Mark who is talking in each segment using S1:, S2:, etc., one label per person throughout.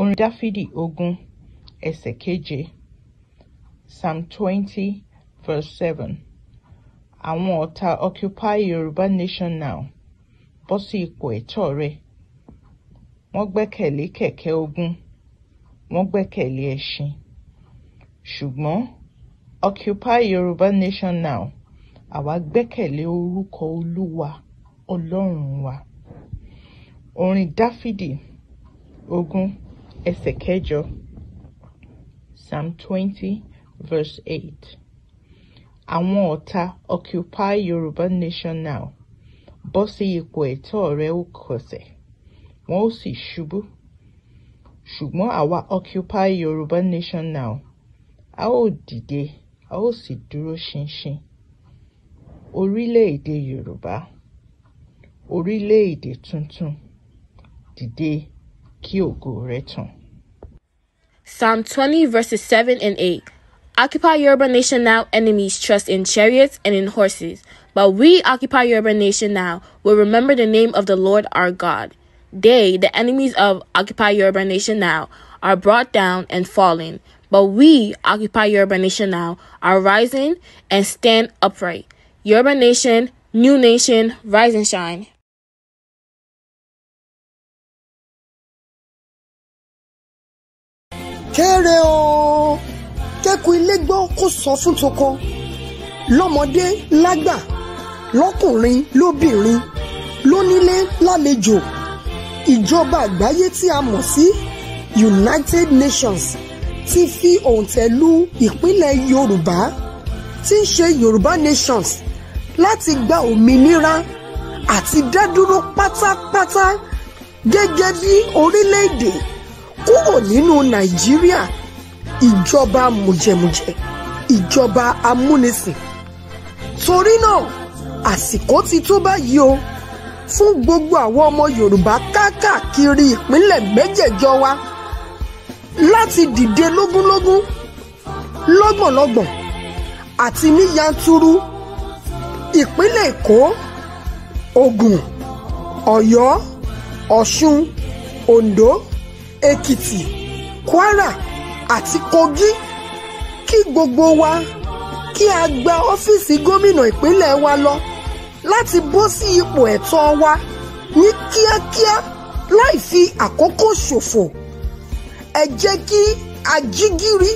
S1: orin dáfídì ogun ẹsẹ̀ keje psalm twenty verse seven àwọn ọ̀tá occupy yorùbá nation now bọ́ sí ipò ẹ̀tọ́ rẹ̀ wọ́n gbẹ́kẹ̀lé kẹ̀kẹ́ ogun wọ́n gbẹ́kẹ̀lé ẹṣin ṣùgbọ́n occupy yorùbá nation now àwa gbẹ́kẹ̀lé orúkọ olúwa ọlọ́run wa orin dáfídì ogun Ezekiel, psalm twenty verse eight àwọn ọ̀tá occupy yorùbá nation now bọ́ sí ipò ẹ̀tọ́ rẹ ó kọsẹ̀ wọ́n ó sì ṣubú ṣùgbọ́n àwa occupy yorùbá nation now a ó dìde a ó sì dúró ṣinṣin orílẹ̀-èdè yorùbá orílẹ̀-èdè tuntun dìde
S2: Psalm 20 verses 7 and 8 Occupy urban Nation now, enemies trust in chariots and in horses. But we, Occupy urban Nation now, will remember the name of the Lord our God. They, the enemies of Occupy urban Nation now, are brought down and fallen. But we, Occupy urban Nation now, are rising and stand upright. Urban Nation, New Nation, rise and shine.
S3: kéré
S4: o kéku ilé gbọ́ kó sọ fún toko lọ́mọdé lágbà lọ́kùnrin lóbìnrin lónílé lálejò ìjọba àgbáyé tí a mọ̀ sí United Nations ti fi òǹtẹ̀lù ìpínlẹ̀ Yorùbá tí ń ṣe Yorùbá Nations láti gba òmìnira àti dádúró pátápátá gẹ́gẹ́ bí orílẹ̀-èdè kúrò nínú nàìjíríà ìjọba mùjẹmùjẹ ìjọba amúnisìn torí náà àsìkò ti tó báyìí o fún gbogbo àwọn ọmọ yorùbá káàkiri ìpínlẹ̀ mẹ́jẹ̀jọ wa láti dìde lógúnlógún lọ́gbọ̀nlọ́gbọ̀n àti ní yanturu ìpínlẹ̀ èkó ògùn ọ̀yọ́ ọ̀ṣun oǹdó èkìtì kwara àti kogi kí gbogbo wa kí a gba ọ́fíìsì gómìnà ìpínlẹ̀ wa lọ láti bọ́ sí ipò ẹ̀tọ́ wa ní kíákíá láì fi àkókò ṣòfò ẹ jẹ́ kí a jí gìrì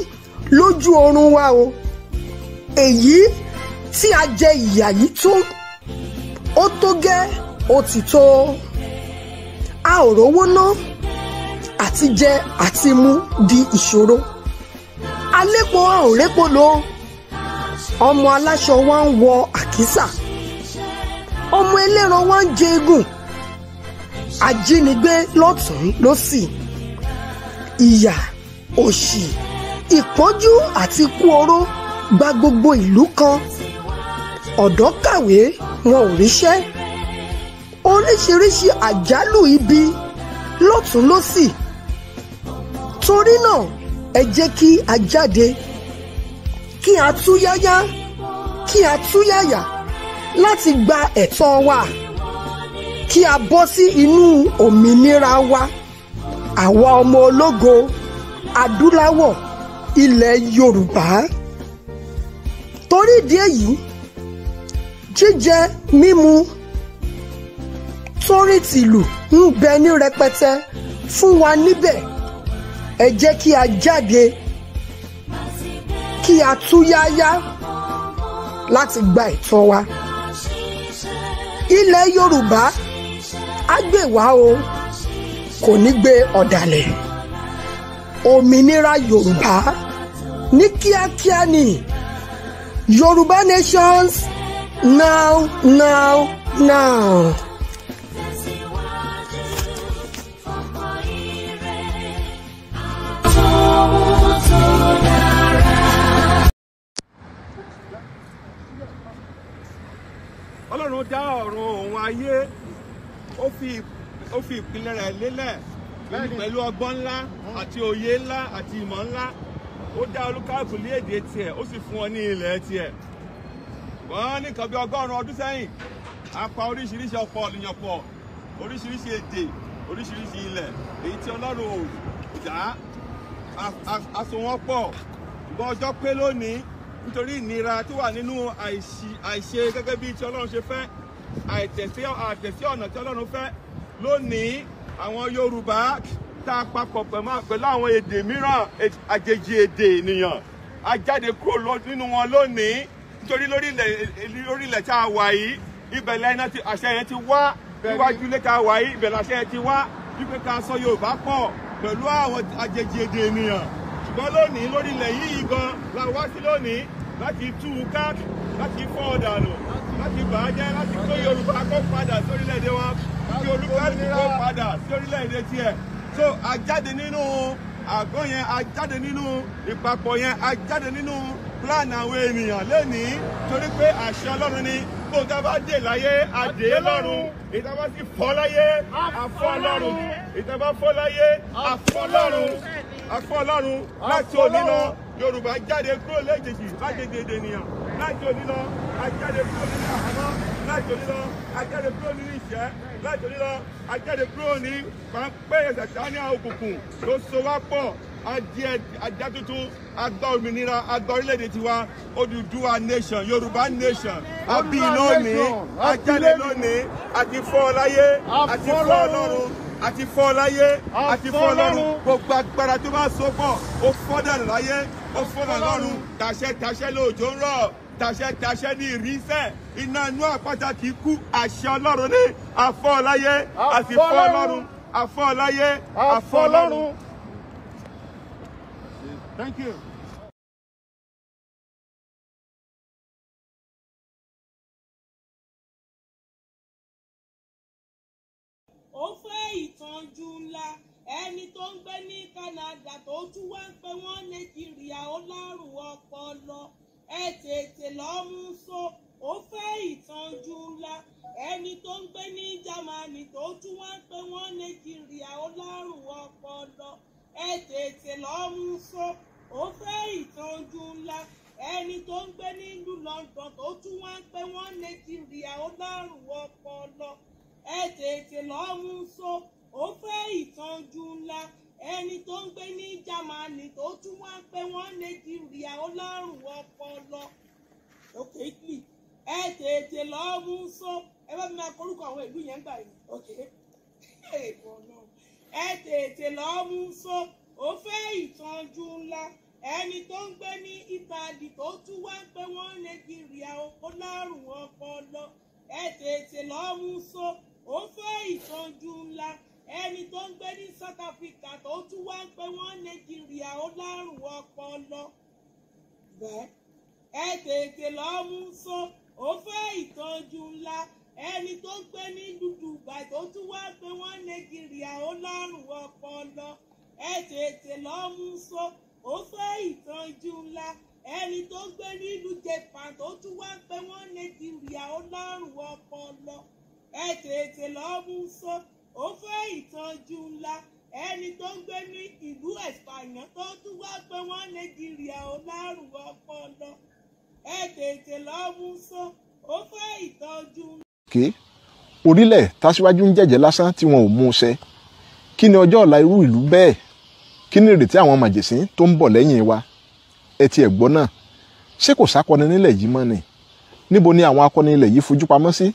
S4: lójú oorun wa o èyí tí a jẹ ìyà yìí tó ó tó gẹ́ ó a ò rówó ná àti jẹ àti mú di ìṣòro alépo a ò répo lò ọmọ aláṣọ wa ń wọ àkísà ọmọ ẹlẹ́ran wa ń jẹ eégún ajínigbé lọ́tún lọ́sì ìyà òṣì ìpọ́njú àti kú oró gba gbogbo ìlú kan ọ̀dọ́ kàwé wọn ò ríṣẹ́ oríṣiríṣi àjálù ibi lọ́tún lọ́sì torí náà ẹ jẹ́ kí a jáde kí a túyáyá kí a túyàyà láti gba ẹ̀tọ́ wa kí a bọ́ sí inú òmìnira wa àwa ọmọ ológo adúláwọ̀ ilẹ̀ Yorùbá torí ìdí èyí jíjẹ mímu torí tìlù ń bẹ ní rẹpẹtẹ fún wa níbẹ̀ ẹ jẹ́ kí a jáde kí a túyáyá láti gba ìtàn wa ilẹ̀ Yorùbá á gbè wá o kò ní gbé ọ̀dàlẹ̀ òmìnira Yorùbá ní kíákíá ni Yorùbá nations now now now.
S5: ọlọ́run dá ọ̀run òun ayé ó fi ó fi ìpìlẹ̀ rẹ̀ lélẹ̀ pẹ̀lú ọgbọ́n ńlá àti òye ńlá àti ìmọ̀ ńlá ó dá olúkálùkù ní èdè tiẹ̀ ó sì fún ọ ní ilẹ̀ tiẹ̀ wọ́n ní nǹkan bí ọgọ́rùn-ún ọdún sẹ́yìn a pa oríṣiríṣi ọ̀pọ̀ ènìyàn pọ̀ oríṣiríṣi èdè oríṣiríṣi ilẹ̀ èyí tí ọlọ́run ò dá àsùnwọ̀n pọ̀ ṣùgbọ́n ọjọ́ pé lónìí nítorí ìnira tó wà nínú àìṣe gẹ́gẹ́ bí ti ọlọ́run ṣe fẹ́ àìtẹ̀sí ọ̀nà tí ọlọ́run fẹ́ lónìí àwọn yorùbá tá a papọ̀ pẹ̀lú àwọn èdè mìíràn àjèjì èdè ènìyàn a jáde kúrò nínú wọn lónìí nítorí lórílẹ̀ tá a wà yìí ibẹ̀ lẹ́yìn àṣẹ yẹn ti wá níwájú ilé tá a wà yìí ibẹ̀ làṣẹ yẹn ti wá wípé ká sọ yorùbá pọ̀ pẹ̀lú àwọn àjèjì èdè ènìyàn ṣùgbọ́n lónìí lórílẹ̀ yìí gan la wá sí lónìí láti tú u ká láti fọ́ ọ̀dànù láti bà jẹ́ láti tó Yorùbá kó padà sí orílẹ̀-èdè wọn kí olúkálùkù kó padà sí orílẹ̀-èdè tiẹ̀ so àjáde nínú àgọ́ yẹn a jáde nínú ìpapọ̀ yẹn a jáde nínú plan àwọn ènìyàn lénìí torí pé àṣẹ ọlọ́run ni gbogbo tá bá dé láyé a lọ́run ìta bá sì fọ́ láyé a lọ́run ìta bá fọ́ láyé a lọ́run a lọ́run láti òní lọ yorùbá jáde kúrò léjèjì lájèjì ènìyàn láti òní lọ a jáde kúrò nínú àhámọ́ láti onílọ ajáde kúrò nínú ìṣẹ́ láti onílọ ajáde kúrò ní pàǹpẹ́ ìṣàṣà ní òkùnkùn ló so wá pọ̀ ajá tuntun agbá òmìnira agbá orílẹ̀-èdè tiwa Odùduwà nation Yorùbá nation àbí lónìí ajáde lónìí àti fọ́ àti fọ́ àti fọ́ àti fọ́ gbogbo agbára tó bá so pọ̀ ó fọ́dà láyé ó fọ́dà lọ́run tàṣẹ tàṣẹ lóòjó ń rọ̀ tàṣẹ tàṣẹ ní ìrísẹ́ iná inú àpáta kì í kú àṣẹ ọlọ́run ní àfọláyé àti fọlọ́run àfọláyé àfọlọ́run. Thank
S3: you.
S6: ó fẹ́
S2: ìtànjú ńlá ẹni tó ń gbé ní Canada tó tún wá ń pe wọ́n Nàìjíríà ó lárùn ọpọlọ ẹ tètè lọ́ọ́ mú sóò ó fẹ́ ìtànjú ńlá ẹni tó ń gbé ní Jámánì tó tún wá pé wọ́n ní kiri àólárùn ọpọlọ ẹ tètè lọ́ọ́ mú só ó fẹ́ ìtànjú ńlá ẹni tó ń gbé nílùú London tó tún wá pé wọ́n ní kiri àólárùn ọpọlọ ẹ tètè lọ́ọ́ mú ó fẹ́ ìtànjú ńlá ẹni tó ń gbé ní Jámánì tó tún wá pé wọ́n ní kiri àólárùn ọpọlọ. Okay, please ẹ tètè lọ mú sọ ẹ bá mi máa korúkọ àwọn ìlú yẹn gbà yìí ọ̀kẹ́ ẹ tètè lọ mú sọ ó fẹ́ ìtọ́jú ńlá ẹni tó ń gbé ní ìbàdí tó tún wá pé wọ́n lè di rìà ó lárùn ọpọlọ ẹ tètè lọ mú sọ ó fẹ́ ìtọ́jú ńlá ẹni tó ń gbé ní South Africa tó tún wá pé wọ́n lè di rìà ó lárùn ọpọlọ ẹ tètè lọ mú sọ ó fẹ́ ìtọ́jú ńlá ẹni tó ń pé ní Dubai tó tún wá pé wọ́n nàìjíríà ó lárùn ọpọlọ ẹ tètè lọ́ọ́ mú só ó fẹ́ ìtọ́jú ńlá ẹni tó ń gbé nílùú Japan tó tún wá pé wọ́n nàìjíríà ó lárùn ọpọlọ ẹ tètè lọ́ọ́ mú só ó fẹ́ ìtọ́jú ńlá ẹni tó ń gbé ní ìlú Espanya tó tún wá pé wọ́n nàìjíríà ó lárùn ọpọlọ ẹ tètè lọ́ọ́ mú só ó fẹ́ ìtọ́jú.
S7: ké orílẹ̀ tàṣíwájú ń jẹ̀jẹ̀ lásán tí wọn ò mú un ṣẹ kí ni ọjọ́ ọ̀la irú ìlú bẹ́ẹ̀ kí ni ìrètí àwọn màjèṣín tó ń bọ̀ lẹ́yìn wa ẹ tiẹ̀ gbọ́ náà ṣé kò sákọni nílẹ̀ yìí mọ́ ni níbo ni àwọn akọni ilẹ̀ yìí fojú pamọ́ sí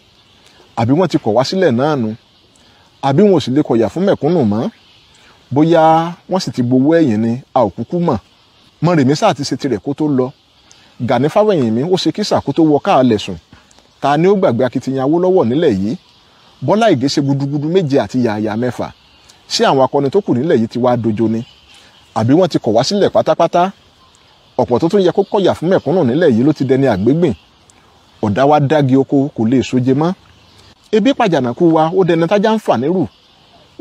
S7: àbí wọ́n ti kọ̀ wá sílẹ̀ náà nu àbí wọn ò sì lè kọ̀yà fún mẹ̀kúnnù mọ́ bóyá wọ́n sì ti gbowó ẹ̀yìn ni a ò kúkú mọ̀ Mọ́rèmí sáà ti ṣe tirẹ̀ kó tó lọ Gani Fáwẹ̀yìnmí ó ṣe kí sàkó tó wọ káàlẹ̀ sùn ta ni ó gbàgbé akitiyan Awólọ́wọ̀ nílẹ̀ yìí Bọ́lá Ìgè ṣe gudugudu méje àti yàyà mẹ́fà ṣé àwọn akọni tó kù nílẹ̀ yìí ti wá dojo ni àbí wọ́n ti kọ̀ wá sílẹ̀ pátápátá ọ̀pọ̀ tó tún yẹ kó kọ̀yà fún mẹ̀kúnnù nílẹ̀ yìí ló ti dẹni àgbégbìn ọ̀dá wa dági oko kò lè soje mọ́ ebi pàjànàkú wa ó dẹni tájà ń fà nírù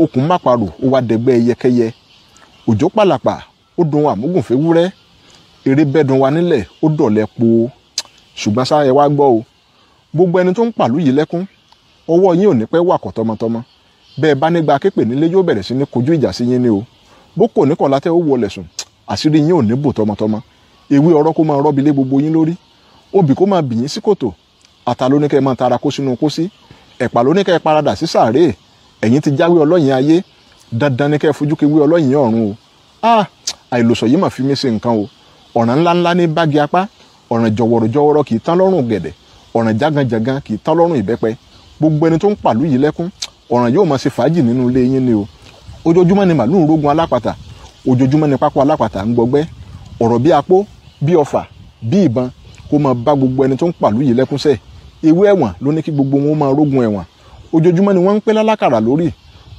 S7: okùn máparù ó wá dẹgbẹ́ yẹkẹyẹ òjò pàlàpà ó dun àmúgùnfẹ́ wúrẹ́ eré bẹ́dùn wa nílẹ̀ ó dọ̀lẹ́ po ṣùgbọ́n sáà ẹ gbọ́ o gbogbo ẹni tó ń pàlú yìí lẹ́kún ọwọ́ yín ò ní pẹ́ wàkọ̀ tọmọtọmọ bẹ́ẹ̀ bá nígbà képe nílé yóò bẹ̀rẹ̀ sí ní kojú ìjà sí yín ni o bó kò ní kọ̀lá tẹ́ ó wọlé sùn àṣírí yín ò ní bò tọmọtọmọ ewé ọ̀rọ̀ kó máa rọ́bi lé gbogbo yín lórí obì kó máa bì yín sí kòtò ata lóníkẹ́ máa tara kó sínú kó sí ẹ̀pà lóníkẹ́ paradà sí sàárè ẹ̀yin ti jáwé ọlọ́yin ayé dandan ní fojú kewé ọlọ́yin ọ̀run o ah àìlòsọ yìí mà fi mí ṣe nǹkan o ọ̀ràn ńláńlá ní bági apá ọ̀ràn jọ̀wọ̀rọ̀jọ̀wọ̀rọ̀ kì í tán lọ́rùn gẹ̀dẹ̀ ọ̀ràn jáganjàgan kì í tán lọ́rùn ìbẹ́pẹ gbogbo ẹni tó ń pàlú yìí lẹ́kún ọ̀ràn yóò máa ṣe fàájì nínú ilé yín ni o ojoojúmọ́ ni màlúù ń rógun alápàtà ojoojúmọ́ ni pápá alápàtà ń gbọgbẹ́ ọ̀rọ̀ bí apó bí ọfà bí ìbọn kó máa bá gbogbo ẹni tó ń pàlú yìí lẹ́kún sẹ́ ewé ẹ̀wọ̀n ló ní kí gbogbo wọn máa rógun ẹ̀wọ̀n ojoojúmọ́ ni wọ́n ń pẹ́ lálákàrà lórí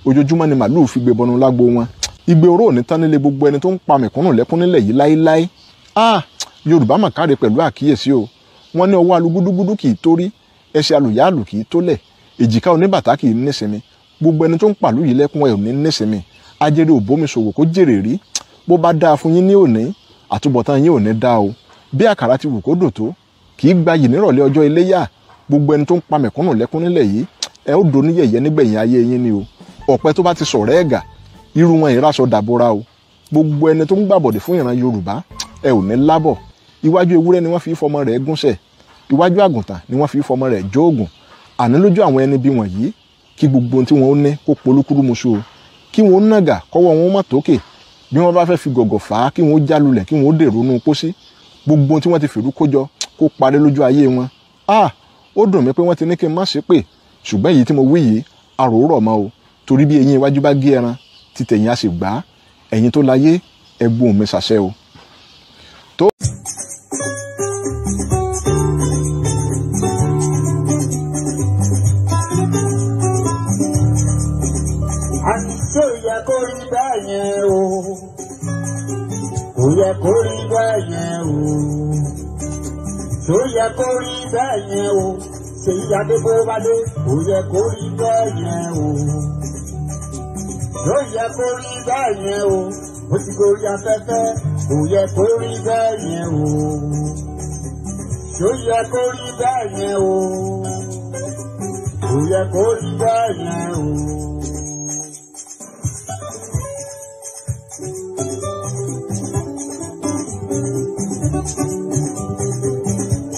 S7: ojoojúmọ́ ni màlúù fi gbẹbọnu lágbo wọn igbe oró ò ní tán nílé gbogbo ẹni tó ń pa mẹ̀kúnnù lẹ́kún nílẹ̀ yìí láéláé ah yorùbá mà káre pẹ̀lú àkíyèsí o wọ́n ní ọwọ́ alugudugudu kì í torí ẹsẹ̀ alùyáàlù kì í tólẹ̀ èjìká oníbàtà kì í nísinmi gbogbo ẹni tó ń pàlú yìí lẹ́kún ẹ̀ ò ní nísinmi ajẹ́rẹ́ òbómi ṣòwò kó jèrè rí bó bá dáa fún yín ní òní àtúbọ̀tán yín ò ní dáa o bí àkàrà ti wù kó dò tó kì í gbayì nírọ̀lẹ́ ọjọ́ iléyà gbogbo ẹni tó ń pa mẹ̀kúnnù lẹ́kún nílẹ̀ yìí ẹ ó doni yẹ̀yẹ́ nígbẹ̀yìn ayé yín ni o ọ̀pẹ tó bá ti sọ̀rọ̀ ẹ̀gà irú wọn ìraṣọ dàbora o gbogbo ẹni tó ń gbàbọ̀dẹ̀ fún ìran yorùbá ẹ ò ní lábọ̀ iwájú ewúrẹ́ ni wọ́n fi fọmọ rẹ̀ gúnṣẹ̀ iwájú àgùntàn ni wọ́n fi fọmọ rẹ̀ jóògùn àní lójú àwọn ẹni bí wọ̀nyí kí gbogbo ohun tí wọ́n ní kó polúkúrú muṣu o kí wọ́n nàgà kọ́wọ́ wọn mọ̀ tókè bí wọ́n bá fẹ́ fi gọ̀gọ̀ fà á kí wọ́n já kí wọ́n dèrò inú pósí gbogbo ohun tí wọ́n ti fèrú kójọ kó parẹ́ lójú ayé wọn ah ó dùn mí pé wọ́n ti ní kí n má ṣe pé ṣùgbọ́n èyí tí mo wí yìí àròórọ̀ mọ́ o torí bí eyín iwájú bá gé ẹran títẹ̀yìn á sì gbà á ẹ̀yin tó láyé ẹ gbóhùn mi ṣàṣẹ o tó.
S8: àtúntò yẹ kó rí o kò yẹ kó rí o tó yẹ kó rí báyẹn o ṣèyí adébówálé kò yẹ o tó yẹ kó rí báyẹn o ó ti gorí afẹ́fẹ́ kò yẹ kó rí bẹ́ẹ̀ yẹn o ṣó yẹ kó rí bẹ́ẹ̀ yẹn o kò yẹ kó rí bẹ́ẹ̀ yẹn o.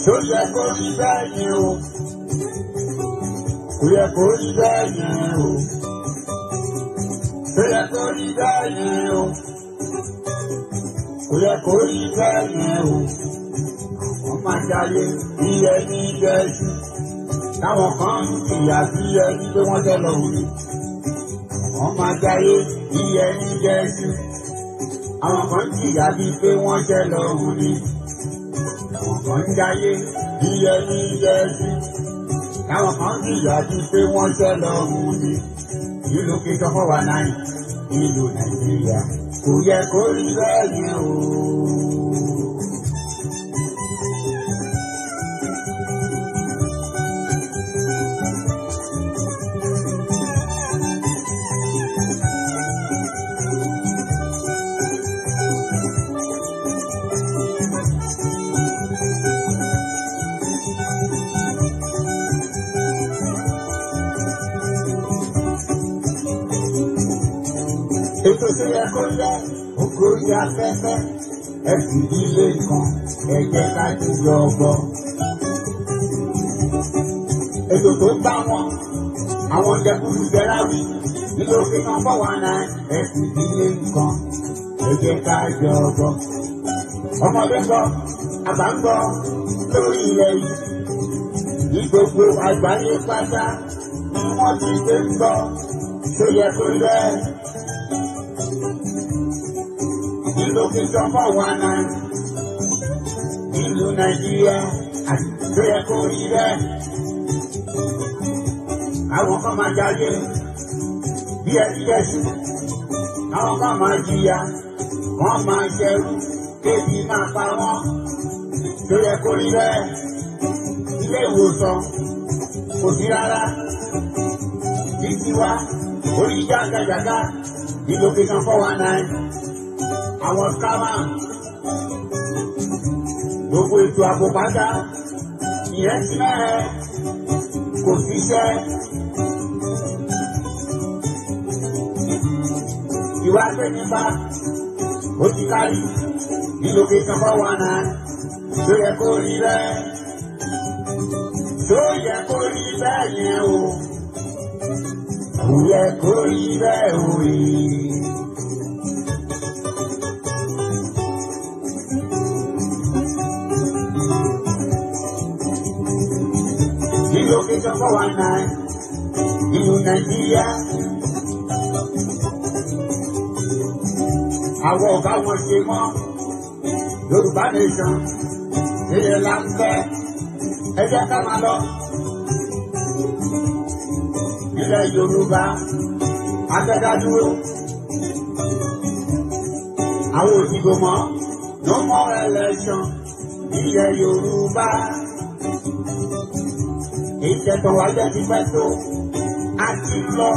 S8: ṣó yẹ kó rí bẹ́ẹ̀ yẹn o kò yẹ kó rí bẹ́ẹ̀ yẹn o ṣó yẹ kó rí bẹ́ẹ̀ yẹn o kò yẹ kó rí bẹ́ẹ̀ yẹn o àwọn máa jáde bí ẹni jẹ́jú táwọn kan ń fìyà bí ẹni pé wọ́n jẹ́ lọ wù àwọn máa jáde bí ẹni jẹ́jú àwọn kan ń fìyà bí pé wọ́n jẹ́ lọ wù ni àwọn kan ń jáde bí ẹni jẹ́jú táwọn kan ń fìyà bí pé wọ́n jẹ́ lọ wù ni ìlú kejì ọkọ̀ wà náà ìlú Nàìjíríà kò yẹ kó rí bẹ́ẹ̀ yẹn o. tó ṣe yẹ kó yẹ òkúri afẹ́fẹ́ ẹ̀sìn ilé kan ẹ̀jẹ̀ láti yọ ọgbọ́. ètò tó gbà wọn àwọn jẹkulu jẹrà wí nínú òkè náà bọ̀ wá náà ẹ̀sìn ilé kan ẹ̀jẹ̀ láti yọ ọgbọ́. ọmọdé gbọ́ àgbà ń gbọ́ lórí ilẹ̀ yìí ní gbogbo àgbáyé pátá ni wọ́n ti gbé ń gbọ́ tó yẹ kó lẹ́ẹ̀. ló fi jọmọ́ wọn náà. Ìlú Nàìjíríà ló yẹ kó rí bẹ́ẹ̀. Àwọn kan máa jáde bí ẹni jẹ̀sùn. Àwọn kan máa jìyà, wọ́n máa jẹrú, kéèkì máa pa wọ́n. Ló yẹ kó rí bẹ́ẹ̀. Ilé ìwòsàn kò sí rárá. Ní tiwa, orí jàgàjàgà, ìlòkè kan fọ́ wa náà àwọn kámá gbogbo ètò àpòpátá ìyẹn ti mẹ́rẹ̀ kò ṣiṣẹ́. ìwà gbẹ̀mípa ó ti kárí nílò kí kankan wà náà tó yẹ kó rí bẹ́ẹ̀ tó yẹ kó rí bẹ́ẹ̀ yẹn o kò yẹ kó rí bẹ́ẹ̀ o yìí. Operation 419 in Nigeria. Àwọn ọ̀gá wọn ṣe mọ́ Yorùbá nation ilẹ̀ la ń fẹ́ ẹ jẹ́ ká máa lọ. Ilẹ̀ Yorùbá agbẹ́dádúró àwọn òdìbò mọ́ no more election ilẹ̀ Yoruba ìṣẹ̀tọ̀ wà bẹ́ẹ̀ ti pẹ́ tó a ti lọ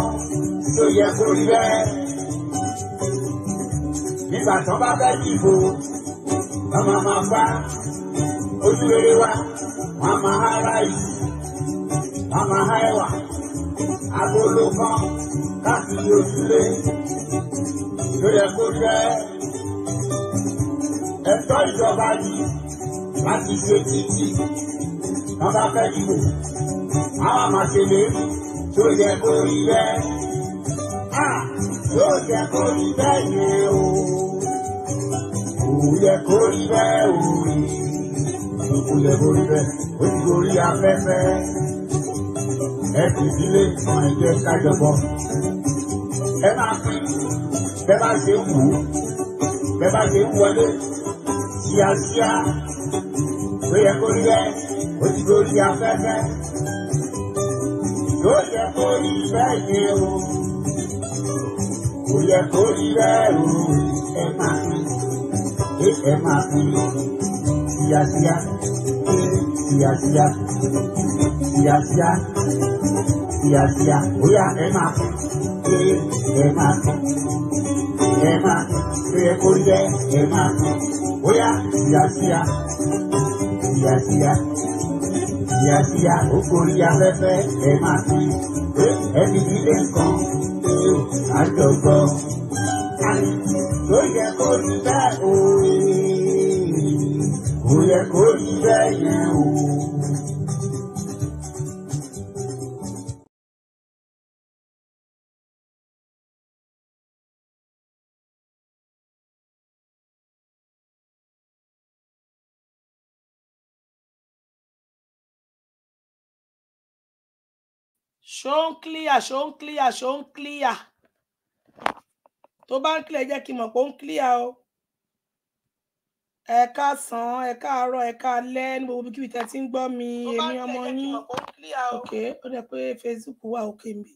S8: tó yẹ kó rí bẹ́ẹ̀. nígbà tán bá fẹ́ dìbò wọ́n máa máa bá ojú rere wa wọ́n máa há ráìsì wọ́n máa há ẹ̀wà agolo kan káàkiri ojúlé ló yẹ kó jẹ́ ẹ̀tọ́ ìjọba yìí láti ṣe títì wọ́n bá fẹ́ dìbò àwa máa ṣe lé tó yẹ kó rí bẹ́ẹ̀ tó yẹ kó rí bẹ́ẹ̀ yẹn o kò yẹ kó rí bẹ́ẹ̀ o kò yẹ kó rí bẹ́ẹ̀ o ti kó rí afẹ́fẹ́ ẹ ti sílé ọ̀hún ẹ̀jẹ̀ kájọpọ̀ ẹ máa fi bẹ́ẹ̀ bá ṣe wù ú bẹ́ẹ̀ bá ṣe wọlé kíákíá ó yẹ kó rí bẹ́ẹ̀ o ti kó rí afẹ́fẹ́ ló yẹ kó rí bẹ́ẹ̀ yẹ o kò yẹ kó rí bẹ́ẹ̀ o ẹ máa fi ẹ máa fi tíyàtíyà tíyàtíyà tíyàtíyà tíyàtíyà ó yà ẹ máa fi ẹ máa fi kíákíá ó forí afẹ́fẹ́ ẹ máa pín ẹni nílé nǹkan tí ó àjọgbọ́. Ó yẹ kó rí bẹ́ẹ̀ o, ó yẹ kó rí bẹ́ẹ̀ yẹn o.
S2: ṣó clear ṣó clear ṣó clear tó bá ń clear jẹ́ kí n mọ̀ pé ó ń clear o ẹ káàsán ẹ káàárọ̀ ẹ káalẹ́ ní gbogbo bí kíbi tẹ́ ti ń gbọ́ mi èmi ọmọ yín ok ó dẹ pé facebook wà ok mi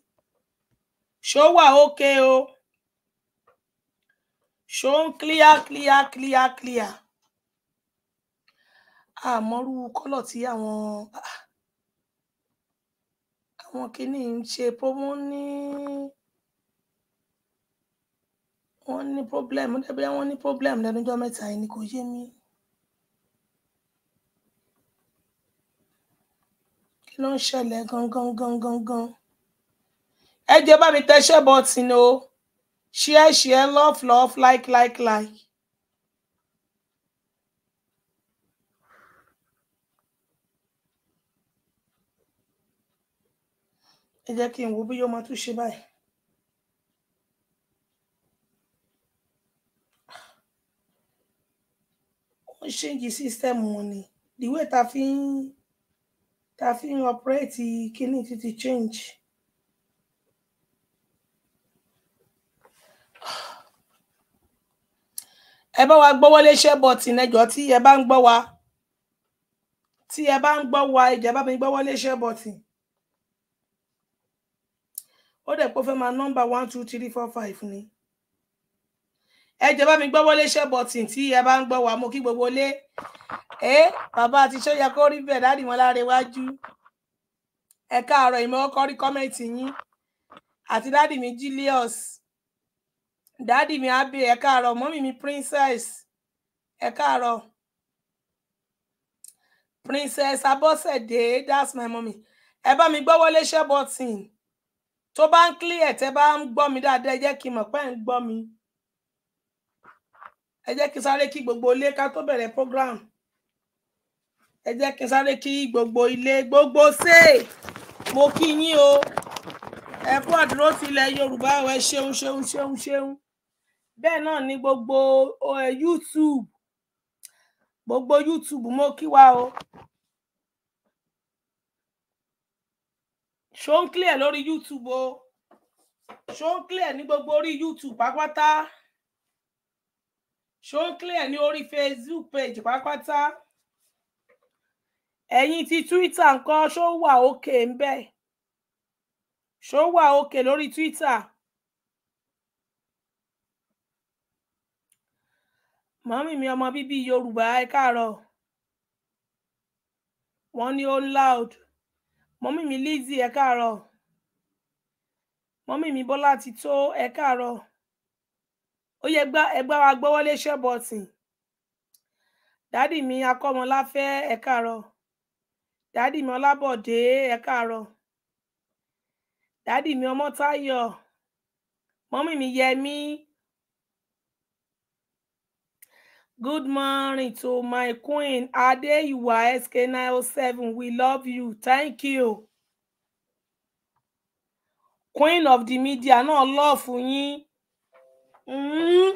S2: ṣó wà ok o ṣó clear clear clear clear àmọ́rú kọ́lọ̀ tí àwọn. Ah, àwọn kìíní ń ṣe wọ́n ní wọ́n ní problem dẹ́bíyá wọ́n ní problem lẹ́nujọ́ mẹ́ta yìí ni kò yé mi. kí ló ń ṣẹlẹ̀ gangan gangan gan. ẹ jẹ́ bá mi tẹ ṣẹ́ bọ́ọ̀tì ni o ṣíẹ́ ṣíẹ́ love love like like like. ẹ jẹ́ kí n wo bí yóò máa tún ṣe báyìí. ó ń ṣéǹjì sísítẹ́ẹ̀mù wọn ni the way ta fi ń ta fi ń ọpẹ́rẹ́tì kíní ti ti change. ẹ bá wa gbọ́ wọlé ṣẹ́ bọ̀tì nẹjọ́ tí ẹ bá ń gbọ́ wa tí ẹ bá ń gbọ́ wa ìjẹ́ mi gbọ́ wọlé ṣẹ́ bọ̀tì ó dẹ̀ pé ó fẹ́ máa nọ́mbà one two three four five ni ẹ jẹ́ bá mi gbọ́ wọlé ṣẹ́ bọ̀tìn tí ẹ bá ń gbọ́ wà mo kí gbogbo lé ẹ bàbá àti sọ́yà kó rí bẹ́ẹ̀ dáàdì wọn láre wájú ẹ káàárọ̀ ìmọ̀ ọkọ rí kọ́mẹ́ǹtì yín àti dáàdì mi julius dáàdì mi abe ẹ káàárọ̀ mọ́mì mi princess ẹ káàárọ̀ princess abọ́sẹ̀dé that's my mommy ẹ bá mi gbọ́ wọlé ṣẹ́ bọ̀tìn tó bá ń clear tẹ bá ń gbọ́ mi dáadáa ẹ jẹ́ kí n mọ̀ pé ń gbọ́ mi ẹ jẹ́ kí n sáré kí gbogbo ilé ká tó bẹ̀rẹ̀ program ẹ jẹ́ kí n sáré kí gbogbo ilé gbogbo ṣe mo kí yín o ẹ kú àdúró ti ilẹ̀ Yorùbá o ẹ ṣeun ṣeun ṣeun ṣeun bẹ́ẹ̀ náà ni gbogbo eh, YouTube gbogbo YouTube mo kí wa o ṣó clear lórí youtube o ṣó clear ní gbogbo orí youtube pápátá ṣó clear ní orí facebook page pápátá ẹ̀yin ti twitter nǹkan ṣó wà òkè ń bẹ ṣó wà òkè lórí twitter. mọ́mì mi ọmọ bíbí yorùbá ẹ káàárọ̀ wọ́n ní ó loud mọ́mí mi Lizzy e káàárọ̀ mọ́mí mi Bọ́lá ti e ẹ Oye ó yẹ ẹgbẹ́ wa gbọ́wọ́lé ṣẹ́bọ̀tìn dádì mi akọ́mọláfẹ́ ẹ káàárọ̀ dádì mi ọlábọ̀dé ẹ káàárọ̀ dádì mi ọmọ́táyọ̀ mọ́mí mi yẹmí Good morning to my queen Adeiwa SK907. We love you. Thank you. Queen of the media náà lọ fún yín. Mm-hmm.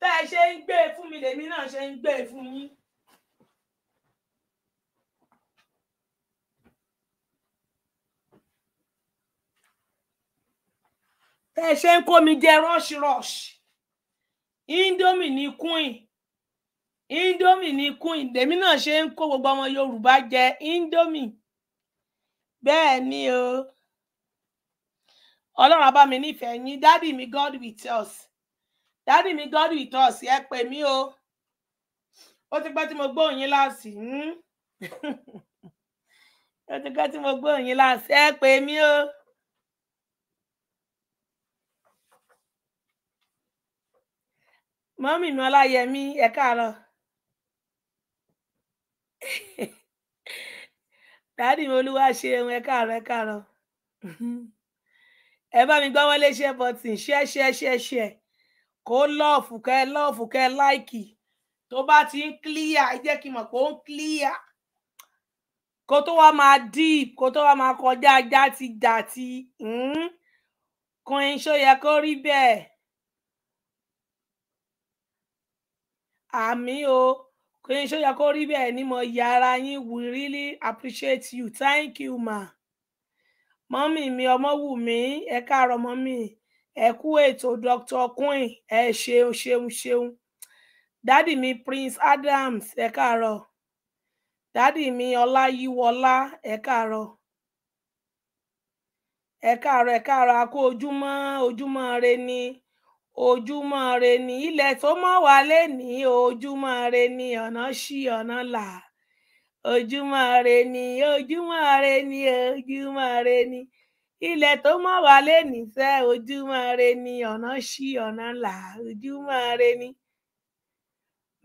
S2: Tẹ́ ẹ ṣe ń gbé fún mi lèmi náà ṣe ń gbé fún yín. Tẹ́ ṣe ń kó mi jẹ rush rush. Indomie ni queen indomie ni kún ìdèmí náà ṣe ń kó gbogbo ọmọ yorùbá jẹ indomie bẹ́ẹ̀ ni o ọlọ́run abá mi nífẹ̀ẹ́ yín dádì mi god with us dádì mi god with us ẹ pè mí o ó ti pẹ́ tí mo gbóhùn yín láàsì hmm? ó ti pẹ́ tí mo gbóhùn yín láàsì ẹ pè mí o. mọ́mì mi ọláyẹmí ẹ káàárọ̀. dádì mi Olúwaṣeun ẹ káàárọ̀ ẹ káàárọ̀ ẹ bá mi gbọ́ wọlé share button share share share share kó lọ́ọ̀fù kẹ́ lọ́ọ̀fù kẹ́ láìkì tó bá ti ń clear ẹ jẹ́ kí n mọ̀ pé ó ń clear kó tó wá máa deep kó tó wá máa kọjá ajá ti dà ti kùn ṣó yẹ kó rí bẹ́ẹ̀ àmì o kò yẹn ṣó yẹ kó rí bẹ́ẹ̀ ni mo yà ara yín we really appreciate you thank you ma mọ́mì mi ọmọ wù mí ẹ káàárọ̀ mọ́mì ẹ kú ètò Dr. Queen ẹ ṣeun ṣeun ṣeun dádì mi Prince Adams ẹ káàárọ̀ dádì mi Ọláyíwọlá ẹ káàárọ̀ ẹ káàárọ̀ ẹ káàárọ̀ a kú ojúmọ́ ojúmọ́ re ni ojúmọ́ re ní ilẹ̀ tó mọ́ wá lé ní ojúmọ́ re ni ọ̀nà ṣí ọ̀nà là ojúmọ́ re ní ojúmọ́ re ní ojúmọ́ re ní ilẹ̀ tó mọ́ wá lé ní sẹ́ ojúmọ́ re ní ọ̀nà ṣí ọ̀nà là ojúmọ́ re ní.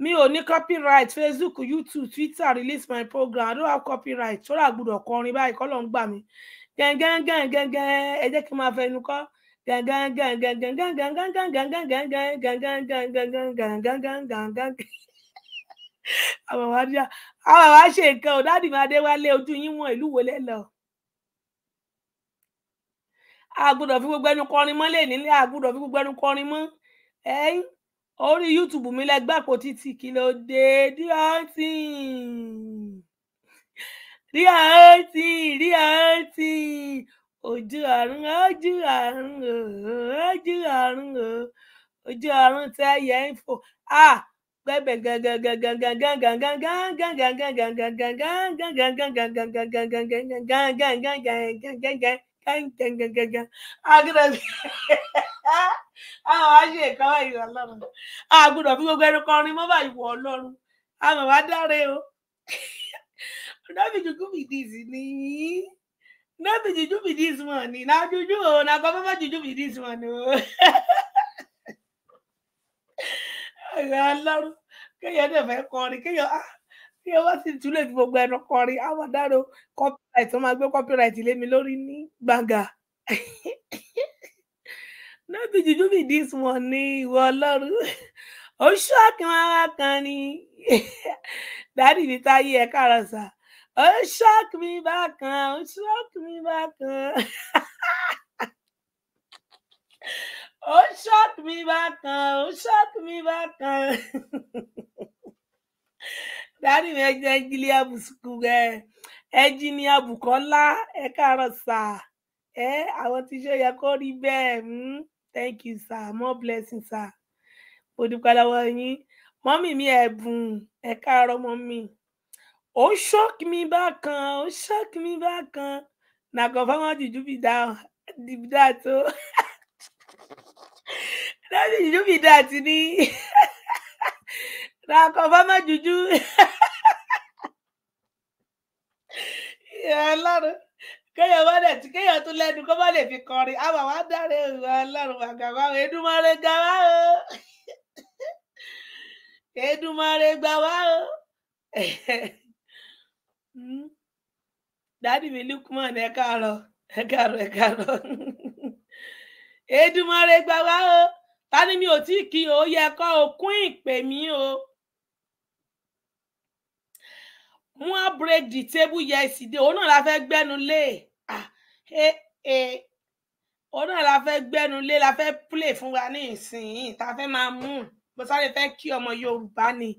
S2: mi ò ní copyright facebook youtube twitter release my program i don't have copyright tó rà gbọ́dọ̀ kọrin báyìí kọ́ ló ń gbà mí gẹ́gẹ́ gẹ́gẹ́ ẹ jẹ́ kí n máa fẹnu kọ́ àwọn wa ṣe nǹkan ò dáàdì máa dé wálé ojú yín wọn ìlú wo lẹ́lọ. àgùdọ̀ fi gbogbo ẹnu kọrin mọ́ lè nílé àgùdọ̀ fi gbogbo ẹnu kọrin mọ́ ẹ̀yìn orí YouTube mi lẹ́gbẹ́ àpò títì kí ló dé díọ̀tì díọ̀tì díọ̀tì ojú ọ̀run ojú ọ̀run ojú ọ̀run ojú ọ̀run tẹ́ yẹ ń fò á gbẹ́bẹ̀ àwọn aṣọ ìkan wáyé ọlọ́run àgùdọ̀ fún gbogbo ẹnu kọrin mọ́ báyìí wọ ọlọ́run àmọ̀ wá dáre o ọ̀dọ́ mi dùkú mi dì sí nìyí no be juju be dis one na juju o na papa juju be this one o Ọlọ́run kéèyàn dẹ̀ fẹ́ kọrin kéèyàn á ah, kéèyàn wá sí ìtúlẹ̀ tí gbogbo ẹnu kọrin á wà copyright wọn máa gbé copyright lé mi lórí ní gbàngà no be juju be dis one ni ìwọ Ọlọ́run ó ṣọ́ọ̀kì wọn kan ni dáàdì mi táyé ẹ káàárọ̀ sáà ó ṣọ́ọ̀kì mi bákan ó ṣọ́ọ̀kì mi bákan ó ṣọ́ọ̀kì mi bákan ó ṣọ́ọ̀kì mi bákan dáàdì mi ẹjẹ ẹjìlẹ àbùsùkù rẹ ẹjì ní àbùkọ́lá ẹ káàárọ̀ sà ẹ àwọn tí ṣe yẹ kó rí bẹ́ẹ̀ hmm? thank you sir more blessing sir mo dúpẹ́ lọ́wọ́ yín mọ́mì mi ẹ̀bùn ẹ káàárọ̀ mọ́mì ó shock me bákan ó shock me bákan na confirm juju be down deep dat o na juju be dat ni na confirm juju Ọlọ́run kéèyàn bá dẹ tí kéèyàn tún lẹ́nu kó má lè fi kọrin àwọn àwọn adarí Ọlọ́run bàgàbà Èdùmàrè gbà gawa. o Èdùmàrè gawa. o. Hmm. Daddy, mi Lukman ẹ káàárọ̀ ẹ káàárọ̀ ẹ káàárọ̀ Èdùmàrè gbà wá o ta ni mi ò tí kí o yẹ kọ́ o kún ìpè mí o wọn break the table yesterday òun náà la fẹ́ gbẹ́nu lé ah eh eh òun náà la fẹ́ gbẹ́nu lé la fẹ́ play fún wa ní ìsìn yìí ta fẹ́ máa mú mo sáré fẹ́ kí ọmọ Yorùbá ni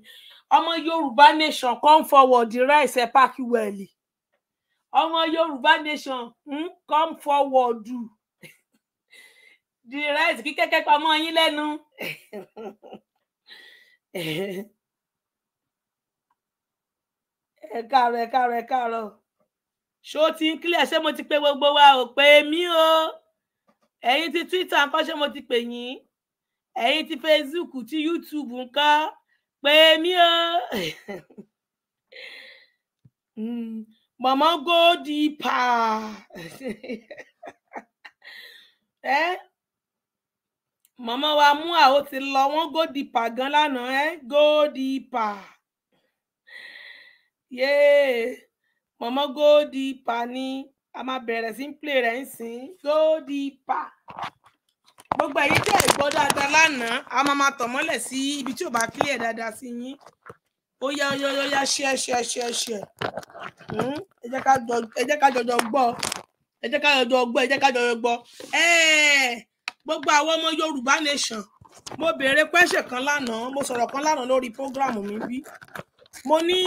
S2: ọmọ yorùbá nation come forward the rice ẹ páàkì wẹẹlì ọmọ yorùbá nation hmm? come forward the rice kí kẹkẹ pamọ́ yín lẹ́nu ẹ káàárọ̀ ẹ káàárọ̀ ẹ káàárọ̀ ṣó ti ń clear ṣé mo ti pe gbogbo wa ò pé mí o ẹ̀yin ti twitter ńkọ́ ṣé mo ti pè yín ẹ̀yin ti facebook ti youtube ńkọ́ pè mí o mama go deeper ẹ mama wa mú àwọn ti lọ wọn go deeper gan lánàá ẹ go deeper yéé mama go deeper ni a máa bẹ̀rẹ̀ sí play rẹ̀ ń sìn go deeper gbogbo ẹ̀yin tẹ́ ẹ̀ gbọ́ dáadáa lánàá a máa máa tàn mọ́lẹ̀ sí ibi tí ò bá clear dáadáa sí yín ó yá ó yá ó yá share share share share hmm? ẹ jẹ́ ká jọjọ gbọ́ ẹ jẹ́ ká jọjọ gbọ́ ẹ jẹ́ ká jọjọ gbọ́ gbogbo àwọn ọmọ Yorùbá nation mo béèrè pẹ́ṣẹ̀ kan lánàá mo sọ̀rọ̀ kan lánàá lórí prógráàmù mi bí mo ní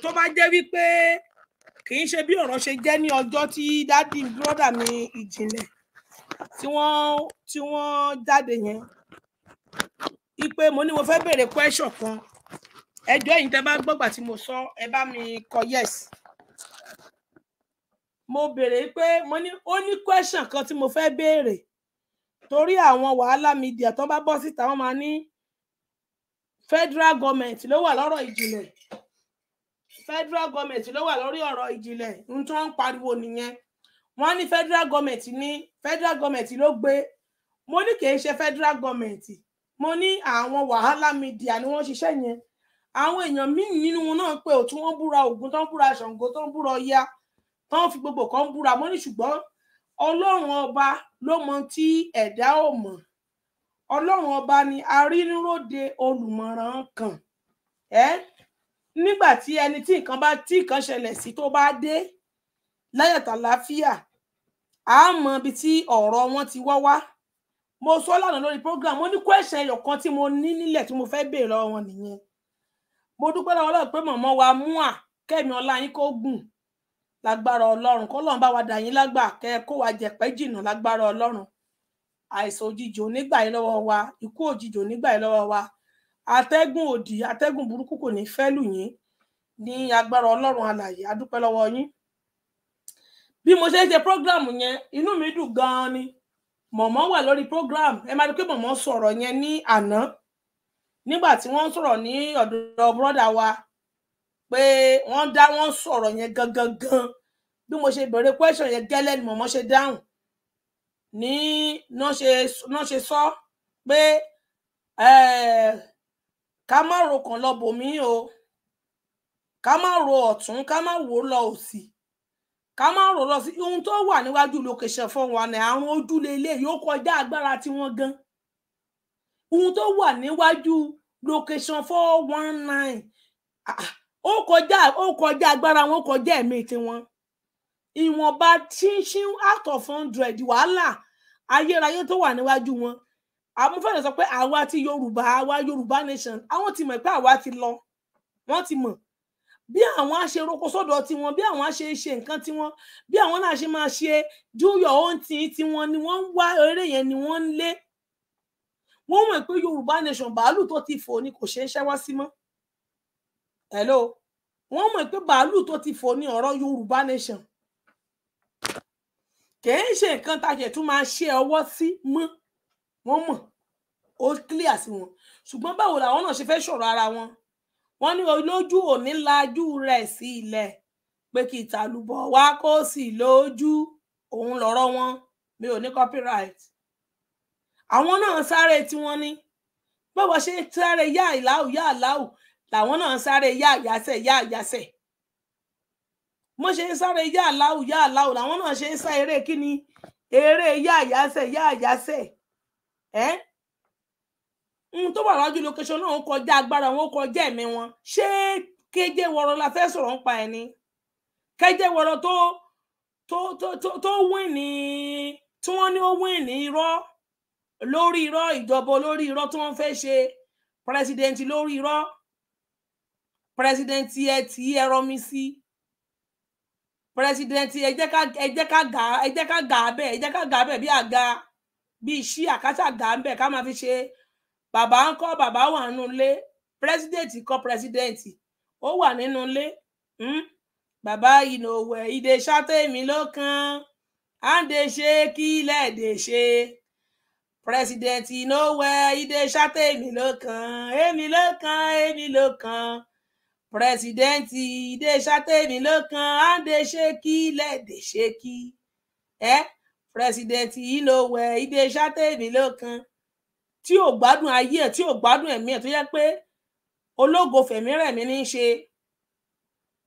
S2: tó bá jẹ́ wípé kì í ṣe bí ọ̀rọ̀ ṣe jẹ́ ní ọjọ́ tí dádì brọ́dà mi ìjìnlẹ̀ tí wọ́n tí wọ́n jáde yẹn ipe mo ní mo fẹ́ béèrè question kan ẹjọ́ ẹ̀yin tẹ́ bá gbọ́gbà tí mo sọ ẹ bá mi kọ yes mo béèrè pé mo ní ó ní question kan tí mo fẹ́ béèrè torí àwọn wàhálà media. tó bá bọ́ síta wọ́n máa ní federal government ló wà lọ́rọ̀ ìjìnlẹ̀ federal government ló wà lórí ọ̀rọ̀ ìjìnlẹ̀ ohun tí wọ́n ń pariwo nìyẹn wọ́n ní federal government ní federal government ló gbé mo ní kì í ṣe federal government mo ní àwọn wàhálà media ni wọ́n ṣiṣẹ́ yẹn àwọn èèyàn míì nínú wọn náà pé òtún wọ́n búra Ògún tó ń búra Ṣàngó tó ń búra Ọya tó ń fi gbogbo kan búra mo ní ṣùgbọ́n Ọlọ́run ọba ló mọ tí ẹ̀dá ò mọ̀ Ọlọ́run ọba ni arínúróde olùmọ̀ràn kan ẹ nígbà tí ẹni tí nǹkan bá tí nǹkan ṣẹlẹ̀ sí tó bá dé láyàtọ̀ láfíà a mọ ibi tí ọ̀rọ̀ wọn ti wá wá mo sọ lánàá lórí program mo ní question ẹyọ kan tí mo ní nílẹ̀ tí mo fẹ́ béèrè lọ́wọ́ wọn nìyẹn mo dúpẹ́ lọ́wọ́ Ọlọ́run pé mọmọ wa mú à kẹmí ọlá yín kó gùn lágbára Ọlọ́run kó lọrun bá wa dà yín lágbà kẹ kó wa jẹpẹ jìnnà lágbára Ọlọ́run àìsàn òjijì onígbà yín lọ́wọ́ wa ikú òjijì onígbà yín lọ́wọ́ wa atẹ́gùn òdì atẹ́gùn burúkú kò ní fẹ́ yín ní agbára Ọlọ́run alààyè adúpẹ́ lọ́wọ́ yín bí mo ṣe ń ṣe program yẹn inú mi dùn gan-an ni mọ̀mọ́ wà lórí program ẹ máa rí pé mọ̀mọ́ sọ̀rọ̀ yẹn ní àná nígbà tí wọ́n sọ̀rọ̀ ní ọ̀dọ̀ bọ́dà wa pé wọ́n dá wọ́n sọ̀rọ̀ yẹn gangan gan bí mo ṣe bẹ̀rẹ̀ question yẹn gẹ́lẹ́ ni mọ̀mọ́ ṣe dáhùn ní náà ṣe sọ pé ká má ro kàn lọ bòmí o ká má ro ọ̀tún ká má wò lọ òsì ká má rò lọ sí ohun tó wà níwájú location fún wa ní àrùn ojúlé ilé yóò kọjá agbára tiwọn gan ohun tó wà níwájú location four one nine ó kọjá ó kọjá agbára wọn kọjá ẹ̀mí tiwọn ìwọ̀nba ṣínṣín out of hundred wàhálà ayérayé tó wà níwájú wọn amúfẹ́lẹ́ sọ pé àwa ti yorùbá àwa yorùbá nation àwọn ti mọ̀ pé àwa ti lọ wọ́n ti mọ̀ bí àwọn á ṣe roko sọ́dọ̀ tiwọn bí àwọn á ṣe ṣe nǹkan tiwọn bí àwọn náà ṣe máa ṣe do your own thing tiwọn ni wọ́n ń wá eré yẹn ni wọ́n ń lé wọ́n mọ̀ pé Yorùbá nation bàálù tó ti fò ni kò ṣe ń ṣẹ́wá sí mọ́ hello wọ́n mọ̀ pé bàálù tó ti fò ni ọ̀rọ̀ Yorùbá nation kìí ṣe nǹkan tá a ṣe tún máa ṣe ọwọ́ sí mọ́ wọ́n mọ̀ ó clear sí wọn ṣùgbọ́n báwo làwọn náà ṣe fẹ́ sọ̀rọ̀ ara wọn wọ́n ní olójú òní lajú rẹ̀ sí ilẹ̀ pé kí ìtàlùbọ̀ wá kó sì lójú òun lọ́rọ̀ wọn mi ò ní copyright àwọn náà sáré tí wọ́n ní bọbọ ṣe sáré yá ìláwù yá ìláwù làwọn náà sáré yá ìyásẹ yá ìyásẹ mo ṣe ń sáré yá ìláwù yá ìláwù làwọn náà ṣe ń sá eré kíni eré yá ìyásẹ yá ìyásẹ ẹ. Eh? ohun tó wà lájú location náà ó kọjá agbára wọn ó kọjá ẹ̀mí wọn ṣé kéje wọrọ la fẹ́ sọ̀rọ̀ ń pa ẹ̀ ni kéje wọrọ tó tó tó tó tó wìn ní tí wọ́n ní ó wìn ní irọ́ lórí irọ́ ìjọba lórí irọ́ tí wọ́n fẹ́ ṣe pírẹsidẹ́ǹtì lórí irọ́ pírẹsidẹ́ǹtì ẹ ti ẹrọ mi sí pírẹsidẹ́ǹtì ẹ jẹ́ ká gà ẹ jẹ́ ká gà bẹ́ẹ̀ ẹ jẹ́ ká gà bẹ́ẹ̀ bí àga bí iṣí àkàtà gà ń ká máa fi ṣe bàbá ń kọ́ bàbá wà nínú ilé president kọ́ president ó wà nínú ilé hmm? bàbá ìnòwẹ̀ ìdè sátẹ́mi ló kàn án dè ṣe kí ilẹ̀ dè ṣe president ìnòwẹ̀ ìdè sátẹ́mi ló kàn èmi ló kàn èmi ló kàn president ìdè sátẹ́mi ló kàn án dè ṣe kí ilẹ̀ dè ṣe kí ẹ president ìnòwẹ̀ ìdè sátẹ́mi ló kàn tí ò gbádùn ayé ẹ̀ tí ò gbádùn ẹ̀mí ẹ̀ tó yẹ pé ológo fẹ̀mí rẹ̀mí ní í ṣe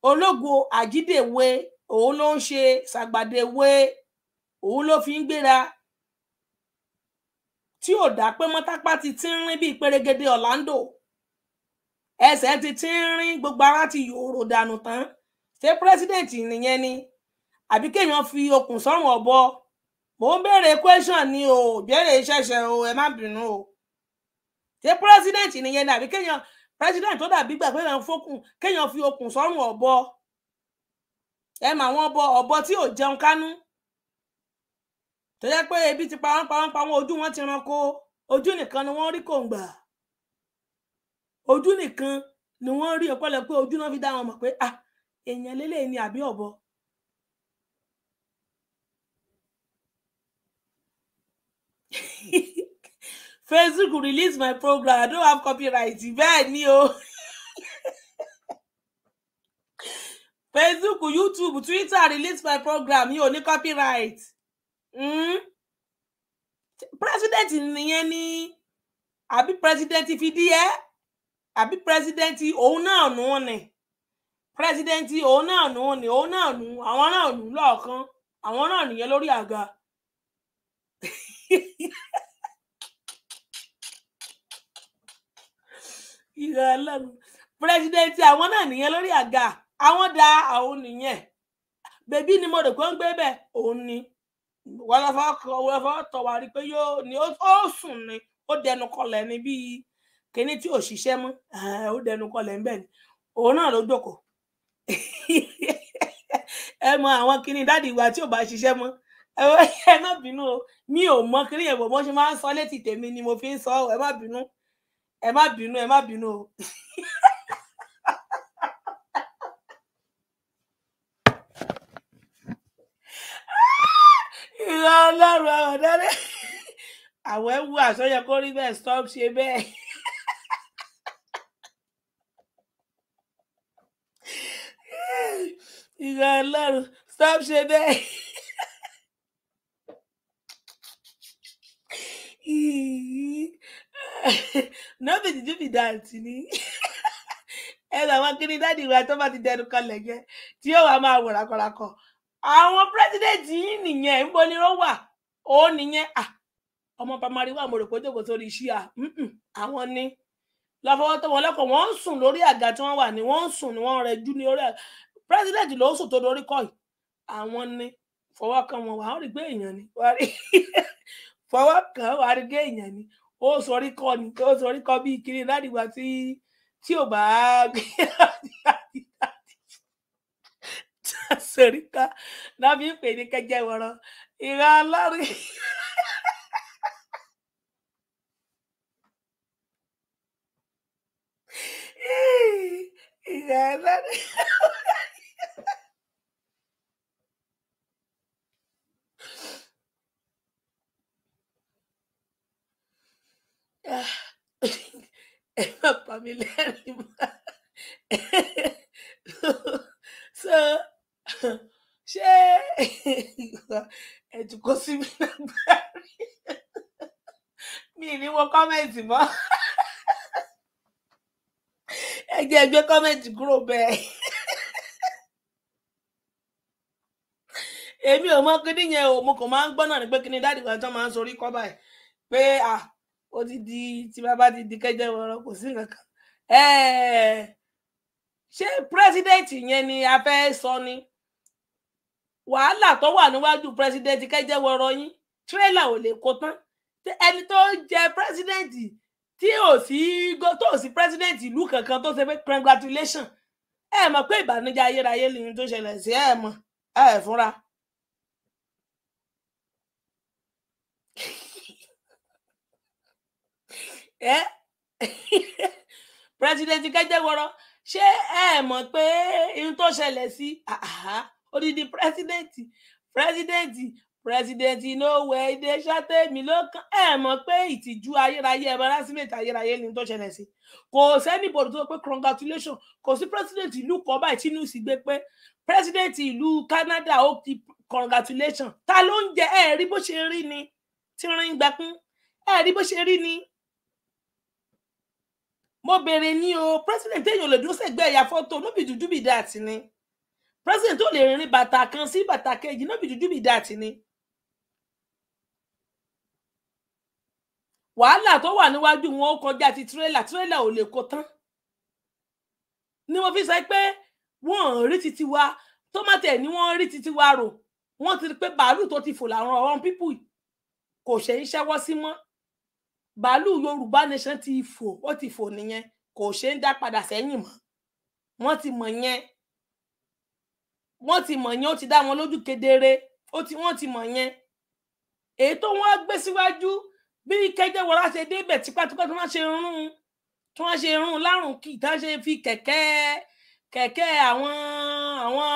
S2: ológo àjídèwe òun ló ń ṣe ṣàgbàdèwe òun ló fi ń gbéra tí ò dá pé mọ́tápá ti ti ń rìn bíi pérégede Orlando ẹsẹ̀ ti ti ń rìn gbogbo ara ti yòrò dànù tán ṣé pírẹsidẹǹtì nìyẹn ni àbí kéèyàn fi okùn sọ́rùn ọ̀bọ mò ń béèrè question ni o béèrè ṣẹ̀ṣẹ̀ o ẹ má bínú o ṣé president nìyẹn ni àbí kéèyàn president tó dàbí gbà pé èèyàn fókùn kéèyàn fi okùn sọ́rùn ọ̀bọ ẹ mà wọn bọ ọ̀bọ tí ò jẹun kánú tó yẹ pé ebi ti pa wọn pa wọn pa wọn ojú wọn ti ranko ojú nìkan ni wọ́n rí kòǹgbà ojú nìkan ni wọ́n rí ọpọlọ ojú náà fi dá wọn mọ̀ pé ah èèyàn lélẹyìn ni àbí ọ̀bọ Facebook release my program. I don't have copyright. Bẹ́ẹ̀ ni o. Facebook, YouTube, Twitter release my program. Mi ò ní copyright. Mm? President nìyẹn ni àbí president fìdíẹ àbí president òun náà nù ún ni president òun náà nù ún ni òun náà nù àwọn náà nù lọ́ọ̀kan àwọn náà nìyẹn lórí àga. ìrà ọlọ́run pírẹsidẹ́ǹtì àwọn náà nìyẹn lórí àga àwọn da àwọn nìyẹn bèbí ni mo rò pé ó ń gbé bẹ́ẹ̀ òun ni wọ́n fọ́ tọ̀ wá rí pé yóò ní ó sùn ni ó dẹnu kọlẹ̀ ni bíi kíní tí ò ṣiṣẹ́ mọ́ ó dẹnu kọlẹ̀ ń bẹ̀ ni òun náà ló jókòó ẹ mọ àwọn kíní dáàdi ìwà tí ò bá ṣiṣẹ́ mọ́ ẹ má bínú o mi ò mọ kíní yẹn bò mo ṣe máa ń sọ létí tèmi ni mo fi ń sọ ẹ má bínú ẹ má bínú ẹ má bínú o. ìran ọlọ́run àwọn ọ̀dọ́rẹ́ àwọn ẹ̀wù àsọyẹ kó rí bẹ́ẹ̀ stop ṣe bẹ́ẹ̀. ìran ọlọ́run stop ṣe bẹ́ẹ̀. nothing to do with that ni ẹnu àwọn kiri dáàdi ìwà tó bá ti dẹnu kalẹ̀ yẹn tí yóò wá máa wọ̀ rakọrakọ àwọn pírẹsidẹ́ǹtì yìí nìyẹn ń bọ nírọ́ wà ó nìyẹn ọmọ pamari wà mo rò pé jókòó sórí iṣẹ́ à àwọn ni lọ́fọwọ́ tó wọn lẹ́kọ̀ọ́ wọ́n ń sùn lórí àga tí wọ́n wà ní wọ́n ń sùn ní wọ́n rẹ̀ jú ní orí àga pírẹsidẹ́ǹtì ló ń sùn tó dorí kọ́ yìí àwọn ni fọwọ́ kan wọn wà á rí gbé èèyàn ni fọwọ́ kan wà á rí gbé èèyàn ni ó sọrí kọ ni ó sọrí kọ bí kiri ládìgbà tí tí ò bá gbé sọrí kọ náà fi ń pè ní kẹjẹ wọrọ ìran ọlọrin.
S9: ìran ọlọrin.
S2: Emma Pamileni. so ṣé ẹ̀dùnkọ́ sí mi lágbárí mi ní wọ kọ́mẹ̀ntì mọ́ ẹgbẹ́ ẹgbẹ́ kọ́mẹ̀ntì kúrò bẹ́ẹ̀. èmi o mọ o mo kàn máa ń gbọ́ ni pé kíní dáàdì kan tán máa ó di tí bàbá ti di kẹjọ ìwọ̀rọ̀ kò sí nǹkan kan ṣé pírẹsidẹ́ǹtì yẹn ni a fẹ́ sọ ni wàhálà tó wà níwájú pírẹsidẹ́ǹtì kẹjẹ ìwọ̀rọ̀ yín tírélà ò lè kó tán ẹni tó jẹ pírẹsidẹ́ǹtì tí ò sí tó sí pírẹsidẹ́ǹtì ìlú kankan tó ṣe pé congratulation ẹ mọ̀ pé ìbànújẹ́ ayérayé lèyìn tó ṣẹlẹ̀ sí ẹ mọ̀ ẹ fúnra ẹ president kẹjẹwọrọ ṣé ẹ mọ̀ pé ihun tó ṣẹlẹ̀ sí odidi president president president inouye ide ṣàtẹmí ló kàn ẹ mọ̀ pé ìtìjú ayérayé embarrassment ayérayé ni tó ṣẹlẹ̀ sí kò sẹ́ni bọ̀dù tó pé congratulation kò sí president ìlú kan báyìí tínú sì gbé pé president ìlú Canada ó ti congratulation ta ló ń jẹ ẹ rí bó ṣe rí ni tí rin gbẹkún ẹ rí bó ṣe rí ni mo béèrè ní o president èèyàn lè dúró sẹ́gbẹ́ ẹ̀yà fọ́tò no be dúdú be that ni president tó lè rìn bàtà kan sí bàtà kejì no be dúdú be that ni. wàhálà tó wà níwájú wọn ó kọjá ti tírélà tírélà ò lè kó tán ni mo fi sọ pé wọn ò rí titi wa tọmọtẹ ni wọn rí titi wa rò wọn ti rí pé bàálù tó ti fò làwọn ọ̀rọ̀ pípù kò ṣe ń ṣẹ́wọ́ sí mọ́ bàálù yorùbá nation ti fò ó ti fò nìyẹn kò ṣe ń dá padà sẹ́yìn mọ́ wọ́n ti mọ̀ yẹn wọ́n ti mọ̀ yẹn ó ti dá wọn lójú kedere ó ti wọ́n ti mọ̀ yẹn èyí tó wọ́n á gbé síwájú bí kẹjẹ wọlá ṣe débẹ̀ tipátipá tí wọ́n ṣe rún tí wọ́n ṣe rún lárùn kì tí wọ́n ṣe fi kẹ̀kẹ́ kẹ̀kẹ́ àwọn àwọn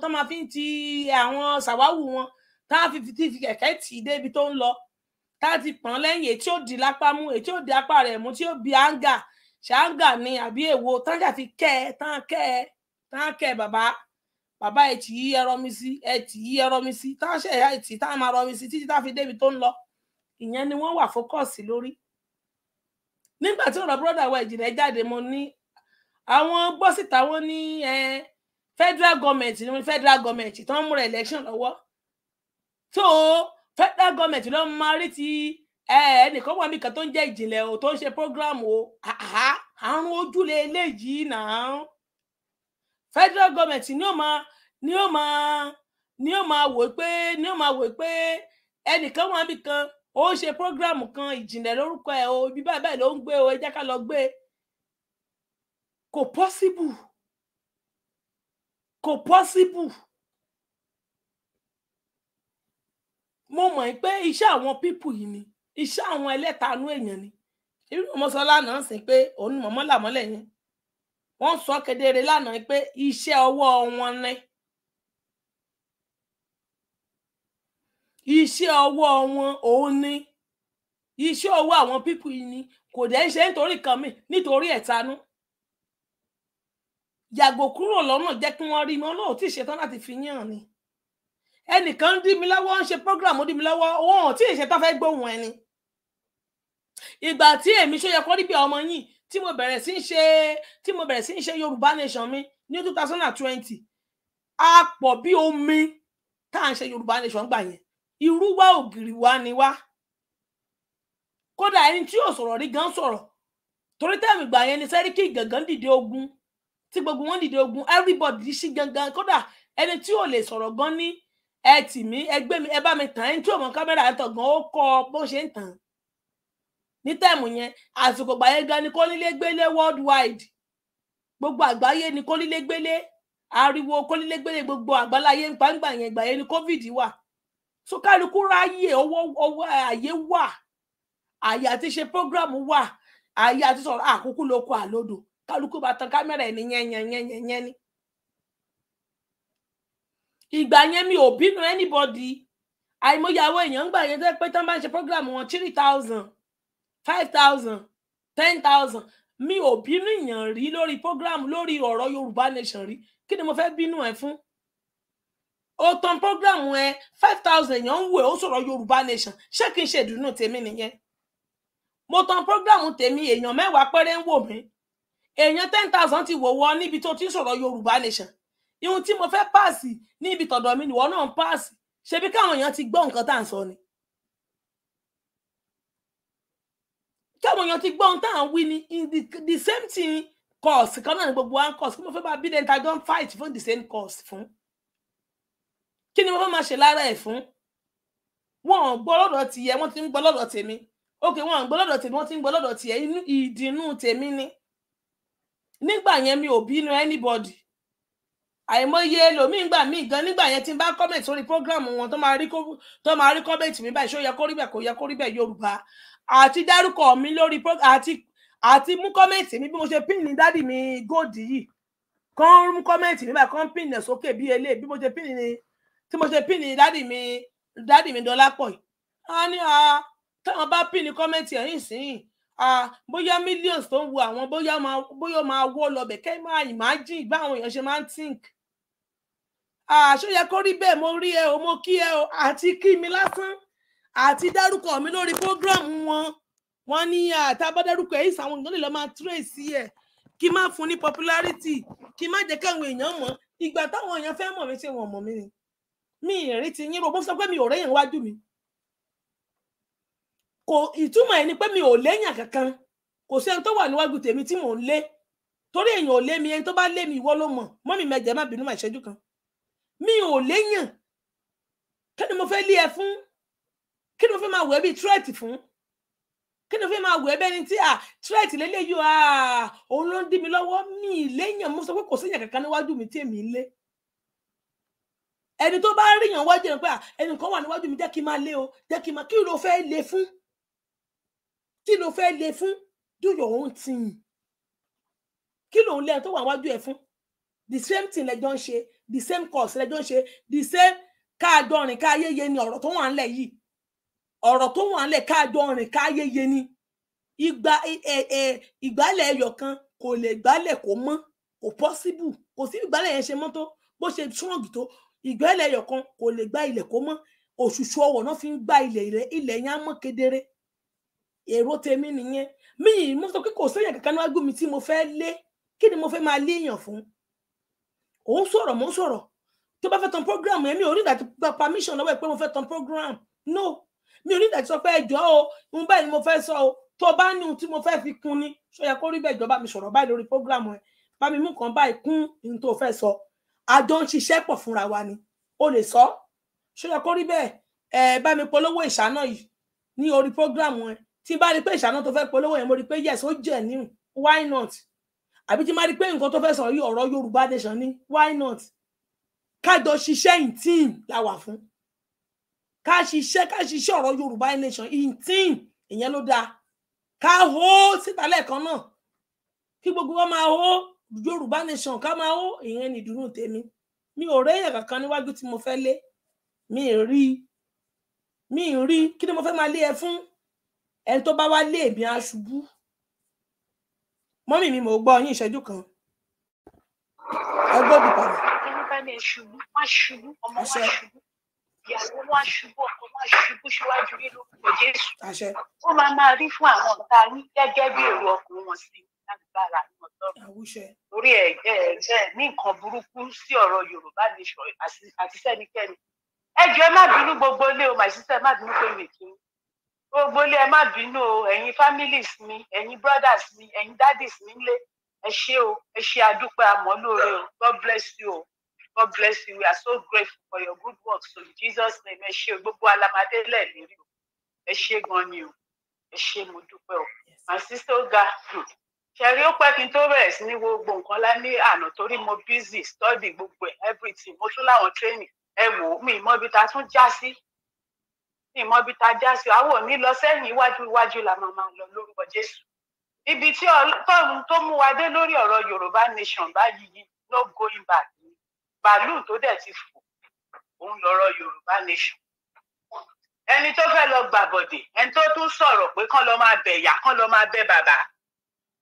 S2: tó máa fi ń ti àwọn ṣàwáwù wọn tá a fi fi kẹ̀kẹ́ tì í débi tó ń lọ láti pọ́n lẹ́yìn èyí tí ó di lápá mú èyí tí ó di apá rẹ̀ mú tí ó bi áńgà ṣáńgà ni àbí èwo tán jà fi kẹ́ ẹ tán kẹ́ ẹ tán kẹ́ ẹ bàbá bàbá ẹ tì í ẹrọ mi sí ẹ tì í ẹrọ mi sí tán ṣe ẹ tì í tán máa rọ mi sí títí tá fi débi tó ń lọ ìyẹn ni wọ́n wà fókọ̀sì lórí nígbà tí ọ̀rọ̀ bọ́dà wa ìjìnlẹ̀ jáde mo ní àwọn gbọ́ síta wọn ní federal government ní federal government tó ń múra election lọ́wọ́ tó. So, federal government ló máa rí ti ẹnìkan wà mí kan tó ń jẹ́ ìjìnlẹ̀ o tó ń ṣe program o àrùn ojúlé eléyìí náà federal government ni ó máa ni ó máa ni ó máa wò pé ni ó máa wò pé ẹnìkan wà mí kan ó ṣe program kan ìjìnlẹ̀ lórúkọ ẹ̀ o ibi báyìí báyìí ló ń gbé o ẹ jẹ́ ká lọ gbé kò possible kò possible mo mọ̀ pé iṣẹ́ àwọn pípù yìí ni iṣẹ́ àwọn ẹlẹ́tanú èèyàn ni irú ọmọ sọ lánàá sí pé òun mọ̀mọ́ làmọ́lẹ̀ yẹn wọ́n sọ kedere lánàá pé iṣẹ́ ọwọ́ wọn ni iṣẹ́ ọwọ́ wọn òun ni iṣẹ́ ọwọ́ àwọn pípù yìí ni kò dẹ́ ṣe nítorí kan mi nítorí ẹ̀tanú yàgò kúrò lọ́nà jẹ́ kí wọ́n rí mọ́ náà tí ì láti fi yàn ni ẹnìkan ń dí mi lọ́wọ́ ń ṣe program ó dí mi lọ́wọ́ wọn ò tí ì ṣe tó fẹ́ gbóhùn ẹni ìgbà tí èmi ṣe yẹ kọ́ níbi ọmọ yìí tí mo bẹ̀rẹ̀ sí ń ṣe tí mo bẹ̀rẹ̀ sí ń ṣe Yorùbá Nation mi ní two thousand and twenty a pọ̀ bí omi tá à ń ṣe Yorùbá Nation gbà yẹn irú wa ògiri wa ni wá kódà ẹni tí yóò sọ̀rọ̀ rí gan sọ̀rọ̀ torí tẹ́ẹ̀mì gbà yẹn ni sẹ́ríkì gangan dìde ogun tí gbogbo wọn dìde ogun everybody ṣí gangan kódà ẹni tí yóò lè sọ̀rọ̀ gan ní ẹ tì mí ẹ gbé mi ẹ bá mi tàn ẹ ń tí òmò kámẹ́rà ń tọ̀gàn ó kọ́ bó ṣe ń tàn ní tẹ́ẹ̀mù yẹn àsìkò gbàyẹ gan ni kónílégbélé worldwide gbogbo àgbáyé ni kónílégbélé ariwo kónílégbélé gbogbo àgbáláyé gbàǹgbà yẹn gbàyẹ ni covid wà so kálukú ráyè owó owó àyè wà àyè àti ṣe program wà àyè àti sọ̀rọ̀ àkókò lóko àlódò kálukú bá tan kámẹ́rà ẹ̀ ní yẹn yẹn yẹn yẹn ni ìgbà yẹn mi ò bínú anybody àìmọye àwọn èèyàn ń gbà yẹn tẹ́ pé tán bá ń ṣe program wọn three thousand five thousand ten thousand mi ò bínú èèyàn rí lórí program lórí ọ̀rọ̀ Yorùbá Nation rí kí ni mo fẹ́ bínú ẹ fún o tan program ẹ five thousand èèyàn ń wò ó sọ̀rọ̀ Yorùbá Nation ṣé kí n ṣe ìdùnnú tèmi nìyẹn mo tan program tèmi èèyàn mẹ́wàá péré ń wò mí èèyàn ten thousand ti wò wọ níbi tó ti ń sọ̀rọ̀ Yorùbá Nation ihun tí mo fẹ́ páàsì ní ibi tọ̀dọ̀ mi nìwọ náà ń páàsì ṣebí káwọn èèyàn ti gbọ́ nǹkan tá à ń sọ ni káwọn èèyàn ti gbọ́ ohun tá à ń wí ni the same thing cause kan náà ni gbogbo wa ń cause kí mo fẹ́ bá bí dẹ́ntà don fight fún the same cause fún kí ni mo fẹ́ máa ṣe lára ẹ̀ fún wọn ò gbọ́ lọ́dọ̀ tìyẹ wọ́n ti ń gbọ́ lọ́dọ̀ tèmi ok wọn ò gbọ́ lọ́dọ̀ tèmi wọ́n ti ń gbọ́ lọ́dọ̀ tìyẹ ìdìnnú tèmi ni nígbà yẹn mi ò bínú anybody àìmọye ẹlòmíín gbà mí gan nígbà yẹn tí n bá kọ́mẹ̀tì sórí program. wọn tó máa rí tó máa rí kọ́mẹ̀tì mi báyìí ṣó yẹ kó rí bẹ́ẹ̀ kó yẹ kó rí bẹ́ẹ̀ yorùbá àti dárúkọ mi lórí àti àti mú kọ́mẹ̀tì mi bí mo ṣe pín ní dádì mi góòdì yìí kàn mú kọ́mẹ̀tì mi báyìí kàn pín ní sókè bí eléyìí bí mo ṣe pín ní tí mo ṣe pín ní dádì mi dádì mi dọlápọ̀ yìí a ní a táwọn bá pín ní kọ́mẹ̀tì ẹ̀yìn sìn bóyá millions tó ń wo àwọn bóyá máa wọ́ lọ bẹ̀ kẹ́ máa imagine báwọn èèyàn ṣe máa ń think àṣó yẹ kó rí bẹ́ẹ̀ mo rí ẹ o mo kí ẹ o àti kí mi lásán àti dárúkọ mi lórí program wọn wọn ní àtàbádárúkọ èyí sàwọn ìgbọ́n lè lọ́ọ́ máa trace ẹ̀ kí má fún ní popularity kí má jẹ́ káwọn èèyàn mọ̀ ìgbà táwọn èèyàn fẹ́ mọ̀ mí ṣe wọ̀n mọ̀ mí ni mi ìrìn ti yín ro mo sọ pé mi ò rẹ́yìn wájú mi kò ìtumọ̀ ẹ̀ ni pé mi ò léyàn kankan kò sí ẹni tó wà níwájú tèmi tí mò ń lé torí èèyàn ò lé mi ẹni tó bá lé mi ìwọ ló mọ̀ mọ́ mi mẹjẹ má bínú má ìṣẹ́jú kan mi ò léyàn kí ni mo fẹ́ lé ẹ fún kí ni mo fẹ́ máa wẹ̀ bí tírẹ̀tì fún kí ni mo fẹ́ máa wẹ̀ bẹ́ni tí à tírẹ̀tì lélẹ́yìí à òun ló ń dí mi lọ́wọ́ mi ì léyàn mo sọ pé kò séyàn kankan níwájú mi tí èmi ń lé ẹni tó bá ríyàn wájú ẹni pé à ẹnì kan wà níwájú mi jẹ́ kí n máa lé o jẹ́ kí n máa kí ló fẹ́ lé fún kí ló fẹ́ lé fún do your own thing kí lòun lẹ́yìn tó wà níwájú ẹ̀ fún the same thing lẹ́jọ́ ń ṣe the same course lẹjọ ń the same káàjọ rìn káyéye ni ọ̀rọ̀ tó wà ńlẹ̀ yìí ọ̀rọ̀ tó wà ńlẹ̀ káàjọ rìn káyéye ni ìgbà e, e, e, ìgbálẹ̀ ẹyọ kan kò lè gbálẹ̀ kó mọ́ kò possible kò sí ìgbálẹ̀ yẹn ṣe mọ́ tó bó ṣe strong tó ìgbálẹ̀ ẹyọ kan kò lè gbá ilẹ̀ kó mọ́ òṣùṣù ọwọ̀ náà fi ń gbá ilẹ̀ rẹ̀ ilẹ̀ yẹn kedere èrò tèmi nìyẹn mi mo sọ pé kò sóyè kankan níwájú mi tí mo fẹ́ lé kí ni mo fẹ́ máa léèyàn fún òun sọ̀rọ̀ mò ń sọ̀rọ̀ tó bá fẹ́ tan program yẹn mi ò rí ìdájọ́ gba permission lọ́wọ́ ẹ̀ pé mo fẹ́ tan program no mi ò rí ìdájọ́ sọ pé ẹjọ́ o òun báyìí ni mo fẹ́ sọ o tó bá ní ohun tí mo fẹ́ fi kún ni ṣó yẹ kó rí bẹ́ẹ̀ jọba mi sọ̀rọ̀ báyìí lórí program ẹ bá mi mú nǹkan báyìí kún ohun tó fẹ́ sọ àjọ ń ṣiṣẹ́ pọ̀ fúnra wa ni o lè sọ ṣó yẹ kó rí bẹ́ẹ̀ ẹ bá mi polówó ìṣáná yìí ní orí program ẹ tí bá rí pé ìṣáná tó fẹ́ polówó yẹn mo rí pé yes ó jẹ́ níhùn why not àbí tí máa rí pé nǹkan tó fẹ́ sọ̀rọ̀ yìí ọ̀rọ̀ Yorùbá nation ni why not kájọ ṣiṣẹ́ in team la wà fún ká ṣiṣẹ́ ká ṣiṣẹ́ ọ̀rọ̀ Yorùbá nation in team ìyẹn ló dáa ká hó síta lẹ́ẹ̀kan náà kí gbogbo wa máa hó Yorùbá nation ká máa hó ìyẹn ni ìdùnnú tèmi mi ò réyìn kankan níwájú tí mo fẹ́ lé mi ì rí mi ì rí kí ni mo fẹ́ máa lé ẹ fún ẹni tó bá wá lé èmi aṣubú mọ́mì mi mò ń gbọ́ yín ìṣẹ́jú kan
S6: ẹ gbọ́dọ̀ padà. ẹni bá mi ṣubú wá ṣubú ọmọ wá ṣubú ìyàwó wá ṣubú ọkọ wá ṣubú síwájú nínú ìpò
S2: jésù
S6: ó máa máa rí fún àwọn ọ̀tá yín gẹ́gẹ́ bí èrò
S10: ọkàn wọn sí lágbára àwọn
S6: ọ̀tọ́rọ̀ orí ẹ̀ ní nǹkan burúkú sí ọ̀rọ̀ yorùbá nation àti sẹ́nikẹ́ni ẹ jẹ́ má bínú gbogbo ilé o màṣíṣẹ́ má bínú pé mi kì í gbogbo ilé ẹ má bínú o ẹ̀yin families mi ẹ̀yin brothers mi ẹ̀yin daddies mi lé ẹ ṣé o ẹ ṣé àdúpẹ́ àmọ́ lóore o God bless you o God bless you we are so grateful for your good work so in Jesus name ẹ ṣé o gbogbo alamade lẹ́ẹ̀lérí o ẹ ṣé gan ni o ẹ ṣé mo dúpẹ́ o my sister ga ṣẹ̀rí ó pẹ́ kí n tó bẹ̀rẹ̀ sí ní gbogbo nǹkan lá àná torí mo busy study gbogbo ẹ̀ everything mo tún láwọn training ẹ wò ó mi ìmọ̀ ibi tá a tún já sí ìmọ̀ ibi tá a já sí àwọn òní lọ sẹ́yìn iwájú iwájú là máa máa lọ lórúkọ Jésù ibi tí Ọlọ́run tó mú wa dé lórí ọ̀rọ̀ Yorùbá nation báyìí yìí no going back ni bàálù tó dẹ̀ ti fò òun lọ́rọ̀ Yorùbá nation ẹni tó fẹ́ lọ gbàbọ̀dè ẹni tó tún sọ̀rọ̀ pé kán lọ máa bẹ̀yà kán lọ máa bẹ bàbá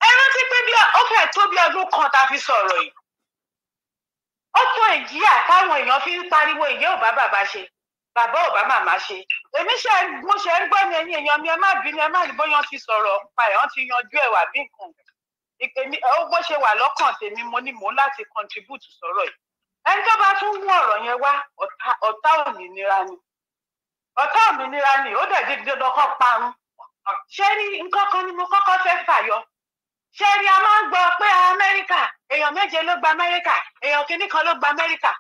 S6: ẹ rántí pé bí ó fẹ́ tó bí ọdún kan tá a fi sọ̀rọ̀ yìí ó tó ìjìyà táwọn èèyàn fi ń pariwo ìyá ò bá bàbá ṣe bàbá ò màmá ṣe èmi ṣe mo ṣe ń gbọ́ ni ẹ̀yin èèyàn mi ẹ má bínú ẹ má ní bóyá ti sọ̀rọ̀ nípa ẹ̀ wọ́n ti yanjú ẹ̀ wà bí nǹkan èmi ó bó ṣe wà lọ́kàn tèmi mo ní mò ń láti contribute sọ̀rọ̀ yìí ẹni tó bá tún mú ọ̀rọ̀ yẹn wá ọ̀tá òmìnira ni ọ̀tá òmìnira ni ó dẹ̀ di dandan kan parun ṣé rí nǹkan kan ni mo kọ́kọ́ fẹ́ fàyọ ṣé rí a máa ń gbọ́ pé amẹ́ríkà èèyàn méje ló gba amẹ́ríkà èèyàn kìíní kan ló gba amẹ́ríkà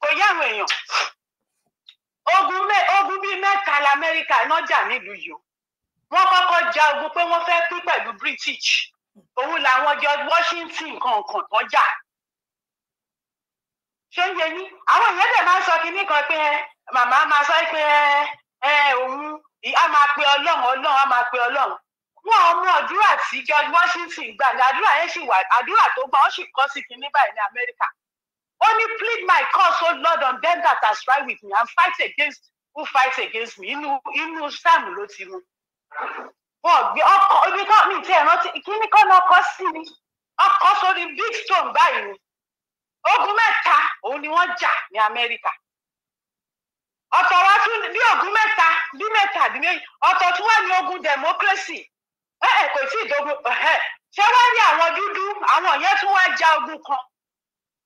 S6: kò yá àwọn èèyàn ogun mẹ ogun bíi mẹ́ta lamẹ́ríkà náà jà nílùú yìí wọ́n kọ́kọ́ ja ogun pé wọ́n fẹ́ pín pẹ̀lú british òun làwọn jọ washington kankan tó jà ṣé ń yẹ yín àwọn èèyàn dẹ̀ máa ń sọ kinní kan pé màmá máa sọ pé ẹ òun a máa pe ọlọ́run ọlọ́run a máa pe ọlọ́run wọn ọmọ àdúrà tí george washington gbà ní àdúrà yẹn sì wà àdúrà tó gbà ó sì kọ́ sí kinní báyìí ní amẹ́ríkà Only plead my cause o lord on them that are strive with me and fight against who fight against me inú inú sáàmù ló ti mu wọn gbé ọkọ ibi tó mi tiẹ̀ rántí kí ni kọ́nà ọkọ sí ni ọkọ sórí big stone báyìí ni ogun mẹ́ta òun ni wọ́n jà ní amẹ́ríkà ọ̀tọ̀ wa tún bí ogun mẹ́ta bí mẹ́ta àbí méjì ọ̀tọ̀ tún wà ní ogun democracy ẹ̀ ẹ̀ kò tí ì dogun ṣé wọ́n ní àwọn dúdú àwọn yẹn tún wá ja ogun kan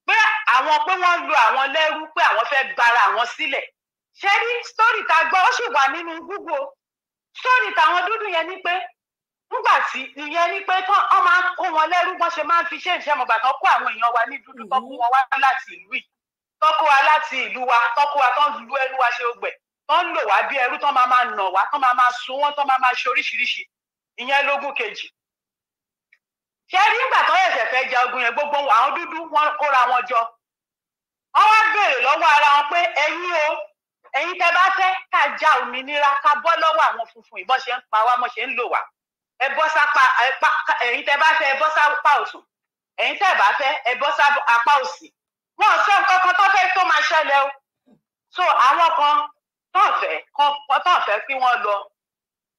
S6: pé àwọn pé wọ́n ń lo àwọn lẹ́rú pé àwọn fẹ́ gbara àwọn sílẹ̀ ṣé rí sítórì tá a gbọ́ ó sì wà nínú Google sítórì táwọn dúdú yẹn ni pé nígbà tí ìyẹn ni pé tán ọ máa ń kó wọn lẹ́rú wọ́n ṣe máa ń fi ṣe ìṣẹ́mọ̀gbà tán kó àwọn èèyàn wa ní dúdú tán kó wọn wá láti ìlú yìí tán kó wa láti ìlú wa tán kó wa tán lu ẹnu wa ṣe ogbẹ̀ tán lò wá bí ẹrú tán máa máa nà wá tán máa máa sun wọn tán máa máa ṣe oríṣiríṣi ìyẹn lógún kejì ṣé nígbà tó ẹ̀sẹ̀ fẹ́ ja ogun yẹn gbogbo àwọn dúdú wọn kóra wọn jọ wọn wá béèrè lọ́wọ́ ara wọn pé ẹ̀yin o ẹ̀yin tẹ́ bá fẹ́ ká ja òmìnira ká bọ́ lọ́wọ́ àwọn funfun ìbọn ṣe ń pa wá mọ́ ṣe ń lò wá ẹ bọ́ sápá ẹ̀yin tẹ́ bá fẹ́ ẹ bọ́ sápá òtún ẹ̀yin tẹ́ bá fẹ́ ẹ bọ́ sápá òsì wọn ò sọ nǹkan kan tó fẹ́ tó máa ṣẹlẹ̀ o so àwọn kan tán fẹ́ tán fẹ́ kí wọ́n lọ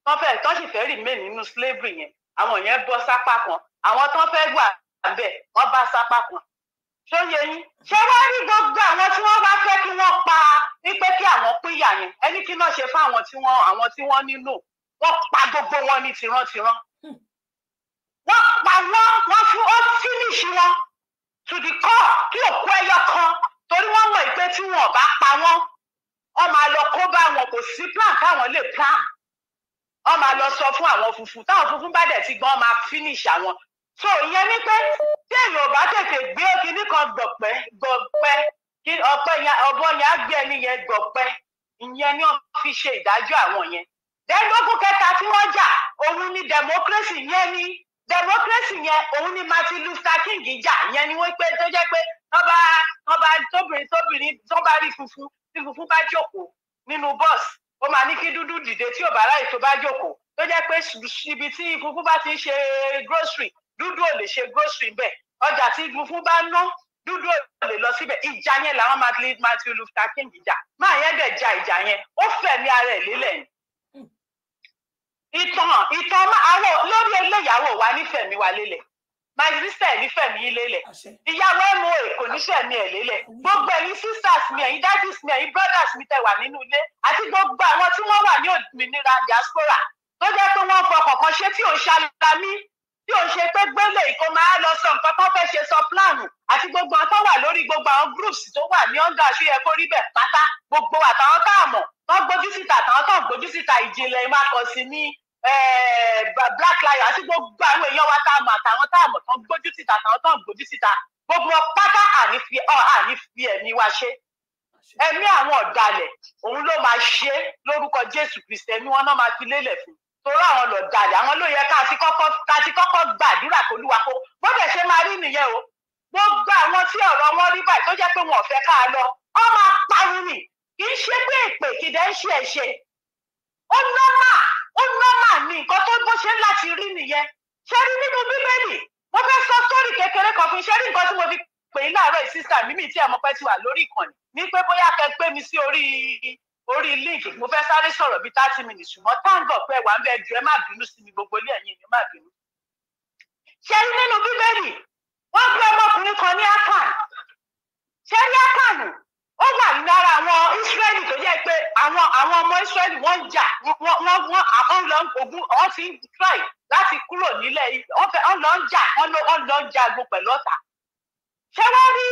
S6: tán fẹ́ tán sì fẹ́ remain nínú slavery yẹn àwọn yẹn bọ́ sápá kan àwọn tó fẹ́ gbà bẹ̀ wọ́n bá sápá kan tó yẹ yín ṣé wọ́n rí gbogbo àwọn tí wọ́n bá fẹ́ kí wọ́n pa wípé kí àwọn pínyà yẹn ẹni kí náà ṣe fún àwọn tí wọ́n àwọn tí wọ́n nílò wọ́n pa gbogbo wọn ní tìrantìran wọ́n pa wọ́n wọ́n fún ó fínísì wọn to the core kí òkú ẹyọ kan torí wọ́n mọ̀ pé tí wọn bá pa wọ́n wọ́n máa lọ kó bá wọn kò sí plan káwọn lè plan wọ́n máa lọ sọ fún àwọn funfun táwọn funfun bá dẹ̀ ti gbọ́n máa finish àwọn so ìyẹn ni pé tí èèyàn ò bá tètè gbé kinní kan gbọ̀pẹ́ gbọ̀pẹ́ kí ọ̀pẹ ọ̀bọ yẹn á gbé ẹni yẹn gbọ̀pẹ́ ìyẹn ni wọ́n fi ṣe ìdájọ́ àwọn yẹn dẹ́gbógún kẹta tí wọ́n jà òun ni democracy yẹn ni democracy yẹn òun ni Martin Luther King jà yẹn ni wọ́n pé tó jẹ́ pé wọ́n bá wọ́n bá tóbìnrin tóbìnrin tó bá rí funfun tí funfun bá jókòó nínú bọ́ọ̀sì ó máa ní kí dúdú dìde tí ò bá ráyè tó bá jókòó tó jẹ́ pé ibi tí funfun bá ti ń ṣe grocery dúdú ò lè ṣe grocery bẹ́ẹ̀ ọjà tí funfun bá ná dúdú ò lè lọ síbẹ̀ ìjà yẹn làwọn Martin Luther King jà máa yẹn dẹ̀ ja ìjà yẹn ó fẹ̀mí ara ẹ̀ lélẹ̀ ni ìtàn ìtàn àwọn lórí eléyàwó wa nífẹ̀mí wa lélẹ̀ my sister ní fẹ̀mí yín lélẹ̀ ìyàwó ẹ̀ mú èkó ní fẹ̀mí ẹ̀ lélẹ̀ gbogbo ẹ̀yin sisters mi ẹ̀yin daddies mi ẹ̀yin brothers mi tẹ́ wà nínú ilé àti gbogbo àwọn tí wọ́n wà ní òmìnira diaspora tó jẹ́ pé wọ́n fọkàn kan ṣe tí ò ń ṣàlàmí tí ò ń ṣe pé gbélé ìkó máa lọ sọ nǹkan tó fẹ́ ṣe sọ plan àti gbogbo àwọn tó wà lórí gbogbo àwọn groups tó wà ní ọ̀gá aṣọ yẹ kó rí bẹ̀ pátá gbogbo àtàwọn tá a mọ̀ wọ́n gbójú síta àtàwọn tó ń gbójú síta ìjìnlẹ̀ ìmọ̀ àkànṣe eh, ní black lion àti gbogbo àwọn èèyàn wa tá a mọ̀ àtàwọn tá a mọ̀ tó ń gbójú síta àtàwọn tó ń gbójú síta gbogbo pátá àní fi ẹ̀mí wa ṣe ẹ̀mí àwọn ọ̀dàlẹ̀ òun ló máa ṣe lórúkọ Jésù Kristi ẹ̀mí wọn náà máa fi lélẹ̀ fún un torí àwọn lọ jalè àwọn ló yẹ ká ti kọ́kọ́ ká ti kọ́kọ́ gbàdúrà pẹ̀lúwa kó bóde ṣe máa rí nìyẹn o gbogbo àwọn tí ọ̀rọ̀ wọn rí báyìí tó jẹ́ pé wọn ò fẹ́ ká lọ ọ máa pariwo nì kì í ṣe pé èpè kìdẹ́ ń ṣe ẹ̀ṣe ó nọ́mà ó nọ́mà ní nǹkan tó bó ṣe láti rí nìyẹn ṣe rí nínú bíbélì mo fẹ́ sọ sórí kékeré kan fún ṣe rí nǹkan tí mo fi pè é láàárọ̀ ìsísà mímì tí ẹ̀ mọ̀ pẹ́ ti wà lórí ìkànnì ní pé bóyá kẹ gbé mi sí orí orí link mo fẹ́ sáré sọ̀rọ̀ bíi thirty minutes ṣùgbọ́n táǹgọ̀ pé wà ń bẹ jù ẹ má bínú sí mi gbogbo ilé ẹ̀yìn mi má bínú. ṣé nínú bíbélì wọ́n gbé ọmọkùnrin kan ní akan ṣé ní akan ó wà lára àwọn Ísírẹ́lì tó yẹ pé àwọn àwọn ọmọ Ísírẹ́lì wọ́n ń jà wọ́n wọ́n àwọn lọ ogun wọ́n ti ń try láti kúrò nílẹ̀ wọ́n lọ ń jà wọ́n lọ ń jagun pẹ̀lú ọ̀tá ṣé wọ́n rí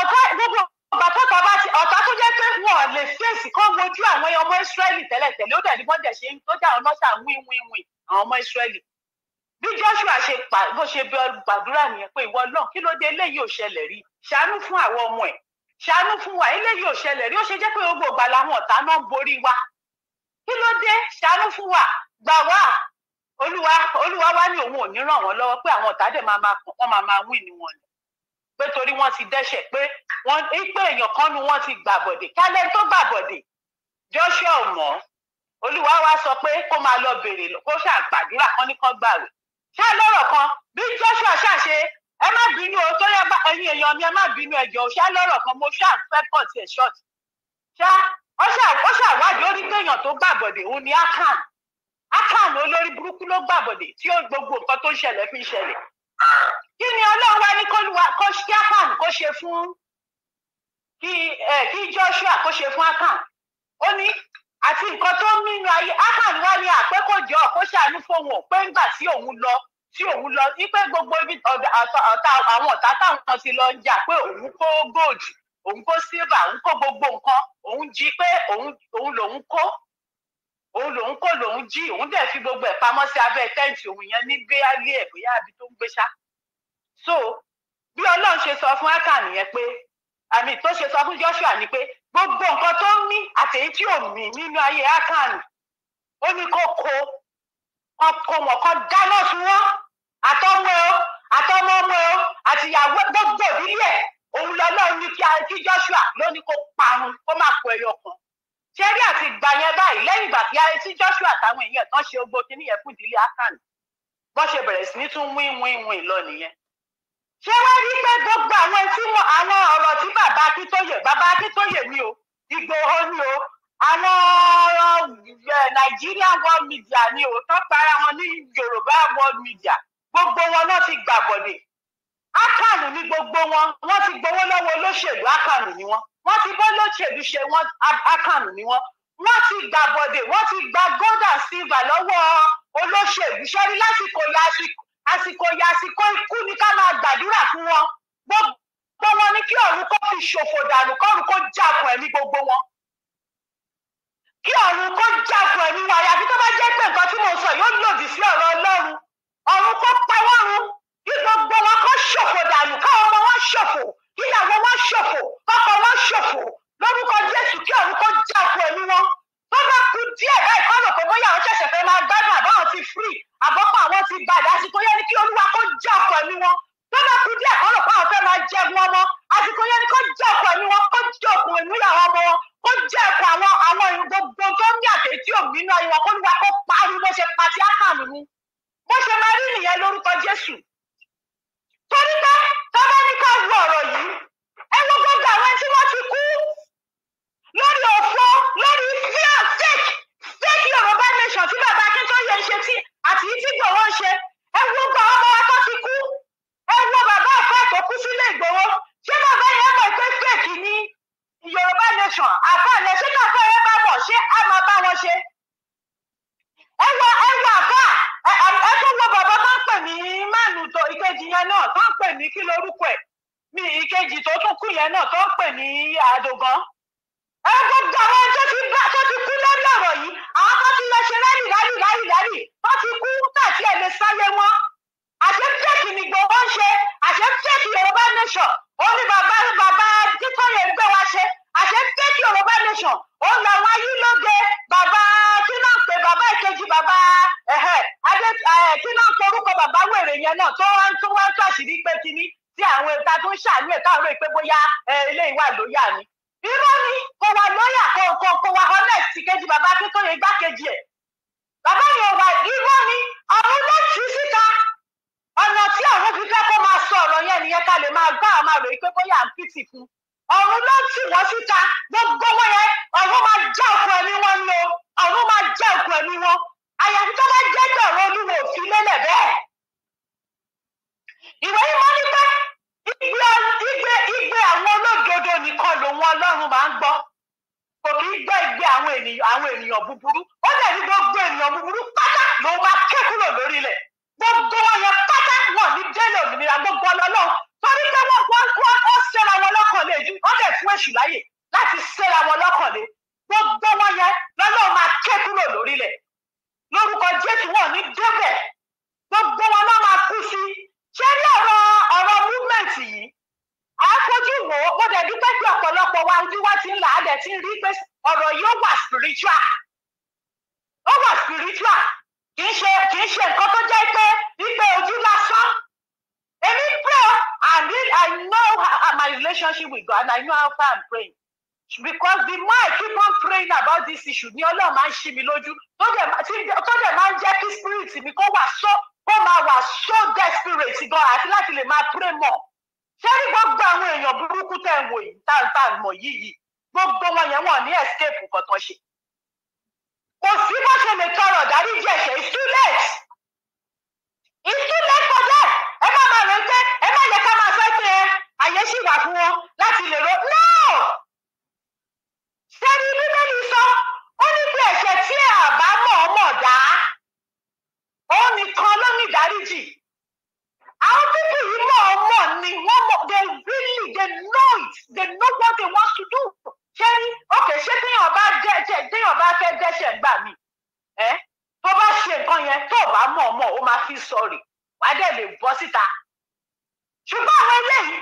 S6: ọ̀tá gbogbo bàtà bàbá ti ọ̀tá tó jẹ́ pé wọ́n lè fèsì kọ́ wojú àwọn ọmọ ìsírẹ́lì tẹ́lẹ̀tẹ́lẹ̀ ó dẹ̀ ní wọ́n dẹ̀ ṣe tó jẹ́ àwọn nọ́ọ̀sà wín wín wín àwọn ọmọ ìsírẹ́lì bí Joshua ṣe pa bó ṣe bẹ gbàdúrà nìyẹn pé ìwọ náà kí ló dé eléyìí ò ṣẹlẹ̀ rí ṣàánú fún àwọn ọmọ ẹ̀ ṣàánú fún wa eléyìí ò ṣẹlẹ̀ rí ó ṣe jẹ́ pé gbogbo ìgbà làwọn ọ̀tá náà borí wa kí ló dé ṣàánú fún wa gbà wá olúwa olúwa wá ní òun ò ní ràn wọ́n lọ́wọ́ pé àwọn ọ̀tá dẹ̀ máa máa wí ni wọ́n ni pé torí wọ́n ti dẹ́ṣẹ̀ pé wọ́n pé èèyàn kan nu wọ́n ti gbàbọ̀dè kálẹ̀ tó gbàbọ̀dè Joshua mọ̀ olúwa wa sọ pé kó máa lọ bèrè kó ṣàgbàdúrà kan ní kan gbàwé ṣá lọ́rọ̀ kan bí Joshua ṣàṣe ẹ má bínú o tó yẹ bá ẹ̀yin èèyàn mi ẹ má bínú ẹjọ o ṣá lọ́rọ̀ kan mo ṣá fẹ́ pọ̀ tiẹ̀ ṣọ́ọ̀tì ṣá ó ṣàwádìí ó rí péèyàn tó gbàbọ̀dè òun ni Akan Akan olórí burúkú ló gbàbọ̀dè tí ó gbogbo nǹkan tó ń ṣẹlẹ̀ fi ṣẹlẹ̀ kí ni ọlọ́run wá ní kó ṣe akàn kó ṣe fún kí eh, kí Joshua kó ṣe fún akàn ó ní àti nǹkan tó ń mímu ayé akàn wá ní àpé kò jọ kó ṣàánú fóun ò pé ńgbà tí òun lọ tí òun lọ wípé gbogbo ibi àwọn ọ̀tá táwọn ti lọ ń jà pé òun kó gold òun kó silver òun kó gbogbo nǹkan òun jí pé òun lòun kó òun lòun kò lòun jí òun dẹ̀ fi gbogbo ẹ̀ pamọ́ sí abẹ́ tẹ́ǹtì òun yẹn ní gbé ayé ẹ̀ bóyá àbí tó ń gbé ṣá so bí ọlọ́run ṣe sọ fún ákà nìyẹn pé àmì tó ṣe sọ fún Joshua ni pé gbogbo nǹkan tó ń mí àtẹ̀yí tí ò mí nínú ayé ákà nì ó ní kó kó ọkọ wọn kan dáná sun wọn àtọmọ ọ àtọmọ ọmọ ọ àtìyàwó gbogbo ìdílé ẹ òun lọ lọrun kí Joshua ló ní kó parun kó má kó ẹyọ kan ṣé rí àti ìgbà yẹn báyìí lẹ́yìn ìgbà tí ayé tí Joshua àtàwọn èèyàn kan ṣe ogbó kínní yẹn fún ìdílé Akan bó ṣe bẹ̀rẹ̀ sí ní tún wín wín wín lọ nìyẹn ṣé wá rí pé gbogbo àwọn tí wọn àwọn ọ̀rọ̀ tí bàbá Akíntóyè bàbá Akíntóyè ni o Ìgbòho ni o àwọn eh, Nàìjíríà world media ni o tó para wọn ní Yorùbá world media gbogbo wọn náà ti gbàbọ̀dè Akan ni gbogbo wọn wọn ti gbowó lọ́wọ́ olóṣèlú Akan ni wọn wọ́n ti bọ́ lóṣèlú ṣe wọ́n akànnù ni wọ́n wọ́n ti gbà bọ̀dẹ̀ wọ́n ti gba gold and silver lọ́wọ́ olóṣèlú sọ́rí lásìkò àsìkò àsìkò ikú ni ká máa gbàdúrà fún wọn gbogbo wọn ni kí ọ̀run kó fi ṣòfò dànù kọ́run kó jàpọ̀ ẹ̀mí gbogbo wọn kí ọ̀run kó jàpọ̀ ẹ̀mí wa àyàfi tó bá jẹ́ pé nǹkan tí mo sọ yóò lòdì sí ọ̀rọ̀ ọlọ́run ọ̀run kó pa wọ́n run kí gbogbo wọn kó ṣòfò dànù káwọn ọmọ wọn ṣòfò kíyàwó wọn ṣòfò kọ́kọ wọn ṣòfò lórúkọ Jésù kí ọ̀run kó já ku ẹ̀mí wọn tó bá ku díẹ̀ báyìí kọ́ ló pé bóyá àwọn ṣẹ̀ṣẹ̀ fẹ́ máa gbádùn àbáwọn ti free àbọ́pọ̀ àwọn ti gbàdá àsìkò yẹn ni kí Olúwa kó já ku ẹ̀mí wọn tó bá ku díẹ̀ kọ́ ló pé àwọn fẹ́ máa jẹun ọmọ àsìkò yẹn ni kó já ku ẹ̀mí wọn kó já ku ìmúyàwó ọmọ wọn kó já ku àwọn àwọn gbogbo tó ní àtẹ̀tí òmìnira ìwọ̀n kó Olúwa kó parí bó ṣe pa ti ákàlù bó ṣe máa rí nìyẹn lórúkọ Jésù torí pé tọ́ba ní ká wo ọ̀rọ̀ yìí ẹ wo gbogbo àwọn tí wọ́n ti kú lórí òfò lórí fear fake fake yorùbá nation tí bàbá akíntóye ń ṣe tí àti yìí tí gbòòwò ń ṣe ẹ wo gbogbo àwọn ọmọ wa tó ti kú ẹ wo bàbá àfẹ́ tó kú sílé ìgbòho ṣé bàbá yẹn mọ̀ pé fake ni yorùbá nation àfàlẹ́ ṣé káfẹ́ yẹn bá mọ̀ ṣé á máa bá wọn ṣe ẹ wo ẹ wo àfà àtúwọ̀ bàbá tó ń pè mí mánu tó ìkejì yẹn náà tó ń pè mí kí lorúkọ ẹ̀ mi ìkejì tó tún kú yẹn náà tó ń pè ní àdògán. ẹ gbọ́dọ̀ àwọn tó ti bá tó ti kú lórí ọ̀rọ̀ yìí àwọn tó ti lọ ṣe lẹ́yìn lẹ́yìn lẹ́yìn lẹ́yìn tó ti kú tàbí ẹ̀ lè sáyé wọn. àṣẹ fẹ́ẹ̀kì ni gbogbo ń ṣe àṣẹ fẹ́ẹ̀kì Yorùbá nation ó ní bàbá bàbá títọ́ yẹn gbé wa ṣe àṣẹ kéèkì yorùbá nation òun làwọn ayílóge bàbá kí náà pé bàbá ìkejì bàbá adé kí náà pé orúkọ bàbá wèrè yẹn náà tó wá ń tó wá ń tó àṣírí pé kíní tí àwọn ẹ̀ka tó ń ṣàánú ẹ̀ káàárọ̀ ìpé bóyá ilé ìwà lóyà ni. irọ́ ni kò wá lọ́yà kò kò kò wá honest kejì bàbá akíntóye igbákejì ẹ̀ bàbá yẹn wà irọ́ ni àwọn olóṣù síta ọ̀nà tí àwọn fi fẹ́ kó máa sọ ọ̀rọ̀ yẹn nìyẹn ká lè máa gbá àwọn àròyìn pé bóyá à ń pìtì fún un ọ̀run ló si wọ́n gbogbo wọn ọrụ ọ̀run máa já òkú ẹ̀mí wọn ma ọ̀run máa já òkú ẹ̀mí wọn àyàfi tó bá jẹ́ pé ọ̀rọ̀ olúwo òfin lélẹ̀ bẹ́ẹ̀. ìwé igbe igbe àwọn olódodo nìkan lòun ń gbọ, igbe ènìyàn ènìyàn búburú ó gbogbo ènìyàn búburú pátá gbogbo wọn pátá wọn ní délé òmìnira torí pé wọ́n wọ́n wọ́n ó ṣẹra wọn lọ́kàn lè ju ó dẹ̀ fún èṣù láyè láti ṣẹra wọn lọ́kàn lè gbogbo wọn yẹn lọ́lọ́ máa ké kúrò lórílẹ̀ lórúkọ Jésù wọn ní débẹ̀ gbogbo wọn náà máa kú sí ṣé ní ọ̀rọ̀ ọ̀rọ̀ movement yìí à ń fojú wò ó mo dẹ̀ dúpẹ́ pé ọ̀pọ̀lọpọ̀ wa ojú wa ti ń là á dẹ̀ ti ń rí pé ọ̀rọ̀ yìí ó wà spiritual ó wà spiritual kì í ṣe kì í ṣe nǹkan tó jẹ́ pé wípé ojú lásán èmi pé I mean, I know how, my relationship with God, and I know how far I'm praying. Because the more I keep on praying about this issue, ni Ọlọ́run máa ń ṣí mi lójú, tó dẹ̀ máa ń jẹ́ kí spirit mi kó wà so kó máa wà so desperate I àti láti lè máa pray more. Ṣé ní gbogbo àwọn èèyàn burúkú tẹ̀ ń wò yìí tá à ń mọ̀ yìí yìí, gbogbo wọn yẹn wọ́n ní escape kọ̀tàn ṣe. Kò sí bó ṣe lè tọrọ dáríjì ẹ̀ṣẹ̀, it's too late. It's too late for that máa pé ẹ má yẹ ká máa fẹ́ pé àyè sì wà fún wọn láti lè ro no sẹ́ni bíbélì sọ ó ní bí ẹ̀ṣẹ̀ tí àbá mọ̀ mọ̀ dá òun nìkan ló ní ìdáríjì àwọn pípì yìí mọ̀ mọ̀ ni wọ́n mọ̀ they really they know it they know what they want to do sẹ́ni òkè ṣé téèyàn bá jẹ́ téèyàn bá fẹ́ dẹ́ṣẹ̀ gbà mí ẹ́ tó bá ṣe nǹkan yẹn tó bá mọ̀ mọ̀ ó máa fi sọ̀rì wàá dẹ̀ lè bọ́ síta ṣùgbọ́n àwọn eléyìí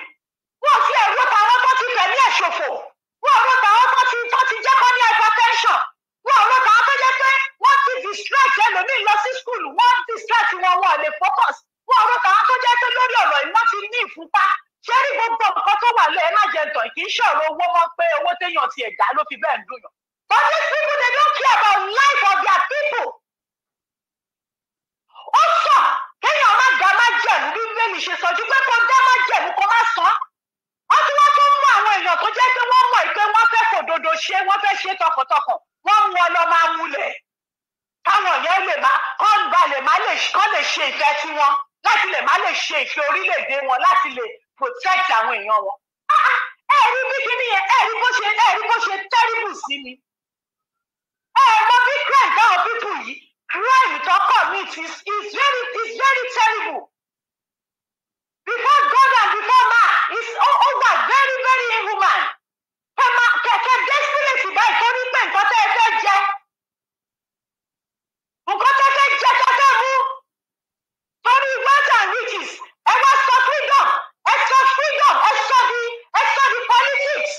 S6: wọ́n fi ẹ̀rọ tàwọn tó ti fẹ̀mí ẹ̀ ṣòfò wọ́n ọ̀rọ̀ tàwọn tó ti tó ti jẹ́ kọ́ ní hypertension wọ́n ọ̀rọ̀ tàwọn tó jẹ́ pé wọ́n ti distract ẹlòmíì lọ sí skul wọ́n distract wọn wọn lè focus wọ́n ọ̀rọ̀ tàwọn tó jẹ́ pé lórí ọ̀rọ̀ yìí wọ́n ti ní ìfúnpá ṣé rí gbogbo nǹkan tó wà lẹ́ẹ̀ má jẹ ntàn kì í ṣọ̀rọ̀ owó mọ́ pé owó téèyàn ti ẹ̀dá ló fi bẹ́ẹ̀ ń dùn yàn. But these people they don't care about life of their people. Ó kéèyàn má dá má jẹ̀mú bí bẹ́ẹ̀ni ṣe sọ ju pé kó dá má jẹ̀mú kó má sàn án wọ́n tún wá tún mú àwọn èèyàn tó jẹ́ pé wọ́n mọ̀ pé wọ́n fẹ́ fòdodo ṣe wọ́n fẹ́ ṣe tọkàntọkàn wọ́n mú ọ lọ máa múlẹ̀ káwọn yẹn lè má kán ba lè má lè kán lè ṣe ìfẹ́ tiwọn láti lè má lè ṣe ìfẹ́ orílẹ̀-èdè wọn láti lè protect àwọn èèyàn wọn ẹ̀rí bí kíní yẹn ẹ̀rí bó ṣe ẹ̀rí bó ṣe terrible sí mi ẹ̀ mọ bí crime táwọn people yìí crime tó commit is is very is very terrible before God and before man is ó ó wà very very inhuman kẹma kẹkẹ desperate báyìí tó ní pé nǹkan tẹ́ ẹ fẹ́ jẹ nǹkan tẹ́ fẹ́ jẹ tẹ́ fẹ́ mú torí wealth and riches ẹ wá sọ freedom ẹ sọ freedom ẹ sọ di ẹ sọ di politics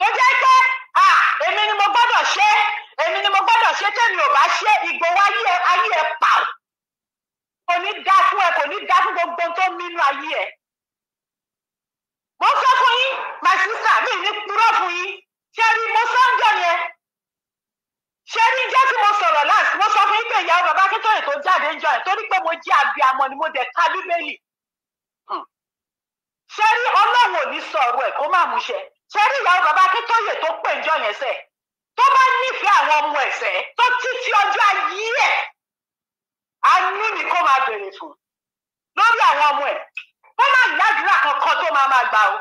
S6: tó jẹ́ pé ah èmi ni mo gbọ́dọ̀ ṣe é èmi ni mo gbọ́dọ̀ ṣe tèmi ò bá ṣe Ìgbòho ayé ẹ ayé ẹ pa kò ní dá fún ẹ kò ní dá fún gbogbo tó mínú ayé ẹ mo sọ fún yín my sister mi ní purọ́ fún yín ṣe rí mo sọ́njọ́ yẹn ṣe rí jẹ́ tí mo sọ̀rọ̀ láti mo sọ fún yín pé ìyàwó bàbá Akíntóyè tó jáde ń jọ ẹ̀ torí pé mo jẹ́ abiyamọ ni mo dẹ̀ ka bíbélì hmm. ṣe rí ọlọ́run ò ní sọ̀rọ̀ ẹ̀ kó má mú ṣe ṣe rí ìyàwó bàbá Akíntóyè tó pè ń jọ yẹn sẹ́ẹ̀ tó bá nífẹ̀ẹ́ àwọn ọmọ ẹ̀sẹ̀ tó títí ọjọ́ ayé ẹ̀ àánú ni kó máa bèrè fún lórí àwọn ọmọ ẹ̀ tó máa gbàdúrà kankan tó máa máa gbà ó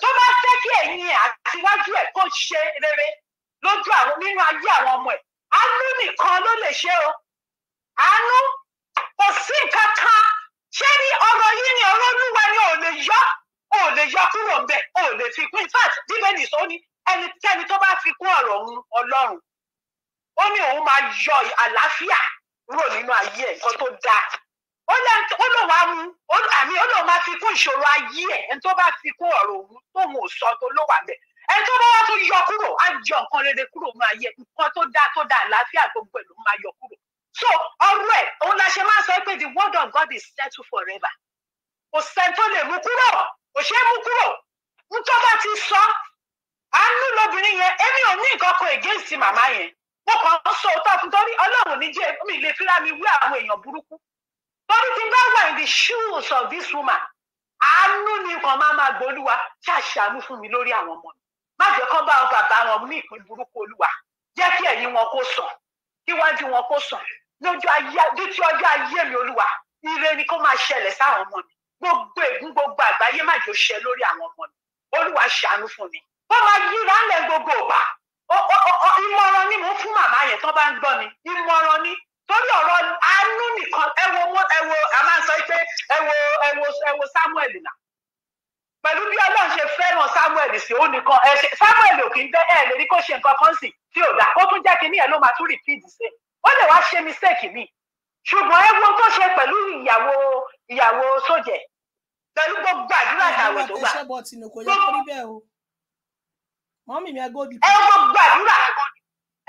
S6: tó bá fẹ́ kí ẹ̀yìn ẹ̀ àtiwájú ẹ̀ kó ṣe rere lójú àwọn nínú ayé àwọn ọmọ ẹ̀ àánú nìkan ló lè ṣe o àánú kò sí nǹkan kan ṣé ní ọ̀rọ̀ yìí ni ọ̀rọ̀ olúwa ni ò lè yọ ò lè yọ kúrò ń bẹ ò lè fi kún in fact ni ẹnikẹ́ni tó bá fi kún ọ̀rọ̀ òun ọlọ́run ó ní òun máa yọ àlàáfíà kúrò nínú ayé ẹ̀ nǹkan tó dáa ó lóun á mú àmì ó lóun máa fi kún ìṣòro ayé ẹ̀ ẹni tó bá fi kún ọ̀rọ̀ òun tóun ò sọ tó ló wà bẹ́ẹ̀ ẹni tó bá wá tún yọ kúrò á yọ nǹkan rere kúrò nínú ayé nǹkan tó dáa tó dáa àlàáfíà gbogbo ẹ̀ ló máa yọ kúrò so ọ̀rọ̀ ẹ̀ òun la ṣe máa sọ pé the word of God is settled forever kò sẹ́ni tó lè mú kúrò kò ṣeé mú kúrò nítorí bá ti sọ àánú lobìnrin yẹn èmi ò ní nǹkan kan against màmá yẹn mo kàn ń sọ òótọ́ fún torí ọlọ́run ní jẹ́ mi lè fira mi wí àwọn èèyàn burúkú torí tí n bá wà in the shoes of this woman àánú ni nǹkan máa máa gbólúwa ṣàṣàánú fún mi lórí àwọn ọmọ mi má jẹ́ kán bá bàbá wọn ní ìpín burúkú olúwa jẹ́ kí ẹ̀yìn wọn kó sàn kíwájú wọn kó sàn lójú ayé létí ọjọ́ ayé mi olúwa ire ni kó máa ṣẹlẹ̀ sáwọn ọmọ mi gbogbo ègún gbogbo àgbáyé má jẹ́ ó ṣẹ lórí àwọn ọmọ mi olúwa ṣàánú fún mi wọ́n máa yíra lẹ̀ gbogbo ọ̀bà ìmọ̀ràn ni mò ń fún màmá yẹn tó bá ń gbọ́ mi ìmọ̀ràn ni torí ọ̀rọ̀ àánú nìkan ẹ wo ẹ wo a máa ń sọ pé ẹ wo ẹ wo ẹ wo Samuel nà pẹ̀lú bí Ọlọ́run ṣe fẹ́ràn Samuel sí òun nìkan ẹ ṣe Samuel ò kì í bẹ́ ẹ lè rí kó ṣe nǹkan kan sí tí ò dáa ó tún jẹ́ kí ní ẹ̀ ló máa tún repeat ṣe ó lè wá ṣe mistake mi ṣùgbọ́n ẹ wo tó ṣe pẹ̀lú ìyàwó ìyàwó sójẹ̀ pẹ̀lú gbogbo àdúrà ìyàwó tó gbà gbogbo mọ́mì mi ẹgbẹ́ òdì. ẹ wo gbàdúrà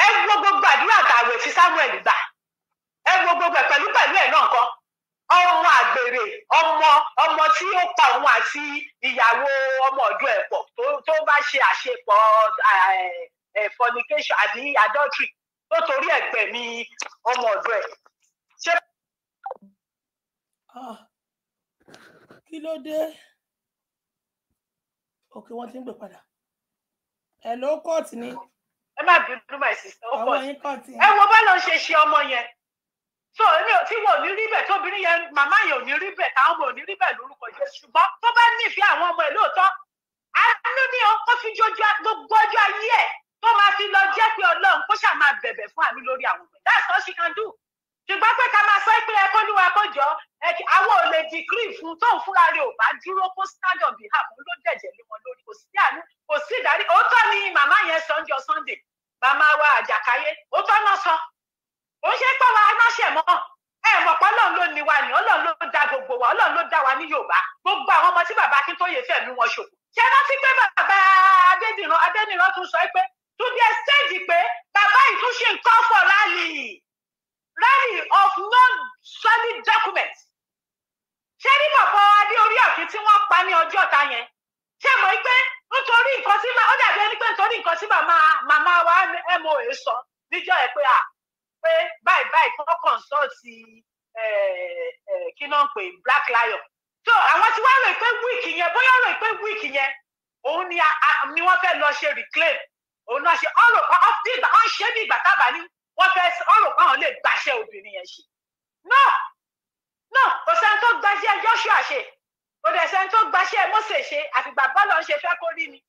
S6: ẹ wo gbogbo àdúrà tààwẹ̀ fi samuel gbà ẹ wo gbogbo ẹ pẹ̀lú pẹ̀lú ẹ̀ náà kọ́ ọmọ àgbèrè ọmọ ọmọ tí ó pa òun àti ìyàwó ọmọ ọdún ẹ̀ pọ̀ tó bá ṣe àṣepọ̀ fornication àbí adultery tó torí ẹ̀ gbẹ̀mí ọmọ ọdún ẹ̀ ṣé.
S2: Ah, kí ló dé òkè wọn ti ń gbé padà ẹ ló kóòtù ni. ẹ má bínú my sister ó kóòtù ẹ wo bá lọ ṣe ṣe ọmọ yẹn so èmi ò tí wọn ò ní rí bẹ́ẹ̀ tóbìnrin
S6: yẹn màmá yẹn ò ní rí bẹ́ẹ̀ táwọn ọmọ ò ní rí bẹ́ẹ̀ lórúkọ yẹn ṣùgbọ́n tó bá nífẹ̀ẹ́ àwọn ọmọ ẹ lóòótọ́ àánú ni ó kó fi jojú gbogbo ọjọ́ ayé ẹ tó máa fi lọ jẹ́ pé Ọlọ́run kó ṣáà máa bẹ̀bẹ̀ fún àánú lórí àwọn ọmọ that's all she can do ṣùgbọ́n pé ká máa sọ pé ẹ kólúwa kó jọ àwọn ò lè decree fún tóun fúnra rẹ̀ ò bá dúró kó stand on behalf ló dẹ̀jẹ̀ lé wọn lórí kò sí àánú kò sí ìdarí òótọ́ ni màmá yẹn sọ ọjọ́ Sunday màmá wa àjàkáyé òótọ́ náà sọ ó ṣe pé wa aláṣẹ mọ́ ẹ mọ̀ pé ọlọ́run ló ní wa ni ọlọ́run ló dá gbogbo wa ọlọ́run ló dá wa ní Yorùbá gbogbo àwọn ọmọ tí bàbá Akíntóyè fẹ̀mí wọn ṣòfò ṣé rántí pé bàbá Adédìran Adédìran tún sọ pé to the stage pé bàbá ìtúnṣe nǹkan fọ̀ láàlì rally of non-solid documents ṣé ní bàbá adé orí ọ̀fin tí wọ́n pa ní ọjọ́ ta yẹn ṣé mọ̀ pé nítorí nǹkan sí máa ó dàbí ẹni pé nítorí nǹkan sí màmá màmá wa moa sọ níjọ́ ẹ̀ pé à pé báyìí báyìí kọ́ kọ̀ǹsọ́ọ̀tì kí náà pè black lion so àwọn tí wọ́n rò pé wíìkì yẹn bóyá rò pé wíìkì yẹn òun ni wọ́n fẹ́ lọ ṣe reclaim òun náà ṣe ọ̀rọ̀ kan ọ̀fíìgbà ọ̀ṣẹ́ ní ìgbà tábà ní wọ́n fẹ́ wọ́n rò báwọn lè gbaṣẹ́ obìnrin yẹn ṣe náà náà kò sẹ́ni tó gbaṣẹ́ Joshua ṣe kò dẹ̀ sẹ́ni tó gbaṣẹ́ Mose ṣe àfìgbà bọ́lọ̀ ń ṣe fẹ́ kó rí ni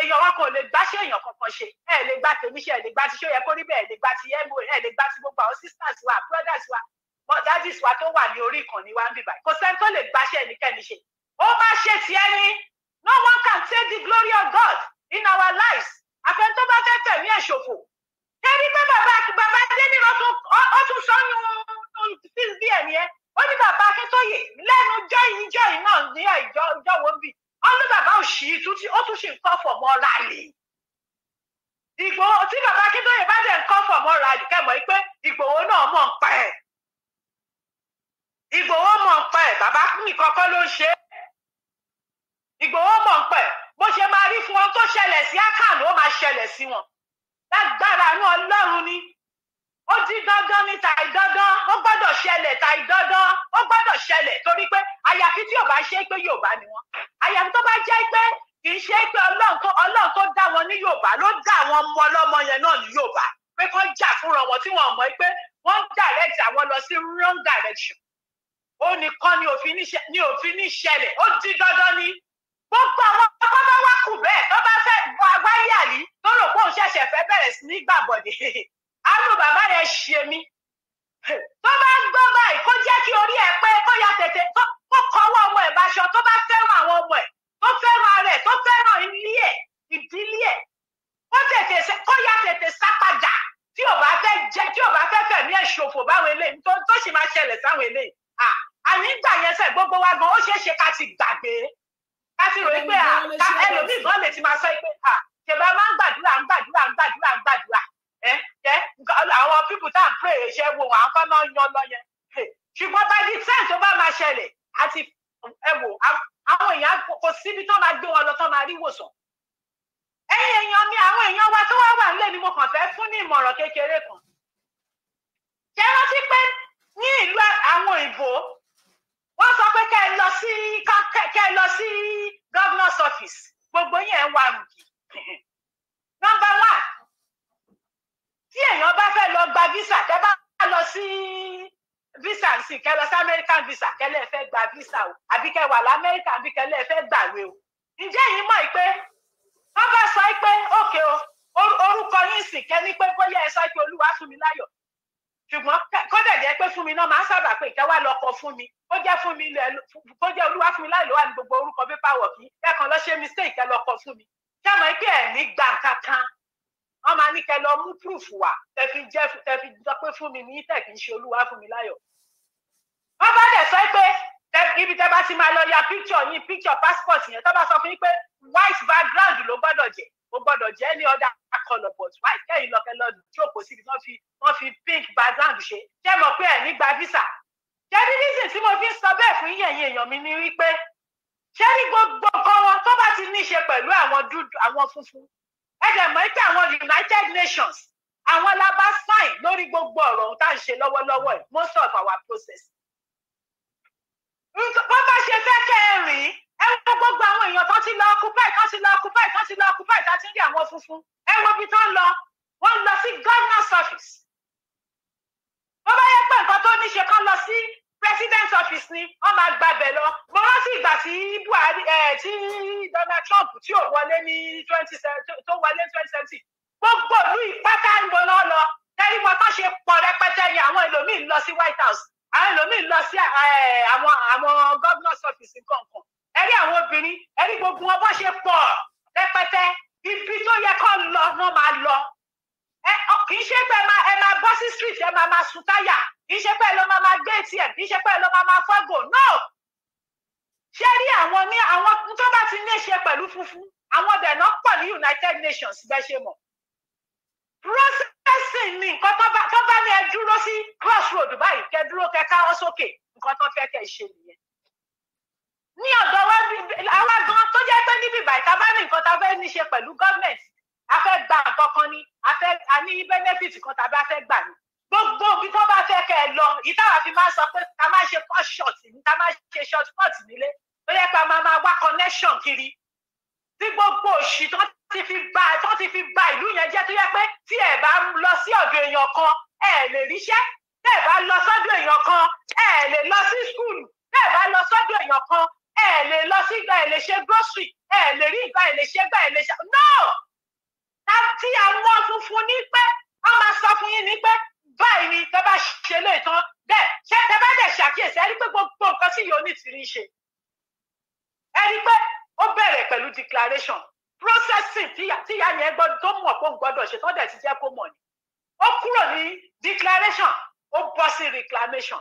S6: èèyàn wọn kò lè gbáṣẹ́ èèyàn kankan ṣe ẹ lè gba tèmiṣẹ ẹ lè gba ti ṣóyẹ kórí bẹ́ẹ̀ lè gba ti yẹmo ẹ lè gba ti gbogbo àwọn sisters wa brothers wa daddies wa tó wà ní orí ìkànnì wa ń bì báyìí kò sẹ́ni tó lè gbáṣẹ́ ẹnikẹ́ni ṣe ó má ṣe tiẹ̀ ni no one can take the glory of God in our lives àfẹn tó bá fẹ́ tẹ̀mí ẹ̀ ṣòfò ẹni pé bàbá bàbá adéníran ó tún sọyún six díẹ̀ nìyẹn ó ní bàbá akíntóye lẹ́nu jọ́ ìjọ́ yìí náà ní ìjọ́ wo bì ó ní bàbá òṣì ó tún ṣe nǹkan fọ̀mọ́ rálì Ìgbòho tí bàbá akíntóye bá dẹ̀ nǹkan fọ̀mọ́ rálì kẹ́mọ̀ pé Ìgbòho náà mọ̀ ń pa ẹ̀ Ìgbòho mọ̀ ń pa ẹ̀ bàbá nìkan kọ́ ló ń ṣe é Ìgbòho mọ̀ ń pa ẹ̀ bó ṣe máa rí fún wọn tó ṣẹlẹ̀ sí ákàn ló máa ṣẹlẹ̀ sí wọn lágbára àánú ọlọ́run ni ó dín dandan ní tàì dandan ó gbọ́dọ̀ ṣẹlẹ̀ tàì dandan ó gbọ́dọ̀ ṣẹlẹ̀ torí pé àyàfi tí ò bá ṣe pé Yorùbá ni wọn àyàfi tó bá jẹ́ pé kì í ṣe pé ọlọ́run tó ọlọ́run tó dá wọn ní Yorùbá ló dá àwọn ọmọ ọlọ́mọ yẹn náà ní Yorùbá pé kán jà fúnra wọn tí wọn mọ̀ pé wọ́n direct àwọn lọ sí wrong direction ó nìkan ni òfin ní ṣẹlẹ̀ ó dín dandan ni gbogbo àwọn tó bá wá kù bẹ́ẹ̀ tó bá fẹ́ wáyé àlí tó rò pé òun ṣẹ̀ṣẹ̀ fẹ́ bẹ̀rẹ̀ sí ní gbàbọ̀dé àánú bàbá rẹ̀ ṣe mí tó bá ń gbọ́ báyìí kó jẹ́ kí orí ẹ̀ pé kó ya tètè kó kọ́wọ́ ọmọ ẹ̀ bá ṣọ tó bá fẹ́ràn àwọn ọmọ ẹ̀ tó fẹ́ràn ara ẹ̀ tó fẹ́ràn ilé ẹ̀ ìdílé ẹ̀ kó tètè kó ya tètè sá padà tí ò bá fẹ́ jẹ́ tí ò bá fẹ́ fẹ̀mí ẹ̀ ṣòfò báwọn eléyìí tó sì máa ṣẹlẹ̀ sáwọn eléyìí àní gbà yẹn sẹ́ gbogbo wa gan ó ṣeé ṣe ká ti gbàgbé a ti ròyìn pé ẹlòmíì gan lè ti máa sọ pé ṣèbá máa ń gbàdúrà ń gbàdúrà ń gbàdúrà ń gbàdúrà ẹ ẹ àwọn pípù tá à ń pè é ṣe wo àwọn kan náà yan lọ yẹn ṣùgbọ́n bá di tẹ́ẹ̀ tó bá máa ṣẹlẹ̀ àti ẹ àwọn èèyàn kò síbi tó máa gbé wọn lọ tó máa rí wòsàn ẹ̀yin èèyàn mi àwọn èèyàn wa tó wá wà nílé ni mo kàn fẹ́ fún ní ìmọ̀ràn kékeré kan ṣé rántí pé ní ìlú àwọn òyìnbó wọ́n sọ pé kẹ́ ẹ lọ sí kẹ́ ẹ lọ sí governor's office gbogbo yẹn ń wa rùkì. nọ́mbà one tí èèyàn bá fẹ́ lọ gba visa tẹ́ bá lọ sí visa sí kẹ́ lọ sí American visa kẹ́ lẹ́ fẹ́ gba visa o àbí kẹ́ wà lamẹ́ríkà àbí kẹ́ lẹ́ fẹ́ gbàwé o ǹjẹ́ yìí mọ̀ pé wọ́n bá sọ pé òkè o orúkọ yín sì kẹ́ ní pé bóyá ẹ sọ pé Olúwafúnmiláyọ̀ ṣùgbọ́n kọ́dẹ̀ jẹ́ pé fún mi náà máa ń sábà pé ìkẹ́wà lọ́kọ̀ fún mi kó jẹ́ fún mi ilẹ̀ kó jẹ́ olúwa fún mi láì lọ́wọ́ ní gbogbo orúkọ pépà wọ̀ kí ẹ̀kan lọ ṣe mistake ẹ lọ kọ fún mi kẹ́mọ̀ pé ẹ̀ ní gbà kankan wọ́n máa ní kẹ́ lọ mú proof wá ẹ fi jẹ́ ẹ fi sọ pé fún mi ní tẹ̀ kì í ṣe olúwa fún mi láyọ̀ wọ́n bá dẹ̀ sọ pé ibi tẹ́ bá ti máa lọ ya picture yín picture passport yẹn tó bá sọ fún yín pé white background ló gbọ́dọ̀ jẹ́ ó gbọ́dọ̀ jẹ́ ní ọ̀dà akọlọ̀ but white kẹ́yìn lọ́kẹ́ lọ jókòó síbi wọ́n fi wọ́n pink background ṣe jẹ́ mọ̀ pé ẹ̀ nígbà visa jẹ́dínísìn tí mo fi ń sọ bẹ́ẹ̀ fún yẹ̀yìn èèyàn mi ni wípé ṣé ní gbogbo nǹkan wọn tó bá ti ní í ṣe pẹ̀lú àwọn dúdú àwọn funfun ẹ dẹ̀ mọ̀ pé àwọn United Nations àwọn la bá sign lórí gbogbo ọ̀rọ̀ ohun tá à ń ṣe lọ́wọ́lọ́wọ́ ẹ̀ most of our process. wọ́n bá ṣe fẹ́ kẹ́ ẹ rìn ẹ wo gbogbo àwọn èèyàn tó ti lọ occupy tó ti lọ occupy tó ti lọ occupy tá a ti rí àwọn funfun ẹ wo ibi tó ń lọ wọ́n lọ sí governor's office. wọ́n bá yẹ pé nǹkan tó ní ṣe kán lọ sí president office ni wọ́n máa gbabẹ̀ lọ mo rántí ìgbà tí Buhari tí Donald Trump tí ò wọlé ní twenty tó wọlé twenty seventeen gbogbo ìlú ìpátá ìgbóná lọ tẹ́lí wọn tó ṣe pọ̀ rẹpẹtẹ ni àwọn ẹlòmíín lọ sí White House àwọn ẹlòmíín lọ sí àwọn àwọn governor's office kankan ẹ̀rí àwọn obìnrin ẹ̀rí gbogbo wọn bó ṣe pọ̀ rẹpẹtẹ ibi tó yẹ kó lọ wọ́n máa lọ kì í ṣe pé ẹ máa bọ́ sí street ẹ máa máa sun táyà kì í ṣe pé ẹ lọ máa máa gé atm kì í ṣe pé ẹ lọ máa máa fọ́gò no ṣé rí àwọn ní àwọn tó bá ti ní ṣe pẹ̀lú funfun àwọn dẹ̀nà pọ̀ ní United Nations bẹ́ẹ̀ ṣe mọ̀ processing ni nǹkan tó bá ní ẹ dúró sí crossroad báyìí kẹ dúró kẹ káwọ́ sókè nǹkan tó fẹ́ kẹ ṣe nìyẹn ní ọ̀dọ̀ wa gan tó jẹ́ pé níbi ìbàyí a bá a fẹ́ gba nǹkan kan ni a fẹ́ a ní benefit kan tàbí a fẹ́ gbà ní gbogbo ibi tó bá fẹ́ kẹ́ ẹ lọ ìtawà fi máa sọ pé ká máa ṣe cut short ní ká máa ṣe short cut nílé tó yẹ pé a máa máa wá connection kiri tí gbogbo òṣì tó ti fi ba tó ti fi ba ìlú yẹn jẹ́ tó yẹ pé tí ẹ bá lọ sí ọ̀dọ̀ èèyàn kan ẹ lè ríṣẹ́ tẹ́ ẹ bá lọ sọ́dọ̀ èèyàn kan ẹ lè lọ sí skul tẹ́ ẹ bá lọ sọ́dọ̀ èèyàn kan ẹ lè lọ sí ìgbà ẹ lè ṣe grocery ẹ lè rí ìgbà ẹ lè ṣe ìgbà ẹ lè ṣe no tí àwọn funfun ní pé wọ́n máa sọ fún yín ní pé báyìí ni tẹ́ bá ṣe lè tán bẹ́ẹ̀ ṣé tẹ́ bá dẹ̀ ṣàkíyèsí ẹ rí pé gbogbo nǹkan tí yóò ní ti rí ṣe ẹ pé ó bẹ̀rẹ̀ pẹ̀lú declaration processing tíyà yẹn gbọ́dọ̀ tó mọ̀ kó gbọ́dọ̀ ṣe tó dẹ̀ ti jẹ́ kó mọ̀ ni ó kúrò ní declaration ó bọ́ sí reclamation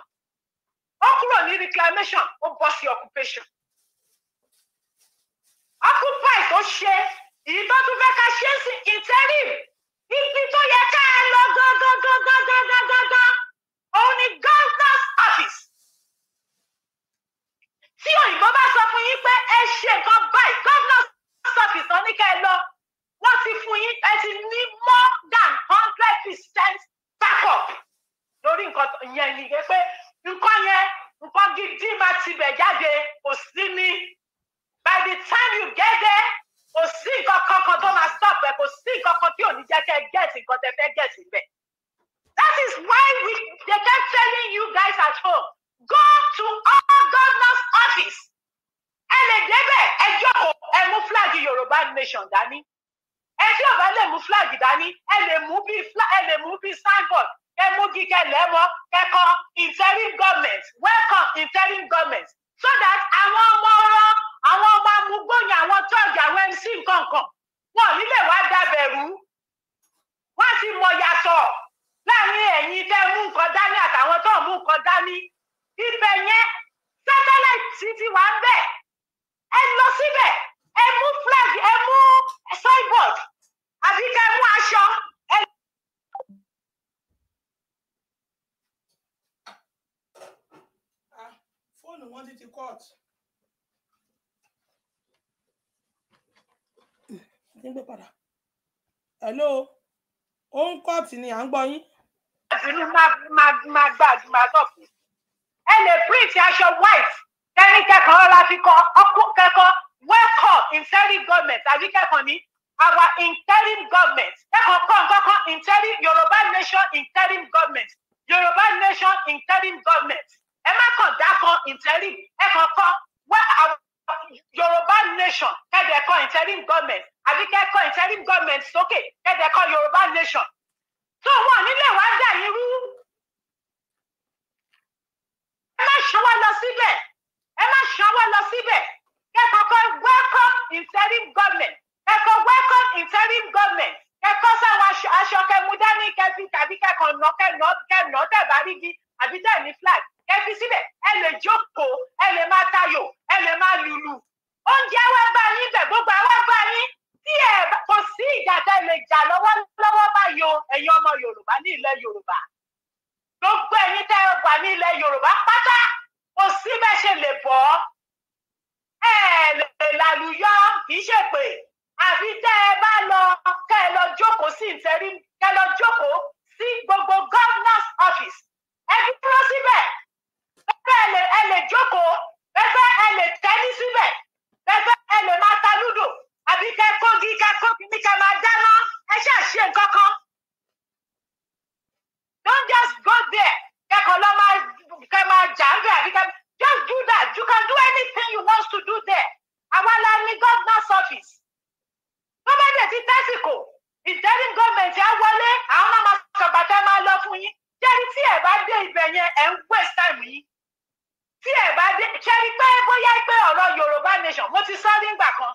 S6: ó kúrò ní reclamation ó bọ́ sí occupation occupy tó ṣe ìbọn tún fẹ́ ká ṣe é sí interim ibi tó yẹ ká lọ gángangangangangangan òun ni governor's office tí òyìnbó bá sọ fún yín pé ẹ ṣe nǹkan báyìí governor's office ọ̀ ní ká ẹ lọ wọ́n ti fún yín ẹ ti ní more than hundred percent backup lórí nǹkan yẹn ni pé nǹkan yẹn nǹkan gidi máa tibẹ̀ jáde kò sí ní by the time you get there kò sí nǹkan kankan tó máa stop ẹ kò sí nǹkan kan tí ò ní jẹ́ kẹ́ gẹ̀ẹ́sì nǹkan tẹ́ fẹ́ gẹ̀ẹ́sì bẹ̀. that is why we dey keep telling you guys at home go to all governors office ẹ lè débẹ̀ ẹ jókòó ẹ mú flag yorùbá nation dání ẹ tí ò bá lè mú flag dání ẹ lè mú bí ẹ lè mú bí signboard ẹ mú kíkẹ lẹ́mọ́ kẹ́kọ̀ọ́ interim government welcome interim government so that àwọn ọmọ ọrọ̀ àwọn ọmọ amúgbóyìn àwọn church àwọn mc nkankan wọn nílé wá dábẹ̀rú wọn ti mọ yàtọ̀ láàrin ẹ̀yin tẹ́ mú nǹkan dání àtàwọn tó mú nǹkan dání ibẹ̀ yẹn sátẹláìtì ti wà ń bẹ ẹ lọ síbẹ̀ ẹ mú flag ẹ mú signboard àbí kẹ́ mú aṣọ ẹ.
S2: Ah, fóònù wọn ti ti kọ́ọ̀tù. ní gbé padà hello ó ń kọ́ọ̀tì ni à ń gbọ́ yín. ìbínú máa gbà ju máa sọ fún ẹ lè print aṣọ
S6: white tẹ́ni kẹ́kọ̀ọ́ ọ̀la fi kọ ọkọ̀ kẹ́kọ̀ọ́ welcome interim government àbí kẹ́kọ̀ọ́ ni our interim government kẹ́kọ̀ọ́ kọ́ nǹkan interim Yorùbá nation interim government Yorùbá nation interim government ẹ má kàn dákọ̀ interim ẹ kàn kọ́ yorùbá nation kẹ́dẹ̀ẹ́kọ́ interim government àbí kẹ́kọ́ interim government sókè kẹ́dẹ̀ẹ́kọ́ yorùbá nation tó wọn nílé wàá dà yín rú ẹ má ṣọwọ́ lọ síbẹ̀ ẹ má ṣọwọ́ lọ síbẹ̀ kẹ́kọ̀ọ́kọ́ welcome interim government kẹ́kọ̀ọ́ welcome interim government kẹ́kọ́ sáwọn aṣọ kẹmú dání kẹfí tàbí kẹ́kọ̀ọ́ nọ kẹ́nọ́ kẹ́nọ́ tẹ̀ bá rígi àbí tẹ̀ ní flag ẹ fi síbẹ̀ ẹ lè jókòó ẹ lè máa tayò ẹ lè máa lùlù oúnjẹ wá bá yín bẹ̀ gbogbo àwa bá yín tí ẹ kò sí ìjà tẹ́ lè jà lọ́wọ́lọ́wọ́ báyìí o ẹ̀yin ọmọ Yorùbá ní ilẹ̀ Yorùbá gbogbo ẹ̀yin tẹ́ wà ní ilẹ̀ Yorùbá pátá kò sí bẹ́ẹ̀ ṣe lè bọ́ ẹ lè lálùyọ kì í ṣe pé àfi tẹ́ ẹ bá lọ kẹ́ ẹ lọ jókòó sí ìtẹrí kẹ́ ẹ lọ jókòó sí gbogbo governors office ẹ dúró síbẹ̀ ẹ lè ẹ lè jókòó ẹ fẹ́ ẹ lè tẹ́lí síbẹ̀ ẹ fẹ́ ẹ lè máa ta lúdò àbí kẹ kógi kẹ kógi ní kẹ máa dáná ẹ ṣáà ṣe nǹkan kan don't just go there kẹkọọ lọ máa kẹ máa jà ń bẹ àbí kẹ just do that you can do anything you want to do there àwa la ní governor's office tó bá dẹ̀ ti tẹ́sìkò ìtẹ́rí gọ́ọ̀mẹ̀ntì á wọlé àwọn máa sọ̀gbà tẹ́ máa lọ fún yín jẹ́rìí tí ẹ̀ bá dé ibẹ̀ yẹn ẹ̀ ń waste time yín tí ẹ bá dé ṣẹ́rí pé bóyá pé ọ̀rọ̀ yorùbá nation mo ti sọ rí ngbà kan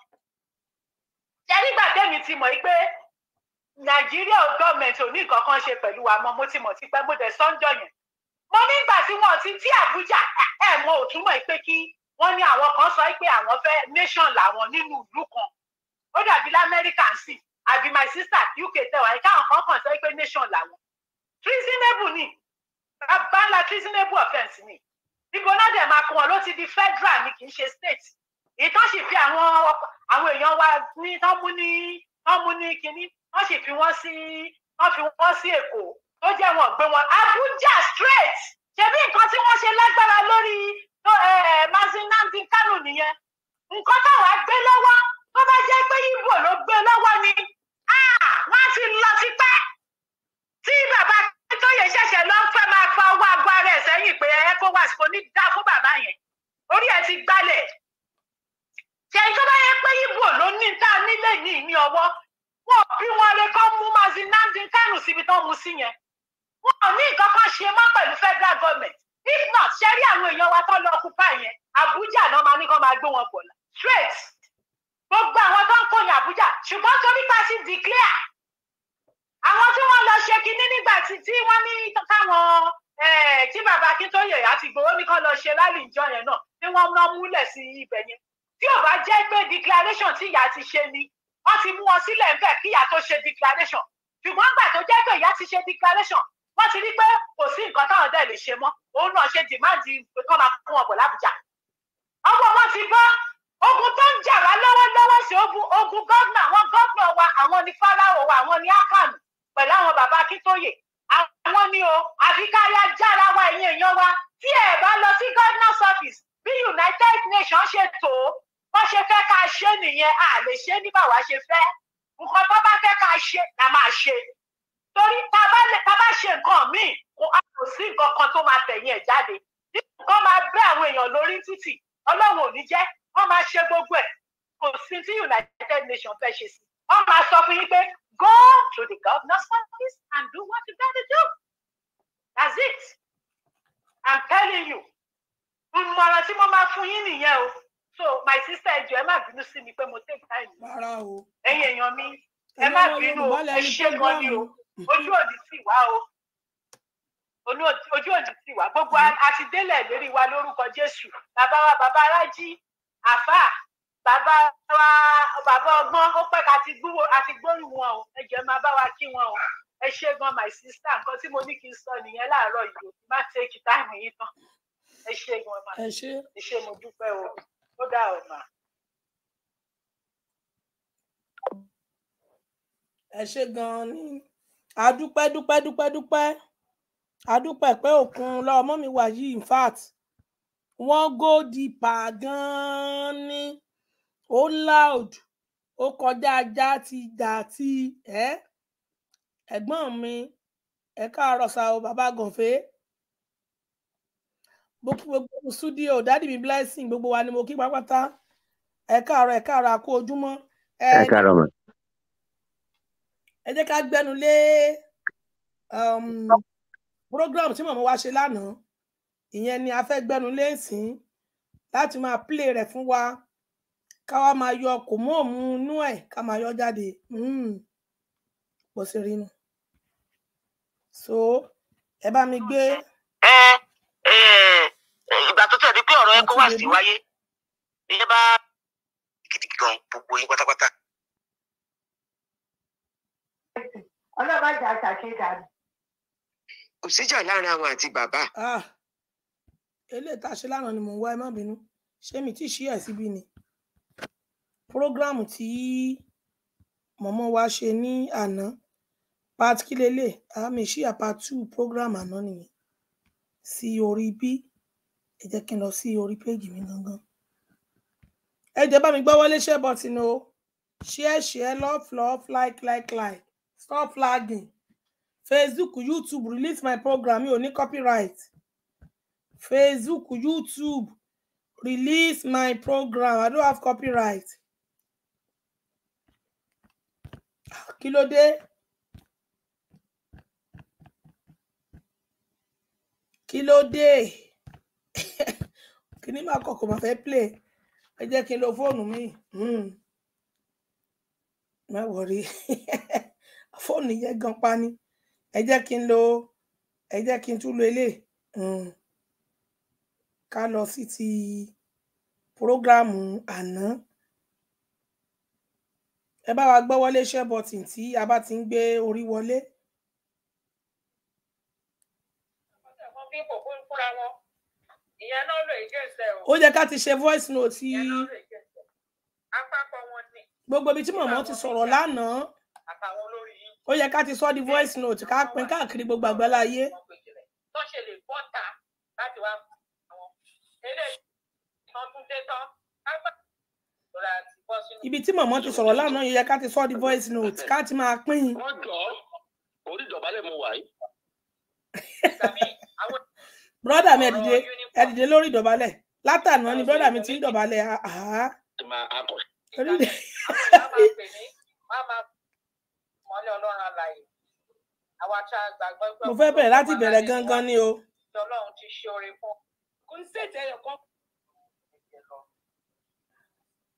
S6: ṣẹ́rí gbà tẹ́mi ti mọ̀ pé nàìjíríà gọ́ọ̀mẹ̀ntì ò ní nǹkan kan ṣe pẹ̀lú wa mọ́ mo ti mọ̀ tipẹ́ bó dẹ̀ sọ́njọ́ yẹn mo nígbà tí wọn ti tí àbújá ẹ̀ mọ òtúmọ̀ pé kí wọ́n ní àwọn kan sọ pé àwọn fẹ́ nation làwọn nínú ìlú kan ó dàbí lamẹ́ríkà ń sìn àbí my sister uk tẹwàá yìí káwọn kan kàn sọ pé nation làwọn treasonable ni bá ńlá treasonable offence ni níbo náà dẹ̀ máa kó wọn ló ti di federal ni kì í ṣe state èyí sì fi àwọn àwọn èèyàn wa ní tán mú ní tán mú ní kinní wọ́n sì fi wọ́n sí wọ́n fi wọ́n sí èkó tó jẹ́ wọn gbé wọn Abuja straight ṣebí nǹkan tí wọ́n ṣe lágbára lórí Mazin Nnamdi Kanu nìyẹn nǹkan táwọn gbé lọ́wọ́ tó bá jẹ́ pé Ìgbò ló gbé lọ́wọ́ ni ah! wọ́n ti lọ tipẹ́ tí bàbá nítorí ṣẹ̀ṣẹ̀ ló ń fẹ́ máa pa owó agbó ara ẹ̀ sẹ́yìn pé ECOWAS kò ní dá fún bàbá yẹn orí ẹ̀ ti gbalẹ̀ ṣe ìjọba yẹn pé ibo ló ní tá a nílé yìí ní ọwọ́ wọn bí wọn lè kọ́ mú mazi Nnamdi Kanu síbi tó mú sí yẹn wọn ò ní nǹkan kan ṣe mọ́ pẹ̀lú federal government if not ṣe rí àwọn èèyàn wa tó lọ kúpa yẹn Abuja náà máa ní kó máa gbé wọn bọ̀ straight gbogbo àwọn tó ń kọyìn Abuja ṣùgbọ́n torí pa sí declare àwọn tí wọ́n lọ ṣe kinní nígbà tí wọ́n ní káwọn tí bàbá Akíntóyè àti Ìgbòho ní kán lọ ṣe lálìjọ yẹn náà ni wọ́n ná múlẹ̀ sí ibẹ̀ yẹn tí ò bá jẹ́ pé declaration tí ìyá ti ṣe ni wọ́n ti mú wọn sílẹ̀ ńbẹ̀ kí ìyá tó ṣe declaration ṣùgbọ́n gbà tó jẹ́ pé ìyá ti ṣe declaration wọ́n ti rí pé kò sí nǹkan táwọn dẹ̀ lè ṣe mọ́ òun náà ṣe dìmáàdì pé kán máa kún ọ̀bọ̀ l'Àbújá ọgbọ́n wọn ti bọ́ ogun tó ń jà wá lọ́wọ́lọ́wọ́ sí ogun gọ́ọ̀nà àwọn gọ́ọ̀nà wa àwọn ni Fáráò wa àwọn ni Akànù pẹ̀lú àwọn bàbá Akíntóyè àwọn ni o àfi káyà jára wa ẹ̀yin èèyàn wa tí ẹ bá lọ sí governor's office bí United Nations ṣe tó wọ́n ṣe fẹ́ ká ṣe nìyẹn a lè ṣe ní báwa ṣe fẹ́ nǹkan tó bá fẹ́ ká ṣe la máa ṣe torí tá bá ṣe nǹkan míì kò á kò sí nǹkan kan tó máa tẹ̀yìn ẹ̀ jáde dípò kán máa bẹ́ àwọn èèyàn lórí títì ọlọ́run ò ní jẹ́ wọ́n máa ṣe gbogbo ẹ̀ kò sí tí United Nations fẹ́ ṣe sí wọ́n máa sọ fún yín pé Go to the governor's office and do what you got to do. That's it. I'm telling you. So my sister ẹ jọ̀ọ́ ẹ má bínú sí take time. Rárá o. Ẹ̀yin èèyàn mi, ẹ má bínú o, ẹ ṣé gan ni Gbogbo àtidélẹ̀ lérí wa lórúkọ Jésù. Bàbá wa bàbá arájí, bàbá wa bàbá ọgbọ́n ó pẹ́ ká ti gbúwo àti gbóhùn wọn o ẹ jẹ́ máa bá wa kí wọn o ẹ ṣe gan my sister nǹkan tí mo ní kí n sọ nìyẹn láàárọ̀ yìí o má take time yìí tán ẹ ṣe gan ma
S4: ẹ ṣe mo dúpẹ́ o ó dà ọ mà.
S2: ẹ ṣe gan ni a dúpẹ́ dúpẹ́ dúpẹ́ dúpẹ́ a dúpẹ́ pé òkun lọ́mọ mi wà yìí in fact wọ́n go deeper gan-an ni ó loud ó kọjá ajá ti dà tí ẹ ẹ̀gbọ́n mi ẹ káàárọ̀ sa o bàbá gànfẹ mo gbogbo studio dádì mi blessing gbogbo wa ni mo kí pátápátá ẹ káàárọ̀ ẹ káàárọ̀ àkó ojúmọ́ ẹ káàárọ̀ mọ ẹ jẹ́ ká gbẹ́nu lé um, program tí màmá wa ṣe lánàá ìyẹn ni a fẹ́ gbẹ́nu lé sí láti máa play rẹ̀ fún wa ká wá máa yọ kò mọ́ òmu inú ẹ̀ ká máa yọ jáde hmm. bó ṣe rí nu so ẹ bá mi gbé. ẹ ẹ ìgbà tó tẹ̀lé pé ọ̀rọ̀ ẹ kó wá sí wáyé ìyẹn bá gidigidi gan gbogbo yín pátápátá. ọlọ́ba jà ṣàṣe dànù.
S11: kò síjà láàrin àwọn àti bàbá. Ah,
S2: eléyìí tá a ṣe lánàá ni mò ń wá ẹ má bínú ṣé mi ti ṣí ẹ síbí ni prógráàmù tí mọ̀mọ́ wa ṣe ní àná part kí lélẹ̀ part two program àná nìyẹn sí orí bí ẹ jẹ́ kí n lọ sí orí péjì mi gangan ẹ jẹ́ bá mi gbọ́ wọlé share button o share share love love like like like stop lagging facebook youtube release my program mi ò ní copyright facebook youtube release my program i don't have copyright kí ló dé kí ló dé kíní máa kọkọ máa fẹ́ play ẹ jẹ́ kí n lo fóònù mi hmm. má wọrí fóònù yẹn gan pa ni ẹ jẹ́ kí n lo ẹ jẹ́ kí n tún lo eléyìí hmm. ká lọ sí ti prógráàmù àná ẹ bá wa gbọ́ wọlé share button tí a bá ti ń gbé orí wọlé. ó yẹ ká ti ṣe voice note tí gbogbo ibi tí mọ̀mọ́ ti sọ̀rọ̀ lánàá ó yẹ ká ti sọ di voice note ká pín káàkiri gbogbo àgbáláyé.
S12: tó ṣe lè bọ́ ibi tí màmá ti sọ̀rọ̀ lánàá
S2: yẹ ká ti sọ di voice note ká ti máa pín in.
S11: wọ́n jọ orí ìdọ̀bálẹ̀ mo wà yìí.
S2: brọ́dà mi ẹ dìde ẹ dìde lórí ìdọ̀bálẹ̀ látàná ni brọ́dà mi ti ń dọ̀bálẹ̀ àhá.
S12: mo fẹ́ bẹ̀rẹ̀ láti bẹ̀rẹ̀ gangan
S2: ni o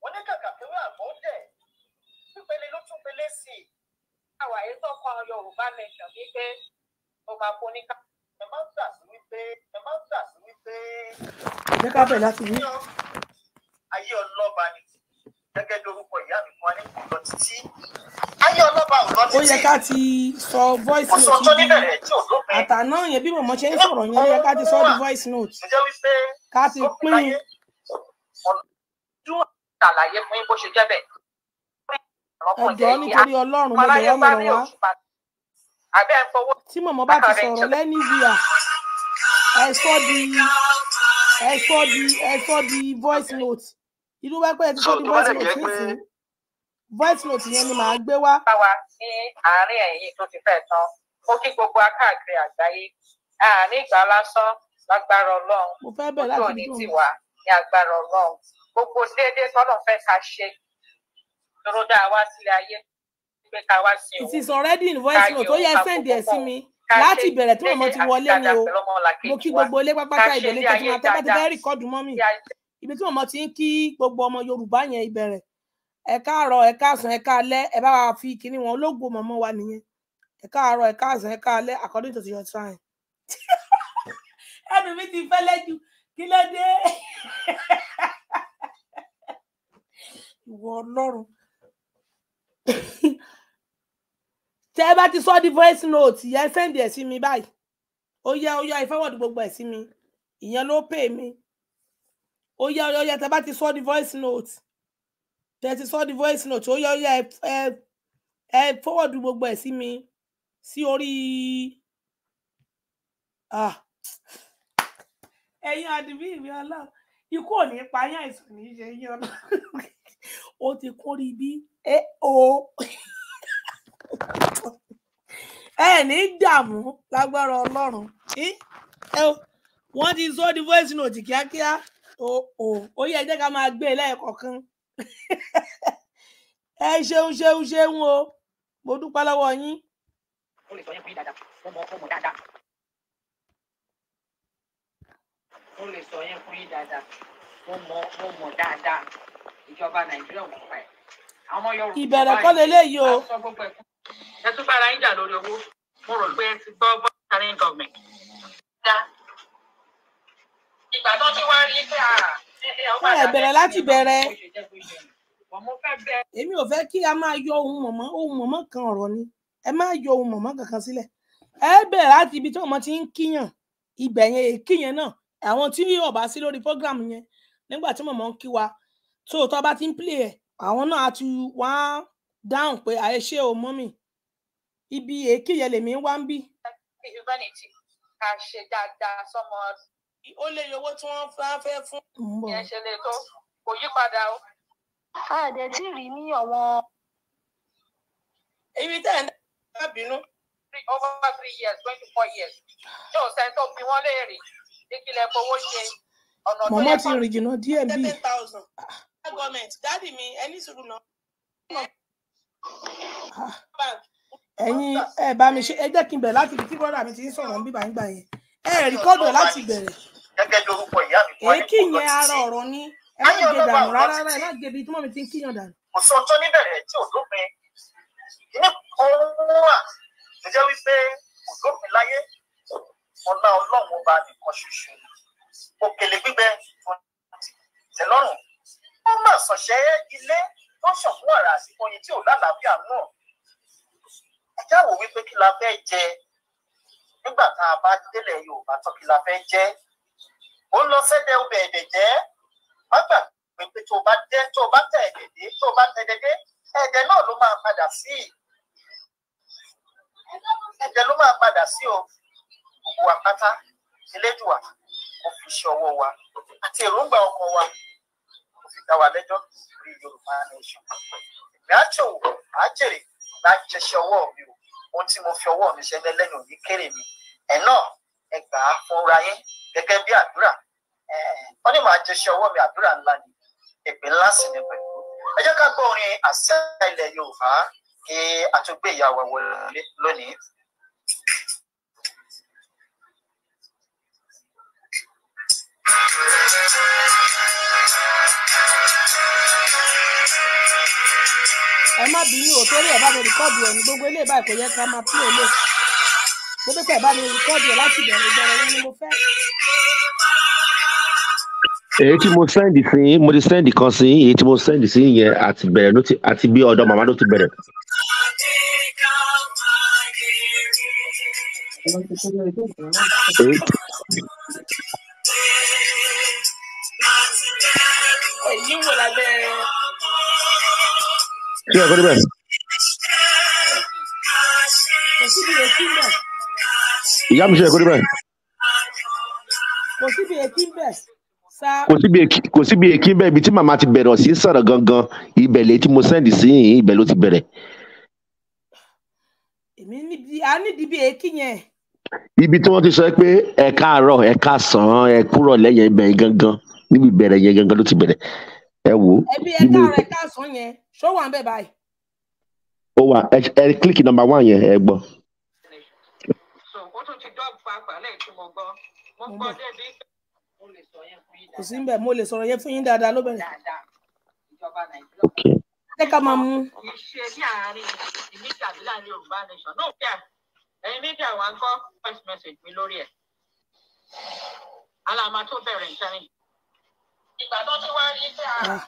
S6: wọ́n ní kàkà pé wọ́n àgbọ̀ dẹ̀
S12: túpele ló túpele sí i àwàyé tọkàn yorùbá nation wípé ó máa kó ní ká ẹ má gbà sí wípé ẹ má gbà sí wípé. ẹ
S9: ká bẹ̀
S2: láti wí.
S13: ayé ọlọ́ba ni gẹ́gẹ́ bí orúkọ ìyá mi kan ní kò
S2: títí ayé ọlọ́ba ò lọ títí. ó yẹ ká ti sọ voice note yìí àtàná yẹn bí mọ̀mọ́ ṣe ń sọ̀rọ̀ yẹn ó yẹ ká ti sọ di voice note ká ti pín
S12: in ṣàlàyé fún yín bó ṣe jẹ́ bẹ́ẹ̀. ọ̀dọ́ nítorí ọlọ́run mo lè rọ́mọ̀ rẹ̀
S2: wá tí mọ̀mọ́ bá ti sọ̀rọ̀ lẹ́ni wíyà ẹ di ẹ di ẹ di voice note irú wá pé ẹ ti sọ di voice note nísìnyí voice note yẹn ni màá gbé wá.
S12: báwa sí àárín ẹ̀yìn tó ti fẹ́ tán ó kí gbogbo akáàkiri àgbáyé àárín ìgbà lásán lágbára ọlọ́run ojú òní tiwa ní agbára ọlọ́run gbogbo déédéé tọ́lọ̀ fẹ́ ká ṣe lóró dáa wá sílé ayé pé ká wá sí o. it is already
S2: in voice note ó yẹ send ẹ sí mi láti ìbẹ̀rẹ̀ tí màmá ti wọlé ni o mo kí gbogbo ilé pápátá ìbẹ̀lẹ̀ tó ti máa tẹ́pẹ́ ti fẹ́ rìkọ́dù mọ́ mi ibi tí màmá ti ń kí gbogbo ọmọ Yorùbá yẹn ìbẹ̀rẹ̀ ẹ káàárọ̀ ẹ káàsán ẹ káalẹ́ ẹ bá wa fi kinní wọn ológo màmá wa nìyẹn ẹ káàárọ̀ ẹ káàsán ẹ káalẹ́ according to your time. ẹnu mi ti fẹ́lẹ́ ju kí ló dé ìwọ ọlọ́run tẹ ẹ bá ti sọ di voice note yẹn send ẹ sí mi báyìí ó yẹ ó yẹ ìfẹwọdù gbogbo ẹ sí mi ìyẹn ló pè mí ó yẹ ó yẹ tẹ bá ti sọ di voice note tẹ ti sọ di voice note ó yẹ ó yẹ ẹ ẹ fọwọdù gbogbo ẹ sí mi sí orí ah. ẹ̀yin àdìbí ìwé Ọlọ́run ikú ò ní pa yín àìsàn ní í ṣe yín Ọlọ́run ó ti kún rí bí ẹ o ẹ ní dààmú lágbára Ọlọ́run wọ́n ti sọ di voice note kíákíá ó yẹ jẹ́ ká máa gbé e lẹ́ẹ̀kọ̀ọ̀kan ẹ ṣeun ṣeun ṣeun o mo dúpẹ́ lọ́wọ́ yín.
S14: ó lè sọ yẹn fún dáadáa wọ́n mọ ọmọ dáadáa.
S12: ó lè sọ yẹn fún dáadáa wọ́n mọ ọmọ dáadáa ìjọba nàìjíríà ò pa ẹ àwọn yorùbá ìbẹ̀rẹ̀ kọ́
S2: leléyìí
S15: o.
S12: ẹ tún bára yín jà lórí owó mo rò pé ẹ ti gbọ́ bọ́ọ̀tàrín gọ̀ọ̀mẹ̀t ìgbà tó ti wá rí pé àwọn ẹ̀bẹ̀rẹ̀ láti bẹ̀rẹ̀
S2: èmi ò fẹ́ kí a máa yọ ohun mọ̀mọ́ ohun mọ̀mọ́ kan ọ̀rọ̀ ni ẹ má yọ ohun mọ̀mọ́ kankan sílẹ̀ ẹ bẹ̀rẹ̀ láti ibi tí ọmọ ti ń kíyàn ibẹ̀ yẹn èkíyàn náà àwọn tí yóò bá sí lórí program yẹn nígbà tí mọ̀mọ́ ń kí wa so tó bá ti ń play ẹ̀ àwọn náà á ti wá dáhùn pé àyè ṣé o mọ́ mi ibi èké yẹn lèmi wá ń bí.
S12: humanity ká ṣe dáadáa sọmọ. ó lè yọ owó tí wọ́n fẹ́ fún. ìyẹn ṣe lè tó kò yí padà o. a dẹ̀ tí rí ní ọ̀wọ́n. ibi tẹ́ ẹ̀ ń dá bínú. over three years twenty four years yóò sẹ́ni tó bí wọ́n léèrè ní kílẹ̀ fowó ṣe ọ̀nà tó yẹ kọ́. mọ̀mọ́ ti
S2: rìn jìnnà díẹ̀ bíi gọọmenti dáàdì mi ẹni sùúrù náà. Eh. ẹ̀yin ẹ bá mi ṣe ẹ jẹ́ kí n bẹ̀rẹ̀ láti ibi tí bọ́dà mi ti ń sọ̀rọ̀ bíbá ń gbà yẹn ẹ rìkọ́dù ẹ̀ láti bẹ̀rẹ̀. gẹ́gẹ́ bí orúkọ ìyá mi. èékì yẹn ara ọ̀rọ̀ ni ẹ má gé dànù rárá rárá ẹ má gé ibi tí mọ́mi ti ń kíyàn dànù. kò ọjọ́ níbẹ̀rẹ̀ tí ò dópin òun wà tó wípé kò láyé
S6: ọlá ọlọ́run ọba nìkan ṣoṣo òkèlè gbígbẹ tẹ̀lọ́rùn ó mà sọ̀ṣẹ́ ilé tó ṣọ̀kú àrà àsìkò yìí tí ò lálàáfíà náà ẹ jáwọ́ wípé kí la fẹ́ jẹ
S16: nígbà tá a bá délẹ̀ Yorùbá tán kí la fẹ́ jẹ ó lọ sẹ́dẹ̀ ọbẹ̀ ẹ̀dẹ̀ jẹ́ má gbàgbé pé tó bá dé tó bá tẹ̀ ẹ̀dẹ̀ dé tó bá tẹ̀ ẹ̀dẹ̀ dé ẹ̀dẹ̀ náà ló
S15: máa padà sí ẹ̀dẹ̀ ló máa padà sí o gbogbo àpáta elédùà kò fi ọwọ́ wa àti èròǹgbà
S14: ọkọ wa dá wa lẹ́jọ́ lórí Yorùbá nation ìgbà àjòwò àjèrè bá jẹṣẹ ọwọ́ mi o ohun tí mo fi ọwọ́ mi ṣe lẹ́lẹ́yìn òní kéré mi
S16: ẹ̀ náà ẹ gbà á fúnra yín gẹ́gẹ́ bí àdúrà wọ́n ní màá jẹṣẹ ọwọ́ mi àdúrà ńlá ni èpè ńlá sì ni pẹ̀lú ẹ jẹ́ ká gbọ́ orin àṣà ilẹ̀
S13: Yorùbá kí a tún gbé ìyàwó wọlé lónìí.
S9: Thank
S10: you. ẹ má bínú o torí ẹ
S2: bá mi rìkọ́ọ̀dù ẹ̀ ní gbogbo ilé ìbáyìí kò ká máa pín olè mo dúpẹ́ ẹ bá mi rìkọ́ọ̀dù ẹ̀ láti bẹ̀rẹ̀ ìbẹ̀rẹ̀ wọn mo fẹ́.
S17: èyí tí
S13: mo sẹ́ndì sí mo ti sẹ́ndì kan sí èyí tí mo sẹ́ndì sí yẹn àti bẹ̀rẹ̀ ló ti àti bí ọ̀dọ̀ màmá ló ti
S2: bẹ̀rẹ̀. èyí
S3: kí ẹ kó débẹ̀.
S15: ìyá mi ṣe ẹ kó débẹ̀.
S6: kò síbi èkí
S15: bẹ̀ kò síbi èkí bẹ́ẹ̀ ibi tí màmá ti bẹ̀rẹ̀ sí sọ̀rọ̀ gangan ibẹ̀ lè tí mo sẹ́ndì sí yìnyín ibẹ̀ ló ti bẹ̀rẹ̀.
S2: èmi níbi a nídìí bí èkí yẹn.
S13: ibi tí wọ́n ti sọ pé ẹ káàárọ̀ ẹ káàsán ẹ kúrọ̀ lẹ́yìn ibẹ̀ gangan níbi ìbẹ̀rẹ̀ yẹn gangan ló ti bẹ̀rẹ̀ ẹ wò ó.
S2: ẹbí ẹ káàárọ̀ ẹ káàsán yẹn ṣó wà ń bẹ̀ báyìí.
S13: ó wà ẹ ẹ kílíkì nọ́mbà wán yẹn ẹ gbọ́.
S2: kò sí nbẹ mo lè sọ̀rọ̀ yẹn fún yín dáadáa ló bẹ̀rẹ̀. ṣé ká máa mú.
S12: ìṣe ní àárín ìmíjà àbí láàrin yorùbá nation náà fẹ́ ẹ̀yin méjì àwọn akọ́ voice message mi lórí ẹ̀ aláàmà tó bẹ̀rẹ̀ ìṣẹ́yìn. Ah,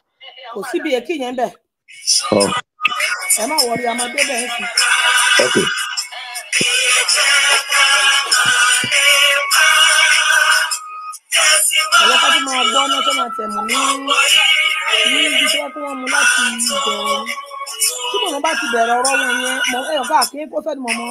S12: kò síbi èkì
S2: yẹn bẹ. Oh. ẹ
S4: má wọrí ọmọdé bẹ́ẹ̀ sí. Okay. àwọn máa gbọ́ náà tó máa
S2: tẹ̀mù ní ní ibi tí wọ́n mu láti bẹ̀rẹ̀ tí mọ̀mọ́ bá ti bẹ̀rẹ̀ ọ̀rọ̀ wọn yẹn ẹ̀yọ̀ káàkiri kó fẹ́ẹ́ mọ̀mọ́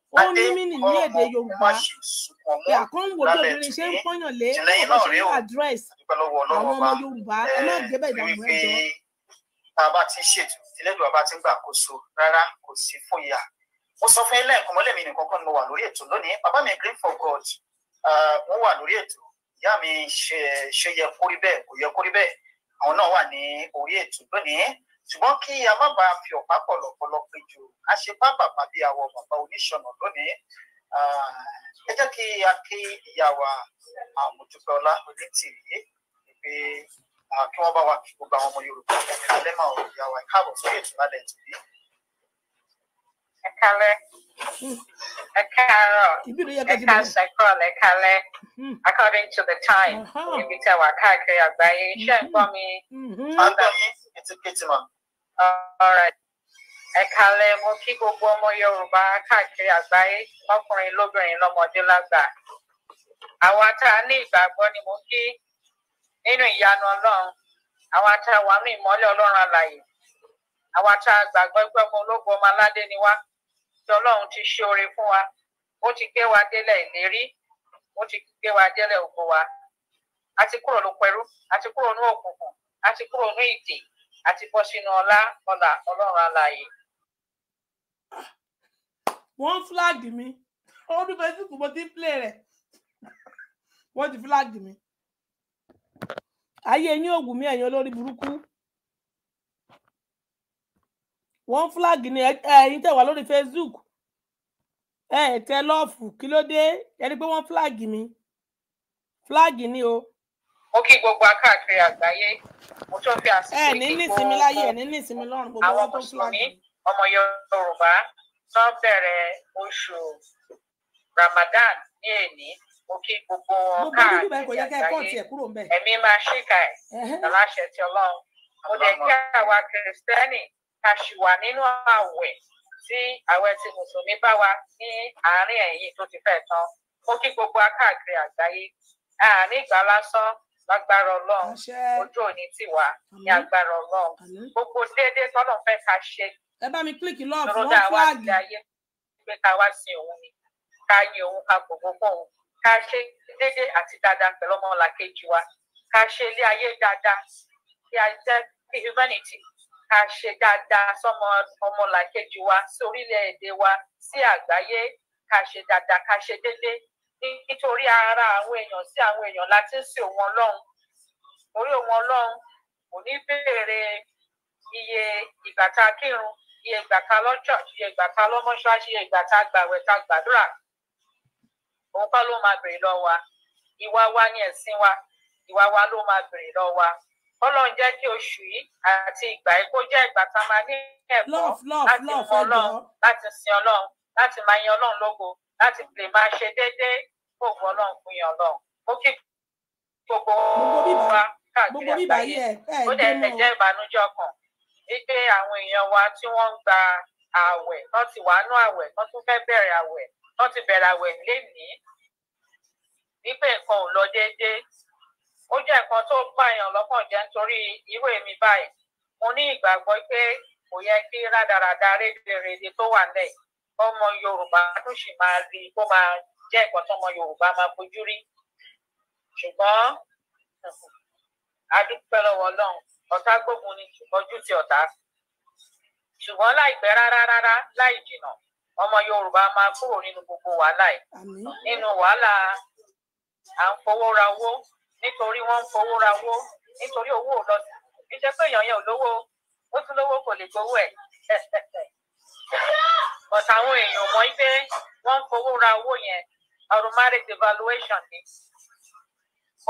S2: ó ní mínì ní èdè yorùbá pé àkọ́ńwò bí obìnrin ṣe ń pọ́yàn lé ọ̀rọ̀ àdírẹ́sì àwọn ọmọ yorùbá ẹ má gbé
S14: tá a bá ti ṣètò ìlẹ́dùn àbá ti ń gbàkóso rárá kò sí fòyà mo sọ fún ilé ẹ̀kọ́ mọ́lẹ́mí nìkan kan ni wà lórí ètò lónìí bàbá mi green for god
S13: mo wà lórí ètò ìyá mi ṣe yẹ kórí bẹ́ẹ̀ kò yẹ kórí bẹ́ẹ̀ àwọn náà wà ní orí ètò lónìí ṣùgbọ́n kí a má bàa fi ọ̀pá pọ̀ lọ́pọ̀lọpọ̀ jù a ṣe bá bàbá bí àwọn bàbá oníṣọ̀nà lónìí ah, ẹ jẹ́ kí a kí ìyá wa àmójúpẹ́ ọlá onítìrí pé kí wọ́n bá wa kí gbogbo àwọn ọmọ
S12: Yorùbá ẹ̀kálẹ́ máa wọ ìyá wa káàbọ̀ sórí ètò lálẹ́ ìtìrí. ẹ̀kálẹ́ ẹ̀kárọ̀ ẹ̀kásẹ̀ kúrọ̀lẹ́ ẹ̀kálẹ́ according to the time uh-huh. ibi tẹ̀wá káàkiri àgbáyé iṣẹ́ hmm. ń gbọ́ mi. a
S3: hmm. ń gbọ́
S12: yín ètò kétìmọ̀. All right. Ẹ kalẹ̀ mo kí gbogbo ọmọ Yorùbá káàkiri àgbáyé lọ́kùnrin lóbìnrin lọ́mọdé lágbà. Àwa tá a ní ìgbàgbọ́ ni mo kí nínú ìyanu Ọlọ́run. Àwa tá a wà ní ìmọ́lẹ̀ Ọlọ́run àlàyé. Àwa tá a gbàgbọ́ pé ọmọ ológun ọmọ aládé ni wá. Tí Ọlọ́run ti ṣe oore fún wa. Ó ti gbé wa délẹ̀ ìlérí. Ó ti gbé wa délẹ̀ ògo wa. A ti kúrò ló pẹ̀rú. A ti kúrò ní òkùnkùn. A ti kúrò ní ìdè àti bọ́ sínú ọlá ọlà ọlọ́run alààyè.
S2: wọ́n fúláàgì mi orí facebook mo ti ń play rẹ̀ wọ́n ti fúláàgì mi ayé yín ògùn mi ẹ̀yin olórí burúkú wọ́n fúláàgì ni ẹ̀yin tẹ̀ wá lórí facebook ẹ̀ tẹ lọ́ọ̀fù kí ló dé ẹni pé wọ́n fúláàgì mi fúláàgì ni o
S12: mo kí gbogbo akáàkiri àgbáyé mo tún fi àsìkò ìdí gbogbo
S2: àwọn mùsùlùmí
S12: ọmọ yorùbá tó bẹ̀rẹ̀ oṣù ramadan ní èní mo kí gbogbo wọn káàkiri àgbáyé ẹ̀mí máa ṣìkà ẹ̀ aláṣẹ ti ọlọ́run mo dẹ̀ kí àwa kìrìsìtẹ́nì ká ṣì wà nínú àwẹ̀ tí àwẹ̀ ti mùsùlùmí bá wa ní àárín ẹ̀yìn tó ti fẹ́ tán mo kí gbogbo akáàkiri àgbáyé àní ìgbà lásán lágbára ọlọ́run ojú òní tì wá ní agbára ọlọ́run gbogbo déédéé tọ́lọ̀ fẹ́ ká ṣe. ẹ bá mi kílìkì lọ́ọ̀ fún wọn fún àgbẹ̀. ayé pé ká wá sí òun ni ká yin òun ká gbogbo pọ̀ òun ká ṣe déédéé àti dáadáa pẹ̀lú ọmọ làkejì wa ká ṣe ilé ayé dáadáa ilé ayé bí humanity ká ṣe dáadáa sọmọ ọmọ làkejì wa sí orílẹ̀-èdè wa sí àgbáyé ká ṣe dáadáa ká ṣe déédéé nítorí ara àwọn èèyàn sí àwọn èèyàn láti ń sìn òun ọlọ́run orí òun ọlọ́run kò ní béèrè iye ìgbà tá kírun iye ìgbà tá a iye ìgbà tá a iye ìgbà tá gbàwẹ̀ tá gbàdúrà òun kọ́ ló máa béèrè lọ́wọ́ wa ìwà wa ni ẹ̀sìn wa ìwà wa ló máa béèrè lọ́wọ́ wa ọlọ́run jẹ́ kí oṣù yìí àti ìgbà yìí kó jẹ́ ìgbà tá máa ní ẹ̀kọ́ láti mọ ọlọ́run láti sin ọlọ́run láti máa yan ọlọ́run lógo láti lè máa ṣe déédéé gbogbo ọlọ́run fún yàn ọlọ́run ó kí gbogbo wa káàkiri àgbáyé ó dẹ̀ lè jẹ́ ìbànújẹ́ ọkàn wípé àwọn èèyàn wa tí wọ́n ń gba ààwẹ̀ wọ́n ti wà nú ààwẹ̀ wọ́n tún fẹ́ bẹ̀rẹ̀ ààwẹ̀ wọ́n ti bẹ̀rẹ̀ ààwẹ̀ lénìí wípé nǹkan ò lọ déédéé ó jẹ́ nǹkan tó pààyàn lọ́kàn jẹ́ nítorí irú èmi báyìí mo ní ìgbàgbọ́ pé kò yẹ kí rádaràda rédèrèdè tó wà lẹ́yìn ọmọ yorùbá tó sì máa rí kó máa jẹ́ nǹkan tọ́mọ yorùbá máa fojú rí ṣùgbọ́n adúpẹ́ lọ́wọ́ ọlọ́run ọ̀tá gbógun ni ojú ti ọ̀tá ṣùgbọ́n láìpẹ́ rárá rárá láì jìnà ọmọ yorùbá máa kúrò nínú gbogbo wàhálà yìí
S3: nínú wàhálà
S12: à ń fowó ra owó nítorí wọ́n ń fowó ra owó nítorí owó ò lọ sí iṣẹ́ èèyàn yẹn ò lówó ó tún lówó kò lè gbowó ẹ̀ but àwọn èèyàn mọ̀ pé wọ́n ń gbowó ra owó yẹn automatic devaluation ni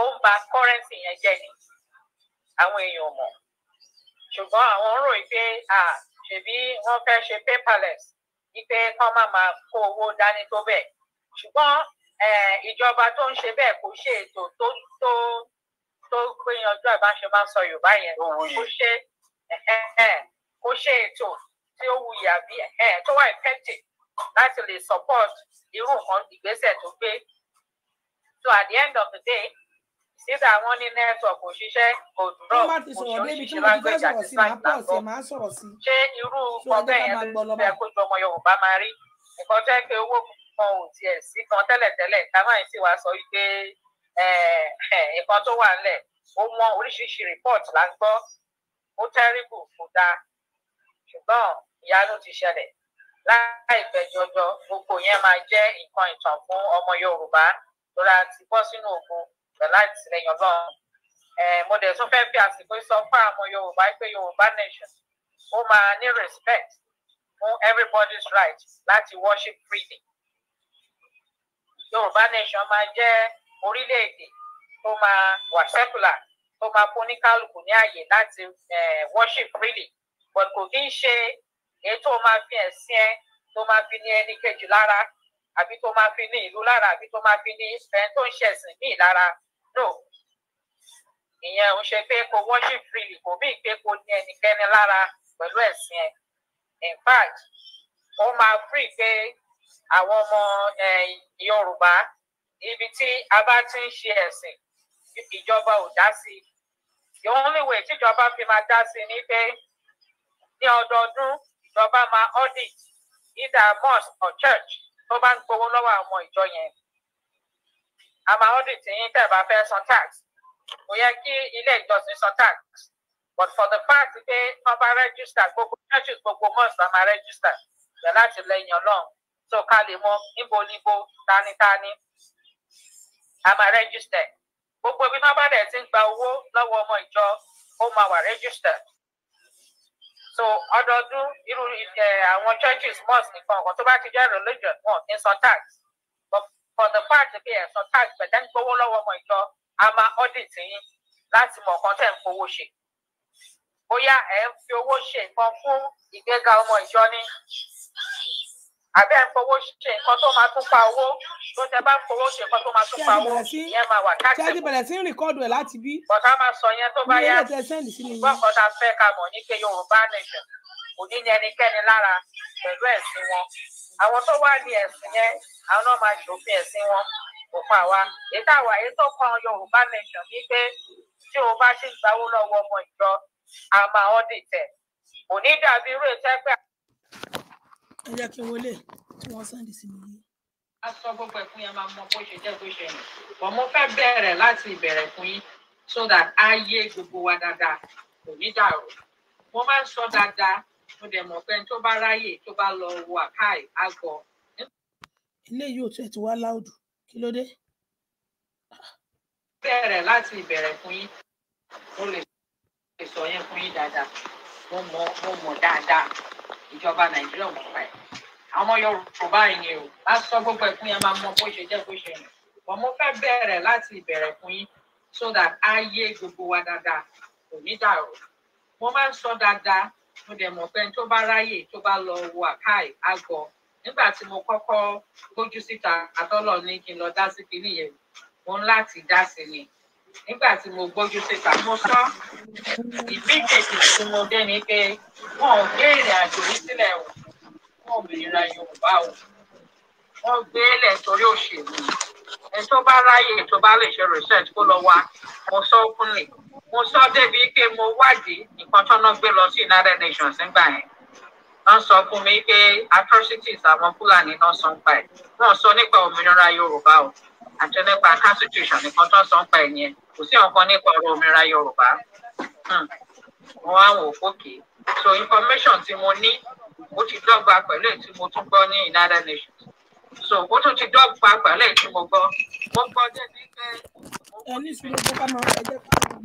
S12: ó ń ba currency yẹn jẹ́ ni àwọn èèyàn mọ̀ ṣùgbọ́n àwọn rò pé ṣèbí wọ́n fẹ́ ṣe paperless wípé kán má máa kó owó dání tó bẹ́ẹ̀ ṣùgbọ́n ìjọba tó ń ṣe bẹ́ẹ̀ kò ṣe ètò tó tó tó gbìyànjú àbáṣe máa ń sọ Yorùbá yẹn kò ṣe kò ṣe ètò tí ó wuyì àbí tó wà ìfẹ́ǹtì láti lè support irú nǹkan ìgbésẹ̀ tó gbé so at the end of the day síta àwọn ní network òṣìṣẹ́ òdúró òṣìṣẹ́
S2: language àti sign language
S12: ṣé irú ọgbẹ́ yẹn tó fẹ́ kójú ọmọ Yorùbá máa rí nǹkan tẹ́ pé owó kan ò tiẹ̀ sí kan tẹ́lẹ̀tẹ́lẹ̀ ká má sì wá sọ wípé nǹkan tó wà nílẹ̀ ó mọ oríṣiríṣi report là ń gbọ́ ó tẹ́rìbù kò dáa ṣùgbọ́n ìyanu ti ṣẹlẹ̀ láìpẹ́ jọjọ gbogbo yẹn máa jẹ́ nǹkan ìtàn fún ọmọ yorùbá lọ́la ti bọ́ sínú ogun pẹ̀lú àtìlẹyìn ọlọ́run mo dẹ̀ tún fẹ́ fi àsìkò sọ fún àwọn yorùbá pé yorùbá nation ó máa ní respect fún everybody's right láti worship freely yorùbá nation máa jẹ́ orílẹ̀-èdè tó máa wà secular tó máa fún oníkálukú ní ààyè láti worship freely but kò kí ń ṣe èyí tó máa fi ẹ̀sìn ẹ tó máa fi ní ẹni kejì lára àbí tó máa fi ní ìlú lára àbí tó máa fi ní ẹni tó ń ṣe ẹ̀sìn míì lára no ìyẹn ò ń ṣe pé kò worship freely kò mí pé kò ní ẹnikẹ́ni lára pẹ̀lú ẹ̀sìn ẹ in fact ó máa free pé àwọn ọmọ Yorùbá ibi tí a bá ti ń ṣe ẹ̀sìn ìjọba ò dá sí the only way tíjọba fi máa dá sí ni pé ní ọdọọdún ìjọba máa audit either mosque or church tó bá ń gbowó lọ́wọ́ àwọn ìjọ yẹn a máa audit yín tẹ̀ bá fẹ́ san tax kò yẹ kí ilé ìjọsìn san tax but for the fact pé wọ́n bá register gbogbo churches gbogbo mosque máa register yẹ láti lẹ́yìn ọlọ́run so ká lè mọ níbo níbo tánítání a máa register gbogbo ibi tí wọ́n bá dẹ̀ ti ń gba owó lọ́wọ́ ọmọ ìjọ ó máa wà registered So other do you know I uh, churches mostly for whatever to a religion or in some tax. But for the part of here, some tax, but then go all over my job, I'm an auditing that's more content for worship. Oh yeah, and for worship for full, you get government joining. àbẹ́ ẹ̀ ń ṣe nǹkan tó máa tún pa owó tó tẹ bá ń ṣe nǹkan tó máa tún pa owó yẹn máa wà káàkiri. ṣáàjì bẹ̀rẹ̀
S2: sí rìkọ́dù ẹ̀ láti bí.
S12: bọ̀dá máa sọ yẹn tó bá yá
S2: ṣùgbọ́n
S12: tá a fẹ́ ká mọ̀ ní pé Yorùbá nation kò ní ní ẹnikẹ́ni lára pẹ̀lú ẹ̀sìn wọn àwọn tó wà ní ẹ̀sìn yẹn àwọn náà máa ṣòfin ẹ̀sìn wọn kò pa wá ètò àwa èyí tó kan Yorùbá nation ní pé tí ẹ jẹ́ kí n wọlé tí wọ́n sàǹdì sí mi yìí. a sọ gbogbo ẹkún yẹn máa mọ bó ṣe jẹ bó ṣe yẹn bọ mo fẹ́ bẹ̀rẹ̀ láti ìbẹ̀rẹ̀ fún yín so that a yé gbogbo wa dáadáa kò ní dàrú mo máa ń sọ dáadáa mo dẹ̀ mọ̀ pé tó bá ráyè tó bá lọ wo àkáì á gbọ́.
S2: ilé yóò tún ẹ ti wá láòdù kí ló dé.
S12: bẹ̀rẹ̀ láti ìbẹ̀rẹ̀ fún yín mo lè sọ yẹn fún yín dáadáa mo mọ̀ mo mọ̀ dáadáa ìjọba nàìjíríà ò pa ẹ̀ àwọn yorùbá yẹn o bá sọ gbogbo ẹ̀kún yẹn máa mọ bó ṣe jẹ́ bó ṣe yẹn but mo fẹ́ bẹ̀rẹ̀ láti ìbẹ̀rẹ̀ fún yín so that á yé gbogbo wa dáadáa kò ní dàrú mo máa ń sọ dáadáa mo dẹ̀ mọ̀ pé tó bá ráyè tó bá lọ wo àkáì àgọ́ nígbà tí mo kọ́kọ́ gbójú síta àtọ́lọ́ ní kí n lọ dá sí kinní yẹn mo ń láti dá sí ni nígbà tí mo gbójú síta mo sọ ìbéjèèjì tí mo dé ni pé wọn ò gbé ìrìn àjò yìí sílẹ̀ o wọn ò bèèrè Yorùbá o wọn gbé e lẹ̀ torí òṣèlú ẹni tó bá ráyè tó bá lè ṣe research kó lọ wá mo sọ fúnlẹ̀ mo sọ débi pé mo wádìí nǹkan tọ́nà gbé lọ sí United Nations nígbà yẹn wọ́n sọ fún mi pé atrocities àwọn fúlàní náà sọ ń pa ẹ̀ wọ́n sọ nípa òmìnira yorùbá o àti nípa constitution nìkan tó sọ ń pa ẹ̀ yẹn kò sí ọ̀kan nípa ọ̀rọ̀ òmìnira yorùbá hmm. wọ́n á wò fókè so information tí mo ní ó ti dọ́gba pẹ̀lú èyí tí mo tún gbọ́ ní united nations so ó tún ti dọ́gba pẹ̀lú èyí tí mo gbọ́ mo gbọ́ débi pé.
S2: ẹ ní ìṣúná tó ká máa ń ẹjẹ ká máa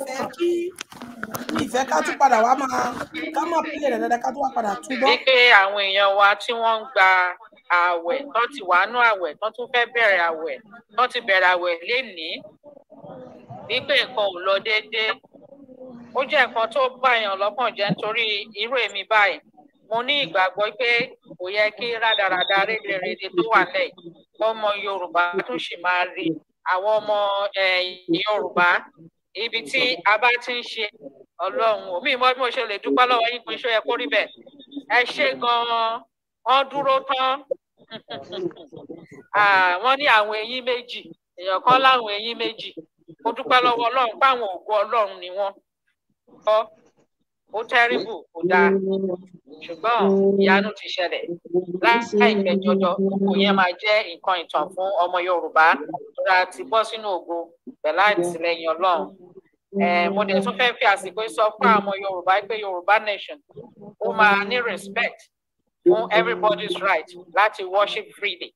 S2: ìfẹ́ kí ní ìfẹ́ ká tún padà wá máa ká máa pílẹ̀ rẹ̀ dáadáa ká tún wá padà túbọ̀. wípé
S12: àwọn èèyàn wa tí wọ́n ń gba ààwẹ̀ tán ti wàánú ààwẹ̀ tán tún fẹ́ bẹ̀rẹ̀ ààwẹ̀ tán ti bẹ̀rẹ̀ ààwẹ̀ lénìí wípé nǹkan ò lọ déédéé ó jẹ́ nǹkan tó báyàn lọ́kàn jẹ́ nítorí irú èmi báyìí mo ní ìgbàgbọ́ pé kò yẹ kí rádaràda rédèrèdè tó wà lẹ̀ ọmọ Yorùbá tún sì máa rí àwọn ọmọ eh, Yorùbá ibi tí a bá ti ń ṣe ọlọ́run omi ìmọ̀ bí mo ṣe lè dúpẹ́ lọ́wọ́ yín pé iṣẹ́ yẹ kó rí bẹ́ẹ̀ ẹ ṣe gan-an wọ́n dúró tán wọ́n ní àwọn eyín méjì èèyàn kan láwọn eyín méjì mo dúpẹ́ lọ́wọ́ ọlọ́run páwọn ògo ọlọ́run ni wọ́n ó tẹ́rìbù kò dáa ṣùgbọ́n ìyanu ti ṣẹlẹ̀ láìpẹ́ jọjọ òkú yẹn máa jẹ́ nǹkan ìtàn fún ọmọ yorùbá ra ti bọ́ sínú ògo pẹ̀lú àtìlẹyìn ọlọ́run mo dẹ̀ tún fẹ́ fi àsìkò sọ fún àwọn yorùbá pé yorùbá nation ó máa ní respect fún everybody's right láti worship freely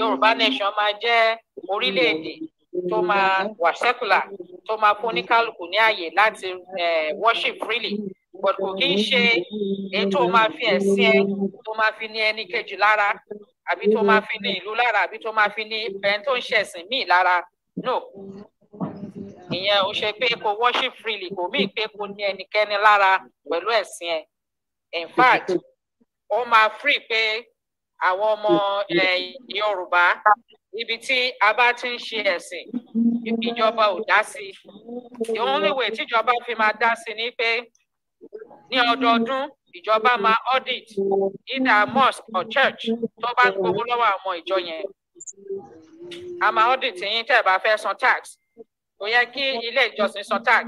S12: yorùbá nation máa jẹ́ orílẹ̀-èdè tó máa wà secular tó máa fún oníkálukú ní àyè láti worship freely but kò kí ń ṣe èyí tó máa fi ẹ̀sìn ẹ tó máa fi ní ẹni kejì lára àbí tó máa fi ní ìlú lára àbí tó máa fi ní ẹni tó ń ṣẹ̀sìn míì lára no ìyẹn ò ṣe pé kò worship freely kò mí pé kò ní ẹnikẹ́ni lára pẹ̀lú ẹ̀sìn ẹ in fact ó máa free pé àwọn ọmọ yorùbá ibi tí a bá ti ń ṣe ẹ̀sìn ìjọba ò dá sí the only way tíjọba fi máa dá sí ni pé ní ọdọọdún ìjọba máa audit either mosque or church tó bá ń gbowó lọ́wọ́ àwọn ìjọ yẹn a máa audit yín tẹ́ ẹ bá fẹ́ san tax kò yẹ kí ilé ìjọsìn san tax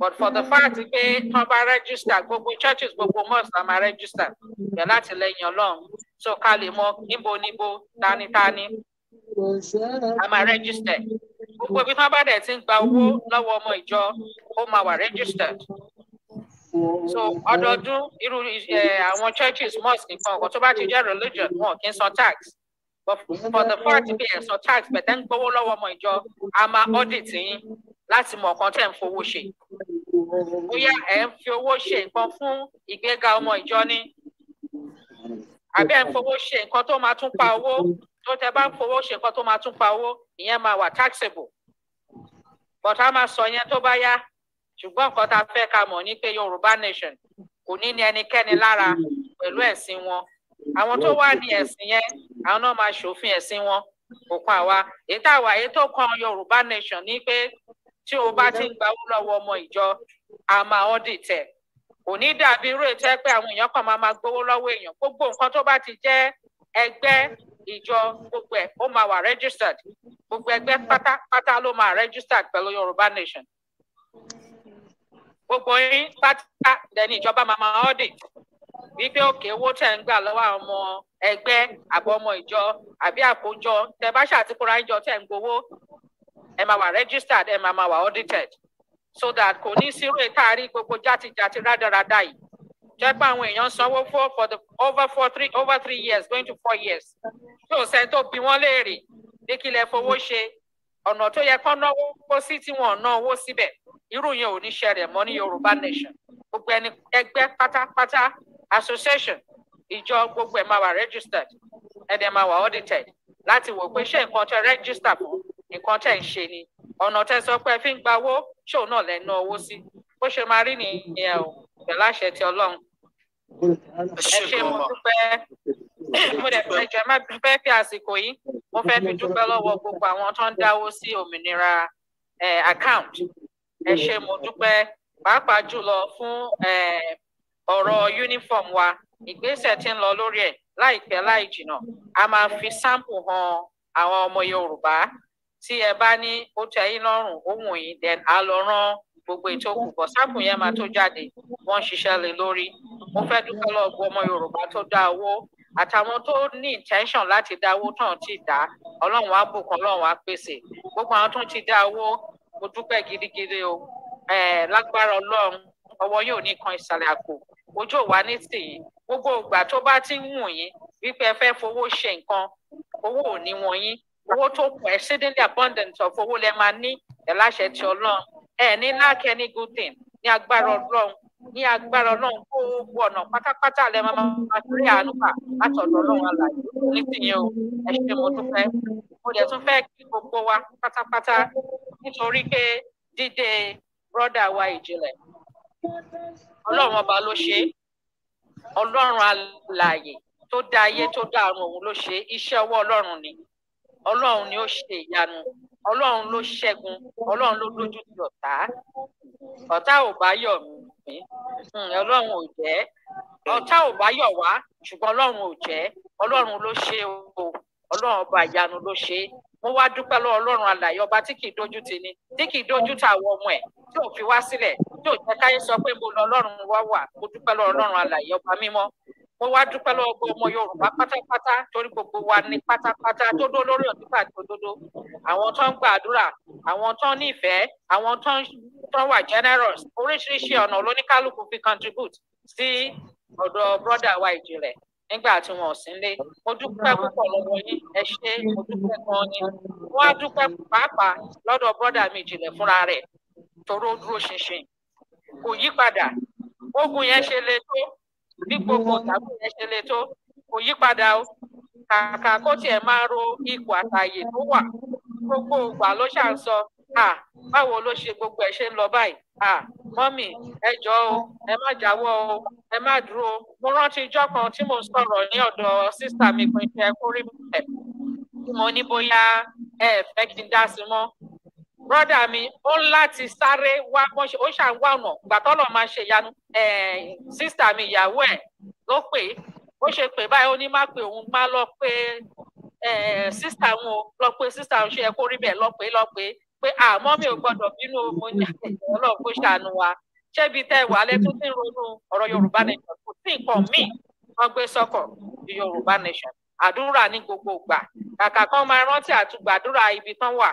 S12: but for the fact pé wọ́n bá register gbogbo churches gbogbo mosques la máa register yẹ láti lẹ́yìn ọlọ́run so ká lè mọ níbo níbo tánítání a máa register gbogbo ibi tí wọ́n bá dẹ̀ ti ń gba owó lọ́wọ́ ọmọ ìjọ ó máa wà registered so ọdọọdún irú àwọn churches mosque nǹkan ọkọ tó bá ti jẹ́ religion wọn kì í san tax but for the fact pé ẹ san tax bẹ̀tẹ̀ ń gbowó lọ́wọ́ ọmọ ìjọ a máa audit yín láti mọ̀ kan tẹ̀ ń fowó ṣe bóyá ẹ̀ ń fi owó ṣe nǹkan fún ìgbéga ọmọ ìjọ ni àbí ẹ̀ ń fowó ṣe nǹkan tó máa tún pa owó tó tẹ bá ń fowó ṣe nǹkan tó máa tún pa owó ìyẹn máa wà taxable but a máa sọ yẹn tó bá yá ṣùgbọ́n nǹkan tá a fẹ́ ká mọ̀ ní pé Yorùbá nation kò ní ní ẹnikẹ́ni lára pẹ̀lú ẹ̀sìn wọn àwọn tó wà ní ẹ̀sìn yẹn àwọn náà máa ṣòfin ẹ̀sìn wọn kò kan àwa èyí tá a wà èyí tó kan Yorùbá nation ní pé tí o bá ti ń gbawó lọ́wọ́ ọmọ ìjọ a máa ọ́dìtẹ̀ kò ní dàbí irú ètò àwọn èèyàn kan máa máa gbowó lọ́wọ́ èèyàn gbogbo nǹkan tó bá ti jẹ́ ẹgbẹ́ ìjọ gbogbo ẹ̀ ó máa wà registered gbogbo ẹgbẹ́ pátápátá ló máa registered pẹ̀lú Yorùbá Nation gbogbo yín pátá ìjọba máa máa audit wípé òkè owó tẹ̀ ń gbà lọ́wọ́ àwọn ọmọ ẹgbẹ́ àbọ̀ ọmọ ìjọ àbí àkójọ tẹ bá ṣàtìkúra ìjọ registered audited. so that kò ní sírò ìtaari gbogbo játijàti rádaràda yìí jẹ́ pé àwọn èèyàn sanwó for for the over four three over three years going to four years tí ò sẹ́ni tó bi wọ́n léèrè pé kí lẹ fowó ṣe ọ̀nà tó yẹ kán náwó kó sí tí wọ́n ná owó síbẹ̀ irú yẹn ò ní ṣẹlẹ̀ mọ́ ní Yorùbá nation gbogbo ẹni ẹgbẹ́ pátápátá association ìjọ gbogbo ẹ̀ máa wà registered ẹ̀dẹ̀ máa wà audited láti wò pé ṣé nǹkan tẹ́ register fún nǹkan tẹ́ ń ṣe ni ọ̀nà tẹ́ sọ pé ẹ fi ń gba owó ṣòun náà lẹ́nu owó sí bó ṣe máa rí nìyẹn o pẹ̀lú àṣẹ ti ọlọ́run. ẹ ṣe mo dúpẹ́ mo dẹ̀ fẹ́ jẹ́ má fẹ́ fi àsìkò yìí mo fẹ́ fi dúpẹ́ lọ́wọ́ gbogbo àwọn tó ń dáwó sí òmìnira account ẹ ṣe mo dúpẹ́ pàápàá jùlọ fún ọ̀rọ̀ uniform wa ìgbésẹ̀ tí ń lọ lórí ẹ̀ láìpẹ́ láì jìnnà a máa fi sample hàn àwọn ọmọ Yorùbá tí ẹ bá ní ó tẹ́ yín lọ́rùn ó wù then a lọ rán gbogbo ètò òkú bọ sáàpù yẹn máa tó jáde wọ́n ń ṣiṣẹ́ lé lórí mo fẹ́ dúpẹ́ lọ́wọ́ gbogbo ọmọ Yorùbá tó dá owó àtàwọn tó ní intention láti dá owó tán ti dá Ọlọ́run á bùkún Ọlọ́run á pèsè gbogbo àwọn tó ti dá owó mo dúpẹ́ gidigidi o lágbára Ọlọ́run ọwọ́ yóò ní kan ìsàlẹ̀ àpò ojú òwa ní tìyí gbogbo ìgbà tó bá ti ń wù yín wípé ẹ fẹ́ fowó ṣe nǹkan owó ò ní wọ̀nyí owó tó pọ̀ exceedingly abundance of owó lẹ́ máa ní ẹ̀ láṣẹ ti ọlọ́run ẹ̀ ní lack any good thing ní agbára ọlọ́run ní agbára ọlọ́run kó gbogbo ọ̀nà pátápátá lẹ́ máa máa rí àánú kà látọ̀dọ̀ ọlọ́run alàyè ní tìyẹn o ẹ ṣe mo tún fẹ́ mo dẹ̀ tún fẹ́ kí gbogbo wa pátápátá nítorí pé dídé brọ́dà wa ìjìnlẹ̀ ọlọ́run ọba ló ṣe ọlọ́run alàyè tó dá ayé tó dá àrùn òun ló ṣe iṣẹ́ ọwọ́ ọlọ́run ni ọlọ́run ni ó ṣe ìyanu ọlọ́run ló ṣẹ́gun ọlọ́run ló lójú ti ọ̀tá ọ̀tá ò bá yọ̀ mí hmm, ọlọ́run ò jẹ́ ọ̀tá ò bá yọ̀ wá ṣùgbọ́n ọlọ́run ò jẹ́ ọlọ́run ló ṣe o ọlọ́run ọba ìyanu ló ṣe mo wá dúpẹ́ lọ́wọ́ ọlọ́run àlàyé ọba tí kì í dojú ti ni tí kì í dojú ta àwọn ọmọ ẹ̀ tí ò fi wá sílẹ̀ tí ò jẹ́ káyé sọ pé mo lọ ọlọ́run wá wà mo dúpẹ́ lọ́wọ́ ọlọ́run àlàyé ọba mímọ́ mo wá dúpẹ́ lọ́wọ́ gbọ́ ọmọ yorùbá pátápátá torí gbogbo wa ní pátápátá tó dó lórí ọ̀dúnpà tó dódó àwọn tó ń gbàdúrà àwọn tó ń nífẹ̀ẹ́ àwọn tó ń tó wà generous oríṣiríṣi ọ̀nà olóníkálukú fi contribute sí ọ̀dọ̀ brọ́dà wa ìjìnlẹ̀ nígbà tí wọn ò sí nílé mo dúpẹ́ púpọ̀ lọ́wọ́ yín ẹ ṣé mo dúpẹ́ gan ni wọ́n á dúpẹ́ pàápàá lọ́dọ̀ brọ́dà mi ìjìnlẹ̀ fúnra rẹ̀ toró dúró ṣinṣin kò yí padà ogun yẹn ṣe le tó bí gbogbo tàbí ìṣẹ̀lẹ̀ tó kò yí padà o kàkà kó tiẹ̀ máa ro ipò àtàyè tó wà gbogbo ìgbà ló ṣà ń sọ báwo ló ṣe gbogbo ẹ̀ ṣe ń lọ báyìí mọ́mì ẹ jọ̀ọ́ o ẹ má jáwọ́ o ẹ má dúró o mo rántí ijọ́ kan tí mo sọ̀rọ̀ ní ọ̀dọ̀ sísà mi pin ṣe kúrí mi ẹ̀ tí mo ní bóyá ẹ fẹ́ kí n dá sí mọ́ brọ́dà mi ó ń láti sáré wá bọ́n ṣe ó ṣà ń wá ọ̀nà ìgbà tọ́lọ̀ máa ṣe ìyanu eh, sísítà mi ìyàwó ẹ̀ ló pè é ó ṣe pè báyìí ó ní má pé òun má lọ pé eh, sísítà òun o lọ pé sísítà òun ṣe ẹ kó rí bẹ́ẹ̀ lọ pé lọ pé pé àmọ́ mi ò gbọ́dọ̀ bínú mo ní ọlọ́run kó ṣàánú wa ṣébi tẹ́ wà lẹ́ tó ti ń ronú ọ̀rọ̀ Yorùbá nation kò sí nǹkan míì wọ́n gbé sọ́kọ̀ Yorùbá nation àdúrà ní gbogbo ìgbà kàkà kan máa rántí àtúgbàdúrà ibi kan wà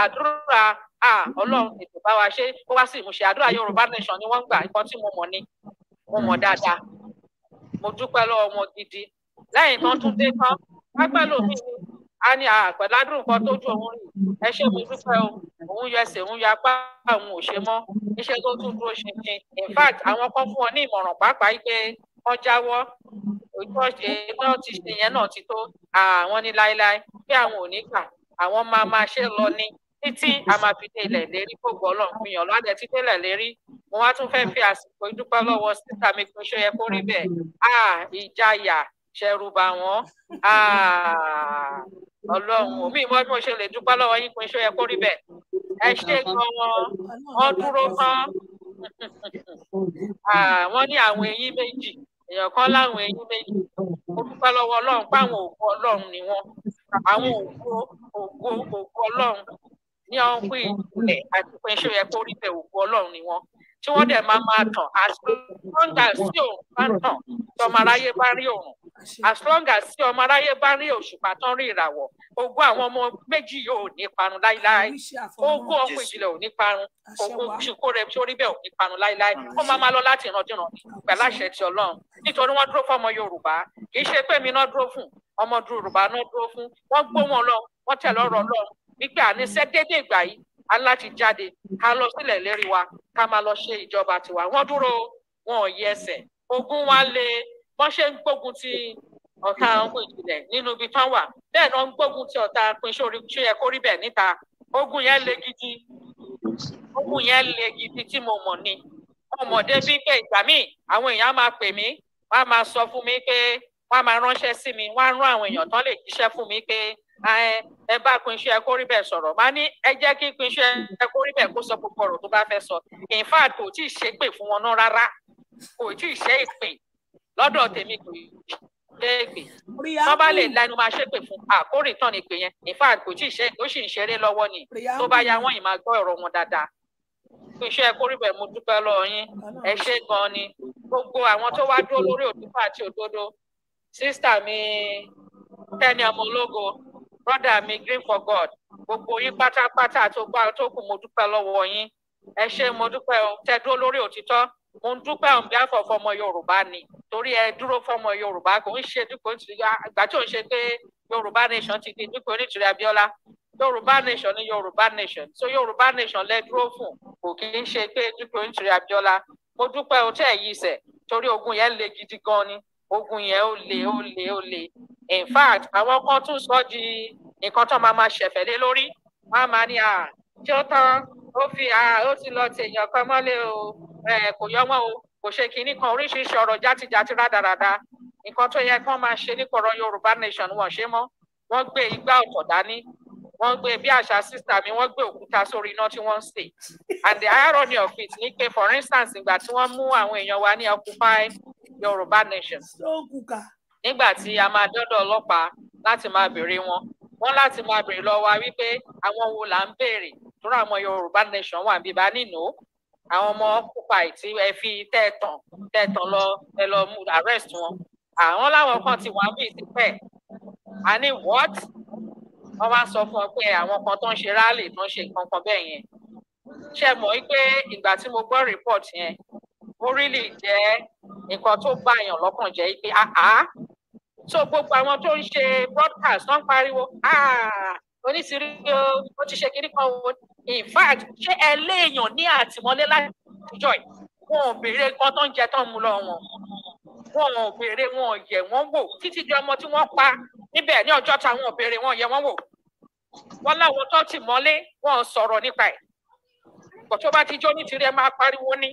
S12: àdúrà à Ọlọ́run ètò bá wa ṣe ó wá sí ìmúṣẹ àdúrà Yorùbá nation ni wọ́n ń gbà nǹkan tí mo mọ̀ ni mo mọ̀ dáadáa mo dúpẹ́ lọ́wọ́ wọn gidi lẹ́yìn tán tún dé tán pápẹ lómi ni a ní àpẹládùn kan tójú òun rí ẹ ṣe mo dúpẹ́ o òun yọ ẹsẹ̀ òun yọ apá òun ò ṣe mọ́ iṣẹ́ tó tún dúró ṣinṣin in fact àwọn kan fún wọn ní ìmọ̀ràn pàápàá yìí pé wọ́n jáwọ́ ojú ọ̀sẹ̀ tó ti ṣe yẹn náà ti tó àwọn ní láéláé pé àwọn ò ní kà àwọn máa máa ṣe lọ ní títí a máa fi dé ilẹ̀ lérí kó gbọ́ lọ́n fún yàn lọ́dẹ tí délẹ̀ lérí mo wá tún fẹ́ẹ́ fi àsìkò ìdúpẹ́ lọ́wọ́ síta mi kò ṣe yẹ kó rí bẹ́ẹ̀ à ìjayà ṣẹrùbà wọn ọlọ́run omi ìmọ̀ bí mo ṣe lè dúpẹ́ lọ́wọ́ yín kò ṣe yẹ kó rí bẹ́ẹ̀ ẹ ṣe gan wọn wọn dúró tán wọn ní àwọn eyín méjì èèyàn kan láwọn ẹyin méjì ó dúpẹ́ lọ́wọ́ páwọn ògo ọlọ́run ni wọ́n àwọn ògo ògo ògo ọlọ́run ní àwọn pé ìpìlẹ̀ àti pé ṣé yẹ kó rí bẹ̀ ògo ọlọ́run ni wọ́n tí wọ́n dẹ̀ máa máa tàn as long as tí òun bá tàn tọmọ aráyé bá rí òun as long as tí ọmọ aráyé bá rí òṣùpá tán rí ìràwọ̀ ogún àwọn ọmọ méjì yóò ní parun láíláí ogún ọkùn ìjìnlẹ̀ ò ní parun ogún ṣùkú rẹ sórí bẹ́ẹ̀ ò ní parun láíláí ó máa máa lọ láti ìrandíran pẹ̀láṣẹ ti Ọlọ́run nítorí wọ́n dúró fọmọ Yorùbá kì í ṣe pé mi náà dúró fún ọmọ Yorùbá náà dúró fún wọ́n gbó wọn lọ wọ́n tẹ̀ lọ́rọ̀ Ọlọ́run wípé àníṣe déédéé ìgbà yìí aláti jáde ká lọ sílẹ̀ lérí wa ká máa lọ ṣe ìjọba tiwa wọ́n dúró wọn ò yẹsẹ̀ ogun wa lé bọ́n ṣe ń gbógun ti ọ̀tá ọmọ ìjìnlẹ̀ nínú ibi tán wà bẹ́ẹ̀ náà ń gbógun ti ọ̀tá pinṣóri ṣó yẹ kó rí bẹ́ẹ̀ níta ogun yẹn le gidi ogun yẹn le gidi tí mo mọ̀ ni mo mọ̀ pé ìgbà míì àwọn èèyàn máa pè mí wọ́n máa sọ fún mi pé wọ́n máa ránṣẹ́ sí mi wọ́n á rán àwọn èèyàn tán lè jíṣẹ́ fún mi pé ẹ bá pinṣu ẹ kó rí bẹ́ẹ̀ sọ̀rọ̀ máa ní ẹ jẹ́ kí pinṣu ẹ kó rí bẹ́ẹ̀ kó sọ gbogbo ọ̀rọ̀ tó bá fẹ́ sọ in kò tí ì ṣépè fún wọn náà rárá kò tí ì ṣe ìpè lọ́dọ̀ tèmi kò ṣe é pè tó bá lè lanu máa ṣépè fún àkórè tán ni pè yẹn in kò tí ì sì ń ṣeré lọ́wọ́ ni tó bá ya wọ́n yìí máa gbọ́ ọ̀rọ̀ wọn dáadáa fún iṣẹ́ kórìbẹ̀ mo dúpẹ́ lọ́wọ́ ẹ ṣé gan ni gbogbo àwọn tó wá dúró lórí òdúpọ̀ àti òdodo sísítà mi tẹ́ni ọmọ ológo brọ́dà mi green for god gbogbo yín pátápátá tó gbá tó kù mo dúpẹ́ lọ́wọ́ yín ẹ ṣé mo dúpẹ́ o tẹ́ dúró lórí òtítọ́ mo ń dúpẹ́ on behalf of ọmọ yorùbá ni torí ẹ dúró fọmọ yorùbá kò ń ṣe dípò ìgbà tí ò ń ṣe pé yorùbá nation ti di dípò onítìrí abiola yorùbá nation ni yorùbá nation so yorùbá nation lẹ dúró fún kò kì í ṣe pé dípò onítìrí abiola mo dúpẹ́ o yìí sẹ̀ torí ogun yẹn le gidi gan ni ogun yẹn ó le ó le ó le in fact àwọn kan tún sọ di nǹkan tó máa máa ṣẹ̀fẹ̀ lé lórí wọ́n máa ní à ṣé ó tán ó fi ó ti lọ tèèyàn kan mọ́lé o kò yọ wọ́n o kò ṣe kinní kan oríṣiríṣi ọ̀rọ̀ játijàti rádaràda nǹkan tó yẹ kí wọ́n máa ṣe nípọ̀rọ̀ Yorùbá nation wọ́n ṣe mọ́ wọ́n gbé igbá ọ̀tọ̀ dání wọ́n gbé bí àṣà sísà mi wọ́n gbé òkúta sórí iná tí wọ́n ń sè and the irony of it ni pé for instance ìgbà tí wọ́n mú àwọn èèyàn wa ní occupy Yorùbá nation nígbà tí a máa dọ́dọ̀ ọlọ́pàá láti máa béèrè wọn wọn láti máa béèrè lọ wa wípé àwọn wo là ń béèrè tó rà àwọn yorùbá nation wà bíbá nínú àwọn ọmọ kópa ìtí ẹ fi tẹẹtàn tẹẹtàn lọ ẹ lọ mú arrest wọn àwọn láwọn kan ti wà bíi tipẹ́ a ní what wọn wá sọ fún ọ pé àwọn kan tó ń ṣe rálì tó ń ṣe nǹkan kan bẹ́ẹ̀ yẹn ṣe mọ̀ wípé ìgbà tí mo gbọ́ report yẹn ó rí lè jẹ́ nǹkan tó báyàn lọ́kàn jẹ́ pé àá ah, ah, so gbogbo àwọn tó ń ṣe broadcast tó ń pariwo ah, oníṣirí o ti ṣe kíní kan wo in fact ṣé ẹ léèyàn ní àtìmọ́lé láti ìjọ yìí wọn ò béèrè kan tó ń jẹ tó ń mu lọ wọn wọn ò béèrè wọn ò yẹ wọn wò títí di ọmọ tí wọ́n pa níbẹ̀ ní ọjọ́ ta wọn ò béèrè wọn ò yẹ wọn wò wọn láwọn tó ti mọ́lé wọn sọ̀rọ̀ nípa ẹ̀ bọ̀ tó bá ti jó ní ẹ máa pariwo ní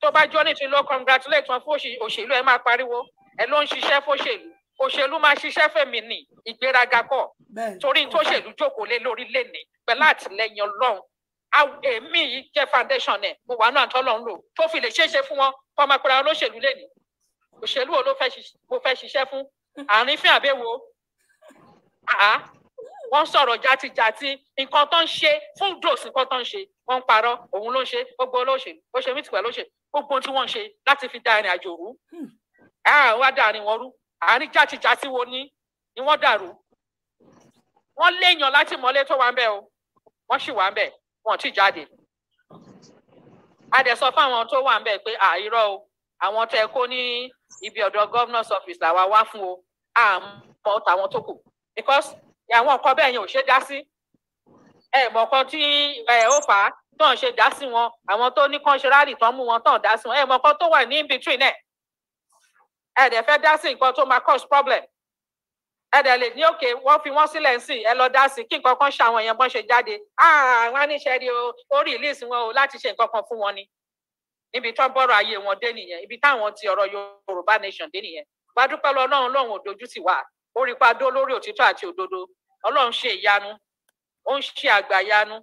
S12: tó bá jó ní lọ congratulate wọn fún òṣèlú ẹ máa pariwo ẹ ló ń ṣiṣẹ́ fóṣèlú òṣèlú máa ṣiṣẹ́ fẹ̀mí ni ìgbéraga kọ́ torí tó ṣèlú jókòó lé lórí lẹ́ni pẹ̀lú àtìlẹyìn ọlọ́run èmi yìí jẹ́ foundation ẹ̀ mo wà náà tọ́lọ́run lò tó fi lè ṣeéṣe fún wọn kọ́ máa pera olóṣèlú lẹ́ni òṣèlú wo ló fẹ́ ṣiṣẹ́ fún àárín fín àbẹ̀wò wọ́n sọ̀rọ̀ játijàti nǹkan tó ń ṣe fún dòsì nǹkan tó ń ṣe wọ́n ń parọ́ òun ló ń ṣe gbogbo olóṣèlú ó ṣe mí tìpẹ́ lóṣèlú gbogbo tí wọ́n ń ṣe láti fi da ìrìn àjò rú hmm. àwọn wá da àárín wọn rú àárín jàtìjàtì wo ni ni wọ́n dàrú wọ́n léèyàn láti mọ́lé tó wà ń bẹ̀ o wọ́n sì wà ń bẹ̀ wọ́n ti jáde a dẹ̀ sọ fáwọn tó wà ń bẹ̀ pé àìrọ́ o àwọn tẹ kó ní ibi ọ̀dọ̀ governor's office làwa wá fún o àmọ́ tàwọn tó kù because àwọn nǹkan bẹ́ẹ̀ yẹn ò ṣe dá sí ẹ mọ̀ kan tí ẹ ó fà á tán ṣe dá sí wọn àwọn tó ní kán ṣe rálì tán mú wọn tán dá sí wọn ẹ mọ̀ kan tó wà ní in between náà ẹ dẹ̀ fẹ́ dá sí nǹkan tó máa cause problem ẹ dẹ̀ lè ní òkè wọ́n fi wọ́n sílẹ̀ ń sìn ẹ lọ dá sí kí nǹkan kan ṣe àwọn èèyàn bọ́n ṣe jáde àwọn ah, aníṣẹ́ rí o ó release wọn o láti ṣe nǹkan kan fún wọn ni níbi tó bọ́rọ̀ ayé wọn dé nìyẹn ibi táwọn ti ọ̀rọ̀ Yorùbá nation dé nìyẹn gbadúpẹ́ lọ Ọlọ́run lọ́hùn òdojú sì wà orí padó lórí òtítọ́ àti òdodo Ọlọ́run ṣe ìyanu ó ń ṣe àgbàyanu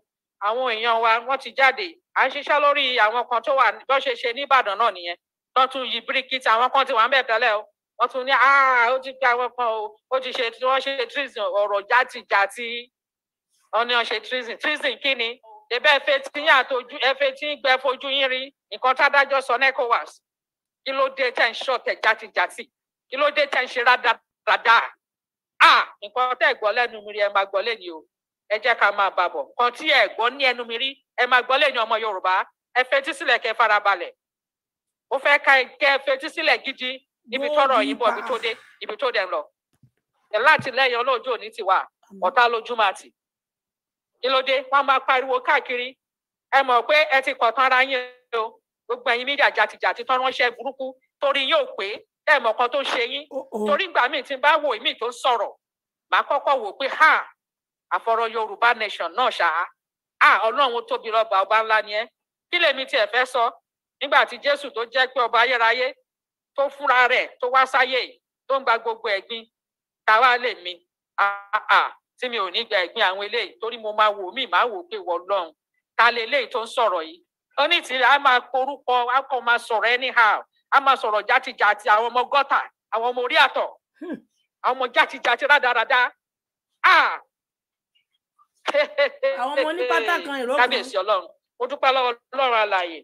S12: àwọn èèyàn wa wọ́n ti jáde à ń ṣiṣẹ́ lórí àwọn kan tó wà bọ́n ṣe ṣe ní náà nìyẹn tó tún yí bíríkìtì àwọn kan ti wà ń bẹ̀ tẹ́lẹ̀ o wọ́n tún ní ah, ó ti gbé àwọn kan o ó ti ṣe tí wọ́n ṣe treason ọ̀rọ̀ játijàti wọ́n ní wọ́n ṣe treason treason kí ni débẹ̀ ẹ fetí yín àtọjú ẹ fetí gbẹ fojú yín rí nǹkan tádájọ́ sọ necowas kí ló dé tẹ̀ ń ṣọ̀tẹ̀ játijàti kí ló dé tẹ̀ ń ṣe rádaràdà à ah, nǹkan tẹ́ gbọ́ lẹ́nu mi rí ẹ máa gbọ́ lẹ́yìn o ẹ jẹ́ ká máa bàbọ̀ nǹkan tí ẹ gbọ́ ní ẹnu mi rí ẹ máa gbọ́ lẹ́yìn ọmọ Yorùbá ẹ fetí sílẹ̀ kẹ́ farabalẹ̀ ó fẹ́ ká kẹ́ fetí sílẹ̀ gidi ibi tọ́rọ̀ yìí bọ̀ ibi tó dé ibi tó dẹ̀ lọ láti lẹ́yìn olóòjó ní tiwa ọ̀tá lójú máa tì kí ló dé wọ́n máa pariwo káàkiri ẹ mọ̀ pé ẹ ti kọ̀tàn ara yín o gbogbo ẹ̀yin mídíà jàtìjàtì tán ránṣẹ́ burúkú torí yóò pé ẹ mọ̀ kan tó ṣe yín torí ìgbà míì tí bá wò mí tó sọ̀rọ̀ màá kọ́kọ́ wò pé ha àfọ̀rọ̀ Yorùbá nation náà ṣáá ah Ọlọ́run tóbi lọ́ba ọba ńlá ni ẹ kí lèmi tiẹ̀ fẹ́ sọ nígbà tí jésù tó jẹ́ pé ọba ayérayé tó fúnra rẹ̀ tó wá sáyé yìí tó ń gba gbogbo ẹ̀gbin táwa lè mi àà tí mi ò ní gba ẹ̀gbin àwọn eléyìí torí mo máa wò mí máa wò pé wọ lọ́hùn ta lè eléyìí tó ń sọ̀rọ̀ yìí ó ní tí a máa porúkọ a kò máa sọ̀rọ̀ anyhow a máa sọ̀rọ̀ játijàti àwọn ọmọ gọ́tà àwọn ọmọ orí àtọ̀ àwọn ọmọ játijàti rádaràda àà àwọn ọmọ onípátá kan ìrọ́kùn kábíyèsí ọlọ́run ó dúpẹ́ lọ́wọ́ ọlọ́run alààyè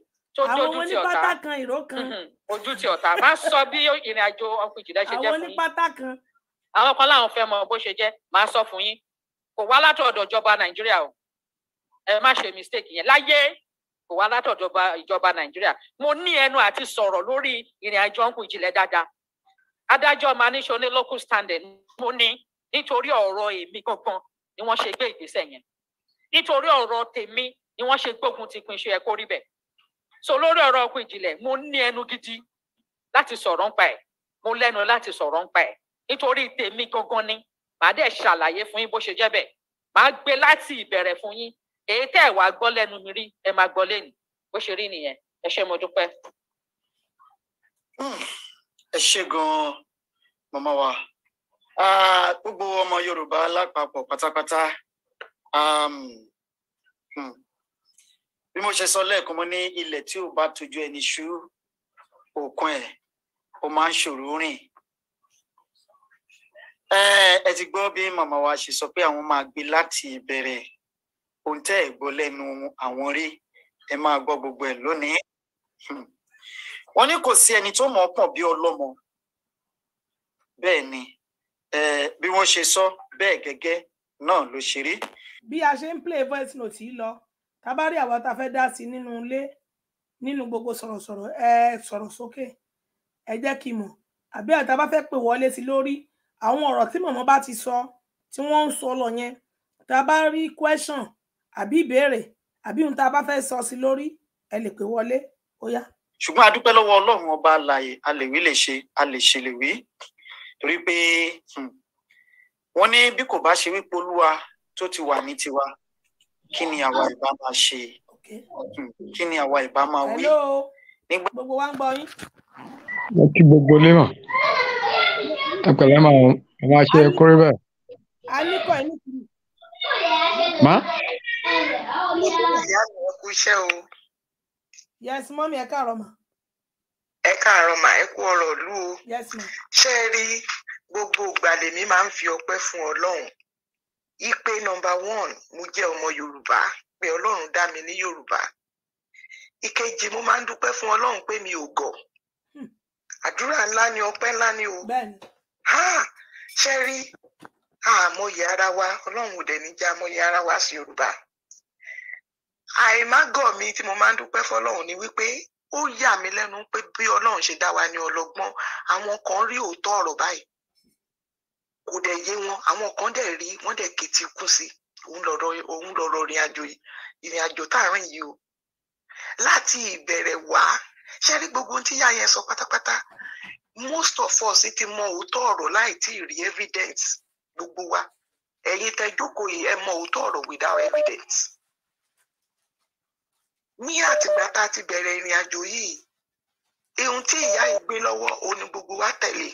S12: àwọn onípátá kan ìró kan ojú ti ọ̀tá má sọ bí ìrìn àjò ọkọ̀ ìjìdá ṣe jẹ́ fún yín àwọn onípátá kan àwọn kan láwọn fẹ́ mọ bó ṣe jẹ́ máa sọ fún yín kò wá látọ̀dọ̀ ìjọba nàìjíríà o ẹ má ṣe mistake yẹn láyé kò wá látọ̀dọ̀ ìjọba nàìjíríà mo ní ẹnu àti sọ̀rọ̀ lórí ìrìn àjò ọkọ̀ ìjìnlẹ̀ dáadáa adájọ́ máa ní ṣe ní local standing mo ní nítorí ọ̀rọ̀ èmi gangan ni wọ́n ṣe gbé ìgbésẹ̀ yẹn nítorí ọ̀rọ̀ tèmi ni wọ́n ṣe gbógun ti pinṣẹ́ ẹ̀kọ́ rí bẹ́ẹ̀ so lórí ọ̀rọ̀ ọkùn ìjìnlẹ̀ mo ní ẹnu gidi láti sọ̀rọ̀ ńpa ẹ̀ mo lẹ́nu láti sọ̀rọ̀ ńpa ẹ̀ nítorí tèmi gangan ni màá dẹ̀ ṣàlàyé fún yín bó ṣe jẹ́ bẹ́ẹ̀ màá gbé láti ìbẹ̀rẹ̀ fún yín èyí tẹ́ ẹ̀ wá gbọ́ lẹ́nu mi rí ẹ máa gbọ́ lẹ́nu bó ṣe rí nìyẹn ẹ ṣé mo dúpẹ́.
S13: Hmm, ẹ ṣé gan-an màmá wa gbogbo ọmọ Yorùbá lápapọ̀ pátápátá. Um,
S14: hmm bí mo ṣe sọ lẹ́ẹ̀kan mo ní ilẹ̀ tí ò bá tójú ẹni ṣú òkun ẹ̀ ó máa ń ṣòro rìn ẹ ti gbọ́ bí màmá wa ṣe sọ pé àwọn máa gbé láti ìbẹ̀rẹ̀ ohun tẹ́ ẹ̀ gbọ́ lẹ́nu àwọn rí ẹ máa gbọ́ gbogbo ẹ̀ lónìí wọ́n ní kò sí ẹni tó mọ̀ ọ́ bí ọlọ́mọ bẹ́ẹ̀ ni bí wọ́n ṣe sọ bẹ́ẹ̀ gẹ́gẹ́ náà ló ṣe rí.
S2: bí a ṣe ń play voice note yìí lọ tábárí àwa tá a fẹ́ dá sí nínú ilé nínú gbogbo sọ̀rọ̀sọ̀rọ̀ ẹ sọ̀rọ̀ sókè ẹ jẹ́ kí n mọ̀ àbí àtà bá fẹ́ pè wọlé sí lórí àwọn ọ̀rọ̀ tí mọ̀mọ́ bá ti sọ tí wọ́n ń sọ lọ yẹn tá bá rí question àbí ìbéèrè àbí ohun tá a bá fẹ́ sọ sí lórí ẹ lè pè wọlé ó yá. ṣùgbọ́n a dúpẹ́
S15: lọ́wọ́ ọlọ́run ọba alààyè a lè wí lè ṣe a lè ṣe lè wí torí pé hmm, wọ́n ní bí kò bá ṣe wípé olúwa tó ti wà ní tiwa kí ni
S14: àwa ìbá máa ṣe hmm, kí ni àwa ìbá máa wí. gbogbo wa ń gbọ́
S2: yín.
S18: mo kí gbogbo lẹ́mọ̀ ẹ pẹ̀lẹ́ máa ẹ máa ṣe kórè bẹ́ẹ̀.
S2: a ní kọ́ ẹ̀ kiri. má. ìyá mi ẹ kú iṣẹ́ o. yes mọ́mí ẹ káàárọ̀ mà.
S14: ẹ káàárọ̀ mà ẹ kú ọ̀rọ̀ ìlú o. yes ma. ṣé ẹ rí gbogbo ìgbà lèmi máa ń fi ọpẹ́ fún Ọlọ́run ipe nọmba one mo jẹ́ ọmọ yorùbá pé ọlọ́run dá mi ní yorùbá ìkejì mo máa ń dúpẹ́ fún ọlọ́run pé mi ò gọ̀ hmm. àdúrà ńlá ni ọpẹ́ ńlá ni o Ha, rí àmọye ara wa ọlọ́run ò dẹ̀ ní jẹ́ àmọye ara wa sí yorùbá àìmágọ̀ mi tí mo máa ń dúpẹ́ fọlọ́run ni wípé ó yà mí lẹ́nu pé bí ọlọ́run ṣe dá wa ní ọlọ́gbọ́n àwọn kan rí òótọ́ ọ̀rọ̀ báyìí kò dẹ̀ yé wọn àwọn kan dẹ̀ rí wọ́n dẹ̀ kétí kú sí òun lọ̀rọ̀ òun lọ̀rọ̀ ìrìn àjò yìí ìrìn àjò tá à ń rìn yìí o láti ìbẹ̀rẹ̀ wá ṣe rí gbogbo ohun tí yá yẹn sọ pátápátá most of us ti mọ òótọ́ ọ̀rọ̀ láì tí ì rí evidence gbogbo wa ẹ̀yin tẹ́ jókòó yìí ẹ mọ òótọ́ ọ̀rọ̀ without evidence ní àtìgbà tá a ti bẹ̀rẹ̀ ìrìn àjò yìí ohun tí ìyá yìí gbé lọ́wọ́ òun ni gbogbo wa tẹ̀lé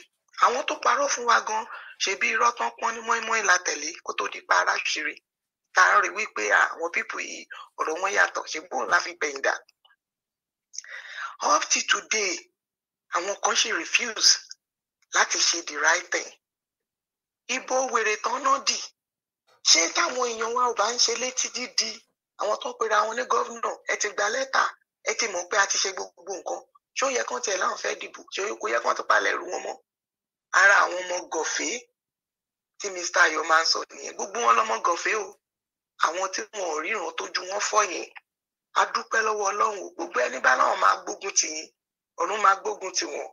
S14: àwọn tó parọ́ fún wa gan-an ṣebí irọ́ tán pọ́n ní mọ́ínmọ́ín la tẹ̀lé kó tó di pa ara ṣeré tá a rí wípé àwọn pípù yìí ọ̀rọ̀ wọn yàtọ̀ ṣe bóun la fi dà up to today àwọn kan ṣe refuse láti ṣe the right thing ibo wèrè tán náà dì ṣé táwọn èèyàn wa ò bá ń ṣe létí dídi àwọn tó ń pera wọn ní gómìnà ẹ ti gba lẹ́tà ẹ ti mọ̀ pé a ti ṣe gbogbo nǹkan ṣé ó yẹ kán tiẹ̀ láwọn fẹ́ dìbò ṣé ó yẹ kán ti palẹ̀ ẹrù wọn mọ́ ara àwọn ọmọ gọ̀fẹ́ tí Mr. Ayọ̀ máa ń sọ nìyẹn gbogbo wọn lọmọ gọfẹ o àwọn tí wọn ò ríran tójú wọn fọ́ yẹn a dúpẹ́ lọ́wọ́ Ọlọ́run o gbogbo ẹni bá náà máa gbógun tì yín ọ̀run máa gbógun tì wọ́n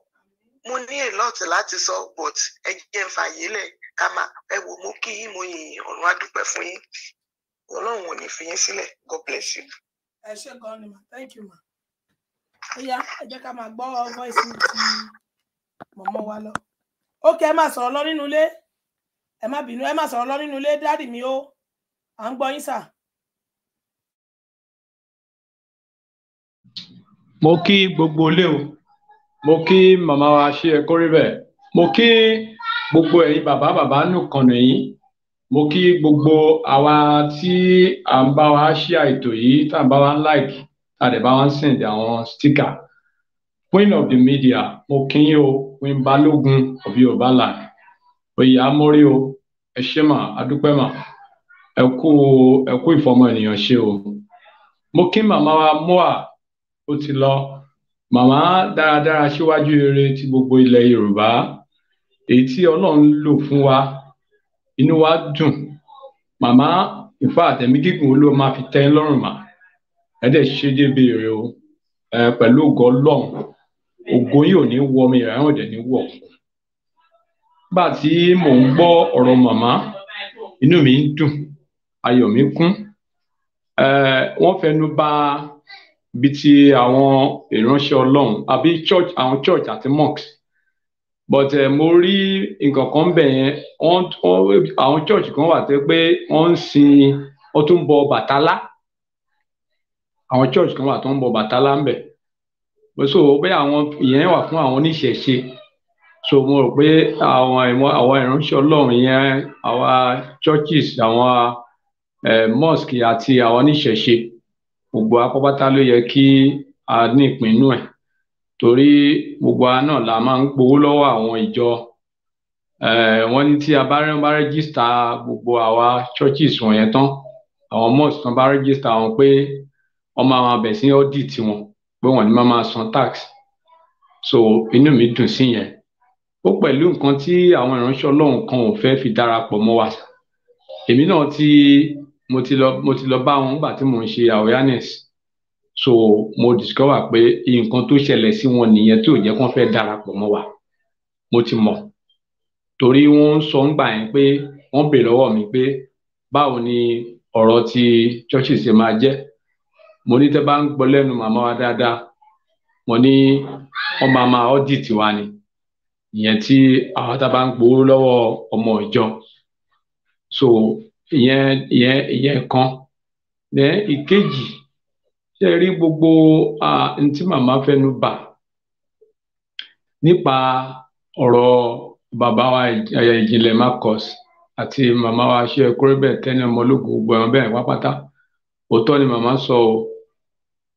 S14: mo ní èlọ́ọ̀tì láti sọ but ẹ jẹ́ ń fààyè lẹ̀ ká máa ẹ wò mo kí yín mo yìn yín ọ̀run fún yín Ọlọ́run ò ní fi yín sílẹ̀
S2: God bless you. ẹ ṣe gan ni ma thank you ma ó yá ẹ jẹ́ ká máa gbọ́ voice ti mọ̀mọ́ wa lọ ó kẹ́ ẹ máa sọ̀rọ̀ lọ nínú ilé ẹ má bínú ẹ má sọ̀rọ̀ lọ nínú ilé dádì mi ó à ń gbọ́ yín sà.
S19: mo kí gbogbo ilé o mo kí màmá wa ṣe ẹ kórè bẹ́ẹ̀ mo kí gbogbo ẹ̀yin bàbá bàbá nìkan nìyí mo kí gbogbo àwa tí à ń bá wa ṣe àìtò yìí tá à ń bá wa ń láìkì tá à dẹ̀ bá wa ń sìn àwọn stíkà queen of the media mo kí yín o queen balógun of yorùbá land oyè amórí o ẹ ṣé mà adúpẹ́ mà ẹ kú ẹ kú ìfọmọ ènìyàn ṣe o mo kí màmá wa mua ó ti lọ màmá dáradára síwájú eré ti gbogbo ilẹ̀ yorùbá èyí tí ọlọ́run lò fún wa inú wa dùn màmá ìfọ àtẹ̀mí gígùn ló máa fi tẹ́ lọ́rùn mà ẹ dẹ̀ ṣe débi rẹ o ẹ pẹ̀lú ògo ọlọ́run ògo yìí ò ní wọ mi ìràwọ̀n dẹ̀ ní wọ̀ kù nígbà tí mò ń gbọ́ ọ̀rọ̀ màmá inú mi ń dùn ayọ̀ mi kún um wọ́n fẹnu ba ibi tí àwọn ìránṣẹ́ Ọlọ́run àbí church àwọn church àti mosque but uh, mo rí nǹkan kan bẹ̀ yẹn àwọn church kan wà tẹ́ pé wọ́n ń sin wọ́n tún ń bọ Bàtálá àwọn church kan wà tó ń bọ Bàtálá ń bẹ̀ so bẹ́ẹ̀ àwọn ìyẹn wà fún àwọn oníṣẹ̀ṣe so mo rò pé àwọn ìmọ̀ àwọn ìránṣẹ́ Ọlọ́run yẹn àwa churches àwọn mosque àti àwọn oníṣẹ̀ṣe gbogbo apápátá ló yẹ kí a ní ìpinnu ẹ̀ torí gbogbo wa náà la máa ń gbowó lọ́wọ́ àwọn ìjọ wọ́n ní tí a bá rẹ́gísítà gbogbo àwa churches wọ̀nyẹn tán àwọn mosque tán bá rẹ́gísítà wọn pé wọ́n máa máa bẹ̀ sí ọ́dìtì wọn pé wọ́n ní máa máa san tax so inú mi dùn sí yẹn ó pẹ̀lú nǹkan tí àwọn ìránṣẹ́ Ọlọ́run kan ò fẹ́ fi darapọ̀ mọ́ wa èmi náà ti mo ti lọ bá wọn nígbà tí mò ń ṣe awareness so mo discover pé nǹkan tó ṣẹlẹ̀ sí wọn nìyẹn tí ò jẹ́ kán fẹ́ darapọ̀ mọ́ wa mo ti mọ̀ torí wọ́n ń sọ ńgbà yẹn pé wọ́n bèrè lọ́wọ́ mi pé báwo ni ọ̀rọ̀ ti church ṣe máa jẹ́ mo ní tẹ́ bá ń gbọ́ lẹ́nu màmá wa dáadáa mo ní wọ́n máa máa ọ́dìtì wa ni ìyẹn tí àwọn tá a bá ń gbowó lọ́wọ́ ọmọ ìjọ so ìyẹn ìyẹn ìyẹn kan ní ìkejì ṣe rí gbogbo n tí màmá fẹnu bà nípa ọ̀rọ̀ bàbá wa ìjìnlẹ̀ Marcus àti màmá wa ṣe kúrẹ́bẹ̀ tẹ́lẹ̀ ọmọlógún gbogbo ẹ̀wọ̀n bẹ́ẹ̀ wá òótọ́ ni màmá sọ o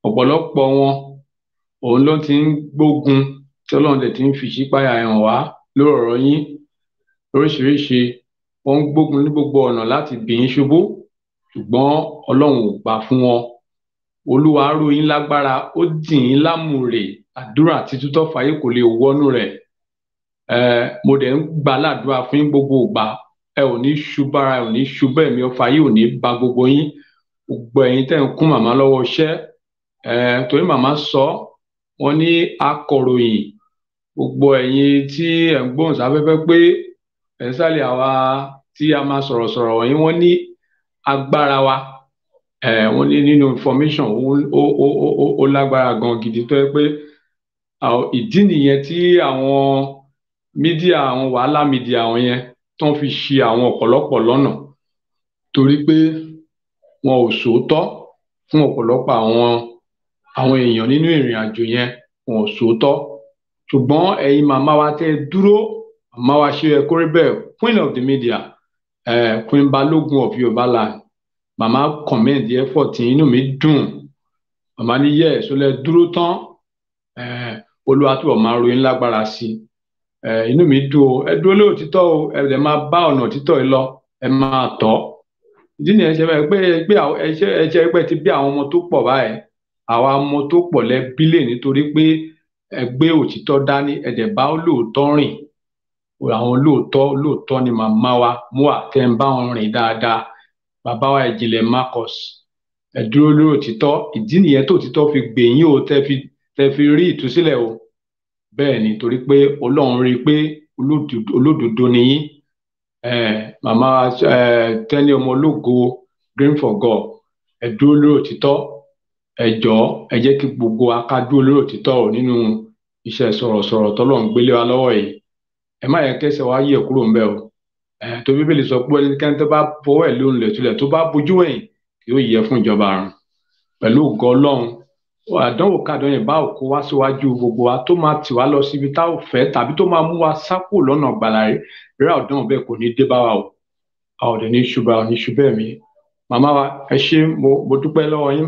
S19: ọ̀pọ̀lọpọ̀ wọn òun ló ti ń gbógun tí ọlọ́run dẹ̀ ti ń fi ìṣípayà hàn wá lórí ọ̀rọ̀ yín lóríṣiríṣi wọ́n ń gbógun ní gbogbo ọ̀nà láti bì yín ṣubú ṣùgbọ́n ọlọ́run ò gbà fún wọn olúwa ró yín lágbára ó dì yín lámùrè àdúrà títútọ́ fàyè kò lè wọnú rẹ̀ mo dẹ̀ ń gbà ládùúrà fún gbogbo ìgbà ẹ ò ní ṣubára ẹ ò ní ṣubẹ́ mi ọfà yìí ò ní ba gbogbo yín gbogbo ẹ̀yin tẹ́ ń kún màmá lọ́wọ́ iṣẹ́ torí màmá sọ wọ́n ní akọ̀ròyìn gbogbo ẹ̀yin tí ẹ̀ ń gbóhùn sáfẹ́fẹ́ pé ẹ̀ ń sálẹ̀ àwa tí a máa sọ̀rọ̀ sọ̀rọ̀ wọ̀nyí wọ́n ní agbára wa wọ́n ní nínú information ó lágbára gan gidi tó yẹ pé ìdí nìyẹn tí àwọn mídíà àwọn wàhálà mídíà àwọn yẹn tó ń fi ṣe àwọn ọ̀pọ̀lọpọ̀ lọ́nà torí pé wọn ò sòótọ́ fún ọ̀pọ̀lọpọ̀ àwọn àwọn èèyàn nínú ìrìn àjò yẹn wọn ò sòótọ́ ṣùgbọ́n ẹ̀yin màmá wa tẹ́ dúró màmá wa ṣe ẹ̀kọ́ rí bẹ́ẹ̀ queen of the media eh, queen balógun of yorùbá land màmá comment the effort inú mi dùn màmá ní yẹ ẹ̀ sọlẹ̀ dúró tán olúwa tó máa ròyìn lágbára sí i inú mi dùn o ẹ dúró lóòtítọ́ o ẹ lè máa bá ọ̀nà òtítọ́ yìí lọ ẹ máa tọ́ ìdí nìyẹn ṣe pé pé ẹṣẹ ẹgbẹ́ ti bí àwọn ọmọ tó pọ̀ báyìí àwọn ọmọ tó pọ̀ lẹ bílẹ̀ nítorí pé ẹ gbé òtítọ́ dání ẹ dẹ̀ bá olóòótọ́ rìn àwọn olóòótọ́ olóòótọ́ ni màmá wa Mua tẹ́ ń bá wọn rìn dáadáa bàbá wa ìjìnlẹ̀ Marcus ẹ dúró lórí òtítọ́ ìdí nìyẹn tó òtítọ́ fi gbèyìn o tẹ́ fi tẹ́ fi rí ìtúsílẹ̀ o bẹ́ẹ̀ ni torí pé Ọlọ́run rí i pé olódodo ni yín màmá tẹ́ni ọmọ ológo green for God ẹ dúró lórí òtítọ́ ẹ jọ̀ọ́ ẹ jẹ́ kí gbogbo akájú olóró títọ́ ò nínú iṣẹ́ sọ̀rọ̀sọ̀rọ̀ tọ́lọ̀ ń gbélé wa lọ́wọ́ yìí ẹ má yẹ kẹsẹ̀ wá yẹ̀ kúrò ńbẹ̀ o tó bíbélì sọ pé ẹnikẹ́ni tó bá fọwọ́ ẹ̀ lóhùn lẹ̀tulẹ̀ tó bá bojú wẹ̀yìn yóò yẹ fún ìjọba àrùn pẹ̀lú ògo ọlọ́run àdánwò kàdán yẹn bá òkú wá síwájú gbogbo wa tó máa tì wá lọ síbi tá ò fẹ́ tàbí tó máa mú wa sákò lọ́nà gbàlà rírà ọ̀dánwò bẹ́ẹ̀ kò ní dé bá wa o a ò ní ṣùgbọ́n ní ṣùgbọ́n mi màmá wa ẹ ṣé mo dúpẹ́ lọ́wọ́ yín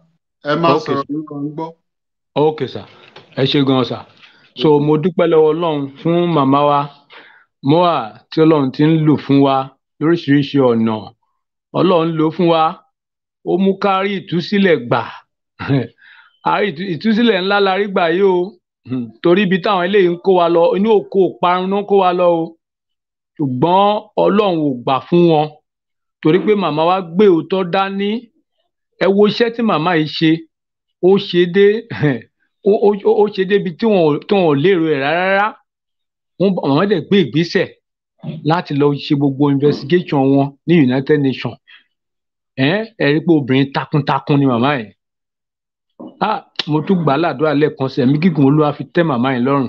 S19: ẹ má sọ̀rọ̀ nípa ń ok sir ẹ ṣe gan sir so mo dúpẹ́ lọ́wọ́ ọlọ́run fún màmá wa moa tí ọlọ́run ti ń lò fún wa lóríṣiríṣi ọ̀nà ọlọ́run lò fún wa ó mú ká rí ìtúsílẹ̀ gbà ìtúsílẹ̀ ńlá la rí gbà yìí o torí ibi táwọn eléyìí ń kó wa lọ inú òkú parun náà kó wa lọ o ṣùgbọ́n ọlọ́run ò gbà fún wọn torí pé màmá wa gbé òótọ́ dání ẹ wo iṣẹ́ tí màmá yìí ṣe ó ṣe dé ó ṣe débi tí wọn ò lérò ẹ̀ rárá màmá dẹ̀ gbé ìgbésẹ̀ láti lọ ṣe gbogbo investigation wọn ní United Nations ẹ ẹ rí pé obìnrin takuntakun ni màmá yìí ah mo tún gbà á ládùúrà lẹ́ẹ̀kan sí ẹ̀mí gígùn olúwa fi tẹ́ màmá yìí lọ́rùn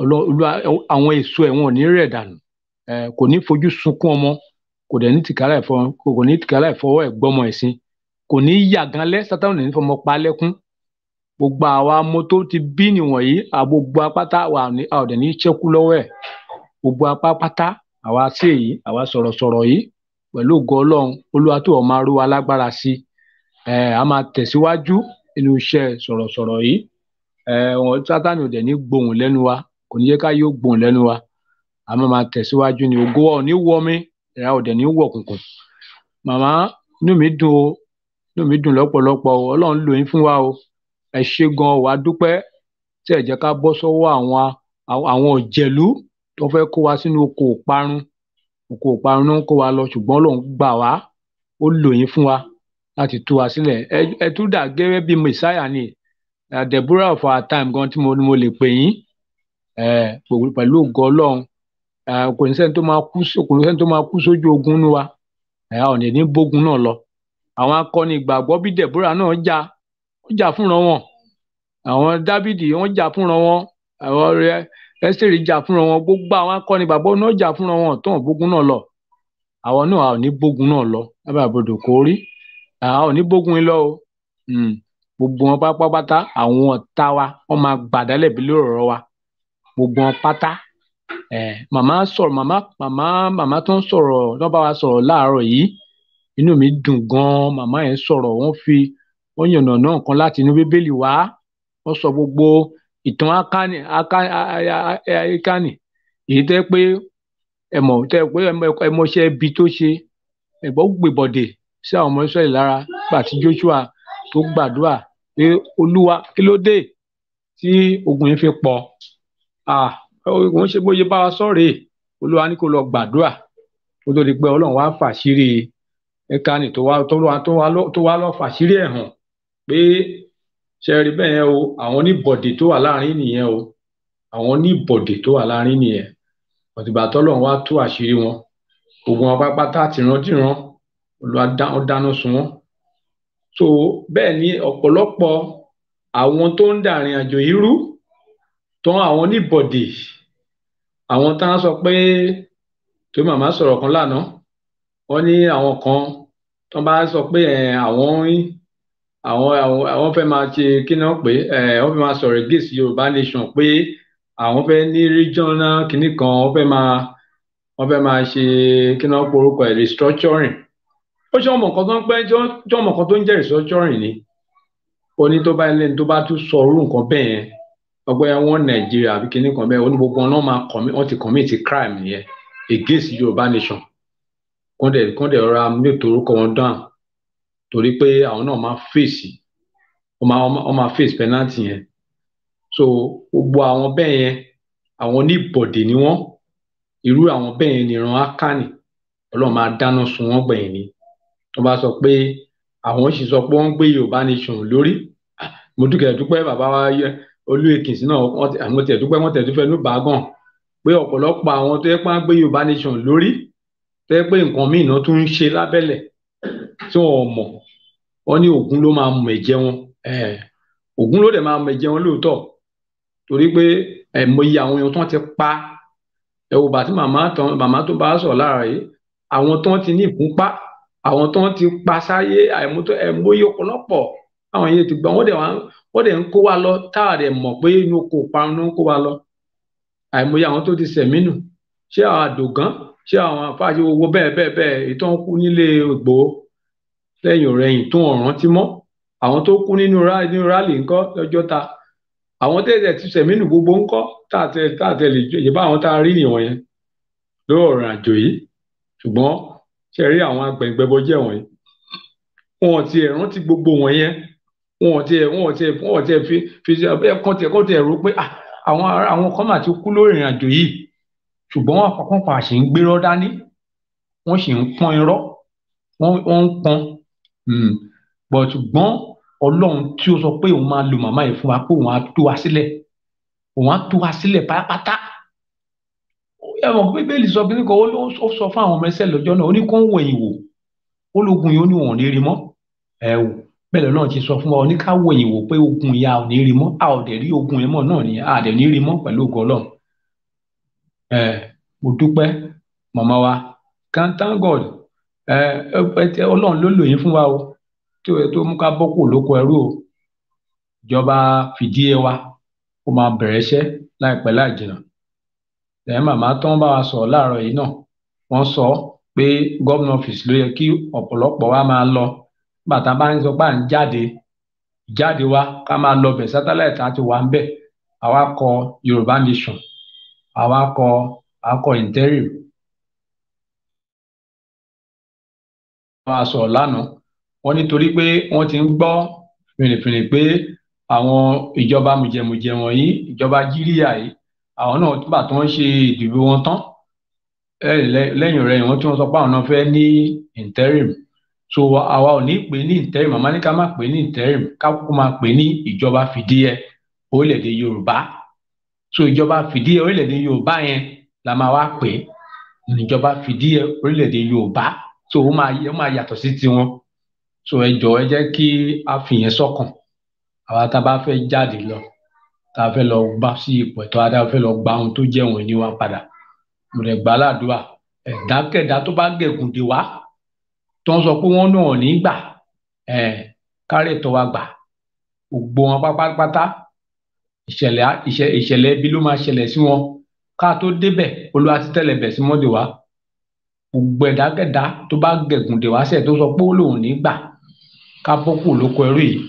S19: olúwa àwọn èso ẹ̀ wọn ò ní rẹ̀ dànù kò ní fojú sunkún ọmọ kò dẹ̀ ní tìkálà ìfọwọ́ ẹ̀ gbọ́mọ ẹ̀sìn kò ní yà gan lẹ́ sátánù ní fọmọ pa lẹ́kún gbogbo àwa mọ́tò ti bí nìwọ̀nyí àgbogbo apáta wà ní ọ̀dẹ̀ ní ṣẹ́kù lọ́wọ́ ẹ̀ gbogbo apá àwa sí èyí àwa sọ̀rọ̀sọ̀rọ̀ yìí pẹ̀lú ògo ọlọ́run olúwa tó máa rú wa sí i a máa tẹ̀síwájú nínú iṣẹ́ sọ̀rọ̀sọ̀rọ̀ yìí sátánù ọ̀dẹ̀ ní gbóhùn lẹ́nu wa kò ní yẹ ká yóò gbóhùn lẹ́nu wa a máa máa ní ògo wa ní wọ mi ẹ̀rá ọ̀dẹ̀ ní wọ̀kùnkùn màmá inú mi dùn o inú mi dùn lọ́pọ̀lọpọ̀ o ọlọ́run lò yín fún wa o ẹ ṣe gan wàá dúpẹ́ tí ẹ jẹ́ ká bọ́ sọ́wọ́ àwọn àwọn òjẹ̀lú tó fẹ́ kó wa sínú oko òparun oko òparun ló ń kó wa lọ ṣùgbọ́n ọlọ́run gbà wá ó lò yín fún wa láti tú wa sílẹ̀ ẹ tún dà gẹ́gẹ́ bí messiah ni Deborah of our time gan tí mo ni mo lè pè yín pẹ̀lú ògo ọlọ́run kò ní sẹ́ni tó máa kú sójú ogun nu wa ọ̀nà ìní bógun náà lọ àwọn akọni ìgbàgbọ́ bí Deborah náà jà wọ́n jà fúnra wọn àwọn Dábìdì wọ́n jà fúnra wọn àwọn rẹ Ẹ́sítérì jà fúnra wọn gbogbo àwọn akọni ìgbàgbọ́ náà jà fúnra wọn tó hàn bógun náà lọ àwọn náà ò ní bógun náà lọ lábàá àbòdò kò rí àwọn ò ní bógun lọ o hmm. gbogbo wọn pátápátá àwọn ọ̀tá wa wọ́n máa gbàdálẹ̀ bí lóòrọ̀ wa gbogbo wọn pátá màmá sọ̀rọ̀ màmá màmá tó ń sọ̀rọ̀ tó bá wa sọ̀rọ̀ láàárọ̀ yìí inú mi dùn gan-an màmá yẹn sọ̀rọ̀ wọ́n fi wọ́n yànnà náà kan láti inú bíbélì wá wọ́n sọ gbogbo ìtàn akani akani èyí tẹ́ pé ẹ̀mọ̀ tẹ́ pé ẹ̀mọ̀ṣẹ́ ibi tó ṣe ẹ̀gbọ́n gbèbọ̀dè sí àwọn ọmọ Ísírẹ́lì lára gbà tí Joshua tó gbàdúrà pé olúwa kí ló dé tí ogun yẹn fi pọ̀ wọ́n ṣe bóyá bá wa sọ̀rọ̀ olúwa ní kó lọ gbàdúrà kó tó di pé ọlọ́run wá fàṣírí kánì tó wá tó wá tó wá lọ fàṣírí ẹ̀ hàn pé ṣe rí bẹ́ẹ̀ yẹn o àwọn oníbọ̀dé tó wà láàrin nìyẹn o àwọn oníbọ̀dé tó wà láàrin nìyẹn ọ̀tìgbà tọ́lọ̀ wá tú àṣírí wọn ogun apápátá tìrandíran olùdáná sun wọn so bẹ́ẹ̀ ni ọ̀pọ̀lọpọ̀ àwọn tó ń dàrin àjò yìí tán àwọn oníbọ̀dé àwọn tá sọ pé tó màmá sọ̀rọ̀ kan lánàá wọ́n ní àwọn kan tó bá sọ pé àwọn àwọn àwọn fẹ́ máa ṣe kíná pé wọ́n fẹ́ máa sọ̀rọ̀ against Yorùbá nation pé àwọn fẹ́ ní regional kinní kan wọ́n fẹ́ máa wọ́n fẹ́ máa ṣe kíná porúkọ ẹ̀ restructuring ó ṣe ọmọ kan tó ń pẹ́ ṣe ọmọ kan tó ń jẹ́ restructuring ni ó ní tó bá ẹlẹ́ni tó bá tún sọ irú nǹkan bẹ́ẹ̀ yẹn ọgbẹ́ wọn Nàìjíríà àbí kinní kan bẹ́ẹ̀ ó ní gbogbo wọn náà máa wọ́n ti commit crime yẹn against Yorùbá nation kán dẹ̀ kán dẹ̀ rọra mute orúkọ wọn down torí pé àwọn náà máa face wọ́n máa wọ́n máa face penalty yẹn so gbogbo àwọn bẹ́ẹ̀ yẹn àwọn oníbọ̀dé ni wọ́n irú àwọn bẹ́ẹ̀ yẹn nìran ákàní ọlọ́run máa dáná sun wọ́n gbẹ̀yìn ni wọ́n bá sọ pé àwọn sì sọ pé wọ́n ń gbé Yorùbá nation lórí ah, mo dúkẹ́ dúpẹ́ bàbá wa yẹ olú èkìtì náà àwọn tẹ̀ dúpẹ́ wọ́n tẹ̀ dúpẹ́ ní bàágàn pé ọ̀pọ̀lọpọ̀ àwọn tó yẹ pé wọ́n gbé Yorùbá nation lórí tó yẹ pé nǹkan míì náà tún ń ṣe lábẹ́lẹ̀ tí wọn ò mọ̀ wọn ní Ògún ló máa mọ ẹ̀jẹ̀ wọn Ògún ló dẹ̀ máa mọ ẹ̀jẹ̀ wọn lóòótọ́ torí pé ẹ̀mọye àwọn èèyàn tí wọ́n ti pa ẹ̀wò bàtí màmá tán màmá tó bá sọ̀ lára yìí àwọn tí wọ́n ti ní ìfúnpá àwọn tí wọ́n ti pa sáyé ẹ̀mọye ọ̀pọ̀lọpọ̀ àwọn yìí ti gbà wọ́n dẹ̀ wọ́n dẹ̀ ń kó wa lọ táàrẹ̀ mọ̀ pé inú kò parun ló ń kó wa lọ àìmọye àwọn tó ti sẹ̀mínú ṣé àwọn àdògán ṣé àwọn afáàṣẹ gbogbo bẹ́ẹ̀ bẹ́ẹ̀ bẹ́ẹ̀ ìtọ́ ń kú nílé Ìgbòho lẹ́yìn ọ̀rẹ́yìn tún ọ̀ràn ti mọ́ àwọn tó kú nínú rálì ńkọ́ lọ́jọ́ ta àwọn tẹ̀sẹ̀ ti sẹ̀mínú gbogbo ńkọ́ tààtẹ̀ tààtẹ̀ lè jẹ́ ìbá àwọn tá a rí nìwọ̀n yẹn lórí ọ̀rọ̀ àjò yìí ṣùgbọ́n ṣe rí àwọn agbẹ̀gbẹ̀bọjẹ́ wọ̀nyí wọn ò tiẹ̀ rántí gbogbo wọn yẹn wọn ò tiẹ̀ wọn ò tiẹ̀ wọn ò tiẹ̀ fi fi ṣe ọbẹ̀ kọ́ntẹ̀ kọ́ntẹ̀ rò pé ah, àwọn kan mà ti kú lórí ìrìn àjò yìí ṣùgbọ́n àwọn kan ń gbérọ́ dání wọ́n ṣì ń pọ́n irọ́ wọ́n ń pọ́n hmm. ṣùgbọ́n ọlọ́run tí ó sọ pé òun máa lo màmá yìí fún wa pé òun á tú wa sílẹ̀ òun á tú wa sílẹ̀ pátápátá ẹ mọ̀ sọ bí nìkan ó sọ fún àwọn ọmọ ẹsẹ̀ lọ́jọ́ náà ó ní kó ń wẹ̀yìn wò ó lógun yìí ó ní wọn ò mọ́ ẹ bẹ́ẹ̀ lọ́nà ti sọ fún wa ó ní ká wẹ̀yìn wò pé ogun yìí a ò ní rí mọ́ a ò dẹ̀ rí ogun yẹn mọ́ náà ni a dẹ̀ ní rí mọ́ pẹ̀lú ògo ọlọ́run um mo dúpẹ́ wa can God ọlọ́run ló lò fún wa o tí ó tó mú ká bọ́ kúrò lóko ẹrú o ìjọba fìdíhe wa máa bẹ̀rẹ̀ iṣẹ́ láìpẹ́ màmá tó ń bá wa sọ̀rọ̀ láàárọ̀ yìí sọ pé gómìnà ló yẹ kí ọ̀pọ̀lọpọ̀ wa máa lọ bàtà bá ń sọ pé lọ bẹ̀ sátáláìtì àti wà ń bẹ̀ kọ Yorùbá Nation àwa kọ akọ interim máa sọ lánàá wọ́n nítorí pé wọ́n ti ń gbọ́ fìrìfìrì pé àwọn ìjọba mùjẹmùjẹ wọ̀nyí ìjọba jíríà yìí àwọn náà nígbà tó ń ṣe ìdìbò wọn tán lẹ́yìn rẹ̀ wọ́n tí wọ́n sọ pé àwọn náà fẹ́ ní interim so àwa ò ní pè ní interim àmọ́ ní ká má pè ní interim ká kúkú máa pè ní ìjọba fìdíhẹ orílẹ̀ Yorùbá so ìjọba fìdí orílẹ̀-èdè yorùbá yẹn la máa wá pè é ìjọba fìdí orílẹ̀-èdè yorùbá so ó máa ó máa yàtọ̀ sí tiwọn so ẹ jọ̀ọ́ ẹ jẹ́ kí a fìyẹn sọ́kàn àwa tá a bá fẹ́ jáde lọ tá a fẹ́ lọ bá sí ipò ẹ̀tọ́ adá fẹ́ lọ gba ohun tó jẹ́ wọn ní wa padà mo rẹ̀ gbà ládùúrà ẹ̀dákẹ́dá tó bá gẹ̀gùn dè wá tó ń sọ pé wọ́n náà ní gbà kárẹ̀ tó wa gbà gbogbo wọn pátápátá ìṣẹ̀lẹ̀ ìṣẹ̀lẹ̀ ibi ló máa ṣẹlẹ̀ sí wọn ká tó débẹ̀ olúwa ti tẹ́lẹ̀ bẹ̀ sí mọ́dé wa gbogbo ẹ̀dákẹ́dá tó bá gẹ̀gùn dè wá sẹ̀ tó sọ pé ó lòun ní gbà ká bọ́ kù ló kọ ẹrú yìí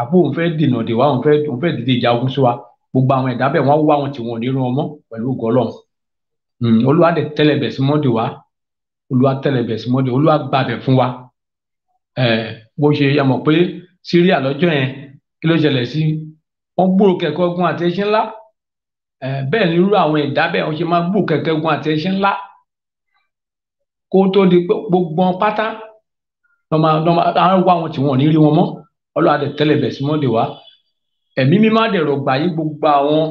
S19: àbó òun fẹ́ dènà dè wá òun fẹ́ dìde ìjà ogun sí wa gbogbo àwọn ẹ̀dá bẹ̀ wọ́n wá wọn tí wọn ò ní rún ọmọ pẹ̀lú ògo Ọlọ́run hmm, olúwa dẹ̀ tẹ́lẹ̀ bẹ̀ sí mọ́dé wa olúwa tẹ́lẹ̀ bẹ̀ sí mọ́dé olúwa gbàbẹ̀ fún wa bó ṣe yẹ mọ̀ pé síríà lọ́jọ́ yẹn kí ló ṣẹlẹ̀ sí wọ́n gbúrò kẹ̀kẹ́ ogun àti ẹṣin ńlá bẹ́ẹ̀ ni irú àwọn ẹ̀dá bẹ́ẹ̀ wọ́n ṣe máa gbúrò kẹ̀kẹ́ ogun àti ẹṣin ńlá kó tó di gbogbo wọn pátá àwọn wá wọn tí wọn ò ní rí wọn mọ́ ọlọ́run adẹ tẹ́lẹ̀ bẹ̀ sí mọ́ndé wá ẹ̀mí mímọ́ àdẹ̀rọ̀ gbà yí gbogbo àwọn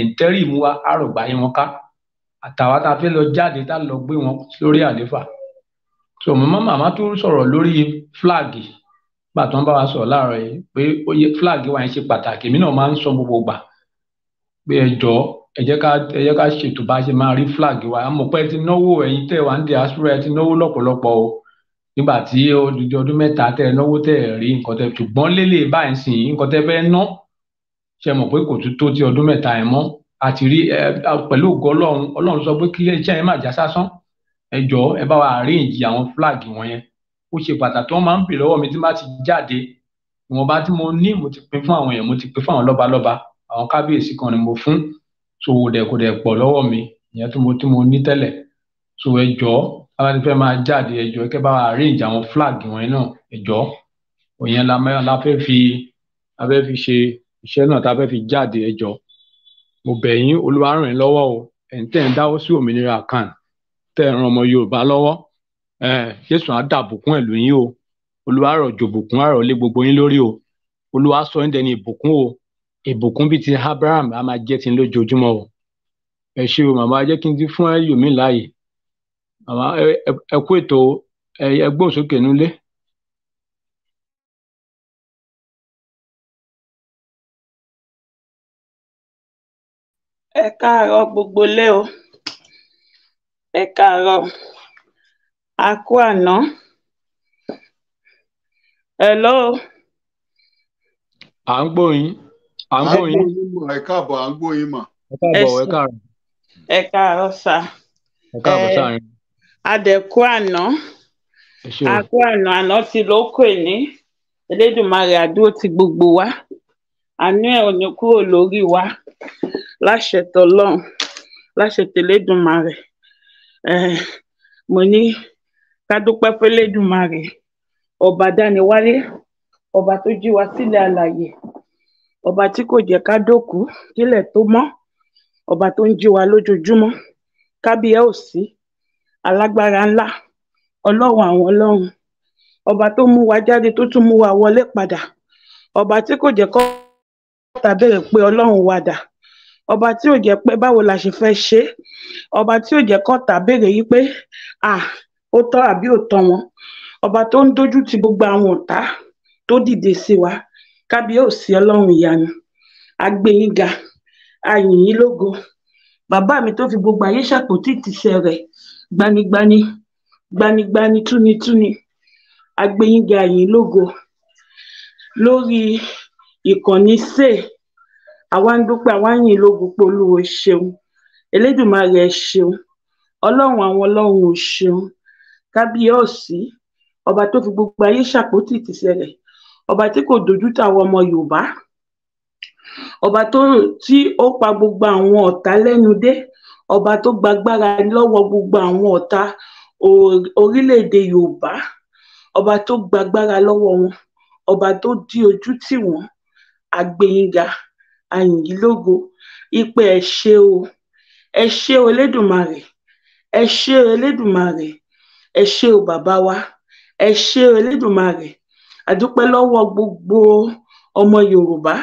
S19: ìntẹ́rì mú wa àrò gbà yí wọn ká àtàwọn tá a fẹ́ lọ jáde tá a lọ gbé wọn lórí àléfà so màmá màmá tó sọ̀rọ̀ lórí fúláàgì gbà tó ń bá wa sọ̀rọ̀ láàárọ̀ yìí pé oye flag wa yẹn ṣe pàtàkì èmi náà máa ń sọ gbogbo gbà pé ẹ jọ ẹ jẹ́ ká ẹ jẹ́ ká ṣètò bá ṣe máa rí flag wa àmọ́ pé ẹ ti náwó ẹ̀yin tẹ̀ wá ń diaspora ẹ ti náwó lọ́pọ̀lọpọ̀ o nígbà tí odidi ọdún mẹ́ta tẹ̀ náwó tẹ̀ rí nǹkan tẹ̀ ṣùgbọ́n lélẹ̀ báyìí sìn nǹkan tẹ̀ fẹ́ ná ṣe mọ̀ pé kò tún tó ti ọdún mẹ́ta ẹ̀ mọ́ àti rí ẹ pẹ̀lú ògo ọlọ́run ọlọ́run sọ pé kí iléeṣẹ́ yẹn má já sásán ẹ jọ ẹ bá wa arrange àwọn flag wọ̀nyẹn ó ṣe pàtàkì wọ́n máa ń bè lọ́wọ́ mi tí má ti jáde ìwọ̀nba tí mo ní mo ti pín fún àwọn èèyàn mo ti pín fún àwọn lọ́balọ́ba àwọn kábíyèsí kan ni mo fún so wò dẹ̀ kò dẹ̀ pọ̀ lọ́wọ́ mi ìyẹn tí mo tí mo ní tẹ́lẹ̀ so ẹ jọ̀ọ́ fẹ́ máa jáde ẹ kẹ́ bá wa arrange àwọn flag wọn náà ẹ jọ̀ọ́ òyìn la fẹ́ fi la fẹ́ fi ṣe iṣẹ́ náà tá a fẹ́ fi jáde ẹ mo bẹ̀ yín olúwa ràn yín lọ́wọ́ o ẹ̀ ń tẹ̀ ń dáwọ́ sí òmìnira kan tẹ̀ ń ọmọ Yorùbá lọ́wọ́ jésù á dàbùkún ẹ̀lú yín o olúwa àròjò bùkún àròlé gbogbo yín lórí o olúwa sọ yín dẹni ìbùkún o ìbùkún bíi ti abraham á máa jẹ́ ti ń lójoojúmọ́ o ẹ ṣe o màmá jẹ́ kí n ti fún ẹlòmíì láàyè màmá ẹ kú ètò ẹgbọ́n sókè nulẹ̀.
S3: ẹ káàárọ̀ gbogbo lé o ẹ káàárọ̀. akú aná. Hello. À
S19: ń gbọ́ yín. À ń gbọ́ yín.
S17: Ẹ káàbọ̀, à ń gbọ́ yín mà. Ẹ káàbọ̀, ẹ káàárọ̀.
S2: Ẹ káàárọ̀ sà.
S19: Ẹ káàbọ̀ sáàrin.
S2: Adẹ̀kú àná. Akú àná àná ti lóko ìní. Elédùmarè ti gbogbo wa. Àánú ẹ̀ ò ní kúrò lórí wa. Láṣẹ tọlọ́run. Láṣẹ ẹ Mo ní. ká dúpẹ́ fẹ́lẹ́dùmarè ọba dániwálé
S4: ọba tó jí wa sílẹ̀ alàyè
S2: ọba tí kò jẹ́ ká dòkú kílẹ̀ tó mọ́ ọba tó ń jí wa lójoojúmọ́ kábíyá ò sí alágbára ńlá ọlọ́run àwọn ọlọ́run ọba tó mú wa jáde tó tún mú wa wọlé padà ọba tí kò jẹ́ kọ́ tàbẹ̀rẹ̀ pé ọlọ́run wa ọba tí ò jẹ́ pé báwo la ṣe fẹ́ ṣe ọba tí ò jẹ́ kọ́ tàbẹ̀rẹ̀ yìí pé à. Ah, ó tọ́ àbí ó tọ́ wọn ọba tó ń dojú ti gbogbo àwọn ọ̀tá tó dìde sí wa kábíyèsí ọlọ́run ìyanu agbẹ̀yìn ga ayìnyín lógo bàbá mi tó fi gbogbo ayé ṣàpótí ìtìsẹ̀ rẹ̀ gbanigbani gbanigbani túnitúni agbẹ̀yìn ga ayìnyín lógo lórí ìkànnì ṣe àwa ń dúpẹ́ àwa ń yìn lógo pé olúwo ṣeun elédùnmarè ẹ ṣeun ọlọ́run àwọn ọlọ́run ò ṣeun kábíyèsí ọba tó fi gbogbo ayé ṣàpótì ti ṣẹlẹ̀ ọba tí kò dojú tàwọn ọmọ yorùbá ọba tó tí ó pa gbogbo àwọn ọ̀tá lẹ́nu dé ọba tó gbàgbára lọ́wọ́ gbogbo àwọn ọ̀tá orílẹ̀-èdè yorùbá ọba tó gbàgbára lọ́wọ́ wọn ọba tó di ojú tì wọ́n àgbẹ̀yìnga àyìnlógo ìpè ẹ ṣé o ẹ ṣé o elédùnmarè ẹ ṣé o elédùnmarè ẹ ṣé o bàbá wa ẹ ṣé o Elédùmarè àdúpẹ́ lọ́wọ́ gbogbo ọmọ Yorùbá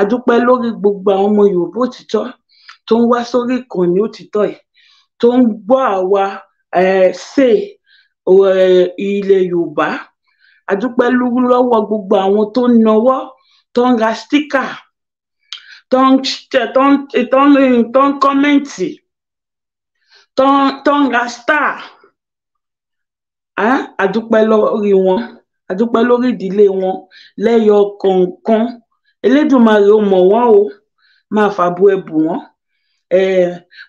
S2: àdúpẹ́ lórí gbogbo àwọn ọmọ Yorùbá òtítọ́ tó ń wá sórí ìkànnì òtítọ́ yìí tó ń gbọ́ àwa ṣe ilẹ̀ Yorùbá àdúpẹ́ lọ́wọ́ gbogbo àwọn tó ń nawọ́ tó ń ra stíkà tó ń kọ́mẹ́ǹtì tó ń ra star àdúpẹ́ lórí wọn àdúpẹ́ lórí ìdílé wọn lẹ́yọ kọ̀ọ̀kan elédùnmarè ó mọ̀ wọ́n o máa fàbọ ẹ̀bù wọn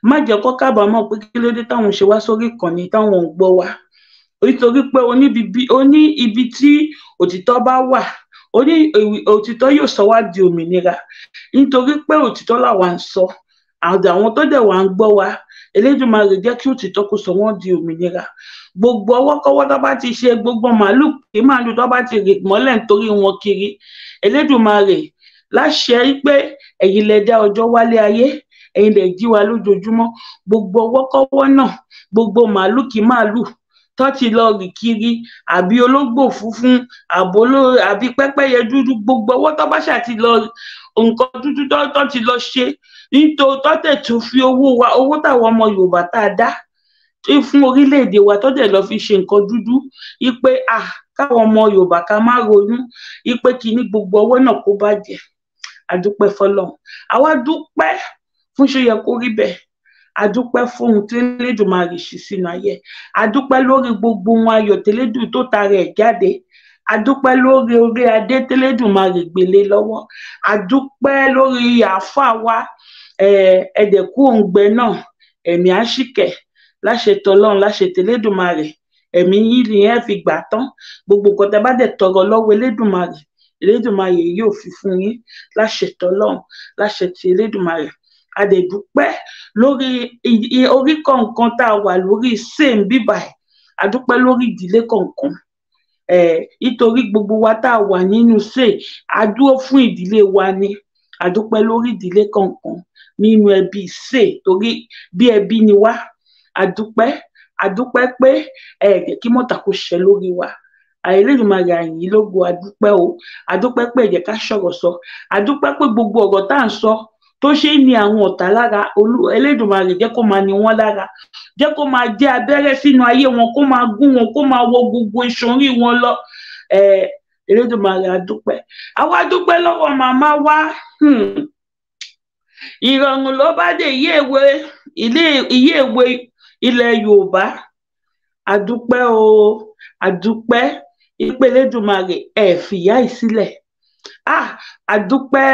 S2: má jẹ́ kó kábàámọ̀ pé kí ló dé táwọn ṣe wá sórí ìkànnì táwọn ń gbọ́ wa nítorí pé ó ní ibi tí òtítọ́ bá wà ó ní òtítọ́ yóò sọ wá di òmìnira nítorí pé òtítọ́ làwa ń sọ àwọn tó dẹ̀ wá ń gbọ́ wa Elédùmarè jẹ́ kí òtítọ́ kó sọ wọ́n di òmìnira gbogbo ọwọ́kọ́wọ́ tó bá ti ṣe gbogbo màálù kí màálù tó bá ti rè mọ́lẹ̀ nítorí wọn kiri Elédùmarè láṣẹ pé ẹ̀yin lẹ dá ọjọ́ wálé ayé ẹ̀yin lẹ jí wa lójoojúmọ́ gbogbo ọwọ́kọ́wọ́ náà gbogbo màálù kí màálù tó ti lọ rì kiri àbí ológbò funfun àbóló àbí pẹ́pẹ́yẹ dúdú gbogbo ọwọ́ tó bá ṣà ti lọ nǹkan dúdú tó ti lọ ṣe nítorí tó tẹ̀ tún fi owó wa owó táwọn ọmọ Yorùbá tá a dá fún orílẹ̀-èdè wa tọ́jẹ̀ lọ fi ṣe nǹkan dúdú ipe ah káwọn ọmọ yorùbá ká má ronú ipe kíní gbogbo ọwọ́ náà kó bàjẹ́ àdúpẹ́ fọlọ́run àwa dúpẹ́ fún ṣe yẹ kó rí bẹ́ẹ̀ adúpẹ́ fún ohun tí Elédùmarè ṣí sínú ayé adúpẹ́ lórí gbogbo ohun ayọ̀ tẹ́lẹ́dù tó tara ẹ̀ jáde adúpẹ́ lórí orí adé tẹ́lẹ́dùmarè gbélé lọ́wọ́ adúpẹ́ lórí àáfàá wa ẹ̀ẹ́dẹ̀kú òǹgbẹ náà ẹ̀mí àṣìkẹ́ láṣẹ tọlọ́run láṣẹ tẹlẹ́dùmarè ẹ̀mí yìí ni ẹ fi gbà tán gbogbo nǹkan tẹ́ bá dẹ̀ tọrọ lọ́wọ́ elédùmarè elédùmarè yóò fi fún yín láṣẹ tọlọ́run láṣẹ ti elédùmarè àdẹ̀dúpẹ́ lórí orí kọ̀ọ̀kan tá a wà lórí same bíbà ẹ̀ àdúpẹ́ lórí ìdílé kọ̀ọ̀kan nítorí gbogbo wa tá a wà nínú sèé àdúró fún ìdílé wa ni àdúpẹ́ lórí ìdílé kọ̀ọ̀kan nínú ẹbí sèé torí bí ẹbí ni wá àdúpẹ́ àdúpẹ́ pé ẹ jẹ́ kí mọ̀tà kò ṣẹ lórí wa àìlèdùnmáyà yìí lógo àdúpẹ́ o àdúpẹ́ pé ẹ jẹ́ ká sọ̀rọ̀ sọ àdúpẹ́ pé gbogbo ọ̀rọ̀ tá à ń sọ tó ṣe ní àwọn ọ̀tá lára olú Elédùmarè jẹ́ kó máa ní wọ́n lára jẹ́ kó máa jẹ́ abẹ́rẹ́ sínú ayé wọn kó máa gún wọn kó máa wọ gbogbo iṣan wọn lọ Elédùmarè àdúpẹ́ àwa dúpẹ́ lọ́wọ́ màmá wa hmm. ìrọ̀rùn ló bá dé ìyé ìwé ilẹ̀ yorùbá àdúpẹ́ o àdúpẹ́ ìpẹ̀lẹ́dùmarè ẹ̀ fìyà ìsílẹ̀ ah àdúpẹ́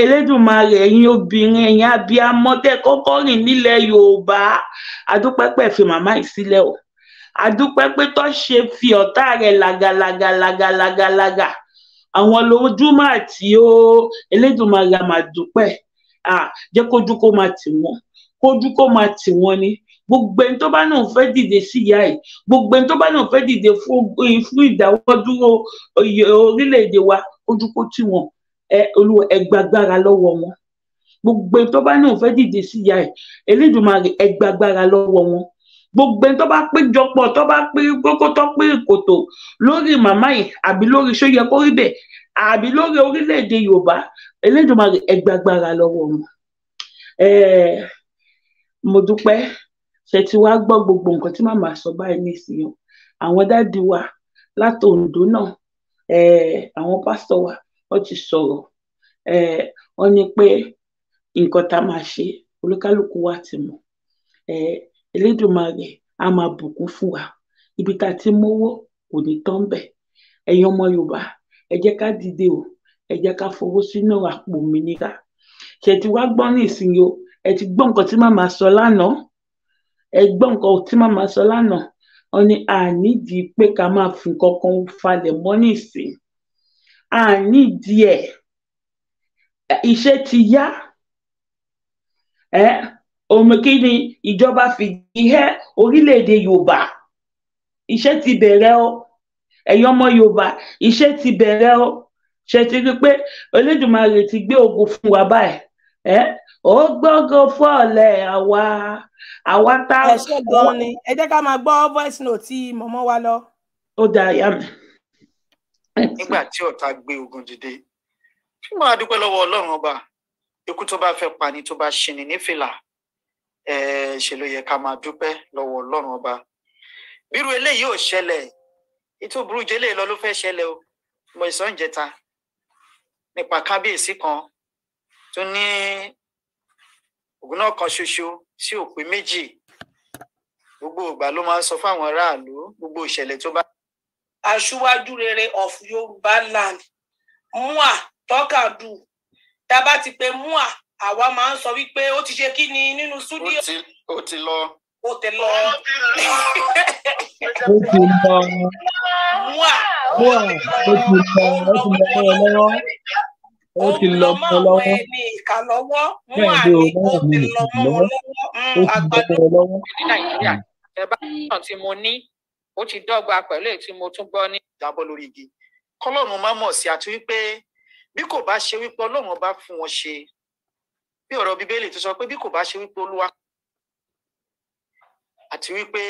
S2: elédùmarè ẹ̀yin obìnrin ẹ̀yin abiyamọ tẹ́ kọ́kọ́ rìn nílẹ̀ yorùbá àdúpẹ́ pẹ̀ fi màmá ìsílẹ̀ o àdúpẹ́ pé tó ṣe fi ọ̀tá rẹ̀ làgàlàgàlàgàlàgà àwọn lójúmọ́ àti ó elédùmarè àmàdúpẹ́ ah jẹ́ kójú kó máa tì wọ́n kójú kó máa tì wọ́n ni gbogbo ẹni tó bá náà fẹ́ dìde sí ìyá ẹ̀ gbogbo ẹni tó bá náà fẹ́ dìde fún ìdáwọ́dúró orílẹ̀-èdè wa ojú kó tì wọ́n olúwa ẹ gbàgbára lọ́wọ́ wọn gbogbo ẹni tó bá náà fẹ́ dìde sí ìyá ẹ̀ Elédùmarè ẹ gbàgbára lọ́wọ́ wọn gbogbo ẹni tó bá péjọpọ̀ tó bá pé kókó tó pé kòtò lórí màmá yìí àbí lórí sóyẹ kó rí bẹ́ẹ̀ àbí lórí orílẹ̀-èdè Yorùbá Elédùmarè ẹ gbàgbára lọ́wọ́ wọn mo dúpẹ́ ṣe ti wá gbọ́ gbogbo nǹkan tí màmá sọ báyìí nísìnyí àwọn dáàdi wa láti Ondo náà àwọn pásítọ̀ wa wọ́n ti sọ̀rọ̀ wọ́n ní pé nǹkan tá a máa ṣe olúkálùkù wa ti mọ̀ Elédùmarè a máa bùkún fún wa ibi tá a ti mówó kò ní tán bẹ̀ ẹ̀yin ọmọ Yorùbá ẹ jẹ́ ká dìde o ẹ jẹ́ ká fowó sínú àpò òmìnira ṣe ti wá gbọ́ ní ẹ ti gbọ́ nǹkan tí màmá sọ lánàá ẹ̀gbọ́n nǹkan tí màmá sọ lánàá wọn ni ànídìí pé ká máa fi nǹkan kan falẹ̀ mọ́ nísìn ànídìí ẹ̀ iṣẹ́ ti yá ẹ́ òun kí ni ìjọba fìdí hẹ́ orílẹ̀-èdè Yorùbá iṣẹ́ ti bẹ̀rẹ̀ o ẹ̀yin ọmọ Yorùbá iṣẹ́ ti bẹ̀rẹ̀ o ṣe ti rí i pé Olódùmarè ti gbé ogun fún wa báyìí ó gbọ́ngàn fọ́ọ̀lẹ̀ àwa àwa tá a. ẹ ṣe gan ni ẹ jẹ́ ká máa gbọ́ voice note tí mọ̀mọ́ wa lọ. ó da ìyá mi.
S15: nígbà tí ọ̀tá gbé ogun dìde fí máa dúpẹ́ lọ́wọ́ ọlọ́run ọba ikú tó bá fẹ́ pa ni tó bá ṣe ni nífìlà
S14: ṣe ló yẹ ká máa dúpẹ́ lọ́wọ́ ọlọ́run ọba bírú eléyìí ò ṣẹlẹ̀ ètò burújẹ́ lè lọ ló fẹ́ ṣẹlẹ̀ o mo ìsọ̀njẹta nípa kábíyèsí kan tó ní ògùn náà kan ṣoṣo sí òpin
S15: méjì gbogbo ìgbà ló máa ń sọ fáwọn aráàlú gbogbo ìṣẹ̀lẹ̀ tó bá. aṣíwájú rere of yorùbá land mua tọkàdù
S2: tá a bá ti pe mua àwa máa ń sọ wípé ó ti ṣe kí ni nínú súdíò. ó ti lọ. ó ti lọ. ó ti lọ. mua. mua ó ti lọ ó ti lọ lọ́wọ́ lọ́wọ́ ó ti lọ mọ lọ́wọ́ ẹni
S12: ìka lọ́wọ́ wọn à ní ó ti lọ mọ wọn lọ́wọ́ agbádùn
S3: ní nàìjíríà hmm.
S12: ẹ̀bá náà tí mo ní ó ti dọ́gba pẹ̀lú èyí tí mo tún gbọ́ ní ìjábọ̀ lórí igi kọ́lọ́run má mọ̀ sí àti wípé bí kò bá ṣe wípé
S14: ọlọ́run bá fún wọn ṣe bí ọ̀rọ̀ bíbélì tó sọ pé bí kò bá ṣe wípé olúwa
S15: àti wípé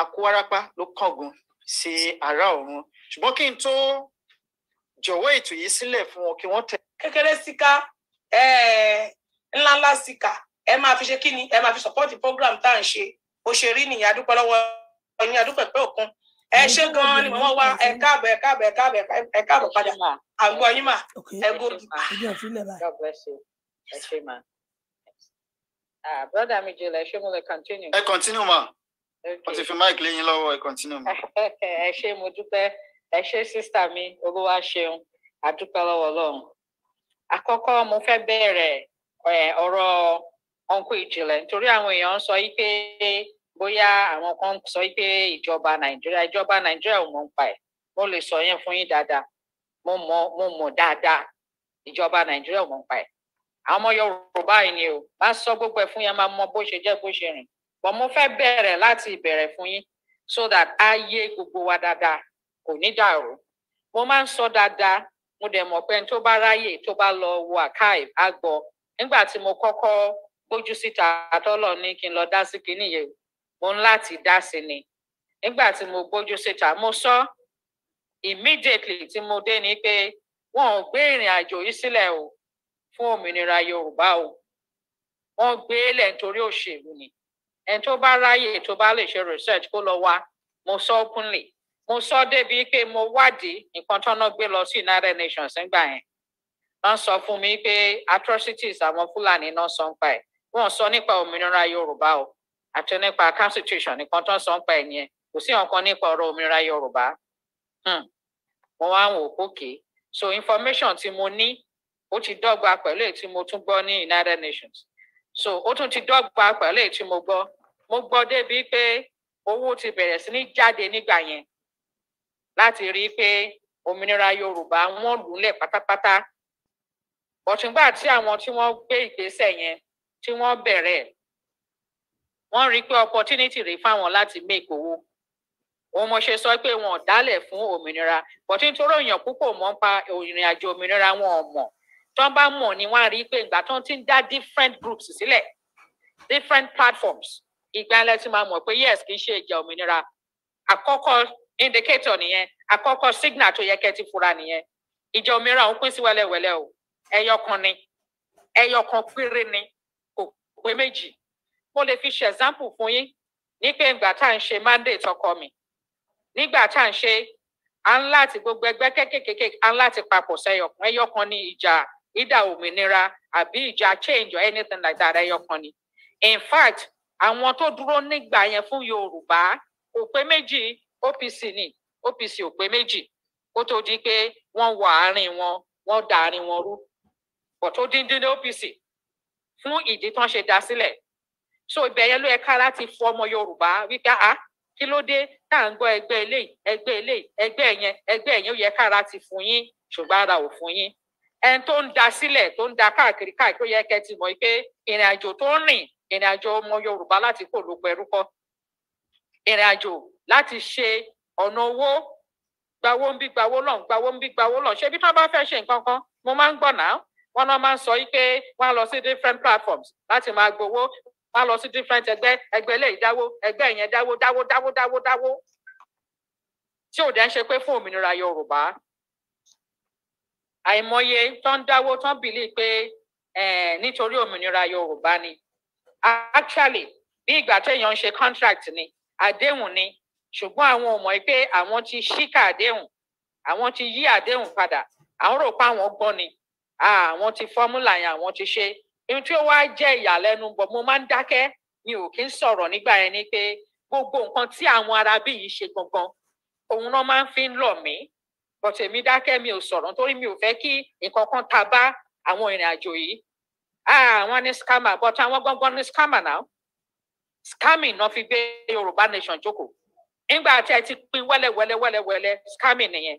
S15: akúwárápá ló kángun sí ará ọ̀run ṣùgbọ́n kí n tó jọ̀wọ́ ètò yìí sílẹ̀ fún wọn kí wọ́n tẹ̀ kékeré
S2: síká ńláńlá síká ẹ máa fi ṣe kí ni ẹ máa fi support program tá à ń ṣe bó ni rí nìyí adúpẹ́ lọ́wọ́ ẹ̀yin adúpẹ́ pé òkun ẹ ṣe gan-an ni mọ́ wa ẹ
S12: káàbọ̀ ẹ káàbọ̀ ẹ káàbọ̀ ẹ káàbọ̀ padà àgọ́ yín mà ẹ gòkè. Ah, brother mi jùlọ, ṣé continue? Ẹ continue ma. Wọ́n ti fi mic lé yín lọ́wọ́, ẹ continue ma. Ẹ ṣé mo dúpẹ́, ẹ ṣé sísá mi, olúwa ṣeun, àdúpẹ́ lọ́wọ́ Ọlọ́run àkọ́kọ́ mo fẹ́ bẹ̀rẹ̀ ọ̀rọ̀ ọ̀nkú ìjìnlẹ̀ nítorí àwọn èèyàn ń sọ yí pé bóyá àwọn kan sọ yí pé ìjọba nàìjíríà ìjọba nàìjíríà ò mọ̀ nípa ẹ̀ mo lè sọ yẹn fún yín dáadáa mo mọ̀ mo mọ̀ dáadáa ìjọba nàìjíríà ò mọ̀ nípa ẹ̀ àwọn ọmọ yorùbá yìí ni o bá sọ gbogbo ẹ̀ fún yẹn máa mọ bó ṣe jẹ́ bó ṣe rìn but mo fẹ́ bẹ̀rẹ̀ láti ìbẹ̀rẹ̀ fún yín so that á yé gbogbo wa dáadáa kò ní dàrú mo máa ń sọ dáadáa mo dẹ̀ mọ̀ pé ẹni tó bá ráyè tó bá lọ wo archive á gbọ́ nígbà tí mo kọ́kọ́ gbójú síta àtọ́lọ̀ ní kí n lọ dá sí kinní yẹn mo ń láti dá sí ni nígbà tí mo gbójú síta mo sọ immediately tí mo dé ni pé wọn ò gbé ìrìn àjò yìí sílẹ̀ o fún òmìnira yorùbá o wọn gbé e lẹ̀ nítorí òṣèlú ni ẹni tó bá ráyè tó bá lè ṣe research kó lọ wá mo sọ openly mo sọ débi pé mo wádìí nǹkan tọ́nà gbé lọ sí United Nations nígbà yẹn wọ́n sọ fún mi pé atrocities àwọn Fúlàní náà sọ ń pa ẹ̀ wọ́n sọ nípa òmìnira Yorùbá o àti nípa constitution nìkan tó ń sọ ń pa ẹ̀ yẹn kò sí nǹkan nípa ọ̀rọ̀ òmìnira Yorùbá hmm. mo wá ń wò kókè so information tí mo ní ó ti dọ́gba pẹ̀lú èyí tí mo tún gbọ́ ní United Nations so ó tún ti dọ́gba pẹ̀lú èyí tí mo gbọ́ mo gbọ́ débi pé owó ti bẹ̀rẹ̀ sí ní jáde nígbà yẹn láti rí i pé òmìnira yorùbá wọ́n lùlẹ̀ pátápátá bọ̀túngbà tí àwọn tí wọ́n gbé ìgbésẹ̀ yẹn tí wọ́n bẹ̀rẹ̀ wọ́n rí i pé opportunity rèé fáwọn láti make owó òun sọ pé wọn ò fún òmìnira bọ̀tí èèyàn púpọ̀ mọ́ pa ìrìn àjò òmìnira wọn ò mọ̀ tó bá mọ̀ ni wọ́n rí i pé ìgbà tó ti dá different groups sílẹ̀ different platforms ìgbà tí máa mọ̀ pé yes kì í ṣe ìjà òmìnira àkọ́kọ́ indicator nìyẹn àkọ́kọ́ signal tó yẹ kẹ́ ti fura nìyẹn ìjẹ òmíràn òun pín sí wẹ́lẹ́wẹ́lẹ́ o ẹyọkan ni ẹyọkan péré ni kò pé méjì mo lè fi ṣe example fún yín ní pé ìgbà tá à ń ṣe mandate ọkọ mi nígbà tá à ń ṣe à ń láti gbogbo ẹgbẹ́ kékèké à ń láti papọ̀ sẹ́yọkan ẹyọkan ni ìjà ìdá òmìnira àbí ìjà change or anything like that ẹyọkan ni in fact àwọn tó dúró nígbà yẹn fún yorùbá kò pé méjì OPC ni OPC ò pé méjì kó tó di pé wọ́n wọ àárín wọn wọ́n da wọn rú bọ̀ tó díndín ní OPC fún ìdí tán ṣe dá sílẹ̀ so ibẹ̀ yẹn ló yẹ ká láti fọ ọmọ Yorùbá wípé a ah, kí ló dé tá à ń gbọ́ ẹgbẹ́ eléyìí ẹgbẹ́ eléyìí ẹgbẹ́ yẹn ẹgbẹ́ yẹn ó yẹ ká láti fún yín ṣùgbọ́n ara ò fún yín ẹni tó ń da sílẹ̀ tó ń da káàkiri káàkiri ó yẹ kẹ́ ti mọ̀ pé ìrìn tó ń rìn ìrìn ọmọ Yorùbá láti kó lóko ẹrú kọ́ ìrìn láti ṣe ọ̀nà owó gbawó ń bí gbawó lọ́n gbawó ń bí gbawó lọ́n ṣé bí wọ́n bá fẹ́ ṣe nǹkan kan mo máa ń gbọ́ náà wọn náà máa ń sọ wípé wọ́n á lọ sí different platforms láti máa gbowó wọ́n á lọ sí different ẹgbẹ́ ẹgbẹ́ ilé ìdáwó ẹgbẹ́ ìyẹn dáwó dáwó dáwó dáwó dáwó tí ò dẹ́ ń ṣe pé fún òmìnira Yorùbá àìmọye tó ń dáwó tó ń bìlí pé nítorí òmìnira Yorùbá ni actually bí ìgbà téèyàn ń ṣe contract ni àdéhùn ni ṣùgbọ́n àwọn ò mọ̀ pé àwọn ti ṣíkà àdéhùn àwọn ti yí àdéhùn padà àwọn rò pé àwọn gbọ́n ni àwọn ti fọ́múlà yẹn àwọn ti ṣe ohun tí ó wá jẹ́ ìyàlẹ́nu bọ̀ mo máa ń dákẹ́ mi ò kí ń sọ̀rọ̀ nígbà yẹn ni pé gbogbo nǹkan tí àwọn arábí yìí ṣe gangan òun náà máa ń fi ń lọ̀ mí bọ̀tẹ̀ mi dákẹ́ mi ò sọ̀rọ̀ nítorí mi ò fẹ́ kí nǹkan kan ta bá àwọn ìrìn àjò yìí àwọn ní scammer bọ̀tẹ̀ àwọn gangan ní scammer náà scamming náà fi gbé Yorùbá nation jókòó nígbà tí ẹ ti pín wẹ́lẹ́wẹ́lẹ́ wẹ́lẹ́wẹ́lẹ́ scamming nìyẹn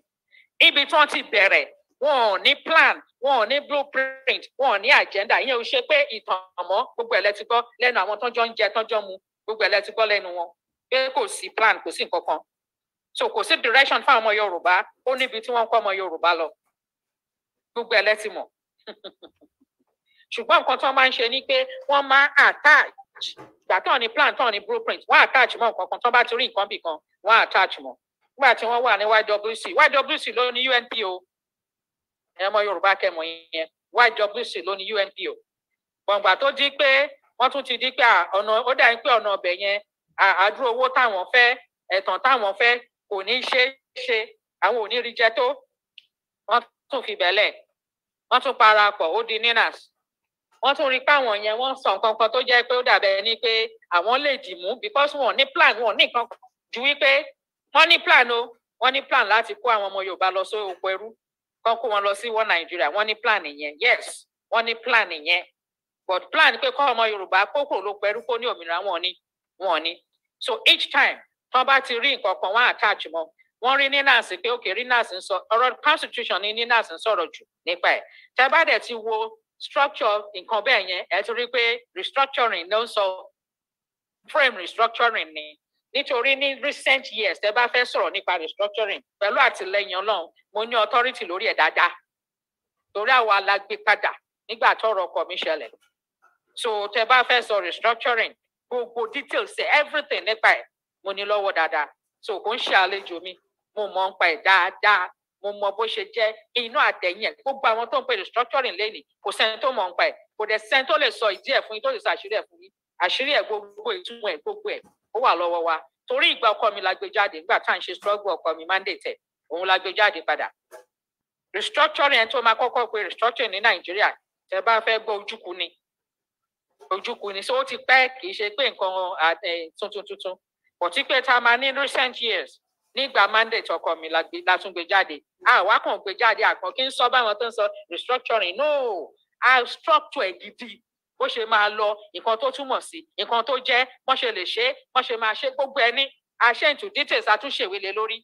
S12: ibi tí wọ́n ti bẹ̀rẹ̀ wọn ò ní plan wọn ò ní blueprint wọn ò ní agenda ìyẹn ò ṣe pé ìtàn àmọ́ gbogbo ẹ̀ lẹ́tí gbọ́ lẹ́nu àwọn tọ́jọ́ ń jẹ tọ́jọ́ mu gbogbo ẹ̀ lẹ́tí gbọ́ lẹ́nu wọn pé kò sí plan kò sí nǹkan kan so kò sí direction fáwọn ọmọ Yorùbá ó níbi tí wọ́n kọ́ ọmọ Yorùbá lọ gbogbo ẹ̀ lẹ́tí mọ̀ ṣùgbọ́n nǹkan tí wọ́n máa ń ṣe ni pé wọ́n máa attack ìgbà tán ni plan tán ni blueprint wọ́n attach mọ́ nǹkan kan tán bá ti rí nǹkan bì kan wọ́n attach mọ́ nígbà tí wọ́n wà ní YWC YWC ló ní UNPO ẹmọ Yorùbá kẹmọ yẹn YWC ló ní UNPO gbọ̀ngbà tó di pé wọ́n tún ti di pé ọ̀nà ó dà pé ọ̀nà ọbẹ̀ yẹn àdúró owó táwọn fẹ́ ẹ̀tàn táwọn fẹ́ kò ní ṣe é ṣe àwọn ò ní rí jẹ tó wọ́n tún fi bẹ̀lẹ̀ wọ́n tún parapọ̀ ó di ninas wọ́n tún rí páwọn yẹn wọ́n sọ nǹkan kan tó jẹ́ pé ó dàbẹ̀ ni pé àwọn lè dì mú because wọn ní plan wọn ní nǹkan ju wípé wọ́n ní plan o wọ́n ní plan láti kó àwọn ọmọ Yorùbá lọ sí oko ẹrú kán kó wọn lọ sí wọn Nàìjíríà wọ́n ní plan ìyẹn yes wọ́n ní plan ìyẹn but plan pé kọ́ ọmọ Yorùbá kó kúrò lóko ẹrú kó ní òmìnira wọn ni wọn ni so each time tán bá ti rí nǹkan kan wọ́n attach mọ́ wọ́n rí NINAS pé òkè NINAS ń sọ ọ̀rọ̀ constitution ní NINAS ń sọ̀rọ̀ jù nípa ẹ̀ tẹ́ bá dẹ̀ ti wo structure nǹkan bẹ́ẹ̀ yẹn ẹ torí pé restructuring ló ń sọ frame restructuring ni nítorí ní recent years tẹ bá fẹ́ sọ̀rọ̀ nípa restructuring pẹ̀lú àtìlẹ́yìn Ọlọ́run mo ní authority lórí ẹ̀ dáadáa torí àwa la gbé padà nígbà tọ́rọ̀ ọkọ mi ṣẹlẹ̀ so tẹ bá fẹ́ sọ restructuring gbogbo details everything nípa ẹ̀ mo ní lọ́wọ́ dáadáa so kò ń ṣe mi mo mọ̀ pa ẹ̀ dáadáa mo mọ bó ṣe jẹ́ inú àtẹ̀yìn ẹ̀ gbogbo àwọn tó ń pè ní structuring lẹ́nìí kò sẹ́ni tó mọ̀ nípa ẹ̀ kò dẹ̀ sẹ́ni tó lè sọ ìdí ẹ̀ fún yín tó lè sọ àṣírí ẹ̀ fún yín àṣírí ẹ̀ gbogbo ìtumọ̀ ẹ̀ gbogbo ẹ̀ ó wà lọ́wọ́ wa torí ìgbà ọkọ mi la gbé jáde nígbà tá à ń ṣe struggle ọkọ mi mandate òun la gbé jáde padà restructuring ẹ̀ tó máa kọ́kọ́ pé restructuring ní Nàìjíríà tẹ bá fẹ́ gbọ́ ojúkú ni ojúkú ni so ó ti pẹ́ kì í ṣe pé nǹkan tuntun tuntun kò tí pé tá a máa ní recent years nígbà mandate ọkọ mi látúngbé jáde àwa kàn gbé jáde àkàn kí n sọ báwọn tó ń sọ restructuring no a structure ẹ gidi bó ṣe máa lọ nǹkan tó túmọ̀ sí nǹkan tó jẹ́ wọ́n ṣe lè ṣe wọ́n ṣe máa ṣe gbogbo ẹni àṣẹǹtù details àtúnṣèwé lé lórí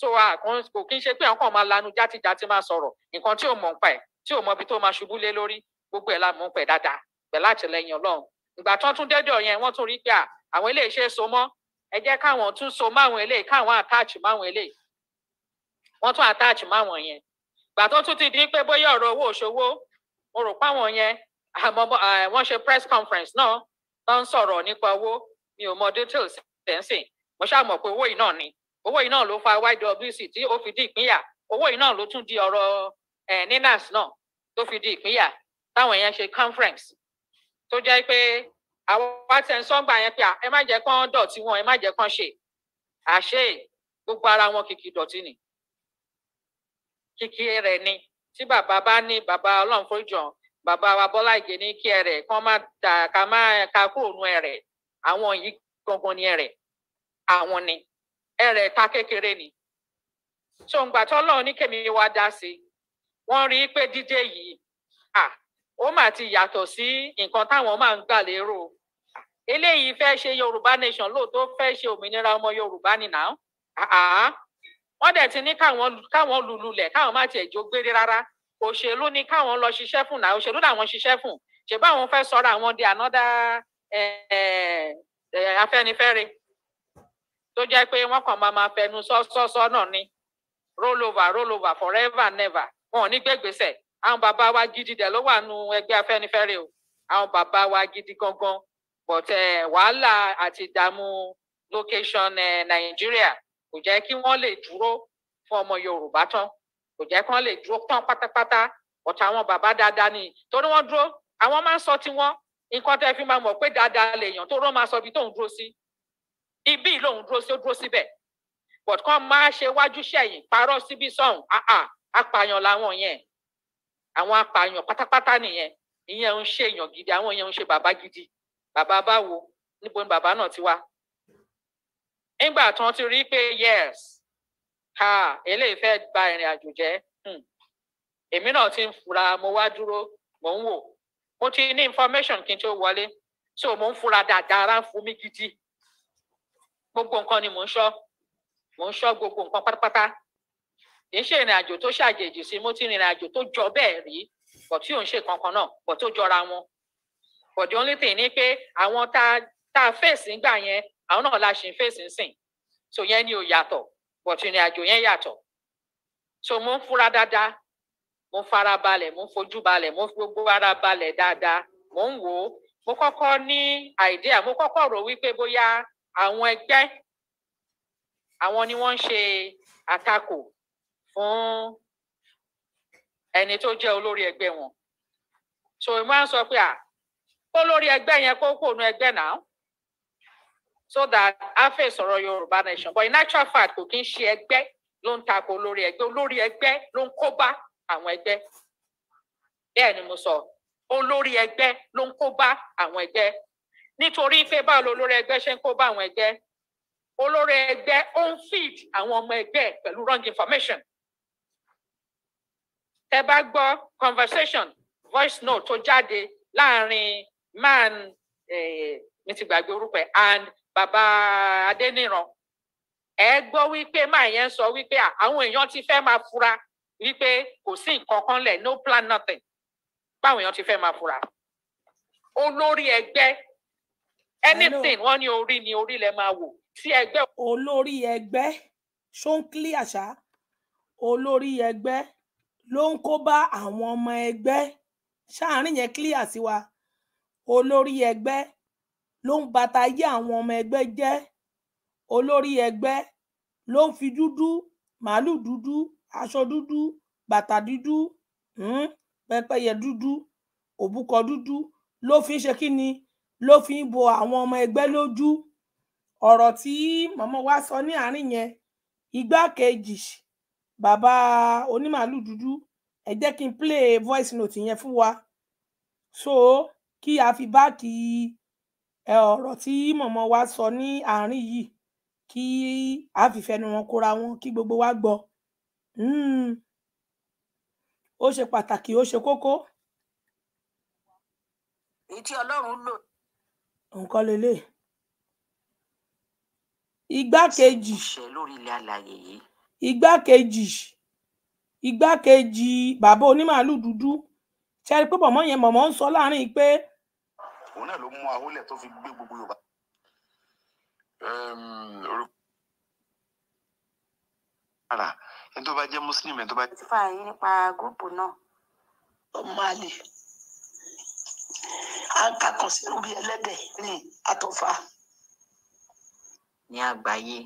S12: so àkàn kò kí n ṣe pé àwọn kan máa lanu játijáti máa sọ̀rọ̀ nǹkan tí ò mọ̀ nípa ẹ̀ tí ò mọ ibi tó máa ṣubú lé lórí gbogbo ẹ̀ la mọ̀ nípa ẹ̀ dáadáa pẹ̀lú àtìlẹyìn ọlọ́run ìgbà tán tún dẹ́dọ̀ yẹn wọ́n tún rí pé àwọn ilé so mọ́ ẹ jẹ́ káwọn tún so máwọn eléyìí káwọn attach máwọn eléyìí wọ́n tún attach máwọn yẹn gbà tó tún ti di pé bóyá ọ̀rọ̀ owó òṣòwò mo rò páwọn yẹn àmọ́ wọ́n ṣe press conference náà tó ń sọ̀rọ̀ nípa owó mi ò mọ details tẹ̀sìn mo ṣáà mọ̀ pé owó yìí náà ni owó yìí náà ló fa YWC tí ó fi di ìpínyà owó yìí náà ló tún di ọ̀rọ̀ ninas náà tó fi di ìpínyà táwọn yẹn ṣe conference tó jẹ́ pé àwa tẹ̀ ń sọ́ngbà yẹn pé ẹ má jẹ́ kán dọ̀tí wọn ẹ má jẹ́ kán ṣe àṣé gbogbo ara wọn kìkì dọ̀tí ni kìkì rẹ̀ ni tí bàbá bá ní bàbá ọlọ́run foríjàn bàbá wa Bọ́lá Ìgè ní kí ẹ rẹ̀ kán má dà ká má ka kúrò nu ẹ rẹ̀ àwọn yìí gangan ni ẹ rẹ̀ àwọn ni ẹ rẹ̀ ta kékeré ni tó ń gbà tọ́lọ́run ní kèmí wa dá sí wọ́n rí i pé dídé yìí ah ó mà ti yàtọ̀ sí nǹkan táwọn máa ń gbà lérò eléyìí fẹ́ ṣe yorùbá nation lóòótọ́ fẹ́ ṣe òmìnira ọmọ yorùbá nìna wọ́n dẹ̀ ti ní káwọn lululẹ̀ káwọn má tiẹ̀ jó gbére rárá òṣèlú ni káwọn lọ ṣiṣẹ́ fún náà òṣèlú làwọn ṣiṣẹ́ fún ṣèbá àwọn fẹ́ sọ̀rọ̀ àwọn di ànádà eh, eh, eh, afẹ́nifẹ́re tó jẹ́ pé wọ́n kàn máa máa fẹnu sọ́sọ́sọ́ náà ni roll over roll over forever never wọn ò ní gbégbèsè àwọn bàbá wa gidi dẹ̀ ló wà nù ẹgbẹ́ afẹ́nifẹ́re o àwọn bàbá wa gidi gangan but eh, wàhálà àti ìdààmú location eh, nàìjíríà kò jẹ́ kí wọ́n lè dúró fún ọmọ yorùbá tán kò jẹ́ kí wọ́n lè dúró tán pátápátá ọ̀tá àwọn bàbá dáadáa ni torí wọ́n dúró àwọn máa ń sọ tiwọn nǹkan tẹ́ fi máa mọ̀ pé dáadáa lèèyàn tó rán máa sọ ibi tóun dúró sí ibi lòun dúró sí ó dúró síbẹ̀ but kán máa ṣe wájú sẹ́yìn parọ́ síbi sọ̀hún ah, ah, àpàyàn làwọn yẹn àwọn apààyàn pátápátá nìyẹn ìyẹn ń ṣe èèyàn gidi àwọn èèyàn ń ṣe bàbá gidi bàbá báwo níbo ni bàbá náà ti wá nígbà tí wọn ti rí pé yes ha eléyìí fẹ́ ba ìrìn àjò jẹ́ hmm. èmi náà ti ń fura mo wá dúró mò ń wò mo ti ní information kí n tó wọlé so mo ń fura dáadáa ara fún mi gidi gbogbo nǹkan ni mò ń ṣọ́ mò ń ṣọ́ gbogbo nǹkan pátápátá kì í ṣe ìrìn àjò tó ṣàjèjì sí mo ti rìnrìn àjò tó jọ bẹ́ẹ̀ rí bọ̀ tí ò ń ṣe kankan náà bọ̀ tó jọra wọn but the only thing ni pé àwọn tá a fèsì ń gbà yẹn àwọn náà la ṣì ń fèsì sìn so yẹn ni ò yàtọ̀ but ìrìn àjò yẹn yàtọ̀ so mo ń fura dáadáa mo ń fara balẹ̀ mo ń fojú balẹ̀ mo ń gbogbo ara balẹ̀ dáadáa mo ń wò ó mo kọ́kọ́ ní idea mo kọ́kọ́ rò wípé bóyá àwọn ẹgbẹ́ àwọn ni wọ́n ń ṣe àtakò fún ẹni tó jẹ́ olórí ẹgbẹ́ wọn so ìmọ̀ à ń sọ pé à kó lórí ẹgbẹ́ yẹn kó kó nu ẹgbẹ́ náà so that a fẹ́ sọ̀rọ̀ Yorùbá nation but in actual fact kò kí ń ṣe ẹgbẹ́ ló ń takò olórí ẹgbẹ́ olórí ẹgbẹ́ ló ń kó bá àwọn ẹgbẹ́ bẹ́ẹ̀ ni mo sọ olórí ẹgbẹ́ ló ń kó bá àwọn ẹgbẹ́ nítorí pé báwo lolórí ẹgbẹ́ ṣe ń kó àwọn ẹgbẹ́ olórí ẹgbẹ́ ó ń feed àwọn ọmọ ẹgbẹ́ pẹ̀lú wrong information tẹ bá gbọ́ conversation voice note tó jáde láàrin man mi ti gbàgbé orúkọ ẹ̀ and Baba Adeniran. ẹ gbọ́ wípé máa yẹn sọ wípé àwọn èèyàn ti fẹ́ máa fura wípé kò sí nǹkan kan lẹ̀ no plan nothing báwọn èèyàn ti fẹ́ máa fura olórí ẹgbẹ́ anything wọ́n ní orí ni orí lẹ máa wò tí ẹgbẹ́.
S2: olórí ẹgbẹ́ ṣó ń clear àṣà olórí ẹgbẹ́ ló ń kó bá àwọn ọmọ ẹgbẹ́ ṣáàrin yẹn clear sí wa olórí ẹgbẹ́ ló ń bàtà ayé àwọn ọmọ ẹgbẹ́ jẹ́ olórí ẹgbẹ́ ló ń fi dúdú màálù dúdú aṣọ dúdú bàtà dúdú hmm? pẹ́pẹ́yẹ dúdú òbúkọ dúdú ló fi ń ṣe kí ni ló fi ń bo àwọn ọmọ ẹgbẹ́ lójú ọ̀rọ̀ tí màmá wa sọ ní àárín yẹn igbákejì bàbá onímàálù dúdú ẹ jẹ́ kí n play voice note yẹn fún wa so kí a fi báàkì ọ̀rọ̀ tí mọ̀mọ́ wa sọ ní àárín yìí kí a fi fẹnu wọn kóra wọn kí gbogbo wa gbọ́ hmm. ó ṣe pàtàkì ó ṣe kókó.
S6: èyí tí ọlọ́run lò.
S2: nǹkan lélẹ̀. igbákejì. ṣe
S6: lórí ilẹ̀ alàyè yìí
S2: igbákejì igbákejì bàbá onímàálù dúdú ṣẹ́ni pé mọ̀mọ́ yẹn mọ̀mọ́ ń sọ láàrin pé.
S13: òun náà ló mú ahólẹ̀ tó fi gbé gbogbo Yorùbá.
S11: ara ẹni tó bá jẹ́ muslim ẹni tó bá. fà yín nípa gúrùpù náà. ọmọ àlè
S12: à ń kakàn sínú bíi ẹlẹ́dẹ̀ ní àtọ̀fà. ní àgbáyé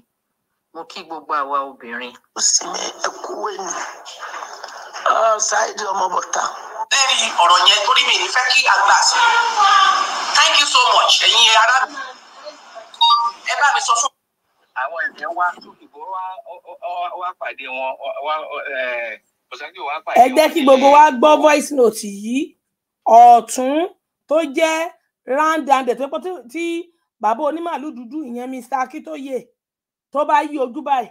S12: mo kí gbogbo àwa obìnrin. ó sì ní ẹkú ẹni ṣáìdì ọmọ bọ̀tà. ọ̀rọ̀ yẹn
S2: torí mi ní fẹ́ kí a sí i thank you so much ẹ̀yin ará mi
S11: ẹ bá mi sọ fún. àwọn ẹ̀jẹ̀ wa ìgboro wa pàdé wọn ọ̀sánjú wa pàdé wọn. ẹ jẹ́ kí gbogbo
S2: wa gbọ́ voice note yìí ọ̀tún tó jẹ́ round and the tí bàbá onímàálù dúdú ìyẹn Mr. Akitoye tó bá yí ojú báyìí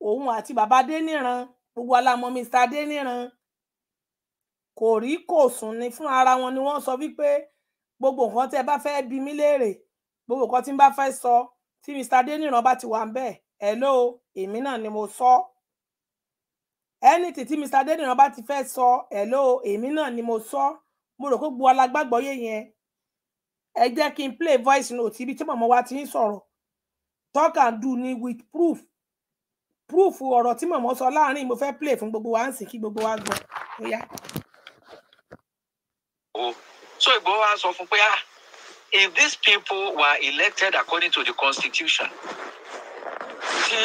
S2: òun àti bàbá Adéníran gbogbo alámọ Mr Adéníran kò rí kò sùn ni fún ara wọn ni wọ́n sọ wípé gbogbo nǹkan tẹ́ bá fẹ́ bi mí léèrè gbogbo nǹkan tí n bá fẹ́ sọ tí Mr Adéníran bá ti wà ń bẹ̀ ẹ èmi náà ni mo sọ anything tí Mr Adéníran bá ti fẹ́ sọ ẹ ló èmi náà ni mo sọ mo rò kó gbogbo alágbàgbọ́ yé yẹn ẹ jẹ́ kí n play voice note ibi tí màmá wa ti ń sọ̀rọ̀ talk and do ni with proof proof ọ̀rọ̀ tí mọ̀mọ́ sọ láàrin mo fẹ́ play fún gbogbo wa ń sìn kí gbogbo wa gbọ́ ó yá.
S11: Oh. so Ìgbòho wa sọ fún pé ah if these people were elected according to the constitution tí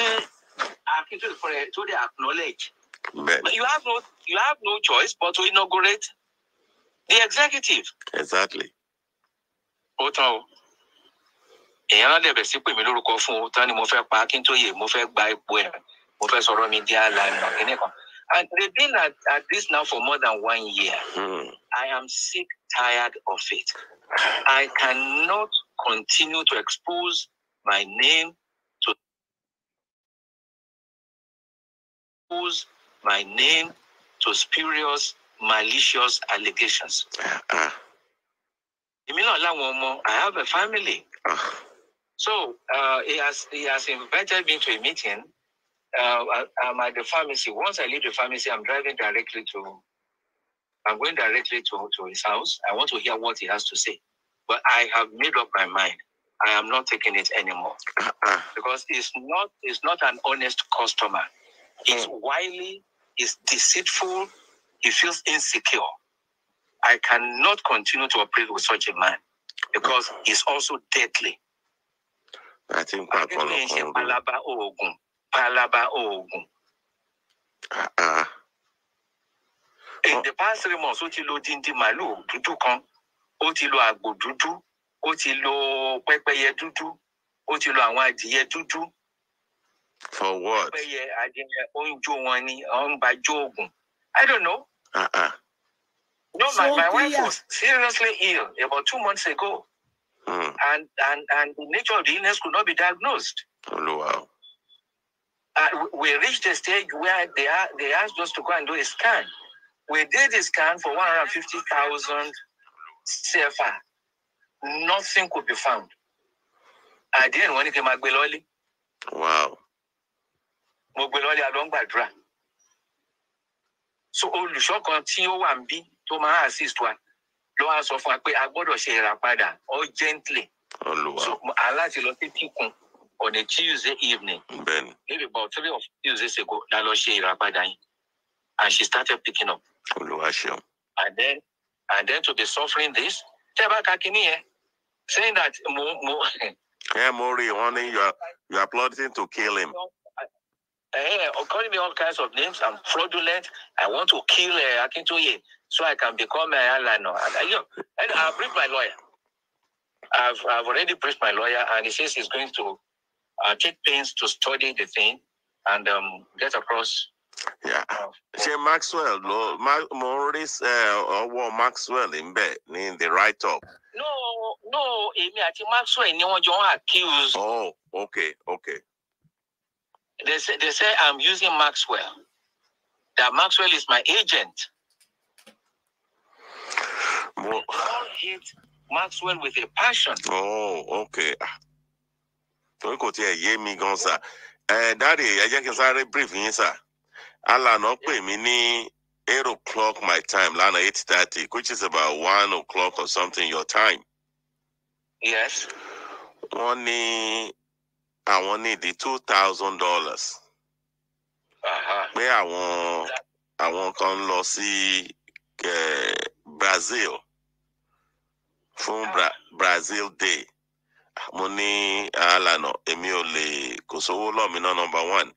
S11: Akintoye fún rẹ tó dé acknowledge But you have no you have no choice but to inaugurate the executive. Exactly. ó èèyàn náà dẹ̀bẹ̀ sí pè mí lórúkọ fún un tán ni mo fẹ́ pa Akíntóyè mo fẹ́ gba ipò ẹ̀ mo fẹ́ sọ̀rọ̀ mi di àlànà kìíní kan and they been at, at this now for more than one year mm. I am sick tired of it I cannot continue to expose my name to expose my name to spurious malicious allegations. Ah, ah. Èmi náà láwọn ọmọ I have a family. Uh. So uh, he has he has invited me to a meeting. Uh, I'm um, at the pharmacy. Once I leave the pharmacy, I'm driving directly to. I'm going directly to, to his house. I want to hear what he has to say, but I have made up my mind. I am not taking it anymore uh-uh. because it's not it's not an honest customer. He's hmm. wily. He's deceitful. He feels insecure. I cannot continue to operate with such a man because he's also deadly.
S20: àti ń pàtó ọ̀nà
S11: kan ṣe palaba oògùn palaba oògùn. Ah, ah. the past three months ó ti lo dindi màlúù dúdú kan ó ti lo àgbò dúdú ó ti lo pẹ́pẹ́yẹ dúdú ó ti lo àwọn adìyẹ dúdú. for what. pẹ́pẹ́yẹ adìyẹ ó wọn ni ó ń jó oògùn i don't know. Uh -uh.
S10: no my, my wife was
S11: seriously ill about two months ago. Mm. And, and, and the nature of the illness could not be diagnosed. Oh, wow. Uh, we reached a stage where they, are, they asked us to go and do a scan. We did a scan for 150,000 CFA. Nothing could be found. I didn't want to get my Beloli. Wow. Mo Beloli along Badra. So, all kan tí ó to ń bí tó máa assist wa ló wá sọ fún wa pé a gbọ́dọ̀ ṣe ìràpadà urgently so aláti lọ sí kíkun on a Tuesday evening maybe about three of Tuesdays ago la lọ ṣe ìràpadà yìí and she started picking up. Olúwa and then and then to be suffering this tẹ́ bá ka kínní yẹn saying that mo mo.
S20: ẹ mo rí i wọn ní you are you are plotting to kill him.
S11: ẹ eh, ẹ eh, calling me all kinds of names I'm fraudulent I want to kill uh, Akintoye so I can become an airliner. And, you know, and I briefed my lawyer. I've, I've already briefed my lawyer, and he says he's going to uh, take pains to study the thing and um, get
S20: across. Yeah. Uh, Ṣé uh, Maxwell ló Maurice or Maxwell in bed, ní the write up?
S11: No, no, I think Maxwell ni wọ́n jọ accuse.
S20: Oh, okay, okay.
S11: They say, they say I'm using Maxwell. That Maxwell is my agent.
S20: Well, Paul hit Maxwell with a passion. Oh, okay. Ah. torí kò tiẹ̀ yé mi gan sà dáàdì ẹ jẹ́ kí n sáré brief yín sà alana pè mí ní eight o'clock my time lánàá eight thirty which is about one o'clock or something your time. yes. wọ́n ní àwọn ní di two thousand dollars. pé àwọn àwọn kan lọ sí eh, Brazil fún Brazil day mo ní àlànà èmi ò lè kò sówó lọ́mìnà number one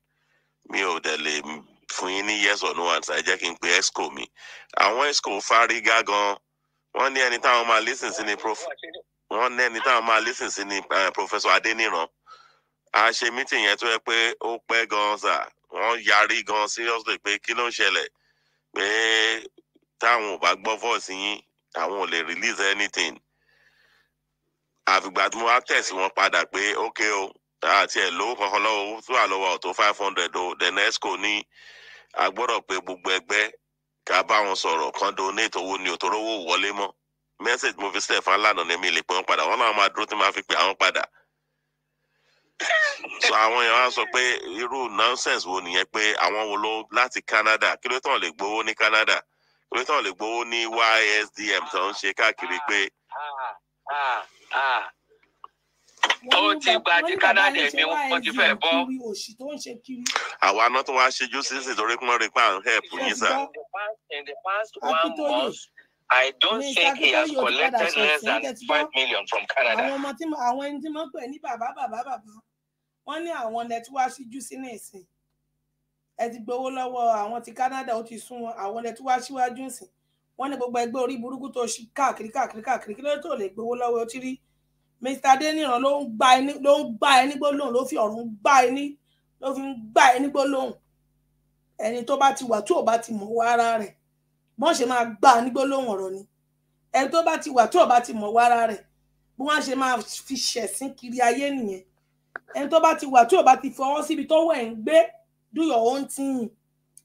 S20: mi ò dẹ̀ lè fún yín ní yes or no answer ẹ jẹ́ kí n pe exco mi àwọn exco fárígá gan wọ́n ní ẹni táwọn máa listen sí ni prof wọ́n ní ẹni táwọn máa listen sí ni professor Adeniran. a ṣe meeting yẹn tó yẹ pé ó pẹ́ gan sà wọ́n yarí gan seriously pé kí ló ń ṣẹlẹ̀ pé táwọn ò bá gbọ́ voice yín àwọn ò lè release anything àfìgbà tí mo wá tẹ̀sí wọn padà pé ok o àti ẹ̀ lówó kankan lọ́wọ́ tó wà lọ́wọ́ tó five hundred o the next kò ní a gbọ́dọ̀ pé gbogbo ẹgbẹ́ ká bá wọn sọ̀rọ̀ kan donate owó ni òtò rówó wọlé mọ́ message mo fi Stefan lánàá ní mi lè pè wọ́n padà wọ́n náà máa dúró tí màá fi pè àwọn padà so àwọn èèyàn á sọ pé irú nonsense wo nìyẹn pé àwọn wo ló láti Canada kí ló tàn lè gbowó ní Canada kí ló tàn lè gbowó ní YSDM tó ń ṣe káàkiri pé.
S11: Ah, ah, ah tó ah. ti gba ti Canada mi ti fẹ́ bọ́.
S20: àwa náà tó wá ṣíjú sísè torí pé wọ́n rí pa help yín sá.
S11: in the past
S2: one month
S20: I don't think he has collected less than five million from
S2: Canada. àwọn ọmọ tí àwọn ẹni tí wọ́n pè ní bàbá bàbá bàbá wọ́n ní àwọn ọ̀nà tí wàá ṣíjú sí nìsín ẹ ti gbowó lọ́wọ́ àwọn ti Canada ó ti sún àwọn ọ̀nà tí wàá ṣíwájú nìsín wọ́n ní gbogbo ẹgbẹ́ orí burúkú tó ṣí káàkiri káàkiri káàkiri kí ló tó lè gbowó lọ́wọ́ ọtí rí mr adeniran ló ń gba ẹni ló ń gba ẹni gbólóhùn ló fi ọ̀run gba ẹni ló fi ń gba ẹni gbólóhùn ẹni tó bá ti wà tó bá ti mọ̀ wá ara rẹ̀ wọ́n ṣe máa gba ẹni gbólóhùn ọ̀rọ̀ ni ẹni tó bá ti wà tó bá ti mọ̀ wá ara rẹ̀ bí wọ́n ṣe máa fi ṣẹ̀sín kiri ayé nìyẹn ẹni tó bá ti wà tó bá ti fọwọ́ síbi tó wẹ̀ ń gbé do your own thing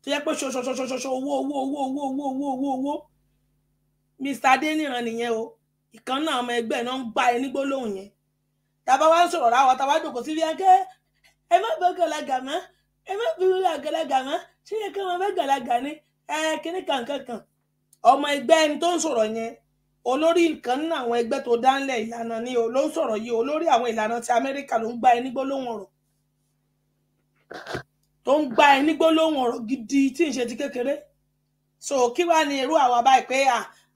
S2: tó yẹ pé ṣoṣoṣoṣoṣo owó owó owó owó owó owó owó owó mista adeniran nìyẹn o ìkan náà ọmọ ẹgbẹ náà ń bá ẹ ní yẹn tàbá wá ń sọ̀rọ̀ ráwọ̀ tàbá dòkó sí fíjákẹ́ ẹ má bọ́ gàlagà ẹ má bí wúlò ṣé yẹ kí gàlagà ni ẹ kíní ọmọ ẹni tó ń yẹn olórí nínú àwọn tó ìlànà ni o ló ń sọrọ yìí olórí àwọn ìlànà ti ló gba ẹ gidi tí ń so kí wàá ní irú àwa báyìí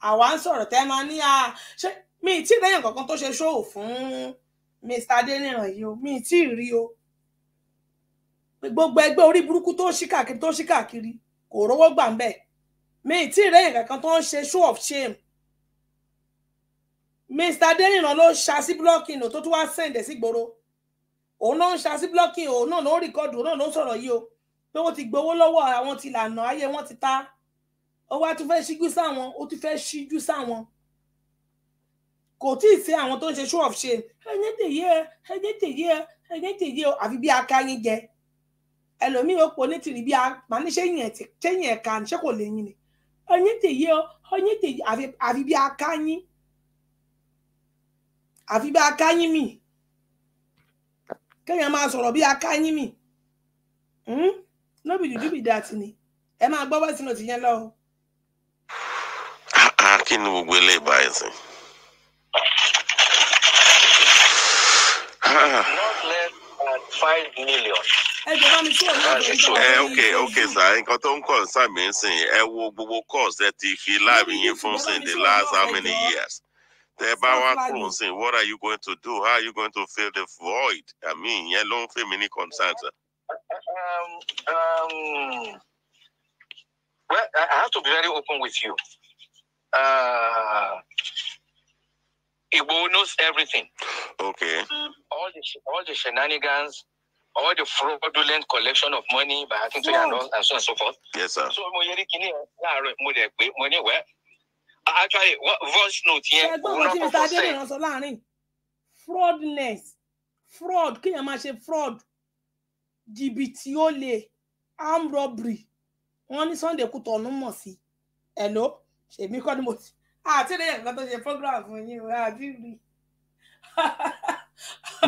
S2: àwa ń sọ̀rọ̀ tẹ́ máa ní a ah, ṣé mi tí ìrẹ́yìn kankan tó ṣe ṣóò fún Mr Adéníran yìí o mi tí ì rí o gbogbo ẹgbẹ́ orí burúkú tó ṣí káàkiri tó ṣí káàkiri kò rówó gbà ń bẹ̀ mi tí ìrẹ́yìn kankan tó ń ṣe show of shame Mr Adéníran ló ṣa sí blocking o tó tún wá sẹ̀ǹdẹ̀ sí gbòòrò òun náà ń ṣa sí blocking òun náà ló ń rìkọ́dù òun náà ló ń sọ̀rọ̀ yìí o pé wọ́n ti gbowó lọ́wọ́ àwọn ti lànà ayé wọ́n ti ta ó wá tún fẹ́ ṣíjú sáwọn ó tún fẹ́ ṣíjú sáwọn kò tí ì sí àwọn tó ń ṣe show of shame ẹni tèyí ẹ ẹni tèyí ẹ ẹni tèyí ẹ àfi bí akáyín jẹ ẹlòmíì ó pọ̀ létí rí bí a máa ní ṣé yẹn ti kéyìn ẹ̀ka ṣé kò lè yín ni ẹni tèyí ọ ẹni tèyí àfi bí akáyín àfi bí akáyín mi kéèyàn máa sọ̀rọ̀ bí akáyín mi lóbìdìdúbìdà tì ní ẹ máa gbọ́ bọ́ sínú tìyẹn lọ́wọ́
S20: kí ni gbogbo eléyìí báyìí sí. not
S11: less than five million ẹ eh, ok
S20: ok sir nǹkan tó ń kọ sàmì sìn ẹ wo gbogbo course ẹ ti fi láàbì yín fún sìn the last how many years tẹ bá wá kúrò sìn what are you going to do how are you going to fill the void i mean ìyẹn ló ń fẹ́ mi ní concern sir. Um,
S11: um,
S20: well, I have to be very open with you
S11: uh, Igbo knows everything. Okay. All the all the shenanigans, all the fraudulent collection of money by Akintoye yeah. and, all, and so on and so forth. Yes, sir. So mo yẹri kini láàárọ̀ mo dẹ̀ pé mo ní wẹ́. Actually, what you note yẹn say,
S2: náà kọ́kọ́ Fraudness, fraud, kéèyàn máa ṣe fraud, jìbìtì olè, armed robbery, wọ́n ní Sunday Kútọ̀nù mọ̀ sí. Hello? ṣèmi kọ́ ni mo ti àti ilé ẹ̀ka tó ṣe program fún yín o àti rí.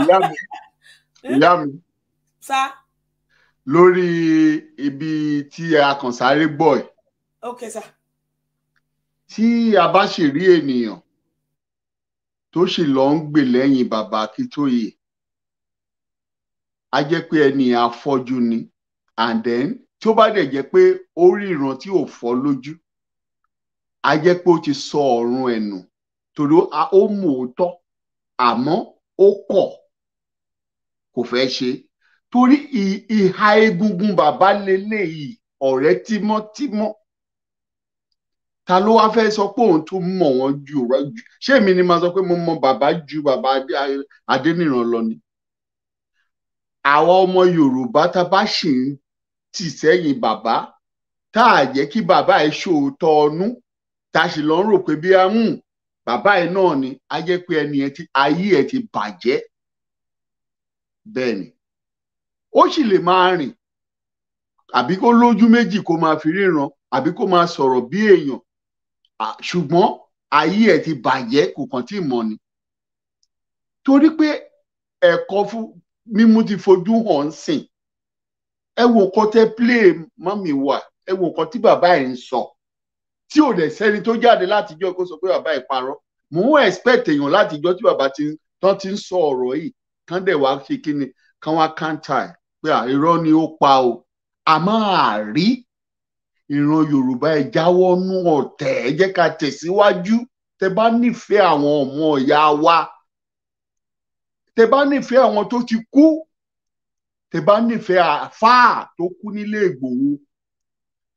S2: ìyá
S17: mi ìyá mi. sá. lórí ibi tí a kàn sáré gbọ́ ẹ̀. ok sá. tí a bá sì rí ènìyàn tó sì lọ ń gbè lẹ́yìn bàbá Akíntóyè a jẹ́ pé ẹni àfọ́jú ni and then tí ó bá dẹ̀ jẹ́ pé ó rí ìran tí ò fọ́ lójú a jẹ́ pé ó ti sọ ọ̀run ẹ̀ nù torí ó mú òótọ́ àmọ́ ó kọ̀ kò fẹ́ ṣe torí ìhà egungun bàbá lélẹ́yìí ọ̀rẹ́ tímọ́tímọ́ ta ló wá fẹ́ sọ pé òun tún mọ̀ wọ́n ju ọ̀rọ̀ jù ṣé èmi ni màá sọ pé mo mọ bàbá ju bàbá Adéníran lọ ni àwa ọmọ Yorùbá tá a bá ṣì ń tì sẹ́yìn bàbá tá a jẹ́ kí bàbá ẹ̀ ṣòótọ́ ọnú tá a sì lọ ń rò pé bí a hmm, bàbá ẹ náà ni a jẹ́ pé ẹni ẹ ti ayé ẹ ti bàjẹ́ bẹ́ẹ̀ ni ó sì lè máa rìn àbí kó lójú méjì kó máa fi ríran àbí kó máa sọ̀rọ̀ bí èèyàn ṣùgbọ́n ayé ẹ ti bàjẹ́ kò kàn tí ì mọ̀ ni torí pé ẹ̀kọ́ fún mímú ti fojú hàn sìn ẹ wo nǹkan tẹ play mọ́mì wà ẹ wo nǹkan tí bàbá ẹ̀ ń sọ. So tí ò dẹ̀ sẹ́ni tó jáde látijọ́ kó sọ pé bàbá ìparọ́ mò ń expect èèyàn látijọ́ tí bàbá tán ti ń sọ ọ̀rọ̀ yìí kán dẹ̀ wá ṣe kí kán wá káńtà ẹ̀ pé irọ́ ni ó pa o àmọ́ àrí ìran Yorùbá ẹ jáwọ́ nú ọ̀tẹ̀ ẹ jẹ́ ká tẹ̀síwájú tẹ bá nífẹ̀ẹ́ àwọn ọmọ ìyá wa tẹ bá nífẹ̀ẹ́ àwọn tó ti kú tẹ bá nífẹ̀ẹ́ àfáà tó kú nílé Ìgbòho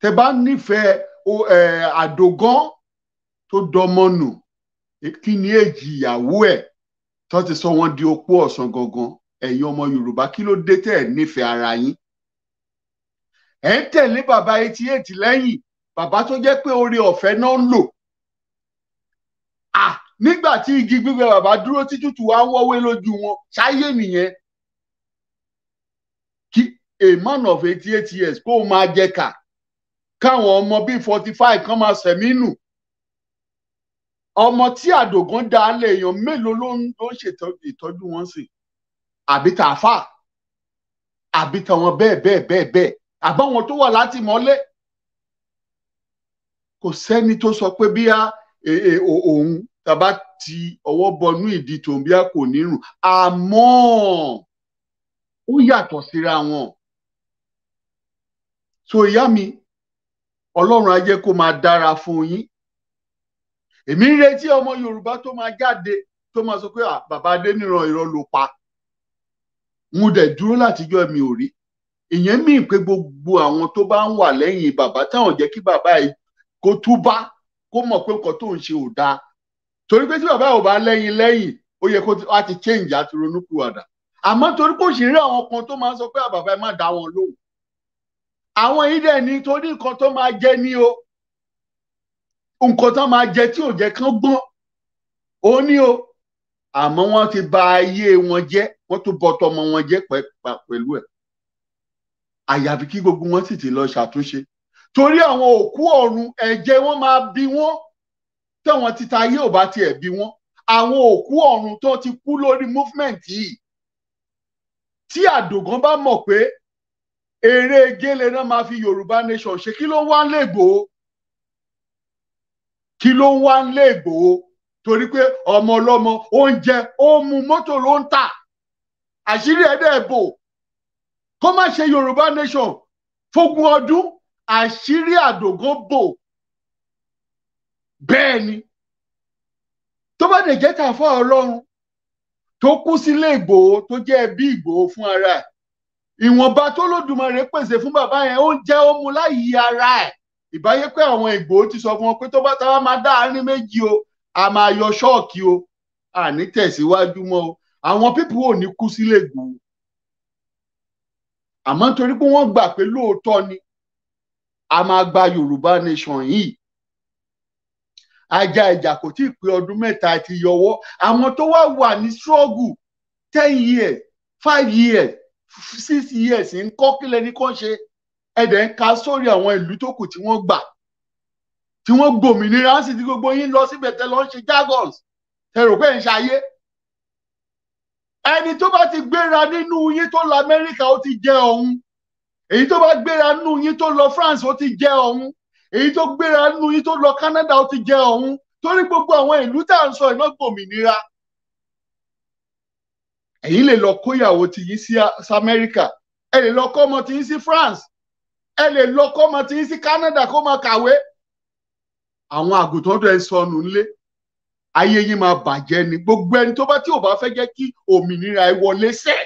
S17: tẹ bá nífẹ̀ẹ́ àdògán tó dọmọ nù kí ni èjì ìyàwó ẹ̀ tó ti sọ wọ́n di opó ọ̀sán gangan ẹ̀yin ọmọ Yorùbá kí ló dé tẹ̀ nífẹ̀ẹ́ ara yín ẹ̀ ń tẹ̀lé bàbá etí ètì lẹ́yìn bàbá tó jẹ́ pé oore ọ̀fẹ́ náà ń lò nígbà tí igi gbígbẹ bàbá dúró tí wá wọ́wé lójú wọn ṣáyé nìyẹn a man of eighty eight years kó o máa jẹ kà káwọn ọmọ bíi forty five kan máa sẹ̀mínù ọmọ tí àdògán dá lé èèyàn mélòó ló ń ló ń ṣètọ́jú wọn sí àbí tààfà àbí tàwọn bẹ́ẹ̀ bẹ́ẹ̀ bẹ́ẹ̀ bẹ́ẹ̀ àbáwọn tó wà láti mọ́lé kò sẹ́ni tó sọ pé bíyà e, e, òun tàbá ti ọwọ́ bọnú ìdí tòun bíyà kò ní rùn àmọ́ ó yàtọ̀ síra wọn so ìyá mi ọlọ́run á jẹ́ kó máa dára fún yín èmi ń retí ọmọ yorùbá tó máa jáde tó máa sọ pé bàbá adéníran irọ́ ló pa mo dẹ̀ dúró látijọ́ mi ò rí ìyẹn míì pé gbogbo àwọn tó bá ń wà lẹ́yìn bàbá táwọn jẹ́ kí bàbá yìí kó túbá kó mọ̀ pé nǹkan tó ń ṣe ò dáa torí pé tí bàbá ò bá lẹ́yìn lẹ́yìn ó yẹ kó a ti change àti ronúkúwàdà àmọ́ torí kò sí rí àwọn kan tó máa ń sọ pé bàbá ẹ má dá wọn lóhùn àwọn yìí dẹ̀ ní torí nǹkan tó máa jẹ ní o nǹkan tó máa jẹ tí ò jẹ́ kán gbọ́n ó ní o àmọ́ wọ́n ti bà ayé wọn jẹ́ wọ́n tún bọ́ tọmọ wọn jẹ́ pẹ̀lú ẹ̀ àyàfi kí gbogbo wọn sì ti lọ ṣàtúnṣe torí àwọn òkú ọ̀run ẹ̀jẹ̀ wọn máa bí wọn tẹ̀wọ̀n títa ayé ò bá tiẹ̀ bí wọn àwọn òkú ọ̀run tó ti kú lórí movement yìí tí àdògán bá mọ̀ pé eré gélé náà máa fi yorùbá nation ṣe kí ló wá lè gbòó kí ló wá lè gbòó torí pé ọmọ ọlọ́mọ oúnjẹ ó mu mọ́tò ló ń tà àṣírí ẹ̀dẹ́gbò kó má ṣe yorùbá nation fógun ọdún àṣírí àdògán bò bẹ́ẹ̀ ni tó bá dẹ̀ jẹ́ tàfọ́ ọlọ́run tó kú sílé ìgbòho tó jẹ́ ẹbí ìgbòho fún ara ẹ̀ ìwọ̀nba tó lódùmarè pèsè fún bàbá yẹn oúnjẹ ó mu láyìí ara ẹ̀ ìbáyé pé àwọn ìgbò ti sọ fún wọn pé tó bá ta wá máa dá àárín méjì o a máa yọ ṣọ́ọ̀kì o àní tẹ̀síwájú mọ́ o àwọn pípù ò ní kú sílé gbò ó àmọ́ nítorí pé wọ́n gbà pé lóòótọ́ ni a máa gba Yorùbá nation yìí ajá ìjà kò tí ì pé ọdún mẹ́ta ti yọwọ́ àwọn tó wá wà ní struggle ten years five years six years ń kọ́ kílẹ̀ ní kàn ṣe ẹ̀dẹ̀ ń ka sórí àwọn ìlú tó kù tí wọ́n gbà tí wọ́n gbòmìnira sì ti gbogbo yín lọ síbẹ̀ tẹ́ lọ́ọ́ ṣe jargons ẹ̀rọ pé ń ṣayé ẹni tó bá ti gbéra nínú yín tó lọ Amẹ́ríkà ó ti jẹ òun èyí tó bá gbéra nínú yín tó lọ France ó ti jẹ òun èyí tó gbéra nínú yín tó lọ Canada ó ti jẹ òun torí gbogbo àwọn ìlú tá à ń sọ ìná gbòmìnira ẹ̀yin lè lọ kóyàwó ti yín sí amẹ́ríkà ẹ lè lọ kọ́ ọmọ ti yín sí france ẹ lè lọ kọ́ ọmọ ti yín sí canada kó máa kàwé àwọn àgùntàn tó ẹ sọnù nílé ayé yín máa bàjẹ́ ni gbogbo ẹni tó bá tí ò bá fẹ́ jẹ́ kí òmìnira ẹ wọlé sẹ́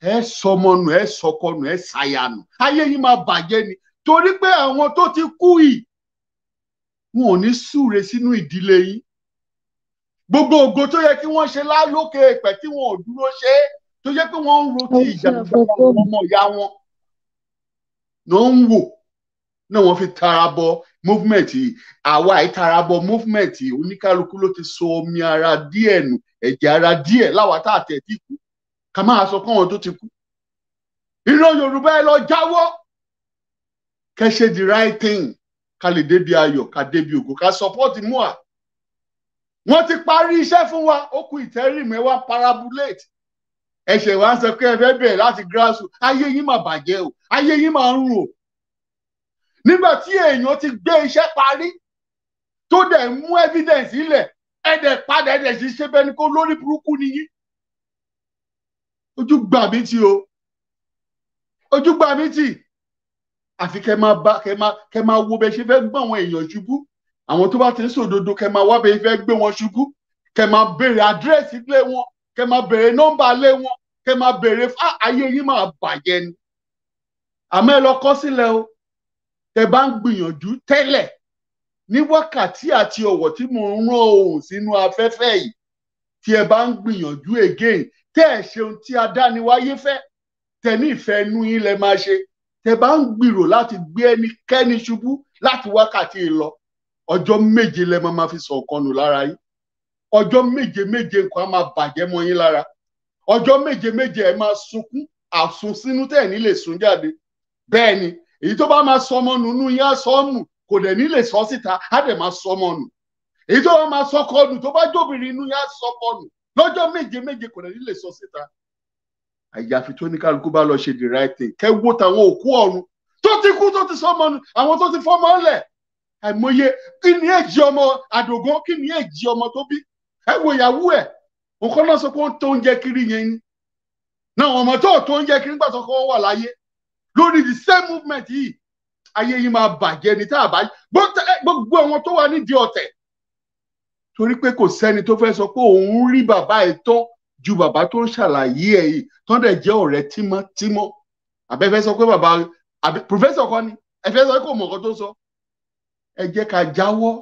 S17: ẹ sọmọnù ẹ sọkọnù ẹ ṣàyànù ayé yín máa bàjẹ́ ni torí pé àwọn tó ti kú yìí wọn ò ní súre sínú ìdílé yín gbogbo ògo tó yẹ kí wọ́n ṣe lálókè ẹ̀pẹ̀ tí wọn ò dúró ṣe é tó yẹ pé wọ́n ń ro ti ìjàmbá àwọn ọmọ ìyá wọn ló ń wò náà wọ́n fi tara bọ movement àwa ìtara bọ movement oníkálukú ló ti so omi ara díẹ̀ nù ẹ̀jẹ̀ ara díẹ̀ láwa tá àtẹ̀ tí kú ká máa sọ fún àwọn tó ti kú ìran Yorùbá ẹ lọ jáwọ́ kẹ́ ṣe the right thing ká lè débi ayọ̀ ká débi ògo ká support mua wọ́n ti parí iṣẹ́ fún wa ó kù ìtẹrímù ẹ wá parabulate ẹsẹ wa ń sọ pé ẹ fẹ́ bẹ̀rẹ̀ láti grassroot ayé yín mà bàjẹ́ o ayé yín mà ń rùn o nígbà tí èèyàn ti gbé iṣẹ́ parí tó dẹ̀ mú evidence ilẹ̀ ẹ padà ẹ sì ṣe bẹ́ẹ̀ ni kó lórí burúkú nìyí ojú gbà mí tì o ojú gbà mí tì àfi kẹ máa bá kẹ máa kẹ wo bẹ ṣe fẹ́ gbọ́n àwọn èèyàn ṣubú àwọn tó bá ti ń sòdodo kẹ máa wábẹ ìfẹ́ gbé wọn ṣubú kẹ máa béèrè àdírẹ́sì ilé wọn kẹ máa béèrè nọ́mbà ilé wọn kẹ máa béèrè fún ah, ayé yín máa bàjẹ́ ni àmọ́ ẹ lọ kọ sílẹ̀ o tẹ bá ń gbìyànjú tẹ́lẹ̀ ní wákàtí àti ọ̀wọ̀ tí mo ń rán ohùn sínú afẹ́fẹ́ yìí tí ẹ bá ń gbìyànjú again tẹ́ ẹ ṣeun tí adániwáyé fẹ́ tẹ ní ìfẹ́ inú yín lẹ máa ṣe tẹ bá ń gbìrò láti gbé ẹnikẹ́ni ṣubú láti wákàtí lọ ọjọ́ méje lẹ máa fi sọ ọ̀kan nù lára yín ọjọ́ méje méje nǹkan á máa bàjẹ́ mọ́ yín lára ọjọ́ méje méje ẹ máa sunkún àsun sínú tẹ̀ ní lè sùn jáde bẹ́ẹ̀ ni èyí tó bá máa sọ ọmọ nù nù yín á sọ ọ́ nù kò dẹ̀ ní lè sọ síta á dẹ̀ máa sọ ọmọ nù èyí tó bá máa sọkọ nù tó bá jóbìnrin nù yín á sọ ọkọ nù lọ́jọ́ méje méje kò dẹ̀ ní lè sọ síta àyàfi tó ní kálukú bá lọ ṣe the right thing kẹ́ wó tàwọn òkú ọ̀run tó ti kú tó ti sọmọ nù àwọn tó ti fọmọ ọ̀lẹ̀ àìmọye kí ni èjì ọmọ àdògán kí ni èjì ọmọ tó bí ẹ wo ìyàwó ẹ nǹkan náà sọ pé ó ń tó oúnjẹ kiri yẹn ni náà ọmọ tó tó oúnjẹ kiri nígbà tó wà láyé lórí the same movement yìí ayé yìí máa bàjẹ́ ni tá a bá gbogbo àwọn tó wà nídìí ọ̀tẹ̀ torí pé kò sẹ́ni tó fẹ́ sọ pé òun rí bàbá ẹ̀ tán ju bàbá tó ń ṣàlàyé ẹ̀ yìí tán dẹ̀ jẹ́ ọ̀rẹ́ tímọ́tímọ́ àbẹ́fẹ́ sọ pé bàbá professor kan ni ẹ̀fẹ́ sọ pé kò mọ̀ nǹkan tó sọ ẹ jẹ́ ká jáwọ́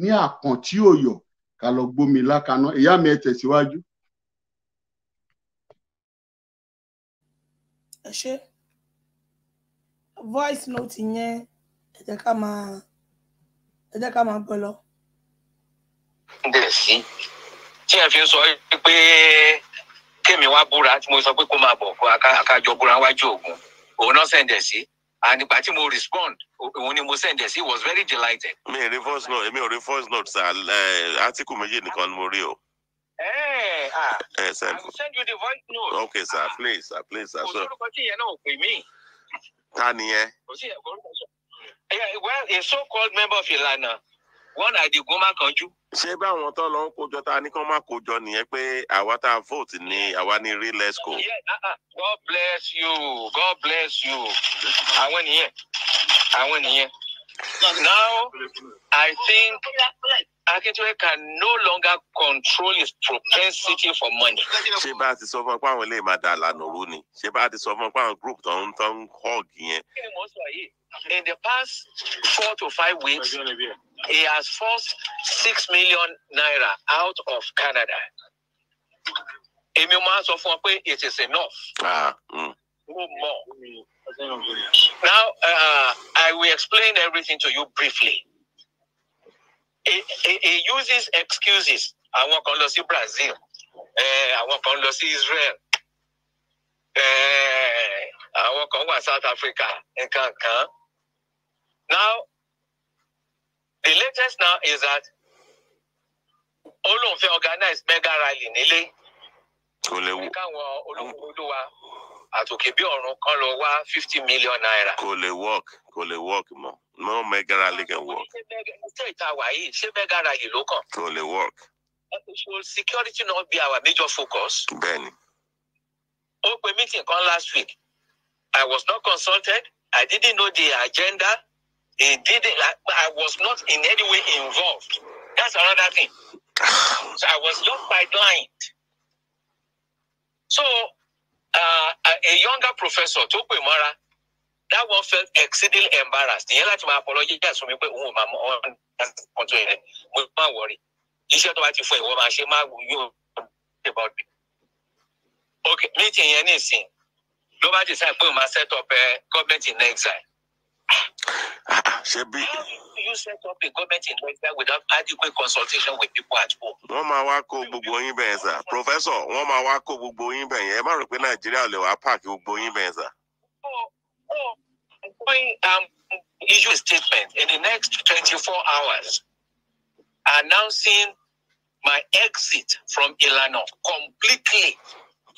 S17: ní àkàntí òyọ̀ ká lọ gbómi lákaná ìyá mi ẹ tẹ̀síwájú.
S2: ẹ ṣe voice note yẹn ẹ jẹ́ ká máa ẹ jẹ́ ká máa gbọ́ lọ.
S11: bẹ́ẹ̀ sí tí ẹ fi ń sọ pé kémi wá búra tí mo sọ pé kó máa bọ̀ kó akájọ búra wájú ògùn òun náà sẹ̀ǹdẹ̀ sí.
S20: and ìgbà tí mo respond òun ni mo send ẹ sí was very delighted. mi ò rí first note èmi ò rí note sir eh, article méjì nìkan ni mo rí o. Hey, eh, ah, eh, send. you
S11: the voice note.
S20: Okay, sir, ah, please, sir, please, sir. Kò sórúkọ
S11: tí ìyẹn náà pè mí. Ta ni ẹ? Kò sí ẹ̀kọ́ orúkọ sọ. Well, a so-called member
S20: of Ìlànà wọn náà di gun má kanjú. ṣé báwọn tó lọ ń kójọ ta ní kán má kójọ nìyẹn pé àwa tá a vote ni àwa ní real esco. Ah,
S11: ah. God bless you God bless you àwọn nìyẹn àwọn nìyẹn now I think. Akíntúndé can no longer control his propensity for money.
S20: Ṣé bá a ti sọ fún ọ pé àwọn eléyìí máa da àlànà òru ni? Ṣé bá a ti sọ fún ọ pé àwọn group tó ń tó ń hug yẹn?
S11: In the past four to five weeks, he has forced six million naira out of Canada. Èmi máa sọ fún ọ pé it is enough.
S20: Ah, mm.
S11: No more. Now, uh, I will explain everything to you briefly he uses excuses àwọn kan lọ sí Brazil àwọn kan lọ sí Israel àwọn kan wà South Africa nǹkan kan now the latest now is that ó lóun fẹ́ organize mega rally nílé. káwọn olóko olúwa
S20: àtòkè bí ọ̀run kan lọ wá fifty million naira. kò lè work kò lè work mọ́ no megara lè kàn work.
S11: ṣé ìtawà yìí ṣé megara yìí ló kàn. kò lè work. will security not be our major focus. bẹ́ẹ̀ni. Open meeting kan last week I was not consulted I didn't know the agenda it didn't I, I was not in any way involved that's another thing so I was left by blind so a younger professor tó pè mọ́ra that one felt exceedingly embarrassed ìyẹn láti máa pọlọ yíyá sọ mi pé òun ò máa mọ ọ́n kan tó yẹn mo máa wọ̀rí iṣẹ́ tó bá ti fọ ìwọ máa ṣe máa yóò ṣe bá ọdún. ok meeting yẹn nìsín ló bá decide pé òun máa set up eh, government in exile
S20: Ah, ṣe bí.
S11: you set up a government in Nigeria without adequate
S20: consultation with people at home. wọ́n máa wá kó gbogbo yín bẹ́ẹ̀ sà professor wọ́n máa wá kó gbogbo yín bẹ́ẹ̀ yẹn ẹ má rò pé nàìjíríà lè wá pààkì gbogbo yín bẹ́ẹ̀ sà. Oh,
S11: oh, going um, issue statement in the next twenty-four hours announcing my exit from Ilana completely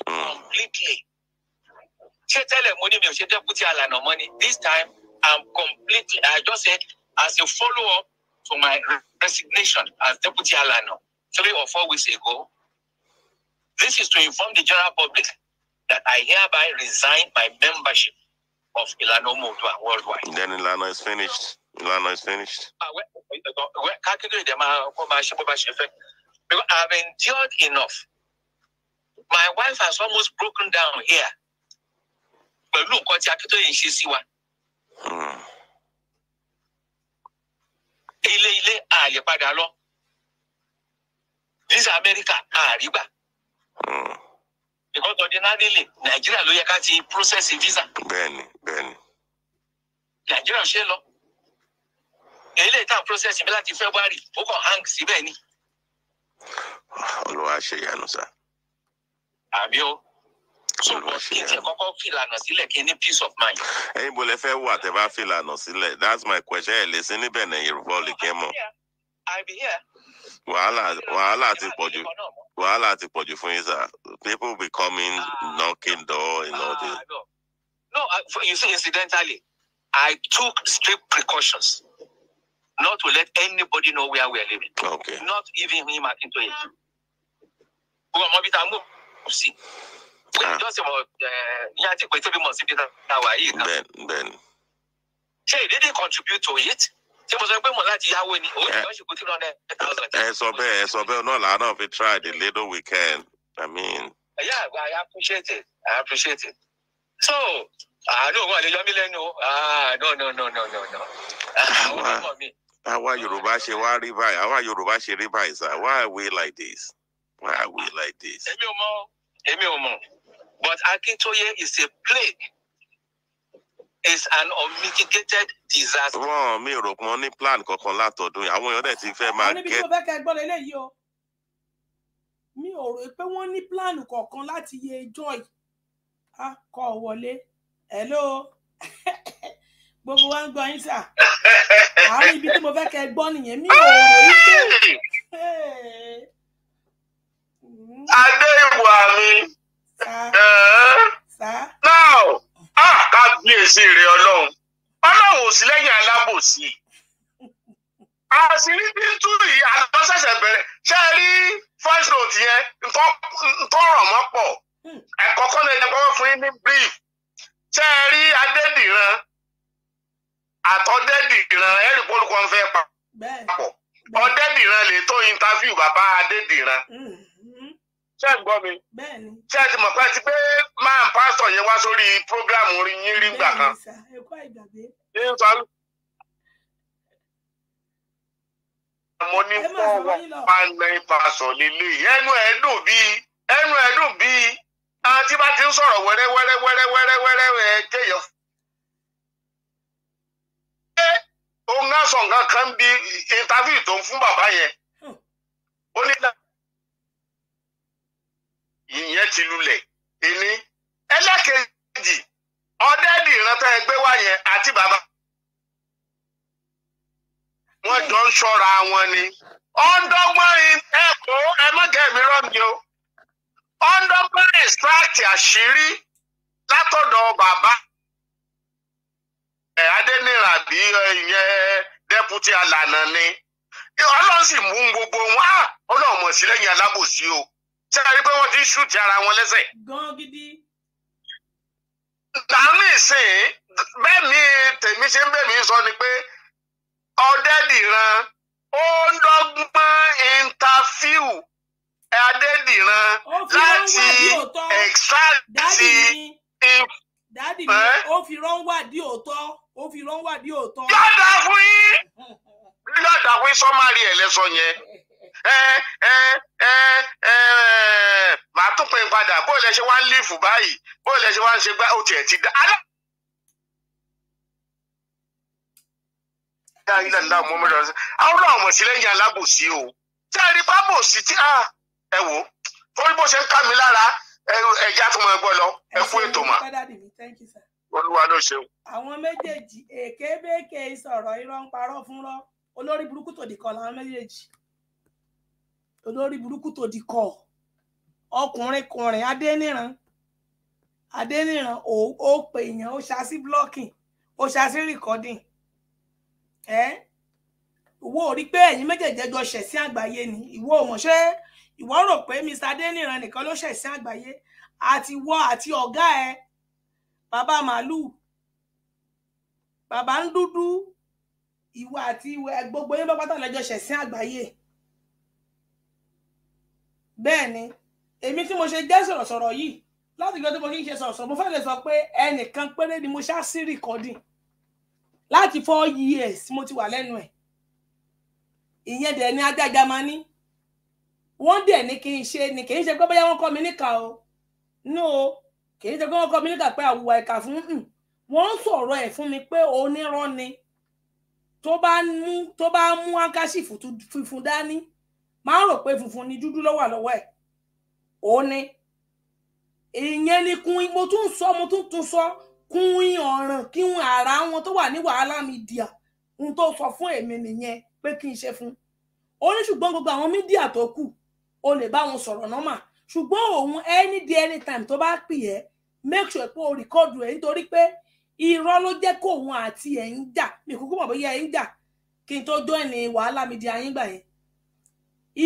S11: hmm. completely. ṣé tẹ́lẹ̀ mo ní mi ò ṣe dẹ́kun ti àlànà mọ́ ni this time I'm completely. I just said, as a follow up to my resignation as Deputy Alano three or four weeks ago, this is to inform the general public that I hereby resign my membership of Ilano Moldua
S20: worldwide. Then Ilano is finished. Ilano is finished.
S11: Ah, uh, because I've endured enough. My wife has almost broken down here. But look what you are doing. ṣe sí one. Hmm. ilé ilé ààyè padà lọ visa Amẹ́ríkà àrígbà hmm. because ordinarily Nàìjíríà ló yẹ ká ti process visa. Bẹ́ẹ̀ni bẹ́ẹ̀ni. Nàìjíríà ṣe lọ eléyìí tá à ń process mi láti February ó kàn hang
S20: síbẹ̀ ni. Olúwa ṣe ìyanu sá. àbí o so kí n tiẹ̀ kọ́kọ́ fìlànà sílẹ̀ kí n ní peace of mind. ẹ̀yin bó lẹ fẹ́ wà tẹ́ bá fìlànà sílẹ̀ that's my question ẹ lè sí níbẹ̀ ní yorùbá ò lè kẹ́ mọ̀. wàhálà wàhálà ti pọ̀ jù wàhálà ti pọ̀ jù fún yín sir people be coming uh, knocking door and all this.
S11: no uh, you see incidentally I took strict precautions not to let anybody know where we are living. Okay. Not even him Akintoye. Who am I? Move. See wọ́n ti jọ́sìn mọ̀ ní contribute to it ṣé mo sọ pé mo láti yáwó ni owó ìjọ eh. ṣe kò tí lọ́nà ẹ̀
S20: thousand. ẹ eh, sọ bẹ́ẹ̀ ẹ sọ bẹ́ẹ̀ náà làánà fi try the little we can i mean.
S11: ẹ̀yà eh, àgbà i appreciate it
S20: i appreciate it.
S11: so àánú òun àlejò
S20: mi lẹ́nu ah
S11: no no no no no no.
S20: àwọn ah, ah, ọmọ mi. àwa yorùbá ṣe wá rí báyìí àwa yorùbá ṣe rí báyìí why are we like this why are we like this.
S11: èmi ò mọ èmi ò mọ.
S20: But Akintoye is a plague. It's an unmitigated disaster. Wọ́n mi rò pé ní plan kankan látọ̀dún yìí. Àwọn èèyàn dẹ̀ ti fẹ́ máa gẹ́. Àwọn níbi tí mo
S2: fẹ́ kẹ́ gbọ́ lélẹ́yìí o. Mi ò rò pé wọ́n ní plan kankan láti yẹ ẹjọ́ yìí. A kọ wọlé. Hello. Gbogbo wa ń gbọ́ yín sà. Àwọn ibi tí mo fẹ́ kẹ́ gbọ́ nìyẹn. Mi ò rò pé. Adé ìwà mi.
S13: now ah kábíyèsí rẹ ọlọ́run ọlọ́run ò sí lẹ́yìn alábòsí A si ń tú yìí àlọ́ ṣẹ̀ṣẹ̀ bẹ̀rẹ̀ ṣe é rí first note yẹn ntọ́rọ̀ mọ́ pọ̀ hmm. ẹ̀kọ́ kọ́ lẹ́yìn ẹ̀kọ́ fún ní brief ṣe rí Adediran àtọ́dẹ́dìran ẹ̀rí pọ́lùkọ́ ń fẹ́ papọ̀ ọ̀dẹ́dìran lè tó interview bàbá adédìran. Hmm. ṣé ń gbọ́ mi ṣé ẹ ti mọ̀ pé ti pé máa ń pásítọ̀ yẹn wá sórí prógrámù orin yín rí gbà kan. mo ní kan bí tó ń fún bàbá yẹn ìyẹn ti lulẹ̀ èmi ẹlẹ́kẹ̀jì ọ̀dẹ́ẹ̀dì ìrántá ẹgbẹ́ wá yẹn àti bàbá wọn jọ ń ṣọ́ra wọn ni ọ̀ndọ́gbọ́n ẹ̀kọ́ ẹmọ́gẹ̀mí rọ́mi o ọ̀ndọ́gbọ́n extract àṣírí látọ̀dọ̀ bàbá ẹ̀ adẹ́nira bí ìyẹn deputy alànà ni ọlọ́run sì mú gbogbo wọn ah! ọlọ́run mọ̀ sí lẹ́yìn alábòsí o ṣé a rí pé wọ́n ti ń ṣùtì ara wọn lẹ́sẹ̀.
S2: gan gidi.
S13: láàánú ìsìn bẹ́ẹ̀ ni tèmi ṣe ń bẹ̀ mí sọ ni pé ọ̀dẹ́dìran ó ń dọ́gbọ́n
S2: interview adédìran láti extracti. dáàdì mi ó fi rán òótọ́ ó fi rán wádìí òótọ́. yọ̀dà fún yín
S13: yọ̀dà fún yín sọ́mari ẹ̀ lẹ́sọ̀ yẹn. màá tún pín in padà bó lẹ ṣe wá ń lífù báyìí bó lẹ ṣe wá ń ṣe gbá ó tiẹ̀ ti dá. àwọn ọmọ sílẹ̀ yẹn alábòsí o tí a rí bábòsí tí ẹ wò ó rí bó ṣe ń ká mi lára
S11: ẹja tó máa gbọ́ lọ ẹ kú ètò mà olúwa ló ṣeun.
S2: àwọn méjèèjì èké bèké sọ̀rọ̀ irọ́ ń parọ́ fúnrọ́ olórí burúkú tòdìkọ̀ làwọn méjèèjì olórí burúkú tó di kọ ọkùnrin kùnrin adéníran adéníran ó pè èèyàn ó ṣá sí blocking ó ṣá sí recording ẹ ìwọ ò rí pé ẹ̀yin méjèèjì jọ ṣẹ̀ sí àgbáyé ni ìwọ ò mọ̀ ṣé ìwọ rò pé mr adéníran nìkan ló ṣẹ̀ sí àgbáyé àti wọ àti ọ̀gá ẹ bàbá màálùú bàbá ń dúdú ìwọ àti ìwọ gbogbo yín bá pátá lẹjọ ṣẹ̀ sí àgbáyé bẹ́ẹ̀ ni èmi tí mo ṣe jẹ́ sọ̀rọ̀sọ̀rọ̀ yìí láti gbọ́ tí mo ti ń ṣe sọ̀rọ̀sọ̀rọ̀ mo fẹ́ lè sọ pé ẹnìkan péré ni mo ṣá sí rìkọ́dìn láti four years mo ti wà lẹ́nu ẹ̀ ìyẹn dẹ̀ ni adájà máa ní wọ́n dẹ̀ ní kí n ṣe ni kì í ṣe pé bóyá wọ́n kọ́ mi níkà o no kì í ṣe pé wọ́n kọ́ mi níkà pé àwùwà ìkà fún un wọ́n ń sọ̀rọ̀ ẹ̀ fún mi pé onírọ́ ni tó bá mú tó bá dání má rò pé funfun ni dúdú ló wà lọ́wọ́ ẹ̀ ó ní ìyẹn ni kun mo tún sọ mo tún tún sọ kun ọ̀ràn kí n ara wọn tó wà ní wàhálà mídíà n tó sọ fún èmi nìyẹn pé kí n ṣe fún ó ní ṣùgbọ́n gbogbo àwọn mídíà tó kù o lè bá wọn sọ̀rọ̀ nọ́mà ṣùgbọ́n òun any day anytime tó bá pì ẹ́ make sure pé o record ẹ̀ nítorí pé irọ́ ló jẹ́ kó òun àti ẹ̀ ń jà mi kúkú mọ̀ bóyá ẹ̀ ń jà kí n tó join ní wàhálà mídíà yín gbà yẹn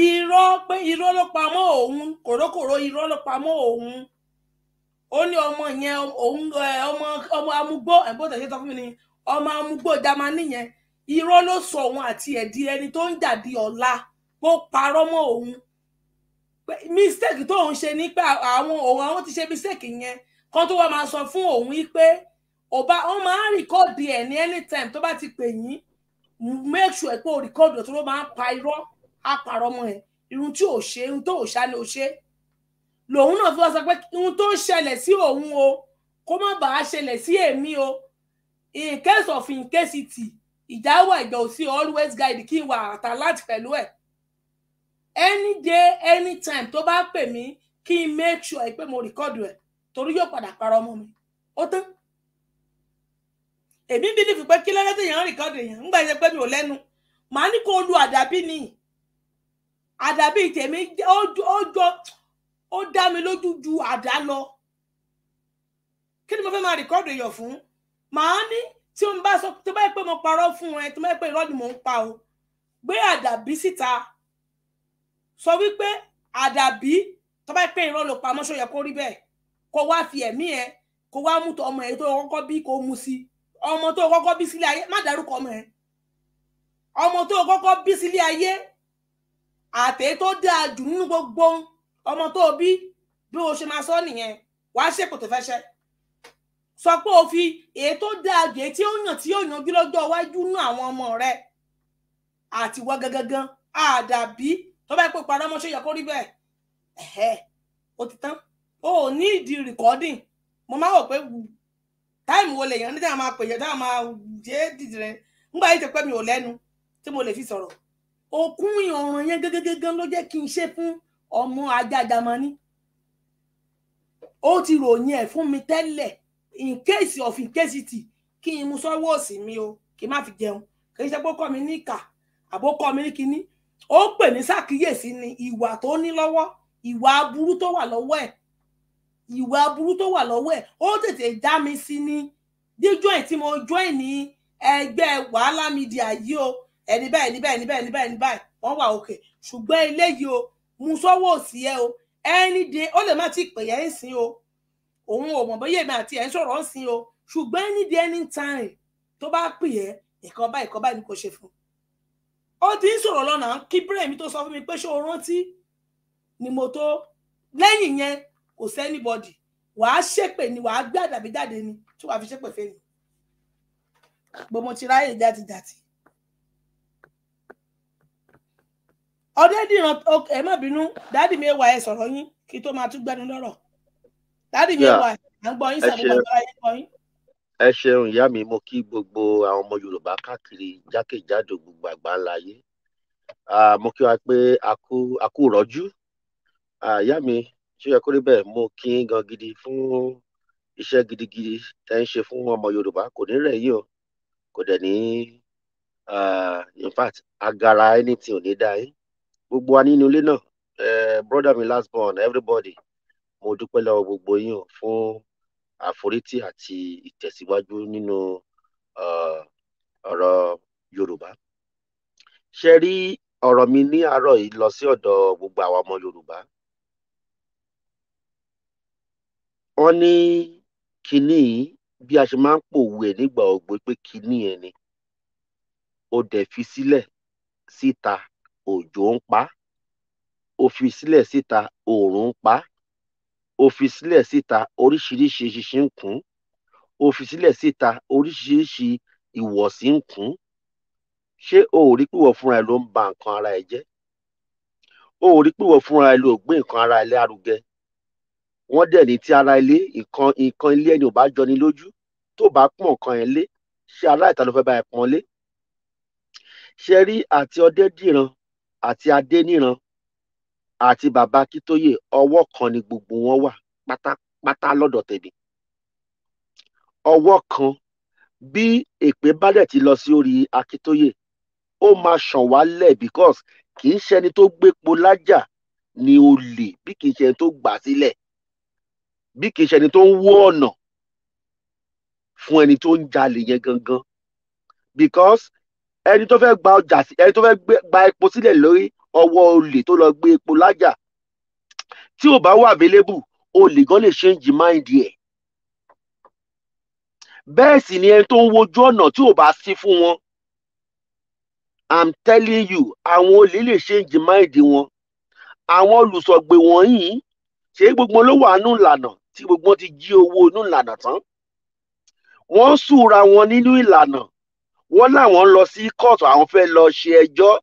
S2: irọ́ pé irọ́ ló pamọ́ òun kòrókòró irọ́ ló pamọ́ òun ó ní ọmọ yẹn òun ọmọ ọmọ amúgbó ẹ̀bùn tẹ̀sí tọ́ fún mi ni ọmọ amúgbó jamani yẹn irọ́ ló sọ òun àti ẹ̀dí ẹni tó ń dàbí ọ̀la bó parọ́ mọ́ òun mistake tó òun ṣe ní pé àwọn òun àwọn ti ṣe mistake yẹn kan tó wá máa sọ fún òun yìí pé ọba wọn máa ń rìkọ́ọ̀dì ẹ̀ ní anytime tó bá ti pè yín make sure pé o rìkọ́ọ̀dì ọ̀tún ló máa ń pa irọ́ á pààrọ̀ ọmọ ẹ̀ irun tí ò ṣe irun tó ò ṣá ni ò ṣe lòun náà fi wá sọ pé irun tó ṣẹlẹ̀ sí òun o kó má bàa ṣẹlẹ̀ sí èmi o in case of in case it ìjà wà ò sí always guide kí n wà àtà láti pẹ̀lú ẹ̀ any day any time tó bá pè mí kí n make sure pé mo record ẹ̀ torí yóò padà parọ́ ọmọ mi ó tán èmi bí ní fi pé kí lẹ́lẹ́tì yẹn ń record yẹn ń gbà yẹn pé mi ò lẹ́nu màá ní kó lu àdàbí nìyí àdàbí tèmi ó jọ ó dá mi lójú ju àdá lọ kí ni mo fẹ́ máa rìkọ́dù èèyàn fún màá ní tí mo bá sọ tó bá yẹ pé mo parọ́ fún ẹ tó bá yẹ pé irọ́ ni mò ń pa o gbé àdàbí síta sọ wípé àdàbí tó bá yẹ pé irọ́ ló pamọ́ ṣó yẹ kó rí bẹ́ẹ̀ kó wá fi ẹ̀mí ẹ kó wá mú ọmọ ẹ tó kọ́kọ́ bí kó mú sí ọmọ tó kọ́kọ́ bí sílé ayé má dárúkọ ọmọ ẹ ọmọ tó kọ́kọ́ bí sílé ayé àtẹ tó dáa jù nínú gbogbo ọmọ tó bí bí o ṣe máa sọ nìyẹn wàá ṣèpò tó fẹ́ ṣe sọ pé o fi èyí tó dáa jù èyí tí ó yàn tí yóò yanjú lọ́jọ́ iwájú nú àwọn ọmọ rẹ àtiwọ gangan àdàbí tó bá pè parọ́ mọ́ ṣe yẹ kó rí bẹ́ẹ̀ ẹ̀hẹ́ o ti tán o ò ní ìdí rìkọ́dìn mo máa wò pé táìmù wo lèèyàn ní táwọn máa pè yẹn táwọn máa jẹ́ dìde rẹ ńgbà yìí ti pẹ́ mi ò lẹ́nu tí mo lè fi sọ̀rọ̀ òkun ọ̀ràn yẹn gẹ́gẹ́gẹ́gẹ́ ló jẹ́ kí n ṣe fún ọmọ ajájamani ó ti ròyìn ẹ̀ fún mi tẹ́lẹ̀ in case of incasity kí n mú sọ́wọ́ òsì mi o kí n má fi jẹun kì í ṣe pé ó kọ́ mi ní ìkà àbó kọ́ mi ní kinní ó pè ní sàkíyèsí ni ìwà tó ní lọ́wọ́ ìwà aburú tó wà lọ́wọ́ ẹ̀ ìwà aburú tó wà lọ́wọ́ ẹ̀ ó tètè dá mi sí ní jíjọ́ ẹ̀ tí mo join ní ẹgbẹ́ wàhálà mídíà yìí o ẹni báyìí ní báyìí ní báyìí ní báyìí ní báyìí wọ́n wà òkè ṣùgbọ́n eléyìí o mú sọ́wọ́ òsì ẹ o ẹni dé ó lè má ti pè yẹn ń sin o òun ò mọ̀ bóyá èmi àti ẹ̀ ń sọ̀rọ̀ ń sin o ṣùgbọ́n ẹni dé ẹni tààrin tó bá pè yẹ nǹkan báyìí nǹkan báyìí ni kò ṣe fún ó ti ń sọ̀rọ̀ lọ́nà kí bírèmi tó sọ fún mi pé ṣé o rántí ni mo tó lẹ́yìn yẹn kò sẹ́nibọ̀dì wàá ṣépè ni wàá gbé àdàbí jáde ni tí wàá fi ṣépè fẹ́ ni gbogbo ti ráyè ọdẹdìran ẹ má bínú dádì mi wà ẹ sọ̀rọ̀ yín kí tó máa tún gbẹnu lọ́rọ̀ dádì mi wà à ń yín sàbẹ̀wò
S13: ẹ ṣeun ìyá mi mo kí gbogbo àwọn ọmọ yorùbá káàkiri jákèjádò gbogbo àgbáńlá ayé mo kí wa pé a kú rọ́jú ìyá mi ṣé yẹ kó rí bẹ́ẹ̀ mo kí n gan gidi
S15: fún iṣẹ́ gidigidi tẹ́ ń ṣe fún ọmọ yorùbá kò ní rẹ̀ yìí o kò dẹ̀ ní in fact agara anything ò ní dá yín gbogbo wa nínú ilé náà eh, broda mi last born everybody mo dúpẹ́ lọ́wọ́ gbogbo
S13: yín o fún àforítì àti ìtẹ̀síwájú nínú eh,
S15: ọ̀rọ̀ Yorùbá ṣe rí ọ̀rọ̀ mi ní àárọ̀ yìí lọ sí ọ̀dọ̀ gbogbo àwọn ọmọ Yorùbá wọ́n ní kínní bí a ṣe máa ń pòwe nígbà ògbó pé kínní ẹ̀ ó dẹ̀ fi sílẹ̀ síta òjò ń pa
S13: á ó fi sílẹ̀ síta oòrùn ń pa á ó fi sílẹ̀ síta oríṣiríṣi ṣinṣin ń kùn ó fi sílẹ̀ síta oríṣiríṣi ìwọ̀sí ń kùn ṣé o ò rí pìwọ̀ fúnra ẹ ló ń ba nǹkan ara ẹ jẹ́
S15: o ò rí pìwọ̀ fúnra ẹ ló gbé nǹkan ara ẹ lárugẹ wọ́n dẹ̀ ní ti ara ilé nǹkan nǹkan ilé ẹni ò bá jọni lójú tó bá pọ̀n nǹkan ẹ lé ṣé aláìta ló fẹ́ bá ẹ pọ́n lé ṣe rí àti ọdẹ dìran àti adéníran àti bàbá akíntóyè ọwọ́ kan ni gbogbo wọn wà pátápátá lọ́dọ̀ tèmi ọwọ́ kan bí èpè bá dẹ̀ ti lọ sí orí akíntóyè ó máa ṣàn wálẹ̀ because kì í ṣẹni tó gbépo lájà ni olè bí kì í ṣẹni tó gbà sílẹ̀ bí kì í ṣẹni tó ń wó ọ̀nà fún ẹni tó ń jalè yẹn gangan because ẹni tó fẹ́ gba ọjà sí ẹni tó fẹ́ gba epo sílẹ̀ lórí ọwọ́ olè tó lọ gbé epo lájà tí ò bá wà available olè gan lè change mind ẹ̀ bẹ́ẹ̀ sì ni ẹni tó ń wojú ọ̀nà tí ò bá sí fún wọn i'm telling you àwọn olè lè change mind wọn àwọn olùsọ̀gbè wọ̀nyí ṣé gbogbo ló wà nù ìlànà tí gbogbo ti jí owó nù ìlànà tán wọ́n súra wọn nínú ìlànà wọ́n láwọn ń lọ sí court àwọn fẹ́ lọ ṣe ẹjọ́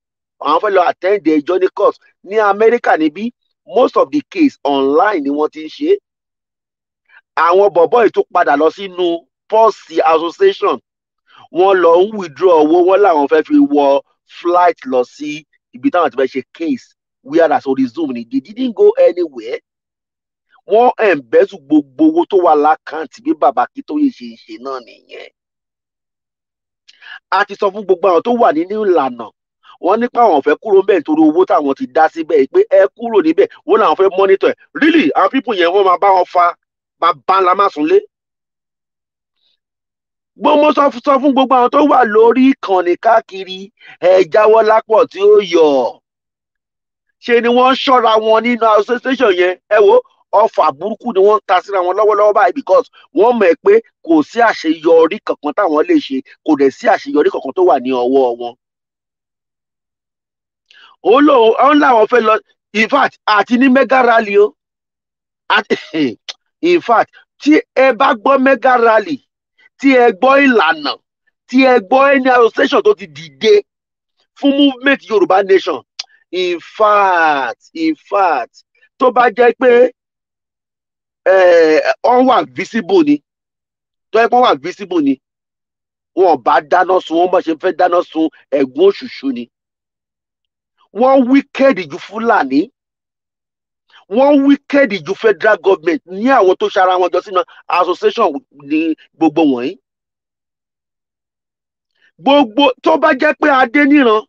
S15: àwọn fẹ́ lọ attend ẹjọ́ ní court ní America, níbí most of the case online ni wọ́n ti ń ṣe àwọn bọ̀bọ́ yìí tó padà lọ sínú pọ́ọ̀sì association wọ́n lọ ń withdraw owó wọ́n láwọn fẹ́ fi wọ flight lọ sí ibi táwọn ti fẹ́ ṣe case whereas orí zoom ni they didn't go anywhere wọ́n embezzle gbogbo owó tó wà lákàntì bí bàbá kí tó yẹ ṣe ṣe náà nìyẹn a ti sọ fún gbogbo àwọn tó wà nínú ìlànà wọ́n nípa àwọn ọ̀fẹ́ kúrò ń bẹ̀ nítorí owó táwọn ti dá síbẹ̀ pé ẹ kúrò níbẹ̀ wọ́n làwọn fẹ́ mọ́nítọ̀ ẹ̀ really àwọn people yẹn wọ́n máa bá wọn fa bàbá ńlá má sùn lé. gbọ́mọ sọ fún gbogbo àwọn tó wà lórí ìkànnì káàkiri ẹ jáwọ́ lápọ̀ tí ó yọ̀ ṣe ni wọ́n ṣọ́ra wọn nínú association yẹn ẹ wo ọfà burúkú ni wọ́n ń ta síra wọn lọ́wọ́lọ́wọ́ báyìí because wọ́n mọ̀ ẹ́ pé kò sí àṣeyọrí kankan táwọn lè ṣe kò dẹ̀ sí àṣeyọrí kankan tó wà ní ọwọ́ wọn. ó lò ó ń láwọn fẹ́ lọ in fact àti ní mega rally o in fact tí ẹ bá gbọ́ mega rally tí ẹ gbọ́ ìlànà tí ẹ gbọ́ any association tó ti dìde fún movement Yorùbá nation in fact in fact tó bá jẹ́ pé Eh, wọ́n wà visible ni tó yẹ pé wọ́n wà visible ni wọn ò bá dáná sun wọn bá ṣe fẹ́ dáná sun ẹ̀gún òṣùṣù ni wọ́n wicked ju fúlàní wọ́n wíkẹ́ẹ̀dì ju federal government ní àwọn tó ṣara wọn jọ sínú association ni gbogbo wọ̀nyí gbogbo tó bá jẹ́ pé adé níran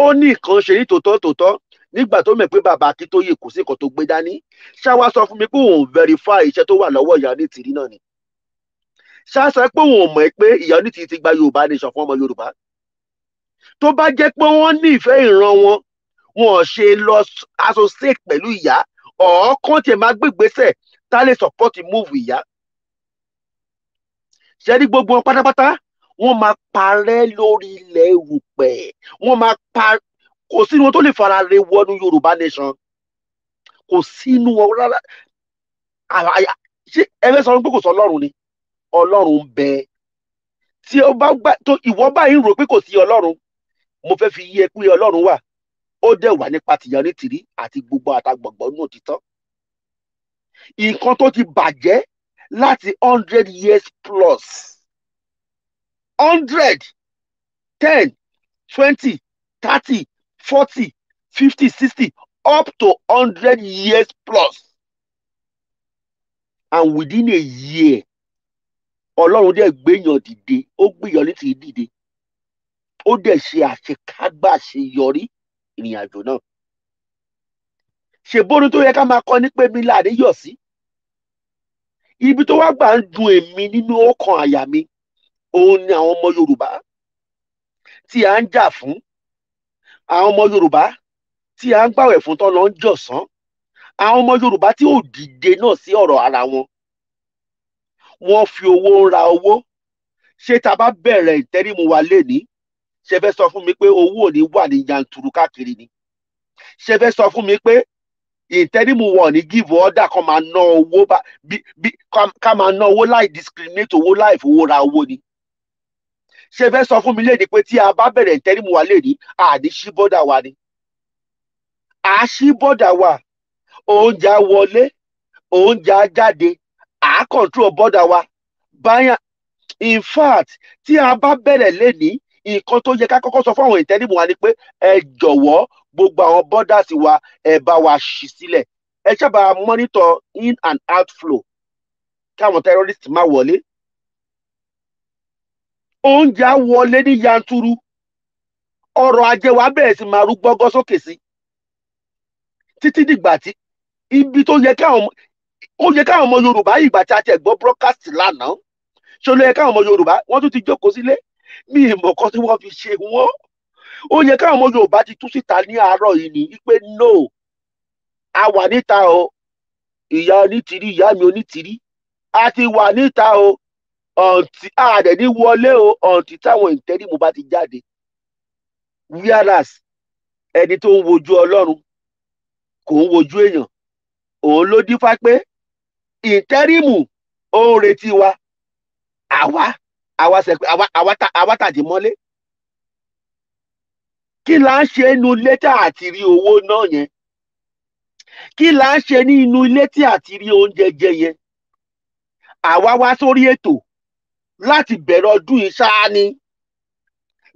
S15: ó ní nǹkan ní tòótọ́ tòótọ́ nígbà tó mẹ̀ pé bàbá Akíntóyè kò sí nǹkan tó gbé dání ṣáwa sọ fún mi pé òun verify iṣẹ́ tó wà lọ́wọ́ ìyá Onítìrí náà ni ṣáà sọ pé òun mọ̀ pé ìyá Onítìrí ti gba Yorùbá nation fún ọmọ Yorùbá tó bá jẹ́ pé wọ́n ní ìfẹ́ ìran wọn wọn ò ṣe lọ associate pẹ̀lú ìyá ọ̀ọ́kán tiẹ̀ máa gbégbésẹ̀ tá lè support move ìyá ṣẹ́rí gbogbo wọn pátápátá wọ́n máa parẹ́ lórí ilẹ̀ erùpẹ̀ wọ́n máa kò sínú wọn tó lè fara re wọnú yorùbá nation kò sínú wọn rárá ṣé ẹ fẹ́ sọ pé kò sọ ọlọ́run ni ọlọ́run ń bẹ tí ó bá gbà tó ìwọ báyìí rò pé kò sí ọlọ́run mo fẹ́ fi yí ẹ pé ọlọ́run wà ó dẹ̀ wà nípa tìyàn ní tìrí àti gbogbo àtàgbọ̀gbọ̀ nù títọ́ nǹkan tó ti bàjẹ́ láti hundred years plus hundred ten twenty thirty forty fifty sixty up to hundred years plus and within a year ọlọ́run dẹ̀ gbéyàn dìde ó gbéyàn létí dìde ó dẹ̀ ṣe àṣekágbá àṣeyọrí ìrìn àjò náà ṣèbóni tó yẹ ká máa kọ́ ní pé mi láàdé yọ̀ sí ibi tó wá gbà ń dun èmi nínú ọkàn àyà mi òun ni àwọn ọmọ Yorùbá tí à ń jà fún àwọn ọmọ Yorùbá tí a ń gbàwẹ̀ fún tán lọ ń jọ̀sán àwọn ọmọ Yorùbá tí ò dìde náà sí ọ̀rọ̀ ara wọn wọ́n fi owó ń ra owó ṣé tá a bá bẹ̀rẹ̀ ìtẹ́rìmù wa lénìí ṣe fẹ́ sọ fún mi pé owó ò wà ní yanturu káàkiri ni ṣe fẹ́ sọ fún mi pé ìtẹ́rìmù wọn ní give order kan máa ná owó ká máa ná owó láì discriminate owó láì fowó ra owó ni ṣe fẹ́ sọ fún mi léde pé tí a bá bẹ̀rẹ̀ ìtẹ́rìmù wa lè ní àní bọ́dà wa ni à á sí bọ́dà wa oúnjẹ á wọlé oúnjẹ á jáde à control bọ́dà wa báyà in fact tí a bá bẹ̀rẹ̀ lè ní nǹkan tó yẹ ká kọ́kọ́ sọ fún àwọn ìtẹ́rìmù wa ni pé ẹ jọ̀wọ́ gbogbo àwọn borders wa ẹ bá wa ṣí sílẹ̀ ẹ sábà monitor in and out flow káwọn terrorist má wọlé oúnjẹ á wọlé ní yanturu ọrọ̀ ajé wa bẹ̀rẹ̀ sí máa rú gbọ́gọ́ sókè sí títí dìgbà tí ibi tó yẹ káwọn ó yẹ káwọn ọmọ Yorùbá ìgbà tí a ti gbọ́ broadcast lánàá ṣe ló yẹ káwọn ọmọ Yorùbá wọ́n tún ti jókòó sílé ní ìmọ̀ kan tí wọ́n fi ṣe wọ́n ó yẹ káwọn ọmọ Yorùbá ti tú síta ní àárọ̀ yìí ní pé no a wà níta o ìyá onítìrí ìyá mi onítìrí a ti wà níta o ọ̀ǹtí àdẹ̀ní wọlé o ọ̀ǹtí táwọn ìtẹ́rìmù bá ti jáde whereas ẹni tó ń wojú ọlọ́run kò ń wojú èèyàn òun ló dífá pé ìtẹ́rìmù ó retí wa àwa àwa sẹ̀pẹ̀ àwa tàdí mọ́lé kí là ń ṣe inú ilé tí a ti rí owó náà yẹn kí là ń ṣe ní inú ilé tí a rí oúnjẹ jẹ yẹn àwa wá sórí ètò láti bẹ̀rẹ̀ ọdún yìí ṣáá ni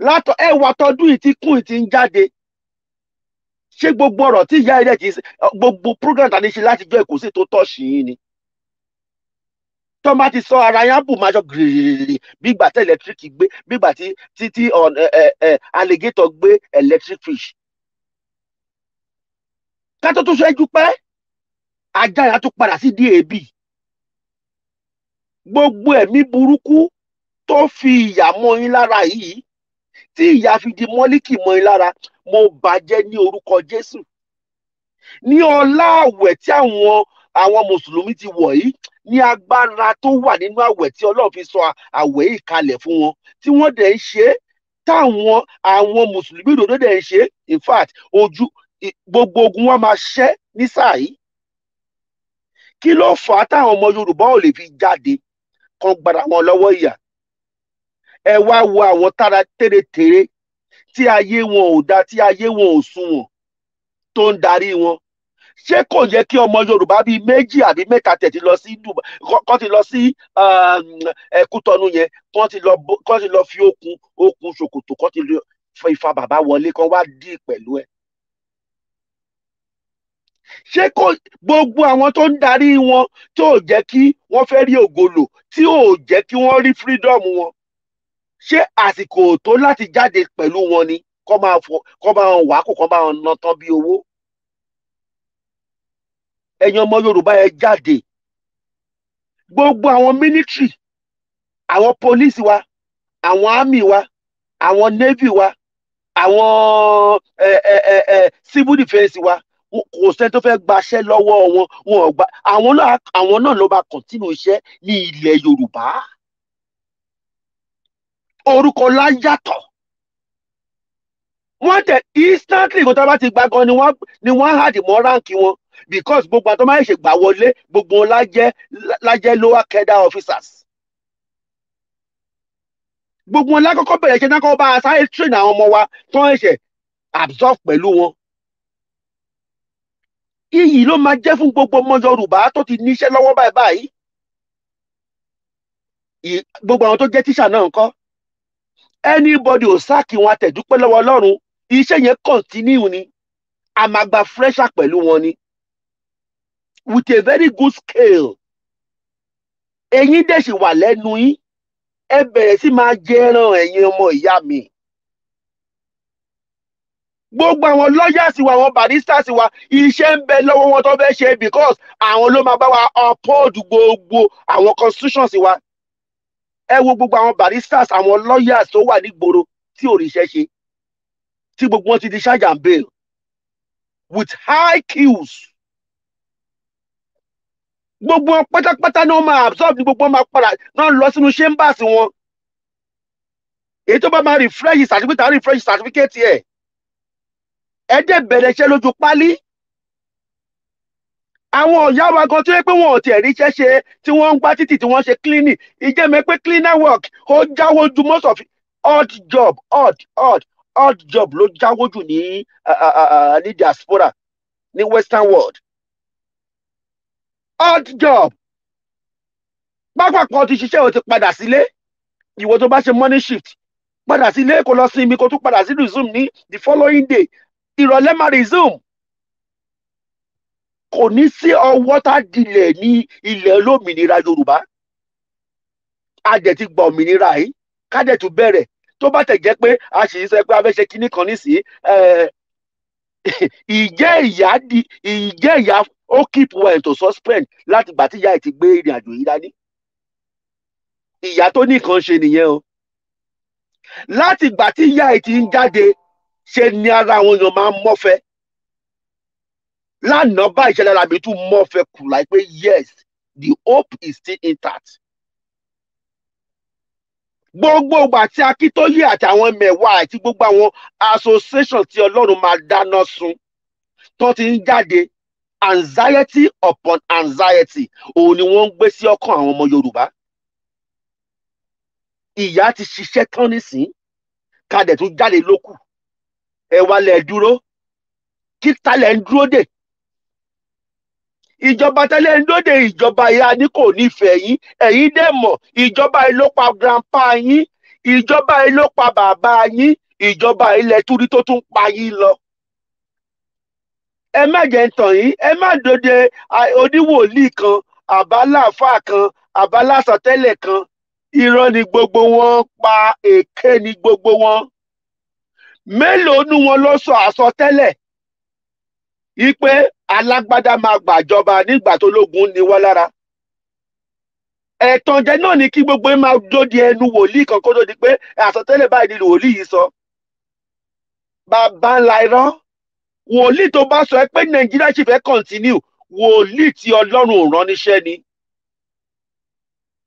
S15: látọ̀ ẹwà tọdún yìí ti kún yìí ti ń jáde ṣé gbogbo ọ̀rọ̀ tí ìyá ẹ̀rẹ́ ti gbogbo program tàbí ṣe láti jọ ìkùnsí tó tọ̀ sí yín ni tọ́mà ti sọ ara yẹn bù máa jọ gìrìrìrì bí ìgbà tí electric gbé bí ìgbà tí títí alligator gbé electric fish ká tó tún ṣẹ́jú pẹ́ ajá yẹn á tún padà sí dab gbogbo ẹ̀mí burúkú tó fi ìyà mọ́ yín lára yìí tí ìyà fi di mọ́líkì mọ́ yín lára mo bàjẹ́ ní orúkọ Jésù ní ọlá àwẹ̀ tí àwọn àwọn mùsùlùmí ti wọ̀ yìí ní agbára tó wà nínú àwẹ̀ tí Ọlọ́run fi sọ àwẹ̀ yìí kalẹ̀ fún wọn tí wọ́n dẹ̀ ń ṣe táwọn àwọn mùsùlùmí òdodo dẹ̀ ń ṣe in fact ojú gbogbo ogun wọn máa ṣẹ́ ní sáà yìí kí ló fà á táwọn ọmọ Yorùbá ò lè fi jáde kan gbara wọn lọ́wọ́ ìyà ẹ wá wo àwọn tára tèrètèrè tí ayé wọn ò da tí ayé wọn ò sunwọ̀n tó ń darí wọn ṣé kò yẹ kí ọmọ Yorùbá bíi méjì àbí mẹ́ta tẹ̀ ti lọ sí Dubai kọ́ ti lọ sí um, ẹ̀kútọ́nu yẹn kọ́ ti lọ fi okùn okùn ṣòkòtò kọ́ ti lọ fa bàbá wọlé kan wá dí pẹ̀lú ẹ̀ ṣé kò gbogbo àwọn tó ń darí wọn tí ò jẹ́ kí wọ́n fẹ́ rí ògolo tí ò jẹ́ kí wọ́n rí freedom wọn ṣé àsìkò tó láti jáde pẹ̀lú wọn ni kọ́ máa fọ kọ́ máa wà kó kọ́ máa ná tán bí owó ẹ̀yin ọmọ Yorùbá ẹ jáde gbogbo àwọn military àwọn police wa àwọn army wa àwọn navy wa àwọn eh, eh, eh, civil defence wa kò sẹ́ni tó fẹ́ gbaṣẹ́ lọ́wọ́ wọn wọn ò gba àwọn náà àwọn náà ló bá kọ̀ntínú iṣẹ́ ní ilẹ̀ Yorùbá orúkọ láyàtọ̀ wọ́n tẹ̀ instantly kó tá a bá ti gba gan ni wọ́n ni wọ́n hàdì mọ́ ráǹkì wọn because gbogbo àtọ́ máa ń ṣègbà wọlé gbogbo wọn lájẹ́ lájẹ́ lower cadre officers gbogbo wọn lákọ́kọ́ bẹ̀rẹ̀ ṣe náà kọ́ bá a sáré train àwọn ọmọ wa tó ń absorb pẹ̀lú wọn iyì ló máa jẹ́ fún gbogbo ọmọ Yorùbá tó ti níṣẹ́ lọ́wọ́ báyìí báyìí gbogbo àwọn tó jẹ́ tíṣà náà ń kọ́ anybody ò sáàkì wọn àtẹ̀dúpẹ́ lọ́wọ́ Ọlọ́run iṣẹ́ yẹn continue ni a máa gba fresher pẹ̀lú wọn ni with a very good scale eyín dẹ̀ sì wà lẹ́nu yín ẹ bẹ̀rẹ̀ sí máa jẹ ẹran ẹ̀yin ọmọ ìyá mi gbogbo àwọn lawyers wa àwọn barristers. wa iṣẹ́ ń bẹ lọ́wọ́ wọn tó fẹ́ ṣe because àwọn ló máa bá wa uphold gbogbo àwọn constitutions wa ẹ wo gbogbo àwọn baristas àwọn lawyers tó wà nígboro tí òrìṣẹ́ ṣe tí gbogbo wọn ti di charge and bail with high queues gbogbo wọn pátápátá náà máa absorb ní gbogbo wọn máa padà náà lọ sínú chambers wọn èyí tó bá máa refresh certificate refresh certificate yẹn ẹ dẹ̀ bẹ̀rẹ̀ iṣẹ́ lójú pálí àwọn ọ̀yá wa gan tó yẹ pé wọn ò tiẹ̀ ríṣẹ́ ṣe tí wọ́n ń gbá títì tí wọ́n ṣe clean ìjẹ́ mi pé cleaner work ó jáwó ju most of odd job odd odd odd job ló jáwó jù ní ní diaspora ní western world odd job pápákọ̀ ti ṣiṣẹ́ o ti padà sílé ìwọ tó bá ṣe morning shift padà sílé kó lọ sinmi kó tún padà sí resume ní the following day ìrọ̀lẹ́ máa resume kò ní sí ọwọ́ tá a dilẹ̀ ní ilẹ̀ olómìnira Yorùbá a dẹ̀ ti gba òmìnira yìí ká dẹ̀ tún bẹ̀rẹ̀ tó bá tẹ̀ jẹ́ pé a sì ń sọ pé a fẹ́ ṣe kinní kan nísìnyí ìjẹ́ eh, ìyá di ìjẹ́ ìyá ó keep well to suspend láti gbà tí ìyá ẹ̀ ti gbé ìrìn àjò yìí dání ìyá tó ní kan ṣe nìyẹn o láti gbà tí ẹ̀ ti ń jáde ṣe ni ara àwọn èèyàn máa ń mọ́fẹ́ lánàá bá ìṣẹ̀lẹ̀ làbí tún mọ́fẹ́ kù láìpẹ́ yes the hope is still intact gbogbo ìgbà tí akíntóyè àti àwọn mẹ̀wàá àti gbogbo àwọn association tí ọlọ́run máa dáná sun tó ti ń jáde anxiety upon anxiety òun ni wọ́n ń gbé sí ọkàn àwọn ọmọ yorùbá ìyà ti ṣiṣẹ́ tán nísìn ká tún jáde lókù ẹ wá lẹ̀ dúró kíta lẹ̀ ń dúró dè ìjọba tẹ́lẹ̀ ń dóde ìjọba ìyá ni kò nífẹ̀ẹ́ yín ẹ̀yin dẹ̀ mọ̀ ìjọba yìí ló pa grandpa yín ìjọba yìí ló pa bàbá yín ìjọba ilẹ̀ túrí tó tún pa yín lọ. ẹ má jẹ́ ń tàn yín ẹ má dóde oníwòlíì kan àbáláfà kan àbálásọtẹ́lẹ̀ kan irọ́ ni gbogbo wọn pa èké ni gbogbo wọn mélòó nu wọn ló sọ àsọtẹ́lẹ̀ ipe alágbádá máa gbàjọba nígbà tó lógun ni wá lára ẹ̀tàn jẹ náà ni kí gbogbo ẹ máa dóde ẹnu wòlíì kan kó tó di pé àsọtẹ́lẹ̀ báyìí ni wòlíì yìí sọ bàbá ńlá irọ́ wòlíì tó bá sọ pé nàìjíríà sì fẹ́ kọ́ntínú wòlíì tí ọlọ́run ò rán ni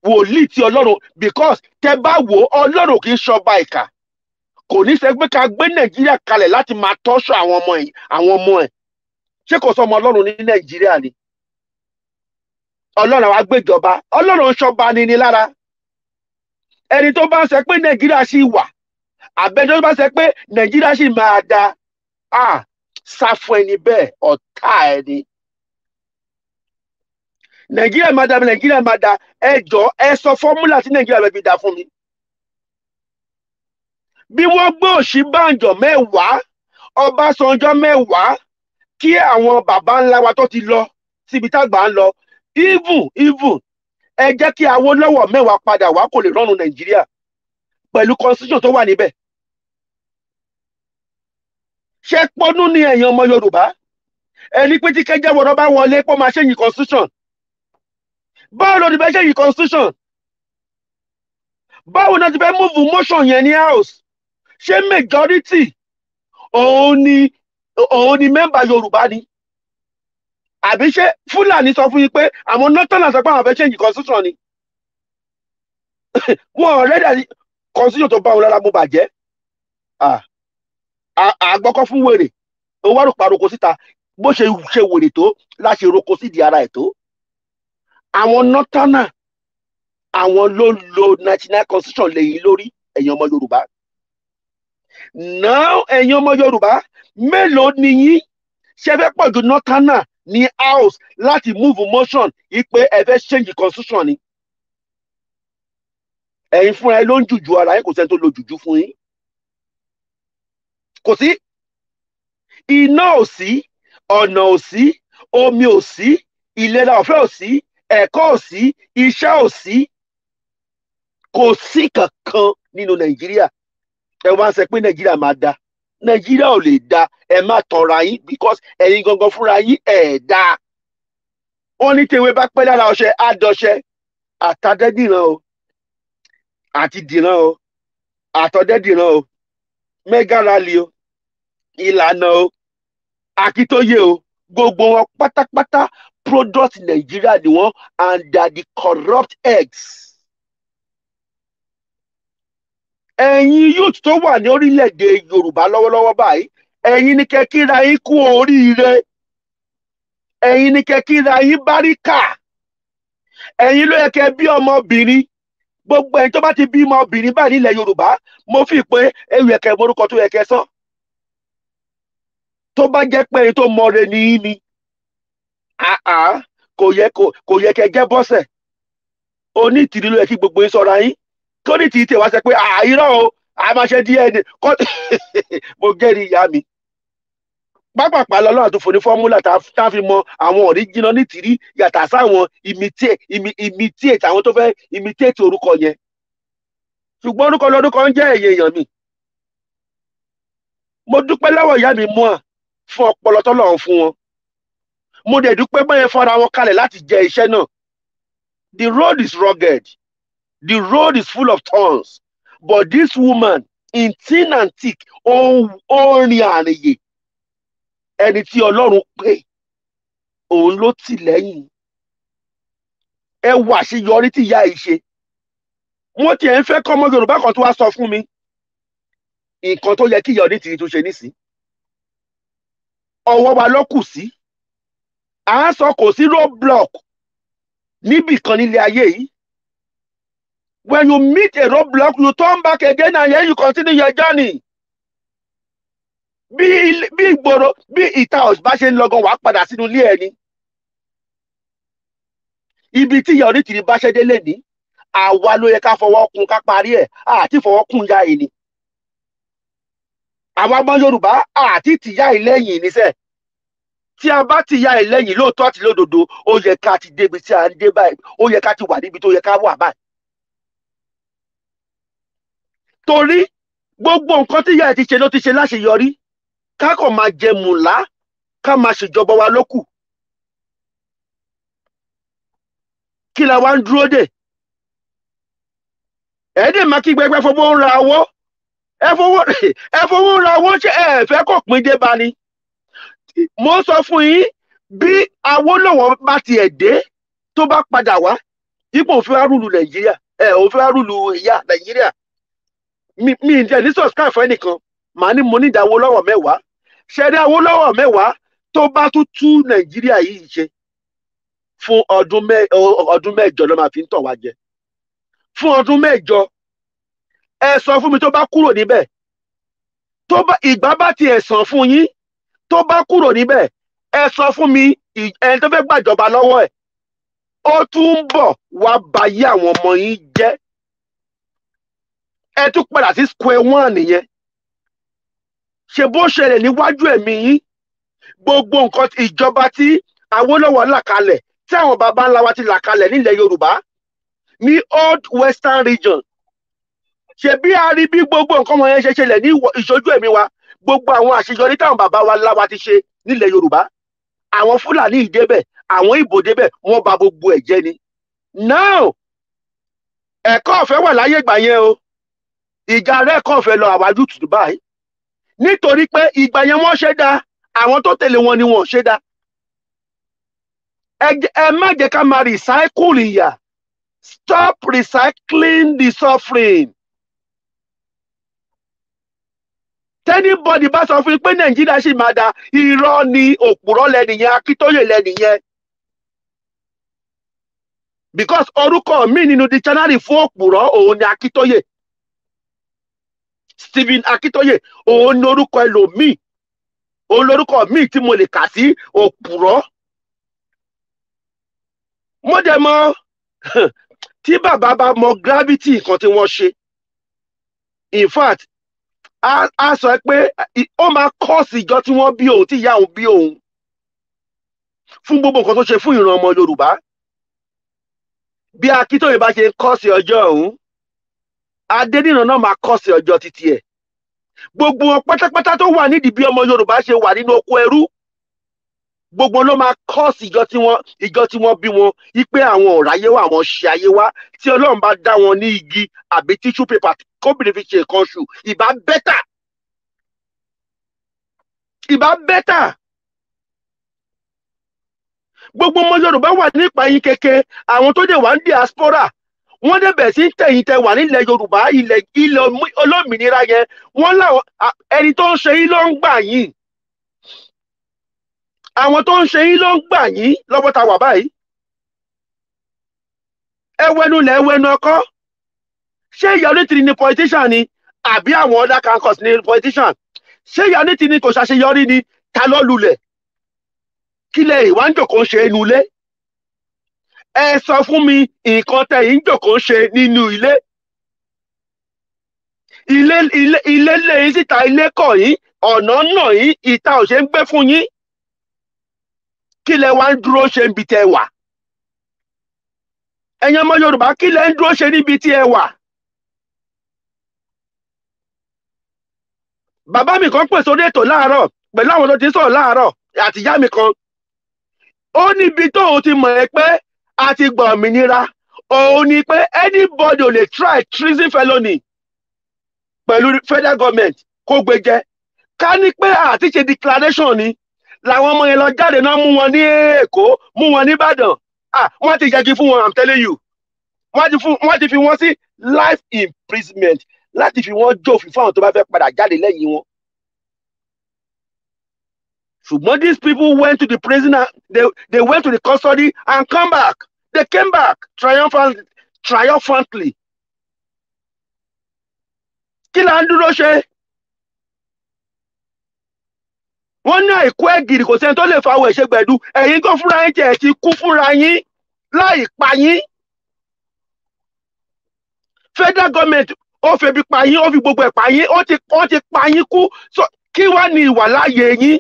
S15: wòlíì tí ọlọ́run because tẹ bá wò ọlọ́run kì í ṣọba ìkà kò ní sẹ pé ká gbé nàìjíríà kalẹ̀ láti máa tọ́ṣọ àwọn ọmọ ẹ̀ àwọn ọmọ ẹ̀ ṣé kò sọ ọmọ ọlọ́run ní nàìjíríà ni ọlọ́run àwa gbéjọba ọlọ́run ṣọba ni ni lára ẹni tó bá ń sẹ pé nàìjíríà ṣì wà àbẹjọ́ bá ń sẹ pé nàìjíríà ṣì máa da a sá fún ẹni bẹ́ẹ̀ ọ̀tá ẹni nàìjíríà máa da nàìjíríà máa da ẹ jọ ẹ sọ fọ́múlà tí nàìjíríà bẹ́ẹ̀ fi da fún mi bí wọ́n gbé Ọ̀ṣínbàjò mẹ́wàá Ọbásanjọ́ mẹ́wàá kí àwọn bàbá ńlá wa tó ti lọ síbi tágbà ń lọ even even ẹ jẹ́ kí Awólọ́wọ̀ mẹ́wàá padà wá kò lè rọrùn Nàìjíríà pẹ̀lú constitution tó wà níbẹ̀ ṣe pọnú ní ẹ̀yàn ọmọ Yorùbá ẹni pé tí Kẹjẹwọrọ bá wọlé pọ́ máa ṣèyí constitution báwo ló ti fẹ́ ṣèyí constitution báwo ló ti fẹ́ múùfù motion yẹn ní house ṣé majority òun ni òun ni mẹ́mbà yorùbá ni àbí ṣé fúlàní sọ fún yín pé àwọn northern sọ pé àwọn fẹ́ change constitution ni wọn ọ̀rẹ́ dàní constitution tó bá wọn lára mo bàjẹ́ àgbọ́kọ́ fún wèrè ó wá rò paroko síta bó ṣe ṣe wèrè tó láṣẹ roko sídìí ara ẹ̀ tó àwọn northern àwọn ló lo national constitution lẹ́yìn lórí ẹ̀yin ọmọ yorùbá náà ẹ̀yin ọmọ Yorùbá mélòó ni yín ṣe fẹ́ pọ̀ ju nọ́tánà ní house láti move motion ipe ẹ fẹ́ change constitution ni ẹ̀yin fúnra ẹ ló ń jùjú ara yín kò sẹ́ni tó lo jùjú fún yín kò sí iná ò sí ọ̀nà ò sí omi ò sí ìlera ọ̀fẹ́ ò sí ẹ̀kọ́ ò sí iṣẹ́ ò sí kò sí kankan nínú Nàìjíríà ẹ wá ń sẹ pé nàìjíríà máa da nàìjíríà ò lè da ẹ má tanra yín because ẹ̀yin gangan fúnra yín ẹ̀ da wọ́n ní tèwé bá pẹ́ lára ọṣẹ àdọṣẹ àtàdẹ́dìran o àti dìran o àtọ̀dẹ́dìran o mega rally o ìlànà o àkítóyè o gbogbo wọn pátápátá product nàìjíríà ni wọ́n and they the corrupt eggs. ẹ̀yin youth tó wà ní orílẹ̀-èdè yorùbá lọ́wọ́lọ́wọ́ báyìí ẹ̀yin ni kẹ́kíra yín kú oríire ẹ̀yin ni kẹ́kíra yín báríkà ẹ̀yin ló yẹ kẹ́ bí ọmọbìnrin gbogbo ẹ̀yin tó bá ti bí ọmọbìnrin báyìí nílẹ̀ yorùbá mo fi pé ewu ẹ̀kẹ́ morúkọ tó yẹ kẹ́ sọ tó bá jẹ́ pé ẹ̀yin ni yín ni kò yẹ kẹ́ jẹ́ bọ́sẹ̀ onítìrí ló yẹ gbogbo yín sọra yín tó ní tìí tè wá sẹ pé àìrọ̀ ah, o a máa ṣe DNA kọ́ mo gẹ́rì ìyá mi pápápá lọ́lọ́run àti fòní fọ́múlà tá a fi mọ àwọn original ní tìrí yàtà sáwọn imitate imitate àwọn tó fẹ́ imitate orúkọ yẹn ṣùgbọ́n orúkọ lọ́dún kan jẹ́ èyí èèyàn mi mo dúpẹ́ lọ́wọ́ ìyá mi mú à fún ọpọlọ tọ́lọ́run fún wọn mo dẹ̀ dúpẹ́ bẹ́ẹ̀ fọ́ra wọn kalẹ̀ láti jẹ iṣẹ́ náà the road is rugged The road is full of thorns. But this woman in thin and thick ó rin àrìnyè. Ẹni tí Ọlọ́run pè òun Lord tì lẹ́yìn. Ẹ wo àṣeyọrí tí ìyá yìí ṣe. Wọ́n tiẹ̀ ń fẹ́ kọ́ ọmọ Yorùbá kan tó wá sọ fún mi. Nǹkan tó yẹ kí ìyá Onítìrí tó ṣe nísìn. Ọwọ́ wa ló kù sí. À ń sọ kò sí roadblock níbìkan nílé ayé yìí When you meet a roadblock, you turn back again and then you continue your journey. Bí bí ìgboro bí ìta ọ̀bá ṣe ń lọ́gán wàá padà sínú ilé ẹni. Ibi tí ìyá onítìrí bá ṣẹ́ délé ní, àwa ló yẹ ká fọwọ́ kun ká parí ẹ̀, àti fọwọ́ kun ya èyí ni. Àwa ọmọ Yorùbá àti tìyá ìlẹ́yìn níṣẹ́ tí a bá ti ya ẹlẹ́yìn lóòótọ́ àti lódodo ó yẹ ká ti débi tí a ń dé báyìí ó yẹ ká ti wà níbi tó yẹ ká wà báyìí torí gbogbo nǹkan tí ìyá ẹ̀ ti ṣe ló ti ṣe láṣeyọrí ká kàn máa jẹ mùlá ká máa ṣèjọba wa lókù kí la wá ń dúró dè ẹ̀ẹ́dẹ̀ máa kí gbẹgbẹ́ fọwọ́ ń ra ọwọ́ ẹ fọwọ́ ń ra ọwọ́ ṣe ẹ fẹ́ kò pín dé bá ni mo sọ fún yín bí Awólọ́wọ̀ bá tiẹ̀ dé tó bá padà wá ipò òfin arúlù Nàìjíríà ẹ òfin arúlù ìyá Nàìjíríà mi mi jẹ ní subscribe fún ẹnìkan màá ní mo ní ìdá Awólọ́wọ̀ mẹ́wàá ṣẹdí Awólọ́wọ̀ mẹ́wàá tó bá tún tú Nàìjíríà yìí ṣe fún ọdún mẹ́jọ ló máa fi ń tàn wá jẹ fún ọdún mẹ́jọ ẹ sọ fún mi tó bá kúrò níbẹ̀ tó bá ìgbà bá tiẹ̀ sàn fún yín tó bá kúrò níbẹ̀ ẹ sọ fún mi ẹni tó fẹ́ gbàjọba lọ́wọ́ ẹ̀ ó tún ń bọ̀ wá bayé àwọn ọmọ yín jẹ́ ẹ tún padà sí square one nìyẹn ṣe bó ṣẹlẹ̀ níwájú ẹ̀mí yín gbogbo nǹkan ìjọba tí Awólọ́wọ̀ là kalẹ̀ tí àwọn baba ńlá wa ti là kalẹ̀ nílẹ̀ Yorùbá ní old western region ṣe bí a rí bí gbogbo nǹkan wọn yẹn ṣe ṣẹlẹ̀ ní ìṣojú ẹ̀mí wa gbogbo àwọn àṣeyọrí táwọn baba wa ńlá wa ti ṣe nílẹ̀ Yorùbá àwọn Fúlàní ìdébẹ̀ àwọn Ìbò débẹ̀ wọ́n ba gbogbo ẹ̀ jẹ́ ni now ẹ̀kọ́ ọ̀fẹ́ wà láyé ìgbà yẹn o ìjà rẹ̀ fẹ́ lọ àwájú tù báyìí nítorí pé ìgbà yẹn wọ́n ṣe dáa àwọn tó tẹ̀lé wọn ni wọ́n ṣe dáa ẹ má jẹ́ ká máa recycle ìyà stop recycling the suffering. tẹ́nibọ́dì bá sọ fún pé nàìjíríà ṣì máa da irọ́ ni òpùrọ́ lẹ́nìyẹn akíntóyè lẹ́nìyẹn. because orúkọ mi nínú dictionary fún òpùrọ́ òun ni akíntóyè Stephen Akintoye òun ní orúkọ ẹlòmíì òun lórúkọ míì tí mo lè kà sí òpùrọ́ mo dẹ̀ mọ̀ tí bàbá bá mọ gravity nǹkan tí wọ́n ṣe in fact a sọ pé ó máa kọ́ọ̀sì ìjọ tí wọ́n bí òun tí ìyá òun bí òun fún gbogbo nǹkan tó ṣe fún ìran ọmọ Yorùbá bí Akíntóyè bá ṣe kọ́ọ̀sì ọjọ́ òun Adédìran náà máa kọ́ sí ọjọ́ títí ẹ̀ gbogbo pátápátá tó wà nídìí bí ọmọ Yorùbá ṣe wà nínú oko ẹrú gbogbo ló máa kọ́ sí ìjọ tí wọ́n ìjọ bí wọn wípé àwọn ọ̀rọ̀ ayé wa àwọn ṣe ayé wa tí Ọlọ́run bá dá wọn ní igi àbí tíṣú pépà kóbìnrin fi ṣe nǹkan oṣù ìbá bẹ́tà ìbá bẹ́tà gbogbo ọmọ Yorùbá wà nípa yín keke àwọn tó dé wà ní diaspora wọ́n débẹ̀ sí tẹ̀yìn tẹ wà nílẹ̀ yorùbá ilẹ̀ ilẹ̀ olómìnira yẹn wọ́n láwọn ẹni tó ń ṣe yín ló ń gbà yín àwọn tó ń ṣe yín ló ń gbà yín lọ́wọ́ ta wà báyìí ẹwẹ́nu lẹ̀ ẹwẹ́nu ọkọ́ ṣé ìyá onítìrí ni politician ni àbí àwọn ọ̀dà kankos ni politician ṣé ìyá onítìrí kò ṣàṣeyọrí ni ta ló lulẹ̀ kílẹ̀ ìwáńjòkó ń ṣe inú ilé ẹ sọ fún mi nǹkan tẹ yìí ń jòkó ṣe nínú ilé ilé ilé ilé lẹ́yìn síta ilé kọ̀ yín ọ̀nà nà yín ìta ò ṣe ń gbé fún yín kí lẹ wá ń dúró ṣe níbi tẹ wà ẹ̀yin ọmọ Yorùbá kí lẹ ń dúró ṣe níbi tí ẹ wà. bàbá mi kan pè sórí ètò láàárọ̀ pẹ̀lú àwọn tó ti sọ̀rọ̀ láàárọ̀ àtìyá mi kan ó níbi tó o ti mọ̀ ẹ́ pé àti gba òmìnira òun ni pé anybody ò lè try treason felony pẹ̀lú federal government kó gbé jẹ ká ní pé àti ṣe declaration ni làwọn ọmọ yẹn lọ jáde náà mú wọn ní Èkó mú wọn ní Ìbàdàn ah ti yẹgi fún wọn i'm telling you wọ́n ti fún wọ́n ti fi wọ́n sí life imprisonment láti fi wọ́n jófin fáwọn tó bá fẹ́ padà jáde lẹ́yìn wọn. ṣùgbọ́n these people went to the prison they, they went to the custody and come back. They came back triumphantly. triumphantly. Kí là ń dúró ṣe? Wọ́n ní àìkú ẹ̀gìrì kò sẹ́ni tó lè fa àwọn ìṣègbẹ̀dú. Ẹ̀yin gan fúnra yín jẹ́ ti kú fúnra yín láì pa yín. Federal government ó febi pa yín, ó fi gbogbo ẹ̀ pa yín, ó ti ó ti pa yín kú. Kí wá ní ìwà láàyè yín?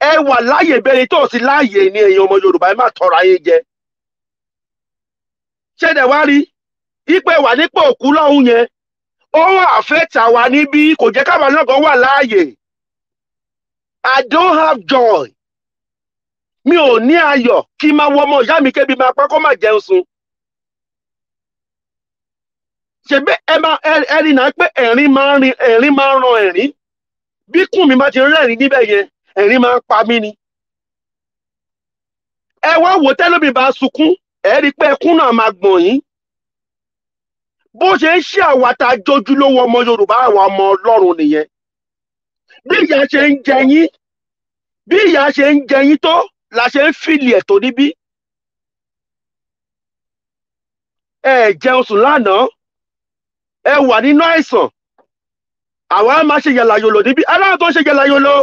S15: Ẹ wà láàyè bẹ́ni tó sì láàyè ni èèyàn ọmọ Yorùbá ẹ má tọrọ ayé jẹ. ṣẹ̀dẹ̀ wá rí ipe wà nípò òkú lọ́hùn yẹn ó affect àwa níbí kò jẹ́ káwa náà wà láàyè I don't have joy mi ò ní ayọ̀ kí n wọ ọmọ ìyá mi kébi máa ma kó má jẹun sun ṣebí ẹ ẹrin náà pé máa rin máa ran bí kùn mi bá ti rẹ́rìn níbẹ̀ yẹn máa pa ẹ rí i pé ẹkún náà máa gbọ̀n yín bó ṣe ń ṣe àwàtà jójúlówó ọmọ Yorùbá àwọn ọmọ Ọlọ́run nìyẹn bí ìyà ṣe ń jẹ yín bí ìyà ṣe ń jẹ yín tó la ṣe ń fìlì ẹ̀ tó níbí ẹ jẹun sùn lánàá ẹ wà nínú àìsàn àwa máa ṣe yàlàyòlò níbí aláwọ̀ tó ń ṣe yàlàyòlò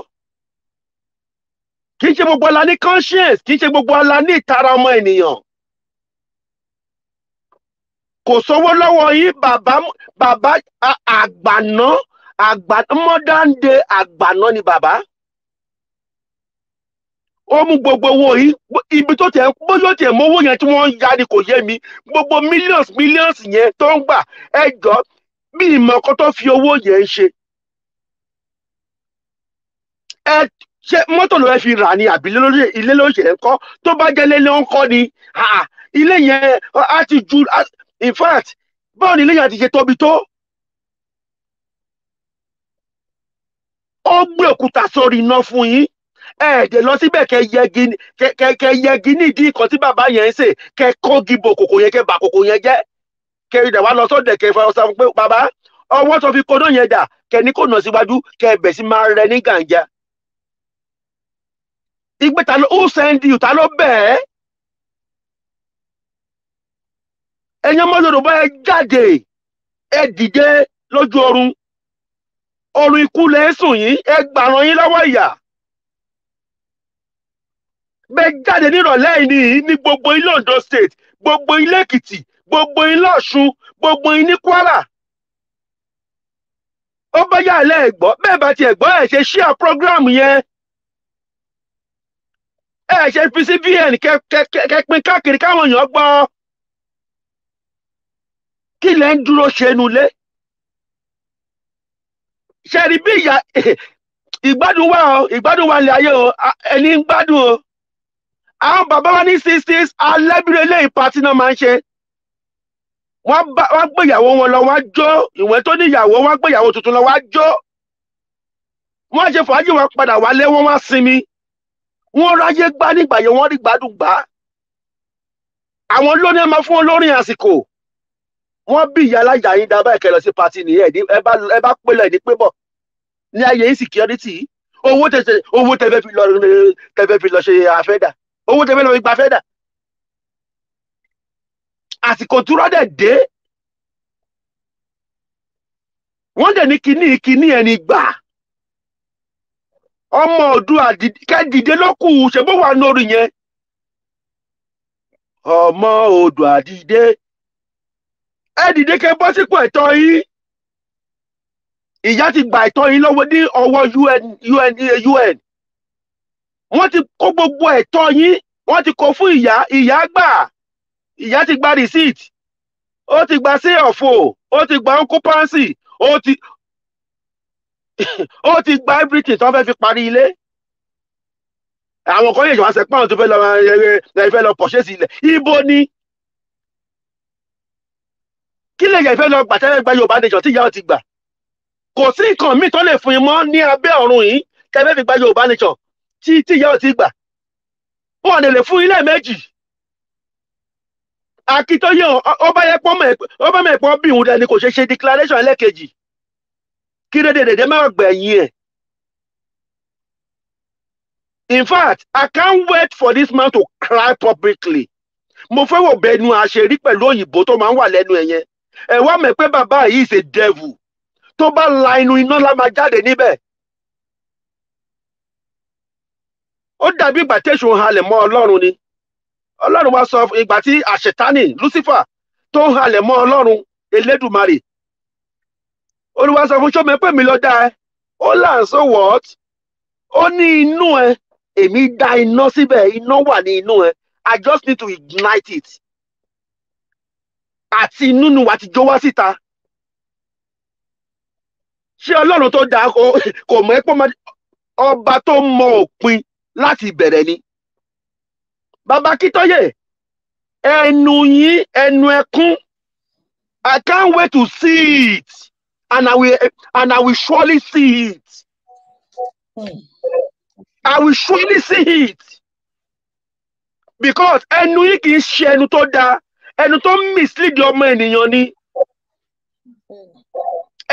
S15: kì í ṣe gbogbo ala ní conscience kì í ṣe gbogbo ala ní ìtara ọmọ ènìyàn kò sówó lọ́wọ́ yín bàbá bàbá àgbàná àgbàná modern day àgbàná ni bàbá ó mú gbogbo owó yìí ibi tó tẹ bóyá tẹ mọ owó yẹn tí wọ́n ń ya ni kò yé mi gbogbo millions millions yẹn tó ń gbà ẹ jọ bí ìmọ̀ọ́kọ́ tó fi owó yẹn ṣe ẹ ṣe mọ́tò ló fẹ́ fi rà ni àbí ilé ló ṣe ń kọ́ tó bá jẹ́ lé ló ń ni ilé yẹn á ti ju in fact báwo ni iléyà ti ṣe tóbi tó ó gbé òkúta sórí iná fún yín ẹ̀ẹ́dẹ̀ lọ síbẹ̀ kẹ yẹgi nídìí nǹkan tí bàbá yẹn ń sè kẹ kọ́gi bo kòkò yẹn kẹ bà kòkò yẹn jẹ́ kẹ ìdà wá lọ sọ́dẹ̀ kẹ fọ sọ pé bàbá ọwọ́ tó fi koná yẹn dà kẹ ní kò nà síwájú kẹ bẹ̀ sí máa rẹ ní gànjá. ìgbé ló ó sẹ́ndì ta ló bẹ̀ẹ́ ẹ̀yin ọmọ yorùbá ẹ jáde ẹ dìde lójú oorun oorun ikú lẹ sùn yín ẹ gbàràn yín lọ́wọ́ ìyà bẹ́ẹ̀ jáde yìí gbogbo ilé Ondo state gbogbo ilé Èkìtì gbogbo ilé Ọ̀ṣun gbogbo ilé Kwara ó bá yà ẹgbọ, ẹ̀gbọ́ bá ti ẹgbọ, ẹ ṣe program yẹn ṣe káàkiri káwọn èèyàn kí lẹ ń dúró ṣe nulẹ̀ ṣẹ́ni bí ìyá ìgbádùn wà o ìgbádùn wà nílẹ̀ ayé o ẹni ń gbádùn o àwọn bàbá wa ní sixties alẹ́bìrì eléyìí pati náà máa ń ṣe wọ́n gbé ìyàwó wọn lọ wá jó ìwé tó ní ìyàwó wọ́n gbé ìyàwó tuntun lọ wá jó wọ́n ṣe fàájì wọn padà wálé wọ́n wá sinmi wọ́n ráyé gbá nígbà yẹn wọ́n rí gbádùn gbá àwọn lónìí máa fún wọn lórin àsìkò wọ́n bí ìyá alájà yín dábàá ẹ̀kẹ́ lọ sí pati nìyẹn ní ẹ bá pélé ní pébọ̀ ní ayé insecurity owó tẹ̀sẹ̀ owó tẹ̀fẹ́ fi lọ tẹ̀fẹ́ fi lọ ṣe àfẹ́dà owó tẹ̀fẹ́ lọ fi gba àfẹ́dà àsìkò túrọ́ dẹ̀ dé wọ́n dẹ̀ ní kíní kíní ẹni gbà ọmọ ọdún kẹ́dìdé ló kù ṣe bó wà lórí yẹn ọmọ odò àdìdé ẹ dìde kẹ́ bọ́ sípò ẹ̀tọ́ yín ìyá ti gba ẹ̀tọ́ yín lọ́wọ́ ní ọwọ́ UN UN UN wọ́n ti kó gbogbo ẹ̀tọ́ yín wọ́n ti kó fún ìyá ìyá gbà ìyá ti gba receipt ó ti gba sí ọ̀fọ̀ ó ti gba occupancy ó ti ó ti gba everything tí wọ́n fẹ́ fi parí ilé àwọn kan yẹn ìjọba sẹ́pọ̀ àwọn tó fẹ́ lọ pọ̀ṣẹ́sì ilẹ̀ ibo ni kí lè yẹ lọ gbà gba yorùbá nation tí ìyá ọ ti gbà kò sí nǹkan míì tó lè fún yín mọ́ ní abẹ́ ọ̀run yìí tẹ́lẹ̀ fi gba yorùbá nation tí tí ìyá ọ ti gbà wọn lè fún yín lẹ́ẹ̀mejì akitoye ọba yẹ pọ́ ọba mẹ́ pọ́ bí òun dẹni kò ṣe ṣe declaration ẹlẹ́kejì kí dédédédé má gbẹ̀yìn ẹ̀. in fact i can't wait for this man to cry publicly mo fẹ́ wò bẹnu àṣírí pẹ̀lú òyìnbó tó máa ń wà lẹ́nu ẹ̀ ẹ wá mọ̀ pé bàbá yìí ṣe devil tó bá la inú iná la máa jáde níbẹ̀. ó dàbí ìgbà tẹ̀sù halẹ̀ mọ́ ọlọ́run ni ọlọ́run wa sọ ìgbà tí àṣetánì Lucifer tó ń halẹ̀ mọ́ ọlọ́run Elédùmarè olúwa sọ fún sọmọ pé mi lọ dá ẹ ó là ń so what ó ní inú ẹ èmi dá iná síbẹ̀ iná wà ní inú ẹ I just need to ignite it àti inúnu wa ti jó wá síta ṣé ọlọ́run tó dáa kò mọ̀ ẹ́ pọ́ ọba tó mọ òpin láti bẹ̀rẹ̀ ni bàbá Kítọ́yè ẹnu yín ẹnu ẹkún I can't wait to see it and I will and I will surely see it I will surely see it because ẹnu yín kì í ṣe ẹnu tó dáa ẹnu tó ń mislead ọmọ ènìyàn ni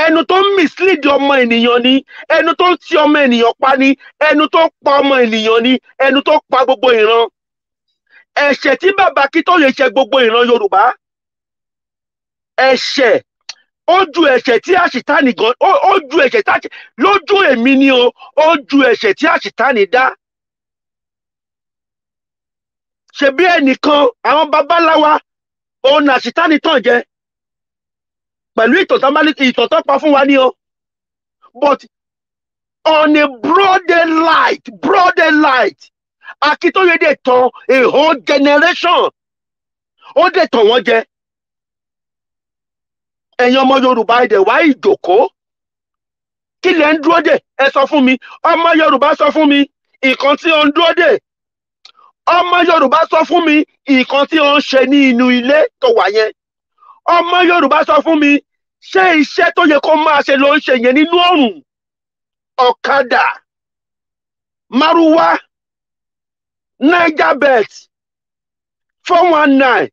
S15: ẹnu tó ń mislead ọmọ ènìyàn ni ẹnu tó ń ti ọmọ ènìyàn pa ni ẹnu tó ń pa ọmọ ènìyàn ni ẹnu tó ń pa gbogbo ìran ẹ̀ṣẹ̀ tí bàbá Akíntóyè ṣe gbogbo ìran Yorùbá ẹ̀ṣẹ̀ ó ju ẹ̀ṣẹ̀ tí àṣìtánì gan ó ju ẹ̀ṣẹ̀ tí àṣìtánì lójú èmi ni o ó ju ẹ̀ṣẹ̀ tí àṣìtánì dá ṣebí ẹnìkan àwọn babaláwa òun náà sítánì tàn jẹ pẹ̀lú ìtọ̀tọ̀ pa fún wa ní o but on a broader light broader light Akíntóyè dé tàn a whole generation ó dé tàn wọ́n jẹ ẹ̀yin ọmọ Yorùbá ẹ̀dẹ̀ wá ìjòkó kí nduode, ń dúró dè ẹ sọ fún mi ọmọ Yorùbá sọ fún mi nǹkan tí ó ń dúró dè ọmọ yorùbá sọ fún mi ìkan tí wọ́n ń ṣe ní inú ilé tó wà yẹn ọmọ yorùbá sọ fún mi ṣé iṣẹ́ tó yẹ kó máa ṣe ló ń ṣe yẹn nínú ọ̀run ọ̀kadà márúwá niger bet four one nine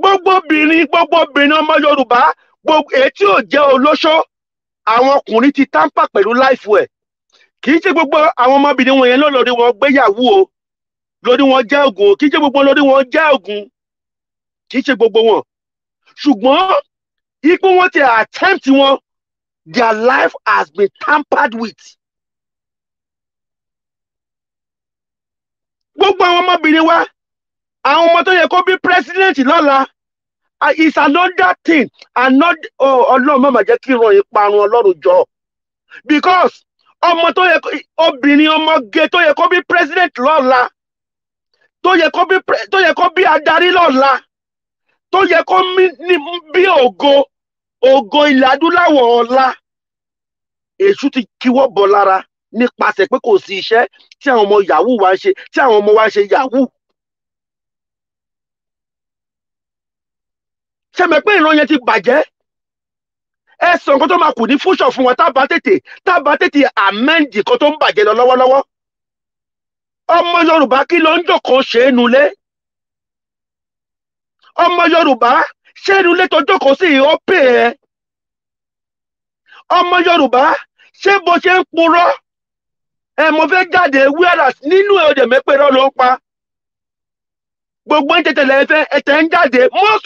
S15: gbogbo obìnrin gbogbo obìnrin ọmọ yorùbá gbogbo etí ò jẹ́ olóṣó àwọn ọkùnrin ti tàǹpà pẹ̀lú láìfù ẹ̀ kì í ṣe gbogbo àwọn ọmọbìnrin wọn yẹn wọn gbéyàwó o lórí wọn jẹ́ ògùn kì í ṣe gbogbo lórí wọn jẹ́ ògùn kì í ṣe gbogbo wọn ṣùgbọ́n ipò wọn ti attempt wọn their life has been tampered with. gbogbo àwọn ọmọbìnrin wa àwọn ọmọ tó yẹ kó bí president lọ́la is another thing another oh, ọlọ́run má má jẹ́ kí ìran ìparun ọlọ́run jọ because ọmọ tó yẹ obìnrin ọmọge tó yẹ kó bí president lọ́la tó yẹ kó bí tó yẹ kó bí adarí lọ́la tó yẹ kó bí ògo ògo ilẹ̀ adúláwọ̀ ọ̀la èṣù ti kíwọ́ bọ̀ lára nípasẹ̀ pé kò sí iṣẹ́ tí àwọn ọmọ yahoo wa ń ṣe tí àwọn ọmọ wa ń ṣe yahoo. sẹ́mi pé ìran yẹn ti bàjẹ́ ẹ sọ nǹkan tó máa kù ní fúnṣọ̀ fún wọn tá bá tètè tá bá tètè amend nǹkan tó ń bàjẹ́ lọ lọ́wọ́lọ́wọ́. ọmọ yorùbá kí ló ń jókòó ṣe é ọmọ yorùbá ṣé inulẹ̀ tó jókòó sí ó pè ọmọ yorùbá ṣe bó ṣe ń purọ́ ẹ mo fẹ́ jáde nínú ọdẹ pa gbogbo ń tètè ń jáde most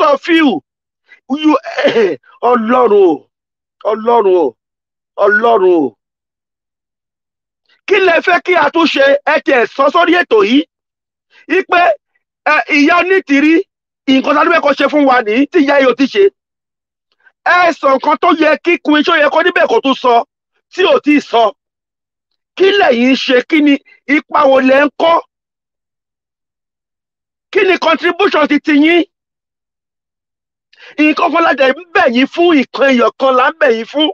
S15: kí lẹ fẹ́ kí a tún ṣe ẹ tiẹ̀ sọ sórí ètò yìí ipe ìyá onítìrí nǹkan tá a níbẹ̀ kọ́ ṣe fún wa nìyí tí ìyá yóò ti ṣe ẹ sọ nǹkan tó yẹ kí kun iṣẹ́ yẹ kó níbẹ̀ kó tún sọ tí ò tí sọ kí lẹ̀yin ṣe kí ni ipa wo lẹ ń kó kí ni contribution ti ti yín nǹkan fọládẹ ń bẹ̀ yín fún ìkan èèyàn kan là ń bẹ̀ yín fún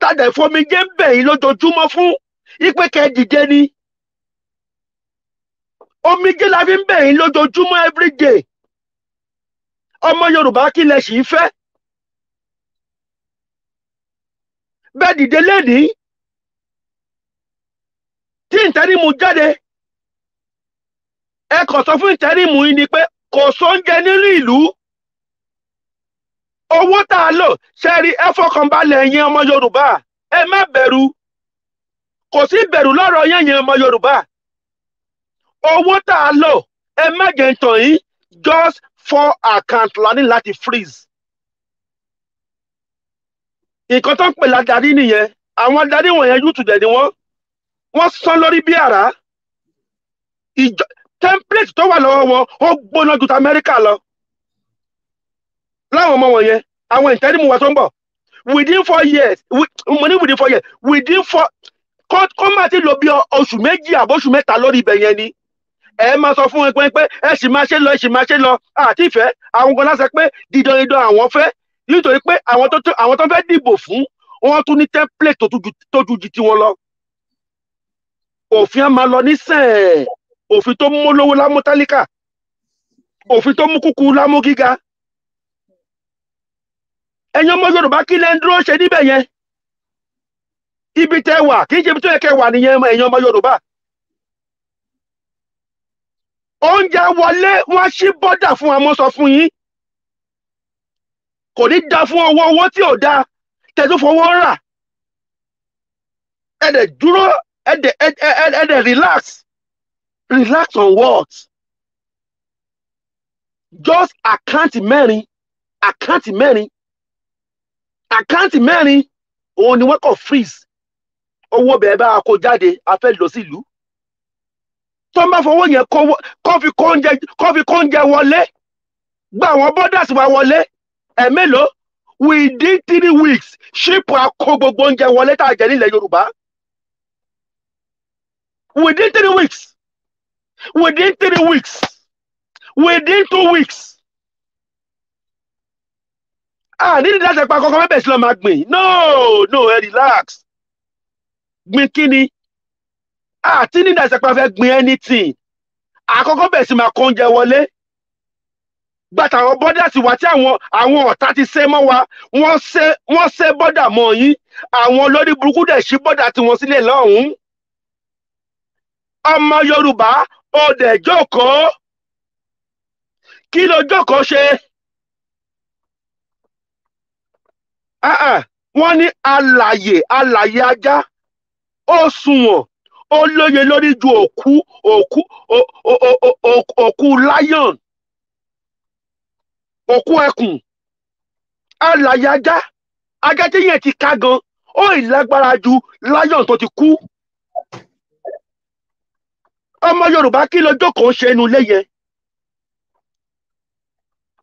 S15: tàdé fomi jẹ́ ń bẹ̀ yín lójoojúmọ́ fún ipe kẹjìjẹ ni omijé la fi ń bẹ̀ yín lójoojúmọ́ everyday ọmọ Yorùbá kí lẹ sì fẹ́ bẹ́ẹ̀ dìde lẹ́ni tí ìtẹ́rìmù jáde ẹ kàn sọ fún ìtẹ́rìmù yìí ni pé kò sóúnjẹ nínú ìlú owó tá a lò ṣe rí ẹ fọkànbalẹ̀ yín ọmọ Yorùbá ẹ má bẹ̀rù kò sí ìbẹ̀rù lọ́rọ̀ yẹn yẹn ọmọ Yorùbá owó tá a lò ẹ má jẹ́ ń just for account la láti freeze nǹkan tó ń pè ládàrí nìyẹn àwọn adarí wọ̀nyẹn youtube ni wọ́n wọ́n sán lórí bí ara ìjọ template tó wà lọ́wọ́ wọn ó gbóná ju ti Amẹ́ríkà lọ láwọn ọmọ wọ̀nyẹn àwọn ìtẹ́rìmù wa tó ń bọ̀ within four years within four kó má ti lò bí oṣù méjì àbóṣù mẹ́ta lórí ibẹ̀ yẹn ni ẹ máa sọ fún ẹgbẹ́ pé ẹ sì máa ṣe lọ ẹ sì máa ṣe lọ àti ìfẹ́ àwọn kan láṣẹ pé dídán dídán àwọn fẹ́ nítorí pé àwọn tó àwọn tó fẹ́ dìbò fún wọn tún ní template tó ju ju tiwọn lọ òfin á máa lọ nísẹ̀ẹ́ òfin tó mú olówó lámú tálíkà òfin tó mú kúkú lámú gíga ẹ̀yin ọmọ Yorùbá kí lẹ́ ń dúró ṣe níbẹ̀ yẹn ibi tẹ wà kì í ṣe ibi tó yẹ kẹ wà nìyẹn ẹ̀yin ọmọ Yorùbá oúnjẹ wọlé wọn ṣí bọ́dà fún wa mo sọ fún yín kò ní da fún ọwọ́ owó tí ò da tẹ̀sán fọwọ́ rà ẹ dẹ̀ dúró ẹ dẹ̀ ẹ dẹ̀ relax relax on what just àkáǹtì mẹ́rin àkáǹtì mẹ́rin àkáǹtì mẹ́rin òun ni wọ́n kọ̀ freeze owó bẹ̀ẹ́ bá a kó jáde a fẹ́ lọ sílùú tó ń bá fowó yẹn kó fi kó oúnjẹ wọlé gba àwọn borders wa wọlé ẹ̀mélòó within three weeks ṣípò akó gbogbo oúnjẹ wọlé tá a jẹ nílẹ̀ Yorùbá within three weeks within three weeks within two weeks Ah, nídìí láti pa kankan mẹ́bẹ̀ẹ́sì lọ́ọ́ máa gbìn no no relax gbin kíni àti ní ìdásẹ́ pé a fẹ́ gbin anything àkọ́kọ́ bẹ̀rẹ̀ sí máa kó oúnjẹ wọlé gbàtà àwọn bọ́dà sì wá tí àwọn àwọn ọ̀tá ti ṣe mọ́ wa wọ́n ṣe wọ́n ṣe bọ́dà mọ́ yín àwọn lórí burúkú dẹ̀ ṣí bọ́dà tiwọn sílẹ̀ lọ́hùn-ún ọmọ Yorùbá ó dẹ̀ jókòó kí ló jókòó ṣe ah, ah, wọ́n ní alàyè alàyè ajá ó sunwọ̀n ó lóye lórí ju òkú òkú òkú lion òkú ẹkùn alàyè ajá ajá tí yẹn ti ká gan ó ìlágbára ju lion tó ti kú ọmọ yorùbá kí lọ́jọ́ kan ṣe inú ilé yẹn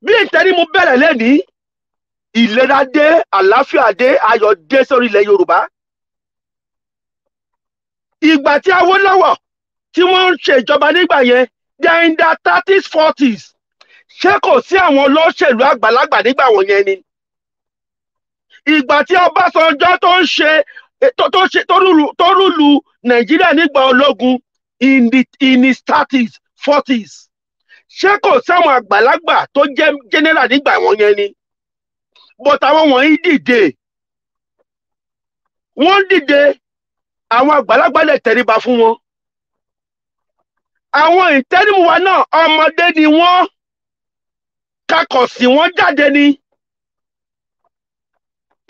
S15: bí ìtẹ́rí mu bẹ̀rẹ̀ lẹ́nìí ìlera dé àlàáfíà dé ayọ̀ dé sórí ilẹ̀ yorùbá ìgbà tí Awólọ́wọ̀ tí wọ́n ń ṣèjọba nígbà yẹn they're in their thirties forties ṣé kò sí àwọn olóṣèlú àgbàlagbà nígbà wọ̀nyẹn ni ìgbà tí Ọbásanjọ́ tó ń ṣe tó rúlu Nàìjíríà nígbà ológun in the in his thirties forties ṣé kò sáwọn àgbàlagbà tó jẹ́ general nígbà wọ̀nyẹn ni but àwọn wọ̀nyí dìde wọ́n dìde àwọn àgbàlagbà lè tẹríba fún wọn àwọn ìtẹrímù wa náà ọmọdé ni wọ́n kakọ̀ sí wọn jáde ni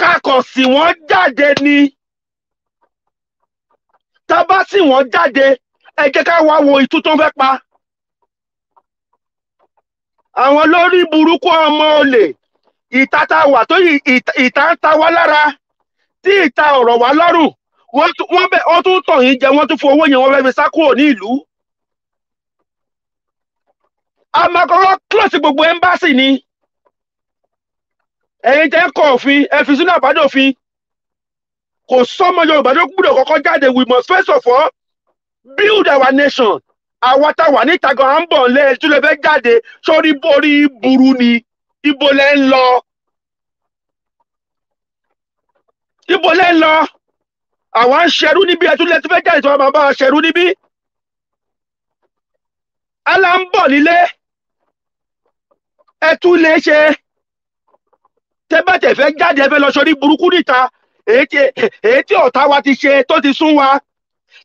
S15: kakọ̀ sí wọn jáde ni tá bá sì wọn jáde ẹ jẹ́ ká wá wo ìtú tó ń fẹ́ pa àwọn lórí burúkú ọmọ olè ìta ta wà tó ìta ń ta wá lára tí ìta ọ̀rọ̀ wá lọ́rùn wọ́n bẹ̀ wọ́n tún tọ̀ yín jẹ wọ́n tún fún owó yẹn wọ́n fẹ́ fi sá kúrò ní ìlú. amakọ̀rọ̀ close gbogbo ẹ́mbáàsì ni ẹ̀yin tẹ́ kọ̀ òfin ẹ fi sínú àbádòfin kò sọ́mọ Yorùbá tó gbúdọ̀ kọ́kọ́ jáde we must first of all build our nation àwa tá wà níta gan à ń bọ̀ lẹ́yìn tí ló fẹ́ jáde sórí borí burú ni ibo ibo lẹ́ ń lọ àwọn aṣẹrú níbí ẹtú lẹtú fẹ́ jáde tí wọ́n máa bá aṣẹrú níbí alá ń bọ̀ nílé ẹtú lè ṣe tẹ́bẹ̀tẹ̀ fẹ́ jáde ẹfẹ́ lọ́sọ ní burúkú níta èyí tí ọ̀tá wa ti ṣe tó ti sún wa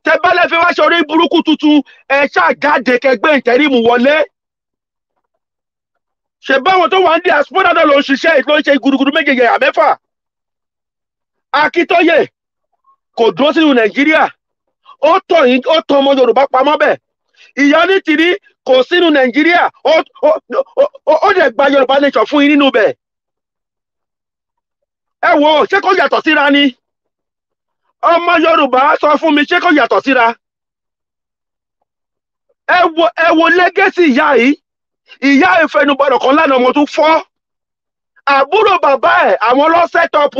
S15: tẹ́bẹ̀lẹ̀ fẹ́ wá ṣe orí burúkú tuntun ẹ ṣáà jáde kẹgbẹ́ wọlé ṣe báwọn tó wà ní diaspora náà ló ń ṣiṣẹ́ ló ń ṣe gudugudu méjèèjì àmẹ́fà akíntóyè. kò dúró sínú nàìjíríà ó tọ ọmọ yorùbá pamọ́ bẹ́ẹ̀ ìyá ní tìrí kò sínú nàìjíríà ó dẹ̀ gba yorùbá nation fún yín nínú ẹ wo ṣé kò ni ọmọ yorùbá sọ fún mi ṣé kò yàtọ̀ síra ẹ wo ẹ wo lẹ́gẹ́sì ìyá yìí ìyá kan lọ set up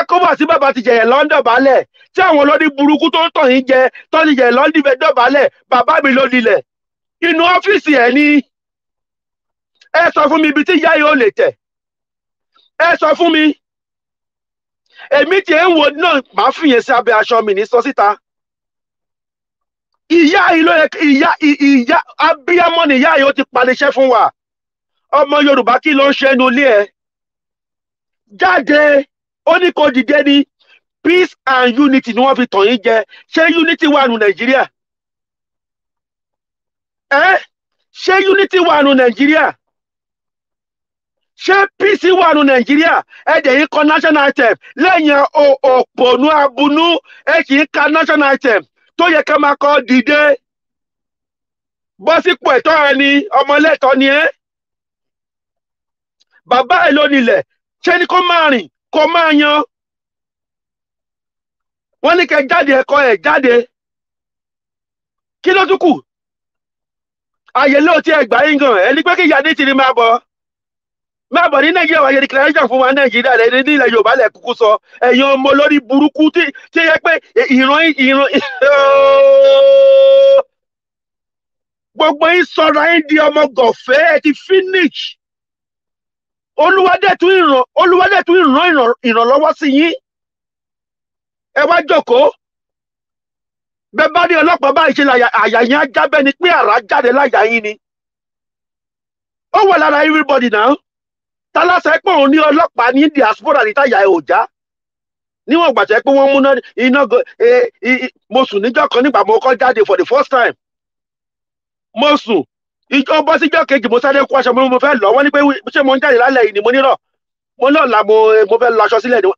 S15: ECOWAS tí bàbá ti jẹ̀yẹ̀ lọ́n dọ̀bálẹ̀ tí àwọn olórí burúkú tó ń tàn yín jẹ tó ń jẹ̀yẹ̀ lọ́n dìbẹ̀ dọ̀bálẹ̀ bàbá mi ló nílẹ̀ inú ọ́fíìsì ẹ̀ ni ẹ sọ fún mi ibi tí yáyé ò lè tẹ̀ ẹ sọ fún mi èmi tí ń wo náà máa fìyẹn sí abẹ́ aṣọ mi ní sọ síta ìyá ìlú ìyá ìyá abiyamọ ni ìyá yìí ó ti paliṣẹ́ fún wa ọmọ Yorùbá kí ló ń ṣe ẹnu ilé jáde ó ní peace and unity ni wọ́n fi tàn yín jẹ ṣé unity wà nù nàìjíríà ẹ ṣé unity wà nù nàìjíríà ṣé peace wà nù nàìjíríà ẹ national item lẹ́yìn òpònú abunú ẹ kì national item tó yẹ ká máa kọ dìde bọ́ ẹ̀tọ́ kò máa yan wọ́n ní kẹ́ jáde ẹ̀kọ́ ẹ̀ jáde kí ló tún kù ti ẹgbà yín gan ni pé kí ìyáde ti ní máa bọ̀ nigeria bọ̀ ní nàìjíríà wáyé declaration fún wa nàìjíríà rẹ ní ilẹ̀ yorùbá lẹ̀ kúkú ọmọ lórí burúkú gbogbo di olúwadẹ́tún ìràn olúwadẹ́tún ìràn ìrànlọ́wọ́ sí yín ẹ wá jókòó bẹ́ẹ̀ bá ní ọlọ́pàá báyìí ṣe àyà yín á jábẹ́ ni pé àrà jáde láyà yín ni ó wà lára everybody náà ta pé òun ní ọlọ́pàá ní diaspora ní táyà ẹ̀ níwọ̀n ìgbà pé wọ́n múná iná eh, mo sùn níjọ́ kan nígbà for the first time mo ìjọ bọ́ síjọ́ kejì mo sáré kó aṣọ mi mo fẹ́ lọ wọ́n ní pé ṣé mo ń jáde lálẹ́ yìí ni mo nírọ̀ mo náà la mo mo lọ aṣọ sílẹ̀ ni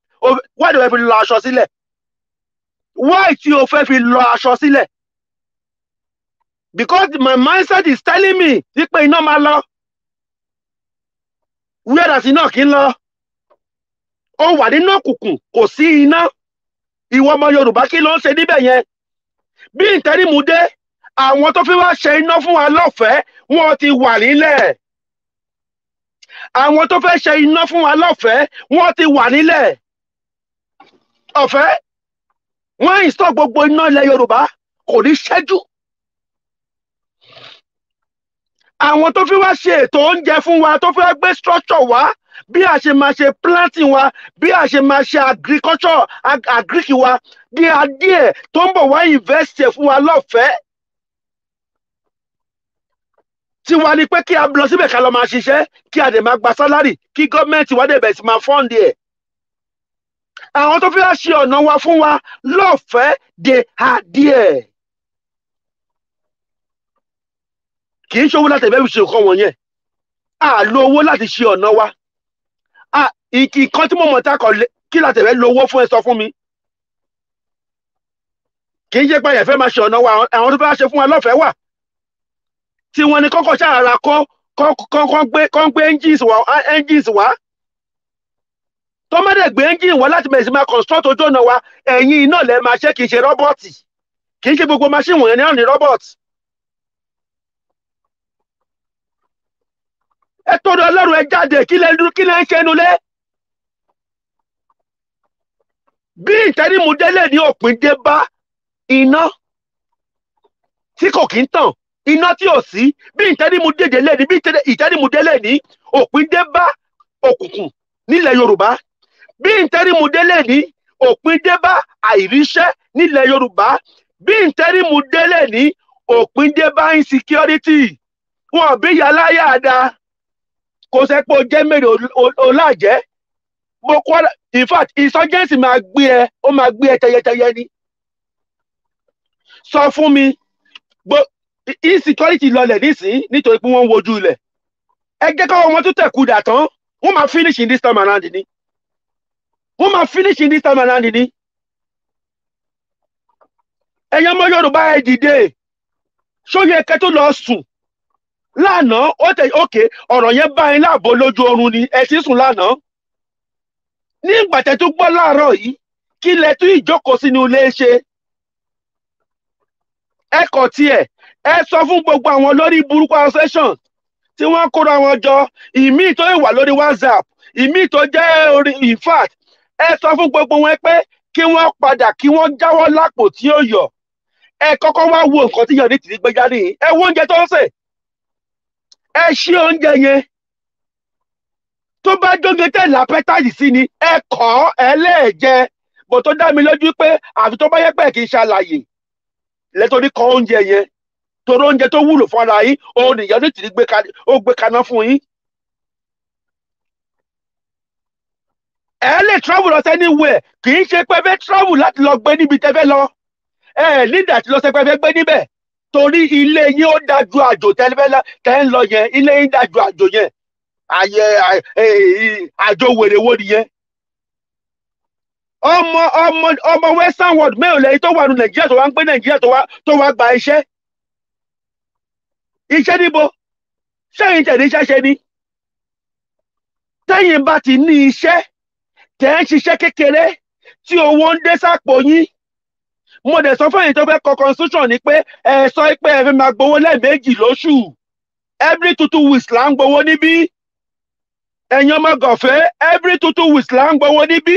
S15: why do I fi lọ aṣọ why ti o fẹ fi lọ aṣọ sílẹ̀ because my mindset is telling me wípé iná máa lọ wíwẹ́dàsí náà kì í lọ ó wà nínú òkùnkùn kò sí iná ìwọ ọmọ Yorùbá kí ló ń ṣe níbẹ̀ yẹn bí dé àwọn tó fi wá ṣe iná fún wa lọ́fẹ̀ẹ́ wọ́n ti wà nílẹ̀ àwọn tó fẹ́ ṣe iná fún wa lọ́fẹ̀ẹ́ wọ́n ti wà nílẹ̀ ọ̀fẹ́ wọ́n ìsọ gbogbo iná ilẹ̀ Yorùbá kò ní ṣẹ́jú àwọn tó fi wá ṣe ètò oúnjẹ fún wa tó fi wá gbé structure wá bí a ṣe máa ṣe planting wa bí a ṣe máa ṣe agriculture agric wa di adìẹ tó ń bọ̀ wá invest fún wa lọ́fẹ̀ẹ́ tí wàá ní pé kí a lọ síbẹ̀ ká lọ máa ṣiṣẹ́ kí a dẹ̀ máa gba sálárì kí gọ́ọ̀mẹ̀ntì wá dẹ̀bẹ̀ sí máa fọ́ǹdì ẹ̀. àwọn tó fi wá ṣe ọ̀nà wa fún wa lọ́fẹ̀ẹ́ de adìẹ. kì í ṣòwò láti ẹ̀fẹ́ fi ṣe nǹkan wọ̀nyẹn a lo owó láti ṣe ọ̀nà wa ìkan tí mo mọ̀ tá a kọ̀ kí láti ẹ̀fẹ́ lo owó fún ẹ sọ fún mi kì í ṣe pé ẹ̀fẹ́ máa ṣe ọ̀nà wa àwọn tó fẹ́ wá ṣe fún wa lọ́fẹ̀ẹ́ wà tí wọ́n ní kọ́kọ́ ṣàrà kọ kọ́ gbé engines wá engines wá tó má dẹ̀ gbé engine wá láti bẹ̀rẹ̀ sí máa construct ojú ọ̀nà wa ẹ̀yin iná lẹ́ máa ṣe kì í ṣe rọ́bọ̀tì kì í ṣe gbogbo machine wọ̀nyẹn ní ọ̀nì rọ́bọ̀tì. ẹ tó lọ lọ́rùn ẹ jáde kí lẹ kí lẹ ń ṣẹnu lé. bí ìtẹ́rìmù délé ní òpin dé bá iná tí kò kí ń tàn iná tí ò sí bí ìtẹ́rìmù dédé lẹ́ni bí ìtẹ́rìmù dé lẹ́ni òpin dé bá òkùnkùn nílẹ̀ Yorùbá bí ìtẹ́rìmù dé lẹ́ni òpin dé bá àìríṣẹ́ nílẹ̀ Yorùbá bí ìtẹ́rìmù dé lẹ́ni òpin dé bá insecurity wọn bí yàláyà da kò sẹ́pọ̀ jẹ́ mèrè ọ̀làjẹ́ boko haram in fact insurgency máa gbé ẹ ó máa gbé ẹ tẹyẹtẹyẹ ni sọ fún mi insecurity lọlẹ̀ nísìnyí nítorí pé wọ́n ń wojú ilẹ̀ ẹ jẹ́ káwọn ọmọ tó tẹ̀kù dà tán wọ́n máa finish in this time around ni wọ́n máa finish in this time around ni ẹ̀yin ọmọ Yorùbá ẹ dìde sóyè ẹ̀kẹ́ tó lọ sùn lánàá ó tẹ̀ ókè ọ̀rọ̀ yẹn bá yín láàbò lójú oorun ni ẹ ti sùn lánàá ní ìgbà tẹ́ tó gbọ́ láàárọ̀ yìí kí lẹ tún ìjókòó sínú ilé ṣe ẹ̀kọ́ tiẹ̀ ẹ sọ fún gbogbo àwọn lórí burúkú association tí wọ́n kóra wọn jọ ìmíì tó wà lórí WhatsApp ìmíì tó jẹ́ orí in fact ẹ sọ fún gbogbo wọn pé kí wọ́n padà kí wọ́n jáwọ́ lápò tí ó yọ ẹ kọ́kọ́ wá wo nǹkan tí yàn ní tìrí gbé jáde ẹ wo oúnjẹ tó ń sè ẹ ṣí oúnjẹ yẹn tó bá jóge tẹ̀lé apẹ́tàjì sí ni ẹ kọ́ ẹ lẹ́ẹ̀jẹ bó tó dá mi lójú pé àfi tó bá yẹ pé kì í ṣàlàyé lẹ́tọ́rí kọ́ oúnjẹ yẹn torí oúnjẹ tó wúlò fún yín òun nìyẹn ní tìrí gbé kaná fún yín. ẹ lè travel lọ anywhere kì í ṣe pé fẹ́ travel láti lọ gbé níbi tẹ́ fẹ́ lọ ẹ nídà tí lọ sẹ́pẹ́ fẹ́ gbé níbẹ̀ torí ilé yín ó dáa ju àjò tẹ́ ń lọ yẹn ilé yín dáa ju àjò yẹn àyè àjò wèrè nìyẹn ọmọ ọmọ ọmọ western world mẹ́rin lẹ́yìn tó wà ní nàìjíríà tó wá ń gbé nàìjíríà tó wá gba iṣẹ́ iṣẹ́ níbo sẹ́yìn tẹ̀lé iṣẹ́ ṣe ni tẹ́yìn bá ti ní iṣẹ́ tẹ̀ ń ṣiṣẹ́ kékeré tí owó ń dé sápò yín mo dẹ̀ sọ fún ẹ̀yin tó fẹ́ kọ constitution ni pé ẹ sọ pé ẹ fi máa gbowó lẹ́ẹ̀mejì lóṣù every two two weeks là ń gbowó níbí ẹ̀yin ọmọ gọ̀fẹ́ every two two weeks là ń gbowó níbí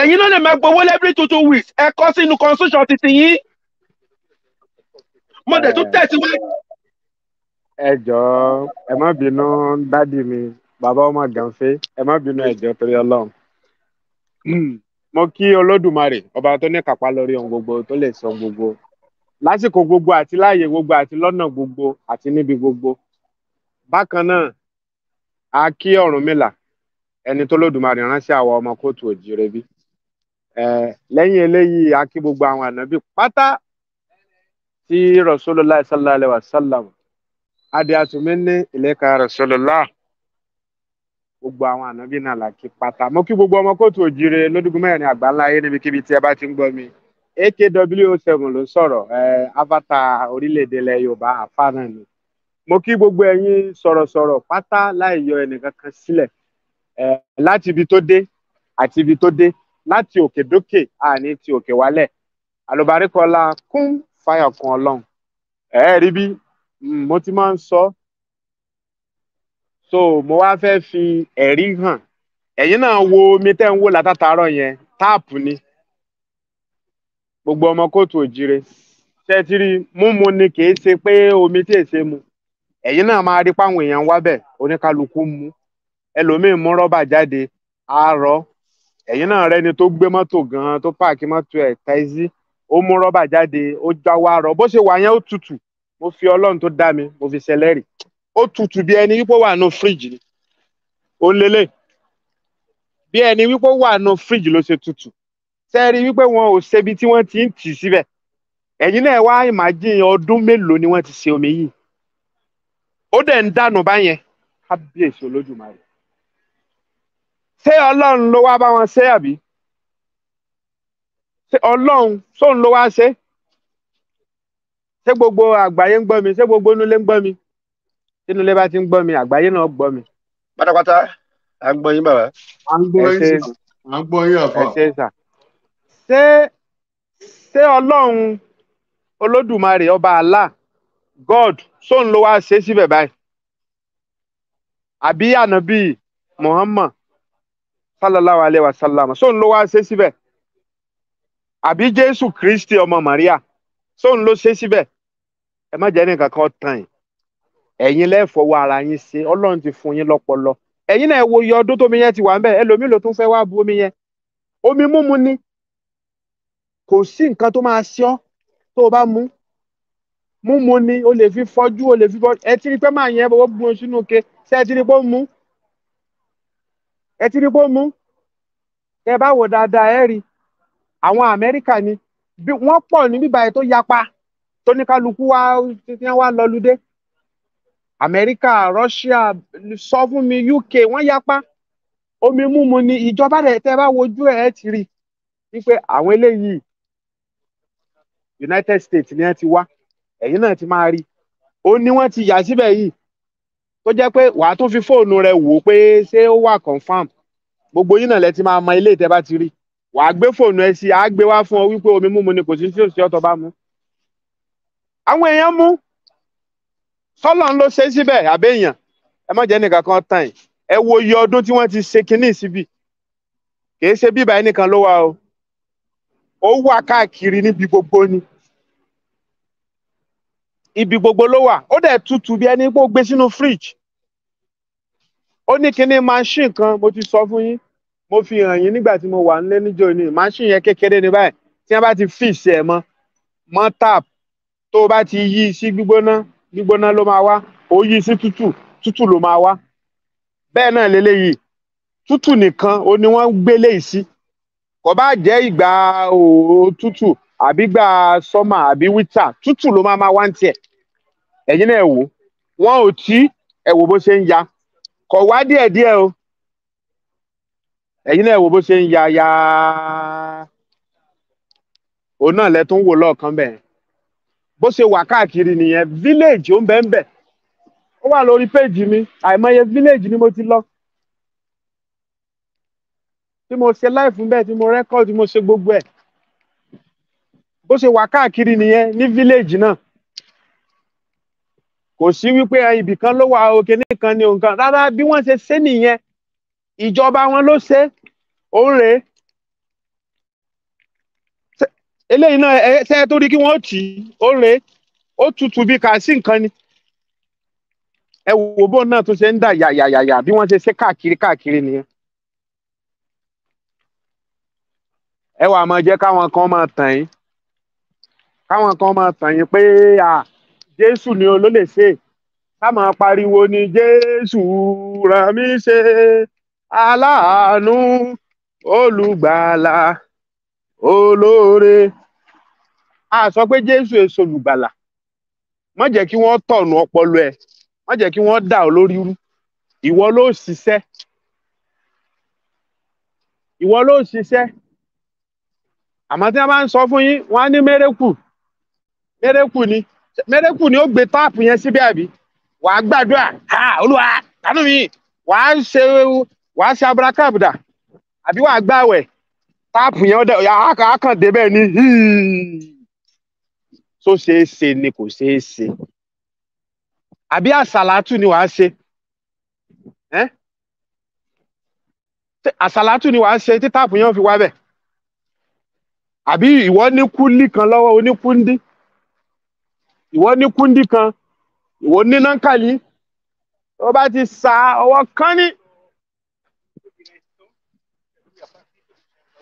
S15: ẹ̀yin náà lè máa gbowó every two two weeks ẹ kọ sínú constitution titi yín mo dẹ̀ tún tẹ̀síwájú.
S18: ẹ jọ̀ọ́ ẹ má bínú dádì mi bàbá ọmọ gànfẹ́ ẹ má bínú ẹ jọ̀ọ́ torí Ọlọ́run hmm, mo kí Olódùmarè ọba tó ní kápá lórí ohun gbogbo tó lè sọ gbogbo lásìkò gbogbo àti láàyè gbogbo àti lọ́nà gbogbo àti níbi gbogbo bákan náà a kí Ọ̀rúnmìlà ẹni tó lódùmarè ránṣẹ́ àwa ọmọ kóòtù òjìrè bí lẹ́yìn eléyìí a kí gbogbo àwọn ànábì pátá tí rasulullah sallallahu alaihi wasallam adiatumi rasulullah gbogbo àwọn ànábì náà làkì pátá kí gbogbo ọmọ kóòtù òjire mẹ́rin àgbáńlá ayé níbikíbi tí ẹ bá ti ń gbọ́ mi akw ló avata yorùbá gbogbo sọrọsọrọ pátá láì yọ ibi tó dé àti ibi tó dé láti òkè dókè àní ti òkè àlùbáríkọlá kún fáyà kan ọlọ́run ẹ rí bí mm, mo ti máa ń sọ so mo wá fẹ́ fi ẹ̀rí hàn ẹ̀yin náà wo omi tẹ́ ń wò látàtàárọ̀ yẹn táàpù ni gbogbo ọmọ kóòtù òjire ṣe ti rí múmu ni kì í ṣe pé omi tí èsè mu ẹ̀yin náà máa rí páwọn èèyàn wá bẹ̀ oníkálukú mu ẹlòmíín mú rọ́bà jáde àárọ̀ ẹ̀yin náà rẹni tó gbé mọ́tò gan tó páàkì mọ́tò ẹ̀ táìsì ó mú rọ́bà jáde ó já wá rọ bó ṣe wà yẹn ó tutù mo fi ọlọ́run tó dá mi mo fi ṣẹlẹ́rì ó tutù bí ẹni wípé ó wà nù fíríjì ni ó lélẹ̀ bí ẹni wípé ó wà nù fíríjì ló ṣe tutù sẹ́ẹ̀rí wípé wọn ò ṣebi tí wọ́n ti ń tì síbẹ̀ ẹ̀yin náà wá imagine ọdún mélòó ni wọ́n ti ṣe omi yìí ó dẹ̀ ń dànù báyẹn kábíyèsí olódùmarè ṣé ọlọ́run ló wá bá wọn ṣe àbí ṣé ọlọ́run sóun ló wá ṣé gbogbo àgbáyé ń gbọ́ mi ṣé gbogbo inú ilé ń gbọ́ mi inú ilé bá ti ń gbọ́ mi àgbáyé náà gbọ́ mi. pátápátá à ń gbọ́ yín bàbá. à ṣe ọlọ́run olódùmarè ọba Allah God sóun ló wá ṣe síbẹ̀ báyìí Muhammad sallallahu alayhi wa àbí jésù kristi ọmọ maria sóun ló ṣe síbẹ̀ ẹ má jẹ́ nìkan kan tàn yín ẹ̀yin lẹ́fọ̀wọ́ ara yín ṣe ọlọ́run ti fún yín lọ́pọlọ ẹ̀yin náà wo iye ọdún tómi yẹn ti wà ń bẹ̀ ẹlòmíì ló tún fẹ́ wá bu omi yẹn omi múmu ni kò sí nǹkan tó máa ṣe tó o bá mu
S15: múmu ni o lè fi fọ́jú o lè fi fọ́jú ẹ ti rí pé máa yẹn bọ́ bu omi sínú ke ṣé ẹ ti rí pé ó mu ẹ ti rí pé ó mu ẹ bá wò dáadáa ẹ rí i àwọn amẹ́ríkà ni bí wọ́n pọ̀ ní bíbá yẹn tó yapa tó ní kálukú wá tí wọ́n wá lọ́lúdé amẹ́ríkà russia sọ fún mi uk wọ́n yapa omi mímu ni ìjọba rẹ̀ tẹ́ bá wojú
S18: ẹ̀ ti rí wípé àwọn eléyìí united states ni wọ́n ti wá ẹ̀yìn náà ti máa rí ó ní wọ́n ti yà síbẹ̀ yìí tó jẹ́ pé wàá tún fi fóònù rẹ̀ wò ó pé ṣé ó wà confam gbogbo yín náà lẹ ti máa mọ ilé ìtẹ́ ti rí i wà á gbé fóònù ẹ sí i á gbé wá fún ọ wípé omi múmu ni kò sí tí òsì ọ̀tọ̀ bá mu àwọn èèyàn mú sọlọ ń lọ ṣe síbẹ̀ àbẹ̀yàn ẹ má jẹ́ nìkan kan tàn yìí ẹ wo iye ọdún tí wọ́n ti ṣe kinní síbi kìí ṣe bíbá ẹnìkan ló wà o ó wà káàkiri níbi gbogbo ni ibi gbogbo ló wà ó dẹ̀ tutù bí ẹni pé ó gbé sínú fíríjì ó ní kinní machine kan mo ti sọ fún yín mo fi hàn yín nígbà tí mo wà nílé níjọ ni machine yẹn kékeré ni báyìí tí wọ́n bá ti fix ẹ̀ mọ́ mọ́ tap tó o bá ti yí sí gbígbóná gbígbóná ló máa wá ó yí sí tútù tútù ló máa wá bẹ́ẹ̀ náà leléyìí tútù nìkan ó ní wọ́n gbélé yìí sí kò bá jẹ́ ìgbà òtútù àbí ìgbà sọ́mà àbí wíta tútù ló máa máa wá ń tiẹ̀ ẹ̀yin náà wò wọ́n ò tí ẹ bó ṣe ń ya kọ̀ wá díẹ̀díẹ̀ o ẹ̀yin náà wo bó ṣe ń ya ya òun náà lẹ tún wò lọ́ọ̀kan bẹ́ẹ̀ bó ṣe wà káàkiri nìyẹn village ó ń ń bẹ̀ ó wà lórí péjì mi àìmọye village ni mo ti lọ tí mo ṣe láìfún bẹ́ẹ̀ tí mo rẹ́kọ̀d tí mo ṣe gbogbo ẹ̀ bó ṣe wà káàkiri nìyẹn ní village náà kò sí wípé ibì kan ló wà òkè nìkan ni òǹkan rárá bí wọ́n ṣe ṣe nìyẹn ìjọba wọn ló ṣe ń rèé
S15: eléyìí náà ẹsẹ tó rí kí wọ́n tì í ń
S18: rèé ó tutù bí kà sí nǹkan ni ẹ wò náà tó ṣe ń dà yàyàyàyà bí wọn ṣe ṣe káàkiri káàkiri nìyẹn. ẹ máa jẹ káwọn kan máa tàn yín káwọn kan máa tàn yín pé pariwo ni Jésù rà mí aláàánú olùgbàlà olóore a sọ pé jésù èso olùgbàlà má jẹ́ kí wọ́n tọ̀nù ọpọlọ ẹ̀ má jẹ́ kí wọ́n dà ọ́ lórí rú ìwọ ló ṣiṣẹ́ ìwọ ló ṣiṣẹ́ àmọ́ tí wọ́n bá ń sọ fún yín wọ́n á ní mérekù mérekù ni mérekù ni ó gbé táàpù yẹn síbẹ̀ àbí wàá gbàdúrà ha olúwa tánú mi wàá ṣe wà á ṣe abrakabda àbí wà á gbàwẹ̀
S15: táàpù yẹn akàn débẹ̀ ní
S18: tó ṣeé ṣe ni kò ṣeé ṣe àbí àṣàlátù ni wà á ṣe àṣàlátù ni wà á ṣe tí táàpù yẹn fi wá
S15: bẹ̀ àbí ìwọ ní kúndí kan lọwọ, lọ́wọ́ oníkúndí ìwọ ní kúndí kan ìwọ ní nánkàlí tó bá ti sa ọwọ kan ní.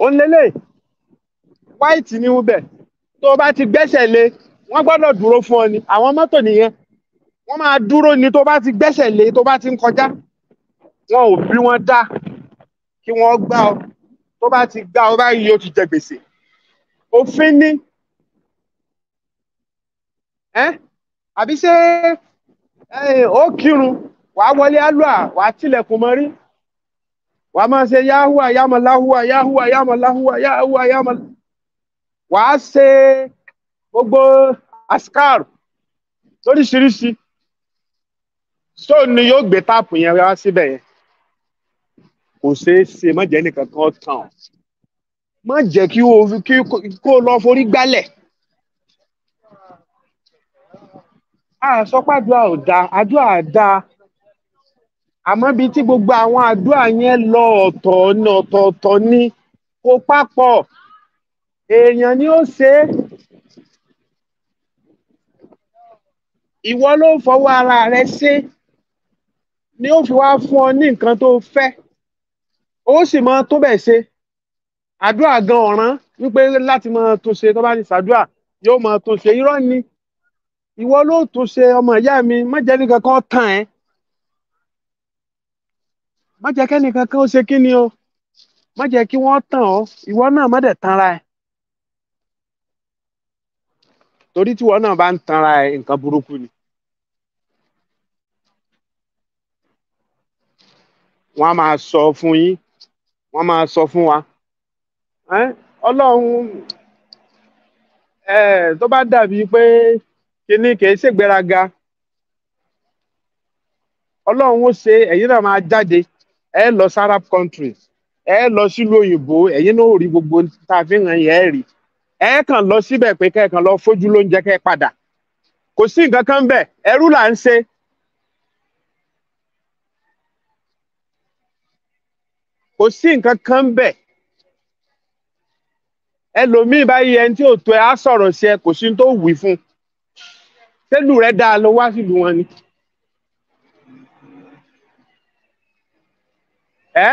S18: òun lélẹ̀ white ní uber tó o bá ti gbẹ́sẹ̀ lé wọ́n gbọ́dọ̀ dúró fún ọ ni àwọn mọ́tò nìyẹn wọ́n máa dúró ni tó bá ti gbẹ́sẹ̀ lé tó bá ti ń kọjá
S15: wọn ò bí wọn dá kí wọ́n gbá ọ tó bá ti gbá ọ báyìí ó ti jẹ gbèsè òfin ni àbí ṣé ó kírun wàá wọlé alúà wàá tilẹ̀kùn mọ́rí wà á máa ṣe yáhùwà yáàmà láhùwà yáhùwà yáàmà láhùwà yáhùwà yáàmà wà á ṣe gbogbo
S18: askar lóríṣiríṣi so ni yóò gbé táàpù yẹn wá síbẹ̀ yẹn kò ṣeé ṣe má jẹ́ nìkan kan tàn
S15: má jẹ́ kí o kí kó lọ forí gbálẹ̀
S18: àsọpàdúrà ò dáa àdúrà dáa àmọ́ bíi tí gbogbo àwọn àdúrà yẹn lọ ọ̀tọ̀ ní ọ̀tọ̀ọ̀tọ̀ ni kò papọ̀ èèyàn ni ó ṣe é
S15: ìwọ ló fọwọ́ ara rẹ ṣe ni ó
S18: fi wá fún ọ ní nǹkan tó fẹ́ ó sì máa tó bẹ̀ ṣe àdúrà gan ọ̀ràn wípé láti máa tún ṣe tó bá ní ṣàdúrà yóò máa tún ṣe irọ́ ni ìwọ ló tún ṣe ọmọ ìyá mi má jẹ́ nìkan kan tàn ẹ́ má jẹ́ kẹ́nìkan kan ó ṣe kí ni o má jẹ́ kí wọ́n tàn ọ́ ìwọ náà má dẹ̀ tanra ẹ̀ torí tíwọ náà bá ń tanra ẹ̀ nǹkan burúkú ni. wọ́n á máa sọ fún yín wọ́n á máa sọ fún wa ọlọ́run tó bá dàbíi pé kínní kìí ṣègbéraga ọlọ́run ó ṣe ẹ̀yin náà máa jáde. ẹ lọ sí Arab countries ẹ lọ sílùú òyìnbó ẹ̀yin náà ò rí gbogbo tá a fi hàn yẹn ẹ rí ẹ kàn lọ síbẹ̀ pé kẹ́ẹ̀kan lọ fojú lóúnjẹ kẹ́ẹ̀ padà kò sí nǹkan kan bẹ́ẹ̀ ẹrú là ń ṣe kò sí nǹkan kan bẹ́ẹ̀ ẹlòmíì báyìí ẹni tí ò tó ẹ á sọ̀rọ̀ sí ẹ kò sí tó wí fún un tẹ́lù rẹ dáa ló wá sílùú wọn ni.
S15: ẹ́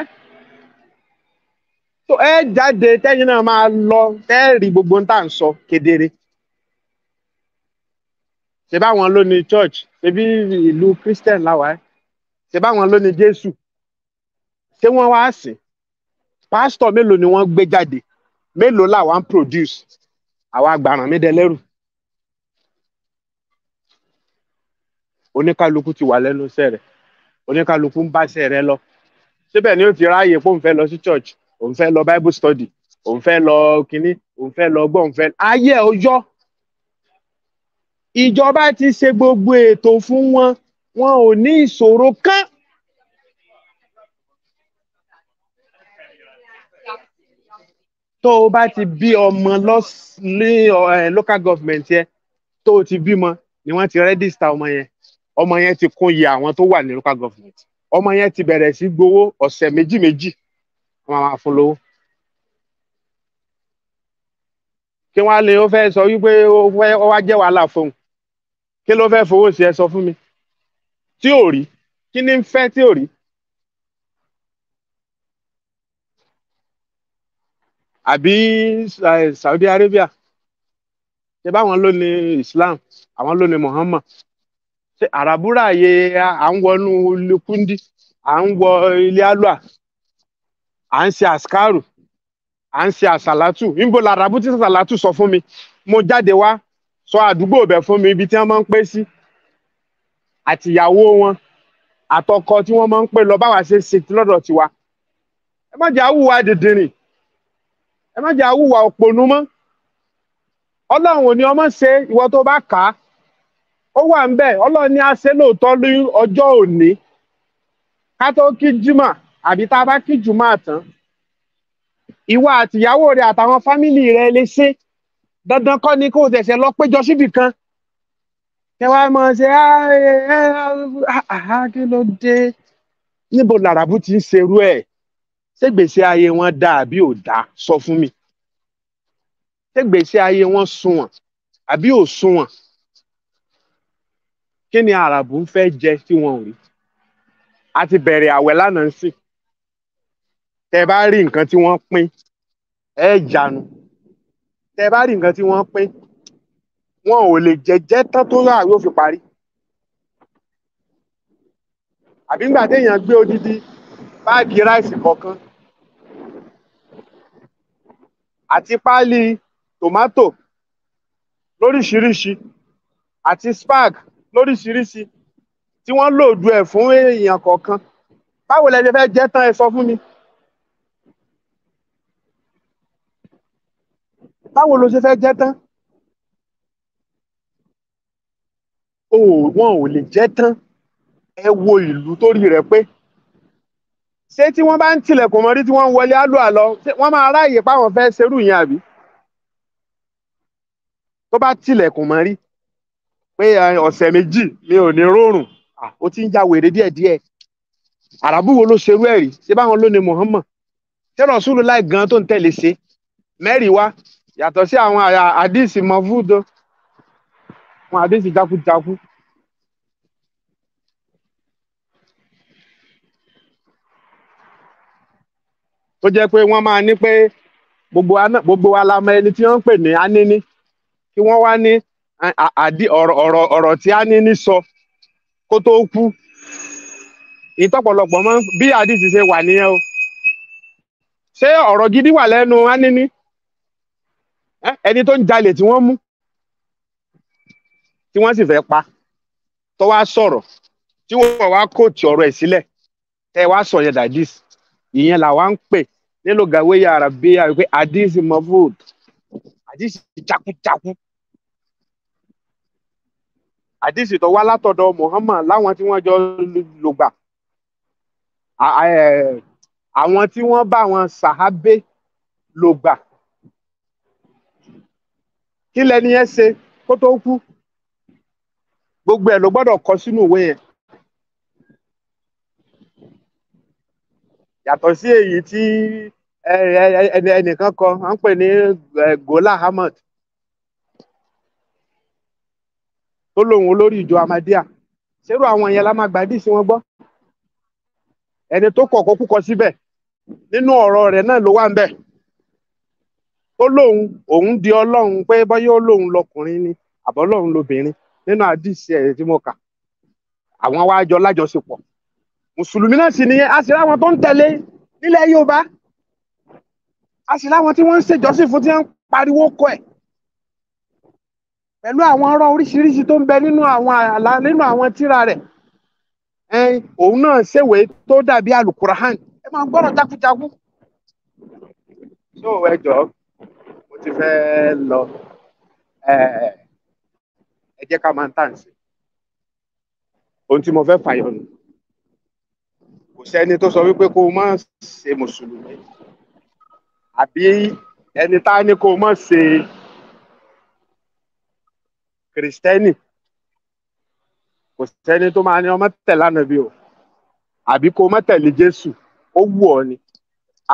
S15: so ẹ jáde
S18: tẹ́yìn náà máa lọ tẹ́ rí gbogbo tá ń sọ kedere ṣe báwọn ló ní church ṣe bí ìlú christian láwa ẹ ṣe báwọn ló ní jésù ṣé wọ́n wá sìn pásítọ̀ mélòó ni wọ́n gbé jáde mélòó làwa ń produce àwa agbàràn mi dẹlẹ́rù oníkálukú ti wà lẹ́nu iṣẹ́ rẹ̀ oníkálukú ń báṣẹ́ rẹ̀ lọ. síbẹ̀ ni ó ti ráàyè pé òun fẹ́ lọ sí church òun fẹ́ lọ bible study òun fẹ́ lọ kínní òun fẹ́ lọ gbọ́ òun fẹ́ ayé ọjọ́ ìjọba ti ṣe gbogbo ètò fún wọn wọn ò ní ìṣòro kan tó o bá ti bí ọmọ lọ́sílẹ̀ local government yẹn tó o ti bímọ ni wọ́n ti rẹ́díṣítà ọmọ yẹn ọmọ yẹn ti kún iye àwọn tó wà ní local government ọmọ yẹn ti bẹ̀rẹ̀ sí gbowó ọ̀sẹ̀ méjì méjì wọ́n máa fún lówó. kí wọ́n á lè ó fẹ́ sọ wípé ó fẹ́ ó wá jẹ́ wàhálà fóun kí ló fẹ́ fowó sí ẹ sọ fún mi tí ò rí kí ni ń fẹ́ tí ò rí. àbí eh, Saudi Arabia ṣe báwọn ló ní Islam àwọn ló ní Muhammad ṣe àràbúràyè à ń wọnú ilé kúndí à ń wọ ilé alua à ń ṣe àṣkárù à ń ṣe àṣàlátù níbo làràbù tí àṣàlátù sọ fún mi mo jáde wá sọ àdúgbò bẹ̀ fún mi ibi tí wọ́n máa ń pé sí àtìyàwó wọn àtọkọ tí wọ́n máa ń pè lọ báwa ṣe ṣe lọ́dọ̀ tiwa ẹ má jẹ́ àwùwà dìndìnrìn ẹ má jẹ́ àwùwà òpònú mọ́ ọlọ́run ò ní ọmọ ṣe ìwọ tó bá kà á ó wà ń bẹ Ọlọ́run ní àṣẹ lóòótọ́ ní ọjọ́ òní ká tó kí jimá àbí tá a bá kí jùmọ àtàn ìwọ àtìyàwó rẹ àtàwọn fámìlì rẹ lè ṣe dandan kọ́ ni kó o tẹsẹ̀ lọ péjọ síbì kan ẹ wá mọ ṣe á kí ló dé níbo làràbù ti ń ṣerú ẹ̀ ṣé gbèsè ayé wọn dá àbí ò dá sọ fún mi ṣé gbèsè ayé wọn sunwọ̀n àbí ò sunwọ̀n kí ni àràbù ń fẹ́ jẹ tí wọn ò rí a ti bẹ̀rẹ̀ àwẹ̀ lánàá sí tẹ bá rí nǹkan tí wọ́n pín ẹ jánu tẹ bá rí nǹkan tí wọ́n pín wọn ò lè jẹjẹ tán tó rà yóò fi parí àbí ńgbà téèyàn gbé odidi báàgì ráìsì kọ̀ọ̀kan àti páálí tòmátò lóríṣiríṣi àti spag lóríṣiríṣi tí wọ́n lòdù ẹ̀ fún èèyàn kọ̀ọ̀kan báwo lẹ ṣe fẹ́ jẹ́ tán ẹ sọ fún mi.
S15: báwo ló ṣe fẹ́ jẹ́ tán. o wọn ò lè jẹ́ tán ẹ wo ìlú torí rẹ̀ pé
S18: ṣé tí wọ́n bá ń tilẹ̀kùn mọ́rí tí wọ́n ń wọlé álò àlọ wọ́n máa ráàyè páwọn fẹ́ ṣerú yẹn àbí tó bá tilẹ̀kùn mọ́rí pé ọ̀sẹ̀ méjì mi ò ní rọrùn ó ti ń ja wèrè díẹ̀díẹ̀ àràbù wo ló ṣerú ẹ̀ rí ṣé báwọn ló ní Muhammad ṣé Rasulullah gan tó ń tẹ̀lé ṣe mẹ́rin wá yàtọ̀ sí àwọn àdìsí mọ́fúdó àwọn àdìsí jákújákú. tó jẹ́ pé wọ́n máa ní pé gbogbo wa la mọ ẹni tí wọ́n ń pè ní aníní kí wọ́n wá ní àdí ọ̀rọ̀ ọ̀rọ̀ tí a ní ní sọ kó tó kú ìtọ́pọ̀lọpọ̀ mọ́ bí àdìsí ṣe wà nìyẹn o ṣé ọ̀rọ̀ gidi wà lẹ́nu áníní ẹni tó ń jalè tí wọ́n mú tí wọ́n sì fẹ́ pa tó wá sọ̀rọ̀ tí wọ́n wá kóòtù ọ̀rọ̀ ẹ̀ sílẹ̀ tẹ́ wá sọ yẹn dàdís ìyẹn là wá ń pè nílò gàwéyà àràbíyà wípé àdìsí mọ́fúd àdìsí jákújákú àdìsí tó wá látọ̀dọ̀ Muhammad láwọn tí wọ́n jọ lògbà àwọn tí wọ́n bá wọn sàhábé lògbà kí lẹni yẹn ṣe kó tó kú
S15: gbogbo ẹ̀ ló gbọ́dọ̀ kọ sínú ìwé yẹn
S18: yàtọ̀ sí èyí tí ẹnìkan kọ wọ́n ń pè ní Gola Hamad. tó lòun olórí ìjọ Amadiya, ṣerú àwọn yẹn la máa gbàdí sí wọn gbọ́ ẹni tó kọ̀kọ́ kókúkọ síbẹ̀ nínú ọ̀rọ̀ rẹ̀ náà ló wà ń tó lóun òun di ọlọ́run pé bọ́yá yóò lóun lọkùnrin ni àbọ̀ lóun nínú àdìsí tí mo kà àwọn mùsùlùmí
S15: náà sì nìyẹn a sì tó
S18: ń pẹ̀lú àwọn ọ̀rọ̀ oríṣiríṣi tó ń bẹ nínú àwọn àlá nínú àwọn tírà rẹ̀ ẹ̀ẹ́n òun náà ṣèwé
S15: tó dàbí alukurahan ẹ máa gbọ́rọ̀ jákujáku.
S18: so ẹ jọ mo ti fẹ́ lọ ẹ jẹ́ ká máa ń tàn sí ohun tí mo fẹ́ fàyọ nù kò sẹ́ni tó sọ wípé kó o má ṣe mùsùlùmí àbí ẹni tá a ní kó o má ṣe kìrìsìtẹ́nì kò sẹ́ni tó máa ní ọmọ tẹ̀lé ànábì o àbí kó má tẹ̀lé jésù ó wù ọ́ ni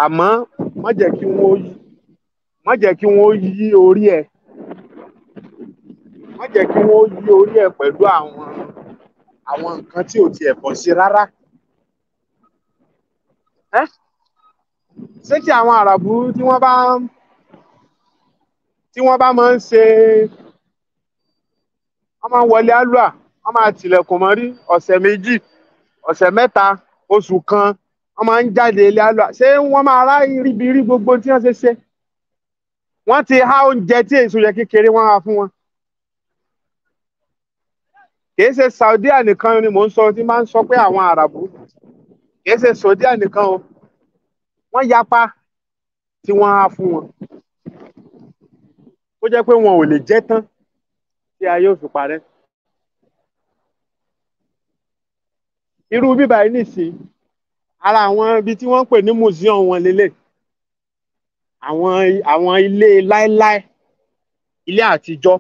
S18: àmọ́ má jẹ́ kí wọ́n yí má jẹ́ kí wọ́n yí orí ẹ̀ má jẹ́ kí wọ́n yí orí ẹ̀ pẹ̀lú àwọn àwọn nǹkan tí ò tiẹ̀ bọ̀ sí rárá. ṣé tí àwọn àràbù tí wọ́n bá tí wọ́n bá máa ń ṣe wọ́n máa ń wọlé alua wọ́n máa tilẹ̀kùn mọ́rí ọ̀sẹ̀ méjì ọ̀sẹ̀ mẹ́ta oṣù kan wọ́n máa ń jáde ilé alua ṣé wọ́n máa rá ibi rí gbogbo tí wọ́n ṣe ṣe wọ́n ti há oúnjẹ tí èso yẹ kékeré wọ́n há fún wọn. kì í ṣe Saudi nìkan ni mò ń sọ tí máa ń sọ pé àwọn àràbù kì í ṣe Saudi nìkan o wọ́n yapa tí wọ́n há fún wọn. ó jẹ́ pé wọn ò lè jẹ́ tán tí ayé ò fi parẹ́. irú bíbá yìí nìsín ara àwọn ibi tí wọ́n ń pè ní museum wọn lélẹ̀ àwọn àwọn ilé láéláé ilé àtijọ́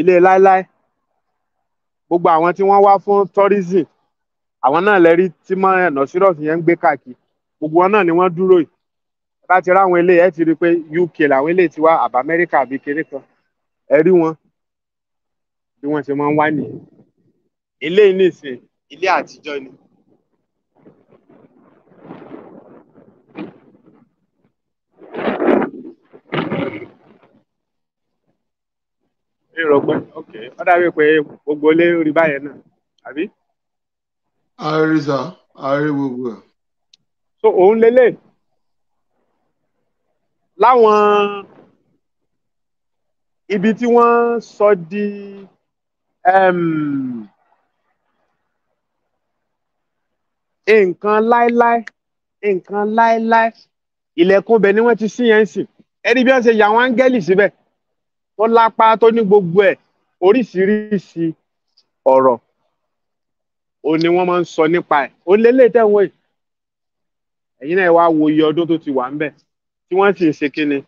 S18: ilé láéláé gbogbo àwọn tí wọ́n wá fún tourism àwọn náà lẹ́rí tí mọ́ ẹ̀nà sírọ̀sì yẹn ń gbé káàkiri gbogbo wọn náà ni wọ́n dúró yìí bá ti ráwọn eléyìí ẹ ti rí i pé UK làwọn eléyìí ti wá àbá Amẹ́ríkà àbí kéré kan ẹ rí wọn bí wọ́n ṣe máa ń wá nìyẹn eléyìí nìsín ilé àtijọ́ ni. ó dàbí pé gbogbo ilé rí báyẹn náà àbí.
S17: ààrẹ sá ààrẹ gbogbo ẹ. so òun lélẹ̀
S18: láwọn ibi tí wọ́n sọ di nǹkan láéláé nǹkan láéláé ilẹ̀kùn ibẹ̀ ni wọ́n ti sí yẹn sìn ẹni bí wọ́n ṣe yà áńgẹ́lì síbẹ̀ tó lápá tó ní gbogbo ẹ̀ oríṣiríṣi ọ̀rọ̀ o ni wọ́n máa ń sọ nípa ẹ̀ o lélẹ̀ tẹ̀wọ̀n ẹ̀yin náà wá wo iye ọdún tó ti wà ń bẹ̀ tí wọ́n sì ń ṣe kíni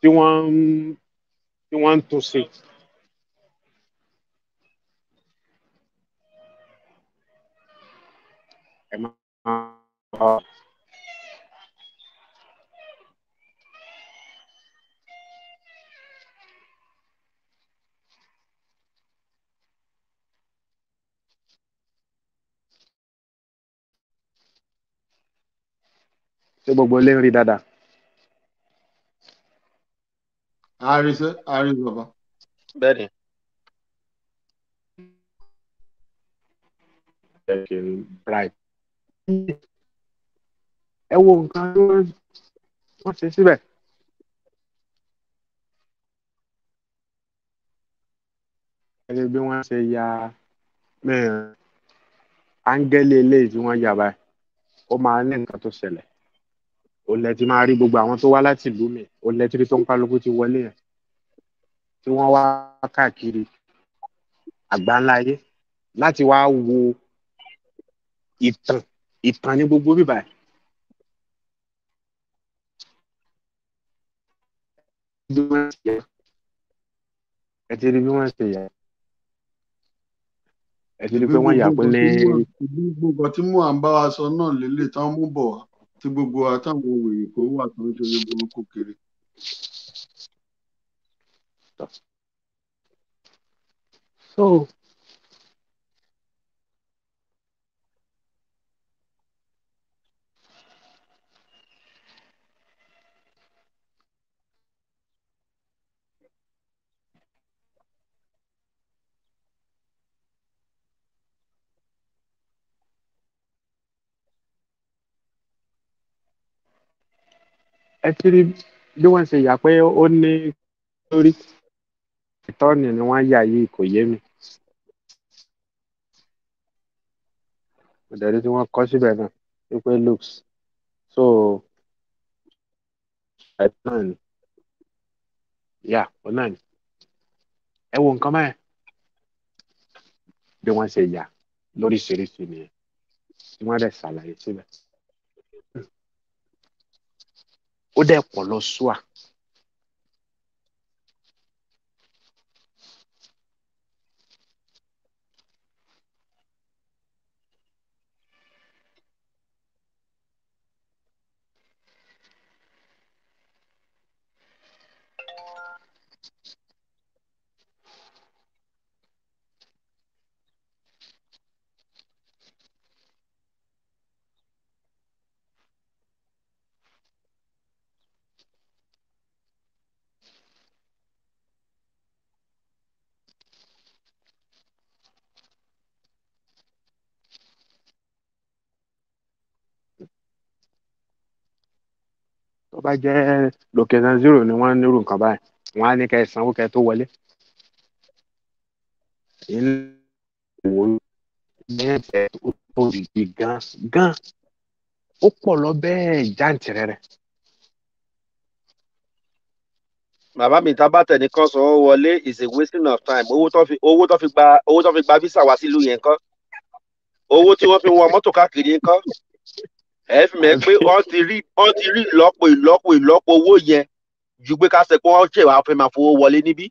S18: tí wọ́n ń tí wọ́n ń tún ṣe. ẹ máa ṣé gbogbo ilé ń rí dáadáa.
S17: àrísẹ́ àrísẹ́
S18: bàbá. bẹ́ẹ̀ni. ẹ wo nǹkan tí wọ́n ṣe síbẹ̀. gẹ́gẹ́ bí wọ́n ṣe ya mẹ́rin áńgẹ́lì eléyìí tí wọ́n yà báyìí ó máa ní nǹkan tó ṣẹlẹ̀ ó lẹ ti máa rí gbogbo àwọn tó wá láti ìlú mi ó lẹ ti rí tó ń kálukú ti wọlé yẹn tí wọ́n wá káàkiri àgbáńlá láti wá wo ìtàn ìtàn ní gbogbo bíbá ẹ̀. ẹ ti rí bí wọ́n ṣe yà ẹ ti rí pé wọ́n yà pé ní.
S17: gbogbo tí mò ń bá wa sọ náà lélẹ̀ tán mú bọ̀ wá tí gbogbo àtàwọn wèrè kò wà tó ń ṣeré burúkú kiri.
S18: so ẹ ti rí bí wọ́n ṣe yà pé ó ní lórí ìtọ́ni ni wọ́n yà yìí kò yé mi. ìdẹ̀rí tí wọ́n kọ́ síbẹ̀ náà wípé looks so ẹ̀ náà ni yà ó náà ni ẹ wo nǹkan báyẹn bí wọ́n ṣe yà lóríṣiríṣi nìyẹn tí wọ́n dẹ̀ ṣàlàyé síbẹ̀. ó dẹ̀ pọ̀ lọ bá jẹ́ location zero ni wọ́n nírú nǹkan báyìí wọ́n á ní kẹ́ sanwó kẹ́ tó wọlé. ìwò yẹn tẹ ó tóbi gan gan ó pọ̀ lọ bẹ́ẹ̀ jáǹtìrẹrẹ.
S15: bàbá mi tá a bá tẹ̀ ní kọ́sọ̀ wọlé is a wasting of time owó tó fi owó tó fi gba owó tó fi gba visa wá sílùú yẹn kọ́ owó tí wọ́n fi wọ mọ́tò káàkiri ń kọ́ ẹ fi mọ̀ pé wọ́n ti rí wọ́n ti rí ìlọ́po ìlọ́po ìlọ́po owó yẹn ju pé ká ṣe pé wọ́n ṣèwà fẹ́ máa fowó wọlé níbí.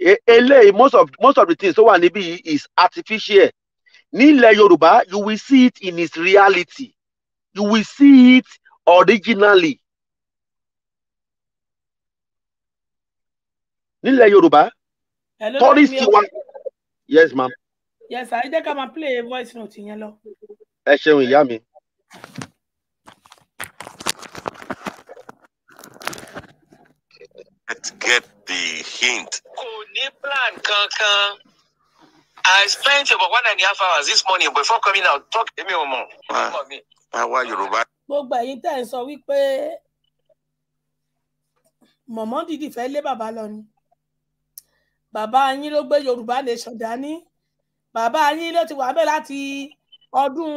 S15: E, eléyìí most of most of the things tó wà níbí yìí is artificial nílẹ̀ Yorùbá you will see it in its reality you will see it originally. nílẹ̀ Yorùbá
S2: tourist wa yes ma'am. yes sir ẹ jẹ́ ká máa play voice note yẹn lọ.
S15: ẹ ṣeun ìyá mi.
S20: Let's get the hint. Kò
S11: ní I spent about one and a half hours this morning before coming out talk èmi ò mọ̀.
S20: Àwa Yorùbá. Gbogbo
S2: ẹ̀yin tẹ́ ẹ̀ sọ wípé mọ̀mọ́ dìdì fẹ́ lé bàbá lọ ni. Bàbá yín ló gbé Yorùbá nation dání. Bàbá yín ló ti wà bẹ́ẹ̀ láti ọdún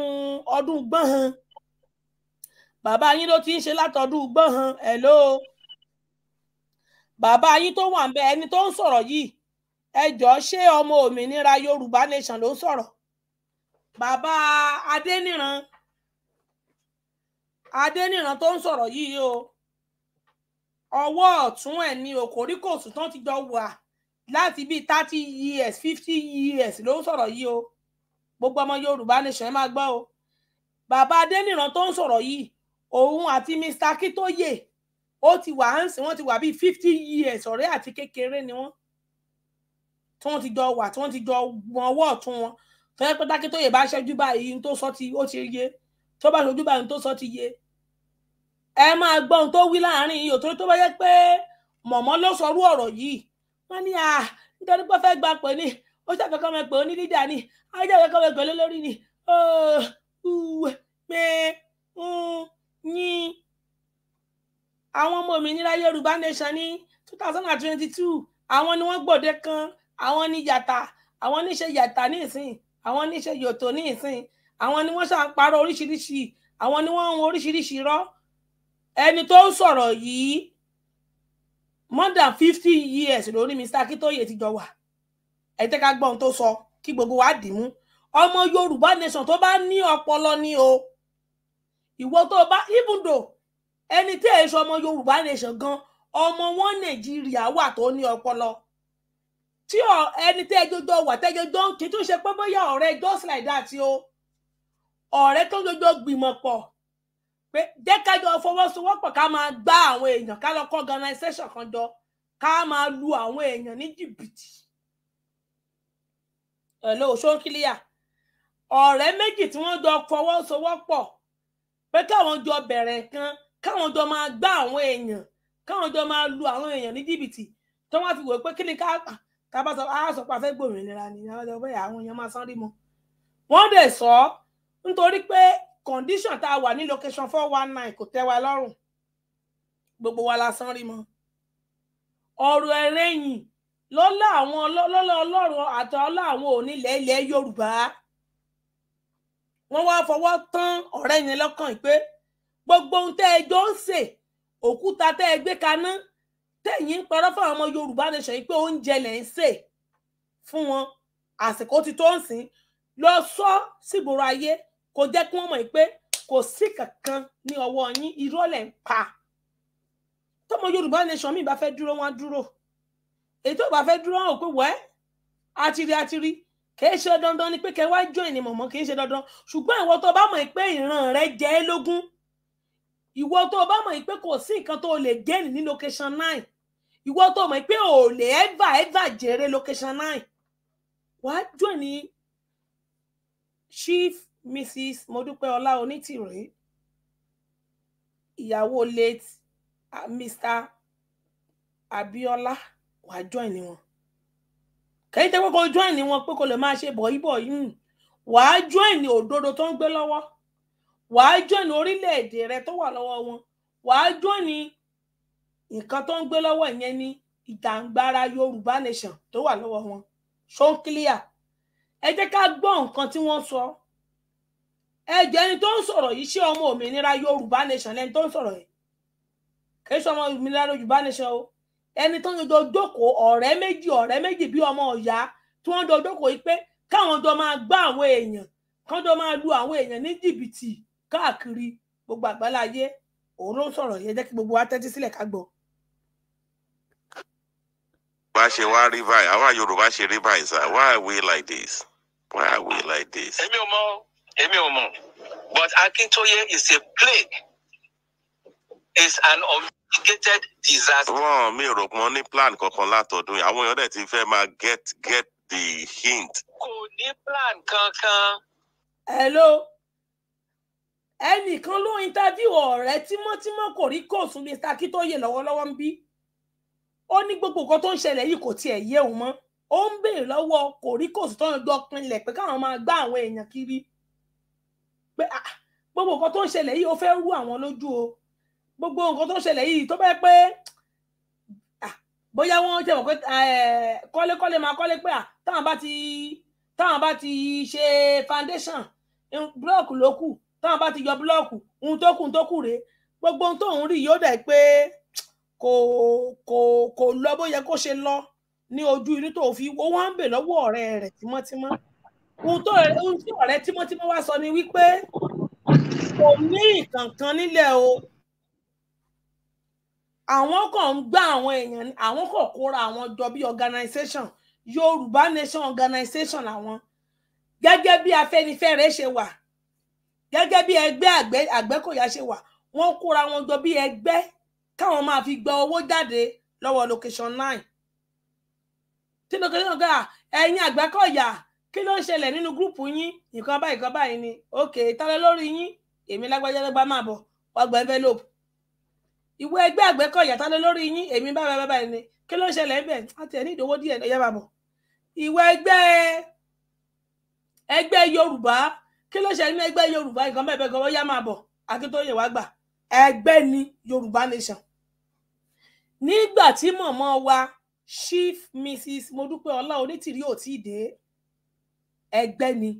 S2: ọdún gbọ̀nhan. Bàbá yín ló ti ń ṣe látọdún gbọ̀nhan. Hello bàbá yín tó wà ń bẹ ẹni tó ń sọ̀rọ̀ yìí ẹ jọ ṣé ọmọ òmìnira yorùbá nation ló ń sọ̀rọ̀ bàbá adéníran adéníran tó ń sọ̀rọ̀ yìí o ọwọ́ ọ̀tún ẹ̀ ní okòríkòsù tán ti jọ wà láti bíi thirty years fifty years ló ń sọ̀rọ̀ yìí o gbogbo ọmọ yorùbá nation ẹ máa gbọ́ o bàbá adéníran tó ń sọ̀rọ̀ yìí òun àti mr kitoye ó ti wà á ń sìn wọ́n ti wà bíi fifty years ọ̀rẹ́ àti kékeré ni wọ́n tí wọ́n ti jọ wà tí wọ́n ti jọ wọn ọwọ́ ọ̀tún wọn tó yẹ pé Dákíntóyè bá ṣẹ́jú báyìí tó sọ ti ó ti yé tó bá ṣojú báyìí tó sọ ti yé ẹ máa gbọ́ ohun tó wí láàárín yìí òtórí tó bá yẹ pé mọ̀mọ́ ló sọrú ọ̀rọ̀ yìí wọ́n ní à nítorí pé fẹ́ gba pè ní ó ṣàkọ́kọ́ mọ̀ pé ó ní lídà ni ajá ìkọ́kọ́ mọ̀ pé olólórí ni ó wù mí yín àwọn ọmọ òmìnira yorùbá nation ní two thousand and twenty two àwọn ni wọ́n gbòde kan àwọn ni yàtà àwọn níṣe yàtà ní ìsìn àwọn níṣe yòtò ní ìsìn àwọn ni wọ́n ṣà ń parọ́ oríṣiríṣi àwọn ni wọ́n ń oríṣiríṣi rọ́ ẹni tó ń sọ̀rọ̀ yìí more than fifty years lórí Mr. Akíntóyè ti jọ wà ẹ jẹ́ ká gbọ́ ohun tó sọ kí gbogbo wa dì mú ọmọ yorùbá nation tó bá ní ọpọlọ ni o ìwọ tó bá even though ẹni tí èso ọmọ yorùbá nation gan ọmọ wọn nàìjíríà wà tó ní ọpọlọ tí ẹni tí ẹjọjọ wà tẹjọjọ kì í tún ṣe pé bóyá ọ̀rẹ́ just like that o ọ̀rẹ́ tó jọjọ gbìmọ̀ pọ̀ pé jẹ́ kájọ fọwọ́sowọ́pọ̀ ká máa gbá àwọn èèyàn ká lọ kọ organisation kan jọ ká máa lu àwọn èèyàn ní jìbìtì ẹlò ṣókílíà ọ̀rẹ́ méjì tí wọ́n jọ fọwọ́sowọ́pọ̀ pé káwọn jọ bẹ̀rẹ̀ nǹkan káwọn jọ máa gbá àwọn èèyàn káwọn jọ máa lu àwọn èèyàn ní jìbìtì tó wá fi wò pé kí ni ká ká bá a gbòmìnira ni àwọn ọjọ́ bẹyà àwọn èèyàn máa sán rí mọ́ wọ́n dẹ̀ sọ nítorí pé condition tá a wà ní location four one nine kò tẹ́ wa lọ́rùn gbogbo wa la sán rí mọ́ Ọrọ ẹ̀rẹ́yìn lọ́lá àwọn lọ́lá ọlọ́run gbogbo ohun tẹ́ ẹ jọ ń sè òkúta tẹ́ ẹ gbé kaná tẹ̀yìn ń parọ́ fún àwọn ọmọ Yorùbá nation yìí pé oúnjẹ lẹ̀ ń sè fún wọn àsìkò ti tó ń sìn lọ sọ sígboro ayé kò jẹ́ kí wọ́n mọ̀ pé kò sí kankan ní ọwọ́ yín irọ́ lẹ̀ ń pa tọmọ Yorùbá nation mi bá fẹ́ dúró wọn dúró ètò ìbá fẹ́ dúró wọn ò pé wẹ́ àtìrí àtìrí kìí ṣe dandan ni pé kẹ́ wá join ni mọ̀mọ́ kìí ṣe dandan ṣùgbọ́n ìwọ tó bá mọ̀ pé ìran rẹ jẹ́ lógún ìwọ tó o bá mọ̀ pé kò sí nǹkan tó o lè gain ní location nine ìwọ tó o mọ̀ pé o lè ever ever jèrè location nine wàá join ní chief mrs Modúpẹ́ọlá Onítìrí ìyàwó late mr Abíọ́lá wàá join ní wọn kẹ́yìn tẹ́ pé kó join ní wọn pé kó lè máa ṣe bọ̀ yí bọ̀ yí ní òdodo tó ń gbé lọ́wọ́ wàá jọ́ni orílẹ̀-èdè rẹ tó wà lọ́wọ́ wọn wàá jọ́ni nǹkan tó ń gbé lọ́wọ́ ìyẹn ní ìtàǹgbára yorùbá nation tó wà lọ́wọ́ wọn ṣókílíà ẹ jẹ́ ká gbọ́ nǹkan tí wọ́n sọ ẹ jẹ́ ẹni tó ń sọ̀rọ̀ yìí ṣé ọmọ òmìnira yorùbá nation lẹni tó ń sọ̀rọ̀ yìí kì í ṣe ọmọ òmìnira yorùbá nation o ẹni tó ń jọ jókòó ọ̀rẹ́ méjì ọ̀rẹ́ méjì bí ọmọ ọ̀yá tí wọ́n jọ jókòó yìí pé káwọn jọ máa gbá àwọn èèyàn kán jọ máa lu àwọn èèyàn ní jìbìtì káàkiri gbogbo àgbáláyé òun ló ń sọ̀rọ̀ yẹn jẹ́ kí gbogbo wa tẹ́tí sílẹ̀ ká gbọ́.
S20: bá ṣe wá rí báyìí àwa yorùbá ṣe rí báyìí sir why are we like this why are we like this. èmi ò mọ èmi ò mọ but Akintoye is a plague is an unmitigated disaster. wọn mi rò pọn ní plan kankan látọdún yìí àwọn èèyàn dẹ̀ ti fẹ́ máa get get the hint. kò ní
S2: plan kankan. hello ẹnìkan ló interview ọ̀rẹ́ tímọ́tímọ́ kò rí kóòsùn mr akitoye lọ́wọ́lọ́wọ́ ń bí ó ní gbogbo nǹkan tó ń ṣẹlẹ̀ yìí kò tiẹ̀ yé òun mọ́ ó ń béèrè lọ́wọ́ kò rí kóòsùn tó ń gbọ́ pinlẹ̀ pé káwọn máa gbá àwọn èèyàn kiri pé ah, gbogbo nǹkan tó ń ṣẹlẹ̀ yìí ó fẹ́ rú àwọn lójú o gbogbo nǹkan tó ń ṣẹlẹ̀ yìí tó bẹ́ẹ̀ pé ah, bóyá wọ́n jẹ́ mọ̀ pé kọ́lékọ́lé eh, máa kọ́lé pé ah, táwọn bá ti ṣe foundation block ló kù táwọn bá ti yọ búlọ́ọ̀kù ohun tó kù tó kù rèé gbogbo ohun tóun rí yóò dẹ̀ pé kò kò kò lọ bó yẹ kó ṣe lọ ní ojú inú tó fi ó wá ń bè lọ́wọ́ ọ̀rẹ́ rẹ̀ tímọ́tímọ́ ohun tó ohun tí ọ̀rẹ́ tímọ́tímọ́ wá sọ ni wípé kò ní ìkànkan nílẹ̀ o àwọn kan ń gbá àwọn èèyàn àwọn kan kóra àwọn jọ bí organisation Yorùbá Nation organisation làwọn gẹ́gẹ́ bí Afẹ́nifẹ́re ṣe wà gẹ́gẹ́ bí ẹgbẹ́ àgbẹ̀ àgbẹ̀kọ̀yà ṣe wà wọ́n kóra wọn jọ bí ẹgbẹ́ káwọn máa fi gba owó jáde lọ́wọ́ location nine tí location gbà ẹ̀yin àgbẹ̀kọ̀yà kí ló ń ṣẹlẹ̀ nínú gúrùpù yín nǹkan báyìí nǹkan báyìí ni òkè ìtàlẹ́ lórí yín èmi lágbájá ló gbá máa bọ̀ wọ́n gba envelope ìwé ẹgbẹ́ àgbẹ̀kọ̀yà ìtàlẹ́ lórí yín èmi báyìí báyìí báyìí ni kí ló ń ṣẹlẹ̀ ń bẹ̀ àti ẹ̀ ní ìdówó díẹ̀ ẹ̀yà bàbọ̀ ìwé ẹgbẹ́ ẹgbẹ́ Yorùbá kí ló ṣe ní ẹgbẹ́ yorùbá nǹkan bẹ́ẹ̀ bẹ́ẹ̀ gan wọ́n yá máa bọ̀ akíntóye wá gbà ẹgbẹ́ ni yorùbá nation nígbà tí mọ̀mọ́ wa chief mrs modúpẹ́ ọlá onítìrí ò tí ì dé ẹgbẹ́ ni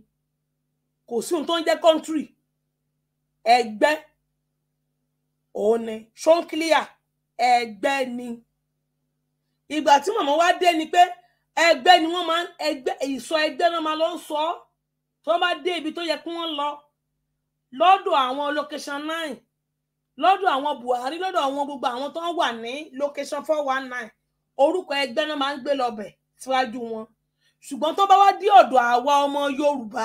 S2: kò sí ohun tó ń jẹ́ country ẹgbẹ́ òun ni clear. ẹgbẹ́ ni ìgbà tí mọ̀mọ́ wa dé ni pé ẹgbẹ́ ni wọ́n máa ń ẹgbẹ́ ìsọ ẹgbẹ́ náà máa lọ sọ ọ́ tó bá dé ibi tó yẹ kí wọ́n lọ lọ́dọ̀ àwọn location nine lọ́dọ̀ àwọn Buhari lọ́dọ̀ àwọn gbogbo àwọn tó ń wà ní location four one nine orúkọ ẹgbẹ́ náà máa ń gbé lọ́bẹ̀ síwájú wọn ṣùgbọ́n tó bá wá dé ọ̀dọ̀ àwa ọmọ Yorùbá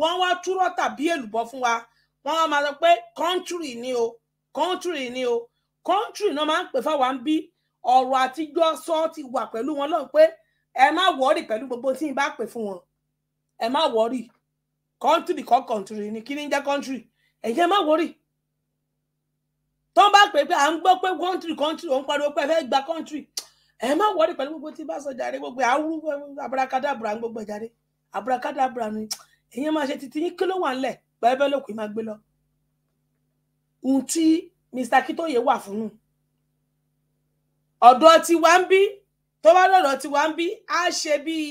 S2: wọ́n wá túrọ́ tàbí èlùbọ́ fún wa wọ́n wá máa sọ pé country ni o country ni o country náà máa ń pè fáwa ń bí ọ̀rọ̀ àtijọ́ sọ ti wà pẹ̀lú wọn lọ́n pé ẹ má wọ́ọ̀rì pẹ̀lú gbogbo tí n bá pè fún wọn ẹ má wọ́ọ̀rì kọ́ńtìrì kọ́ country. ni kí ni jẹ́ kọ́ńtìrì ẹ̀yẹ́ má wọrí tó ń bá pè pé à ń gbọ́ pé kọ́ńtìrì kọ́ńtìrì òun pariwo pé ẹ fẹ́ gba kọ́ńtìrì ẹ má wọrí pẹ̀lú gbogbo tí bá sọ jàre gbogbo àwúrú abúrakádàbúrà ń gbogbo jàre abúrakádàbúrà ni ẹ̀yẹ́ máa ṣe titi yín kí ló wà ńlẹ̀ pẹ́ẹ́bẹ́ lókùn máa gbé lọ ohun tí Mr. Kitoye wa funu. un ọ̀dọ̀ tiwa ń bí tó bá lọ́dọ̀ tiwa ń bí á ṣe bíi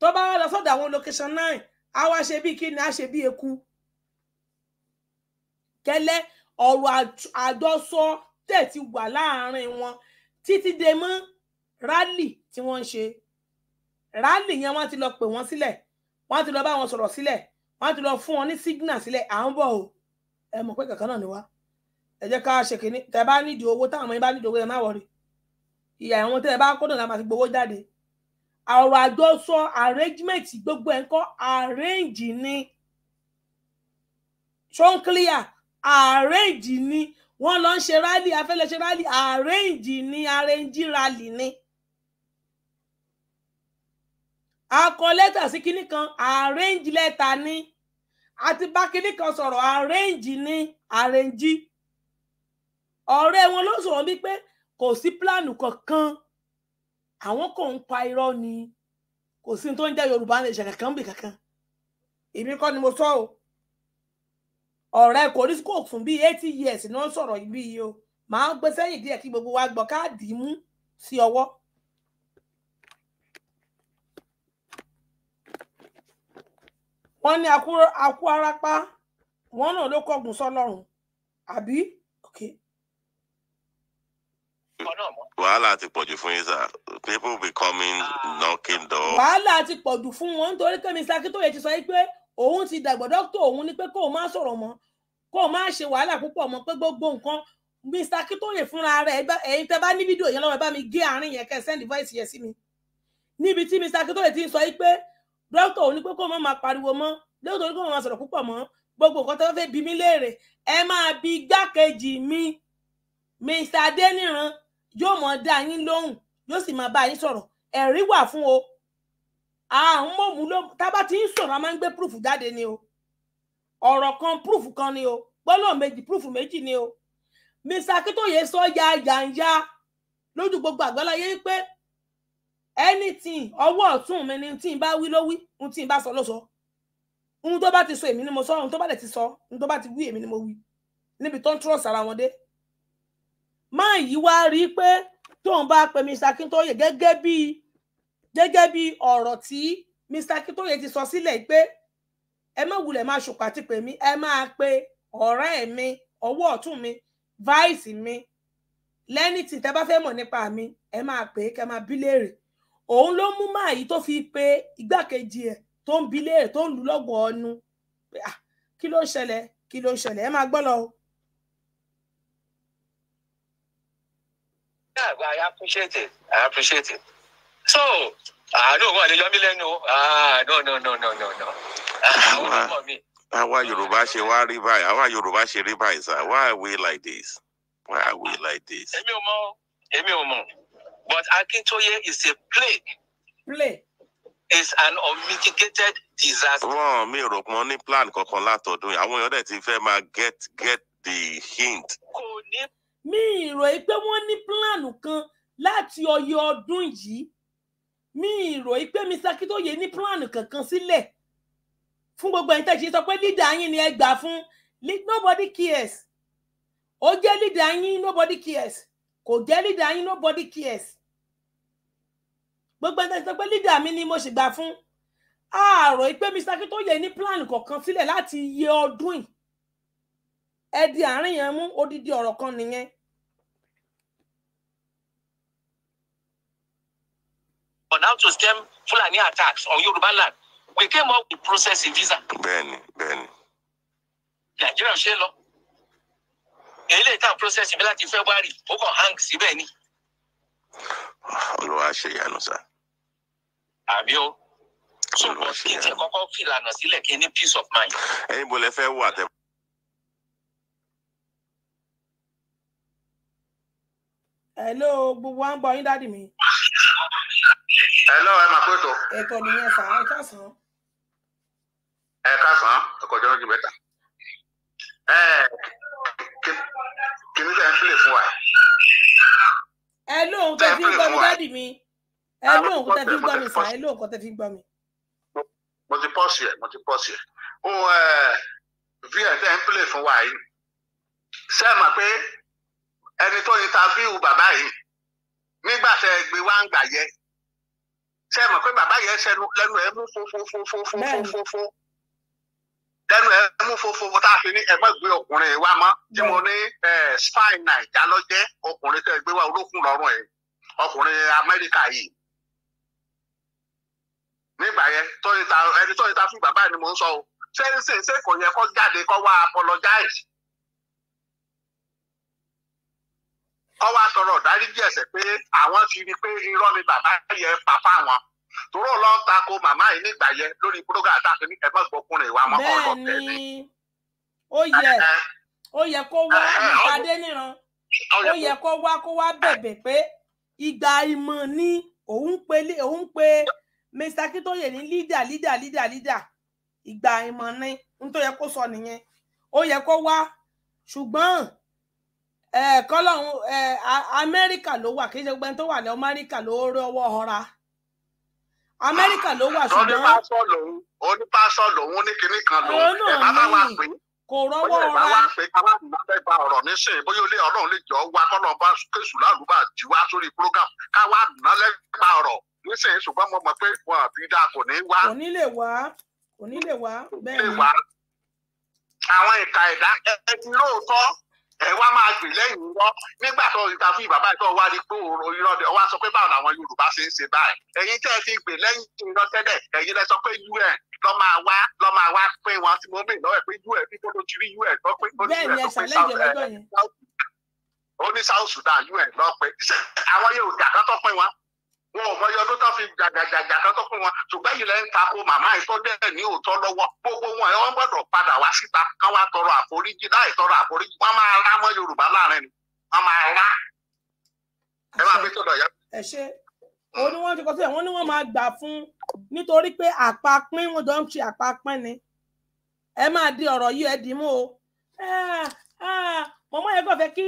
S2: tó bá lọ sọ́dọ̀ àwọn location nine á wá ṣe bí kíni á ṣe bí eku kẹ́lẹ́ ọ̀rọ̀ àjọsọ tẹ̀ ti wà láàárín wọn títí dé mọ́ rálì tí wọ́n ń ṣe rálì yẹn wọ́n ti lọ pè wọ́n sílẹ̀ wọ́n ti lọ bá wọn sọ̀rọ̀ sílẹ̀ wọ́n ti lọ fún wọn ní signal sílẹ̀ à ń bọ̀ o ẹ mọ̀ pé kankan náà ni wá ẹ jẹ́ ká ṣe kínní tẹ́ bá nídìí owó táwọn ọmọ yín bá nídìí owó yẹn má wọrí ìyá àwọn tẹ́ bá kó dùn láti gbowó jáde ọ̀rọ̀ àjọsọ arrangement gbogbo ẹ̀ ń kọ́ arrange ni ṣóńkìlíà arrange ni wọ́n lọ ń ṣe rally afẹ́lẹ́ ṣe rally arrange ni arrange rally ni a kọ lẹ́tà sí kinní kan arrange lẹ́tà ni àti bá kinní kan sọ̀rọ̀ arrange ni arrange ọ̀rẹ́ wọn ló sọ̀rọ̀ bí pé kò sí pílánù kankan àwọn kò ń pa irọ́ ni kò sí tó ń jẹ́ yorùbá ní ìṣẹ̀lẹ̀ kan bì kankan èmi kọ́ ni mo sọ o ọ̀rẹ́ kò rí kò fún bíi eighty years ni wọ́n sọ̀rọ̀ ibi yìí o màá gbé sẹ́yìn díẹ̀ kí gbogbo wa gbọ́ káàdì mú sí ọwọ́. wọ́n ní akú arapa wọ́n náà ló kọ̀gùn sọ́lọ́run àbí okay
S20: wàhálà ti pọ̀jù fún yín sir people be coming ah. knocking
S2: door. wàhálà ti pọ̀jù fún wọn nítorí pé mr akintoye ti sọ yìí pé òun ti dàgbà dókítà òun ni pé kó o má sọ̀rọ̀ mọ́ kó o má ṣe wàhálà púpọ̀ mọ́ pé gbogbo nǹkan mr akintoye fúnra rẹ̀ ẹ̀yin tẹ́ bá ní fídíò yẹn lọ́wọ́ ẹ bá mi gé àárín yẹn kẹ́ ẹ send voice yẹn sí mi níbi tí mr akintoye ti ń sọ yìí pé dókítà òun ni pé kó o má máa pariwo mọ́ dókítà òun ni pé kó o má máa sọ̀rọ̀ púpọ̀ mọ́ gbogbo nǹkan tó fẹ́ bi mí léèrè ẹ máa bi igbákejì mi mr adeniran yóò mọ dá yín lóhùn yóò sì máa bá yín sọ̀rọ̀ ẹ̀rí wà fún o àwọn mọ̀mú ló tábà tí ń sọ̀rọ̀ a máa ń gbé proof jáde ni o ọ̀rọ̀ kan proof kan ni o gbọ́dọ̀ méjì proof méjì ni o Mr. Akíntóye sọ ya yàǹyà lójú gbogbo àgbáláyé pé anything ọwọ́ ọ̀tún mi ni tí n bá wí ló wí ohun tí n bá sọ ló sọ ohun tó bá ti sọ èmi ni mo sọ ohun tó bá dẹ̀ ti sọ ohun tó bá ti wí èmi ni mo wí níbi tó ń trọ́ọ̀sì ara wọn dé máa yí wá rí i pé tóun bá pe Mr. Akintoye gẹ́gẹ́ bí gẹ́gẹ́ bí ọ̀rọ̀ tí Mr. Akintoye ti sọ sílẹ̀ pé ẹ má wulẹ̀ máa ṣùpá ti pè mí ẹ máa pe ọ̀rẹ́ mi ọwọ́ ọ̀tún mi vice mi lẹ́ni tí tẹ́ bá fẹ́ mọ̀ nípa mi ẹ máa pè é kẹ́ máa bí léèrè òun ló mú máa yìí tó fi pe igbákejì ẹ̀ tó ń bi léèrè tó ń lù lọ́gọ̀ọ́ ọnu kí ló ṣẹlẹ̀ kí ló ṣẹlẹ̀ ẹ máa gbọ́ lọ o.
S11: Yeah, I appreciate it. I appreciate it. So, ah, no, wọ́n lè yọ mí lẹ́nu. Ah, no, no, no, no, no, no.
S20: Àwọn ah, ọmọ mi. Àwa Yorùbá ṣe wá rí báyìí. Àwa Yorùbá ṣe rí sir. Why are we like this? Why are we like this? Emi Omo, Emi Omo. But Akintoye is a plague. Plague. It's an unmitigated disaster. Wọ́n me, rò money plan kankan látọ̀dún Do Àwọn èèyàn dẹ̀ ti fẹ́ máa get get the hint. Kò
S2: mi ìrò yìí pé wọ́n ní pílánù kan láti ọyẹ ọdún yìí mi ìrò yìí pé Mr. Akintoye ní pílánù kankan sílẹ̀ fún gbogbo ẹ̀yin tẹ̀sí sọ pé lídà yín ni ẹ gbà fún nobody cares ó jẹ́ lídà yín nobody cares kò jẹ́ lídà yín nobody cares gbogbo ẹ̀yin tẹ̀sí sọ pé lídà mi ni mo sì gbà fún ààrò yìí pé Mr. Akintoye ní pílánù kankan sílẹ̀ láti yẹ ọdún yìí ẹ di àárín yẹn mú odidi ọ̀rọ̀ kan nìyẹn
S11: on how to stem Fulani attacks on Yoruba land we came up with processing visa. bẹ́ẹ̀ni bẹ́ẹ̀ni. Nigeria ṣe lọ eléyìí tá a process mi láti february ó kàn hang síbẹ̀ ni.
S20: olùwà ṣe yanu sa. àbí o so kò kí n tẹ kọ́kọ́ fi ìlànà sílẹ̀ kí n peace of mind. ẹ̀yin bọlẹ fẹ́ wà tẹ.
S2: hello gbogbo wa ń daddy me. hello ẹ máa pẹ́tọ̀. ètò nìyẹn sàn
S11: ẹ kásán.
S13: ẹ kásán ẹkọ jọ lójú mẹ́ta.
S8: ẹ kìnìún tẹ̀ ń fìlè fún wa.
S2: ẹ lóhun tẹ fi ń gbọ́ mi dádì mi ẹ lóhun tẹ fi ń gbọ́ mi sàn ẹ lóhun tẹ fi ń gbọ́ mi.
S13: mo ti pọ́ọ̀sì ẹ̀ mo ti pọ́ọ̀sì ẹ̀ ohun ẹ̀ vi ẹ̀ tẹ̀ ń fìlè fún wa nígbà tẹ ẹ ń gbà yẹ ṣe mọ̀ pé bàbá yẹn ṣẹnu lẹ́nu ẹ̀ mú
S12: fúnfúnfúnfúnfúnfún lẹ́nu ẹ̀
S13: mú fúnfúnfún tá a fi ní ẹ̀gbọ́n gbé ọkùnrin wa mọ́ tí mo ní spine naija lọ́jẹ́ ọkùnrin tẹ́ gbé wá olókùn lọ́rùn ẹ̀ ọkùnrin amẹ́ríkà yìí nígbà yẹn tọ́ni ta ẹni tọ́ni ta fún bàbá ni mò ń sọ o ṣé ṣe ṣe kò yẹ kó jáde kó wá apologize ọ wá sọ̀rọ̀ dáríjì ẹ̀ṣẹ̀ pé àwọn ti rí i pé irọ́ ni bàbá yẹn pa fáwọn tòró lọ ta ko màmá yìí nígbà yẹn lórí búrógà àtàkùn ní ẹ̀fọ́ gbọ́kùnrin ìwà ọmọ ọlọ́tẹ̀
S15: ni. ó
S2: yẹ ó yẹ kó wá nípa déníran ó yẹ kó wá kó wá bẹ̀bẹ̀ pé ìgbà ìmọ̀ ni òun pe òun pe Mr. Akintoye ní leader leader leader leader ìgbà ìmọ̀ ni n tó yẹ kó sọ nìyẹn ó yẹ kó wá ṣùgbọ́n kọ́lọ́hún amẹ́ríkà ló wà kí ṣe gbẹ́ni tó wà ní amẹ́ríkà ló rí ọwọ́ ọ̀ra amẹ́ríkà ló wà ṣùgbọ́n. onípásọ̀ lòun
S13: ní kinní kan lòun ẹ̀ bá bá wà pé kò ọ̀rọ̀ nísìnyí bóyá lè wá kọ́lọ́ bá kéṣù sórí program káwá nà ọ̀rọ̀ nísìnyí mọ̀ pé wọn ní
S2: wá. kò ní lè wá
S8: kò
S13: ní ẹ wá máa gbè lẹ́yìn irọ́ nígbà tó ìta fún ìbàbá ìtọ́ wá rí pé òòrùn irọ́ dẹ̀ wá sọ pé báwo làwọn Yorùbá ṣe ń ṣe báyìí ẹ̀yin tẹ́ ẹ fi gbè lẹ́yìn irọ́ tẹ́lẹ̀ ẹ̀yin lẹ sọ pé un lọ́ máa wá lọ́ máa wá pé wọn tí mo bèèrè lọ́wọ́ pé un bí tó ló ti rí un lọ pé ó ní un lọ pé south eh, ó ní south Sudan un lọ pé àwọn Yorùbá kan tó pín wọn wọn ò mọyọ ọdún tó fi jàgàjàgà kan tó fún wọn ṣùgbọ́n yìí lẹ́ ń ta ko màmá ìtọ́jẹ́ ní òótọ́ lọ́wọ́ gbogbo wọn ẹ̀ wọ́n gbọ́dọ̀ padà wá síta kán wá tọrọ àforíjì láì tọrọ àforíjì wọ́n máa rá mọ́ Yorùbá láàrin ni wọ́n máa rá
S2: ẹ máa fi tọ̀dọ̀ yá. ẹ ṣe òun ni wọ́n ti kọ sílẹ̀ wọ́n ní wọ́n máa gbà fún nítorí pé àpapín wọn jọ ń ṣe àpapín ni ẹ máa di ọ̀rọ̀ yìí ẹ dì mú o mọ̀mọ́ yẹn kàn fẹ́ kí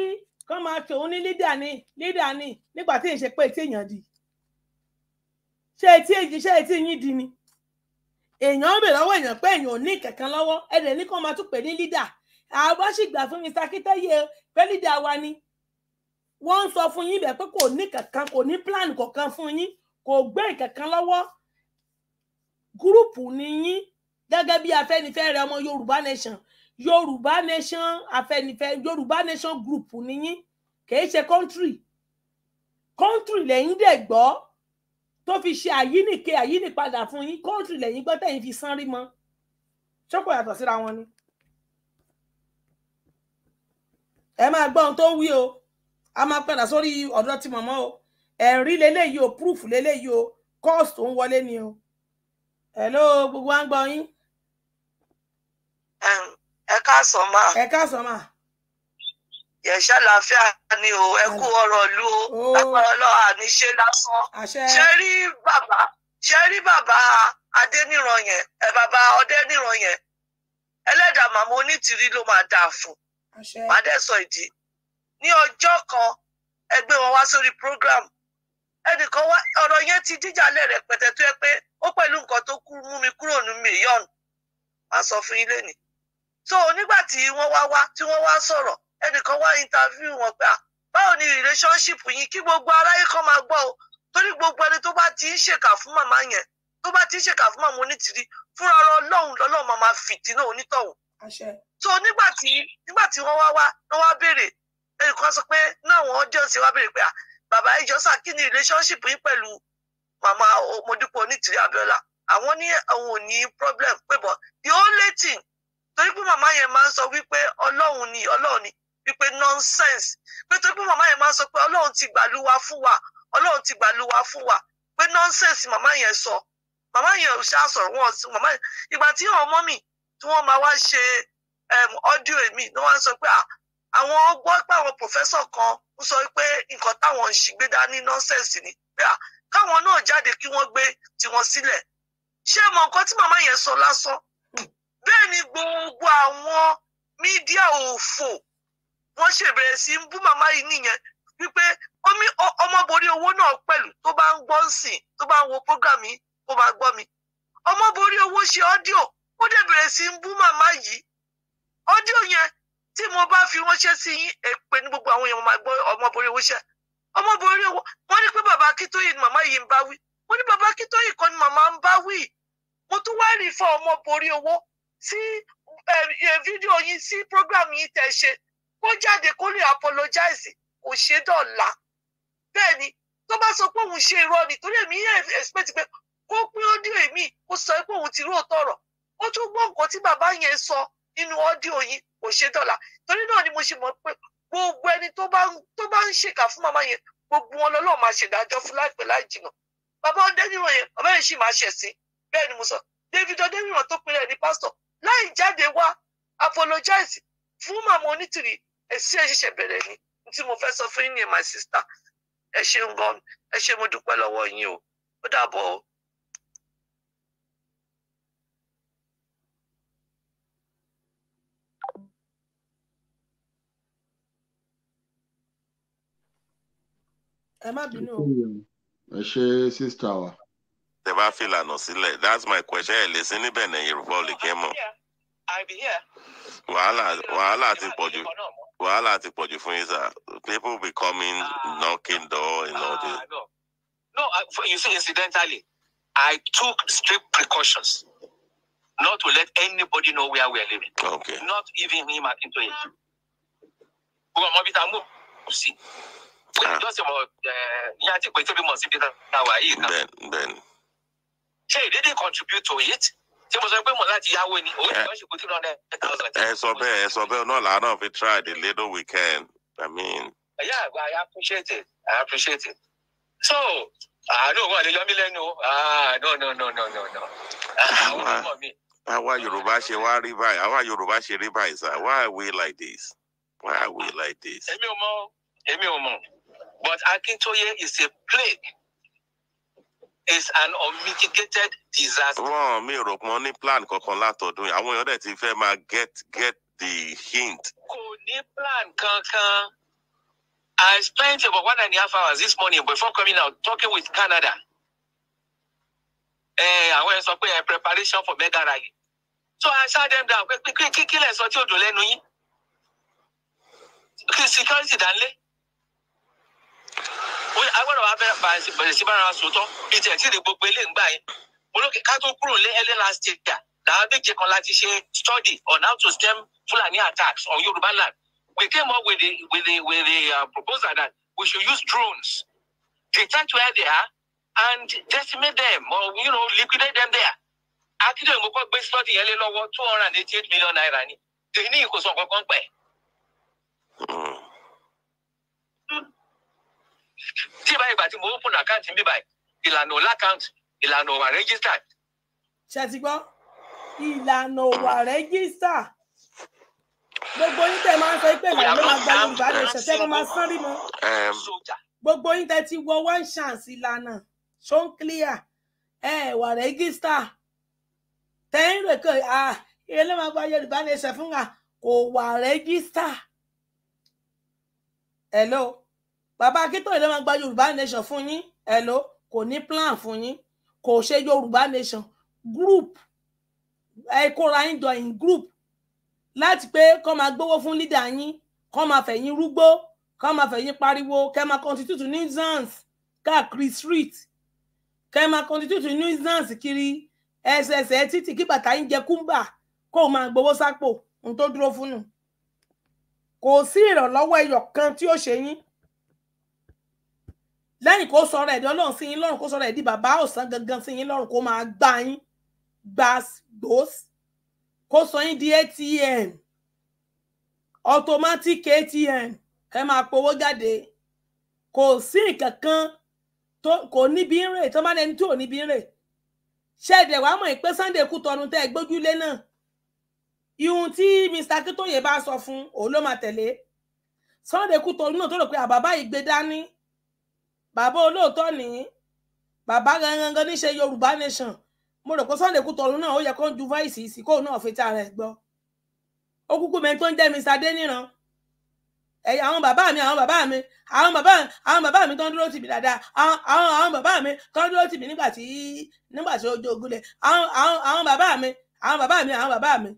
S2: kán máa ṣòun ní lídà ni lídà ni nígbà tí èèyàn ṣe pé tí èèyàn dì ṣé etí èjì ṣé etí yín di ni èèyàn ń bè lọ́wọ́ èèyàn pé èèyàn ò ní kankan lọ́wọ́ ẹnì ní kàn máa tún pè ní lídà àwa sì gbà fún Mr. Akíntayé pé lídà wa ni wọ́n ń sọ fún yín bẹ́ẹ̀ pé kò ní kankan kò ní plan kankan fún yín kò gbé kankan lọ́wọ́ gúrùpù ni yín gẹ́gẹ́ bí Afẹ́nifẹ́re ọmọ Yorùbá Nation Yorùbá Nation Afẹ́nifẹ́re Yorùbá Nation group ni yín kì í ṣe country country lẹ́yìn dẹ̀ gbọ́ tó fi ṣe àyínìke àyínìpadà fún yín kóòtù lẹ́yìn gbọ́ tẹ̀yìn fi sán rí mọ́ ṣọ́pọ̀ yàtọ̀ síra wọn ni. ẹ máa gbọ́ ohun tó wí o a máa padà sórí ọ̀dọ́ ti mọ̀mọ́ o ẹ̀rí leléyìí o proof leléyìí o cost tó ń wọlé ni o. hello gbogbo wa ń gbọ́ yín. ẹ káàsán máa. ẹ káàsán máa
S16: yẹ̀ṣẹ́ làáfíà ni o ẹ kú ọ̀rọ̀ lu o lágbára ọlọ́wà ní ṣe lásán ṣe rí bàbá ṣe rí bàbá adẹ́nìran yẹn ẹ bàbá ọdẹ́nìran yẹn ẹlẹ́dàá màmá onítìrí ló máa dà fún màá dẹ́ sọ ìdí ní ọjọ́ kan ẹgbẹ́ wọn wá sórí program ẹnìkan wá ọ̀rọ̀ yẹn ti díjàlẹ̀ rẹpẹtẹ tó yẹ pé ó pẹ̀lú nǹkan tó kú mú mi kúrò ní mílíọ̀nù màá sọ fún yín lẹ́nìí so nígbà tí wọ́n wá wá tí wọ́n wá sọ̀rọ̀ ẹnìkan wá interview wọn pé báwo ni relationship yín kí gbogbo aráyé kan máa gbọ́ o torí gbogbo ẹni tó bá ti ń ṣèkà fún màmá yẹn tó bá ti ń ṣèkà fún màmá onítìrí fúnra ọlọ́run lọ́lọ́run máa máa fìtínà onítọ̀hún. so nígbà tí nígbà tí wọ́n wá wá wọ́n wá béèrè ẹnìkan sọ pé náà wọ́n jẹ́ òsì wá béèrè pé bàbá ìjọsà kí ni relationship yín pẹ̀lú màmá Modipo onítìrí Abíọ́lá àwọn ní àwọn ò ní problem pé bọ́ the only thing torí pé màmá yẹn máa ń sọ wípé ọlọ́run ni ọlọ́run ni wípé nonsense pé tó pé màmá yẹn máa sọ pé ọlọ́run ti gbàlúwa fún wa ọlọ́run ti gbàlúwa fún wa pé nonsense màmá yẹn sọ màmá yẹn ò ṣáà sọ̀rọ̀ wọn sí màmá yẹn ìgbà tí ọmọ mi tí wọ́n máa wá ṣe ọ́díò mi ni wọ́n sọ pé àwọn ọgbọ́n pé àwọn pòfẹ́sọ̀ kan ń sọ pé nǹkan táwọn ń ṣe gbé dání nonsense ni pé káwọn náà jáde kí wọ́n gbé tiwọn sílẹ̀ ṣé mọ nǹkan tí màmá yẹn sọ lásán bẹ́ẹ̀ ni gbogbo àwọn mídíà òfò wọ́n ṣe bẹ̀rẹ̀ sí ń bú màmá yìí nìyẹn wípé omi ọmọborí owó náà pẹ̀lú tó bá ń gbọ́ ń sìn tó bá ń wo program yìí kó bá gbọ́ mi ọmọborí owó ṣe ọ́díò ó dẹ̀ bẹ̀rẹ̀ sí ń bú màmá yìí ọ́díò yẹn tí mo bá fi ránṣẹ́ sí yín èpè ní gbogbo àwọn èèyàn máa gbọ́ owó ṣe owó wọ́n ní pé bàbá kítóyè màmá yìí ń bá program yín kó jáde kó lè apologize kò ṣe dọ̀la bẹ́ẹ̀ ni tó bá sọ pé òun ṣe irọ́ ni torí èmi yẹn expect pé kó pín ọ́díò èmi kó sọ pé òun ti róòtọ́ ọ̀rọ̀ ó tún gbọ́ tí bàbá yẹn sọ nínú ọ́díò yìí kò ṣe dọ̀la torí náà ni mo ṣe mọ̀ pé gbogbo ẹni tó bá ń fún màmá yẹn gbogbo wọn lọ́lọ́ máa ṣèdájọ́ fún láìpẹ́ láì jìnà bàbá ẹ sí ẹ ṣẹ̀ṣẹ̀ bẹ̀rẹ̀ ni tí mo fẹ́ sọ fún yín ni my sister ẹ ṣeun gan ẹ ṣe mo dúpẹ́ lọ́wọ́ yín o ó dàbọ̀ o.
S20: ẹ ṣe sísítà wa. tẹ bá fi ìlànà sílẹ̀ that's my question ẹ lè sí níbẹ̀ ní yorùbá ò lè wàhálà wàhálà ti pọ̀ jù wàhálà ti pọ̀jù fún yín sir people be coming uh, knocking door and uh, all ah, this. no
S11: no uh, you see incidentally I took strict precautions not to let anybody know where we are living. okay not even him Akintoye. gbogbo ọmọ bíi ta mú kù sí. lọ́sẹ̀ mọ̀ ìyá àti ìpè tẹ́bí mọ̀ sí bíi ta yìí ṣé he contribute to it ṣé mo sọ pé mo láti yáwó ni òun ti wọ́n ṣe kó three hundred
S20: thousand. ẹ sọ bẹ́ẹ̀ ẹ eh, sọ bẹ́ẹ̀ náà làánà fi try the little weekend i mean.
S11: ẹ̀yà àgbà i appreciate it i appreciate it so àánú wọn lè yọ mí lẹ́nu ah no no no no no no
S20: ah, àwọn ọmọ mi. àwa ah, yorùbá ṣe wá rí báyìí àwa ah, yorùbá ṣe rí báyìí sir why are we like this why are we like this.
S11: èmi ò mọ èmi ò mọ but Akintoye is a plague
S20: is an unmitigated disaster. wọn mi rò pọn ní plan kankan látọdún yìí àwọn èèyàn dẹ ti fẹ máa get get the hint.
S11: kò ní plan kankan. I spent about one and a half hours this morning before coming out talking with Canada. Àwọn ẹ̀ sọ pé preparation for mega rally. So I sat them down pé kíkílẹ̀ sọ tí ò dùn lẹ́nu yín. Security dánlé agbọ́dọ̀ wa bẹ̀rẹ̀ bẹ̀rẹ̀ sí bára sòótọ́ bíi tiẹ̀ tí ìdè gbogbo ilé ń gbà yín mo lókè ká tó kúrò lé ẹlẹ́ last year làwọn méje kan láti ṣe study on how to stem Fulani attacks on Yoruba land we came up with a with a with a uh, proposal that we should use drones detect where they are and decimate them or you know liquidate them there Akíndéyìn mo kọ́ gbé study yẹn lé lọ́wọ́ two hundred and eighty eight million naira ni tèmi ní ìkóso kankan pẹ̀. Hmm tí báyìí bá ti mo open account mi báyìí ìlànà ọ̀la account ìlànà ọ̀wà registered.
S2: ṣe ti gbọ́ ìlànà ọ̀wà registered gbogbo yín tẹ máa ń sọ pé ìlànà ló gba yorùbá lè ṣẹṣẹ ló máa sán rí mọ gbogbo yín tẹ ti wọ one chance ìlànà ṣó ń clear ẹ wà register. tẹ ń rè kọ ìyẹn ló máa gba yorùbá lè ṣẹ fún wa kò wà registered. hello bàbá akíntóyè ló máa gba yorùbá nation fún yín hello kò ní plan fún yín kò ṣe yorùbá nation group ẹ kóra yín jọ in group láti pé kọ́ máa gbowó fún leader yín kọ́ máa fẹ̀yìn rúgbó kọ́ máa fẹ̀yìn pariwo kẹ́ máa constitute nuisance káàkiri street kẹ́ máa constitute nuisance kiri ẹsẹsẹ títì kí bàtà yín jẹ kúmbà kó o máa gbowó sápò ohun tó dúró fún nù kò sí ìrànlọ́wọ́ ẹyọ kan tí ó ṣe yín lẹ́yìn kó sọ̀rọ̀ ẹ̀dí ọlọ́run sí yín lọ́rùn kó sọ̀rọ̀ ẹ̀dí bàbá ọ̀sán gangan sí yín lọ́rùn kó máa gbá yín gbà gbòs kó sọ yín di atm automatic atm ẹ máa powó jáde kò sí nǹkan kan tó kò níbi ń rè tó má lẹni tí ò níbi ń rè ṣé ẹ̀dẹ̀ wàá mọ̀ pé Sunday kú tọnu tẹ́ ẹ gbójúlé náà ihun tí Mr. Akíntóyè bá sọ fún òun ló máa tẹ̀lé Sunday kú tọnu náà tó rò pé àbàbá yìí gbé dání bàbá olóòótọ́ ní bàbá gangan ní ṣe yorùbá nation mo rò pé sunday kú tọrun náà ó yẹ kó ń ju voice sí kóun náà fi ta rẹ gbọ́ ó kúkú mẹ tó ń jẹ́ mr deniran ẹyà àwọn bàbá mi àwọn bàbá mi àwọn bàbá àwọn bàbá mi tó ń dúró tì mí dáadáa àwọn àwọn bàbá mi tó ń dúró tì mí nígbà tí nígbà tí ojú ogun lẹ àwọn àwọn àwọn bàbá mi àwọn bàbá mi àwọn bàbá mi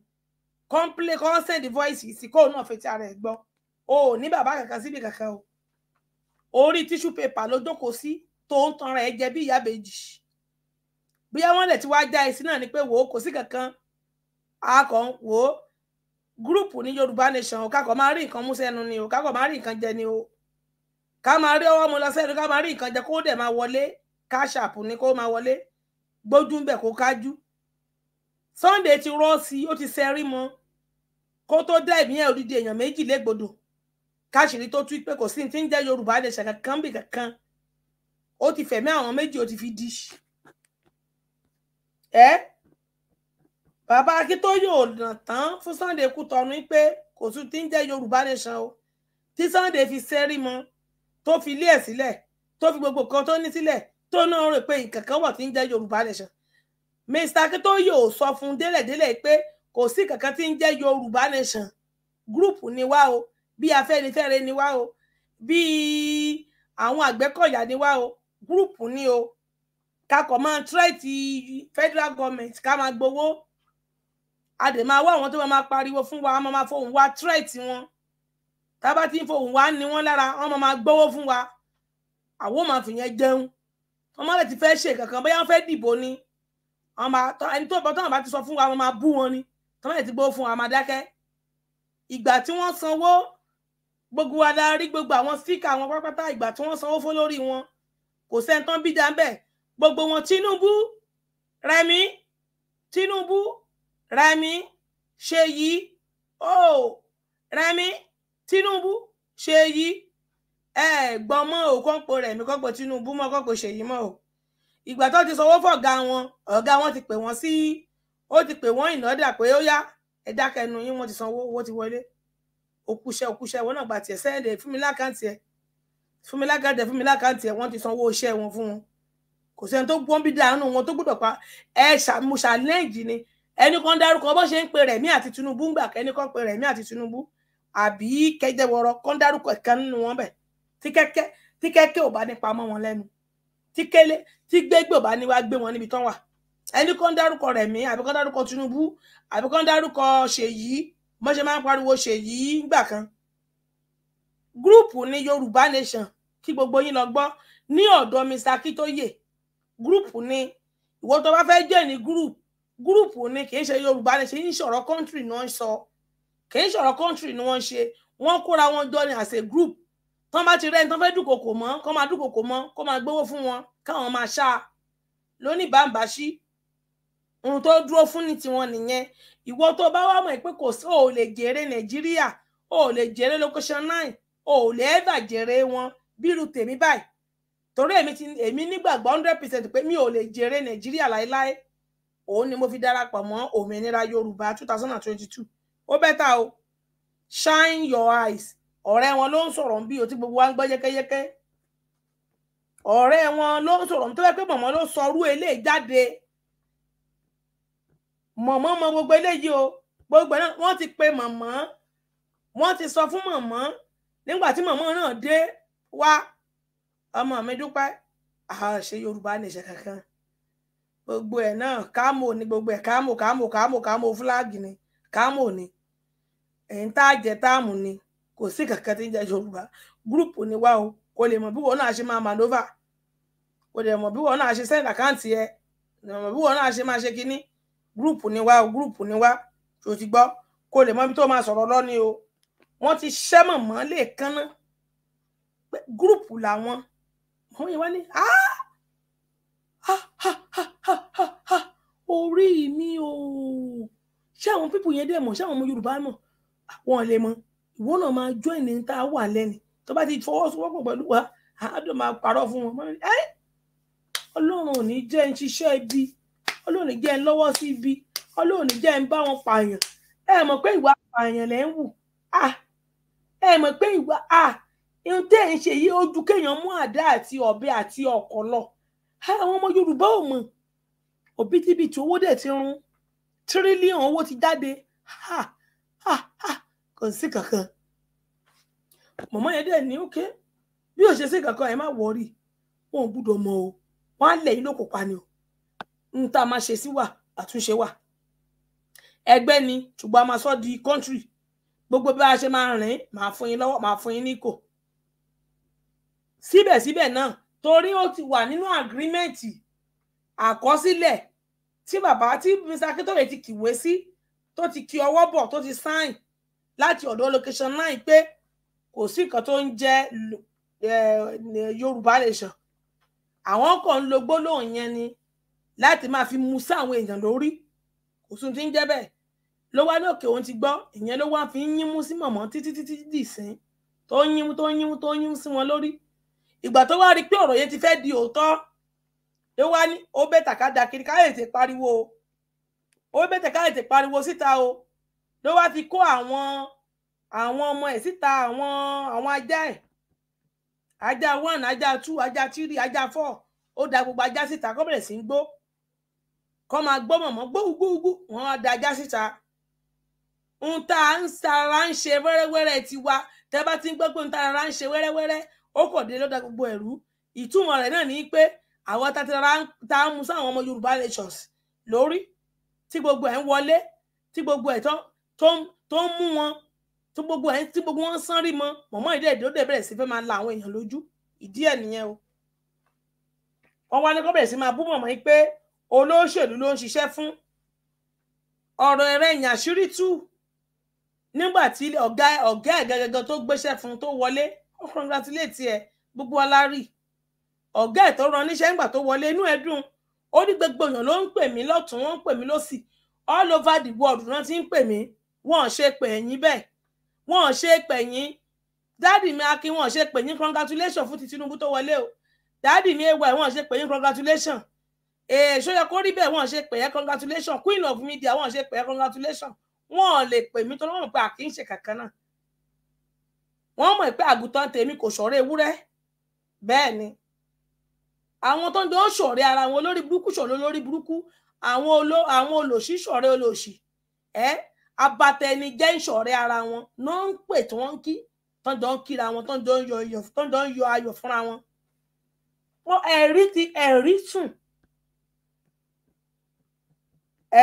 S2: kọ́ńplé kọ́ńsẹ̀ndì voice sí kóun náà fi ta rẹ gbọ́ o ní bàbá kankan síbi kankan o orí tíṣù pépà ló jókòó sí tó ń tanra ẹ jẹ bí ìyá bèjì bóyá wọn lè ti wá já ẹsìn náà ni pé wò ó kò sí kankan akọ wò ó gúrùpù ní yorùbá nation ò kakọ máa rí nǹkan mú sẹ́nu ni ò kakọ máa rí nǹkan jẹ ni o ká máa rí ọwọ́ mu lọ sẹ́nu ká máa rí nǹkan jẹ kó dẹ̀ máa wọlé káṣàpù ni kó máa wọlé gbójú ń bẹ̀ kó kájú Sunday ti rọ́ sí i ó ti sẹ́rí mọ́ kó tó dá ìmí ẹ̀ èèyàn méjì légbodò káṣírí tó tú pé kò sí ní tí ń jẹ́ yorùbá nation kankan bí kankan ó ti fẹ̀mí àwọn méjì ó ti fi di ẹ bàbá akíntóyè ò nà tán fún sunday kú tọnu pé kò sí tí ń jẹ́ yorùbá nation o tí sunday fi sẹ́rí mọ́ tó fi ilé ẹ̀ sílẹ̀ tó fi gbogbo kan tó ní sílẹ̀ tó náà rò pé nǹkan kan wà tí ń jẹ́ yorùbá nation mr akíntóyè ò sọ fún délẹ̀délẹ̀ pé kò sí kankan tí ń jẹ́ yorùbá nation gúrùpù ni wá o bí afẹ́nifẹ́re ni wá o bí àwọn àgbẹ̀kọ̀yà ni wá o gúrùpù ni o kakọ̀ máa tírẹ́ẹ̀tì federal government ká máa gbowó a dẹ̀ máa wá àwọn tó máa pariwo fún wa wọ́n máa fohùn wa tírẹ́ẹ̀tì wọn tábà tí ń fohùn wa ni wọ́n lára wọ́n máa gbowó fún wa àwọn ò máa fìyẹn jẹun wọ́n máa lè ti fẹ́ ṣe kankan bóyá wọ́n fẹ́ dìbò ni ẹni tó bọ́ tọ́wọ́n bá ti sọ fún wa wọ́n máa bú wọn ni tọ́wọ́n ti gbowó fún wa máa dákẹ́ ìgbà tí wọ́n sanwó gbogbo wa la rí gbogbo àwọn síkà wọn pátápátá ìgbà tí wọ́n sanwó fún lórí wọn kò sẹ́ńtán bí dáńbẹ gbogbo wọn Tinubu Rẹmi Tinubu Rẹmi Ṣèyí ooo oh, Rẹmi Tinubu Ṣèyí ẹ gbọ́n mọ́ ò kọ́ńpọ̀ Rẹmi kọ́ńpọ̀ Tinubu mọ́ kọ́ńpọ̀ Ṣèyí mọ́ ò ìgbà tó ti sanwó fọ̀gá wọn ọ̀gá wọn ti pè wọ́n sí ó ti pè wọ́n ìnádà pé ó yá ẹ dákẹ́nu yín wọ́n ti sanwó owó ti wọlé òkúṣẹ́ òkúṣẹ́ ìwọ náà gba tiẹ̀ sẹ́ẹ̀dẹ̀ fún mi lákàntì ẹ̀ fún mi lákàntì ẹ̀ fún mi lákàntì ẹ̀ wọ́n ti sanwó iṣẹ́ wọn fún wọn kò sẹ́ni tó gbọ́n bí dànù wọn tó gbọ́dọ̀ pa ẹ mo ṣàlẹ́ǹjì ni ẹnì kan dárúkọ bó ṣe ń pe Rẹ̀mí àti Tinubu ń gbà kẹ́ni kan pe Rẹ̀mí àti Tinubu àbí kẹjẹwọrọ kan dárúkọ ẹ̀kan nínú wọn bẹ̀ tí kẹ́kẹ́ tí kẹ́kẹ́ ò bá ní pamọ́ wọn lẹ́nu tí kélé tí gbégbé ò bá ní wá gbé wọn níbi tán wà ẹnì kan dárúkọ Rẹ̀mí àbí kan dárúkọ Tinubu àbí kan dárúkọ Ṣèyí mo ṣe máa ń pariwo ṣèyí gbà kan gúrùpù ní yorùbá nation kí gbogbo yín lọ gbọ́ ní ọ̀dọ̀ mr akitoye gúrùpù ní ìwọ tó bá fẹ́ jẹ́ ní gúrùpù gúrùpù ní kì í ṣe yorùbá nation ń sọ̀rọ̀ kọ́ńtírì ni wọ́n ń sọ kì í sọ̀rọ̀ kọ́ńtírì ni wọ́n ń ṣe wọ́n kóra wọn jọ ní as a group tán bá ti rẹ́ni tán fẹ́ dúnkòkò mọ́ kán máa dúnkòkò mọ́ kó máa gbowó fún wọn káwọn máa ṣá a lónìí bàǹbà sí ohun tó dúró fún ní tiwọn nìyẹn ìwọ tó bá wà mọ̀ pé kò sí o ò lè jèrè nàìjíríà o ò lè jèrè location nine o ò lè ever jèrè wọn bírù tèmi báyìí torí èmi ti èmi nígbàgbọ́ hundred percent pé mi ò lè jèrè nàìjíríà láéláé òun ni mo fi darapọ̀ mọ́ òmìnira yorùbá two thousand and twenty two ó bẹ́tà o shine your eyes ọ̀rẹ́ wọn ló ń sọ̀rọ̀ bí o tí gbogbo wa ń gbọ́ yẹ́kẹ́yẹ́kẹ́ ọ̀rẹ́ wọn ló ń sọ̀rọ̀ tó yẹ pé mọ̀mọ́ ló sọ orú eléyìí jáde mọ̀mọ́ mọ gbogbo eléyìí o gbogbo náà wọ́n ti pe mọ̀mọ́ wọ́n ti sọ fún mọ̀mọ́ nígbà tí mọ̀mọ́ náà dé wá ọmọ mi dúpẹ́ àṣẹ yorùbá nìṣẹ́ kankan gbogbo ẹ̀ náà kámò ni gbogbo ẹ̀ kámò kámò kámò kámò fúláàgì ni kámò ni ẹ̀yìn tá a jẹ táàmù ni kò sí kankan tí ń jẹ yorùbá gúrùpù ni wá o kò lè mọ̀ bí wọn náà ṣe máa manova kò lè mọ̀ bí wọn náà ṣe send àkáǹtì ẹ kò lè mọ̀ bí wọn náà ṣe máa ṣe kínní gúrùpù ni wá o gúrùpù ni wá tó ti gbọ́ kó lè mọ ibi tó máa sọ̀rọ̀ lọ́ni o wọ́n ti ṣẹ́ mọ̀mọ́ lè kánná pé gúrùpù làwọn àwọn yẹn wá ní orí mi o ṣé àwọn pípù yẹn dẹ̀ mọ̀ ṣé àwọn ọmọ Yorùbá mọ̀ wọn lè mọ ìwọ náà máa jọ ìní tá a wà lẹ́nu tó bá ti fọwọ́sowọ́pọ̀ pẹ̀lú wa àádọ́ máa parọ́ fún wọn ọlọ́run ò ní jẹ́ ń ṣiṣẹ́ ibi ọlọ́run ní jẹ́ ń lọ́wọ́ sí ibi ọlọ́run ní jẹ́ ń bá wọn pààyàn ẹ mọ̀ pé ìwà pààyàn lẹ́ ń wù ẹ mọ̀ pé ìwà ihun tẹ́ ẹ̀ ń ṣe yìí ojú kéèyàn mú àdá àti ọ̀bẹ àti ọ̀kọ̀ lọ àwọn ọmọ yorùbá ò mọ̀ òbítíbitì owó dẹ̀ ti rún tírílíọ̀n owó ti jáde kò sí kankan mọ̀mọ́ yẹn dẹ̀ ní òkè bí ò ṣe sí kankan ẹ má wọrí wọn ò gbúdọ̀ mọ o wọn á lẹ̀ yín lóko pa ni o ń tá a máa ṣe sí wà àtúnṣe wà ẹgbẹ́ ni ṣùgbọ́n a máa sọ di country gbogbo bí a ṣe máa rìn máa fún yín lọ́wọ́ máa fún yín níkò síbẹ̀síbẹ̀ náà torí ó ti wà nínú àgírímẹǹtì àkọsílẹ̀ tí bàbá tí Mr. Akíntóyè ti kìwé sí tó ti kí ọwọ́ bọ̀ tó ti sáìn láti ọ̀dọ̀ location nine pé kò sí nǹkan tó ń jẹ́ eh, Yorùbá nation àwọn kan ń lo gbólóhùn yẹn ni láti máa fi mu sáwọn èèyàn lórí kò sùn tí ń jẹ́ bẹ́ẹ̀ ló wá lókè òun ti gbọ́ ìyẹn ló wá fi ń yínmú sí mọ̀mọ́ títí títí dìsín tó ń yínmú tó ń yínmú tó ń yínmú sí wọn lórí ìgbà tó wá rí pé ọ̀rọ̀ yẹn ti fẹ́ di òótọ́ ló wá ní ó bẹ́ tàkà da kiri káyọ̀tì pariwo ó bẹ́ tàkà yọ̀tì pariwo síta o ló wá fi kó àwọn àwọn ọmọ ẹ̀ síta àwọn àwọn ajá ẹ̀ ajá one ajá two ajá three ajá four ó da gbogbo ajá síta kó bẹ̀rẹ̀ sí ń gbó kọ́ máa gbọ́ mọ̀mọ́ gbóhùgbóhùgbó wọ́n á dájá síta ń ta ń sara ń ṣe wẹ́rẹ́wẹ́rẹ́ ti wa tẹ́ bá ti ń gbọ́ pé ń ta ara ń ṣe wẹ́rẹ́wẹ́rẹ́ ó kò dé lọ́dọ̀ gbogbo ẹ̀rú ìtumọ̀ rẹ̀ náà ni pé àwọn tatara ta ń mu sáwọn ọmọ Yorùbá nations lórí tí gbogbo ẹ̀ ń wọlé tí gbogbo ẹ̀ tó ń mú wọn tí gbogbo ẹ̀ tí gbogbo wọn sán rí mọ mọ̀mọ́ ìdí ẹ̀dọ́ dẹ̀ bẹ̀rẹ̀ sí fẹ́ máa la àwọn èèyàn lójú ìdí ẹ̀ nìyẹn o wọ́n wá ní kó bẹ̀rẹ̀ sí máa bú mọ̀mọ́ yìí pé olóṣèlú ló ń ṣiṣẹ́ fún ọ̀rọ̀ ẹ̀rẹ́yìn àṣírí tú nígbà tí ọ̀gá ọ̀gá ẹ̀gẹ́gẹ́gẹ́ tó gbéṣẹ́ fún tó wọlé ó congratulate ẹ gbogbo alárì ọ̀gá ẹ̀ tó ran níṣẹ́ nígbà tó wọlé inú ẹ̀ dùn ó ní gbogbo èèyàn ló ń pè mí lọ́tún wọ́n ń pè mí lọ́sì all over the world wọ́n ti ń pè mí wọ́n ṣe pè yín bẹ́ẹ̀ wọ́n ṣe pè yín dáàdì mi akin wọ́n ṣe pè yín congratulation fún ti Tinubu tó wọlé o dáàdì mi ewa wọ́n ṣe pè yín congratulation èso eh, yẹ kó rí bẹ́ẹ̀ wọ́n ṣe pè congratulation queen of media wọ́n ṣe pè é congratulation wọ́n lè pè mí tó lọ́wọ́ pé àkì ń ṣe kankan náà wọ́n mọ̀ pé àgùntàn tèmi kò ṣọ̀rẹ́ ewúrẹ́ bẹ́ẹ̀ ni àwọn tó ń jọ ṣọ̀rẹ́ ara wọn olórí burúkú ṣọ̀rẹ́ olórí burúkú àwọn olo àwọn olòṣì ṣọ̀rẹ́ olòṣì ẹ abatẹni jẹ́ ìṣọ̀rẹ́ ara wọn náà ń pè tí wọ́n ń kí tó ń jọ ń kíra wọn tó ń jọ ń yọ ayọ̀ fúnra wọn ẹ̀rí ti ẹ̀rí sùn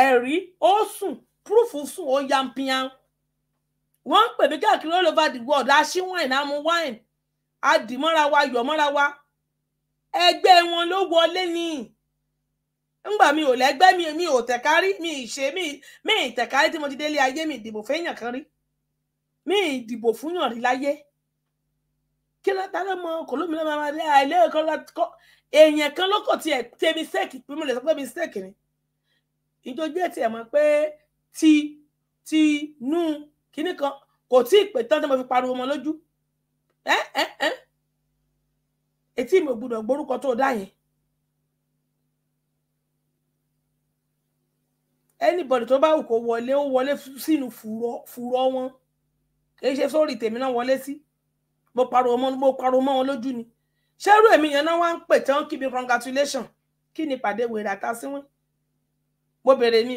S2: ẹ̀rí ó sùn proof sùn ó yampiyan wọ́n ń pè mí káàkiri all over the world aṣí wine amú wine adìmọ́ra wa yọ̀mọ́ra wa ẹgbẹ́ wọn ló wọlé ni ngbà mi ò lẹ́gbẹ́ mi mi ò tẹ̀kárí mi ì ṣe mi mi ì tẹ̀kárí tí mo ti délé ayé mi ìdìbò fẹ́yàn kan rí mi ì dìbò fúnyàn rí láyé kí ló ta ló mọ kòlómi ló máa máa lé àìlè èèyàn kan ló kọ tiẹ̀ tẹ mistake pé mo lè sọ pé mistake ni ìjọ jẹ́ tiẹ̀ mọ̀ pé ti ti nu. kinní kan kò tí ì pé tán tí mo fi pariwo mọ́ lójú ẹ ẹ ẹ etí mi ò gbúdọ̀ gbórúkọ tó dá yẹn anybody tó bá wù kó wọlé ó wọlé sínú fùrọ̀ wọn kì í ṣe sórí tèmi náà wọlé sí mo pariwo mọ́ mo pariwo mọ́ wọn lójú ni ṣẹ́rú èmi yẹn náà wá ń pè tán kí mi congratulation kí ni pàdé wèrè àtàsíwìn mo bẹ̀rẹ̀ ni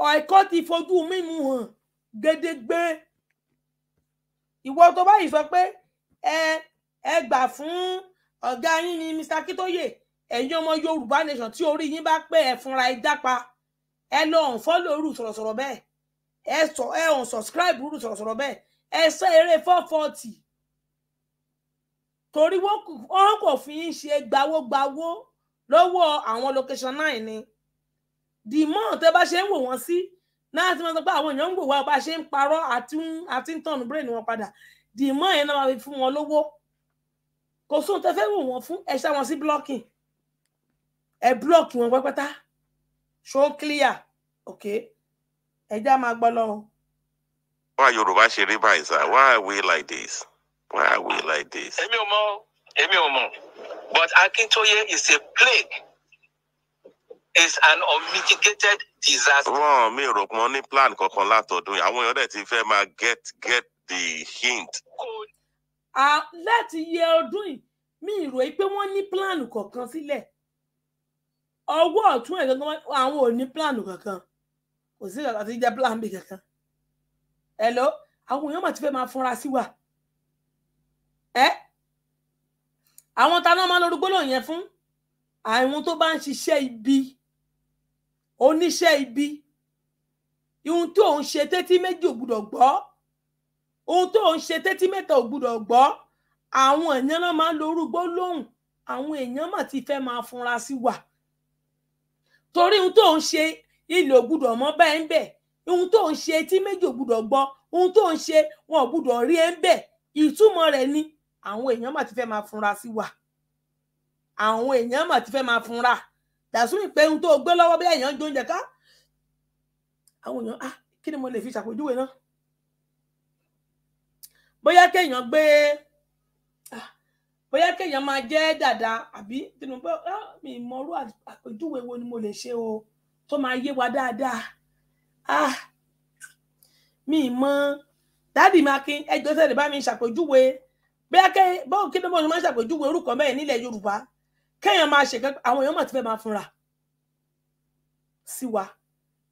S2: o ẹ̀kọ́ ti fojú mímu hàn gédégbé ìwọ tó báyìí sọ pé ẹ ẹ gbà fún ọ̀gá yín ni Mr. Akitoye ẹ̀yin ọmọ Yorùbá nation tí orí yín bá pé ẹ fúnra ẹ dápa ẹ lọ hàn fọ́lọ̀ rú sọ̀rọ̀sọ̀rọ̀ bẹ́ẹ̀ ẹ sọ ẹ hàn subscribe rú sọ̀rọ̀sọ̀rọ̀ bẹ́ẹ̀ ẹ sọ eré four forty torí wọn kò fi ń ṣe gbawógbawó lọ́wọ́ àwọn location nine ni the more tẹ bá ṣe ń wò wọ́n sí náà tí wọ́n sọ pé àwọn èèyàn ń wò wá bá ṣe ń parọ́ àti ń tọ̀nù brain wọn padà the more yẹn náà máa fún wọn lówó kò sóhun tẹ fẹ́ wò wọ́n fún ẹ ṣá wọn sí blocking ẹ block wọn pẹ́pẹ́tá ṣó clear ok ẹ já máa gbọ́ lọ́wọ́.
S20: why yorùbá ṣe rí báyìí sir why are we like this why are we like this. èmi ò mọ̀ èmi ò mọ̀ but Akintoye is a plague is an unmitigated disaster. wọn mi rò pọn ní plan kankan látọdún yìí àwọn èèyàn dẹ ti fẹ máa get get the hint.
S2: láti yẹ ọdún yìí mi rò pé wọn ní plan kankan sílẹ̀ ọwọ́ ọ̀tún ẹ̀ gangan àwọn ò ní plan kankan kò sí kankan tí jẹ́ plan b kankan hello àwọn èèyàn mà ti fẹ́ máa fúnra sí wa ẹ àwọn ta náà máa lọ rúgbó lòyẹn fún àwọn tó bá ń ṣiṣẹ́ ibi oníṣẹ́ ibi ohun tó ń ṣe tẹ́tí méjì ò gbúdọ̀ gbọ́ ohun tó ń ṣe tẹ́tí mẹ́ta ò gbúdọ̀ gbọ́ àwọn èèyàn náà máa ń lorúgbó lóhùn àwọn èèyàn mà ti fẹ́ máa funra sí wa torí ohun tó ń ṣe ilé ò gbúdọ̀ mọ́ bẹ́ẹ̀ ń bẹ̀ ohun tó ń ṣe etí méjì ò gbúdọ̀ gbọ́ ohun tó ń ṣe wọn ò gbúdọ̀ rí ẹ ń bẹ̀ ìtumọ̀ rẹ̀ ni àwọn èèyàn mà ti fẹ́ máa funra sí wa àwọn èèyàn mà ti fẹ́ máa funra dàsúmì pé ohun tó gbé lọ́wọ́ bí èèyàn ń jóúnjẹ ká àwọn èèyàn ah kí ni mo lè fi ṣàpèjúwe náà bóyá kéèyàn gbé ah, bóyá kéèyàn máa jẹ dàda àbí kínú ah, mi mọrú àpèjúwe wo ni mo lè ṣe o tó máa yé wa dáadáa ah mi mọ dádì makin ẹjọ sẹlẹ bá mi ṣàpèjúwe bóyá kí báwo kí ni mo máa ṣàpèjúwe orúkọ mẹ́rin nílẹ̀ Yorùbá kéèyàn máa ṣe gẹ́gẹ́ àwọn èèyàn mọ̀ tí fẹ́ máa fúnra sí wa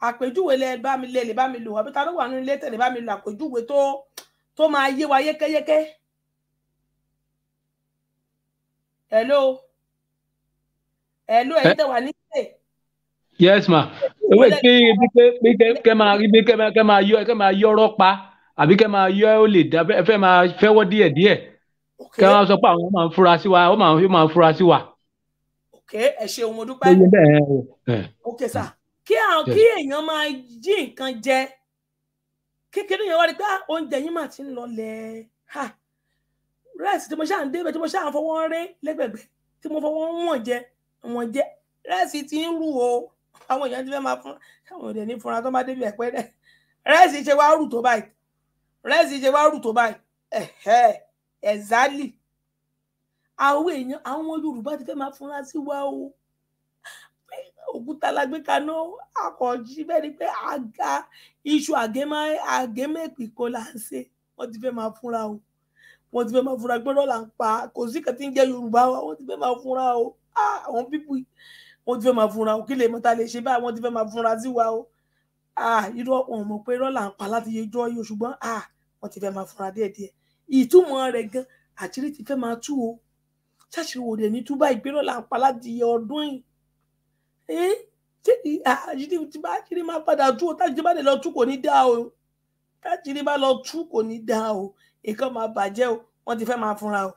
S2: àpèjúwe lẹ bá mi lẹ lè bá mi lò àbí ta ló wà nínú ilé tẹ̀lé bá mi lò àpèjúwe tó tó máa yé wa yékéyéké. hello hello ẹ̀yin eh? tẹ̀ wà ní ilé.
S19: yes ma ewé pé pé pé kẹ máa rí pé kẹ máa yọ kẹ máa yọ ọ̀rọ̀ pa àbí kẹ máa yọ ó lè dá ẹ máa fẹ́wọ́ díẹ̀díẹ̀ kẹ máa sọ pé àwọn máa ń fura sí wa ó máa ń fura sí wa
S2: òkè ẹ ṣeun mo
S19: dúpẹ́
S2: òkè sà kí àwọn kí èèyàn máa jí nǹkan jẹ kékeré yẹn wá rí pé ah, oúnjẹ yín mà ti ń lọlẹ̀ ha rẹ́ẹ̀sì tí mo ṣáà ń débẹ̀ tí mo ṣáà ń fọwọ́ rí lẹ́gbẹ̀gbẹ̀ tí mo fọwọ́ wọ̀n jẹ wọ̀n jẹ rẹ́ẹ̀sì ti ń rù o àwọn èèyàn ti fẹ́ máa fún àwọn èdè ní fúnra tó bá débi ẹ̀pẹ́ rẹ̀ rẹ́ẹ̀sì ṣe wá rù tó báyìí rẹ́ẹ̀sì ṣe wá rù tó báyìí ẹ̀hẹ́ ẹ̀zálì àwọn èèyàn àwọn Yorùbá ti fẹ́ máa fúnra sí wa o òkúta la gbé kaná akọ̀jí bẹ́ẹ̀ ni pé àga iṣu àgémẹ́pì kan là ń ṣe wọ́n ti fẹ́ máa fúnra o wọ́n ti fẹ́ máa fúnra gbọ́dọ̀ là ń pa kò sí kàtí ń jẹ́ Yorùbá wa wọ́n ti fẹ́ máa fúnra o àwọn pípù wọ́n ti fẹ́ máa fúnra o kí lè mọ́ta lè ṣe báyìí wọ́n ti fẹ́ máa fúnra sí wa o irọ́ wọn mọ̀ pé irọ́ là ń pa láti yejọ́ yìí ṣùgbọ́n wọ́n ti fẹ́ máa fúnra díẹ̀díẹ̀ ìtumọ̀ rẹ̀ gan àṣírí ti fẹ́ máa tú o ṣáṣìrò òde ní túbà ìgbéná là ń pa láti yẹ ọdún yìí ẹ ṣé àṣírí tí bá ṣírí máa padà tú o táṣírí bá lè lọ tú kò ní dá o táṣírí bá lọ tú kò ní dá o nǹkan máa bàjẹ́ o wọ́n ti fẹ́ máa fúnra o.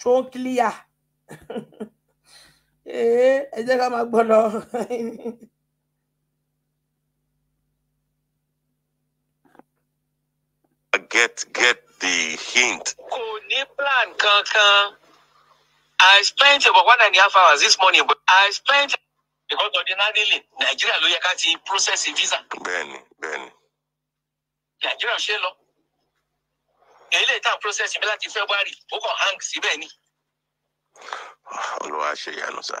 S2: ṣóńkìlíà ẹ jẹ́ ká máa gbọ́ lọ.
S20: get get the hint.
S11: I spent about one and a half hours this morning, but I spent because ordinarily Nigeria ló yẹ ká ti process visa. Ben, Ben. Nigeria ṣe lọ. Eléyìí tá a process mi láti February, ó kàn hang síbẹ̀ ni.
S20: Olúwa ṣe ìyanu sá.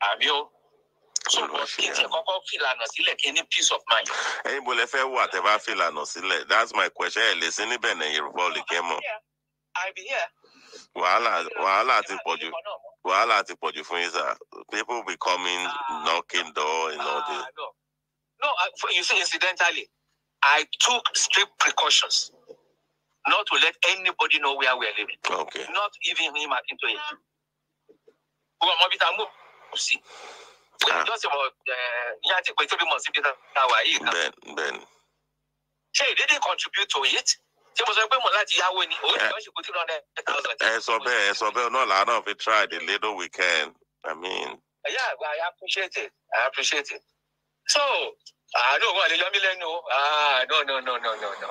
S20: Àbí o so but kí n tiẹ̀ kọ́kọ́
S11: fìlànà sílẹ̀ kí n ní peace of mind.
S20: ẹ̀yin bó lẹ fẹ́ wà tẹ́ bá fìlànà sílẹ̀ that's my question ẹ lè sí níbẹ̀ ní yorùbá olè kẹ́ mọ̀. wàhálà wàhálà ti pọ̀ jù wàhálà ti pọ̀ jù fún yín sir people be coming uh, knocking door and all ah, this. no
S11: no uh, you see incidentally I took strict precautions not to let anybody know where we are living. Okay. Not even him Akintoye. Wọ́n mọ̀ bí ta mú sí lọ́sẹ̀ wọ ní àti didn't contribute to it? ṣé mo sọ pé mo láti yáwó ni òun ni wọ́n ṣe kó three hundred
S20: thousand. ẹ sọ bẹ́ẹ̀ ẹ sọ bẹ́ẹ̀ náà làánà little we I mean.
S11: yeah I appreciate it I appreciate it. so àánú
S20: òun àlejò mi lẹ́nu
S11: o no no no no no no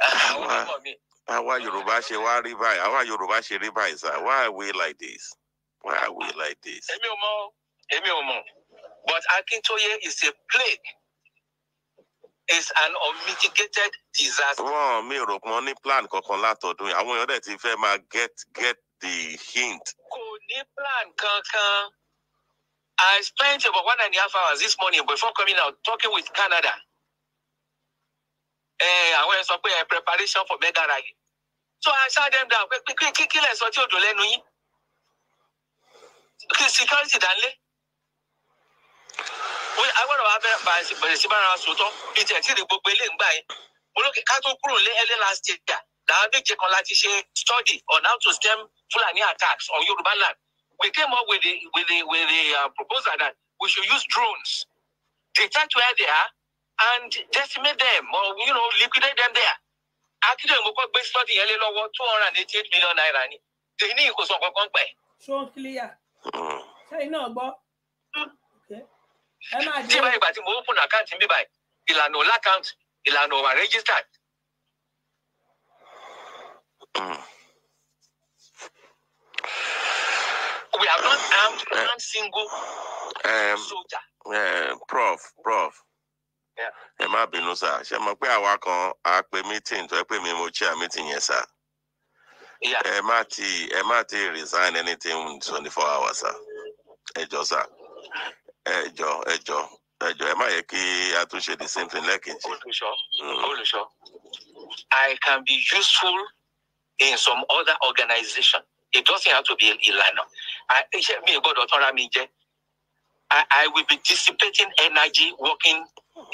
S20: àwọn ọmọ mi. Àwa Yorùbá ṣe wá rí báyìí, àwa Yorùbá ṣe rí báyìí sir, why are we like this? Why are we like this? Èmi ò mọ̀, èmi ò mọ̀. But Akintoye is a plague. It's an unmitigated disaster. Wọ́n mi rò pé wọ́n ní plan kankan látọ̀dún yìí. Àwọn èèyàn dẹ̀ ti fẹ́ máa get get the hint. Kò ní plan
S11: kankan. I spent about one and a half hours this morning before coming out talking with Canada. Àwọn ẹ̀ sọ pé eh, preparation for mega rally. So I sat them down pé kí kílẹ̀ sọ tí ò dùn lẹ́nu yín. Security dánlé mo ní agbọ́dọ̀ bá bẹ̀rẹ̀ bá bẹ̀rẹ̀ sí bára sòótọ́ bíi tẹ̀ tí ì rí gbogbo ilé ń gbà yín mo lókè ká tó kúrò lé ẹlẹ́ last year làwọn méje kan láti ṣe study on how to stem Fulani attacks on Yoruba land we came up with the with the with the uh, proposal that we should use drones detect where they are and decimate them or you know liquidate them there akíndéyìn mo kọ́ gbé study yẹn lé lọ́wọ́ two hundred and eighty eight million naira ni èyí ní ìkóso kankan pẹ̀.
S2: ṣó ń kílíyà hmm. ṣé iná gbọ́
S11: tí báyìí ìgbà tí mo open account mi báyìí ìlànà ọ̀la account ìlànà ọ̀wà registered. We have not armed uh, one single
S20: um, soldier. Uh, prof, prof. Ẹ má bínú sá, ṣé mo pé àwa kan á pe meeting tó ẹ pè mí mo chair meeting yẹn sá. Ẹ má ti ẹ má ti resign anything in twenty four hours sá. Ẹ jọ sá ẹjọ ẹjọ ẹjọ ẹ má yẹ kí a tún ṣe the same thing lẹ́ẹ̀kejì. olùṣọ́ hmm. olùṣọ́ I can be useful in some
S11: other organization it doesn't have to be ìlànà iṣẹ́ mi gbọ́dọ̀ tọ́ra mi jẹ́ I, I will be dissipating energy working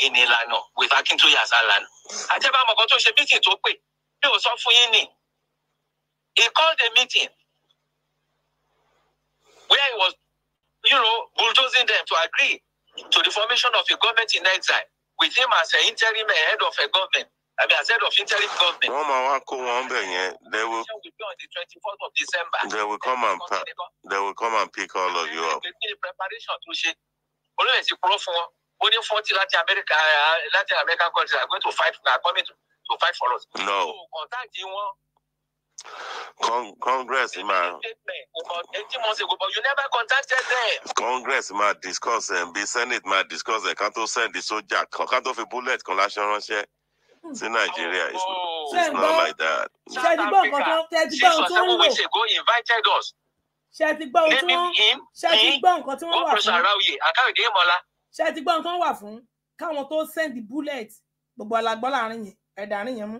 S11: in ìlànà with Akintoye as Alana. Àjẹbámọ̀ kan tó ṣe meeting tó pè mi ò sọ fún yín ni. He called a meeting where he was you know, bulldozing them to agree to the formation of a government in exile with him as an interim
S20: head of a government. I mean, as head of interim government. Wọ́n máa wá kó wọn bẹ̀ yẹn. They will. be on the twenty fourth of December. They will come and pa they will come and pick all of you up.
S11: preparation to ṣe? Only ti kúrò for only Ó ní forty láti America Latin American countries are going to fight are coming to, to fight for us. No. Kò kọ̀ǹtàǹtì wọn.
S20: Con Congress them. Congress ma discuss ẹ̀ eh, Be Senate ma discuss ẹ̀ eh, kan send the kan kan tó fi bullet kan láṣẹ ránṣẹ́ sí Nàìjíríà. It's not like that.
S2: Ṣèdígbọ́ nǹkan tó ṣèdígbọ́ tó ń him Ṣèdígbọ́ ohun tí wọ́n ṣèdígbọ́ nǹkan tí wọ́n wà fún. Ṣèdígbọ́ nǹkan wà fún káwọn tó send bullet gbogbo alágbọ́ láàrin yẹn ẹ̀dà àárín mú.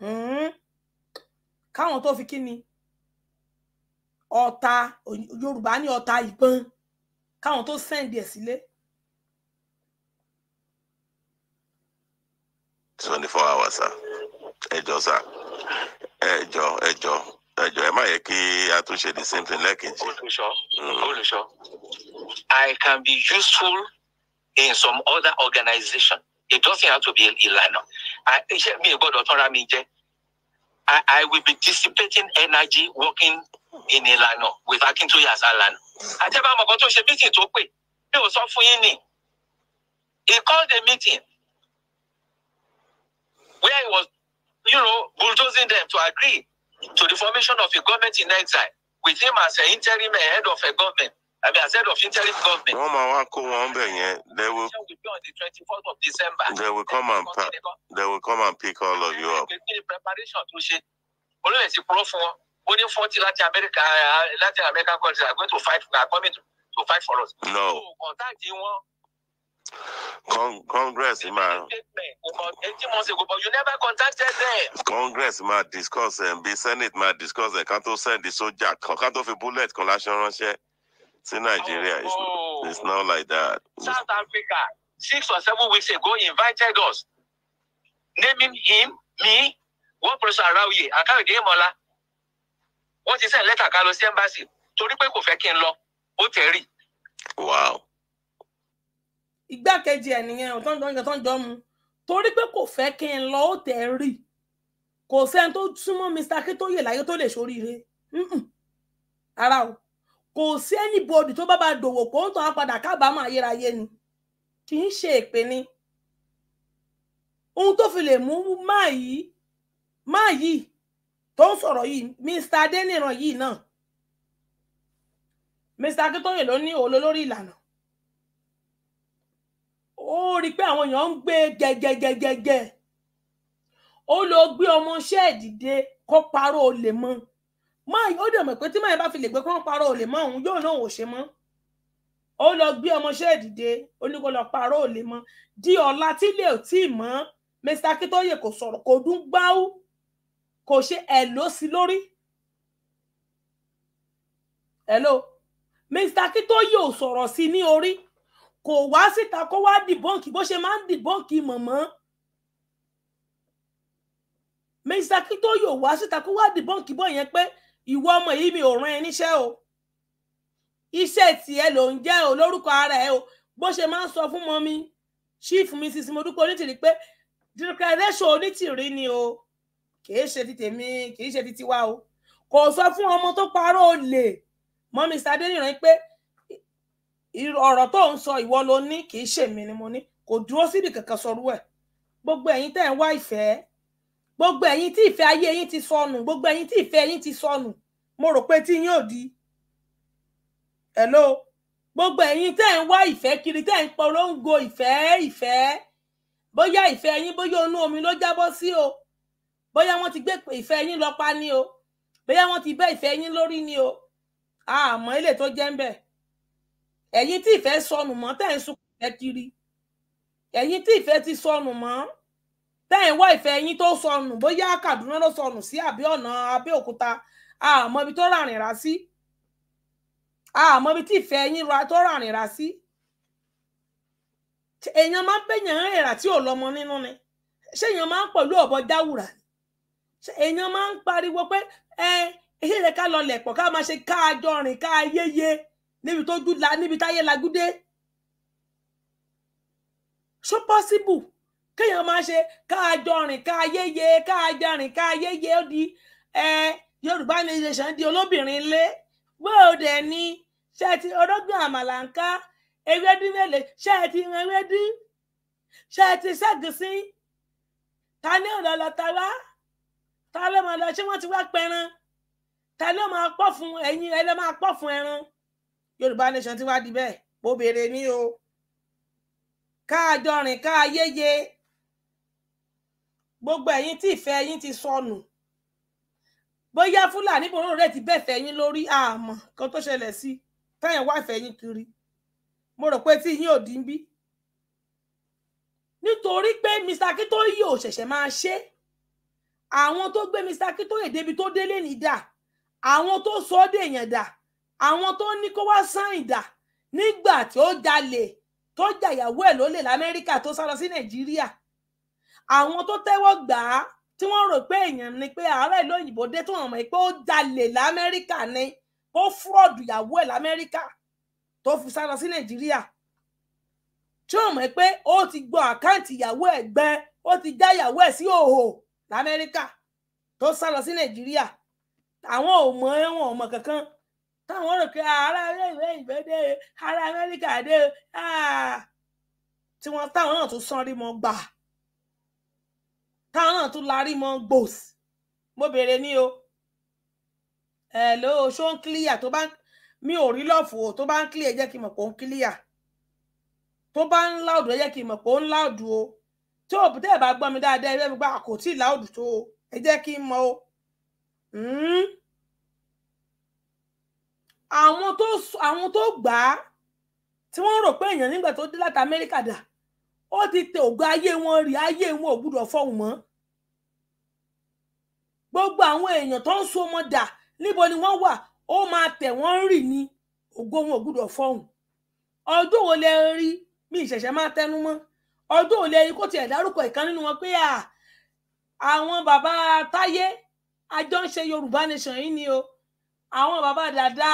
S2: Hmm? káwọn tó fi kí ni ọ̀tá yorùbá ní ọ̀tá ìbọn káwọn tó sẹ́ǹdì ẹ̀ sílé.
S20: twenty four hours sir ẹ jọ sir ẹ jọ ẹ jọ ẹ jọ ẹ má yẹ kí a the same thing lẹ́ẹ̀kejì. Mm. olùṣọ́
S11: I can be useful in some other organization it doesn't have to be ìlànà iṣẹ́ mi gbọ́dọ̀ tọ́ra mi jẹ́. I, I will be dissipating energy working in ìlànà with Akintoye as Alan. Àtẹ̀bá àmọ̀kọ́ tó ṣe meeting tó pè mi ò sọ fún yín ni. He called the meeting where he was, you know, bulldozing them to agree to the formation of a government in exile with him as an interim head of a government. I mean, as head of interim government.
S20: Wọ́n máa wá kó wọn bẹ̀ yẹn. They will.
S11: They
S20: will come and pa they will come and pick all of you up.
S11: Olóyè ti kúrò fún wọn. Ó ní forty láti America láti American countries are going to fight are coming to, to fight for us. No. So contact wọn.
S20: Con Congress you never
S11: contacted them.
S20: Congress discuss ẹ̀ bí Senate ma discuss ẹ̀ kan send the soldier kan kan bullet kan láṣọ See Nigeria, oh, it's, it's not like that.
S11: South Africa, six or seven weeks ago, invited us, naming him, me, one person around here, Akawede Mola. What is a letter ká lọ sí embassy? Torí pé kò fẹ́ kí n lọ, ó Wow.
S2: Igbákejì ẹ̀ nìyẹn, ọ̀tọ́ ń jọ ń jọ mu. Tori pé kò fẹ́ kí n lọ, ó tẹ̀rí. Kò sẹ́ni tó súnmọ́ Mr. Akintoye láyé tó lè ṣoríire. Ara o kò sí anybody tó bá bá dòwò kó ń tàn án padà kábàámọ̀ ayérayé ni kì í ṣe èpè ni ohun tó fi lè mú máa yìí máa yìí tó ń sọ̀rọ̀ yìí Mr Adéníran yìí náà Mr Akíntóyè ló ní òun ìlànà ó rí i pé àwọn èèyàn ń gbé gẹ́gẹ́gẹ́gẹ́ ó lọ gbé ọmọọṣẹ́ ìdìde kó parọ́ olè mọ́ máa ó dẹ̀ mọ̀ pé tí máa bá fi lè gbé kán parọ́ ò lè mọ òun yóò náà ò ṣe mọ́ ó lọ gbé ọmọṣẹ́ ìdìde ó ní kó lọ parọ́ ò lè mọ di ọ̀la tílé ò tí ì mọ́ Mr. Akíntóyè kò sọ̀rọ̀ kò dún gbáú kò ṣe ẹ̀ló sí lórí ẹ̀ló Mr. Akíntóyè ò sọ̀rọ̀ sí ní orí kò wá síta kó wá dìbọ́ǹkì bó ṣe máa ń dìbọ́ǹkì mọ̀mọ́ Mr. Akíntóyè ò wá síta kó wá dìbọ́ǹkì bọ́ yẹn pé ìwọ ọmọ yìí mi ò rán ẹ níṣẹ́ o iṣẹ́ tiẹ̀ ló ń jẹ́ o lórúkọ ara ẹ o bó ṣe máa ń sọ fún mọmi chief mrs modupe onítìrí pé declaration onítìrí ni o kìí ṣe ti tèmi kìí ṣe ti tiwa o kò sọ fún ọmọ tó parọ́ olè mọmi sadéníran pé ọ̀rọ̀ tó ń sọ ìwọ ló ní kìí ṣèmi ni mo ní kò dúró síbi kankan sọrú ẹ̀ gbogbo ẹ̀yin tẹ́ ń wá ìfẹ́ gbogbo ẹ̀yin tí ìfẹ́ ayé yín ti sọnù gbogbo ẹ̀yin tí ìfẹ́ yín ti sọnù mo rò pé tí yín ò di hello gbogbo ẹ̀yin tẹ́ ń wá ìfẹ́ kiri tẹ́ ń polongo ìfẹ́ ìfẹ́ bóyá ìfẹ́ yín bóyá onú omi ló jábọ́ sí o bóyá wọ́n ti gbé ìfẹ́ yín lọ pa ni o bóyá wọ́n ti bẹ́ ìfẹ́ yín lórí ni o àmọ́ ilé tó jẹ́ ń bẹ̀ ẹ̀yin tí ìfẹ́ sọnù mọ́ tẹ́ ń sunkún ìfẹ́ kiri ẹ̀yin tí ìfẹ́ ti sọnù mọ́ tẹ́ ń wá ìfẹ́ yín tó sọnù bóyá Kaduna ló sọnù sí àbí ọ̀nà Abẹ́òkúta àmọ́ ibi tó ràrìn rà sí àmọ́ ibi tí ìfẹ́ yín ra tó ràrìn rà sí èèyàn máa ń bẹ̀yàn rìnrà tí ò lọ́mọ nínú ni ṣé èèyàn máa ń pọ̀lú ọ̀bọ dáwùrà ṣé èèyàn máa ń pariwo pé ẹ ìṣẹ̀lẹ̀ ká lọ lẹ̀pọ̀ ká máa ṣe ká àjọ ká yéye níbi tó jù níbi táyé lagúdé ṣó pọ́síbù kéèyàn máa ṣe ká àjọ ká yéye ká àjọ ká yéye ó di ẹ. Eh, yorùbá nation di olóbìnrin lé gbóòdè ni ṣe ti orógbìn àmàlà ń ká ewédú mélòó ṣe ti ran ewédú ṣe ti ságùsí ta ní ọ̀dọ̀ lọ ta wá ta ló máa lọ ṣé wọ́n ti wá pẹran ta ló máa pọ̀ fún ẹ̀yin ẹ ló máa pọ̀ fún ẹran yorùbá nation ti wá di bẹ́ẹ̀ mo béèrè ní o káàjọ rìn káàyéye gbogbo ẹ̀yin tí ìfẹ́ ẹ̀yin ti sọnù. So bóyá fúlàní bòrò rẹ ti bẹ̀fẹ̀ yín lórí àmọ́ kan tó ṣẹlẹ̀ sí táyà wá ìfẹ́ yín kiri mo rò pé tí yín ò dín bí nítorí pé Mr. Akintoye ò ṣẹ̀ṣẹ̀ máa ṣe àwọn tó gbé Mr. Akintoye débi tó délé ní dà àwọn tó sọ ọ́ dèèyàn dà àwọn tó ní kó wá sáìn dà nígbà tí ó jalè tó jàyàwó ẹ̀ lólè l'Amẹ́ríkà tó sá lọ sí Nàìjíríà àwọn tó tẹ́wọ́ gbà á tí wọ́n rò pé èèyàn ni pé ààrẹ ìlú òyìnbó dé tó hàn mọ́ pé ó jalè lamẹ́ríkà ni ó fúrọ̀dù ìyàwó ẹ̀ lamẹ́ríkà tó fi sá lọ sí nàìjíríà tí ó mọ̀ pé ó ti gbọ́ àkáǹtì ìyàwó ẹ̀ gbẹ ó ti já ìyàwó ẹ̀ sí òhò lamẹ́ríkà tó sá lọ sí nàìjíríà àwọn ò mọ ẹwọn ọmọ kankan táwọn rò pé ará ilé ìwé dé ará amẹ́ríkà dé tí wọ́n táwọn náà tún sanrí mọ́ gbà táwọn náà tún larí mọ́ gbòs mo béèrè ní o ẹ ló ṣó ń clear tó bá mi ò rí lọ́ọ̀fù o tó bá ń clear jẹ́ kí n mọ̀ pé ó ń clear tó bá ń láòdù ẹ jẹ́ kí n mọ̀ pé ó ń láòdù o tí ò tẹ́ ẹ̀ bá gbọ́ mi dáadáa ẹ gbọ́ kò tí ì láòdù tó o ẹ jẹ́ kí n mọ̀ o hmm? àwọn tó àwọn tó gbà á tí wọ́n rò pé èèyàn nígbà tó dé láti Amẹ́ríkà dà ó ti tẹ ògo ayé wọn rí ayé wọn ò gbúdọ̀ fọhùn mọ́ gbogbo àwọn èèyàn tó ń so ọmọ dà níbo ni wọ́n wà ó máa tẹ̀ wọ́n rì ni ògo wọn ò gbúdọ̀ fọhùn ọjọ́ wo lẹ rí mi ìṣẹ̀ṣẹ̀ máa tẹnu mọ́ ọjọ́ wo lẹ rí kó tiẹ̀ dárúkọ ìkan nínú wọn pé àwọn bàbá táyé àjọ ń ṣe yorùbá nation yìí ni o àwọn bàbá dàda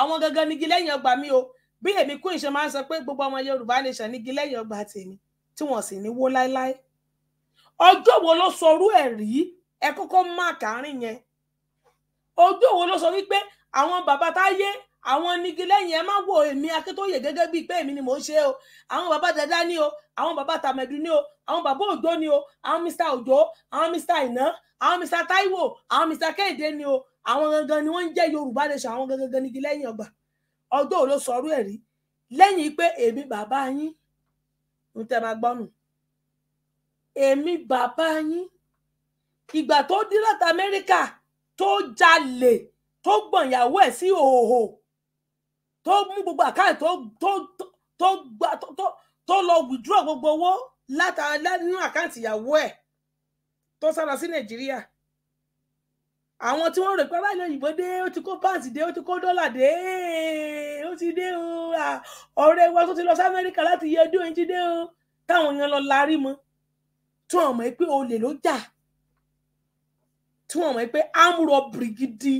S2: àwọn gangan nigi lẹ́yìn ọgbà mi o bí èmi kún ìṣe máa ń sọ pé gbogbo ọmọ yorùbá nation nígi lẹ́yìn ọgbà tèmi tí wọ́n sì ní wó láéláé ọjọ́ wo ló sọrú ẹ̀ rí ẹ kọ́kọ́ má kàárín yẹn ọjọ́ wo ló sọ wípé àwọn bàbá táyé àwọn nígi lẹ́yìn ẹ má wo èmi akíntóyè gẹ́gẹ́ bíi pé èmi ni mò ń ṣe o àwọn bàbá dada ni o àwọn bàbá tàmẹ̀dù ni o àwọn bàbá òjó ni o àwọn mr òjó àwọn mr iná àwọn mr taiwo àwọn mr kẹ́hìndé ni o àwọn gangan ni wọ́n ń jẹ́ yorùbá nation àwọn gangan nígi lẹ́yìn ọgbà ọjọ́ òru sọrú ẹ̀ rí lẹ́yìn pé èmi bàbá yín ń tẹ́ máa gbọ́nù èmi bàbá yín ìgbà tó dé láti Amẹ́ríkà tó jalè tó gbọ̀n ìyàwó ẹ̀ sí òhò tó mú gbogbo àkáǹtì tó tó tó gba tó tó tó lọ withdraw gbogbo owó látara nínú àkáǹtì ìyàwó ẹ̀ tó sára sí Nàìjíríà àwọn tí wọ́n rò pé aráàlú òyìnbó dé ó ti kó pàǹtì dé ó ti kó dọ́là dé ó ti dé o ọ̀rẹ́ wa tó ti lọ sí amẹ́ríkà láti yẹ ọdún yìí ti dé o táwọn yẹn lọ larí mọ́ tí wọ́n mọ̀ pé olè ló jà tí wọ́n mọ̀ pé amúrò bìrìgìdì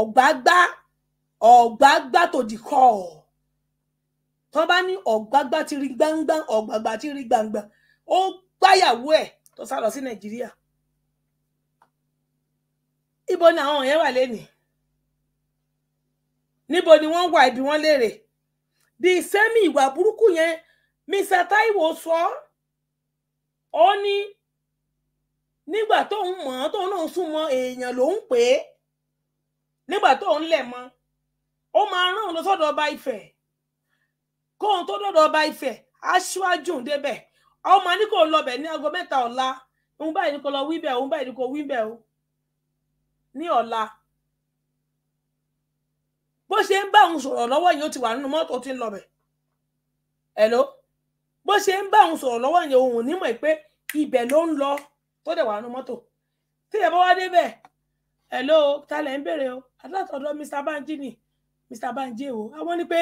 S2: ọ̀gbágbá ọ̀gbágbá tó di kọ́ ọ̀ tọ́ bá ní ọ̀gbágbá ti rí gbangba ọ̀gbàgbà ti rí gbangba ó gbáyàwó ẹ̀ tó sá lọ sí nàìjíríà ibo ni àwọn yẹn wà lénìí níbo ni wọ́n wà ibi wọ́n léèrè the same ìwà burúkú yẹn Mr. Taiwo sọ ọ ní nígbà tóun mọ̀ ọ́n tóun náà súnmọ́ èèyàn ló ń pè é nígbà tóun lẹ̀ mọ́ ó máa rán òun lọ sọ́dọ̀ ọba Ifẹ̀ kóun tó dọ̀dọ̀ ọba Ifẹ̀ aṣíwájú ń débẹ̀ ní kó lọ bẹ̀ ní aago mẹ́ta ọ̀la òun báyìí ni kò lọ wí bẹ́ẹ̀ òun báyìí ni kò wí o ní ọ̀la bó ṣe ń bá òun sọ̀rọ̀ lọ́wọ́ yìí ó ti wà nínú mọ́tò tí ń lọ bẹ̀ hello bó ṣe ń bá òun sọ̀rọ̀ lọ́wọ́ yẹn òun nímọ̀ pé ibẹ̀ ló ń lọ tó dẹ̀ wà nínú mọ́tò tí ẹ bá wá débẹ̀ hello ta lẹ̀ ń bèrè o alátọ̀dọ̀ Mr. Banji ni Mr. Banji o àwọn ni pé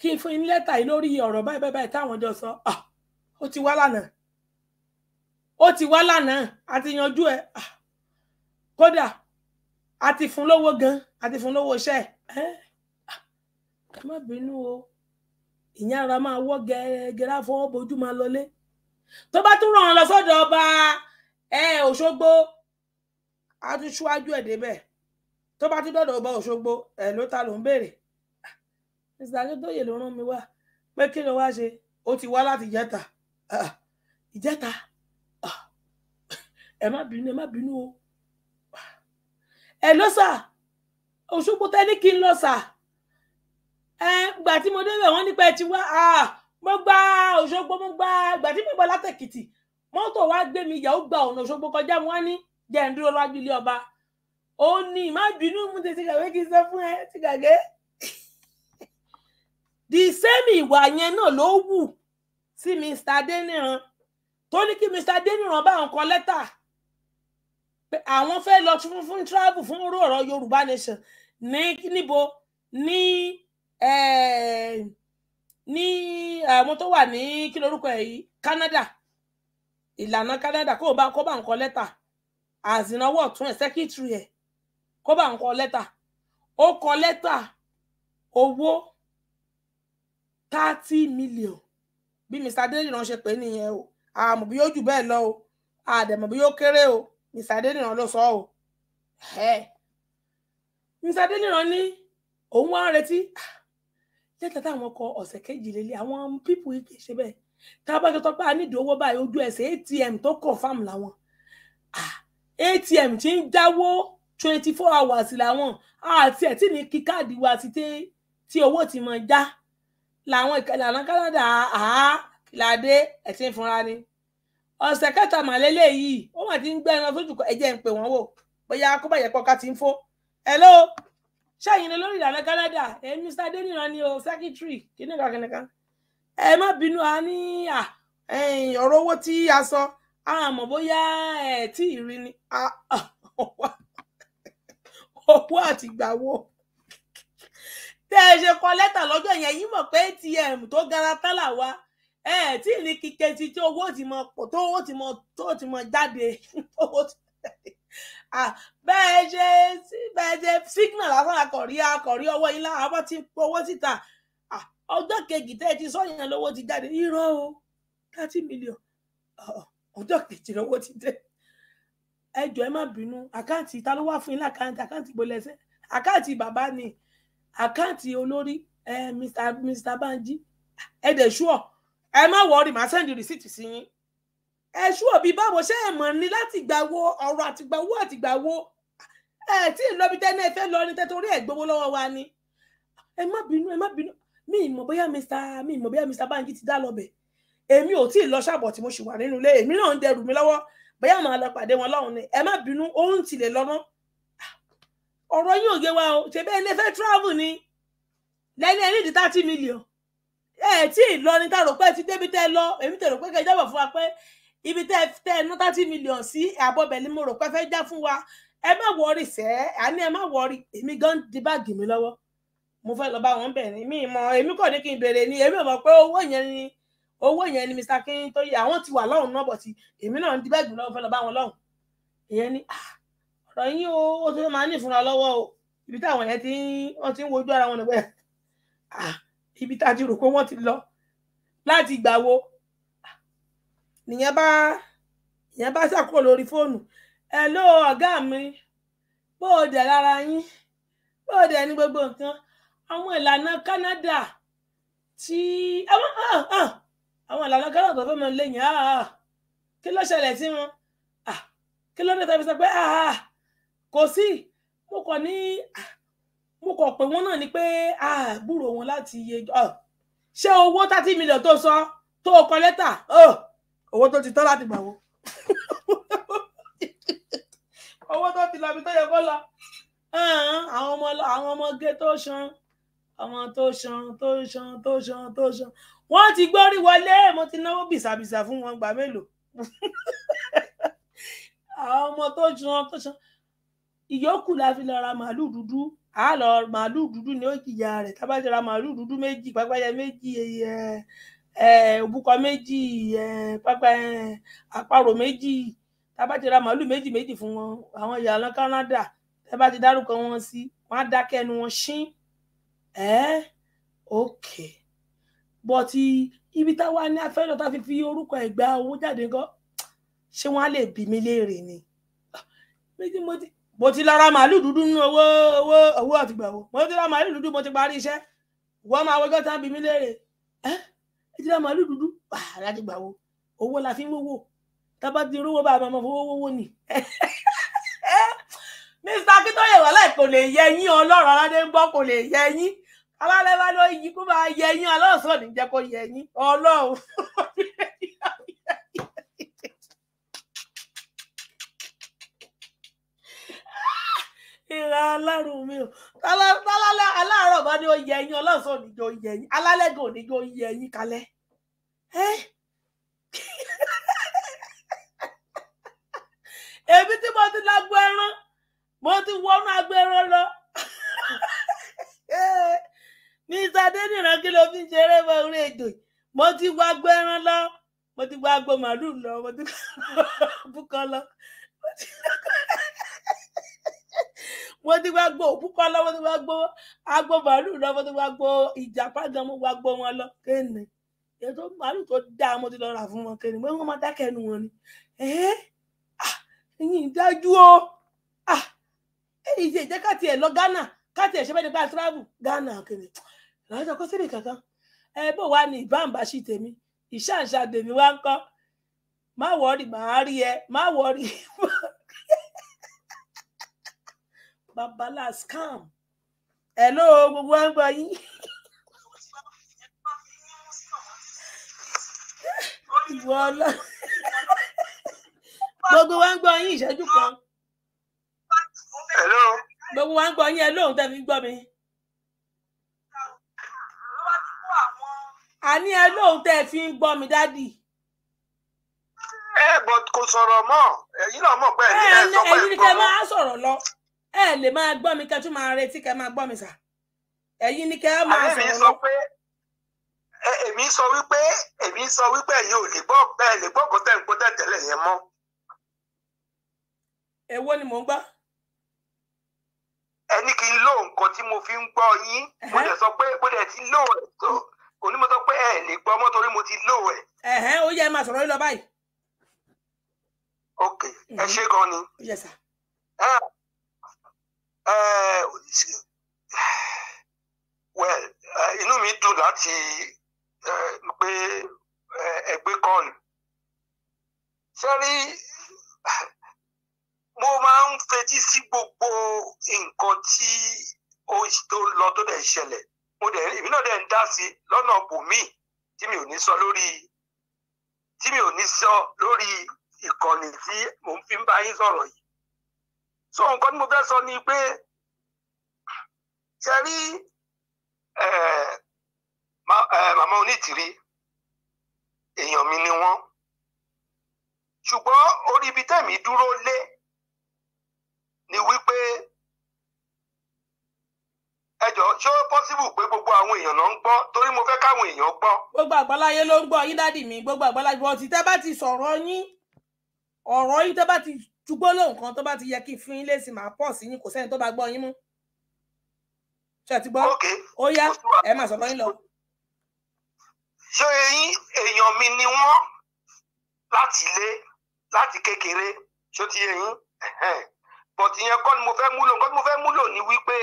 S2: kí n fún yín lẹ́tà yìí lórí ọ̀rọ̀ báyìí báyìí báyìí táwọn jọ sọ ah, ó ti wá lánàá ó ti wá lánàá àti yanjú ẹ ah, kódà a ti fún lówó gan a ti fún lówó iṣẹ́ ẹ ẹ má bínú o ìyẹn ara máa wọ́ gẹ́gẹ́rẹ́ àfọwọ́ bojú máa lọlé tó bá tún ràn án lọ sọ́dọ̀ ọba ẹ Òṣogbo a tún ṣíwájú ẹ̀ débẹ̀ tó bá tún dọ̀dọ̀ ọba Òṣogbo ẹ̀ ló ta ló ń béèrè mr Akíntóyè ló rán mi wá pé kí ló wá ṣe ó ti wá láti ìjẹta ah, ìjẹta ah, ẹ má bínú ẹ má bínú o ẹ ló sà Òṣogbo tẹ ní kí n lọ sà ẹ gbà tí mo débẹ̀ wọ́n nípa ẹ ti wá mo gba Òṣogbo mo gba gbà tí mo bọ̀ látẹ̀kìtì mọ́tò wa gbé mi ìyàwó gba ọ̀nà Òṣogbo kọjá mo wá ní jẹ́ ń dúró lájú ilé ọba ó ní má bínú mú tètè kàwé kí n sọ fún ẹ ti gàgé the same ìwà yẹn náà ló wù sí Mr. Adéníran tó ní kí Mr. Adéníran bá ń kọ lẹ́tà àwọn fẹ́ lọ fún fún travel fún orú ọ̀rọ̀ Yorùbá nation ní níbo ní eh, ní àwọn eh, tó wà ní kí lorúkọ ẹ̀ yìí Canada ìlànà Canada kó bá kó bá ń kọ lẹ́tà àzìnáwó ọ̀tún ẹ̀ sẹ́kítírì ẹ̀ kó bá ń kọ lẹ́tà ó kọ lẹ́tà owó thirty million bí Mr Adéyìnrán ṣe pé nìyẹn o àmọ́ bí yóò jù bẹ́ẹ̀ lọ o àdẹ̀mọ̀ bí yóò kéré o Mr. Adéníran ló sọ ọ́ Mr. Adéníran ní òun wá ń retí lẹ́tà táwọn ọkọ̀ ọ̀sẹ̀ kejìlélẹ̀ àwọn pípù yìí kì í ṣe bẹ́ẹ̀ tá a bá tó tọ́pẹ́ anídòówó báyìí ojú ẹsẹ̀ ATM tó confam làwọn ATM ti ń dáwó twenty four hours làwọn àti ẹ̀ tí ní kí káàdì wa ti tẹ́ tí owó ti mọ̀ já làwọn ìlànà Canada àá kìláàdé ẹ̀ ti ń funra ni. ọ̀sẹ̀ kẹta màlélẹ̀ yìí ó mà ti ń gbẹ́ ẹran sójú ẹ̀jẹ̀ ń pè wọ́n wò bóyá akóbàyẹ̀ pọ̀ ká ti ń fó. hello ṣẹ́yìn olórí ìdáná Canada ẹ̀ Mr. Adéníran ni o secretary kìnìkan kìnìkan ẹ má bínú a ní ọ̀rọ̀ owó tí a sọ a mọ̀ bóyá ẹ̀ tí ì ni owó àtìgbàwó tẹ́ ẹ ṣe kọ lẹ́tà lọ́jọ́ yẹn yín mọ̀ pé ATM tó gara tálà wa. ẹ tí ní kíkẹ́ ti tí owó ti mọ pọ̀ tó owó ti mọ tó ti mọ jáde owó ti bẹ́ẹ̀ ṣe bẹ́ẹ̀ ṣe signal lásán akọ̀rí akọ̀rí ọwọ́ yín láwọn abọ́ ti owó síta ọjọ́ kejì tẹ́ ẹ ti sọ yẹn lówó ti jáde irọ́ o thirty million ọjọ́ kejì lówó ti dé ẹ jọ̀ọ́ ẹ má bínú àkáǹtì ta ló wá fún yín lákàǹtì àkáǹtì gbọlẹsẹ àkáǹtì bàbá ni àkáǹtì olórí Mr. Banji ẹ dẹ̀ ṣúọ̀ ẹ má wọrí màá sẹ́ndì rìsíìtì sí yín ẹṣú òbí báwo ṣé ẹ mọ̀ ni láti gbà wo ọ̀rọ̀ àtìgbà wo àtìgbà wo ẹ tí ì lọ́bi tẹ́ni ẹ fẹ́ lọ ní tẹ́torí ẹ̀ gbowó lọ́wọ́ wa ni ẹ má bínú ẹ má bínú mi ìmọ̀ bóyá Mr mi ìmọ̀ bóyá Mr Banji ti dá lọ́bẹ̀ èmi ò tí ì lọ ṣàbọ̀ tí mo ṣì wà nínú ilé èmi náà ń dẹrù mi lọ́wọ́ bóyá màá lọ pàdé wọn lọ́hùn ni ẹ má bínú òun tilẹ̀ lọ́nà ọ̀rọ̀ yín ò wa o ṣe bẹ́ẹ̀ ní ẹ fẹ́ travel ni lẹ́ni ẹ ní ìdí thirty million ẹ tí ì lọ ni tá a rò pé ti débi tẹ lọ èmi tẹ rò pé kẹjọ bọ fún wa pé ibi tẹ tẹ ná thirty million sí àbọbẹ ni mo rò pé fẹ́ já fún wa ẹ má wọrí sẹ àní ẹ má wọrí èmi gan di báàgì mi lọ́wọ́ mo fẹ́ lọ bá wọn bẹ ni mi mọ èmi kò ní kí n béèrè ni èmi mọ pé owó yẹn ni owó yẹn ni Mr. Akin tó yẹ àwọn ti wà lọ́hùn náà bọ̀ tí èmi náà ń di báàgì lọ́wọ́ fẹ́ lọ bá wọn lọ́hùn ìyẹn ni ah, ọ̀rọ̀ yín o ó ti máa ní ìfúnra lọ́wọ́ o ibi táwọn yẹn ti ń wọ́n ti ń wojú ara wọn nígbà ibi tá a ti rò pé wọ́n ti lọ láti ìgbà wo nìyẹn bá nìyẹn bá ṣàkóso lórí fóònù ẹ ló ọ̀gá mi bó o dẹ̀ lára yín bó o dẹ̀ ní gbogbo nǹkan àwọn ìlànà Canada tí àwọn ah, ah, ìlànà Canada tó fẹ́ mọ lẹ́yìn ah, kí ló ṣẹlẹ̀ sí wọn kí ló dé tàbí sọ pé kò sí mo kàn ní mo kàn pé wọn náà ni pé àbúrò wọn láti iye ṣé owó thirty million tó san tó kọ lẹ́tà owó tó ti tán láti gbà wọ́n
S15: owó tó ti lọ
S2: ibi tó yẹ kó lọ àwọn ọmọ àwọn ọmọ gé tó san ọmọ tó san tó san tó san tó san wọ́n ti gbórí wọlé mo ti náwó bìsàbìsà fún wọn gbà mélòó àwọn ọmọ tó san tó san ìyókù la fi lọ ra màálù dúdú a lọ màálù dúdú ni ó jìyà rẹ̀ tá a bá ti ra màálù dúdú méjì pápáyà méjì ẹ ẹ òbúkọ méjì ẹ pápá ẹ àparò méjì tá a bá ti ra màálù méjì méjì fún wọn àwọn ìyàlọ Canada tá a bá ti dárúkọ wọn sí wọn á dákẹ́ ẹnu wọn ṣín ẹ ok bọ́tí ibi táwa ní afẹ́lọ́ tá a fi fi orúkọ ẹ̀gbá owó jáde gan ṣé wọ́n á lè bí mi léèrè ni méjì mo ti mo ti lọ ra màálù dúdú nínú owó owó owó àtìgbàwò mo ti ra màálù dúdú mo ti parí iṣẹ́ wọ́n máa wọ́jọ́ tán bí mi léèrè ẹ́ ẹ ti ra màálù dúdú àtìgbàwò owó la fi ń wówó tábà ti rówó bá a máa fowó wówó nì mr akitoye wàhálà kò lè yẹ yín ọlọ́run aládé ń bọ̀ kò lè yẹ yín alálẹ́ bá lọ yí kó máa yẹ yín alọ́sọ̀ọ́ ní kó yẹ yín ọlọ́run. ala alárùn mi o tálálẹ́ bá ní oyè ẹyin ọlọ́sàn oníjó oyè ẹyin alálẹ́gàn oníjó oyè ẹyin kalẹ̀ èmi tí mo ti lágbo ẹran mo ti wọnú agbo ẹran lọ ní sadé nìran ló fi ń ṣeré mọ orí èdè mo ti wọ agbo ẹran lọ mo ti wọ agbo màálù lọ mo ti wọ búkan lọ mo ti lọ kọ́ mo ti wá gbó òbúkọ lọ mo ti wá gbó agbó màálù lọ mo ti wá gbó ìjàpá gan mo wá gbó wọn lọ kéènì èyí tó màálù tó dáa mo ti lọ rà fún wọn kéènì pé wọn máa dákẹ́ ẹnu wọn ni ẹ̀ẹ́ ẹ̀yìn dájú o ẹ̀yìn ìjẹ́ ká tiẹ̀ lọ Ghana ká tiẹ̀ ṣe bẹ́ẹ̀ nípa travel Ghana kéènì lọ́jọ́ kó síbi kankan ẹ bó wá ní ìbámbá sí tèmi ìṣàǹṣà tèmi wá ń kọ́ má wọ́ọ̀rì má rí ẹ má wọ́ọ̀rì babalá scam ẹ ló gbogbo à ń gbọ́ yín. Hello. ọlọ gbogbo wa ń gbọ́ yín ìṣẹ́jú kan. gbogbo wa ń gbọ́ yín ẹ lóhùn tẹ́ fi ń gbọ́ mi. àní ẹ lóhùn tẹ́ fi ń gbọ́ mi dádì ẹ bọ kò sọ̀rọ̀ mọ́ èyí náà mọ̀ pé ẹ eh, sọ pé ẹ gbọ́ mọ́. ẹyin ni kẹ máa sọ̀rọ̀ lọ ẹ lè máa gbọ́ mi kẹ́ tún máa retí kẹ́ máa gbọ́ mi sà ẹ̀yin ni kẹ́ máa sọ̀rọ̀ lọ.
S15: èmi sọ wípé èmi sọ wípé ẹ̀yin ò lè gbọ́ ẹ lè gbọ́ kọ́tẹ́ ń kọ́tẹ́ tẹ́lẹ̀ yẹn mọ́.
S2: èwo ni mò ń gbọ́.
S15: ẹni kì í lo nǹkan tí mo fi ń gbọ́ yín mo dẹ̀ sọ pé mo dẹ̀ ti lò ẹ̀ tó onímọ̀ sọ pé ẹ lè gbọ́ mọ́ torí mo ti lò ẹ̀. ẹ̀hẹ́n ó yẹ máa sọ̀rọ̀ yín lọ
S2: báyìí. ok ẹ ṣé gan ni. yes Uh, well, uh, inú mi
S11: dùn láti uh, pé ẹgbẹ́ kọ́ọ̀lù. Sẹ́rí mo máa ń fetí sí gbogbo nǹkan tí ó lọ tó dẹ̀ ṣẹlẹ̀. Mo dẹ̀ èmi
S15: náà dẹ̀ ń dá sí lọ́nà bòmíì tí mi ò ní sọ lórí tí mi ò ní sọ lórí ìkànnì tí mò fi ń bá yín sọ̀rọ̀ yìí so nǹkan tí mo fẹ́ sọ ni pé ṣe rí màmá onítìrí èèyàn mi ni wọ́n ṣùgbọ́n orí ibi tẹ̀mí dúró lé ni wípé ẹ jọ ṣé ó pọ́sibù pé gbogbo àwọn èèyàn náà ń gbọ́ torí mo fẹ́ káwọn èèyàn gbọ́.
S2: gbogbo àgbáláyé ló ń gbọ́ yín dádì mi gbogbo àgbáláyé bọ́ọ̀tì tẹ́ bá ti sọ̀rọ̀ yín ọ̀rọ̀ yín tẹ́ bá ti jùgbó lóhùn kan tó bá ti yẹ kí fún yín lésì máa pọ̀ sí yín kò sẹ́ni tó bá gbọ́ yín mú ṣe ti gbọ́ ó yá ẹ máa sọ̀rọ̀ yín lọ. ṣé eyín èèyàn mi ni wọ́n
S15: láti ilé láti kékeré ṣó ti yẹ yín bọ̀tì yẹn kọ́ ni mo fẹ́ múlò nǹkan tí mo fẹ́ múlò ni wípé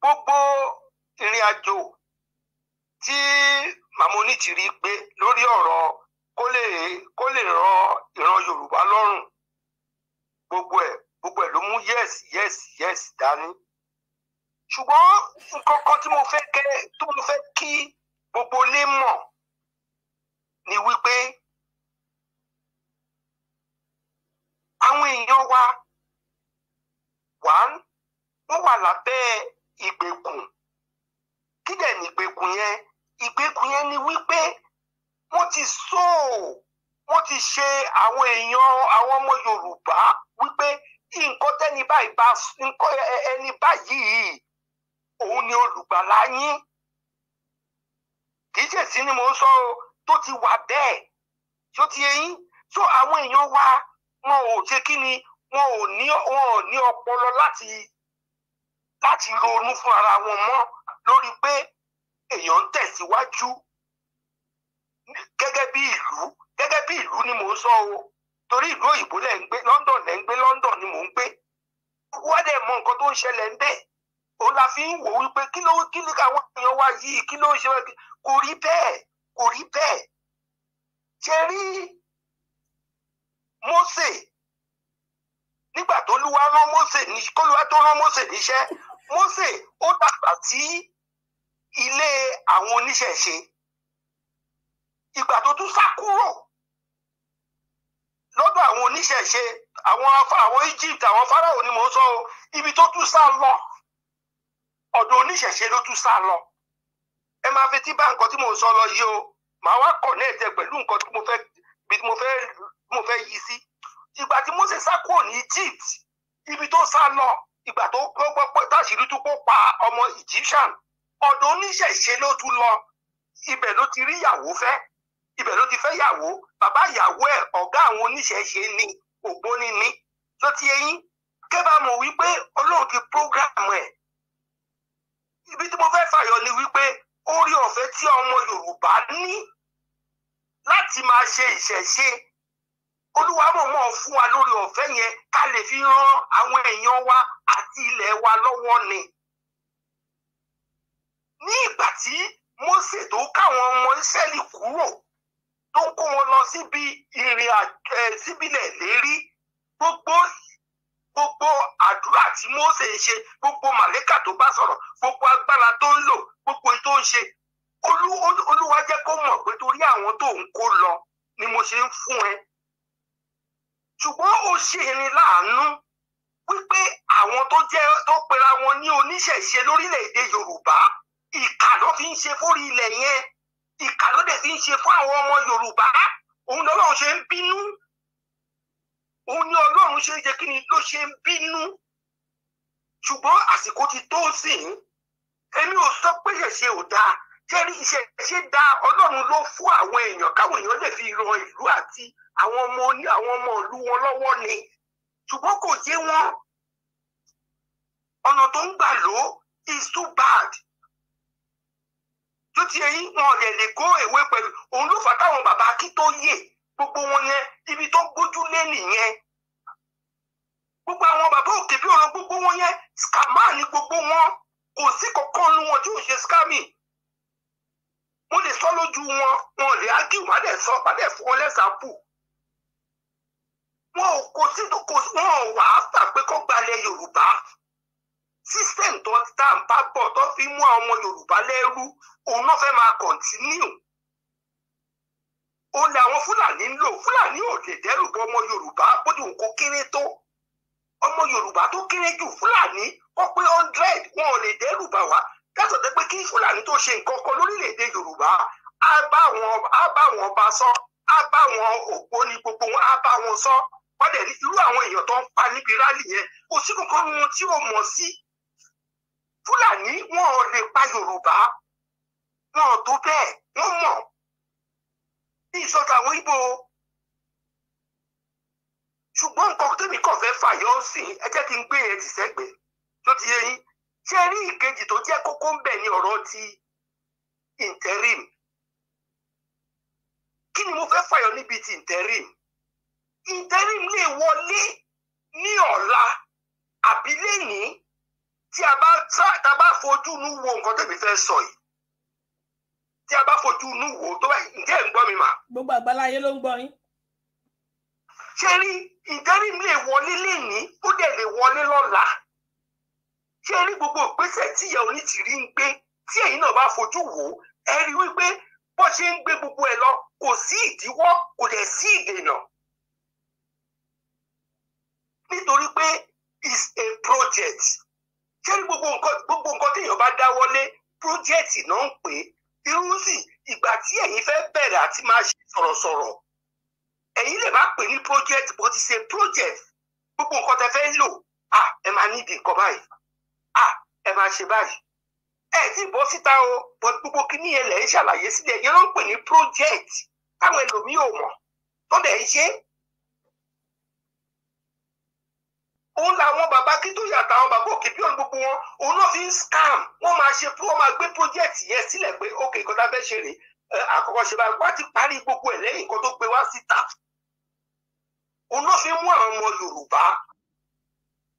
S15: gbogbo ìrìn àjò tí màmá
S13: onítìrí gbé lórí ọ̀rọ̀ kó lè kó lè ran ìran Yorùbá lọ́rùn gbogbo ẹ̀ gbogbo ẹ̀ ló mú yes yes yes dání
S15: ṣùgbọ́n nǹkan kan tí mo fẹ́ kẹ́ tí mo fẹ́ kí gbogbo lè mọ̀ ni wípé
S13: àwọn èèyàn wa one wọ́n wà lábẹ́
S4: ìgbèkùn kí dẹ̀ ní ìgbèkùn yẹn ìgbèkùn yẹn ni wípé wọ́n ti sọ wọ́n ti ṣe àwọn èèyàn àwọn
S15: ọmọ Yorùbá wípé nǹkan tẹ́ni báyìí bá nǹkan ẹni báyìí òun ni olùgbàlà yín kì í ṣèṣì
S13: ni mò ń sọ o tó ti wà bẹ́ẹ̀ tó ti eyín tó àwọn èèyàn wa wọn ò ṣe kí ni wọn ò ní wọn ò ní ọpọlọ láti
S15: láti ronú fún ara wọn mọ́ lórí pé èèyàn ń tẹ̀síwájú gẹ́gẹ́ bí ìlú gẹ́gẹ́ bí ìlú ni mò ń sọ o torí ìlú òyìnbó lẹ̀ ń gbé London lẹ̀ ń gbé London ni mò ń gbé wọ́n dẹ̀ mọ nǹkan tó ń ṣẹlẹ̀ ń bẹ̀ òun la fi ń wò wípé kí ló kí ni káwọn èèyàn wá yìí kí ló ń ṣe kò rí bẹ́ẹ̀ kò rí bẹ́ẹ̀ ṣe rí Mósè nígbà tó lúwa rán Mósè ní kólúwa tó rán Mósè níṣẹ́ Mósè ó dàgbà sí ilé àwọn oníṣẹ̀ṣe ìgbà tó tún sá kúrò lọ́dọ̀ àwọn oníṣẹ̀ṣe àwọn àwọn Egypt àwọn Fáráò ni mò ń sọ o ibi tó tún sá lọ ọ̀dọ̀ oníṣẹ̀ṣe ló tún sá lọ ẹ máa fi tí bá nǹkan tí mò ń sọ lọ yìí o màá wá connect pẹ̀lú nǹkan tí mo fẹ́ bí mo fẹ́ mo fẹ́ yí sí ìgbà tí Mósè sá kúrò ní Egypt ibi tó sá lọ ìgbà tó gbọ́ pé táṣìírí tún kó pa ọmọ Egyptian ọ̀dọ̀ oníṣẹ̀ṣe ló tún lọ ibẹ̀ ló ti rí ìyàwó fẹ́ ibẹ̀ ló ti fẹ́ yàwó bàbá ìyàwó ẹ̀ ọ̀gá àwọn oníṣẹ̀ṣe ni ògbóni ni ló ti eyín kébà mọ̀ wípé ọlọ́run ti program ẹ̀ ibi tí mo fẹ́ fàyọ ni wípé ó rí ọ̀fẹ́ tí ọmọ Yorùbá
S13: ní láti máa ṣe ìṣẹ̀ṣe olúwa mọ̀ mọ́ fún
S15: wa lórí ọ̀fẹ́ yẹn ká lè fi ran àwọn èèyàn wa àti ilẹ̀ wa lọ́wọ́ ni ní ìgbà tí Mósè tó káwọn ọmọ Ísírẹ́lì kúrò tó kó wọn lọ síbi ìrìn síbílẹ̀ lérí gbogbo gbogbo àdúrà tí Mósè ń ṣe gbogbo màlẹ́kà tó bá sọ̀rọ̀ gbogbo agbára tó ń lò gbogbo èyí tó ń ṣe olúwa jẹ́ kó mọ̀ pé torí àwọn tó ń kó lọ ni mo ṣe ń fún ẹ ṣùgbọ́n ó ṣe ni láàánú wípé àwọn tó jẹ́ tó pera wọn ní oníṣẹ̀ṣe lórílẹ̀‐èdè Yorùbá ìkà ló fi ń ṣe fórí ilẹ̀ yẹn ìkà ló dẹ̀ sì ń ṣe fún àwọn ọmọ Yorùbá òun lọ́lọ́run ṣe ń bínú òun ni Ọlọ́run ṣe ń jẹ́ kí ni ló ṣe ń bínú ṣùgbọ́n àsìkò ti tó sìn èmi ò sọ pé ṣẹ̀ṣẹ̀ ò dáa jẹ́rí iṣẹ́ ṣe dá Ọlọ́run ló fún àwọn èèyàn káwọn èèyàn lè fi ran ìlú àti àwọn ọmọ ní àwọn ọmọ ìlú wọn lọ́wọ́ ni ṣùgbọ́n kò yé wọn ọ̀nà tó ń gbà lò is too bad tó ti eyín wọn rẹ̀ lè kó èwe pẹ̀lú òun ló fà táwọn bàbá kí tó yè gbogbo wọn yẹn ibi tó gbójú lé nìyẹn gbogbo àwọn bàbá òkè bí ọ̀rọ̀ gbogbo wọn yẹn scammer ni gbogbo wọn kò sí kankan nu wọn tí ò ṣe scamming mo lè sọ lójú wọn wọn lè ágì wọn lè sọ wọn lè fún wọn lẹ́sàpù wọn ò kò sí wọn ò wà á fà pé kó gbalẹ̀ Yorùbá system tó tá à ń bá bọ̀ tó fi mú àwọn ọmọ Yorùbá lẹ́rú òun náà fẹ́ máa kọ̀ntínú ó lé àwọn Fúlàní ń lò Fúlàní ò lè dẹ́rù bọ ọmọ Yorùbá bójú kó kéré tó ọmọ Yorùbá tó kéré jù Fúlàní ó pé hundred wọn ò lè dẹ́rù bà wá yàtọ̀ dé pé kí Fúlàní tó ṣe nǹkan kan lórílẹ̀‐èdè Yorùbá á bá wọn bá sọ á bá wọn òpó ní gbogbo wọn á bá wọn sọ wọ́n dẹ̀ irú àwọn èèyàn tó ń pa níbi rálì yẹn kò sí kankan wọn tí ò mọ̀ sí
S8: fúlàní wọn ò lè pa yorùbá wọn ò tó bẹ́ẹ̀ wọ́n mọ̀ ní ìsọdọ̀ àwọn ibo
S15: ṣùgbọ́n nǹkan tèmi kàn fẹ́ fàyọ́ sí ẹ jẹ́ kí n gbé ẹ tìṣẹ́gbẹ́ tó ti yẹ ṣé rí ìkejì tó jẹ́ kókó ń bẹ̀ ní ọ̀rọ̀ ti interim kí ni mo fẹ́ fàyọ níbi ti interim interim lè
S16: wọlé ní ọ̀la àbí lẹ́yìn tí a bá tá a bá fojú inú wo nǹkan tẹ̀mí fẹ́ sọ yìí tí a bá fojú inú wo
S13: tó bá ǹjẹ́ ń gbọ́ mi mà.
S2: gbogbo àgbáláyé ló ń gbọ́ yín. ṣé rí
S15: ìdẹ́rìn lè wọlé lénìí ó dẹ̀ lè wọlé lọ́la ṣé rí gbogbo ìgbésẹ̀ tí ìyá onítìrí ń gbé tí ẹ̀yin náà bá fojú wò ẹ rí wípé bó ṣe ń gbé gbogbo ẹ̀ lọ kò sí ìdíwọ́ kò dẹ̀ sí ìdènà
S11: nítorí pé it's a project ṣé gbogbo nǹkan gbogbo nǹkan téèyàn bá dáwọ́lé project náà ń pè é irú sì ìgbà tí ẹ̀yin fẹ́ bẹ̀rẹ̀ àti máa ṣe sọ̀rọ̀sọ̀rọ̀ ẹ̀yin lè má pè ní project bó ti ṣe
S15: project gbogbo nǹkan tẹ́ fẹ́ lò à ẹ máa nídìí nǹkan báyìí à ẹ máa ṣe báyìí ẹ ti bọ́ síta o but gbogbo kíní yẹn lẹ ń ṣàlàyé sílẹ̀ yẹn ló ń pè ní project táwọn ẹlòmíì ò mọ̀ tó dẹ̀ ń ṣe é òun làwọn bàbá Akíntóyè àtàwọn bàbá òkè bí òun gbogbo wọn òun náà fi ń scam wọn máa ṣe wọn máa gbé project yẹn sílẹ̀ pé ok nǹkan tá a fẹ́ ṣe rèé àkọ́kọ́ ṣe báyìí wá ti parí gbogbo ẹ̀ lẹ́yìn nǹkan tó gbé wá síta òun náà fi mú
S8: àwọn ọmọ Yorùbá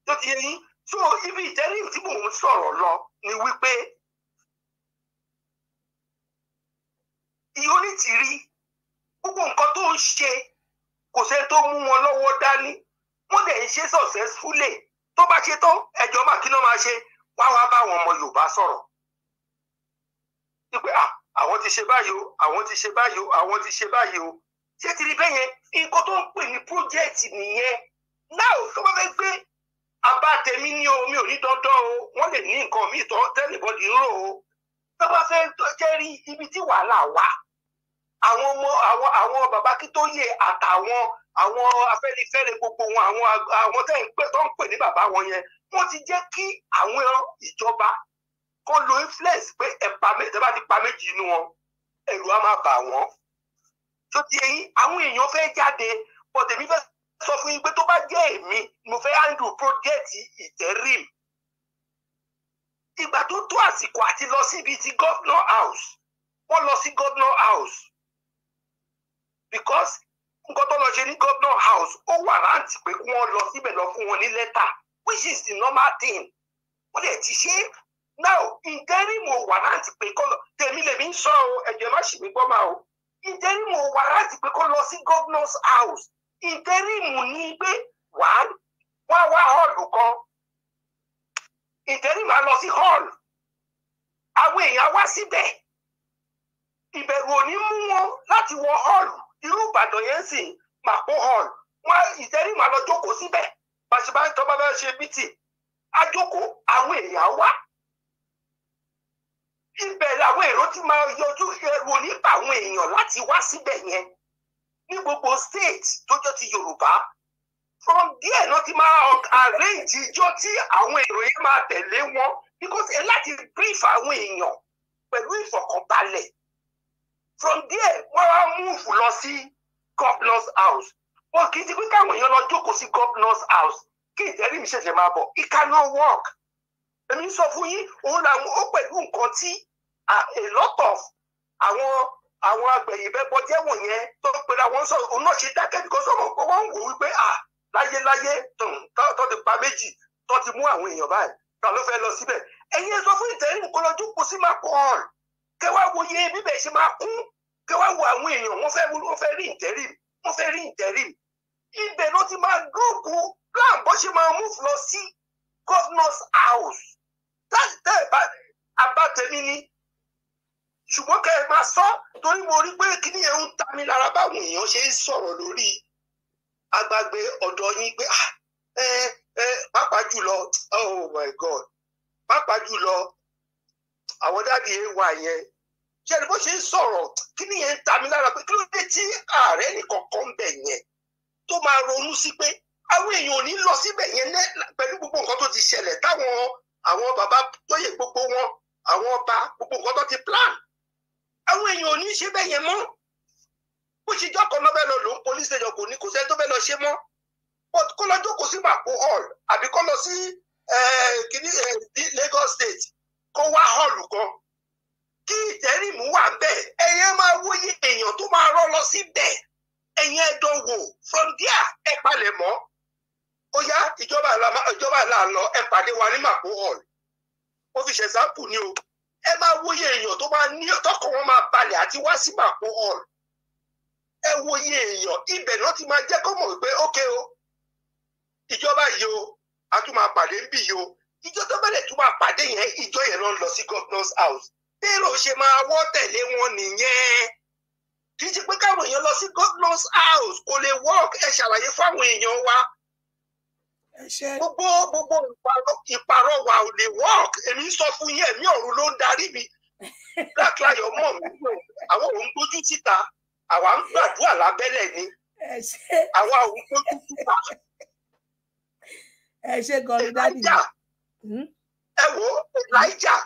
S8: tó ti yẹ yín so ibi ìjẹ́rìí tí mò ń sọ̀rọ̀ lọ ni wípé
S15: ìyóní ti rí gbogbo nǹkan tó ń ṣe kò sẹ́ tó mú wọn lọ́wọ́ dání wọ́n dẹ̀ ń ṣe successfully tó bá ṣe tán ẹjọ́ máa kí ló máa ṣe wá wá bá àwọn ọmọ Yorùbá sọ̀rọ̀ wípé àwọn ti ṣe báyìí o àwọn ti ṣe báyìí o àwọn ti ṣe báyìí o ṣé ti rí bẹ́yẹn nǹkan tó ń pè ní pírójẹ́ẹ̀tì nìyẹn
S13: náà tó bá fẹ́ gbé abá tèmi ní o mi ò ní dandan o wọ́n lè ní nǹkan mi tọ́ tẹ́lifọ̀dì ń o tó bá fẹ́ jẹ́rí ibi tí wàhálà wà àwọn ọmọ àwọn bàbá kí tó yẹ àtàwọn àwọn afẹ́nifẹ́re gbogbo wọn àwọn àwọn tẹ́ ń pè tó ń pè ní bàbá wọn yẹn wọ́n ti jẹ́ kí àwọn ìjọba
S15: kó lo influence pé ẹ̀pà ìjọba ti pa méjì inú wọn ẹ̀rù á máa bà wọ́n. tó ti ẹ̀yin àwọn èèyàn fẹ́ jáde bọ̀dẹ̀mí fẹ́ sọ fún yín pé tó bá jẹ́ èmi mo fẹ́ handle project ìtẹ́rìm. ìgbà tó tó àsìkò àti lọ síbi ti governor house wọ́n lọ sí governor house because nǹkan tó lọ ṣe ní governor house ó wà rántí pé kí wọ́n lọ síbẹ̀ lọ fún wọn ní lẹ́tà which is the normal thing wọ́n lè ti ṣe
S16: now interim warrant pé kọ́ lọ tèmi lèmi ń sọ o ẹ̀jẹ̀ má ṣì mí gbọ́ máa
S15: o interim warrant pé kọ́ lọ sí governor's house interim ní pé wàá wá wá hall kan interim á lọ sí hall àwọn èèyàn wá síbẹ̀ ìbẹ̀rù ò ní
S16: mú wọn láti wọ hall irú ìbàdàn yẹn sì màpó hall wọn ìtẹ́rí màá
S13: lọ
S15: jókòó síbẹ̀ bàṣẹbà tó bá fẹ́ ṣe mítì àjókòó àwọn èèyàn wá ibẹ̀ làwọn èrò ti máa yọjú ẹrù onípa àwọn èèyàn láti wá síbẹ̀ yẹn ní gbogbo state tó jọ ti yorùbá from there náà ti máa arrange ijó tí àwọn èrò yẹn máa tẹ̀lé wọn because ẹ láti brief àwọn èèyàn pẹ̀lú ìfọ̀kànbalẹ̀ from there wọ́n wá múùfù lọ sí governor's house wọn kì í ti pé káwọn èèyàn lọ jókòó sí governor's house kí ìtẹ́rí mi ṣẹ̀ṣẹ̀ máa bọ̀ it cannot work èmi sọ fún yín òun làwọn ó pẹ̀lú nǹkan tí a lot of àwọn àwọn agbẹ̀yìnbẹ́bọ jẹ́wọ̀n yẹn tó ń pera wọn sọ òun náà ṣe dákẹ́ bí kò sọ̀rọ̀ pé wọ́n ń wò wípé à láyéláyé tó ti pa méjì tó ti mú àwọn èèyàn báyìí ta ló fẹ́ lọ síbẹ̀ ẹ̀yin ẹ sọ fún ìtẹ́rí nǹkan lọ jókòó sí macron kẹ wá wo iye bíbẹ̀ ṣe máa kún kẹ wá wo àwọn èèyàn wọ́n fẹ́ wọ́n fẹ́ rí ìtẹ́rìm wọ́n fẹ́ rí ìtẹ́rìm ibẹ̀ ló ti máa
S16: gúrùpù plan bó ṣe máa move lọ sí governor's house láti tẹ́ ẹ̀ bá abátẹ́mí ni ṣùgbọ́n kẹ́ ẹ máa sọ torí mo rí
S15: pé kíní ẹ̀ ń ta mi lára báwọn èèyàn ṣe ń sọ̀rọ̀ lórí agbágbé ọ̀dọ̀ yín pé ah, pàápàá jùlọ oh my god pàápàá jùlọ àwọn dábìí wà yẹn ṣẹ́ni bó ṣe ń sọ̀rọ̀ kí ni yẹn ń ta mi lára pé kí ló dé tí ààrẹ nìkan kan bẹ̀ yẹn tó máa ronú sí pé àwọn èèyàn ò ní lọ síbẹ̀ yẹn pẹ̀lú gbogbo nǹkan tó ti ṣẹlẹ̀ táwọn àwọn bàbá tó yẹ gbogbo wọn àwọn ọba gbogbo nǹkan tó ti plan àwọn èèyàn ò ní ṣe bẹ́ẹ̀ yẹn mọ́ bó ṣe jọ́kọ̀ náà bẹ́ẹ̀ lọ lòún police station kò ní kò sẹ́ni tó bẹ́ẹ̀ lọ ṣe mọ́ but kó lọ jókòó sí màkó hall àbí kó lọ sí eh, eh, Lagos state kó wá hall kan kí ìtẹ́rìmù wà bẹ́ẹ̀ ẹ̀yẹ́ máa wóye èèyàn tó máa rọ́ lọ síbẹ̀ ẹ̀yẹ́ dánwò from there ẹ palẹ̀ mọ́ ó yá ìjọba àlàlọ ẹ pàdé wa ní màpó hall ó fi ṣe sáàpù ni o ẹ máa wóye èèyàn tó máa ní tọkàn wọn máa balẹ̀ àti wá sí màpó hall ẹ wòye èèyàn ibẹ̀ náà ti máa jẹ́ kó mọ̀ pé ókè o ìjọba yìí o a tún máa pàdé ń bì yìí o ìjọ tó bẹ̀rẹ̀ tún máa pàdé yẹn ìjọ yẹn lọ lọ sí governor's house bẹ́ẹ̀rọ ṣe máa wọ́ tẹ̀lé wọn nìyẹn kì í ṣe pé káwọn èèyàn lọ sí godless house kò lè work ẹ ṣàlàyé fáwọn èèyàn wa gbogbo gbogbo ìpàrọ̀ wa ò lè work èmi sọ fún yín ẹ̀mí ọ̀run ló ń darí mi black lion mọ̀ mí àwọn òun gbójú síta àwa ń gbàdúrà lábẹ́lẹ̀ ni àwa òun gbójú síta. ẹ ṣe gan dáàbì. ẹ wo elijah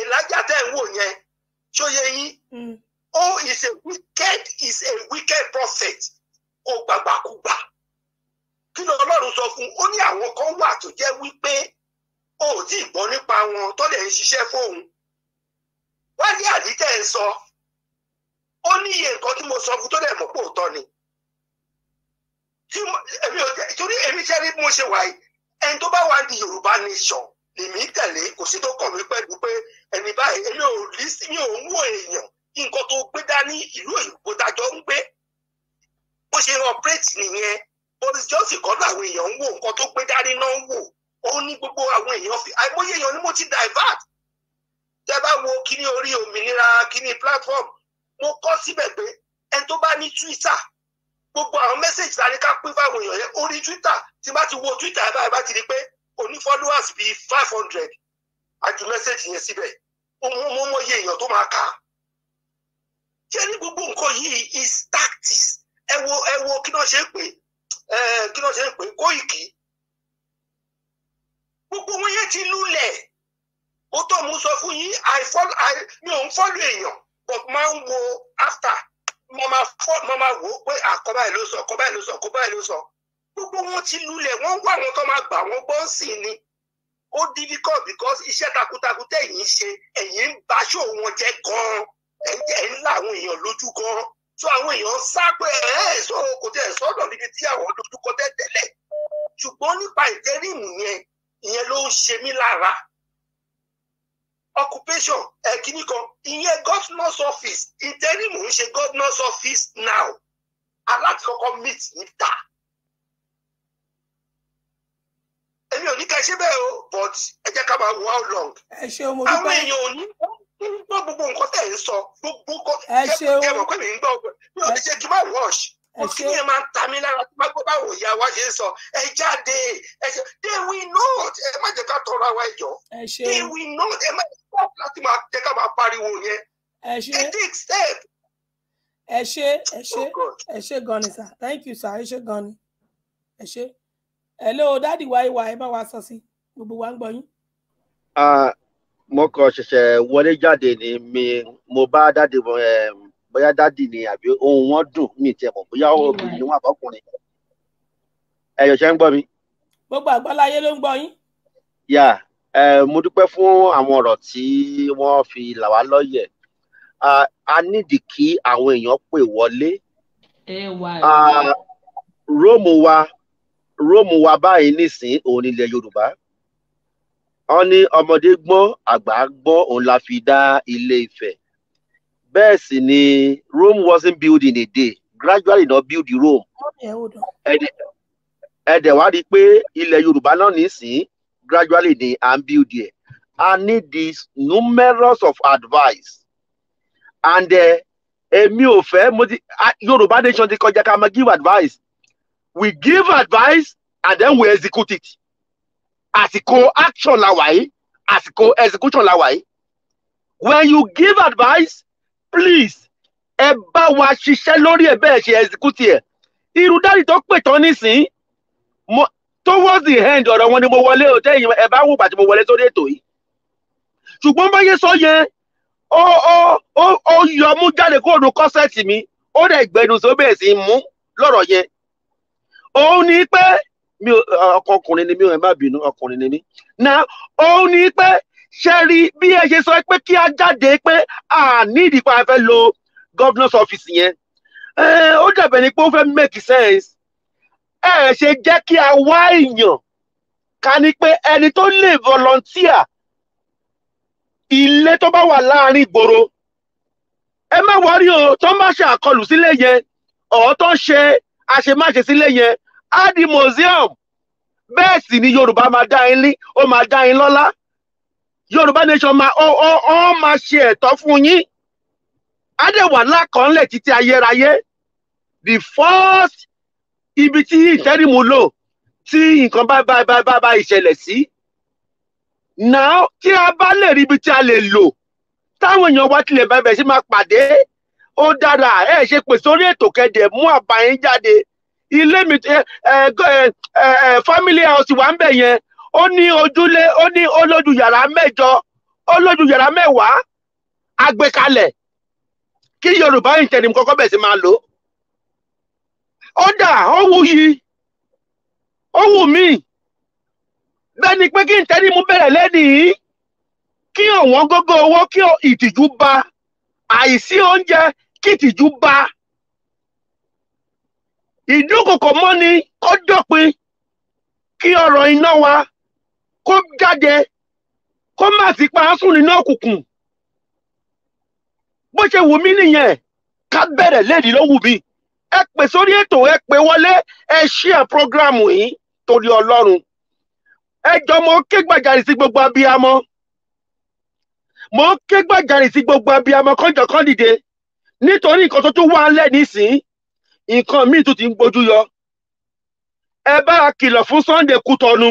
S15: elijah tẹ́ ń wò yẹn ṣóyẹ yín oh is a wicked is a wicked prophet ó gbàgbàkúgbà kí ni ọlọ́run sọ fún un ó ní àwọn kan wà tó jẹ́ wípé ó ti gbọ́ nípa wọn tó lè ń ṣiṣẹ́ fóun wá ní àdìtẹ̀ ń sọ ó ní iye nǹkan tí mo sọ fún tó lè mọ̀ pé òótọ́ ni torí èmi ṣe rí bí mo ṣe wà ẹni tó bá wà ní yorùbá nation lèmi tẹ̀lé kò sí tó kàn mí pẹ̀lú pé ẹni báyìí èmi ò lè sí mi ò ń wò èèyàn kí nǹkan tó gbé dání ìlú òyìnbó dájọ́ ń gbé bó ṣe ọ̀pẹ́rẹ́tì nìyẹn Boris Johnson kọ́ làwọn èèyàn ń wò nǹkan tó gbé dání náà ń wò ó ní gbogbo àwọn èèyàn fi àìmọye èèyàn ni mo ti divert tẹ bá wo kíní orí òmìnira kíní platform mo kọ́ síbẹ̀ pé ẹni tó bá ní Twitter gbogbo àwọn mẹ́sẹ̀jì tá a ní ká pín fáwọn èèyàn yẹn orí Twitter tí bá ti wo Twitter ẹ bá ti rí pé ó ní followers bíi five hundred àjù mẹ́sẹ̀gì yẹn síbẹ̀ ó mú mú mú iye èèyàn tó máa kà á. jẹ́ ní gbogbo nǹkan yìí is tactics ẹ wo ẹ wo kí náà ṣe ń pè ẹ kí náà ṣe ń pè Kóìkì gbogbo wọn yẹn ti lulẹ̀ ó tọ́ mú sọ fún yín mi ò ń fọ́lù èèyàn but máa ń wo after mo máa wò ó pé àkọ́bá ẹ̀ ló sọ àkọ́bá ẹ̀ ló sọ àkọ́bá ẹ̀ ló sọ gbogbo wọn ti lulẹ̀ wọ́n wá àwọn tó máa gbà wọ́n bọ́ sí ni ó difficult because iṣẹ́ takuntakun tẹ̀yìn ṣe ẹ̀yìn ń ba ṣó wọn jẹ́ gan-an ẹ̀jẹ̀ ń la àwọn èèyàn lójú gan-an so àwọn èèyàn sá pé ẹ̀ so kò tẹ̀ sọ́dọ̀ níbi tí àwọn dojúkọ tẹ́tẹ́lẹ̀ ṣùgbọ́n nípa ìtẹ́rìmù yẹn ìyẹn ló ń ṣe mí lára occupation ẹ̀kíní kan ìyẹn governor's office ìtẹ́rìmù ń ṣe governor's office now aláti kọ́kọ́ meet níta. èmi ò ní ká ṣe bẹ́ẹ̀ o but ẹ jẹ́ ká máa wo how long. ẹ
S11: ṣe ọmọ dúpẹ́ àwọn èèyàn ò ní gbọ́ gbogbo nǹkan tẹ̀ ń sọ gbogbo kọ́ ẹ ṣe o ẹ mọ̀ pé mi ń gbọ́ ọgbẹ́ mi ò ní ṣe kí n má rush mo kí ni ẹ máa ń ta mí lára tí máa gbọ́ báwo ìyá wa ṣe ń sọ
S15: ẹ jáde ẹ ṣe they will not ẹ má jẹ́ ká tọrọ àwa ẹ̀jọ́ they will not ẹ má stop láti máa jẹ́ ká máa pariwo yẹn ẹ take step.
S2: ẹ ṣe ẹ oh ṣe ẹ ṣe gan ni sir thank you sir ẹ ṣe gan ni ẹ ṣe hello dáàdì wa ìwà ẹ bá wa sọ sí gbogbo wa ń gbọ́ yín.
S15: mo kàn ṣẹ̀ṣẹ̀ wọlé jáde ni mi mo bá dáàdì bóyá dáàdì ni àbí ohun wọn dùn mí tiẹ̀ mọ̀ bóyá obìnrin ni wọn àbọ̀kùnrin ẹ̀yọ̀ ṣe ń gbọ́ mi.
S2: gbogbo àgbáláyé ló ń gbọ́ yín.
S15: yà mo dúpẹ́ fún àwọn ọ̀rọ̀ tí wọ́n fi là wá lọ́yẹ̀ a nídìí kí àwọn èèyàn pè wọlé. ẹ wà ẹ wà. róòmù wa. Uh, róòmù wa báyìí nísìn òun nílẹ̀ yorùbá wọn ní ọmọdé gbọ́n àgbà gbọ́n òun la fi dá ilé Ifẹ̀ bẹ́ẹ̀ sì ni Rome wasn't built in a day gradually náà build Rome ẹ̀dẹ̀ wá rí i pé ilẹ̀ yorùbá náà nísìn gradually ni à ń build ẹ̀ I need this numerous of advice and eh, èmi ò fẹ́ yorùbá nation ti kọjá ká máa give advice we give advice and then we execute it àsìkò action la wà yìí àsìkò execution la when you give advice please ẹ bá wa ṣiṣẹ́ lórí ẹ̀ bẹ́ẹ̀ ṣe execute ẹ̀ irú dáàdì tó pè tán nísìn towards the end ọ̀rọ̀ wọn ni mo wọlé o tẹ́yìn ẹ bá wò pàtó mo wọlé sórí ètò yìí ṣùgbọ́n báyé sọ yẹn ó ó ó ó yọ mú jáde kóòdù kọ́sẹ̀tì mi ó dẹ̀ gbẹnu sí ó sí mú lọ́rọ̀ yẹn òun ni pé mi ọkùnrin ni mi ò ẹ má bínú ọkùnrin ni mi na òun ni pé ṣe rí bí ẹ ṣe sọ pé kí a jáde pé a ní ìdìpọ̀ afẹ́ lo governor's office yẹn ó dàbẹ̀ ni pé ó fẹ́ make sense ẹ ṣe jẹ́ kí a wá èèyàn ká ní pé ẹni tó lè volunteer ilé tó bá wà láàrin ìgboro ẹ má wọrí o tó má ṣe àkọlù sílé yẹn ọ̀ tó ṣe àṣemáṣe sílé yẹn á di museum bẹ́ẹ̀ sì ni yorùbá máa dá yín lí ó máa dá yín lọ́lá yorùbá nation máa ó ó ó máa ṣe ẹ̀tọ́ fún yín á dẹ̀ wà lákọ̀ọ́lẹ̀ títí ayérayé the first ibi tí ìtẹ́rìmù lò tí nǹkan bá bá bá bá bá ìṣẹ̀lẹ̀ sí náà tí a bá lè rí ibi tí a lè lò táwọn èèyàn wá tilẹ̀ bẹ̀rẹ̀ sí máa pàdé ó dára ẹ ṣe pè sórí ètò kẹdẹ mú àbá jáde ilé mi family house wà ń bẹ̀ yẹn ó ní ojúlé ó ní olójú yàrá mẹ́jọ olójú yàrá mẹ́wàá àgbékalẹ̀ kí yorùbá ìtẹnìm kọ́kọ́ sí máa lò ó dà ó wù yí ó wù mí bẹ́ẹ̀ ni pé kí bẹ̀rẹ̀ kí ìtìjú bá ìdúnkòkò mọ́ni kó dópin kí ọ̀rọ̀ iná wa kó jáde kó má sì pa á sùn nínú òkùnkùn bó ṣe wù mí nìyẹn ká bẹ̀rẹ̀ lédi ló mí ẹ pè sórí ètò ẹ pè wọlé ẹ share program yìí torí ọlọ́run ẹ jọ mo ké gbàjarì sí gbogbo abiyamọ mo ké gbàjarì sí gbogbo abiyamọ kọjọ dìde nítorí nǹkan tó tún wá lẹ̀ nísìn nǹkan míì tó ti ń gbójú yọ ẹ bá a kìlọ̀ fún Sunday Kútọnu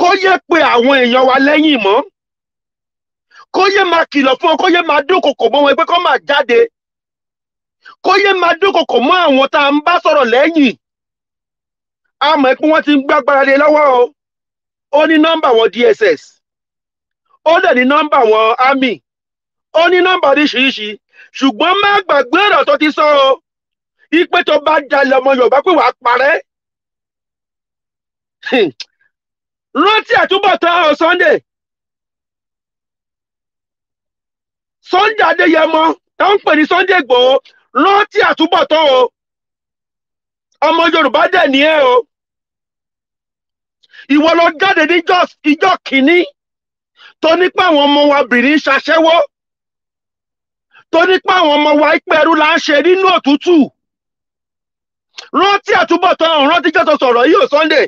S15: kó yẹ pé àwọn èèyàn wa lẹ́yìn mọ́ kó yẹ máa kìlọ̀ fún ọ kó yẹ máa dúnkokò mọ́ wọn pé kó máa jáde kó yẹ máa dúnkokò mọ́ àwọn tá à ń bá sọ̀rọ̀ lẹ́yìn a mọ̀ pé wọ́n ti ń gbágbára lé lọ́wọ́ o ó ní nọ́mbà wọn DSS ó dẹ̀ ní nọ́mbà wọn army ó ní nọ́mbà oríṣiríṣi ṣùgbọ́n má gbàgbé ọ̀rọ̀ tó ti sọ o ipe tó bá jalè ọmọ Yorùbá pé wàá parẹ́ hmm. rántí àtúbọ̀tán ọ̀ Sunday Sunday Adéyẹmọ tó ń pè ní Sunday Ìgbòho rántí àtúbọ̀tán o ọmọ Yorùbá dẹ̀ ní ẹ o ìwọ ló jáde ní ìjọ tó ní pé àwọn ọmọ wa bìnrin ṣaṣẹ́wó torí pé àwọn ọmọ wa ìpẹ̀rù là ń ṣe nínú òtútù rántí àtúbọ̀tán ọ̀hún rántí jẹ́sọ sọ̀rọ̀ yìí ò Sunday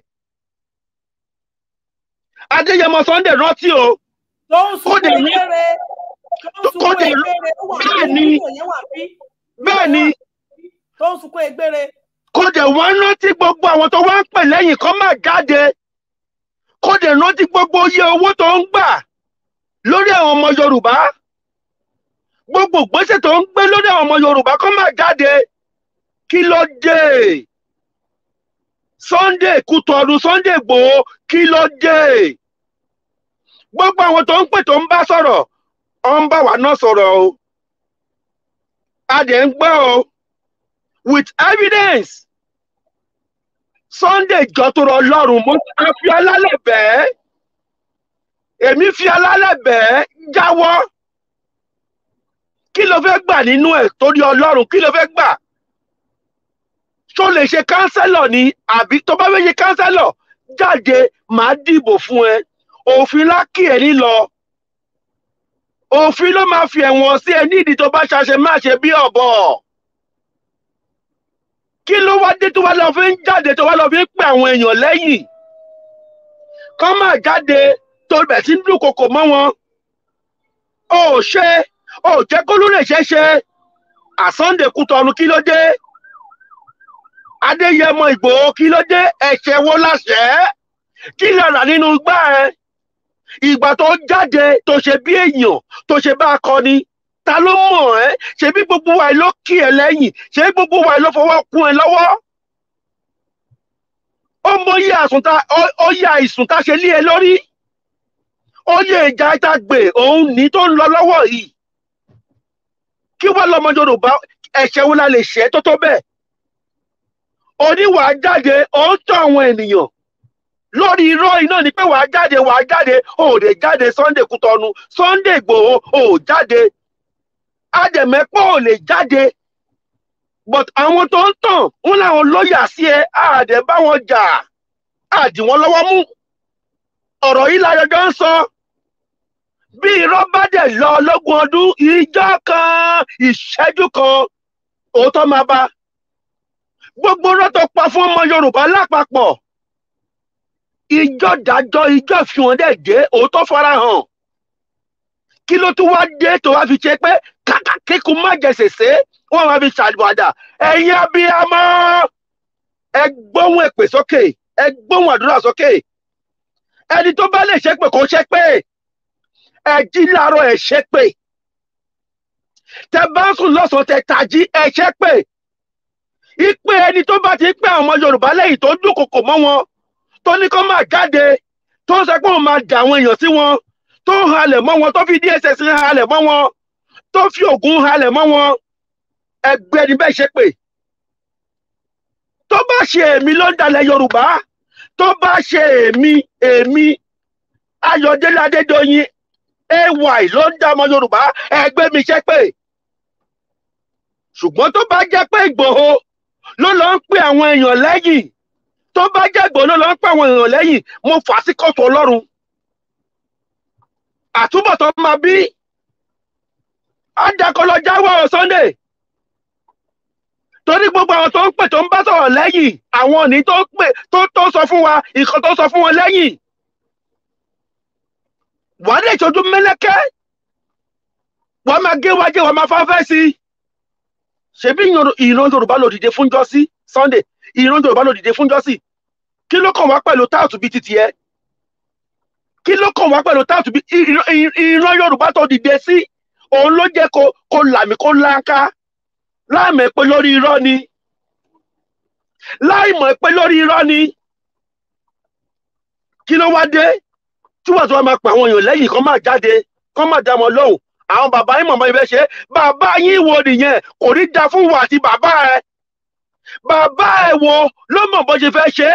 S15: Adéyẹmọ Sunday rántí o kó dé ní kó dé bẹ́ẹ̀ ni bẹ́ẹ̀ ni kó dé wọ́n rántí gbogbo àwọn tó wá ń pè lẹ́yìn kó má jáde kó dé rántí gbogbo iye owó tó ń gbà lórí àwọn ọmọ Yorùbá gbogbo gbèsè tó ń gbé lórí àwọn ọmọ yorùbá kó má jáde kí ló dé sunday kùtọ̀ọ̀dù sunday gbòó kí ló dé gbogbo àwọn tó ń pè tó ń bá sọ̀rọ̀ ọ ń bá wa náà sọ̀rọ̀ o a dẹ̀ ń gbọ́ o with evidence sunday jọtòrò ọlọ́run mo fi alálẹ̀ bẹ́ẹ̀ èmi fi alálẹ̀ bẹ́ẹ̀ jáwọ́ kí ló fẹ́ gbà nínú ẹ̀ torí ọlọ́run kí ló fẹ́ gbà ṣó lè ṣe kánsẹ́lọ̀ ni àbí tó bá fẹ́ ṣe kánsẹ́lọ̀ jáde màá dìbò fún ẹ òfin lákì ẹ nílọ òfin ló máa fi ẹ̀wọ̀n sí ẹ nídìí tó bá ṣàṣe má ṣe bí ọ̀bọ kí ló wá dé tó wá lọ fi ń jáde tó wá lọ fi ń pè àwọn èèyàn lẹ́yìn kán máa jáde tó bẹ̀ sí ń dúnkokò mọ́ wọn ò ṣe ò jẹ́ kólú lè ṣe ṣe àsọ́ndè kùtọ̀nù kí ló dé adéyẹmọ ìgbòho kí ló dé ẹ̀ṣẹ̀ wo láṣẹ kí lè rà nínú gbá ẹ ìgbà tó jáde tó ṣe bí èèyàn tó ṣe bá akọni ta ló mọ̀ ẹ́ ṣebí gbogbo wa ló kí ẹ lẹ́yìn ṣebí gbogbo wa ló fọwọ́ kún ẹ lọ́wọ́ ó mọyé àsùntà ó yẹ àìsùn tá ṣe lé ẹ lórí ó yẹ ìjà ìta òun ní tó ń lọ lọ́wọ́ yìí kí wọ́n lọ́mọ yorùbá ẹ̀ṣẹ̀ wọn la lè ṣẹ̀ tó tó bẹ́ẹ̀ oníwàá jáde ó ń tọ́ àwọn ènìyàn lórí irọ́ iná ni pé wàá jáde wàá jáde òòdè jáde Sunday Kútọ̀nù Sunday Ìgbòho ò jáde àdèmẹ́pọ̀ ò lè jáde but àwọn tó ń tàn ń láwọn lọ́ọ̀yà sí ẹ àdè bá wọn jà àdì wọn lọ́wọ́ mú ọ̀rọ̀ yìí láyọjọ́ ń sọ. So bí irọ́ bá dẹ̀ lọ lógún ọdún ìjọ kan ìṣẹ́jú kan òótọ́ máa bá gbogbo irọ́ tó pa fún ọmọ Yorùbá lápapọ̀ ìjọ dájọ́ ìjọ fi wọ́n dẹ̀ dé òótọ́ farahàn kí ló tún wá dé tó wá fi ṣe pé kàkà kíkún má jẹ̀sẹ̀sẹ̀ wọ́n máa fi ṣàlùwàdà ẹ̀yin abiyamọ ẹ gbóhùn èpè sókè ẹ gbóhùn àdúrà sókè ẹni tó bá lè ṣépè kó ṣépè ẹ jí láàárọ̀ ẹ ṣépè tẹ bá ń sùn lọ́sàn tẹ tají ẹ ṣépè ìpè ẹni tó bá ti pè ọmọ Yorùbá lẹ́yìn tó dúnkòkò mọ́ wọn tó ní kó máa jáde tó ń sọ pé òun máa dà àwọn èèyàn sí wọn tó ń halẹ̀ mọ́ wọn tó fi DSS ń halẹ̀ mọ́ wọn tó fi ògùn halẹ̀ mọ́ wọn ẹgbẹ́ ni bẹ́ẹ̀ ṣépè tó bá ṣe èmi ló ń dalẹ̀ Yorùbá tó bá ṣe èmi èmi Ayọ̀délé Adédoyin ay ló ń dá ọmọ yorùbá ẹgbẹ́ mi ṣe pé ṣùgbọ́n tó bá jẹ́ pé ìgbòho ló lọ ń pè àwọn èèyàn lẹ́yìn tó bá jẹ́ ìgbòho ló lọ ń pè àwọn èèyàn lẹ́yìn mo fà á sí kóòtù ọlọ́run àtúbọ̀tán máa bí àdàkọlọjà wà ọ sunday torí gbogbo àwọn tó ń pè tó ń bá sọ̀rọ̀ lẹ́yìn àwọn òní tó ń pè tó tó sọ fún wa ìkan tó sọ fún wọn lẹ́yìn wàá dé ìtọ́jú mẹ́lẹ́kẹ́ wàá máa gé wájé wàá máa fáfẹ́ sí i ṣebí ìran yorùbá ló dìde fúnjọ́ sí sunday ìran yorùbá ló dìde fúnjọ́ sí kí ló kàn wá pẹ̀lú táàtù bíi titi ẹ kí ló kàn wá pẹ̀lú táàtù bíi ìran yorùbá tó dìde sí òun ló jẹ́ kó kó làmì kó láńká láàmì pé lórí irọ́ ni láìmọ̀ pé lórí irọ́ ni kí ló wá dé túbọ̀ tí wọ́n máa pa àwọn èèyàn lẹ́yìn kan máa jáde kan máa dá wọn lóhùn àwọn bàbá yín mọ̀mọ́ ibẹ̀ ṣe bàbá yín wo nìyẹn kò ní da fún wa àti bàbá ẹ bàbá ẹ wo ló mọ̀ bó ṣe fẹ́ ṣe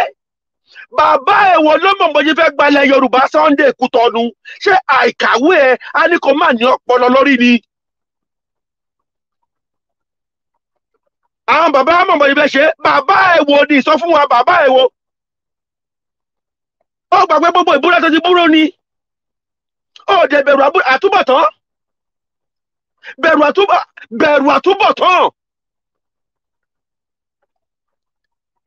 S15: bàbá ẹ wo ló mọ̀ bó ṣe fẹ́ gbalẹ̀ Yorùbá Sunday Kútọ́nu ṣé àìkàwé ẹ á ní kó má ní ọpọlọ lórí ni. àwọn bàbá mọ̀mọ́ ibẹ̀ ṣe bàbá ẹ wo ni sọ wa bàbá ẹ wo ó gbàgbé gbogbo ìbúra tó ti búrò ni ó dẹ̀ bẹ̀rù àtúbọ̀tán bẹ̀rù àtúbọ̀ bẹ̀rù àtúbọ̀tán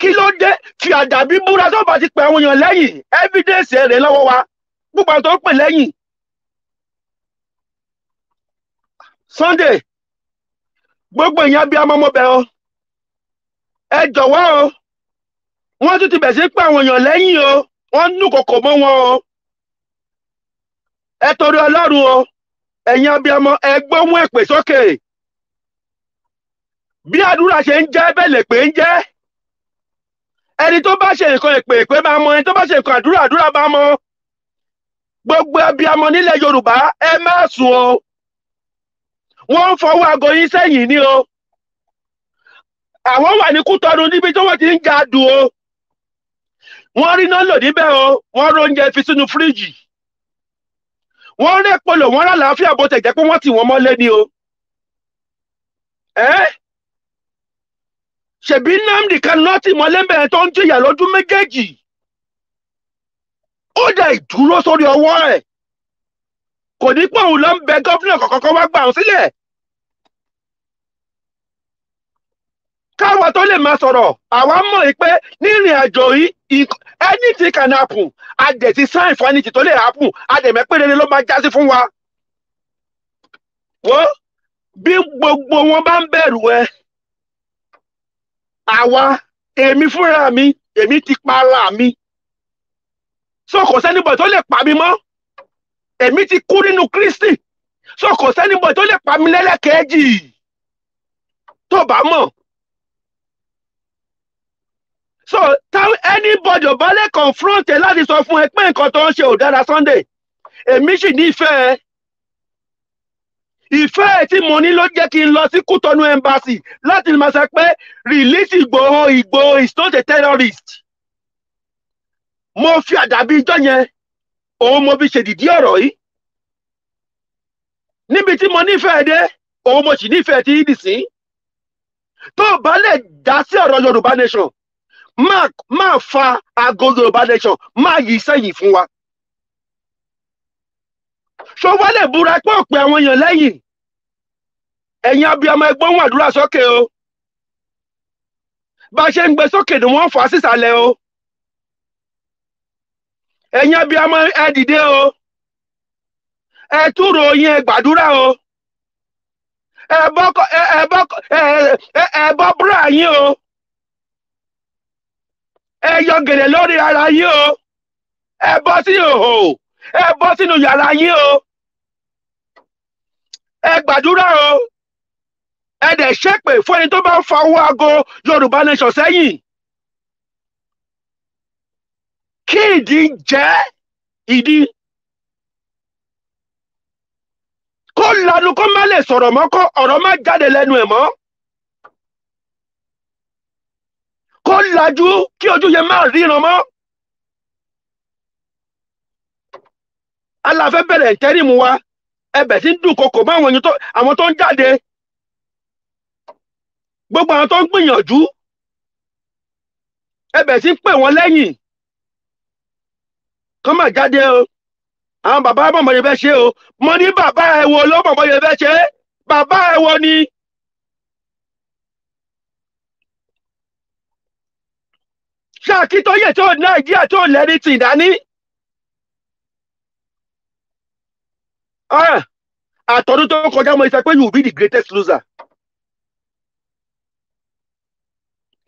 S15: kí ló dé fi àdàbí búra tó bá ti pè àwọn èèyàn lẹ́yìn evidence rẹ̀ lọ́wọ́ wa púpọ̀ tó pè lẹ́yìn Sunday gbogbo èèyàn bí amọ́mọ́bẹ̀ o ẹ jọ̀wọ́ o wọ́n tún ti bẹ̀ sí pé àwọn èèyàn lẹ́yìn o wọ́n nú kòkò mọ́ wọn o ẹ torí ọlọ́run o ẹ̀yin abiyamọ ẹ gbóhùn èpè sókè bí àdúrà ṣe ń jẹ́ bẹ́ẹ̀ lè pè ń jẹ́ ẹni tó bá ṣe nǹkan èpè èpè máa mọ ẹni tó bá ṣe nǹkan àdúrà àdúrà máa mọ gbogbo abiyamọ nílẹ̀ yorùbá ẹ má sùn o wọ́n ń fọwọ́ aago yín sẹ́yìn ni o àwọn wà ní kútọ́nu níbi tí wọ́n ti ń ga dùn o wọ́n rí iná lò níbẹ̀ o wọ́n rí oúnjẹ fi sínú fíríjì wọ́n rí epo lò wọ́n rà láàfíà bó jẹ́ pé wọ́n tì wọ́n mọ́lé ni o ẹ́ ṣèbí Nnamdi Kanu tì mọ́lé bẹ́ẹ̀ tó ń jìyà lójú méjèèjì ó dà ìdúró sórí ọwọ́ ẹ̀ kò ní pọ̀ òun ló ń bẹ gọ́fúnà kọ̀ọ̀kan wá gbà òun sílẹ̀ káwa tó lè máa sọ̀rọ̀ àwa mọ̀ pé ní ìrìn àjò yìí anything can happen a dẹ̀ ti sign fún anything tó lè happen a dẹ̀ mẹ́pẹ́ rere ló máa jásí fún wa. wọ́n bí gbogbo wọn bá ń bẹ̀rù ẹ àwa èmi fúnra mi èmi ti pa ara mi so kò sẹ́nibọ̀ tó lè pa mi mọ́ èmi ti kú nínú Kristi so kò sẹ́nibọ̀ tó lè pa mi lẹ́lẹ́kẹ̀ẹ́jì tó bá mọ̀ sọ anybody ò bá lè confront ẹ láti sọ fún ẹ pé nǹkan tó ń ṣe ò dára Sunday èmi sì ní ìfẹ́ ẹ ìfẹ́ ẹ tí mo ní ló jẹ́ kí n lọ sí Kútọ́nù embassy láti máa sọ pé release Ìgbòho Ìgbòho is not a terrorist mo fi àdàbí ijọ́ yẹn òun mo fi ṣèdìdí ọ̀rọ̀ yìí níbi tí mo nífẹ̀ẹ́ dé òun mo sì nífẹ̀ẹ́ tí yìí dì sí tó bá lè dá sí ọ̀rọ̀ Yorùbá nation Ma má fa aago yorùbá nation má yí sẹ́yìn fún wa. ṣó wá lè búra pé òpin àwọn èèyàn lẹ́yìn ẹ̀yin abiyamọ ẹgbẹ́ ohun àdúrà sókè o bá a ṣe ń gbé sókè ni wọ́n fà á sísàlẹ̀ o ẹ̀yin abiyamọ ẹ dìde o ẹ túrò yín ẹ gbàdúrà o ẹ bọ́ ẹ bọ́ ẹ bọ́ búra yín o. ẹ yọ gèlè lórí ara yín o ẹ bọ́ sí ìhò ẹ bọ́ sínú yàrá yín o ẹ gbàdúrà o ẹ dẹ̀ ṣépè fún ẹni tó bá ń fa owó aago Yorùbá nation sẹ́yìn kí ìdí jẹ́ ìdí kó lanu kó má lè sọ̀rọ̀ mọ́ kó ọ̀rọ̀ má jáde lẹ́nu ẹ̀ mọ́. kó lajú kí ojú yẹn má ríran mọ́. aláfẹ́ bẹ̀rẹ̀ ìtẹ́rìmù wa ẹbẹ̀ tí ń dùn kòkò mọ́ àwọn tó ń jáde gbogbo àwọn tó ń gbìyànjú ẹbẹ̀ tí ń pè wọ́n lẹ́yìn kọ́ mà jáde o àwọn bàbá mọ̀mọ́ yẹn fẹ́ ṣe o mo ní bàbá ẹ̀ wo ló mọ̀mọ́ yẹn fẹ́ ṣe bàbá ẹ̀ wo ni. ṣáàkì tó yẹ tó nàìjíríà tó lẹ́ni tì dání. Ah, àtọ̀dún tó kọjá mo sọ pé you will be the greatest loser.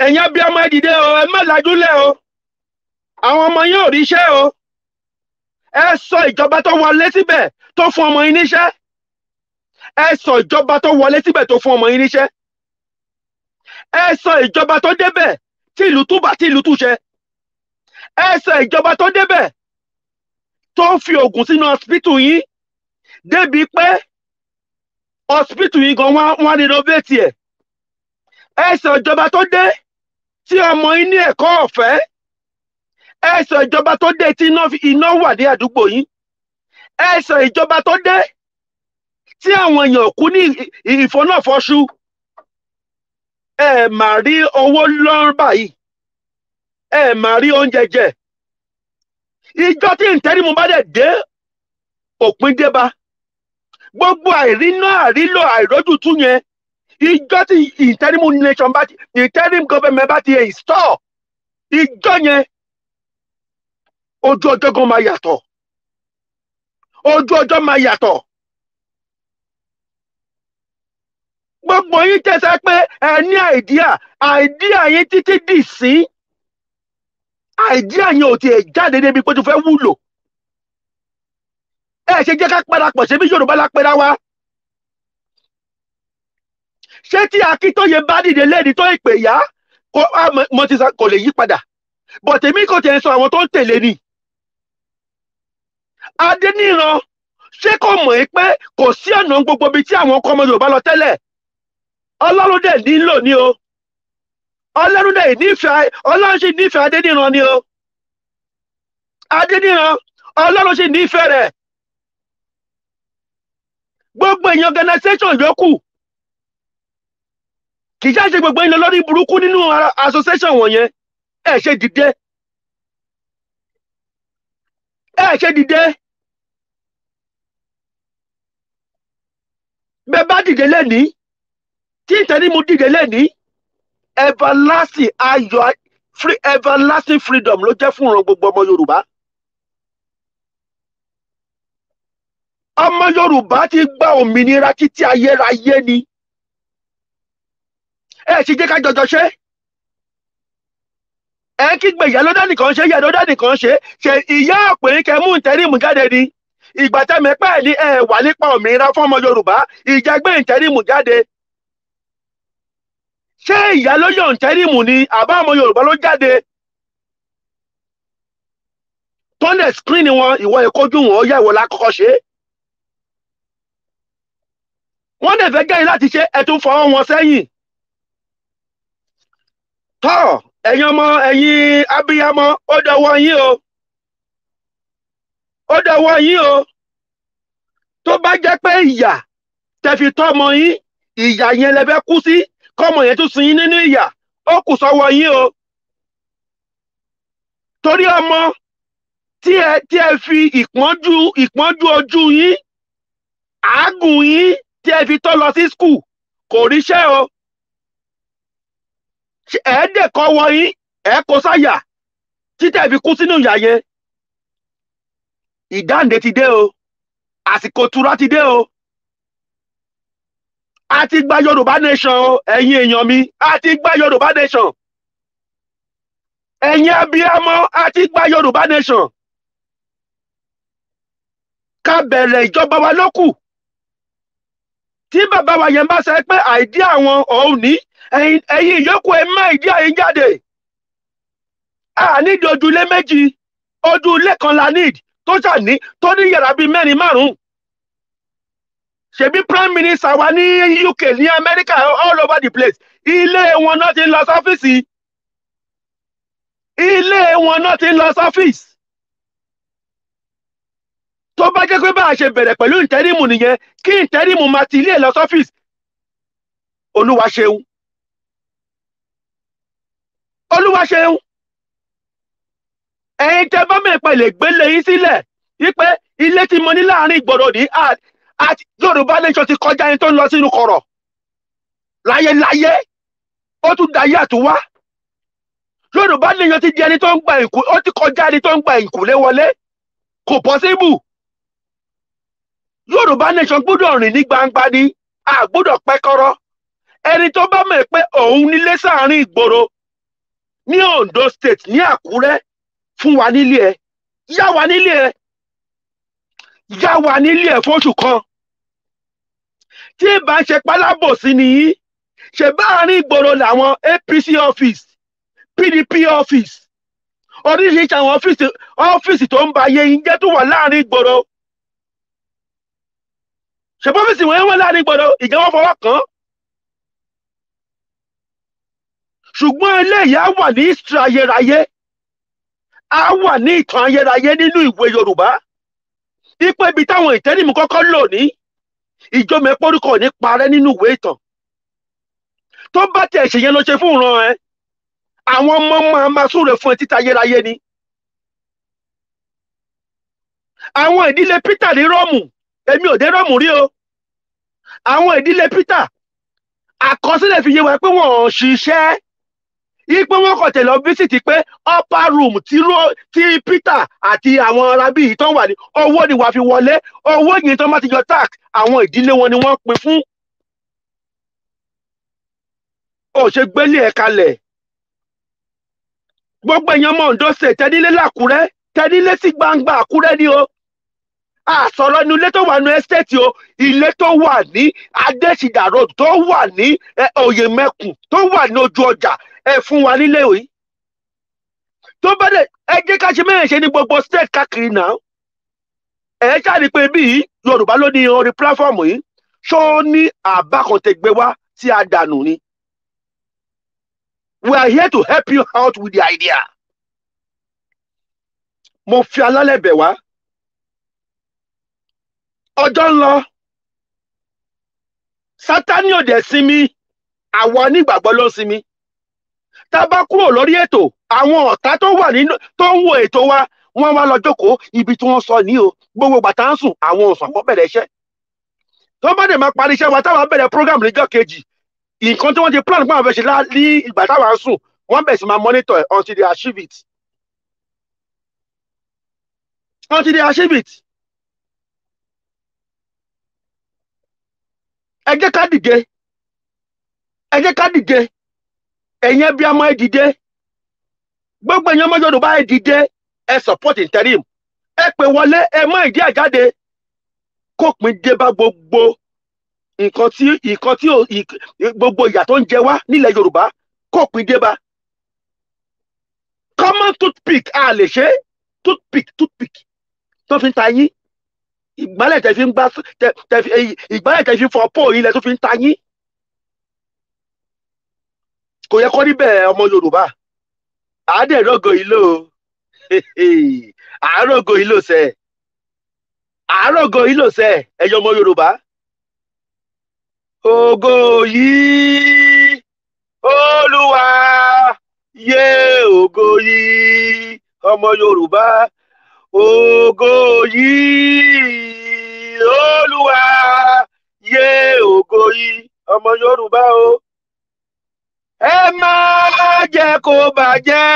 S15: ẹ̀yin abiyamọ ẹ dìde o ẹ má lajúlẹ̀ o àwọn ọmọ yín ò ríṣẹ́ o ẹ sọ ìjọba tó wọlé síbẹ̀ tó fún ọmọ yín níṣẹ́ ẹ sọ ìjọba tó wọlé síbẹ̀ tó fún ọmọ yín níṣẹ́ ẹ sọ ìjọba tó débẹ̀ tí ìlú túbà tí ìlú túṣẹ ẹsẹ̀ ìjọba tó débẹ̀ tó ń fi oògùn sínú ọsibítù yín débi pé ọsibítù yín gan wọn renovate ẹ ẹsẹ̀ ìjọba tó dé tí ọmọ yín ní ẹ̀kọ́ ọ̀fẹ́ ẹsẹ̀ ìjọba tó dé tí iná wà ní àdúgbò yín ẹsẹ̀ ìjọba tó dé tí àwọn èèyàn kú ní ìfọ́nàfọ́ṣù ẹ ma rí owó lọ́rùn báyìí ẹ mà rí oúnjẹ jẹ ìjọ tí ìtẹ́rìmù bá dẹ̀ dé òpin gbogbo àìrínà àrílò àìrójútú yẹn ìjọ tí ìtẹ́rìmù nation bá ti ìtẹ́rìmù bá ti ìjọ ojú ọjọ́ gan yàtọ̀ gbogbo yín tẹ̀sẹ̀ pé ẹ ní àìdíà àìdíà yín títí dì sí àìdíà yín ò tiẹ̀ jáde débi pé tó fẹ́ wúlò ẹ ṣe jẹ́ ká padàpọ̀ ṣe bí Yorùbá la pera wa ṣé tí Akíntóye bá dìde lẹ́ni tó ìpè yá kò lè yí padà bọ̀ tèmi kò tẹ̀ ń sọ àwọn tó ń tẹ̀lé ni Adéníran ṣé kò mọ̀ ẹ́ pé kò sí ọ̀nà gbogbo ibi tí àwọn ọkọ̀ ọmọ Yorùbá lọ tẹ́lẹ̀ ọlọ́run dẹ̀ nílò ni o ọlọ́run dẹ̀ nífẹ̀ẹ́ ọlọ́run sì nífẹ̀ẹ́ adédìran ní o adédìran ọlọ́run sì nífẹ̀ẹ́ rẹ̀ gbogbo èèyàn organisation yòókù kì í ṣáà ṣe gbogbo èèyàn lórí burúkú nínú association wọ̀nyẹn ẹ ṣe dìde ẹ ṣe dìde bẹ́ẹ̀ bá dìde tí ni mu dìde lẹ́ni everlasting ayọ̀ free everlasting freedom lo je fun ìran gbogbo omo Yoruba. Omo Yoruba ti gba òmìnira aye raye ni ẹ sì jẹ́ ká jọjọ ṣe ẹ kígbe ìyá ló dánìkan ṣe ìyá ló dánìkan ṣe ṣe ìyá ọ̀pẹ̀yìn kẹ mú ìtẹ́rìmù jáde ni ìgbà tẹ́mi pẹ́ẹ́ ní ẹ wà nípa òmìnira fún ọmọ Yorùbá ìjẹ́gbé ìtẹ́rìmù jáde ṣé ìyá ló yàn tẹ́rìmù ni àbá ọmọ yorùbá ló jáde tọ́ndẹ̀ screen wọn ìwọ ìkọjú wọn yà ìwọ lákọ́kọ́ ṣe wọ́n dẹ̀ fẹ́ gẹ́yìn láti ṣe ẹ̀tún fọwọ́ wọn sẹ́yìn tọ́ ẹ̀yin ọmọ ẹ̀yin abiyamọ ó dọwọ́ yín o ó dọwọ́ yín o tó bá jẹ́ pé ìyà tẹ́ tọ́ ọmọ yín ìyà yẹn lẹ fẹ́ kú sí. Si kọ́mọ yẹn tún sin yín nínú ìyà ó kù sọ́wọ́ yín o torí ọmọ tí ẹ tí ẹ fi ìpọ́njú ìpọ́njú ojú yín àágùn yín tí ẹ fi tọ́ lọ sí skul kò ríṣẹ́ o ẹ dẹ̀ kọ́ wọ yín ẹ kó sáyà títẹ̀ fi kú sínú ìyà yẹn ìdáǹdè ti dé o àsìkò tura ti dé o a ti gba yorùbá nation ẹ̀yin èèyàn mi a ti gba yorùbá nation ẹ̀yin abiyamọ a ti gba yorùbá nation ká bẹ̀rẹ̀ ìjọba wa lókù tí bàbá wa yẹn bá sọ pé àìdí àwọn ọ̀hún ní ẹ̀yin ìyókù ẹ̀ má ìdí àyín jáde a nídìí ojúlé méjì ojúlé kan la need tó ṣà ní tó ní yàrá bíi mẹ́rin márùn ṣebí prime minister wa ní UK ní America all over the place ilé wọn náà ti ń lọ sọ́fíìsì ilé wọn náà ti ń lọ sọ́fíìsì tó bá jẹ́ pé bá a ṣe bẹ̀rẹ̀ pẹ̀lú ìtẹ́rìmù nìyẹn kí ìtẹ́rìmù máa ti ilé lọ sọ́fíìsì olúwa ṣeun olúwa ṣeun ẹ̀yin tẹ́ bá mẹ́pẹ́ lè gbélé yín sílẹ̀ wípé ilé tí mo ní láàrin ìgboro ní àti Yorùbá nation ti kọjá ẹni tó ń lọ sínú kọ̀rọ̀ láyéláyé ó tún dayé àtúwá Yorùbá nation ti di ẹni tó ń gba ìkú ó ti kọjá ẹni tó ń gba ìkúlé wọlé kò pọ́síbù Yorùbá nation gbọ́dọ̀ rìn ní gbangba ni a gbọ́dọ̀ pẹ́ kọ́rọ́ ẹni tó bá mọ̀ pé òun nílé sáàárín ìgboro ní Ondo state ní Àkúrẹ́ fún wa nílé ẹ yá wa nílé ẹ já wà nílé ẹ̀ fóṣù kan tí ìbá ṣe pálábòsí nìyí ṣe bá àárín ìgboro làwọn APC office PDP office oríṣiríṣi àwọn ọ́fíìsì tó ń ba ayé yín jẹ́ tó wà láàárín ìgboro ṣe bọ́fíìsì wọn wọ́n láàárín ìgboro ìjọba fọwọ́ kàn án ṣùgbọ́n eléyìí á wà ní ìtàn ayérayé á wà ní ìtàn ayérayé nínú ìwé Yorùbá ipe ibi táwọn ìtẹ́rìmù kọ́kọ́ lò ní ìjọba ẹ̀pọ́rúkọ ní parẹ́ nínú ìwé ìtàn tó bá tiẹ̀ ṣèyẹn ló ṣe fún ìran ẹ àwọn ọmọ máa máa súre fún ẹ títa ayérayé ni àwọn ìdílé Peter ní Róòmù èmi ò dé Róòmù rí o àwọn ìdílé Peter àkọsílẹ̀ fi yé wa pé wọ́n ṣiṣẹ́ ipe wọn kọ tẹ́lẹ̀ ọfíìsìtì pé upper room ti ro ti Peter àti àwọn arábí yìí tán wà ní owó ni wàá fi wọlé owó yìí tán bá ti yọ tax àwọn ìdílé wọn ni wọ́n pín fún. ó ṣe gbélé ẹ̀ kalẹ̀ gbogbo èèyàn mọ̀ Ondo State tẹ́nílé làkúrẹ́ tẹ́nílé sí gbangba àkúrẹ́ ni o àsọ̀rọ̀ ni ilé tó wà ní ẹ́stéètì o ilé tó wà ní adésìdà road tó wà ní òyèmẹkùn tó wà ní ojú ọjà ẹ fún wa nílé ìwé tó bá dẹ̀ ẹ jẹ́ ká ṣe mẹ́rin ṣe ní gbogbo state káàkiri náà ẹ ṣáàdì pé bí Yorùbá ló ní orí platform yìí ṣó ní àbá wá tí a dànù ni we are here to help you out with the idea mo fi alálẹ̀ bẹ̀ wá ọjọ́ ń lọ Sátánì ò dẹ̀ sinmi àwọn onígbàgbọ́ ló ń sinmi tá a bá kúrò lórí ètò àwọn ọ̀tá tó wà nínú tó ń wo ètò wa wọ́n wá lọ jókòó ibi tí wọ́n sọ ní o gbogbo gbàtà ń sùn àwọn òsùn àpọ̀ bẹ̀rẹ̀ iṣẹ́ tó bá dẹ̀ máa parí iṣẹ́ wa táwa bẹ̀rẹ̀ program níjọ́ kejì nǹkan tí wọ́n ti plan pàmò fẹ́ṣẹ̀ ní ìgbà táwa ń sùn wọ́n bẹ̀ sí máa monitor until they achieve it until they achieve it. ẹ jẹ́ ká dìde ẹ jẹ́ ká dìde ẹ̀yin ẹbí a ẹ dìde gbogbo ẹ̀yin ọmọ Yorùbá ẹ dìde ẹ support interim ẹ pè wọlé ẹ mọ ìdí ẹ̀ jáde kópin dé bá gbogbo nǹkan tí nǹkan tí gbogbo ìyà tó ń jẹ wá nílẹ̀ Yorùbá kópin dé bá common toothpick a lè ṣe toothpick toothpick tó fi ń ta yín ìgbálẹ̀ tẹ̀ fi ń gbá ìgbálẹ̀ tẹ̀ fi ń fọ pọ́ọ̀ yín lẹ̀ tó fi ń ta yín kò yẹ kọ́ níbẹ̀ ọmọ Yorùbá àádẹ́rọ̀gọ̀ ìlò àárọ̀gọ̀ ìlò sẹ́ àárọ̀gọ̀ ìlò sẹ́ ẹ̀yọ́ ọmọ Yorùbá ògo yìí Olúwa yé ògo yìí ọmọ Yorùbá ògo yìí Olúwa yé ògo yìí ọmọ Yorùbá o. Oh. ẹ má jẹ́ kó bàjẹ́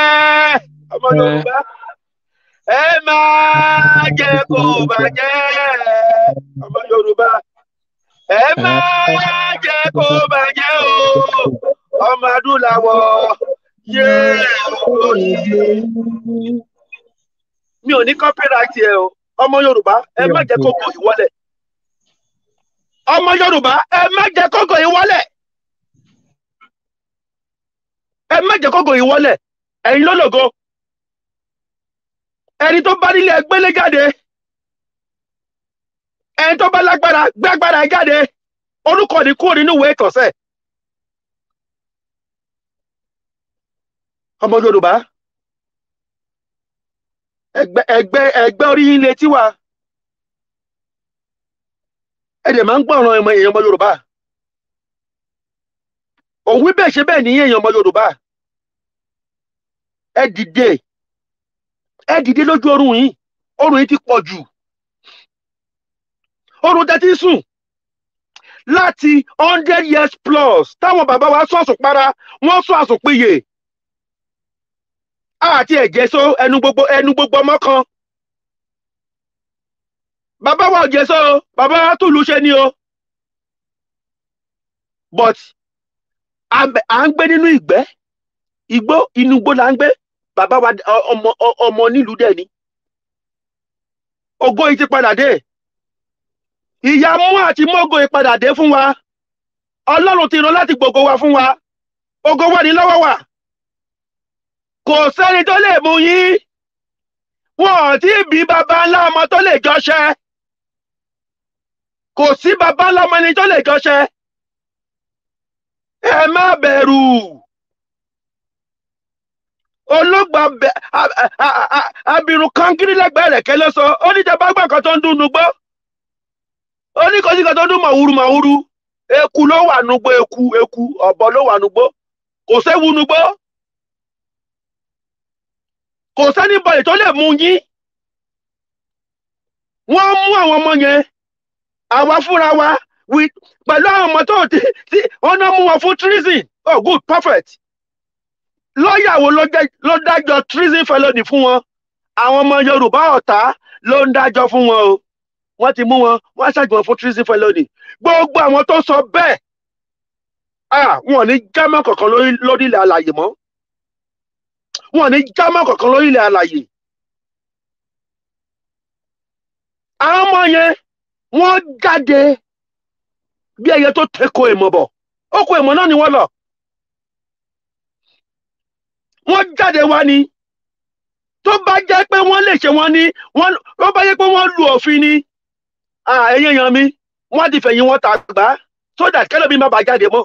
S15: ọmọ Yorùbá jẹ́ ọmọ Yorùbá jẹ́ kó bàjẹ́ o ọmọ adúláwọ̀ mi ò ní copyright ẹ ọmọ Yorùbá ẹ má jẹ́ kó ọmọ Yorùbá ẹ má jẹ́ kó ẹ má jẹ́ kókò yìí wọlẹ̀ ẹni tó bá nílé ẹgbẹ́lé jáde ẹni tó bá lágbára gbágbára jáde orúkọ kúrò ọmọ Yorùbá ẹgbẹ́ ẹgbẹ́ orí ilé tiwa máa ń gbọ́ràn ọmọ Yorùbá òun wí bẹ́ẹ̀ ṣe ọmọ Yorùbá. ẹ dìde ẹ dìde lójú oorun yìí oorun yìí ti pọ̀ jù oorun tẹ́tí sùn láti hundred years plus táwọn bàbá wa sọ àsùnpara wọ́n sọ àsùnpìyè àti ẹ̀jẹ̀ so ẹnu gbogbo ẹnu gbogbo ọmọ kan bàbá wa ò baba bàbá wa tùlù ṣe ni o but à ń gbé nínú ìgbẹ́ igbó inú igbó la ń gbé bàbá wa ọmọ ọmọ nílùú dẹ̀ ni ògo yìí ti padà dé ìyá mú àti mọ́gò yìí padà dé fún wa ọlọ́run ti rán láti gbogbo wa fún wa ògo wà ní lọ́wọ́ wa kò sẹni tó lè mú yín wọn ò tí ì bí baba ńlá ọmọ tó lè jọṣẹ́ kò sí baba ńlá ọmọ ẹni tó lè jọṣẹ́ ẹ má bẹ̀rù. olóògbà abirùn kankiri lẹ́gbẹ̀ẹ́ rẹ̀ kẹ́lẹ́ sọ gbà kan tó ń dún eku ló wà eku eku ọ̀bọ ló wà nugbó kò séwu nugbó kò sẹ́ni tó lè mú yín mú àwọn ọmọ wa àwọn ọmọ tó ti náà mú wọn treason oh good perfect lọ́ọ̀yà wo ló dájọ́ treason felony fún wọn àwọn ọmọ yorùbá ọ̀tá ló ń dájọ́ fún wọn o wọ́n ti mú wọn wọ́n ṣàjùmọ̀ fún treason felony gbogbo àwọn tó sọ bẹ́ẹ̀ wọn ò ní jámọ́ kankan lórílẹ̀ àlàyé mọ́ wọn ò ní jámọ́ kankan lórílẹ̀ àlàyé àwọn ọmọ yẹn wọ́n jáde bí ẹyẹ tó tẹ́kọ̀ọ́ èèmọ̀ bọ̀ ó kó èèmọ̀ náà ni wọ́n lọ wọ́n jáde wá ni tó bá jẹ́ pé wọ́n lè ṣe wọ́n ní wọ́n tó bá jẹ́ pé wọ́n lu òfin ni ẹ̀yìn èèyàn mi wọ́n ti fẹ̀yìn wọn tà gbá sódà kẹ́lẹ́ mi má bàa jáde mọ́.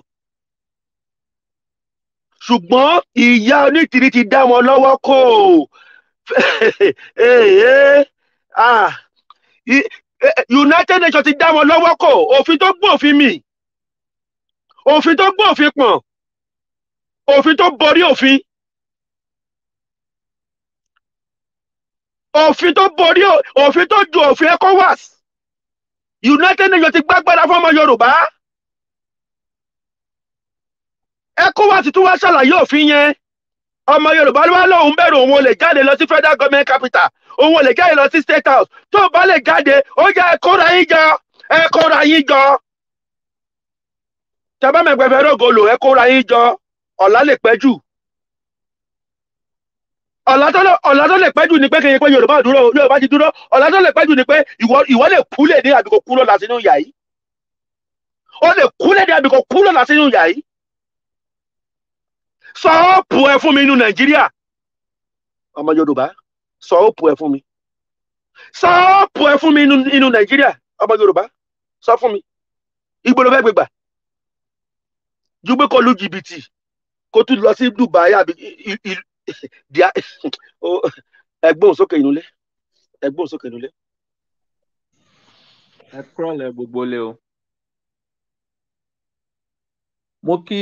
S15: ṣùgbọ́n ìyá onítìrí ti dá wọn lọ́wọ́ kò e, United Nations ti dá wọn lọ́wọ́ kò òfin tó gbọ́ òfin mi òfin tó gbọ́ òfin pọ̀n òfin tó borí òfin òfin tó borí òfin tó ju òfin ECOWAS United Nations ti gbàgbára fọmọ Yorùbá ECOWAS tún wá ṣàlàyé òfin yẹn ọmọ Yorùbá ló wá lóun bẹ̀rù òun ò jáde lọ sí federal government capital òun ò lè jáde lọ sí state house tó o bá lè jáde ó yẹ ẹ kóra yín jọ ẹ yín jọ tẹ rògo lò ẹ yín jọ ọ̀la lè pẹ́ jù ọ̀la tó lè pẹ́ jù ni pé kéye pé yorùbá dúró yorùbá ti dúró ọ̀la tó lè pẹ́ jù ni pé ìwọ lè kú lè dé àbíkò kú lọ́la sínú ìyá yìí ó lè kú lè dé àbíkò kú lọ́la sínú ìyá yìí sọ ọ́pù ẹ fún mi nínú nàìjíríà ọmọ yorùbá sọ ọ́pù ẹ fún mi sọ ọ́pù ẹ fún mi nínú nàìjíríà ọmọ yorùbá sọ fún mi ìgbòho fẹ́ gbégbà ju pé kó lu jìbìtì kó tún lọ sí dubai àbí díà ẹgbọ́n sókè inú lé
S21: ẹgbọ́n sókè inú lé. ẹ kúrọ̀lẹ́ gbogbo lé o. mo kí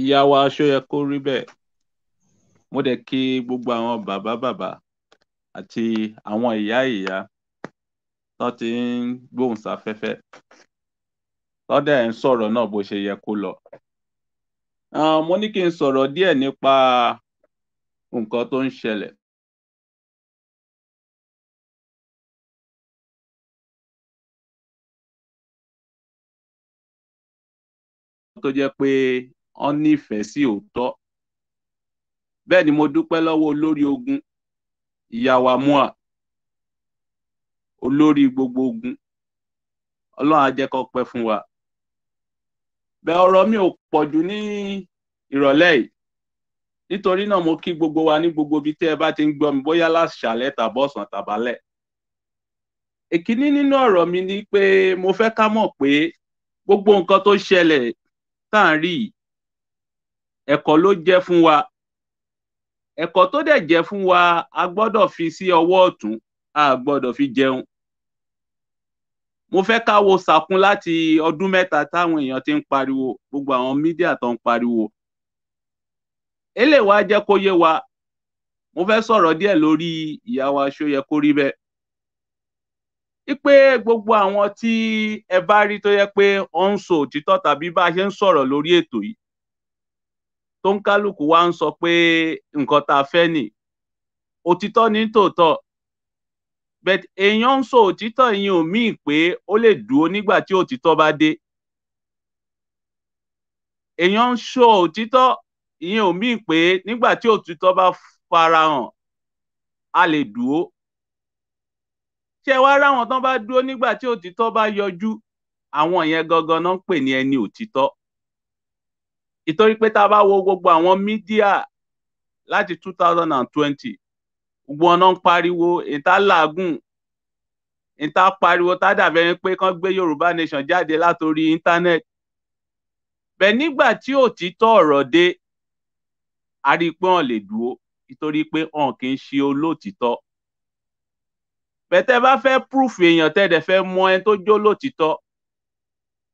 S21: ìyá wa aṣọ yẹ kó rí bẹ́ẹ̀ mo dẹ̀ kí gbogbo àwọn bàbá bàbá àti àwọn ìyá ìyá tó ti ń gbóhùn sáfẹ́fẹ́ lọ́dẹ̀ ń sọ̀rọ̀ náà bó ṣe yẹ kó lọ. mo ní kí n sọ̀rọ̀ díẹ̀ nípa nǹkan tó ń ṣẹlẹ̀ tó jẹ́ pé wọ́n nífẹ̀ẹ́ sí òótọ́ bẹ́ẹ̀ ni mo dúpẹ́ lọ́wọ́ olórí ogun ìyàwó amúà olórí gbogbo ogun ọlọ́run á pẹ́ fún wa bẹ ọ̀rọ̀ mi ò pọ̀jù ní ìrọ̀lẹ́ yìí nítorí náà mo kí gbogbo wa ní gbogbo ibi tí ẹ bá ti ń gbọ́ mi bóyá láṣàlẹ́ tàbọ̀sán tàbálẹ̀ èkíní nínú ọ̀rọ̀ mi ni pé mo fẹ́ ká mọ̀ pé gbogbo nǹkan tó ṣẹlẹ̀ tá à ń rí ẹ̀kọ́ ló jẹ́ fún wa ẹ̀kọ́ tó dẹ̀ jẹ́ fún wa a gbọ́dọ̀ fi sí ọwọ́ ọ̀tún a gbọ́dọ̀ fi jẹun mo fẹ́ ká wo sàkún láti ọdún mẹ́ta táwọn èèyàn ti ń pariwo gbogbo àwọn mídíà tó ń pariwo eléwàá jẹ́ kó yé wa mo fẹ́ sọ̀rọ̀ díẹ̀ lórí ìyá wa ṣó yẹ kó rí bẹ́ẹ̀ ipe gbogbo àwọn tí ẹ bá rí tó yẹ pé ọ ń sọ òtítọ́ tàbí bá a ṣe ń sọ̀rọ̀ lórí ètò yìí tó ń kálukú wa ń sọ pé nǹkan tá a fẹ́ nì òtítọ́ ní tòótọ́ but èèyàn ń sọ òtítọ́ ìyẹn ò míì pé ó lè dúró nígbà tí òtítọ́ bá dé èèyàn ń sọ òtítọ́ ìyẹn ò míì pé nígbà tí òtítọ́ bá farahàn a lè dúró ṣé wàá ráwọn tán bá dúró nígbà tí òtítọ́ bá yọjú àwọn yẹn gangan náà ń pè ní ẹni òtítọ́ ìtorí pé tá a bá wo gbogbo àwọn mídíà láti two thousand and twenty gbogbo ọ̀nà ń pariwo ìta làágùn ìta pariwo tá dàbẹ̀ ni pé kán gbé yorùbá nation jáde látòrí íńtánẹ́ẹ̀tì bẹ́ẹ̀ nígbà tí òtítọ́ ọ̀rọ̀ dé a rí i pé wọn lè dúró nítorí pé wọn kì í ṣe olótìtọ́ bẹ́tẹ̀ bá fẹ́ púrúfù èèyàn tẹ́ẹ̀dẹ̀ fẹ́ mọ ẹni tó jó olótìtọ́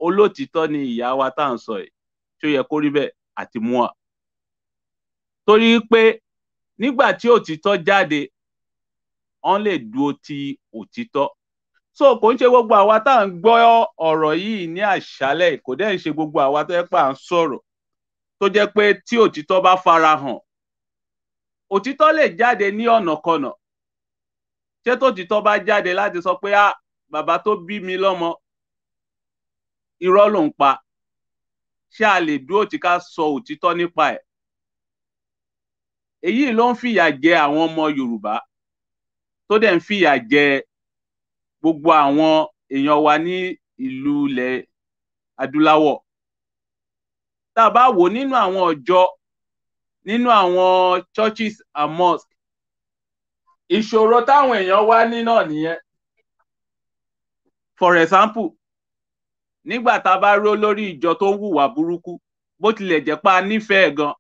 S21: olótìtọ́ ni ìyá wa tá à ń sọ yìí tí ó yẹ kó rí bẹ́ẹ̀ àti mua torí pé nígbà tí òtítọ́ jáde wọ́n lè dúró ti òtítọ́ so kò ń ṣe gbogbo àwa tá à ń gbọ́ ọ̀rọ̀ yìí ní àṣálẹ́ kò dẹ́ ń ṣe gbogbo àwa tó yẹ pé à ń sọ̀rọ̀ tó jẹ́ pé tí òtítọ́ bá fara hàn òtítọ́ lè jáde ní ọ̀nàkọnà ṣé tòtítọ́ bá jáde láti sọ pé ah bàbá tó bí mi lọ́mọ irọ́ ló ń pa ṣé a lè dúró tí ká sọ òtítọ́ nípa ẹ̀ èyí ló ń fìyà jẹ àwọn ọmọ yorùbá tó dẹ̀ ń fìyà jẹ gbogbo àwọn èèyàn wa ní ìlú ilẹ̀ adúláwọ̀ tá a bá wò nínú àwọn ọjọ́ nínú àwọn churches and mosques ìṣòro táwọn èèyàn wá ní náà nìyẹn for example nígbà tá a bá ró lórí ìjọ tó ń hùwà burúkú bó tilẹ̀ jẹ́ pé nífẹ̀ẹ́ gan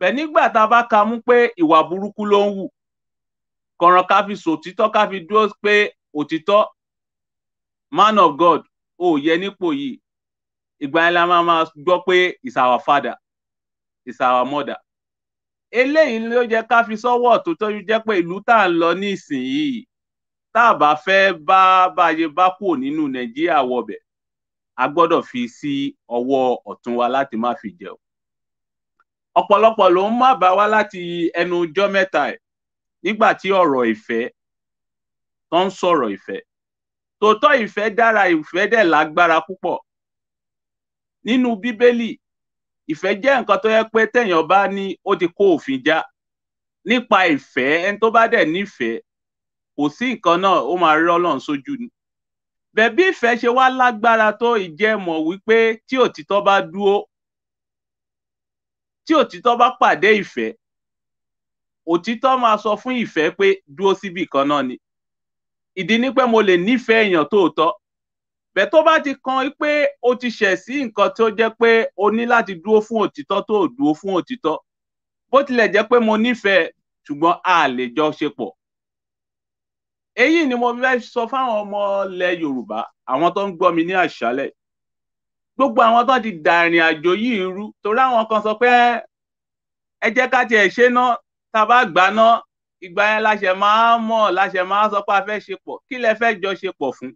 S21: bẹ́ẹ̀ nígbà tá a bá ka mú pé ìwà burúkú ló ń wù kọ̀ọ̀ràn ká fi sòtítọ́ ká fi dúró pé òtítọ́ man of God ò yẹ nípò yìí ìgbà yẹn la máa máa gbọ́ pé is our father is our mother eléyìí ló jẹ́ ká fi sọ́wọ́ tó tọ́jú jẹ́ pé ìlú tá à ń lọ ní ìsinyìí tá a bá fẹ́ bá báyé bá kúrò nínú Nàìjíríà wọbẹ̀ a gbọ́dọ̀ fi sí ọwọ́ ọ̀tún wa láti má fi jẹun ọ̀pọ̀lọpọ̀ ló ń má bá wá láti ẹnu ọjọ́ mẹ́ta ẹ̀ nígbà tí ọ̀rọ̀ ìfẹ́ tó ń sọ̀rọ̀ ìfẹ́ tòótọ́ ìfẹ́ dára ìfẹ́ dẹ̀ lágbára púpọ̀ nínú bíbélì ìfẹ́ jẹ́ nǹkan tó yẹ pé téèyàn bá ní ó ti kó òfin já nípa ìfẹ́ ẹni tó bá dẹ̀ nífẹ̀ẹ́ kò sí nǹkan náà ó máa rí Ọlọ́run sójú ni bẹ́ẹ̀ bí ìfẹ́ ṣe wá lágbára tó ìjẹmọ́ wípé tí òtítọ́ bá dúró tí òtítọ́ bá pàdé ìfẹ́ òtítọ́ máa sọ fún ìfẹ́ pé dúró síbì kan náà ni ìdí ni pé mo lè nífẹ̀ẹ́ èèyàn tóòtọ́ bẹ́ẹ̀ tó bá ti kan pé o ti ṣẹ̀ sí nǹkan tó jẹ́ pé o ní láti dúró fún òtítọ́ tó dúró fún òtítọ́ bó tilẹ̀ jẹ́ pé mo nífẹ̀ẹ́ ṣùgbọ́n a lè jọ ṣe pọ̀ èyí ni mo fẹ́ sọ fáwọn ọmọ ilẹ̀ Yorùbá àwọn tó ń gbọ́ mi ní àṣálẹ́ gbogbo àwọn tán ti dà ìrìn àjò yìí rú torí àwọn kan sọ pé ẹ jẹ́ ká tiẹ̀ ṣe ná tá a bá gbà ná ìgbà yẹn la ṣe máa mọ̀ la ṣe máa sọ pé a fẹ́ ṣe pọ̀ kí lẹ fẹ́ jọ ṣe pọ̀ fún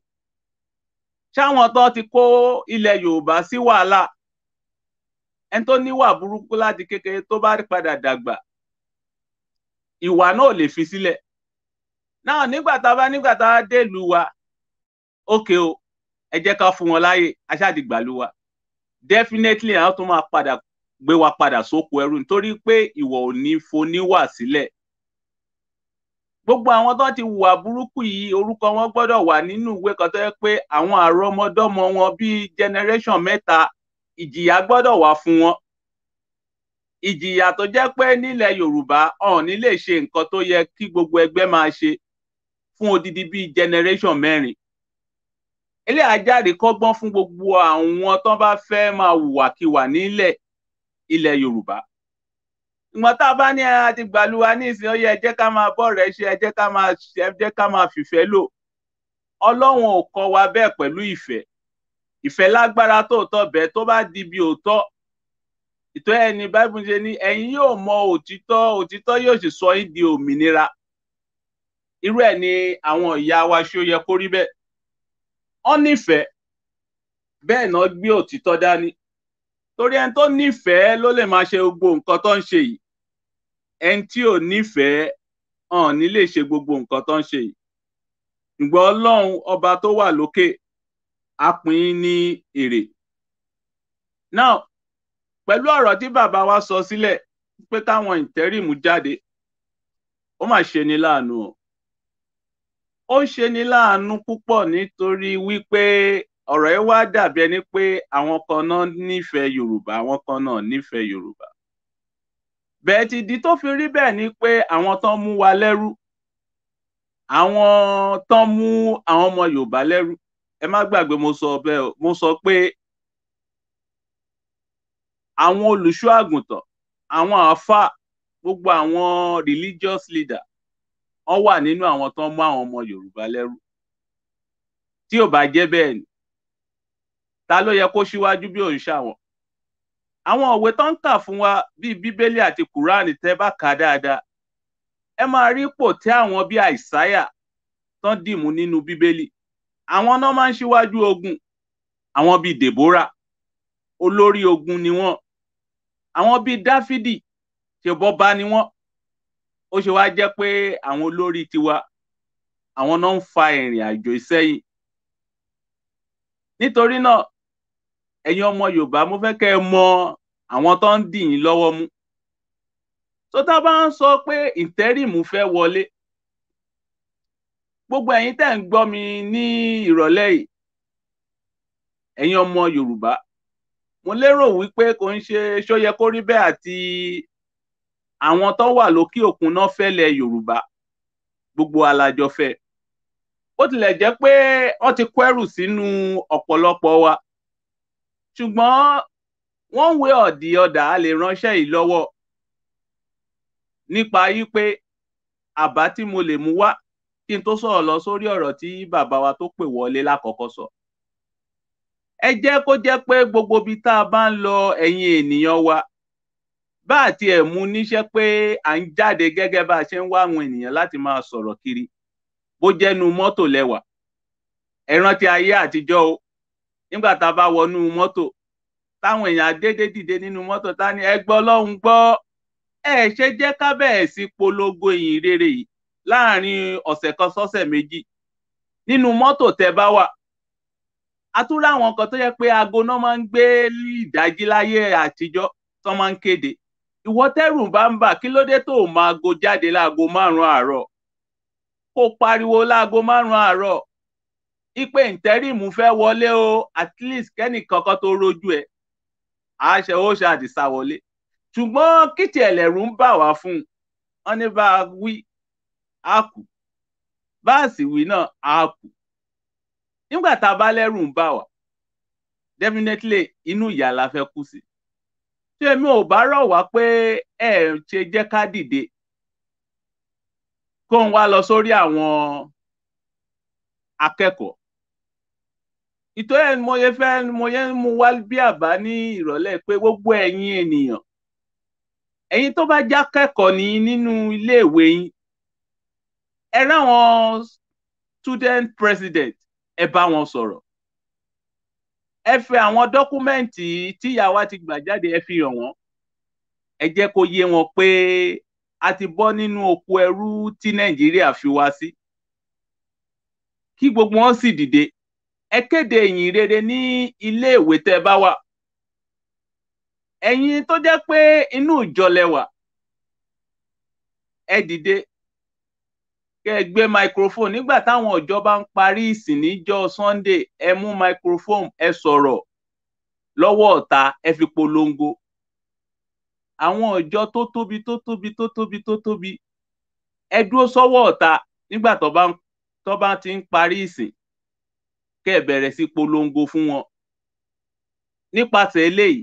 S21: ṣáwọn tán ti kó ilẹ̀ Yorùbá sí wàhálà ẹni tó níwà burúkú láti kékeré tó bá padà dàgbà ìwà náà lè fi sílẹ̀ náà nígbà tá a bá nígbà tá a dé ìlú wa ókè o ẹ jẹ́ ká fún wọn láàyè aṣáàdìgbàlú definitely àwọn tó máa padà gbé wa padà sóko ẹrú nítorí pé ìwọ ò ní foníwà sílẹ̀ gbogbo àwọn tó ti hùwà burúkú yìí orúkọ wọn gbọ́dọ̀ wà nínú ìwé kan tó yẹ pé àwọn àrọmọdọ́mọ wọn bíi generation mẹ́ta ìjìyà gbọ́dọ̀ wà fún wọn ìjìyà tó jẹ́ pé nílẹ̀ Yorùbá ọ̀hún ní lè ṣe nǹkan tó yẹ kí gbogbo ẹgbẹ́ máa ṣe fún odidi bíi generation mẹ́rin ilé ajáde kọ́gbọ́n fún gbogbo àwọn tó bá fẹ́ máa hùwàkiwà nílẹ̀ ilẹ̀ yorùbá ìmọ̀ tá a bá ní àti gbàlúwa ní ìsìn ọyẹ ẹ jẹ́ ká máa bọ́ rẹ̀ ṣe ẹ jẹ́ ká máa ṣe ẹ jẹ́ ká máa fìfẹ́ lò ọlọ́run ò kọ́ wa bẹ́ẹ̀ pẹ̀lú ìfẹ́ ìfẹ́ lágbára tóòtọ́ bẹ́ẹ̀ tó bá di bí òótọ́ ìtọ́ ẹni báìbù ṣe ní ẹ̀yin yóò mọ òtítọ́ òtítọ́ yóò sì sọ yín di òmìnira irú ẹ̀ ni àwọn ìyá wa ṣe ó yẹ kó rí bẹ́ẹ̀ wọn nífẹ̀ẹ́ bẹ́ẹ̀ náà gbé òtítọ́ dání torí ẹni tó nífẹ̀ẹ́ ló lè máa ṣe gbogbo nǹkan tó ń ṣe yìí ẹni tí ò nífẹ̀ẹ́ hàn ní lè ṣe gbogbo nǹkan tó ń ṣe yìí ṣùgbọ́n Ọlọ́run ọba tó wà lókè á pín in ní èrè now pẹ̀lú ọ̀rọ̀ tí bàbá wa sọ sílẹ̀ pé káwọn ìntẹ́rìmù jáde ó mà ṣe ni láàánú o ó ń ṣe ni láàánú púpọ̀ nítorí wípé ọ̀rọ̀ ẹ wá dàbí ẹni pé àwọn kan náà nífẹ̀ẹ́ yorùbá àwọn kan náà nífẹ̀ẹ́ yorùbá bẹ́ẹ̀ ti di tó fi rí bẹ́ẹ̀ ni pé àwọn tán mú wa lẹ́rú àwọn tán mú àwọn ọmọ yorùbá lẹ́rú ẹ má gbàgbé mo sọ bẹ́ẹ̀ mo sọ pé àwọn olùṣọ́ àwọn àáfàá gbogbo àwọn religious leader wọn wà nínú àwọn tó ń mú àwọn ọmọ yorùbá lẹ́rú tí ò bá jẹ́ bẹ́ẹ̀ ni ta ló yẹ kó síwájú bí òun ṣàwọn àwọn òwe tó ń kà fún wa bíi bíbélì àti kùránì tẹ́ bá kà dáadáa ẹ máa rí ipò tí àwọn bíi àìsáyà tán dìmú nínú bíbélì àwọn náà máa ń síwájú ogun àwọn bíi dèbóra olórí ogun ni wọ́n àwọn bíi dáfídì ṣèbọba ni wọ́n ó ṣe wá jẹ́ pé àwọn olórí tiwa àwọn náà ń fa ìrìn àjò ìsẹ́yìn nítorí náà ẹ̀yin ọmọ Yorùbá mo fẹ́ kẹ́ ẹ mọ àwọn tó ń dì yín lọ́wọ́ mú tó tá a bá ń sọ pé ìtẹ́rìmù fẹ́ wọlé gbogbo ẹ̀yin tẹ́ ń gbọ́ mi ní ìrọ̀lẹ́ yìí ẹ̀yin ọmọ Yorùbá mo lérò wípé kò ń ṣe ṣó yẹ kó àti àwọn tó wà lókè òkun náà fẹ́lẹ̀ yorùbá gbogbo alájọ fẹ́ ó tilẹ̀ jẹ́ pé wọ́n ti kó ẹrù sínú ọ̀pọ̀lọpọ̀ wa ṣùgbọ́n wọ́n wé ọ̀dì ọ̀dà a lè ránṣẹ́ yìí lọ́wọ́ nípa wípé àbá tí mo lè mú wá kí n tó sọ̀rọ̀ lọ sórí ọ̀rọ̀ tí bàbá wa tó pè wọlé lákọ̀ọ́kọ́ sọ. ẹ jẹ́ kó jẹ́ pé gbogbo ibi tá a bá ń lọ ẹ̀yin ènìyàn wa bá àti ẹ̀ mú níṣẹ́ pé à ń jáde gẹ́gẹ́ bá a ṣe ń wá àwọn ènìyàn láti máa sọ̀rọ̀ kiri bó jẹ́nu mọ́tò lẹ́wà ẹ rántí ayé àtijọ́ o nígbà tá a bá wọnú mọ́tò táwọn èèyàn dédé dìde nínú mọ́tò tá ní ẹ gbọ́ lọ́hùn gbọ́ ẹ ṣe jẹ́ ká bẹ̀ẹ̀ sí polongo ìyìn rere yìí láàrin ọ̀sẹ̀ kan sọ́sẹ̀ méjì nínú mọ́tò tẹ bá wà a tún ráwọn kan tó yẹ pé aago náà máa ń gbé ìdájí láyé àtijọ́ tó máa ń kéde ìwọ tẹ́rù bá ń bà kí ló dé tó máa go jáde láago márùn àárọ̀ kó pariwo láago márùn àárọ̀ ipe ìntẹ́rìmù fẹ́ wọlé o at least kẹ́nìkankan tó rojú ẹ̀ àṣẹ ó ṣe àdìsá ṣùgbọ́n kìtì ẹ̀lẹ́rù ń bà wá fún un wọ́n ní bá a wí a kù bá sì wí náà a kù nígbà tá a bá lẹ́rù ń bà wá definitely inú ìyá la fẹ́ kú sí ṣé mi ò bá rọ̀ wá pé ẹ ṣe jẹ́ ká dìde kó ń wá lọ sórí àwọn akẹ́kọ̀ọ́ ìtọ́ ẹ̀ mo yẹ fẹ́ mo yẹ mu wá bí àbá ní ìrọ̀lẹ́ pé gbogbo ẹ̀yin ènìyàn ẹ̀yin tó bá já kẹ́kọ̀ọ́ ní nínú iléèwé yín ẹ ráwọn student president ẹ bá wọn sọ̀rọ̀ ẹ fi àwọn dọ́kúmẹ́ǹtì tíyàwó ti gbà jáde ẹ fi hàn wọ́n ẹ jẹ́ kó yé wọn pé a ti bọ́ nínú oko ẹrú tí nàìjíríà fi wá sí kí gbogbo wọn sì dìde ẹ kéde ìyìn rere ní iléèwé tẹ bá wà ẹ̀yin tó jẹ́ pé inú ìjọ wà ẹ dìde kẹgbẹ́ microphone nígbà táwọn ìjọba ń parí ìsìn níjọ́ sunday ẹ mú microphone ẹ sọ̀rọ̀ lọ́wọ́ ọ̀tá ẹ fi polongo àwọn ọjọ́ tó tóbi tó tóbi tó tóbi tó tóbi ẹ dúró sọ́wọ́ ọ̀tá nígbà tó bá tó bá ti ń parí ìsìn kẹ́ ẹ sí polongo fún wọn nípasẹ̀ eléyìí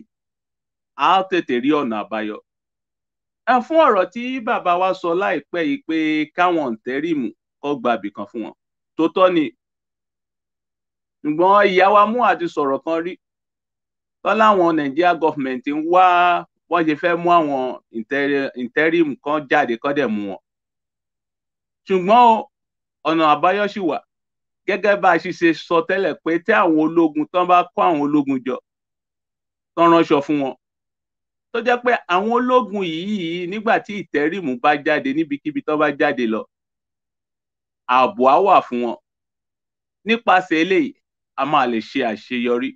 S21: a tètè rí ọ̀nà àbáyọ fún ọ̀rọ̀ tí bàbá wa sọ láìpẹ́ yìí pé káwọn ọ̀ǹtẹ́rìmù kọ́ gbàbì kan fún wọn tó tọ́ ni ṣùgbọ́n ìyá wa mú àti sọ̀rọ̀ kan rí tọ́láwọn nàìjíríà gọ́fìmẹ̀ntì ń wá wọ́n ṣe fẹ́ mú àwọn ìntẹ́rìmù kan jáde kọ́ dẹ̀ mú wọn ṣùgbọ́n ọ̀nà àbáyọ ṣì wà gẹ́gẹ́ bá a ṣì ṣe sọ tẹ́lẹ̀ pé tí àwọn ológun tán bá kó àwọn ológun jọ tán ránṣọ fún wọn tó jẹ́ pé àwọn ológun yìí nígbà tí ìtẹ́rìmù bá jáde níbikíbi tó bá jáde lọ ààbò á wà fún wọn nípasẹ̀ eléyìí a máa lè ṣe àṣeyọrí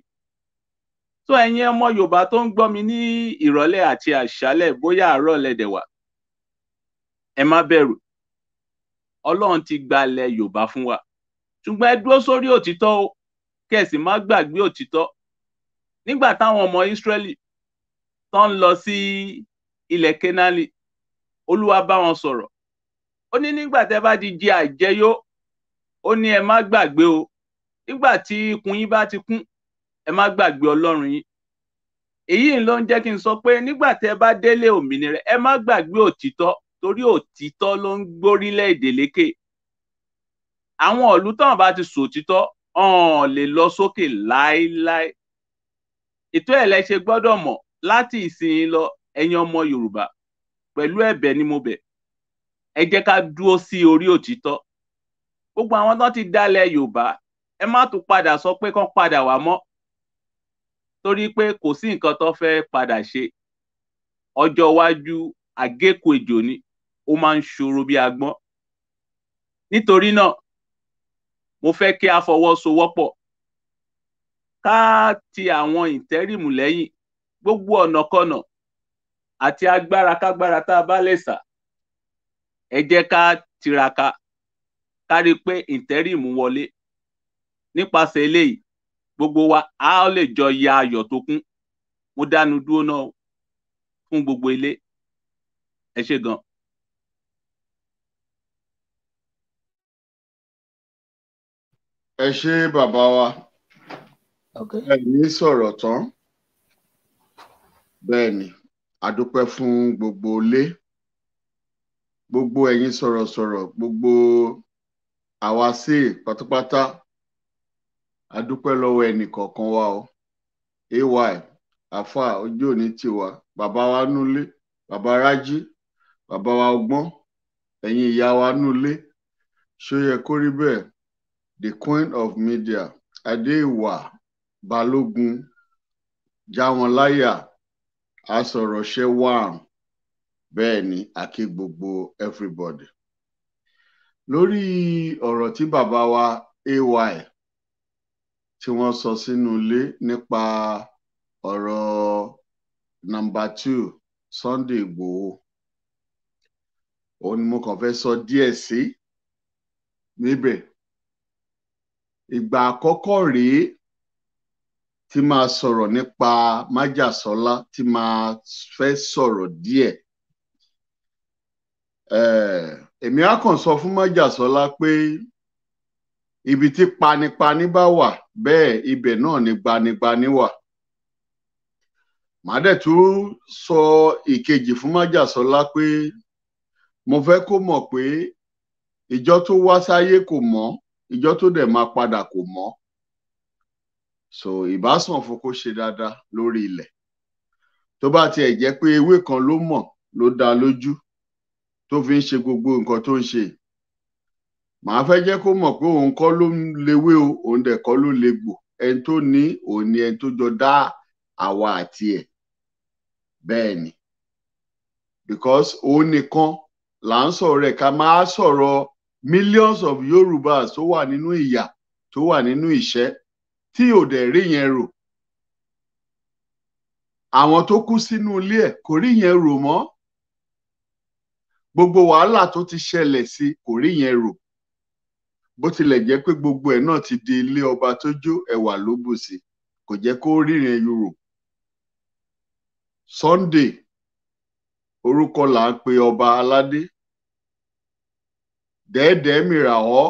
S21: tó ẹ̀yin ọmọ Yorùbá tó ń gbọ́ mi ní ìrọ̀lẹ́ àti àṣálẹ́ bóyá àárọ̀ lẹdẹ wà ẹ má bẹ̀rù Ọlọ́run ti gba Yorùbá fún wa ṣùgbọ́n ẹ dúró sórí òtítọ́ o kẹsì má gbàgbé òtítọ́ nígbà táwọn ọmọ Ísírẹ́lì tó ń lọ sí ilẹ̀ Kénáánì olúwa bá wọn sọ̀rọ̀ ó ní nígbà tẹ́ bá ti jẹ àjẹyó ó ní ẹ má gbàgbé o nígbà tí ikùn yín bá ti kún ẹ má gbàgbé ọlọ́run yín èyí ló ń jẹ́ kí n sọ pé nígbà tẹ́ bá délé òmìnira ẹ má gbàgbé òtítọ́ torí òtítọ́ ló ń gbórílẹ̀ èdè lékè àwọn ìlú táwọn bá ti sòtítọ́ ọ̀n lè lọ sókè láéláé ètò ẹ̀ lẹ ṣe gbọ́dọ̀ mọ̀ láti ìsìn lọ ẹ̀yin ọmọ yorùbá pẹ̀lú ẹ̀bẹ̀ ni mo bẹ̀ ẹ jẹ́ ká dúró sí orí òtítọ́ gbogbo àwọn tó ti dálẹ̀ yorùbá ẹ má tún padà sọ pé kán padà wá mọ́ torí pé kò sí nǹkan tó fẹ́ padà ṣe ọjọ́ iwájú àgékù ejò ni ó máa ń ṣòro bí agbọ́n nítorí náà mo fẹ́ kí a fọwọ́sowọ́pọ̀ ká ti àwọn ìntẹ́rìmù lẹ́yìn gbogbo ọ̀nàkọnà àti agbára kágbára tá a bá lè sà ẹ jẹ́ ká tiraka ká rí i pé ìntẹ́rìmù wọlé nípasẹ̀ eléyìí gbogbo wa a lè jọ ya ayọ̀ tó kún mo dánu dúró náà fún gbogbo ilé ẹ gan. ẹ ṣe bàbá wa
S17: ẹ ní sọ̀rọ̀ tán. bẹ́ẹ̀ni adúpẹ́ fún gbogbo ilé gbogbo ẹ̀yin sọ̀rọ̀sọ̀rọ̀ gbogbo àwa sí pátápátá adúpẹ́ lọ́wọ́ ẹnì kọ̀ọ̀kan wa o ay afa ojú òní tiwa bàbá wa núlé bàbá rájí bàbá wa ọgbọ́n ẹ̀yin ìyá wa núlé ṣóyẹ kórìbẹ̀ the queen of media adéìwà balógun já wọn láyà asọ̀rọ̀ṣe wàrùn bẹ́ẹ̀ ni a gbogbo everybody. lórí ọ̀rọ̀ tí bàbá wa ay tí wọ́n sọ sínú ilé nípa ọ̀rọ̀ nàmbà two Sunday Igboho òun ni mo kàn fẹ́ sọ díẹ̀ sí níbẹ̀ ìgbà àkọ́kọ́ rèé tí máa sọ̀rọ̀ nípa májàsọ́lá tí máa fẹ́ sọ̀rọ̀ díẹ̀. Eh, èmi á kàn sọ fún májàsọ́lá pé ibi tí panipani bá wà bẹ́ẹ̀ ibẹ̀ náà ni gbanigbani wà. màá dẹ̀ tún sọ ìkejì fún májàsọ́lá pé mo fẹ́ kó mọ̀ pé ìjọ tó wá sáyé kò mọ̀ ìjọ tó dẹ̀ máa padà kò mọ̀ so ìbásàn fún kó ṣe dáadáa lórí ilẹ̀ tó bá tiẹ̀ jẹ́ pé ewé kan ló mọ̀ ló dá lójú tó fi ń ṣe gbogbo nǹkan tó ń ṣe màá fẹ́ jẹ́ kó mọ̀ pé òun kọ́ ló ń lewé o òun dẹ̀ kọ́ ló lè gbò ẹni tó ní òun ni ẹni tó jọ dá àwa àti ẹ̀ bẹ́ẹ̀ ni because òun nìkan là ń sọ̀rọ̀ rẹ̀ ká máa sọ̀rọ̀ millions of Yorùbás tó wà nínú ìyà tó wà nínú ìṣẹ́ tí ò dẹ̀ rí yẹn rò àwọn tó kú sínú ilé ẹ̀ kò rí yẹn rò mọ́ gbogbo wàhálà tó ti ṣẹlẹ̀ sí kò rí yẹn rò bó tilẹ̀ jẹ́ pé gbogbo ẹ̀ náà ti di ilé ọba tó jó ẹ̀wà ló bù sí kò jẹ́ kó rí yẹn rò Sunday orúkọ là ń pe ọba aládé dẹ́ẹ̀dẹ́ mìràwọ́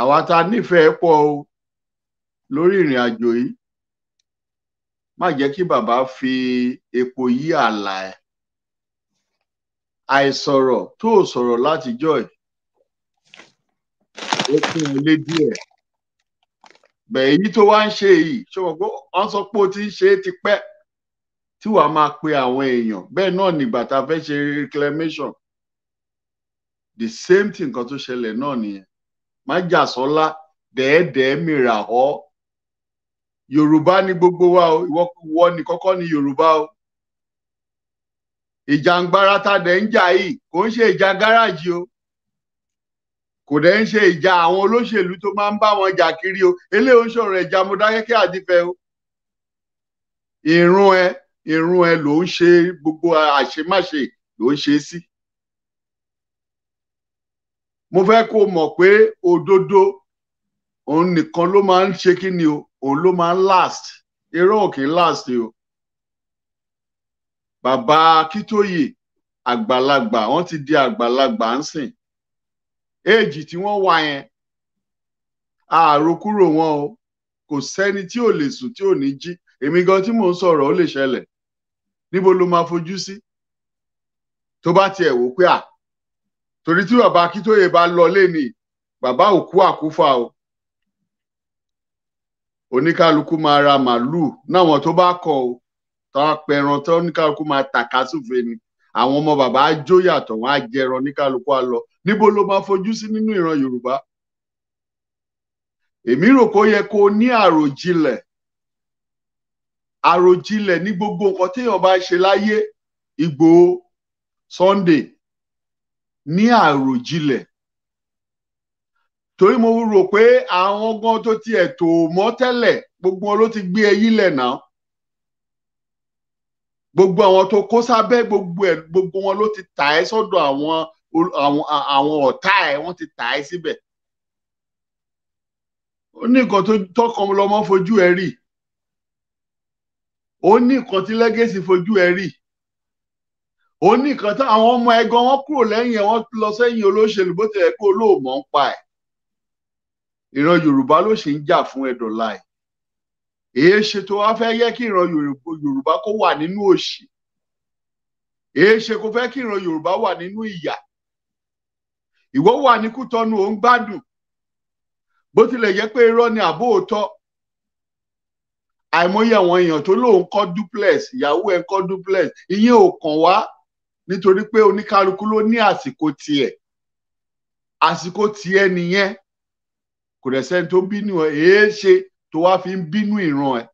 S17: àwa ta nífẹ̀ẹ́ pọ̀ o lórí ìrìn àjò yìí má jẹ́ kí bàbá fi epo yí àlà ẹ̀ àìsọ̀rọ̀ tó sọ̀rọ̀ látijọ́ ẹ̀ ó fún un lé díẹ̀ bẹ̀ẹ̀ èyí tó wá ń ṣe yìí ṣọwọ́ pé wọ́n sọ pé ó ti ń ṣe é tipẹ́ tí wàá máa pe àwọn èèyàn bẹ́ẹ̀ náà nígbà tá a fẹ́ ṣe reclamation the same thing kan tó ṣẹlẹ̀ náà nìyẹn májàsọ́lá dẹ̀ẹ́dẹ̀ẹ́ mìíràn ọ́ yorùbá ni gbogbo wa o ìwọ ni kọ́kọ́ ni yorùbá o ìjàngbara ta dẹ̀ ń jà yìí kò ń ṣe ìjà gáràjì o kò dẹ̀ ń ṣe ìjà àwọn olóṣèlú tó máa ń bá wọn jà kiri o eléyìí ń ṣòro ìjà Mọdákẹ́kẹ́ àdìfẹ́ o ìrun ẹ ìrun ẹ ló ń ṣe gbogbo àṣemáṣe ló ń ṣe sí mo fẹ́ kó mọ̀ pé òdodo òun nìkan ló máa ń ṣe kí ni o òun ló máa ń last irọ́ ò last o bàbá Akíntóyè àgbàlagbà wọ́n ti di àgbàlagbà ń sìn éèjì tí wọ́n wà yẹn àròkúrò wọn o kò sẹ́ni tí ò lè sùn tí ò ní jí èmi gan tí mò ń sọ̀rọ̀ ó lè ṣẹlẹ̀ níbo ló máa fojú sí tó bá tiẹ̀ wò pé à torí tí bàbá Akíntóyè bá lọ lẹ́nìí bàbá òkú àkúfà o oníkálukú máa ra màálù náwọn tó bá kọ o tó apẹran tó oníkálukú máa tàkásùfè ni àwọn ọmọ bàbá á jó yàtọ̀ wọn á jẹran oníkálukú á lọ níbo ló máa fojú sí nínú ìran Yorùbá èmi rò kó yẹ kó ní àròjinlẹ̀ àròjinlẹ̀ ní gbogbo nǹkan téèyàn bá ṣe láyé Ìgbòho Sunday ní àròjinlẹ̀ torí mo rò pé àwọn gan tó tiẹ̀ tò mọ́ tẹ́lẹ̀ gbogbo wọn ló ti gbé ẹyí lẹ̀ náà gbogbo àwọn tó kó sábẹ́ gbogbo ẹ̀ gbogbo wọn ló ti tà ẹ́ sọ́dọ̀ àwọn àwọn àwọn ọ̀tá ẹ̀ wọ́n ti tà ẹ́ síbẹ̀ ó ní nǹkan tó tọkàn lọmọ fojú ẹ rí ó ní nǹkan tí lẹ́gẹ̀sì fojú ẹ rí ó ní nǹkan tí àwọn ọmọ ẹ̀gàn wọn kúrò lẹ́yìn ẹ̀ wọ́n lọ sẹ́yìn olóṣèlú bó tilẹ̀ pé olóòmọ̀ ń pa ẹ̀ ìran yorùbá ló sì ń jà fún ẹdọ̀la ẹ̀ èé ṣe tó wá fẹ́ yẹ kí ìran yorùbá kó wà nínú òṣì èé ṣe kó fẹ́ kí ìran yorùbá wà nínú ìyà ìwọ wà ní kútọ́nù ò ń gbádùn bó tilẹ̀ yẹ pé irọ́ ni àbó òótọ́ àìmọye àwọn èèyàn tó lóun kọ́ duplex ìyàwó ẹ̀ kọ́ duplex ìyẹn ò kàn wá nítorí pé oníkálukú ló ní àsìkò tiẹ̀ àsìkò tiẹ̀ nìyẹn kò dẹ̀ sẹ́ni tó bínú ẹ èé ṣe tó wá fi ń bínú ìran ẹ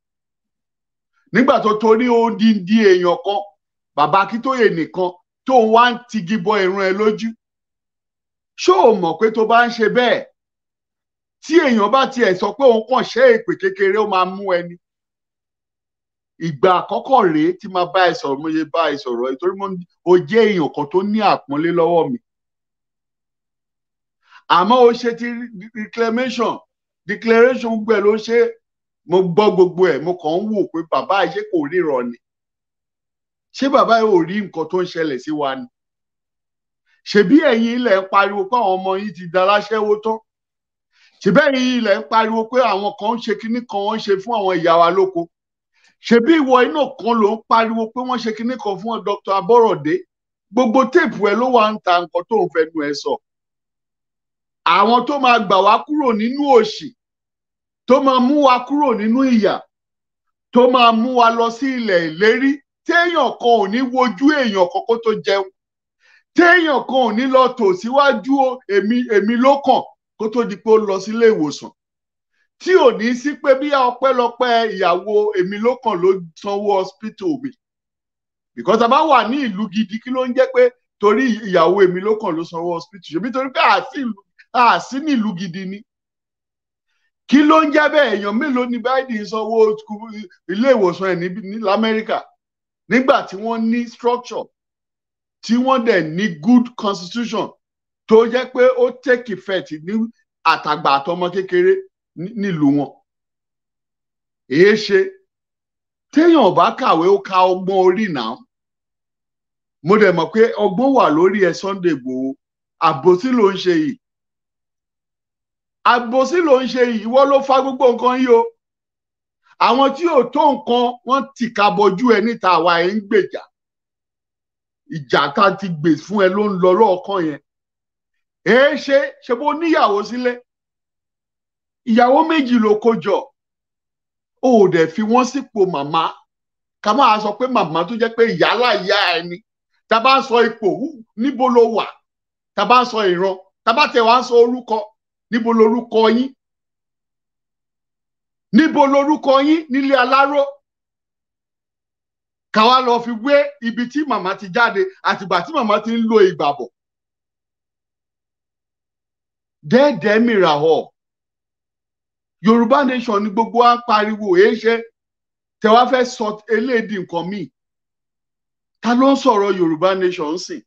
S17: nígbà tó torí odindi èèyàn kan bàbá Akíntóyè nìkan tó wá ń tigi bọ ìran ẹ lójú ṣó o mọ̀ pé tó bá ń ṣe bẹ́ẹ̀ tí èèyàn bá tiẹ̀ sọ pé òun kàn ṣe èpè kékeré ó máa mú ẹni ìgbà àkọ́kọ́ rèé tí máa bá ẹ sọ̀rọ̀ mo yẹ bá ẹ sọ̀rọ̀ torí mo jẹ́ èèyàn kan tó ní àpọ́nlé lọ́wọ́ mi àmọ́ o ṣe ti reclamation declaration gbogbo ẹ̀ ló ṣe mo gbọ́ gbogbo ẹ̀ mo kàn ń wò pé bàbá yìí kò ríran ni ṣé bàbá yìí ò rí nǹkan tó ń ṣẹlẹ̀ sí wa ni ṣebí ẹ̀yin ilẹ̀ ń pariwo pé àwọn ọmọ yìí ti daláṣẹ́wó tán ṣebí ilẹ̀ ń pariwo pé àwọn kan ń ṣe kinní kan wọ́n ń ṣe fún àwọn ìyá wa lóko ṣebí ìwọ inú kan ló ń pariwo pé wọ́n ṣe kinní kan fún Dr. Aborode gbogbo téèpù ẹ ló wà ń ta nǹkan tó ń fẹnu ẹ sọ àwọn tó máa gbà wá kúrò nínú òṣì tó máa mú wa kúrò nínú ìyà tó máa mú wa lọ sí ilẹ̀ ìlérí téèyàn kan ò ní wojú èèyàn kan kó tó jẹun téèyàn kan ò ní lọ tò síwájú èmi èmi kó tó di pé ó lọ sílé ìwòsàn tí ò ní sí pé bí ọpẹ́lọpẹ́ ìyàwó èmi ló kàn ló sanwó hospital mi because a bá wà ní ìlú gidi kí ló ń jẹ́ pé torí ìyàwó èmi ló kàn ló sanwó hospital ṣebí torí pé àásí ní ìlú gidi ni kí ló ń jẹ́ bẹ́ẹ̀ èèyàn mélòó ni Biden sanwó ilé ìwòsàn ẹ̀ ní lamẹ́ríkà nígbà tí wọ́n ní structure tí wọ́n dẹ̀ ní good constitution tó jẹ́ pé ó take effect ní àtàgbà àtọmọ kékeré nílùú wọn èé ṣe téèyàn bá kàwé ó ka ọgbọ́n orí náà mo dẹ̀ mọ̀ pé ọgbọ́n wà lórí ẹ Sunday Igboho àbòsí ló ń ṣe yìí àbòsí ló ń ṣe yìí ìwọ ló fa gbogbo nǹkan yìí o àwọn tí ò tó nǹkan wọ́n ti ka bọjú ẹ níta àwa ẹ ń gbèjà ìjà tá a ti gbè fún ẹ ló ń lọ lọ́ọ̀kan yẹn èé ṣe ṣe bó níyàwó sílé ìyàwó méjì ló kó jọ ó dẹ̀ fi wọ́n sípò màmá ká máa sọ pé màmá tó jẹ́ pé ìyálà ìyá ẹni tá a bá sọ ipò níbo ló wà tá a bá sọ ìran tá a bá tẹ̀ wá sọ orúkọ níbo lorúkọ yín níbo lorúkọ yín nílé aláró ká wá lọ fi wé ibi tí màmá ti jáde àtìgbà tí màmá ti ń lo ìgbàbọ̀ dẹ́ẹ̀dẹ́ mìíràn hàn yorùbá nation ni gbogbo wa pariwo èé ṣe tẹ wá fẹ́ sọ eléèdì nǹkan míì ta ló ń sọ̀rọ̀ yorùbá nation ń sìn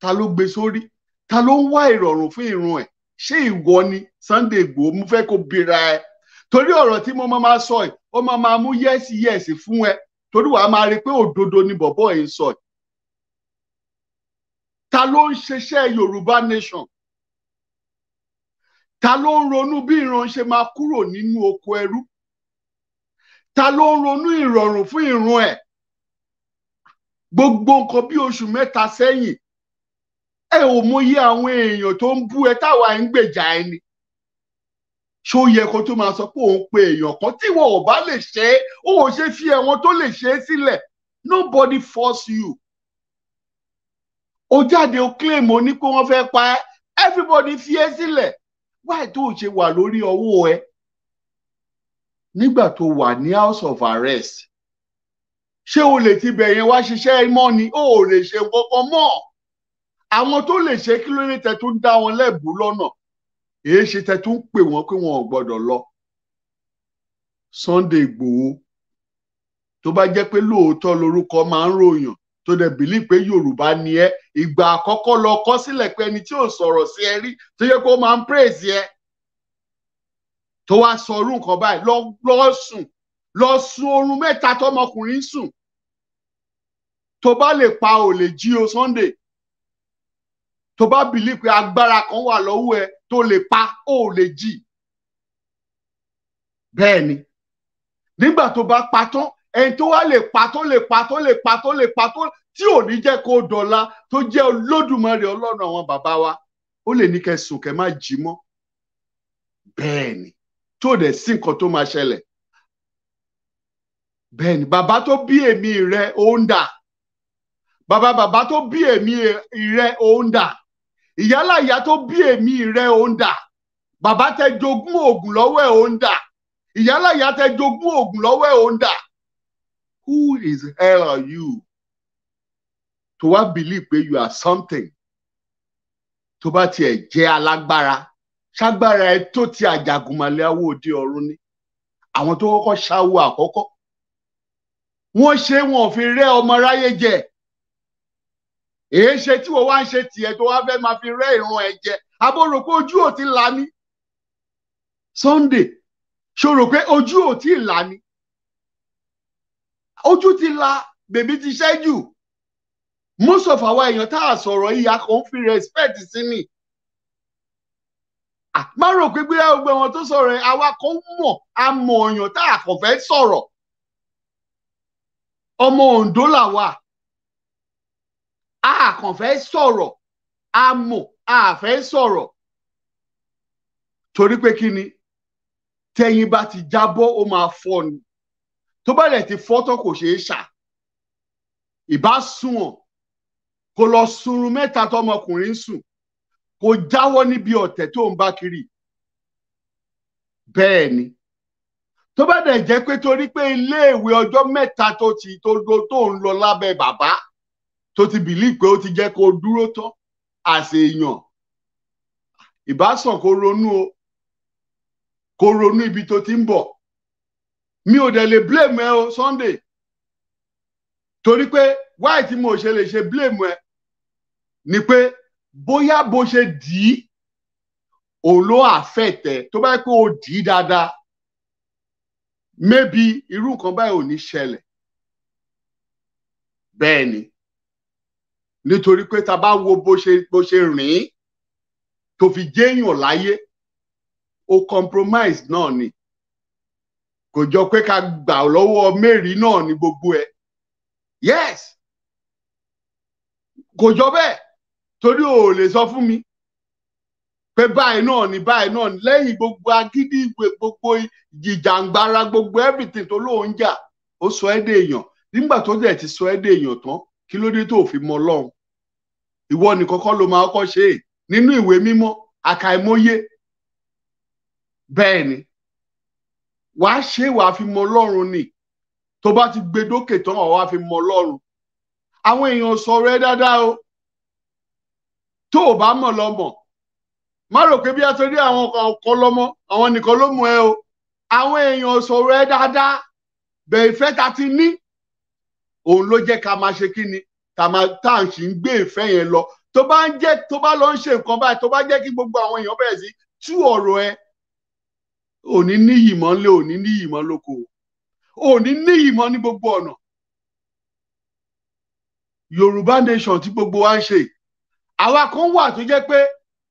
S17: ta ló gbé sórí ta ló ń wá ìrọ̀rùn fún ìrun ẹ̀ ṣé ìwọ ni Sunday Igboho mo fẹ́ kó bira ẹ torí ọ̀rọ̀ tí mo máa sọ ẹ̀ ó máa máa mú yẹ́sì yẹ́sì fún ẹ torí wàá máa rí i pé òdodo ni bọ̀bọ̀ ẹ̀ ń sọ ẹ̀ ta ló ń ṣiṣẹ́ yorùbá nation ta ló ń ronú bí ìran ṣe máa kúrò nínú oko ẹrú ta ló ń ronú ìrọ̀rùn fún ìran ẹ̀ gbogbo nǹkan bí oṣù mẹ́ta sẹ́yìn ẹ ò mọyì àwọn èèyàn tó ń bú ẹ táwa ń gbèjà ẹ ni ṣó yẹ kó tó máa sọ pé òun pe èèyàn kan tí wọn ò bá lè ṣe é ó ò ṣe fi ẹ̀wọ̀n tó lè ṣe é sílẹ̀ nobody force you ó jáde ó claim ó ní pé wọ́n fẹ́ pa ẹ́ everybody fi é sílẹ̀ wáì tó ṣe wà lórí ọwọ́ ẹ nígbà tó wà ní house of arrest ṣé o lè ti bẹ̀yẹn wá ṣiṣẹ́ mọ́ ni o ò lè ṣe kankan mọ́ àwọn tó lè ṣe kí ló ní tẹ tó ń dá wọn lẹ́bù lọ́nà èyí ṣe tẹ tó ń pè wọ́n pé wọn ò gbọ́dọ̀ lọ Sunday Ìgbòho tó bá jẹ́ pé lóòótọ́ lorúkọ máa ń ròyàn tó dẹ̀ bìlí pé yorùbá ni ẹ ìgbà àkọ́kọ́ lọ kọ sílẹ̀ pé ẹni tí ò sọ̀rọ̀ sí ẹ rí tó yẹ kó máa ń praise ẹ tó wá sọ orú nǹkan báyìí lọ lọ sùn lọ sun oorun mẹ́ta tọmọkùnrin sùn tó bá lè pa ò lè jí o Sunday tó bá bìlí pé agbára kan wà lọ́wọ́ ẹ tó lè pa ò lè jí bẹ́ẹ̀ ni nígbà tó bá pa tán ẹni tó wá lè pa tó lè pa tó lè pa tó lè pa tó tí ò ní jẹ́ kó dọ̀la tó jẹ́ olódùmarè ọlọ́run àwọn bàbá wa ó lè ní kẹ́ sùn kẹ́ má jí mọ́ bẹ́ẹ̀ ni tó dẹ̀ sí nǹkan tó máa ṣẹlẹ̀ bẹ́ẹ̀ ni bàbá tó bí èmi rẹ ó ń dà bàbá bàbá tó bí èmi rẹ ó dà ìyálà tó bí èmi rẹ ó dà bàbá tẹ jogún oògùn lọ́wọ́ ẹ̀ ó dà ìyálà tẹ jogún oògùn lọ́wọ́ ẹ̀ ó dà who is hell are you to wá believe pé you are something To bá tiẹ̀ jẹ́ alágbára ṣágbára ẹ tó ti àjàgùnmàlẹ̀ awó òde ọ̀run ni àwọn tó kọ́kọ́ ṣáwó àkọ́kọ́ wọ́n ṣe wọn ò fi rẹ́ ọmọ ráyé jẹ èé ṣe tí wọ́n wá ń ṣe tiẹ̀ tó wá fẹ́ máa fi rẹ́ ìran ẹ̀ jẹ abóró pé ojú ò ti là ní Sunday ṣòro pé ojú ò tí ì là ní ojú ti la bèbí ti ṣẹ́jú most of àwọn èèyàn tá a sọ̀rọ̀ yìí a kò ń fi respect sí mi má rò pé gbé gbogbo àwọn tó sọ̀rọ̀ yẹn àwa kò mọ̀ a mọ̀ èèyàn tá a kò fẹ́ sọ̀rọ̀ ọmọ Ondo làwà a kàn fẹ́ sọ̀rọ̀ a mọ̀ a fẹ́ sọ̀rọ̀ torí pé kí ni tẹ́yin bá ti jábọ́ ó máa fọ́ ni tó bá dẹ̀ ti fọ́tọ̀ kò ṣeé ṣà ìbá sùn ọ̀ kò lọ sunrun mẹ́ta tọmọkùnrin ń sùn kò jáwọ́ níbi ọ̀tẹ̀ tó ń bá kiri bẹ́ẹ̀ ni tó bá dẹ̀ jẹ́ pé torí pé iléèwé ọjọ́ mẹ́ta tó ti tó tó ń lọ lábẹ́ bàbá tó ti bìlí pé ó ti jẹ́ kó dúró tán àṣèyàn ìbásàn kó ronú o kó ronú ibi tó ti ń bọ̀ mi ò dẹ̀ lè blame ẹ o Sunday torí pé why tí mo ṣe lè ṣe blame ẹ ni pé bóyá bó ṣe dì í òun ló àfẹ̀tẹ̀ tó bá yẹ pé ó dì í dáadáa maybe irú nǹkan báyìí ò ní ṣẹlẹ̀ bẹ́ẹ̀ ni nítorí pé ta bá wo bó ṣe bó ṣe rìn tó fi jéèyàn láyé ó compromise náà ni kò jọ pé ká gbà lọ́wọ́ mary náà ní gbogbo ẹ̀ yes kò jọ bẹ́ẹ̀ torí o lè sọ fún mi pé báyìí náà ni báyìí náà ni lẹ́yìn gbogbo agídí ìwé gbogbo ìjìjàngbara gbogbo everything tó lóun jà ó sọ ẹ́ dèèyàn nígbà tó dẹ̀ ti sọ ẹ́ èèyàn tán kí ló dé tó fi mọ Ọlọ́run ìwọ nìkan kọ́ ló máa kọ́ ṣe é nínú ìwé mímọ́ àkàìmọye bẹ́ẹ̀ ni wàá ṣe wàá fi mọ ọlọ́run ni tó bá ti gbé dókè tán wàá fi mọ ọlọ́run àwọn èèyàn sọ̀rọ̀ ẹ dáadáa o tó o bá mọ̀ lọ́mọ̀ má rò pé bí a torí àwọn kan lọ́mọ àwọn nìkan ló mú ẹ o àwọn èèyàn sọ̀rọ̀ ẹ dáadáa bẹ̀rẹ̀ ìfẹ́ ta ti ní òun ló jẹ́ ká máa ṣe kí ni tá à ń sì ń gbé ìfẹ́ yẹn lọ tó bá ń jẹ́ tó bá lọ ń ṣe nǹkan báyìí tó bá jẹ́ kí gbogbo àwọn èèyàn bẹ̀rẹ̀ sí tú ọ̀rọ̀ ẹ òní níyì mọ́ nílé òní níyì mọ́ lóko òní níyì mọ́ ní gbogbo ọ̀nà yorùbá nation tí gbogbo wa ń ṣe àwa kan wà tó jẹ́ pé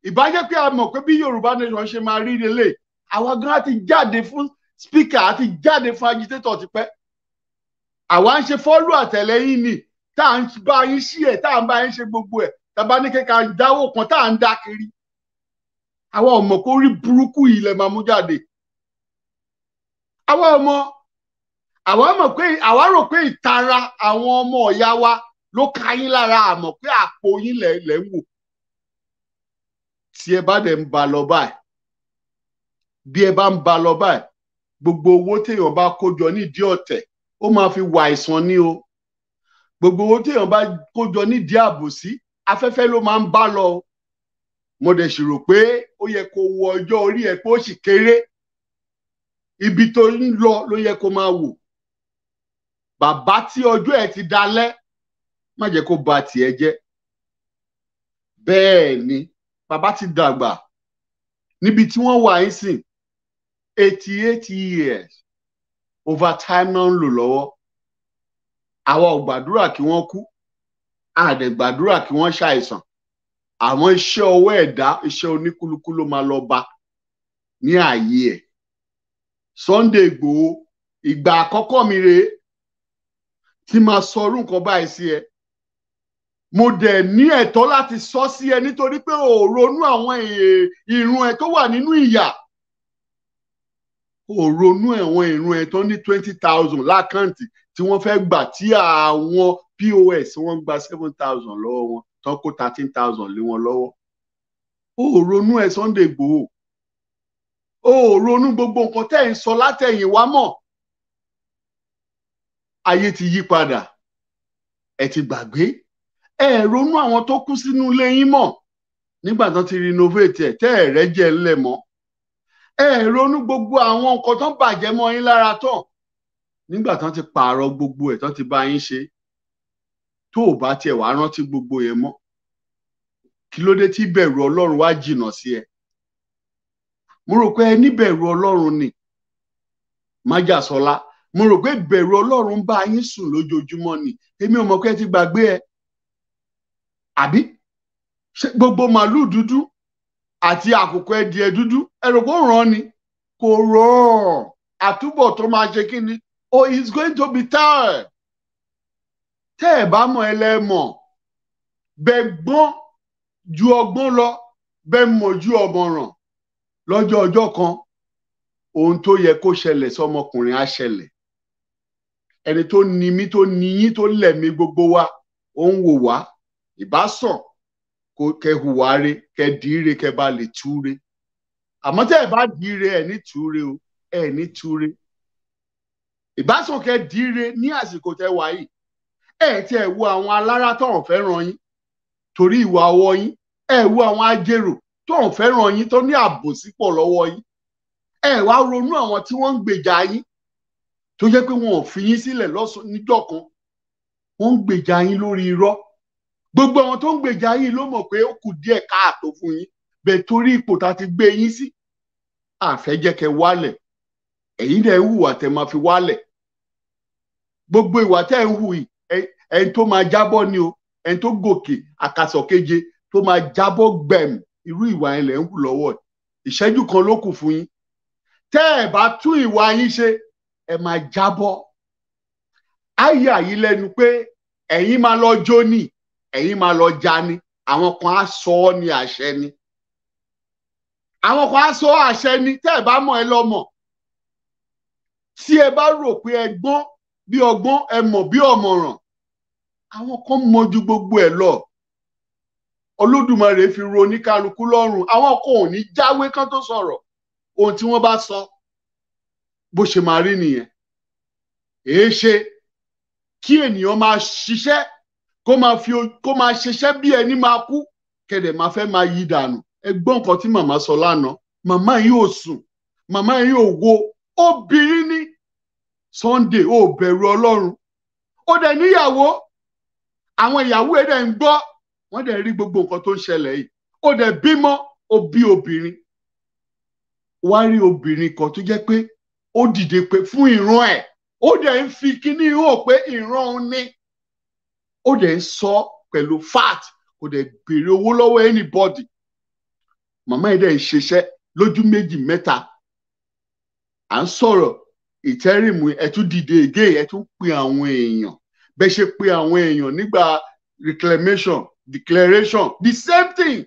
S17: ìbájẹ́ pé a mọ̀ pé bí yorùbá nation ṣe máa rí nílé àwa gan ti jáde fún speaker àti jáde fún agitator tipẹ́ àwa ń ṣe fọ́lù àtẹ̀lẹ́yìn ni tá à ń bá yín sí ẹ̀ tá à ń bá yín ṣe gbogbo ẹ̀ tàbá ní kéka dáwọ́ kan tá à ń dá kiri àwa ò mọ̀ kó rí burúkú yìí lè máa mú jáde àwa ọmọ àwa mọ̀ pé àwa rò pé ìtara àwọn ọmọ ọ̀yá wa ló ka yín lára àmọ́ pé àpò yín lẹ̀ ń wò tí ẹ bá dẹ̀ ń ba lọ báyìí bí ẹ bá ń ba lọ báyìí gbogbo owó téèyàn bá kó nídìí ọ̀tẹ̀ ó máa fi wà àìsàn ní o gbogbo owó téèyàn bá kó jọ nídìí àbòsí afẹ́fẹ́ ló máa ń bá lọ mo dẹ̀ sì rò pé ó yẹ kó wo ọjọ́ orí ẹ pé ó sì kéré ibi tó ń lọ ló yẹ kó máa wò bàbá tí ọjọ́ ẹ̀ ti dalẹ̀ má jẹ́ kó ba tiẹ̀ jẹ́ bẹ́ẹ̀ ni bàbá ti dàgbà níbi tí wọ́n wà yín sìn eighty eight years overtime náà ń lò lọ́wọ́ àwa ò gbàdúrà kí wọ́n kú àdẹ̀ gbàdúrà kí wọ́n ṣàìsàn àwọn iṣẹ́ ọwọ́ ẹ̀dá iṣẹ́ oníkúlùkù ló máa lọ bá ní ààyè ẹ̀ Sunday Igboho ìgbà àkọ́kọ́ mi rèé tí máa sọ irú nǹkan báyìí sí ẹ mo dẹ̀ ní ẹ̀tọ́ láti sọ sí ẹ nítorí pé ò ronú àwọn ìrun ẹ tó wà nínú ìyà ò ronú àwọn ìrun ẹ tó ní twenty thousand lákàǹtì tí wọ́n fẹ́ gbà tí àwọn pos wọ́n gba seven thousand lọ́wọ́ wọn tán kó thirteen thousand lé wọn lọ́wọ́ ò ronú ẹ Sunday Igboho o ò ronú gbogbo nǹkan tẹ́ ń sọ látẹ̀yìn wá mọ̀ ayé ti yí padà ẹ ti gbàgbé ẹ ronú àwọn tó kú sínú ilé yín mọ̀ nígbà tán ti renovate ẹ tẹ́ ẹ rẹ́ jẹ́ ńlẹ̀ mọ́ ẹ ronú gbogbo àwọn nǹkan tán bàjẹ́ mọ́ yín lára tán nígbà tán ti pààrọ̀ gbogbo ẹ̀ tán ti bá yín ṣe tó o bá tiẹ̀ wá rántí gbogbo yẹn mọ́ kí ló dé tí bẹ̀rù Ọlọ́run wá jìnnà sí ẹ mo rò pé ẹni bẹ̀rù ọlọ́run ni májàsọlá mo rò pé bẹ̀rù ọlọ́run bá yín sùn lójoojúmọ́ ni èmi ò mọ̀ pé ẹ ti gbàgbé ẹ àbí gbogbo màálù dúdú àti àkùkọ ẹdìẹ dúdú ẹrù kò rán ni kò rọ àtúbọ̀ tó máa ṣe kí ni oh it's going to be tired tẹ́ ẹ̀ bá mọ̀ ẹ lẹ́mọ̀ bẹ́ẹ̀ gbọ́n ju ọgbọ́n lọ bẹ́ẹ̀ mọ̀ ju ọ̀mọ̀ràn lọ́jọ́ ọjọ́ kan ohun tó yẹ kó ṣẹlẹ̀ sọmọkùnrin á ṣẹlẹ̀ ẹni tó ni mí tó ni yín tó lẹ̀mí gbogbo wa ó ń wò wá ìbá sàn kẹ hùwà re kẹ dìíre kẹ bá lè túre àmọ́ tẹ́ ẹ bá dìíre ẹ ní túre o ẹ ní túre ìbá sàn kẹ dìíre ní àsìkò tẹ́ wà yìí ẹ tí ẹ wo àwọn alára tọ̀hún fẹ́ràn yín torí ìwà ọwọ́ yín ẹ wo àwọn ajérò tó ń fẹ́ràn yín tó ní àbòsí pọ̀ lọ́wọ́ yín ẹ wá ronú àwọn tí wọ́n ń gbèjà yín tó jẹ́ pé wọn ò fi yín sílẹ̀ lọ́sùn níjọ́ kan wọ́n ń gbèjà yín lórí irọ́ gbogbo àwọn tó ń gbèjà yín ló mọ̀ pé ó kù díẹ̀ káàtó fún yín bẹ́ẹ̀ torí ipò tá a ti gbé yín sí àfẹ́jẹ́kẹ́ wálẹ̀ ẹ̀yin dẹ̀ ń hùwà tẹ́ máa fi wálẹ̀ gbogbo ìwà tẹ́ ń hù yìí ẹni tó máa jábọ́ ni o ẹni tó gòkè àkàsọ̀ tó máa jábọ́ gbẹ̀mù irú ìwà yẹn lẹ ń wù lọ́wọ́ ìṣẹ́jú kan ló kù fún yín tẹ́ ẹ bá tún ìwà yín ṣe ẹ máa jábọ́ àyà yìí lẹ́nu pé ẹ̀yin máa lọ jó ni ẹ̀yin máa lọ ja ni àwọn kan á sọ ọ́ ní àṣẹ ni àwọn kan á sọ ọ́ àṣẹ ni tẹ́ ẹ bá mọ̀ ẹ lọ tí ẹ bá rò pé ẹ gbọ́n bí ọgbọ́n ẹ mọ̀ bí ọ̀mọ̀ràn àwọn kan mọ̀ ju gbogbo ẹ lọ olódùmarè fi ro oníkálukú lọ́rùn àwọn kan ò ní jáwé kán tó sọ̀rọ̀ ohun tí wọ́n bá sọ bó ṣe máa rí nìyẹn èé ṣe kí ènìyàn máa ṣiṣẹ́ kó máa fi kó máa ṣiṣẹ́ bí ẹni máa kú kẹ̀dẹ̀ máa fẹ́ máa yí dànù ẹ nǹkan tí màmá sọ lánàá màmá yìí ò sùn màmá yìí ò wo obìnrin ní Sunday ò bẹ̀rù Ọlọ́run ó dẹ̀ níyàwó àwọn ìyàwó ẹ̀ dẹ̀ ń gbọ́ wọ́n dẹ̀ rí gbogbo nǹkan tó ń ṣẹlẹ̀ yìí ó dẹ̀ bímọ ó bí obìnrin wá rí obìnrin kan tó jẹ́ pé ó dìde pé fún ìran ẹ̀ ó dẹ̀ ń fi kíní hàn pé ìran òun ni ó dẹ̀ ń sọ pẹ̀lú fat ó dẹ̀ béèrè owó lọ́wọ́ anybody màmá ẹ̀ dẹ̀ ń ṣiṣẹ́ lójú méjì mẹ́ta à ń sọ̀rọ̀ ìtẹ́rìmù ẹ̀ tún dìde again ẹ̀ tún pe àwọn èèyàn bẹ́ẹ̀ ṣe pe àwọn èèyàn nígbà reclamation declaration the same thing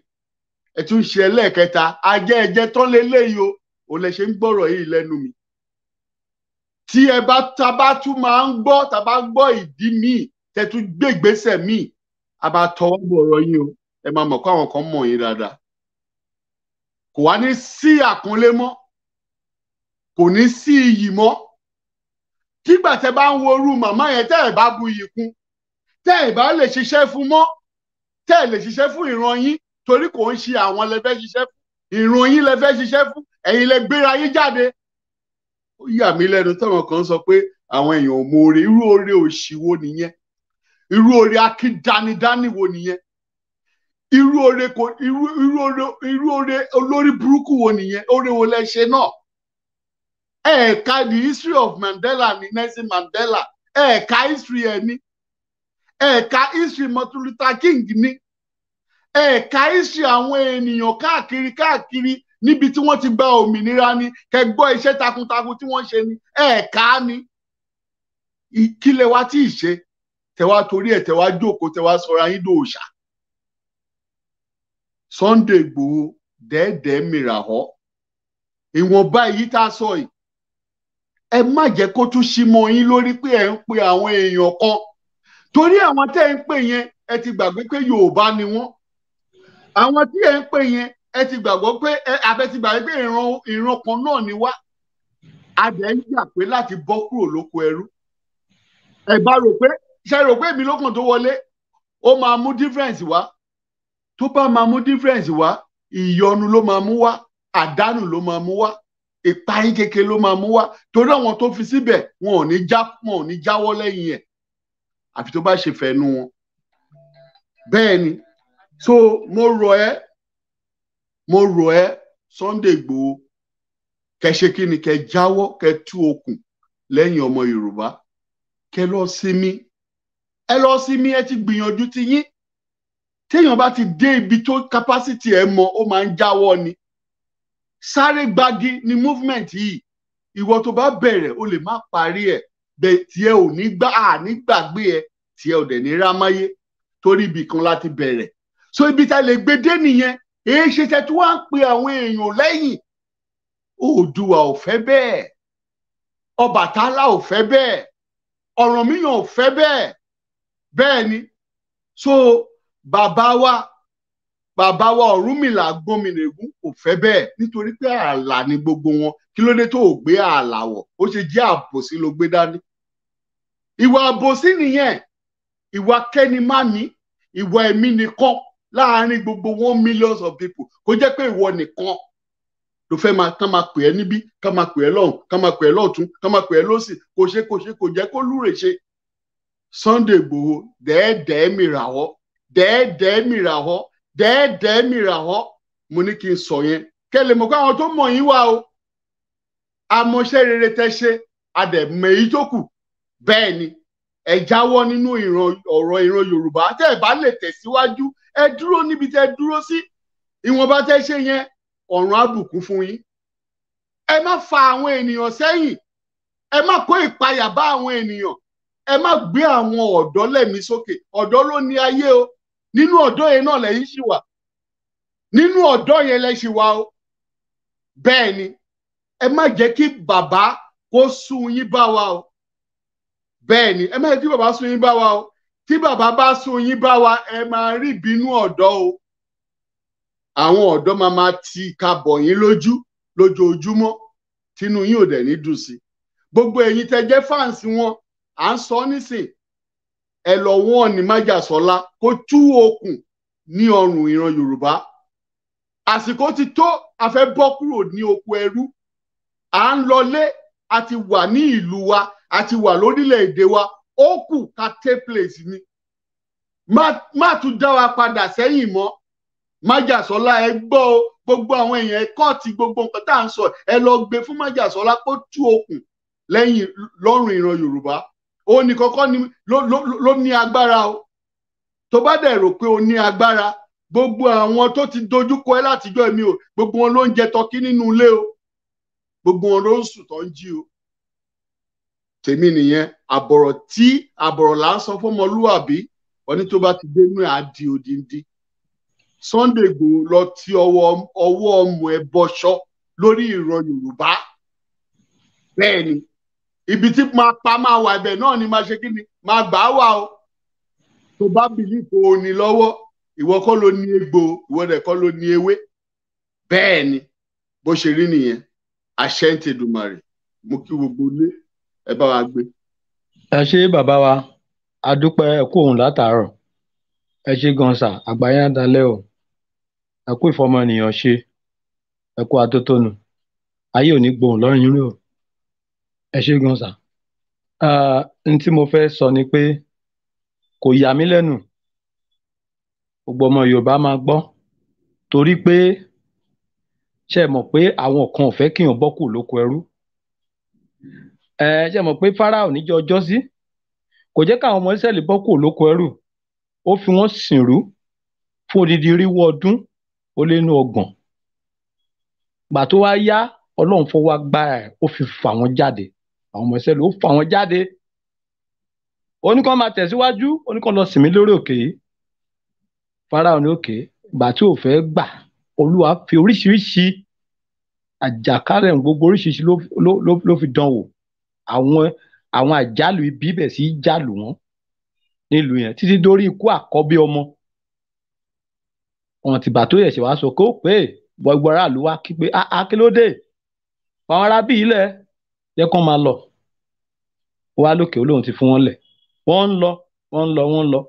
S17: ẹ tún ṣe ẹlẹ́ẹ̀kẹta ajẹ́ ẹ̀jẹ̀ tán lélẹ́yìí o ò lè ṣe ń gbọ́rọ̀ yìí lẹ́nu mi tí ẹ bá ta bá tún máa ń gbọ́ ta bá gbọ́ ìdí míì tẹ tún gbé ìgbésẹ̀ míì a bá tọwọ́ bọ̀ ọ̀rọ̀ yín o ẹ máa mọ̀ kó àwọn kan mọ̀ yín dáadáa kò wá ní sí àkúnlé mọ́ kò ní sí iyì mọ́ kígbà tẹ bá ń worú màmá yẹn tẹ́ ẹ̀ bá bu iyì kún tẹ́ ẹ̀ bá lè ṣiṣẹ́ fún mọ́ tẹ́ ẹ̀ lè ṣiṣẹ́ fún ìran yín torí kò ń ṣe àwọn lẹ fẹ́ ṣiṣẹ́ fún ìran yín lẹ fẹ́ ṣiṣẹ́ fún ẹ̀yin lẹ gbéra yín jáde. ó yà mí lẹ́nu táwọn kan sọ pé àwọn èèyàn ò mọ oore irú oore òṣìwò nìyẹn irú oore akíndánidání wo nìyẹn irú oore kò irú irú oore irú oore olórí burúkú wo nìyẹn oore wo lẹ ṣe náà ẹ̀ẹ̀ka the history of Mandela ni Nelson Mandela ẹ̀ẹ̀ka history ẹ̀ ni ẹ̀ka history Martin Luther King ni ẹ̀ka history àwọn ènìyàn káàkiri káàkiri níbi tí wọ́n ti gba òmìnira ni kẹgbọ́ iṣẹ́ takuntakun tí wọ́n ṣe ni ẹ̀ka ni ìkílẹ̀ wa tí ì ṣe tẹ̀wá torí ẹ̀ tẹ̀wá jókòó tẹ̀wá sọra yín dòòṣà Sunday Igboho dẹ́ẹ̀dẹ́ẹ́ mìràwọ́ ìwọ̀nba èyí tá a sọ yìí ẹ má jẹ́ kó tún ṣí mọ́ yín lórí pé ẹ̀ ń pe àwọn èèyàn kan torí àwọn tẹ́ ń pè yẹn ẹ ti gbàgbé pé Yorùbá ni wọ́n àwọn tí ẹ ń pè yẹn ẹ ti gbàgbọ́ pé abẹ ti gbàgbé pé ìran ìran kan náà ni wá adẹ ń gbà pé láti bọ́ kúrò lóko ẹrú ẹ bá rò pé ṣe rò pé èmi lókàn tó wọlé ó máa mú difference wá tó bá máa mú difference wá ìyọnu ló máa mú wá àdánù ló máa mú wá ìpayín kékeré ló máa mú wá torí àwọn tó fi síbẹ̀ wọn ò ní já wọn ò ní jáwọ́ lẹ́yìn ẹ̀ àfi tó bá ṣe fẹnu wọn bẹ́ẹ̀ so mo rọ ẹ mo rọ ẹ Sunday Igboho kẹ ṣe kí ni kẹ jáwọ́ kẹ tú okùn lẹ́yìn ọmọ Yorùbá kẹ lọ sinmi ẹ lọ sinmi ẹ ti gbìyànjú ti yín téèyàn bá ti dé ibi tó capacity ẹ mọ ó máa ń jáwọ́ ni sáré gbági ni movement yìí ìwọ tó bá bẹ̀rẹ̀ o lè má parí ẹ̀ bẹ́ẹ̀ tiẹ̀ ò ní gbà á nígbàgbé ẹ tiẹ̀ ò dẹ̀ ní rámáyé torí ibì kan láti bẹ̀rẹ̀ so ibi tá a lè gbé dé nìyẹn èyí ṣe tẹ tí wọ́n á pe àwọn èèyàn lẹ́yìn Oòduà ò fẹ́ bẹ́ẹ̀ Ọbàtálá ò fẹ́ bẹ́ẹ̀ Ọ̀rànmíyàn ò fẹ́ bẹ́ẹ̀ bẹ́ẹ̀ ni so bàbá wa bàbá wa Ọ̀rúnmìlà Gbómìnà Ègún kò fẹ́ bẹ́ẹ̀ nítorí pé ààlà ni gbogbo wọn kí ló dé tó o gbé àlàwọ̀ ó ṣe jẹ́ àbòsí ló gbé dání ìwà àbòsí nìyẹn ìwà kẹ́ni má ní ìwà ẹ̀mí nìkan láàárín gbogbo one millions of people kó jẹ́ pé ìwọ nìkan ló fẹ́ máa kán máa pè ẹ́ níbí kán máa pè ẹ́ lọ́hùn kán máa pè ẹ́ lọ́tún kán máa pè ẹ́ lọ́sì kò ṣe kò ṣe kò jẹ́ kó lúre ṣe Sunday Igboho dẹ́ẹ̀dẹ́ẹ́ mìràwọ́ dẹ́ẹ̀dẹ́ẹ́ mìràwọ́ dẹ́ẹ̀dẹ́ẹ́ mìràwọ́ mo ní kí n sọ yẹn kẹ́lẹ́ mọ̀ pé àwọn tó mọ̀ yín wá o amọ̀ṣẹ́ rere tẹ́ ṣe adẹ̀mọ̀ èyí tó kù bẹ́ẹ̀ ni ẹ jáwọ́ nínú ọ̀rọ̀ ìran Yorùbá tẹ́ ẹ bá lè tẹ̀síwájú ẹ dúró níbi tẹ́ ẹ dúró sí ìwọ̀nba tẹ́ ṣe yẹn ọ̀ràn àbùkù fún yín ẹ má fa àwọn ènìyàn sẹ́yìn ẹ má kó ìpayà bá àwọn ènìyàn ẹ má gbé àwọn ọ̀dọ́ lẹ́mí sókè ọ̀dọ́ ló ní ayé o nínú ọ̀dọ́ yẹn náà lẹ́yìn ṣì wà nínú ọ̀dọ́ yẹn lẹ́ ṣì wà o bẹ́ẹ̀ ni ẹ má jẹ́ kí bàbá kó sún yín bá wa o bẹ́ẹ̀ ni ẹ má jẹ́ kí bàbá sún yín bá wa o tí bàbá bá sún yín bá wa ẹ máa rí ìbínú ọ̀dọ́ o àwọn ọ̀dọ́ máa máa ti ka bọ̀ yín lójú lójoojúmọ́ tínú yín ò dẹ̀ ní dùn sí gbogbo ẹ̀yin tẹ́ jẹ́ fáǹsì wọn à ń sọ nísìn ẹ lọ wọn ní májàsọlá kó tú okùn ní ọrùn ìran yorùbá àsìkò ti tó a fẹ́ bọ́ kúrò ní oko ẹrú à ń lọlé a ti wà ní ìlú wa a ti wà lórílẹ̀‐èdè wa ó kù ká take place ni má tún dá wa padà sẹ́yìn mọ́ májàsọ́lá ẹ gbọ́ o gbogbo àwọn èèyàn ẹ kọ́ọ̀tì gbogbo nǹkan tá à ń sọ ẹ lọ gbé fún májàsọ́lá kó tú okùn lẹ́yìn lọ́rùn ìran yorùbá ó ní kọ́kọ́ ni ló ní agbára o tó bá dẹ̀ rò pé o ní agbára gbogbo àwọn tó ti dojúkọ ẹ látijọ́ mi o gbogbo wọn ló ń jẹ tọkí nínú ilé o gbogbo wọn ló ń sùn tó ń jí o tèmi nìyẹn àbọ̀rọ̀ tí àbọ̀rọ̀ là ń sọ fọmọlúwàbí wọn tó bá ti dénú ẹ̀ á di odindi Sunday Igboho lọ ti ọwọ́ ọwọ́ ọmọ ẹ bọṣọ lórí ìran Yorùbá bẹ́ẹ̀ ni ibi tí máa pa máa wà ibẹ̀ náà ni máa ṣe kí ni máa gbà á wà o tó bá bìlífò òní lọ́wọ́ ìwọ kọ́ ló ní egbò ìwọ dẹ̀ kọ́ ló ní ewé bẹ́ẹ̀ ni bó ṣe rí nìyẹn. àṣẹǹtì dùmarè mo kí gbogbo ilé ẹ bá wa gbé.
S19: ẹ ṣe bàbá wa a dúpẹ́ ẹ òun látàárọ̀ ẹ ṣe gan sà àgbáyé àdálẹ́ o ẹ kú ìfọmọnìyàn ṣe ẹ kú atótónu ayé ò ní gbohùn lọ́rùn yín o ẹ ṣe gan sà n tí mo fẹ́ sọ ni pé kò yà mí lẹ́nu gbogbo ọmọ Yorùbá máa gbọ́ torí pé. ṣe mọ̀ pé àwọn kan ò fẹ́ kí èèyàn bọ́ kù lóko ẹrú ẹ ṣe mọ̀ pé Fáráò níjọ́ ọjọ́ sí kò jẹ́ káwọn ọmọ Ísírẹ́lì bọ́ kù lóko ẹrú ó fi wọ́n sìnrú fún odidi irinwó ọdún ó lé ní ọgbọ̀n gbà tó wá yá Ọlọ́run fọwọ́ agbára ẹ̀ ó fi fà wọ́n jáde àwọn ọmọ Ísírẹ́lì ó fà wọ́n jáde ó máa tẹ̀síwájú ó ní kàn lọ lórí òkè yìí Fáráò ní òkè gbà tí ò fẹ́ gbà olúwa fi oríṣiríṣi àjàkálẹ̀ gbogbo oríṣiríṣi ló ló ló fi dán wò àwọn àwọn àjálù ibi ibẹ̀ sí jálù wọn nílùú yẹn títí dórí ikú àkọ́bí ọmọ ọ̀n tìgbà tó yẹ̀ ṣe wá sọ kó pé gbogbo aráàlú wá kí pé akílódé ah, ah, àwọn ará bíi ilẹ̀ yẹ kán máa lọ wá lókè olóhùn ti fún wọn lẹ̀ wọ́n ń lọ wọ́n ń lọ wọ́n ń lọ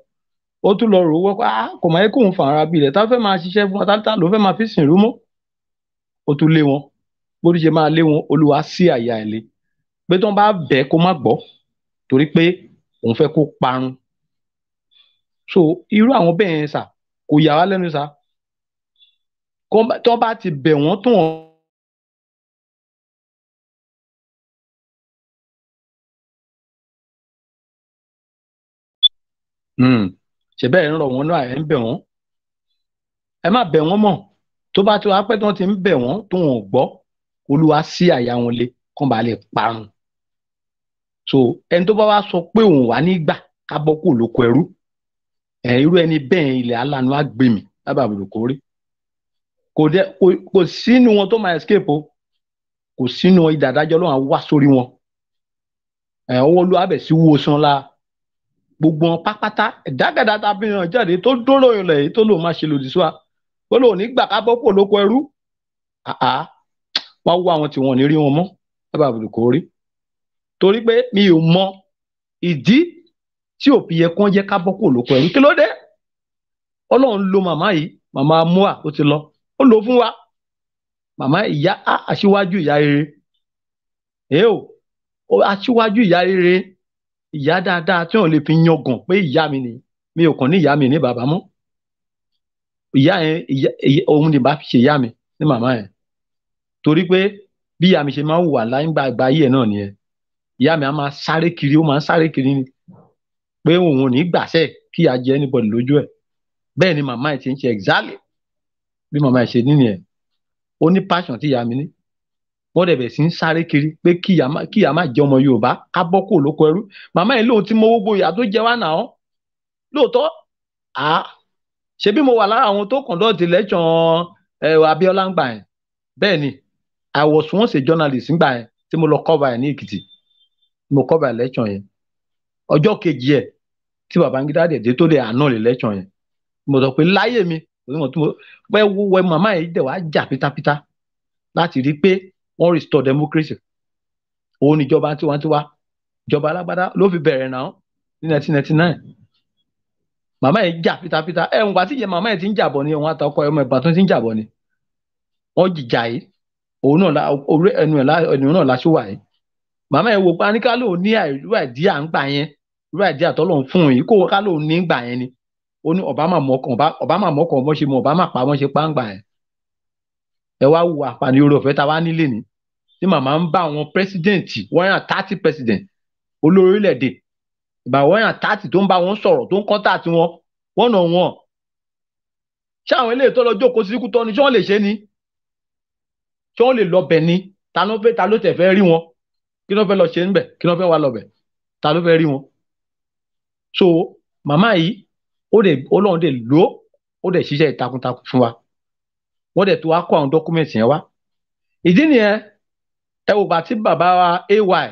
S19: ó tún lọ rò ó wọ́pọ̀ ah kò máa yẹ kóun fà ara bilẹ̀ tá fẹ́ máa ṣiṣẹ́ fún wa tá ló fẹ́ máa fi sìn rúmọ́ ó tún lé wọn bó ti ṣe máa lé wọn olúwa sí àyà ẹ̀ lé pé tó ń bá bẹ̀ kó má gbọ́ torí pé òun fẹ́ kó parun so irú àwọn bẹ́ẹ̀ yẹn sà kò yà wá lẹ́nu sà tó bá ti bẹ̀
S3: wọ́n tó wọ́n. Mm ṣẹbẹ
S19: ẹ ń rọ̀ wọ́n náà ẹ ń bẹ̀ wọ́n ẹ má bẹ̀ wọ́n mọ́ tó bá ti wá tí wọ́n ti ń bẹ̀ wọ́n tó wọn ò olúwa sí àyà wọn lé kán bá lè parun so ẹni tó bá wá sọ pé òun wà nígbà ká bọ́ kó lóko ẹrú ẹ irú ẹni bẹ́ẹ̀ ilẹ̀ alánú àgbèmí lábàbòrò kò rí kò dẹ kò sínú wọn tó máa escape o kò sínú ìdàdájọ́ lọ́wọ́ wá sórí wọn ẹ̀ ọwọ́ olúwa bẹ̀ sí wo sanla gbogbo wọn pápátá ìdágàdá tá a fi hàn jáde tó dúró ilẹ̀ yìí tó lòun máa ṣe lòdì sí wa ó lòun ní gbà ká bọ́ kó lóko ẹrú àá wá wá àwọn tí wọn ò ní rí wọn mọ́ lábàá àbùdù kò rí torí pé mi ò mọ ìdí tí ò fi yẹ kán jẹ́ ká bọ́ kó lóko ẹrú kí ló dé ọlọ́run lo màmá yìí màmá mua ó ti lọ ó lò fún wa màmá ìyá aṣíwájú ìyá rere èèwò aṣíwájú ìyá rere ìyá dáadáa tí òun lè fi yangàn pé ìyá mi ni mi ò kàn ní ìyá mi ní bàbá mọ́ ìyá yẹn òun ni bá fi ṣe ìyá mi ní màmá yẹn torí pé bí ìyá mi ṣe máa ń wà láyé gbàgbà ayé ẹ̀ náà nìyẹn ìyá mi á máa sáré kiri ó máa ń sáré kiri ni pé òun ò ní gbàṣẹ kí ìyá jẹ anybody lójú ẹ̀ bẹ́ẹ̀ ni màmá ẹ̀ ṣe ń ṣe exactly bí màmá ẹ̀ ṣe ní nìyẹn ó ní passion tí ìyá mi ní wọ́n dẹ̀ bẹ̀ sí ń sáré kiri pé kíyà má jẹ́ ọmọ yorùbá ká bọ́ kó lóko ẹrú màmá yìí lóun ti mówó gboyà tó jẹ wá nà ọ́ lóòótọ́ à ṣebí mo wà lára àwọn tó kọ̀ńdọ́ọ̀tì lẹ́sàn abiola ń gbà yẹn bẹ́ẹ̀ ni i journalist ń gbà yẹn tí mo lọ kọ́ba yẹn ní èkìtì mo kọ́ba lẹ́sàn yẹn ọjọ́ kejì ẹ̀ tí babangida dẹ̀ tó dẹ̀ àná lè lẹ́sàn yẹn mo sọ pé láyé mi onímọ̀ tó pẹ́ wọ màmá yìí dẹ̀ wá jà pitapita láti rí pé wọ́n restore democracy òun ìjọba tiwantiwa ìjọba alágbádá ló fi bẹ̀rẹ̀ náà ní 1999 màmá yẹn jà fitafita ẹ̀ ń gbà tí ìyẹn màmá yẹn ti ń jà bọ̀ ni òun àtàkọ ọmọ ìbátan ti ń jà bọ̀ ni wọ́n jìjà yìí òun náà orí ẹnu ẹnu náà láṣọ wà yìí màmá yẹn wò pé aníkálò ní irú àìdíà ń gbà yẹn irú àìdíà tọ́lọ̀ ń fún yìí kó kálò ní gbà yẹn ni ó ní Obama mọ̀ọ́kàn Obama mọ̀ọ́kàn ọmọ ṣe mọ̀ Obama pa ọmọ ṣe pa ń gbà yẹn ẹ wá wo àǹfààní orí ọ̀fẹ́ tá a wá nílé ni tí màmá ń bá àwọn pírẹsidẹ́ǹtì one hundred thirty president olórí orílẹ̀-èdè ìbá one hundred thirty tó ń bá wọn sọ̀rọ̀ tó ń kọ́ńtà tí wọn wọ́n nà wọn. ṣé àwọn eléyìí tó lọ jókòó sí kútọ́ ni ṣé wọ́n lè ṣe ni ṣé wọ́n lè lọ bẹ̀ ni ta ló fẹ́ ta ló tẹ̀ fẹ́ rí wọn kí ló fẹ́ lọ ṣe níbẹ̀ kí ló fẹ́ wá lọ ta ló fẹ́ rí wọn. so màmá yìí ó dẹ̀ ọlọ́run dẹ̀ lò ó dẹ̀ ṣiṣẹ́ takuntakun fún wa wọ́n dẹ̀ tó wá kó àwọn dọ́kúmẹ̀ntì yẹn wá ìdí nìyẹn ẹ wò bá tí bàbá wa ay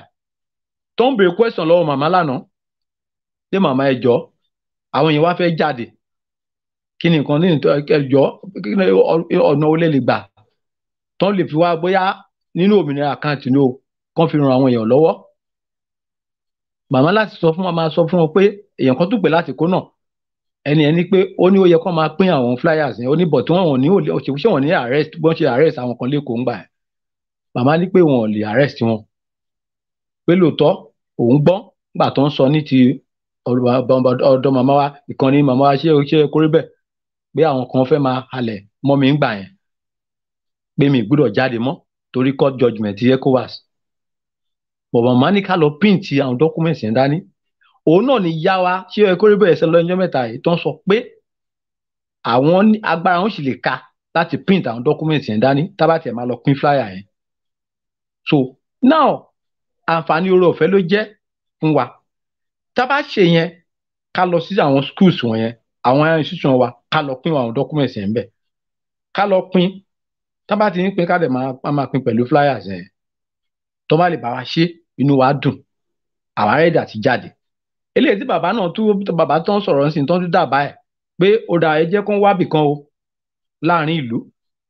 S19: tó ń béèrè question lọ́wọ́ màmá lánàá pé màmá ẹ jọ àwọn yẹn wá fẹ́ jáde kí ni nǹkan nínú ẹ jọ ọ̀nà olè lè gbà tó lè fi wá bóyá nínú òmìnira àkáǹtì ni o kàn fi ran àwọn èèyàn lọ́wọ́ màmá láti sọ fún wa máa sọ fún wọn pé èèyàn kan tó pè láti kó náà ẹni ẹni pé ó ní ó yẹ kó máa pín àwọn flyers yẹn ó ní bọ̀tún àwọn ní òṣèlú wọn ní arrest wọ́n ṣe arrest àwọn kan lẹ́kọ̀ọ́ ńgbà yẹn màmá ní pé wọn ò lè arrest wọn pé lóòótọ́ òun gbọ́ gbà tó ń sọ ní ti ọ̀dọ̀ màmá wa ìkànnì màmá wa ṣé ṣé kórè bẹ́ẹ̀ pé àwọn kan fẹ́ máa halẹ̀ mọ́ mi ńgbà yẹn pé mi gbúdọ̀ jáde mọ́ torí court judgment ti ECOWAS bọ̀bọ̀ màmá ní ká lọ print àwọn documents yẹn dání òun náà ni yá wa ṣé ẹ kórè bẹ̀rẹ̀ sẹ́ lọ́jọ́ mẹ́ta yìí tó ń sọ pé àwọn agbára wọn sì lè ka láti print àwọn dọ́kúmẹ̀ntì yẹn dání tábàtì ẹ̀ máa lọ pín flyer yẹn so now àǹfààní oore ọ̀fẹ́ ló jẹ́ fún wa tábà ṣe yẹn ká lọ sí àwọn schools wọn yẹn àwọn institution wa ká lọ pín àwọn documents yẹn bẹ̀ ká lọ pín tá bá ti ń máa máa pín pẹ̀lú flyers yẹn tó bá lè bá wa ṣe inú wa dùn àwa ti jáde eléyìí tí bàbá náà tún bàbá tán sọ̀rọ̀ sí tán tún dàbá ẹ̀ pé ó dà ẹ jẹ́ kó ń wábì kan o láàrin ìlú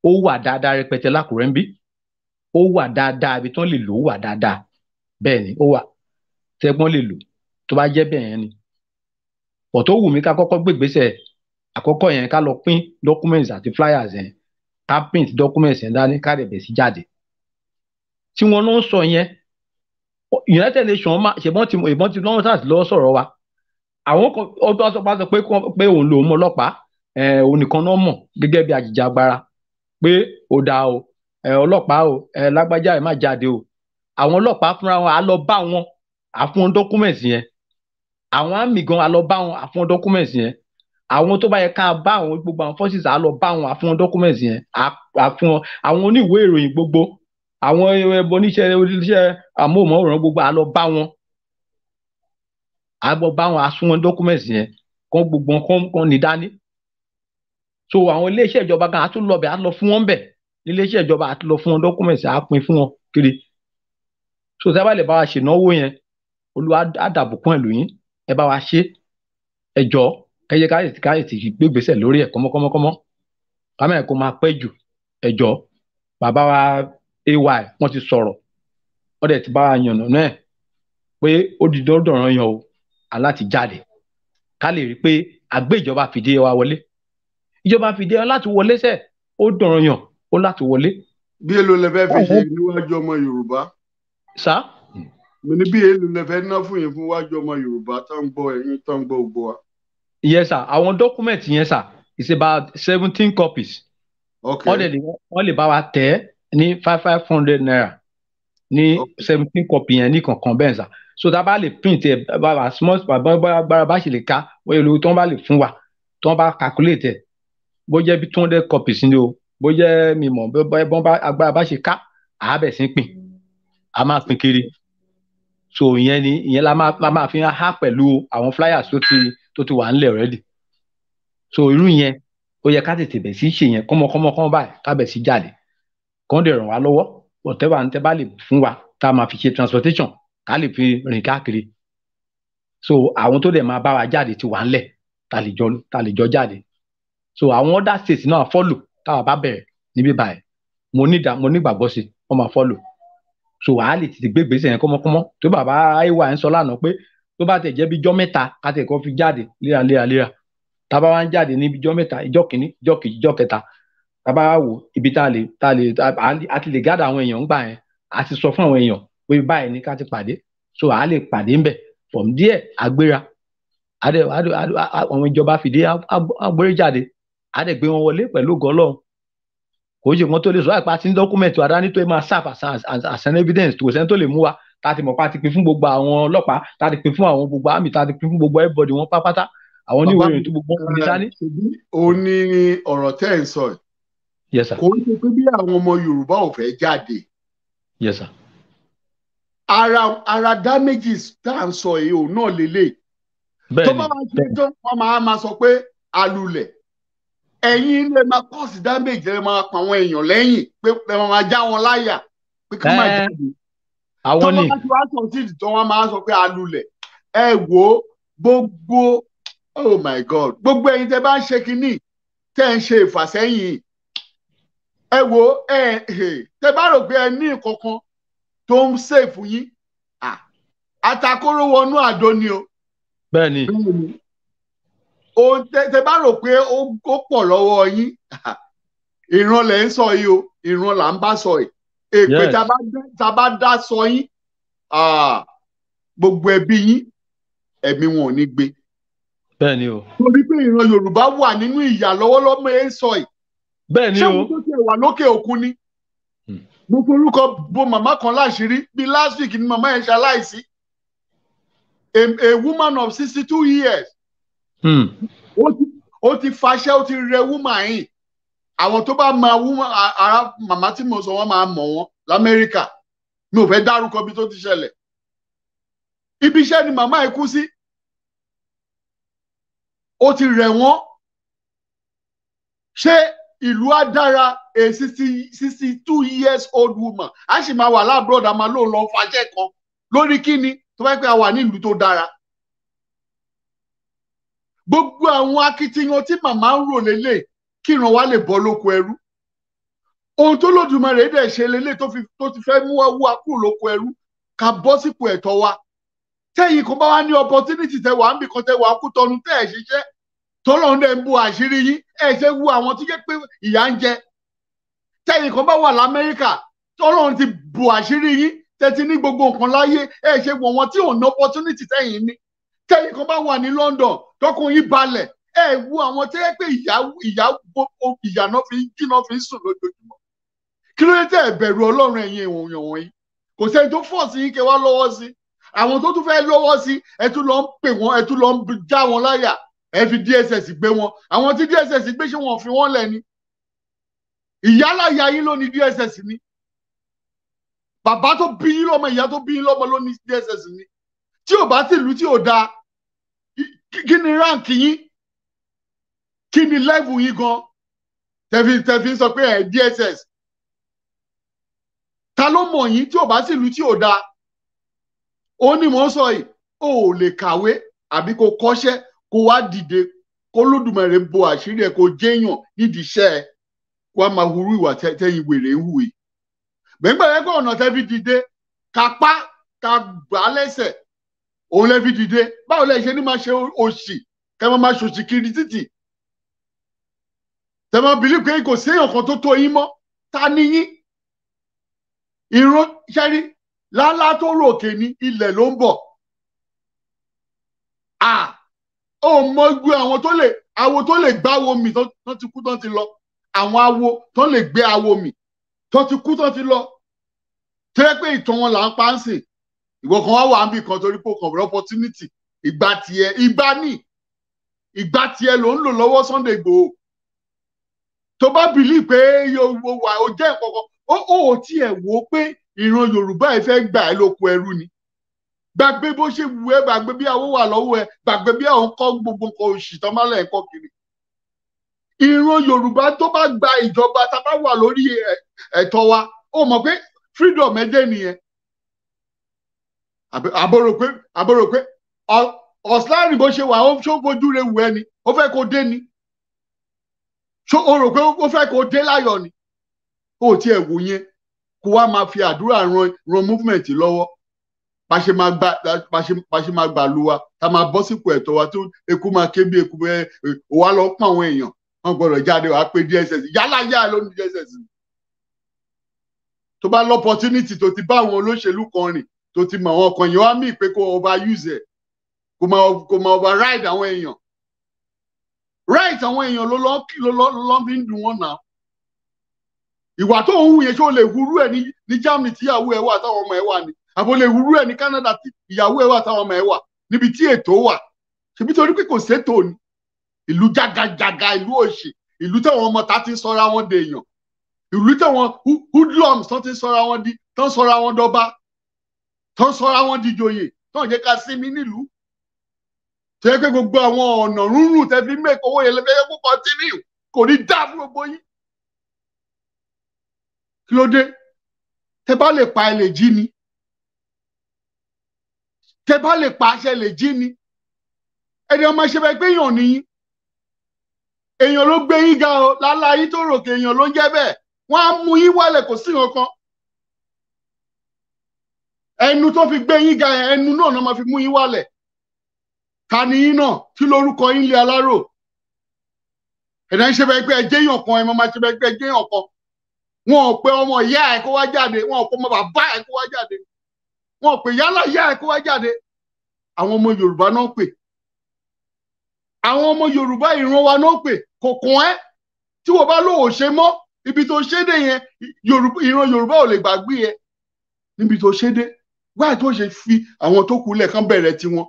S19: ó wà dáadáa rẹpẹtẹ lákùrẹ́ ń bí ó wà dáadáa ibi tán lè lò ó wà dáadáa bẹ́ẹ̀ ni ó wà tẹ́gbọ́n lè lò tó bá jẹ́ bẹ́ẹ̀ yẹn ni ọ̀tọ̀ wù mí ká kọ́kọ́ gbègbèsẹ̀ àkọ́kọ́ yẹn ká lọ pín documents àti flyers yẹn ká print documents yẹn dání ká rẹ̀ bẹ̀ sí jáde tí wọ́n náà sọ yẹn united nations máa ṣèbọn ti ìbọn ti lọ́wọ́ sars lọ́wọ́ sọ̀rọ̀ wa àwọn kan ọdún aṣọ pàṣẹ pé pé òun lòun mọ ọlọ́pàá òun nìkan náà mọ̀ gẹ́gẹ́ bí ajìjàgbara pé ò dáa o ọlọ́pàá o lágbájá ẹ̀ má jáde o àwọn ọlọ́pàá fúnra wọn á lọ bá wọn àfún dọ́kúmẹ̀ntì yẹn àwọn àmì gan á lọ bá wọn àfún dọ́kúmẹ̀ntì yẹn àwọn tó bá yẹ ká bá àwọn gbogbo àwọn forces á lọ bá wọn àfún dọ́kúmẹ̀ntì yẹn àfún àwọn oníwèé ìròyìn gbogbo àwọn ẹbọ oníṣẹ́ oníṣẹ́ amóhùnmáwòrán gbogbo àlọ bá wọn àbọ̀ bá wọn asún wọn dọ́kúmẹ̀sì yẹn kán gbogbo kán kán ní dání so àwọn iléeṣẹ́ ìjọba kan á tún lọ bẹ̀ á lọ fún wọn bẹ̀ iléeṣẹ́ ìjọba á tún lọ fún wọn dọ́kúmẹ̀sì á pín fún wọn kiri so tẹ́ bá lè bá wa ṣènáwó yẹn olúwa á dàbùkún ẹ̀ lóyún ẹ bá wa ṣe ẹ jọ ẹ yẹ káyọ̀tì káyọ̀tì gbégbèsè lórí ẹ̀ kọ́mọ́kọ́mọ́kọ́mọ́ kámẹ́rẹ̀ kó máa pẹ́ jù ẹ bàbá wa ay wọ́n ti sọ̀rọ̀ wọ́n dẹ̀ ti bá a yànnà náà pé ó di dọ́dọ̀ràn yan o aláti jáde ká lè rí i pé àgbé ìjọba fìdí wa wọlé ìjọba fìdí wa láti wọlé sẹ́ẹ̀ ó dọ̀ràn yan ó láti wọlé. bí èlò lè fẹ́ fi ṣe
S17: níwájú ọmọ Yorùbá. sá. mo ní bí èlò lè fẹ́ ná fún yín fún wájú ọmọ Yorùbá tó ń gbọ́ ẹ̀yin tó ń gbọ́ ògbó wa.
S19: yes sir àwọn dọ́kúmẹ̀tì yẹn sir is about seventeen copies. ok wọ́n lè bá wa tẹ̀ ẹ́ ní five five hundred naira ní seventeen copy yẹn ní kankan bẹ́ẹ̀ sà so tá a bá lè print ẹ̀ bàbá small bàbá bá ṣe lè ka wọ́n yẹn lówó tí wọ́n bá lè fún wa tí wọ́n bá calculate ẹ̀ bó jẹ́ bí two hundred copies ni o bó jẹ́ mi mọ̀ bọ́n bá agbára bá ṣe ká àábẹ̀ sí pin a máa pin kiri so ìyẹn ni ìyẹn la máa la máa fi há pẹ̀lú àwọn flyers tó ti tó ti wà ńlẹ̀ already so irú yẹn ó yẹ ká tètè bẹ̀ sí ṣe yẹn kọ́mọkọ́mọ kọ́mọ báyìí ká bẹ̀ sí jáde kọ́ńdé ràn wá lọ́wọ́ whatever ń tẹ́ bá lè fún wa tá a máa fi ṣe transportation ká lè fi rìn káàkiri so àwọn tó dẹ̀ máa bá wa jáde ti wà ńlẹ̀ ta lè jọ ta lè jọ jáde so àwọn other states náà fọ́lù táwa bá bẹ̀rẹ̀ níbí báyìí mo ní mo nígbàgbọ́ sí wọ́n máa fọ́lù so wàá lè tètè gbé gbèsè yẹn kọ́mọ́kọ́mọ́ tó bàbá aiwa ń sọ lánàá pé tó bá tẹ̀ jẹ́ bí jọ́ mẹ́ta ká tẹ̀ fi jáde léraléraléra tábà wá ń jáde níbi jọ́ mẹ́ta ìjọ́ kìíní ìjọ́ kejì ìjọ́ kẹta tábà wò ibi tá a lè tá a lè a ti lè gádà àwọn èèyàn ńgbà yẹn a ti sọ fún àwọn èèyàn pé báyìí ni ká ti pàdé so a lè pàdé ńbẹ from díẹ̀ àgbéra àwọn ìjọba fìdí agbóríjáde a lè gbé wọn wọlé pẹ̀lú ògo Ọlọ́run kò ń wọn tó lè sọ àìpá tí ń dọ́kúmẹ̀tì wa dání tó máa serve as evidence tó sẹ́ni tó lè mú wa tá a ti mọ̀ pa ti pín fún gbogbo àwọn ọlọ́pàá tá a ti pín fún àwọn gbogbo àmì tá a ti pín fún gbogbo everybody wọn pátápátá àwọn oníwèé tó gbogbo wọn ní sáré.
S17: ó ní ọ̀rọ̀ tẹ́ ẹ̀ ń sọ yìí Yes sir. kò ń ṣe pé bí àwọn ọmọ Yorùbá ò fẹ́ jáde. Yes sir. ara ara damages tá à ń sọ èyí òun náà lélẹ̀. bẹ́ẹ̀ni tó bá wàá ṣe tán wọn máa máa sọ pé alulẹ̀ ẹ̀yin lè máa cause damage lè máa pa àwọn èèyàn lẹ́yìn pé lè
S15: máa já wọn láyà pé kí máa jáde. àwọn ni tọ́wọ́ bá
S17: ti wá sọ sí ìdìtọ́ wọn máa sọ pé alulẹ̀ ẹ wò gbogbo oh my god gbogbo ẹ̀yin tẹ́ bá ń ṣe kínní tẹ́ ń ṣe ìfàsẹ́yìn ẹ wo ẹ tẹ bá rò pé ẹ ní nǹkankan tó ń ṣèfù yín àtàkóró wọnú àdó ni o. bẹ́ẹ̀ni. ohun tẹ bá rò pé ó pọ̀ lọ́wọ́ yín ìran lẹ ń sọ yìí o ìran là ń bá sọ yìí èpè tá a bá dá sọ yín gbogbo ẹbí yín ẹ̀mí wọn ò ní gbé. bẹ́ẹ̀ni o. torí pé ìran Yorùbá wà nínú ìyà lọ́wọ́lọ́mọ ẹ ń sọ yìí. bẹ́ẹ̀ni o ṣe wà lókè òkun ni hmm. mo forúkọ bo màmá kan láṣìírí bíi last week ni màmá yẹn ṣaláìsí a a woman of sixty two years hmm. ó ti faṣẹ́ ó ti rẹ woman yìí àwọn tó bá máa woman ara màmá tí mo sọ wọ́n máa mọ̀ wọ́n lamẹ́ríkà mi ò fẹ́ dárúkọ bí tó ti ṣẹlẹ̀ ibi iṣẹ́ ni màmá yìí kú sí ó ti rẹ̀ wọ́n ṣé ìlú á a sixty sixty two years old woman a sì máa wà láàbúrọ̀dà máa lóun lọ fàjẹ́ kan lórí kíni tó bá pẹ́ a wà ní ìlú tó dára. gbogbo àwọn akitiyan tí màmá ń rò lélẹ̀ kíran wa lè bọ́ lóko ẹrú ohun tó lòdùmarè dẹ̀ ṣe lélẹ̀ tó ti fẹ́ mú wa kúrò lóko ẹrú ká bọ́ sípò ẹ̀tọ́ wa tẹ́yìn kan bá wá ní opportunity tẹ wàá ń bìkan tẹ wàá kú tọnu tẹ́ ẹ̀ ṣiṣẹ́ tọ́lọ́run dẹ̀ ń bo àṣírí yín ẹ ṣe wo àwọn tó jẹ́ pé ìyà ń jẹ tẹ́yìn kan bá wà lamẹ́ríkà tọ́lọ́run ti bo àṣírí yín tẹ́tí ní gbogbo nǹkan láyé ẹ ṣe wọ̀ wọ́n tí ò ní opportunity tẹ́yìn ní tẹ́yìn kan bá wà ní London tọkùn yín balẹ̀ ẹ wo àwọn tó jẹ́ pé ìyà ìyà ìyà náà fi ń jìnnà fi ń sùn lójoojúmọ́ kí ló dé tẹ́ ẹ bẹ̀rù Ọlọ́run ẹ̀yin ìwòyàn wọ̀nyí kò sẹ́ni tó fọ̀ sí kẹ́ wá lọ́wọ́ sí àwọn tó tún fẹ́ lọ́wọ́ sí ẹ tún lọ ń pè wọ́n ẹ tún lọ ń já wọn láyà ẹ fi DSS gbé wọn àwọn tí DSS gbé ṣé wọn fi wọn lẹ ni ìyálàyà yín ló ní DSS ni bàbá tó bí yín lọ́mọ ìyá tó bí yín lọ́mọ ló ní DSS ni tí ò bá sì lù tí ò dáa kí ni rank yín kí ni level yín gan tẹ̀fi tẹ̀fi sọ pé ẹ̀ DSS ta ló mọ̀ yín tí ò bá sì lù tí ò dáa ó ní mò sọ yìí ó lè kàwé àbí kò kọ́ṣẹ́ kó wá dìde kó lódùmarè bo àṣírí ẹ kó jẹyàn nídìí iṣẹ́ ẹ kó wá máa hurú ìwà tẹ̀yin wèrè ń hùwì gbẹ̀ngbẹ̀ rẹ kó ọ̀nà tẹ́ fi dìde kápá ká gbà á lẹ́sẹ̀ òun lẹ́ fi dìde báwo lẹ ṣe ní máa ṣe òṣì kẹ́ máa máa ṣòṣì kiri títì tẹ́ máa bìlí pé kò séèyàn kan tó tó yín mọ́ ta ni yín irun ṣẹ́rí lálá tó rò òkè ní ilẹ̀ ló ń bọ̀ à ó mọ gbé àwọn tó lè awo tó lè gbá awo mi tó ti kú tó ti lọ àwọn awo tó lè gbé awo mi tó ti kú tó ti lọ tó yẹ pé ìtàn wọn là ń pa ń sìn ìwọ kan wá wà níbi kan torí pé o kàn rí opportunity ìgbà tiẹ̀ ìgbà ní ìgbà tiẹ̀ ló ń lò lọ́wọ́ Sunday Igboho tó bá bìlí pé yòówó wà ó jẹ́ nǹkan kan ó ò tiẹ̀ wò ó pé ìran Yorùbá ẹ fẹ́ gbà ẹ lóko ẹrú ni gbàgbé bó ṣe wù ẹ́ gbàgbé bí àwọn wà lọ́wọ́ ẹ gbàgbé bí àwọn kọ́ gbogbo nǹkan òṣì tán máa lẹ́ẹ̀kọ́ kiri ìran yorùbá tó bá gba ìjọba tá a bá wà lórí ẹ̀tọ́ wa ó mọ̀ pé freedom ẹ̀jẹ̀ nìyẹn àbọ̀rò pé àbọ̀rò pé ọ̀sán bó ṣe wà ó fojú rẹ̀ wù ẹ́ ni ó fẹ́ kó dé ni ṣó o rò pé ó fẹ́ kó dé láyọ̀ ni ó tiẹ̀ wò yẹn kó wá máa fi àdúrà ran ran movement lọ́wọ́ pàṣẹ máa gbà pàṣẹ máa gbà lu wa tá máa bọ́ sípò ẹ̀tọ́ wa tó eku máa ké bí eku bẹ́ẹ̀ wà lọ pọ̀ àwọn èèyàn wọn gbọ́dọ̀ jáde wàá pé DSS yálà yá ló ní DSS tó bá lọ́pọ̀tínítì tó ti bá àwọn olóṣèlú kan rìn tó ti mọ̀ àwọn kan yẹn wá mí pé kó overuse ẹ̀ kó máa kó máa override àwọn èèyàn right àwọn èèyàn ló lọ́ ló lọ́ lọ́ fi ń dùn wọ́n náà ìwà tó ń hù yẹn ṣó lè hurú ẹ̀ ní Germany tíyàwó ẹ̀ wà táwọn ọmọ ẹ̀ wà ní àbọ̀lẹ̀ ìwúrú ẹ̀ ní Canada tí ìyàwó ẹ̀ wà táwọn ọmọ ẹ̀ wà níbi tí ètò wà ṣebí torí pé kò sétò ni ìlú jagajaga ìlú òṣì ìlú táwọn ọmọ ta ti ń sọra wọn dèèyàn ìlú táwọn hoodlums tán ti ń sọra wọn di tán sọra wọn dọba tán sọra wọn di joyè tán jẹ́ ká sinmi nílùú tó yẹ pé gbogbo àwọn ọ̀nà rúnrún tẹ́ fi mẹ́kọ̀ owó yẹn kó continue kò ní dá fún gbogbo yín kí ló dé tẹ́ bá lè pa ẹ lè jí ni tẹ bá lè pàṣẹ lè jí ni ẹni ọmọ ṣe fẹ́ pé èèyàn nìyí èèyàn ló gbé yín ga o láláyé tó rò kéèyàn ló ń jẹ́ bẹ́ẹ̀ wọ́n á mú yín wálẹ̀ kò sí nǹkan ẹnu tó fi gbé yín ga ẹnu náà ni wọ́n fi mú yín wálẹ̀ ta ni yín náà kí lorúkọ yín lé aláró ẹ̀dá ń ṣe ẹjẹ́ yàn kan ẹ̀ máa ṣe fẹ́ ẹjẹ́ yàn kan wọn ò pe ọmọ ìyá ẹ̀ kó wá jáde wọn ò pe ọmọ bàbá ẹ̀ kó wá jáde wọn ò pè yálà ìyá ẹ kó wá jáde àwọn ọmọ yorùbá náà pè àwọn ọmọ yorùbá ìran wa náà pè kò kàn ẹ́ tí wọ́n bá lóò ṣe mọ́ ibi tó ṣe dé yẹn ìran yorùbá ò lè gbàgbé ẹ níbi tó ṣe dé wáyé tó ṣe fi àwọn tó kù lẹ̀ kán bẹ̀rẹ̀ tiwọn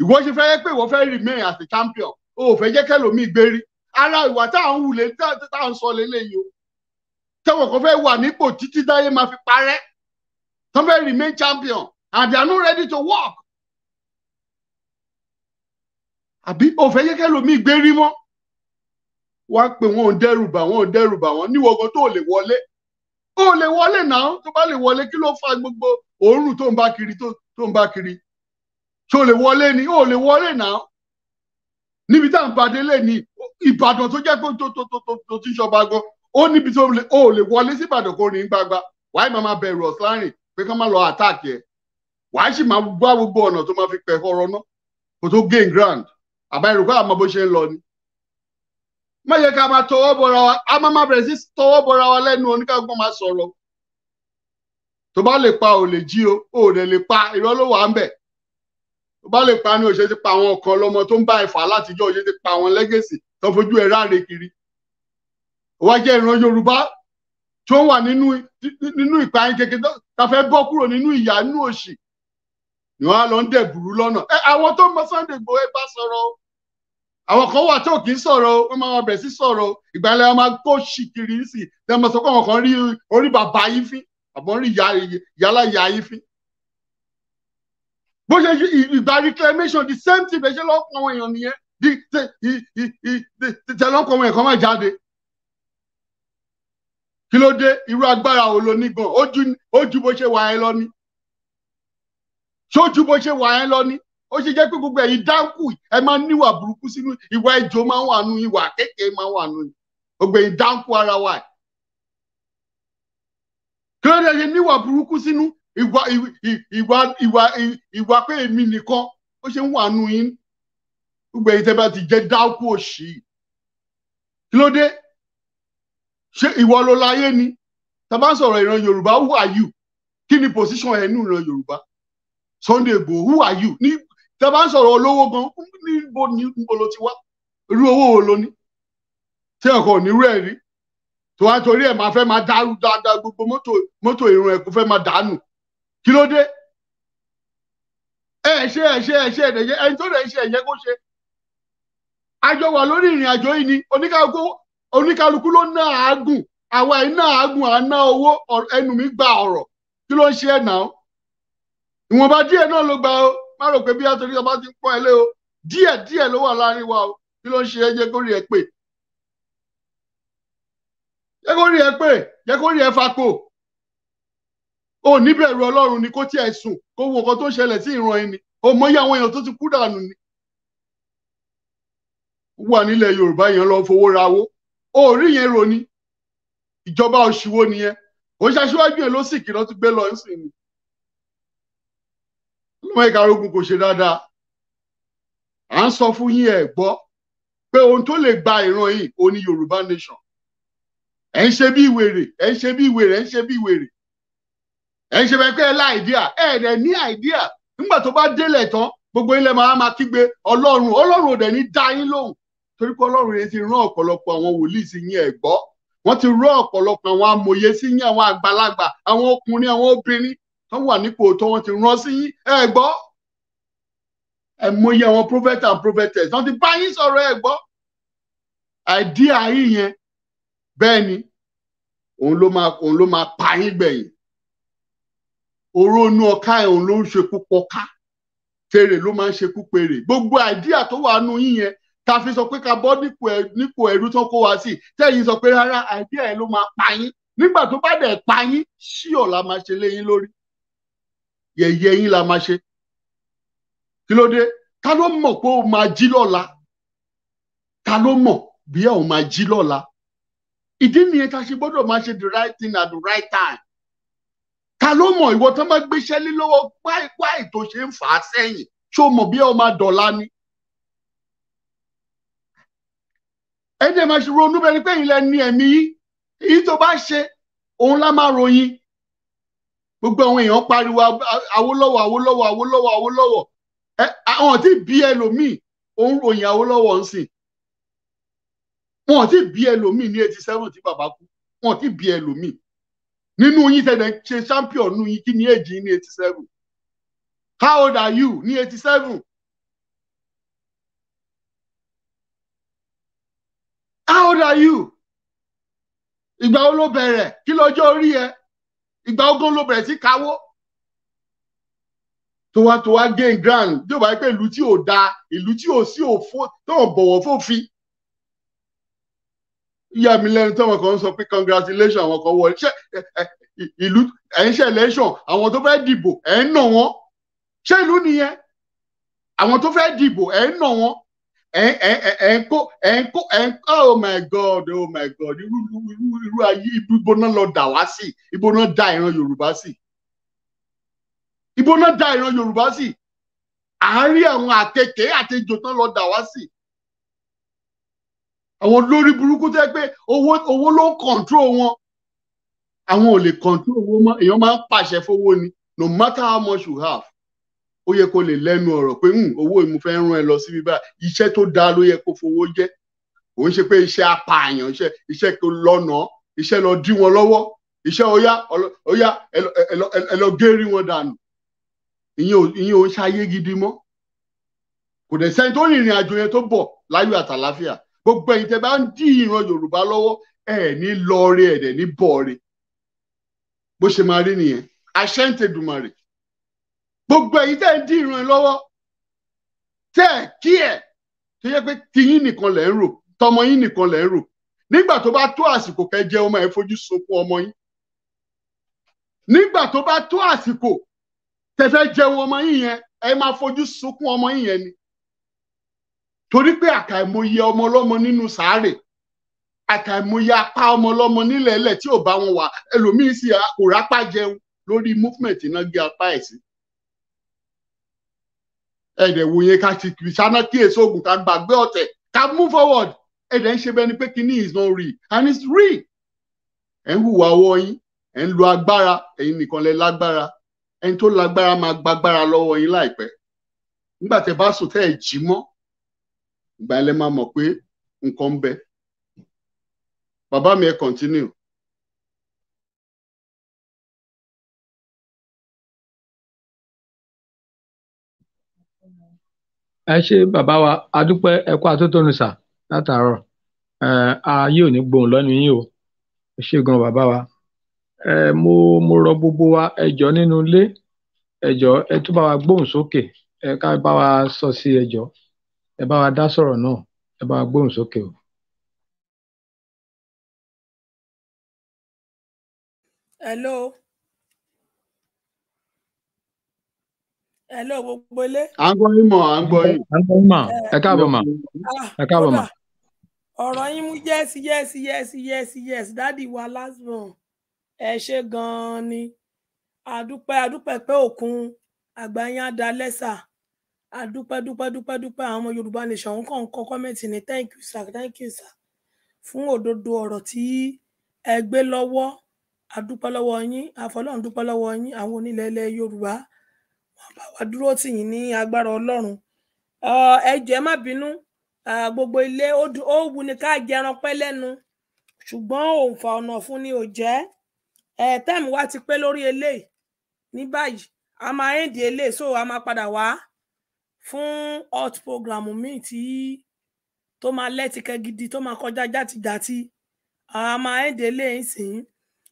S17: ìwọ ṣe fẹ́ yẹ pé ìwọ fẹ́ remain as a champion o ò fẹ́ jẹ́ kẹlòmíì gbérí ara ìwà tá à ń wulẹ̀ tá à ń sọ lélẹ́yìí o tẹ́wọ̀n kan fẹ́ wà nípò títí dáyé máa fi parẹ́ somebody remain champion and they are not ready to work. àbí òfẹ́ yẹ́kẹ́ lomi ìgbérí mọ́ wá pé wọn ò dẹ́rù bà wọn ò dẹ́rù bà wọn níwọ̀gán tó lè wọlé ó lè wọlé náà tó bá lè wọlé kí ló fa gbogbo òórùn tó ń bá kiri tó ń bá kiri tó lè wọlé ni ó lè wọlé náà níbi tá à ń padé lé ní Ìbàdàn tó jẹ́ pé tó tó tó tó ti ń ṣọba gan ó níbi tó ó lè wọlé sí Ìbàdàn kò rìn gbagba wàá máa bẹ̀rù ọ̀sán rìn pé kán má lọ àtàkì ẹ wàá sì máa gbá gbogbo ọ̀nà tó máa fi pẹ̀ ọ̀rọ̀ náà kó tó gain ground àbá ìrùkọ́ àmọ́ bó ṣe ń lọ ni. má yẹ ká máa tọwọ́ bọra wa a máa máa bẹ̀rẹ̀ sí tọwọ́ bọra wa lẹ́nu oníkàgbọ́n máa sọ̀rọ̀ tó bá lè pa ò lè jí o ò dẹ̀ lè pa irọ́ ló wà ń bẹ̀ tó bá lè pa ni òṣè ti pa àwọn ọkàn lọmọ tó ń bá ẹ̀fà látijọ́ òṣè ti pa àwọn lẹ́gẹ̀sì tó fojú ẹ̀ ráre kiri. wá jẹ́ ìran Yorùbá tí ó wà nínú nínú ìpayín kékeré tá a fẹ́ bọ́ kúrò nínú ìyà nínú òṣì ni wọ́n á lọ ń dẹ̀bùrú lọ́nà ẹ àwọn tó mọ Sunday Igboho ẹ bá sọ̀rọ̀ o àwọn kan wà tó kì í sọ̀rọ̀ o wọ́n máa wọ bẹ̀rẹ̀ sí sọ̀rọ̀ o ìgbà ilẹ̀ wọn máa kó ṣì kiri sí i tẹ́ mọ̀ sọ pé àwọn kan rí orí bàbá yín fín àbọ̀ rí yàrá ìyá yín fín bó ṣe ìgbà reclamation the same thing bẹ́ẹ̀ ṣe lọ́pọ̀ àwọn èèyàn nìyẹn tẹ̀lọ́pọ̀ àwọn èèyàn kan máa jáde kí ló dé irú agbára wo lo ní gan ó ju bó ṣe wà ẹ́ lọ ni ṣó ju bó ṣe wà ẹ́ lọ ni ó ṣe jẹ́ pé gbogbo ẹ̀yin dáńkù ẹ máa níwà burúkú sínú ìwà ìjọ máa ń wà nù ìwà kékeré máa ń wà nù gbogbo ẹ̀yin dáńkù ara wa ẹ̀ kí ló dé ṣe níwà burúkú sínú ìwà ìwà ìwà ìwà pé èmi nìkan ó ṣe ń wà nù yín gbogbo ẹ̀yin tẹ́ bá ti jẹ́ dáńkù òṣì kí ló dé ṣé ìwọ ló láyé ni tá bá sọ̀rọ̀ ìran yorùbá who are you kí ni position ẹ̀ nínú ìran yorùbá Sunday Igboho who are you ní tá bá ń sọ̀rọ̀ olówó gan níbo ni níbo ló ti wá irú owó wo ló ní tí ọkọ ò ní rú ẹ̀ rí tó wá torí ẹ̀ máa fẹ́ máa dárú dáadáa gbogbo mọ́tò mọ́tò ìran ẹ̀ kó fẹ́ máa dànù kí ló dé ẹ ṣe ẹ ṣe ẹ ṣe ẹ ẹni tó rẹ̀ ṣe ẹ̀yẹ kó ṣe àjọ wà lórí ìrìn àjò yìí ni oníkàgbọ́ oníkálukú ló ná àágùn àwa yìí ná àágùn àná owó ẹnu mi gba ọ̀rọ̀ kí ló ń ṣe ẹ̀ náà ìwọ̀nba díẹ̀ náà ló gba o má rò pé bí àtòrí ọba ti ń pọ́n ẹ lé o díẹ̀ díẹ̀ ló wà láàrin wa o kí ló ń ṣe ẹ jẹ́ kó rí ẹ pé jẹ́ kó rí ẹ pé o níbẹ̀rù ọlọ́run ni kó tiẹ̀ sùn kó wo nǹkan tó ń ṣẹlẹ̀ sí ìran ẹni o mọyì àwọn èèyàn tó ti kú dànù ni wà nílẹ̀ Yorùbá yẹn lọ fowó rawó orí yẹn ìjọba òṣìwò nìyẹn kò ṣe yẹn ló sì kí lọ́ọ́ gbé lọ sí ni kò ṣe dáadáa à ń sọ fún yín ẹ̀ gbọ́ pé ohun tó lè gba ìran yìí Yorùbá nation ń ṣe bí ìwèrè ń ṣe bí ìwèrè ń ṣe bí ìwèrè ń ṣe tó bá gbogbo ilẹ̀ máa kígbe ọlọ́run ọlọ́run ò dẹ̀ torí pé ọlọ́run yẹn ti rán ọ̀pọ̀lọpọ̀ àwọn wòlíì sí yín ẹ̀gbọ́ wọ́n ti rán ọ̀pọ̀lọpọ̀ àwọn amòye sí yín àwọn àgbàlagbà àwọn ọkùnrin àwọn obìnrin tó wà nípò tó wọ́n ti rán sí yín ẹ̀gbọ́ ẹ̀mọye àwọn prophet and prophetess wọ́n ti bá yín sọ̀rọ̀ ẹ̀gbọ́ àìdíà yín yẹn bẹ́ẹ̀ ni òun ló máa òun ló máa pa yín gbẹ̀yìn oró ọ̀ka ẹ̀ òun ló ń ṣekú pọ̀ká tèrè ló máa ń ṣekú pèrè gbogbo àìdíà tó wà yín yẹn ta fi sọ pé ká bọ́ nípò ẹ̀rú tó kó wa sí tẹ́yìn sọ pé rárá àìdí ẹ̀ ló máa pa yín nígbà tó bá dẹ̀ pa yín ṣíọ̀ la máa ṣe léyìn lórí yẹ̀yẹ́ yín la máa ṣe kí ló dé ta ló mọ̀ pé ó máa jí lọ́la ta ló mọ̀ bí ẹ̀ ò máa jí lọ́la ìdí nìyẹn ta ṣe gbọ́dọ̀ máa ṣe the right thing at the right time ta ló mọ̀ ìwọ tó máa gbéṣẹ́ lé lọ́wọ́ páìpáì tó ṣe ń fà á sẹ́yìn ṣó mọ̀ bí ẹ̀ ò máa dọ̀la ni ẹ dẹ̀ máa ṣe ronú bẹ́ẹ̀ ni pé ìlẹ̀ ni ẹ̀mí yìí tó bá ṣe òun la máa ròyìn gbogbo àwọn èèyàn pariwo Awólọ́wọ̀ Awólọ́wọ̀ Awólọ́wọ̀ Awólọ́wọ̀ àwọn tí bí ẹlòmíì òun ròyìn Awólọ́wọ̀ ń sìn wọn ti bí ẹlòmíì ní eighty seven tí bàbá kú wọn ti bí ẹlòmíì nínú yín tẹ̀lé ṣe champion nínú yín kí ni èjì ní eighty seven how old are you ní eighty seven how old are you ìgbà wo ló bẹ̀rẹ̀ kí lọ́jọ́ orí ẹ ìgbà ogún ló bẹ̀rẹ̀ sí káwó tó wá tó wá gain ground tí ò bá pẹ́ ìlú tí ò da ìlú tí ò sí òfo tó ò bọ̀wọ̀ fòfin yà mí lẹ́nu táwọn kan sọ pé congratulation àwọn kan wọlé ṣe ìlú ẹ̀ ń ṣe election àwọn tó fẹ́ dìbò ẹ̀ ń nà wọ́n ṣé ìlú nìyẹn àwọn tó fẹ́ dìbò ẹ̀ ń nà wọ́n oh my god oh my god irú irú irú ayé ibo náà lọ dà wá sí ibo náà dà ìran yorùbá sí ibo náà dà ìran yorùbá sí àárín àwọn àkekè àtejò tán lọ dà wá sí àwọn lórí burúkú tẹ pé owó owó ló ń kọńtró wọn àwọn ò lè kọńtró owó mọ́ èèyàn máa ń pàṣẹ fowó ni no matter how much you have ó yẹ kó lè lẹ́nu ọ̀rọ̀ pé hmm, owó ìmú fẹ́ rán ẹ lọ síbi báyìí iṣẹ́ tó dáa ló yẹ kó fowó jẹ́ kò ń ṣe pé iṣẹ́ apààyàn iṣẹ́ iṣẹ́ tó lọ́nà iṣẹ́ lọ dí wọn lọ́wọ́ iṣẹ́ ọ̀yá ọ̀yá ẹ lọ gérí wọn dànù ìyẹn ò ń ṣayé gidi mọ́ kò dẹ̀ sẹ́ni tó rìnrìn àjò yẹn tó bọ̀ láyọ̀ àtàláfíà gbogbo ẹ̀yin tẹ́ bá ń dí ìran Yorùbá lọ́wọ́ ẹ̀ ní lọ́ọ̀rẹ́ ẹ̀ dẹ̀ ní bọ̀ọ̀rẹ́ bó ṣe máa rí nìyẹn àṣẹ ń tẹ̀dùmàrè gbogbo èyí tẹ́ ń dín ìran lọ́wọ́ tẹ́ ẹ̀ kí ẹ̀ tó yẹ pé tiyín nìkan lẹ̀ ń rò tọmọ yín nìkan lẹ̀ ń rò nígbà tó bá tó àsìkò kẹ́ jẹ́ ọmọ ẹ̀ fojú sunkún ọmọ yín nígbà tó bá tó àsìkò tẹ́ fẹ́ ọmọ yín yẹn ẹ máa fojú sunkún ọmọ yín yẹn ni torí pé àkàìmọye ọmọ ọlọ́mọ nínú sàárè àkàìmọye apá ọmọ ọlọ́mọ nílẹ̀ tí ò bá wọn wà ẹlòmíín sì kò rápá jẹun lórí movement iná gé apá ẹ̀ sí ẹ̀dẹ̀ wò yẹn ká ti kì í ṣáná kí èso ká gbàgbé ọ̀tẹ̀ ká move forward ẹ̀dẹ̀ ń ṣe bẹ́ẹ̀ ni pé is not real and it's real ẹ̀ ń hùwà ọwọ́ yín ẹ̀ ń lo agbára ẹ̀yin nìkan lẹ lágbára ẹni tó lágbára máa gbàgbára lọ́wọ́ yín láìpẹ́ nígbà tẹ́ bá sùn tẹ́ ẹ̀ jí mọ́ ìgbà máa mọ̀ pé nǹkan ń bẹ
S3: bàbá mi ẹ̀ continue.
S19: ẹ ṣe bàbá wa adúpẹ́ ẹkọ atótónu sà látàárọ̀ ayé ò ní gbóhùn lọ́nu yín o ẹ ṣe gan bàbá wa mo mo rọ gbogbo wa ẹjọ nínú ilé ẹjọ ẹ tún bá wa gbóhùn sókè ẹ ká bá wa sọ sí ẹjọ ẹ bá wa dá sọ̀rọ̀ náà ẹ bá wa gbóhùn sókè o.
S3: hello.
S2: ẹ lọ gbogbo ilé.
S17: à ń gbọ́ yín mọ̀ à ń gbọ́ yín. à ń gbọ́ yín mọ̀ eh, ẹ káàbọ̀ mà ah, ẹ káàbọ̀ mà.
S2: ọ̀rọ̀ yín mú yẹ́sì yẹ́sì yẹ́sì yẹ́sì yẹ́sì dáàdì wa lásán ẹ ṣe gan-an ni àdúpẹ́ àdúpẹ́ pé òkun àgbáyé á da lẹ́sà àdúpẹ́ dúpẹ́ dúpẹ́ dúpẹ́ àwọn ọmọ yorùbá nation ń kàn ń kọ kọ́mẹ̀ntì ní thank you sir thank you sir fún òdodo ọ̀rọ̀ tí ẹ gbé lọ́wọ́ àdúpẹ́ lọ́wọ́ yín àfọlọ́run dúpẹ́ lọ́wọ́ yín àwọn onílẹ̀ ilẹ̀ yorùbá wọn bá wa dúró tì yín ní agbára Ọlọ́run ẹ jọ̀ọ́ ẹ má bínú gbogbo ilé ó wù ní ká jẹran pẹ́ lẹ́nu ṣùgbọ́n òǹfà ọ̀nà fún ni ò jẹ́ ẹ tẹ́mi wá ti pé lórí eléyìí ní báyìí a máa éǹdì eléyìí so a máa padà wá fún hot program míì tí tó máa lẹ́tìkẹ́ gidi tó máa kọjá játijàti a máa éǹdì eléyìí sìn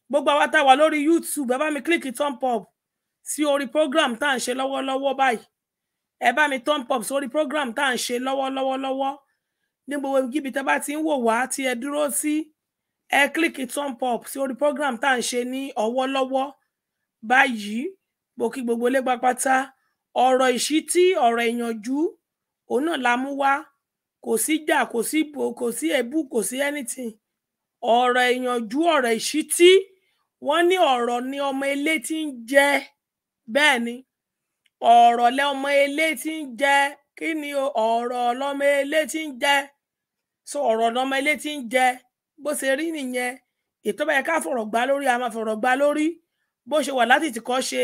S2: gbogbo àwa tá lórí YouTube ẹ bá mi kílìkì thumb up sí orí program tá à ń ṣe lọ́wọ́lọ́wọ́ báyìí ẹ bá mi turn pop sórí program tá à ń ṣe lọ́wọ́lọ́wọ́ lọ́wọ́ ní gbogbo ibi tẹ́ bá ti ń wò wá tí ẹ dúró sí ẹ kílíkì turn pop sí orí program tá à ń ṣe ní ọwọ́lọ́wọ́ báyìí gbòkí gbogbo lé pápátá ọ̀rọ̀ ìṣítí ọ̀rọ̀ ìyànjú òun náà la mú wá kò sí jà kò sí ìbò kò sí èébú kò sí anything ọ̀rọ̀ ìyànjú ọ̀rọ̀ ìṣítí wọ́n ní ọ̀rọ̀ ni ọmọ ilé ti ń jẹ́ bẹ́ẹ̀ ni ọ̀rọ̀ lẹ ọmọ elé tí ń jẹ kí ni ọ̀rọ̀ lọmọ elé tí ń jẹ so ọ̀rọ̀ lọmọ elé tí ń jẹ bó ṣe rí nìyẹn ètò bá yẹ ká fọ̀rọ̀ gbá lórí a máa fọ̀rọ̀ gbá lórí bó ṣe wà láti tìkọ́ ṣe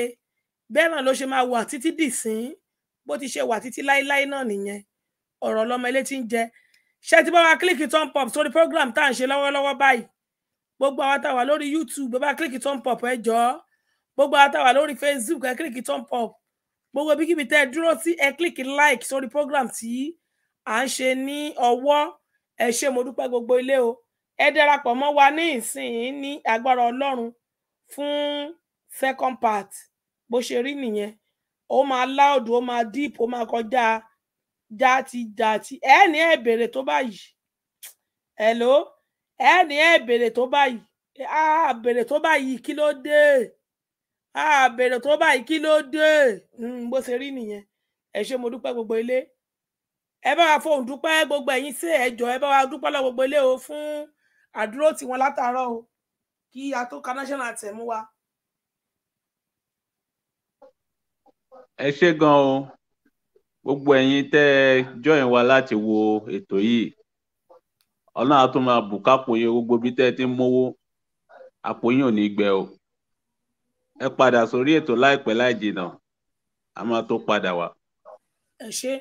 S2: bẹ́ẹ̀ náà ló ṣe máa wà títí dìsín bó ti ṣe wà títí láéláé náà nìyẹn ọ̀rọ̀ lọmọ ilé tí ń jẹ ṣé ti bá wa kílíkì turn pop sórí program tá à ń ṣe lọ́wọ́lọ́wọ́ báyìí gbogbo àwọn táwa lórí YouTube bá kílíkì turn pop ẹ jọ̀ọ́ gbogbo àtàwà lórí facebook ẹ kílìkì thumb up gbogbo ibi kíbi tẹ ẹ dúró sí ẹ kílìkì like sórí program tí à ń ṣe ní ọwọ́ ẹ ṣe mo dúpẹ́ gbogbo ilé o ẹ darapọ̀ mọ́ wa ní ìsìn ní agbára Ọlọ́run fún second part bó ṣe rí nìyẹn ó máa láòdù ó máa deep ó máa kọjá dátì dátì ẹ ní ẹ bèrè tó báyìí hello ẹ ní ẹ bèrè tó báyìí a ah, bèrè tó báyìí kí ló dé àbèrè tó báyìí kí ló dé hmm, bó ṣe rí nìyẹn ẹ ṣé mo dúpẹ́ gbogbo ilé ẹ bá wa fohùn dúpẹ́ gbogbo ẹ̀yin sí ẹjọ ẹ bá wa dúpẹ́ lọ gbogbo ilé o fún àdúró tiwọn látàárọ̀ o kí a tó ka national anthem wa.
S21: ẹ ṣé gan o gbogbo ẹ̀yin tẹ́ ẹ join wa láti wo ètò yìí Ọlọ́run á tún máa bùkápò yín gbogbo bí tẹ́ ẹ ti ń mówó àpò yín ò ní gbẹ o ẹ padà sórí ètò láìpẹ́ láì jìnnà a máa tó padà wá.
S2: ẹ ṣé.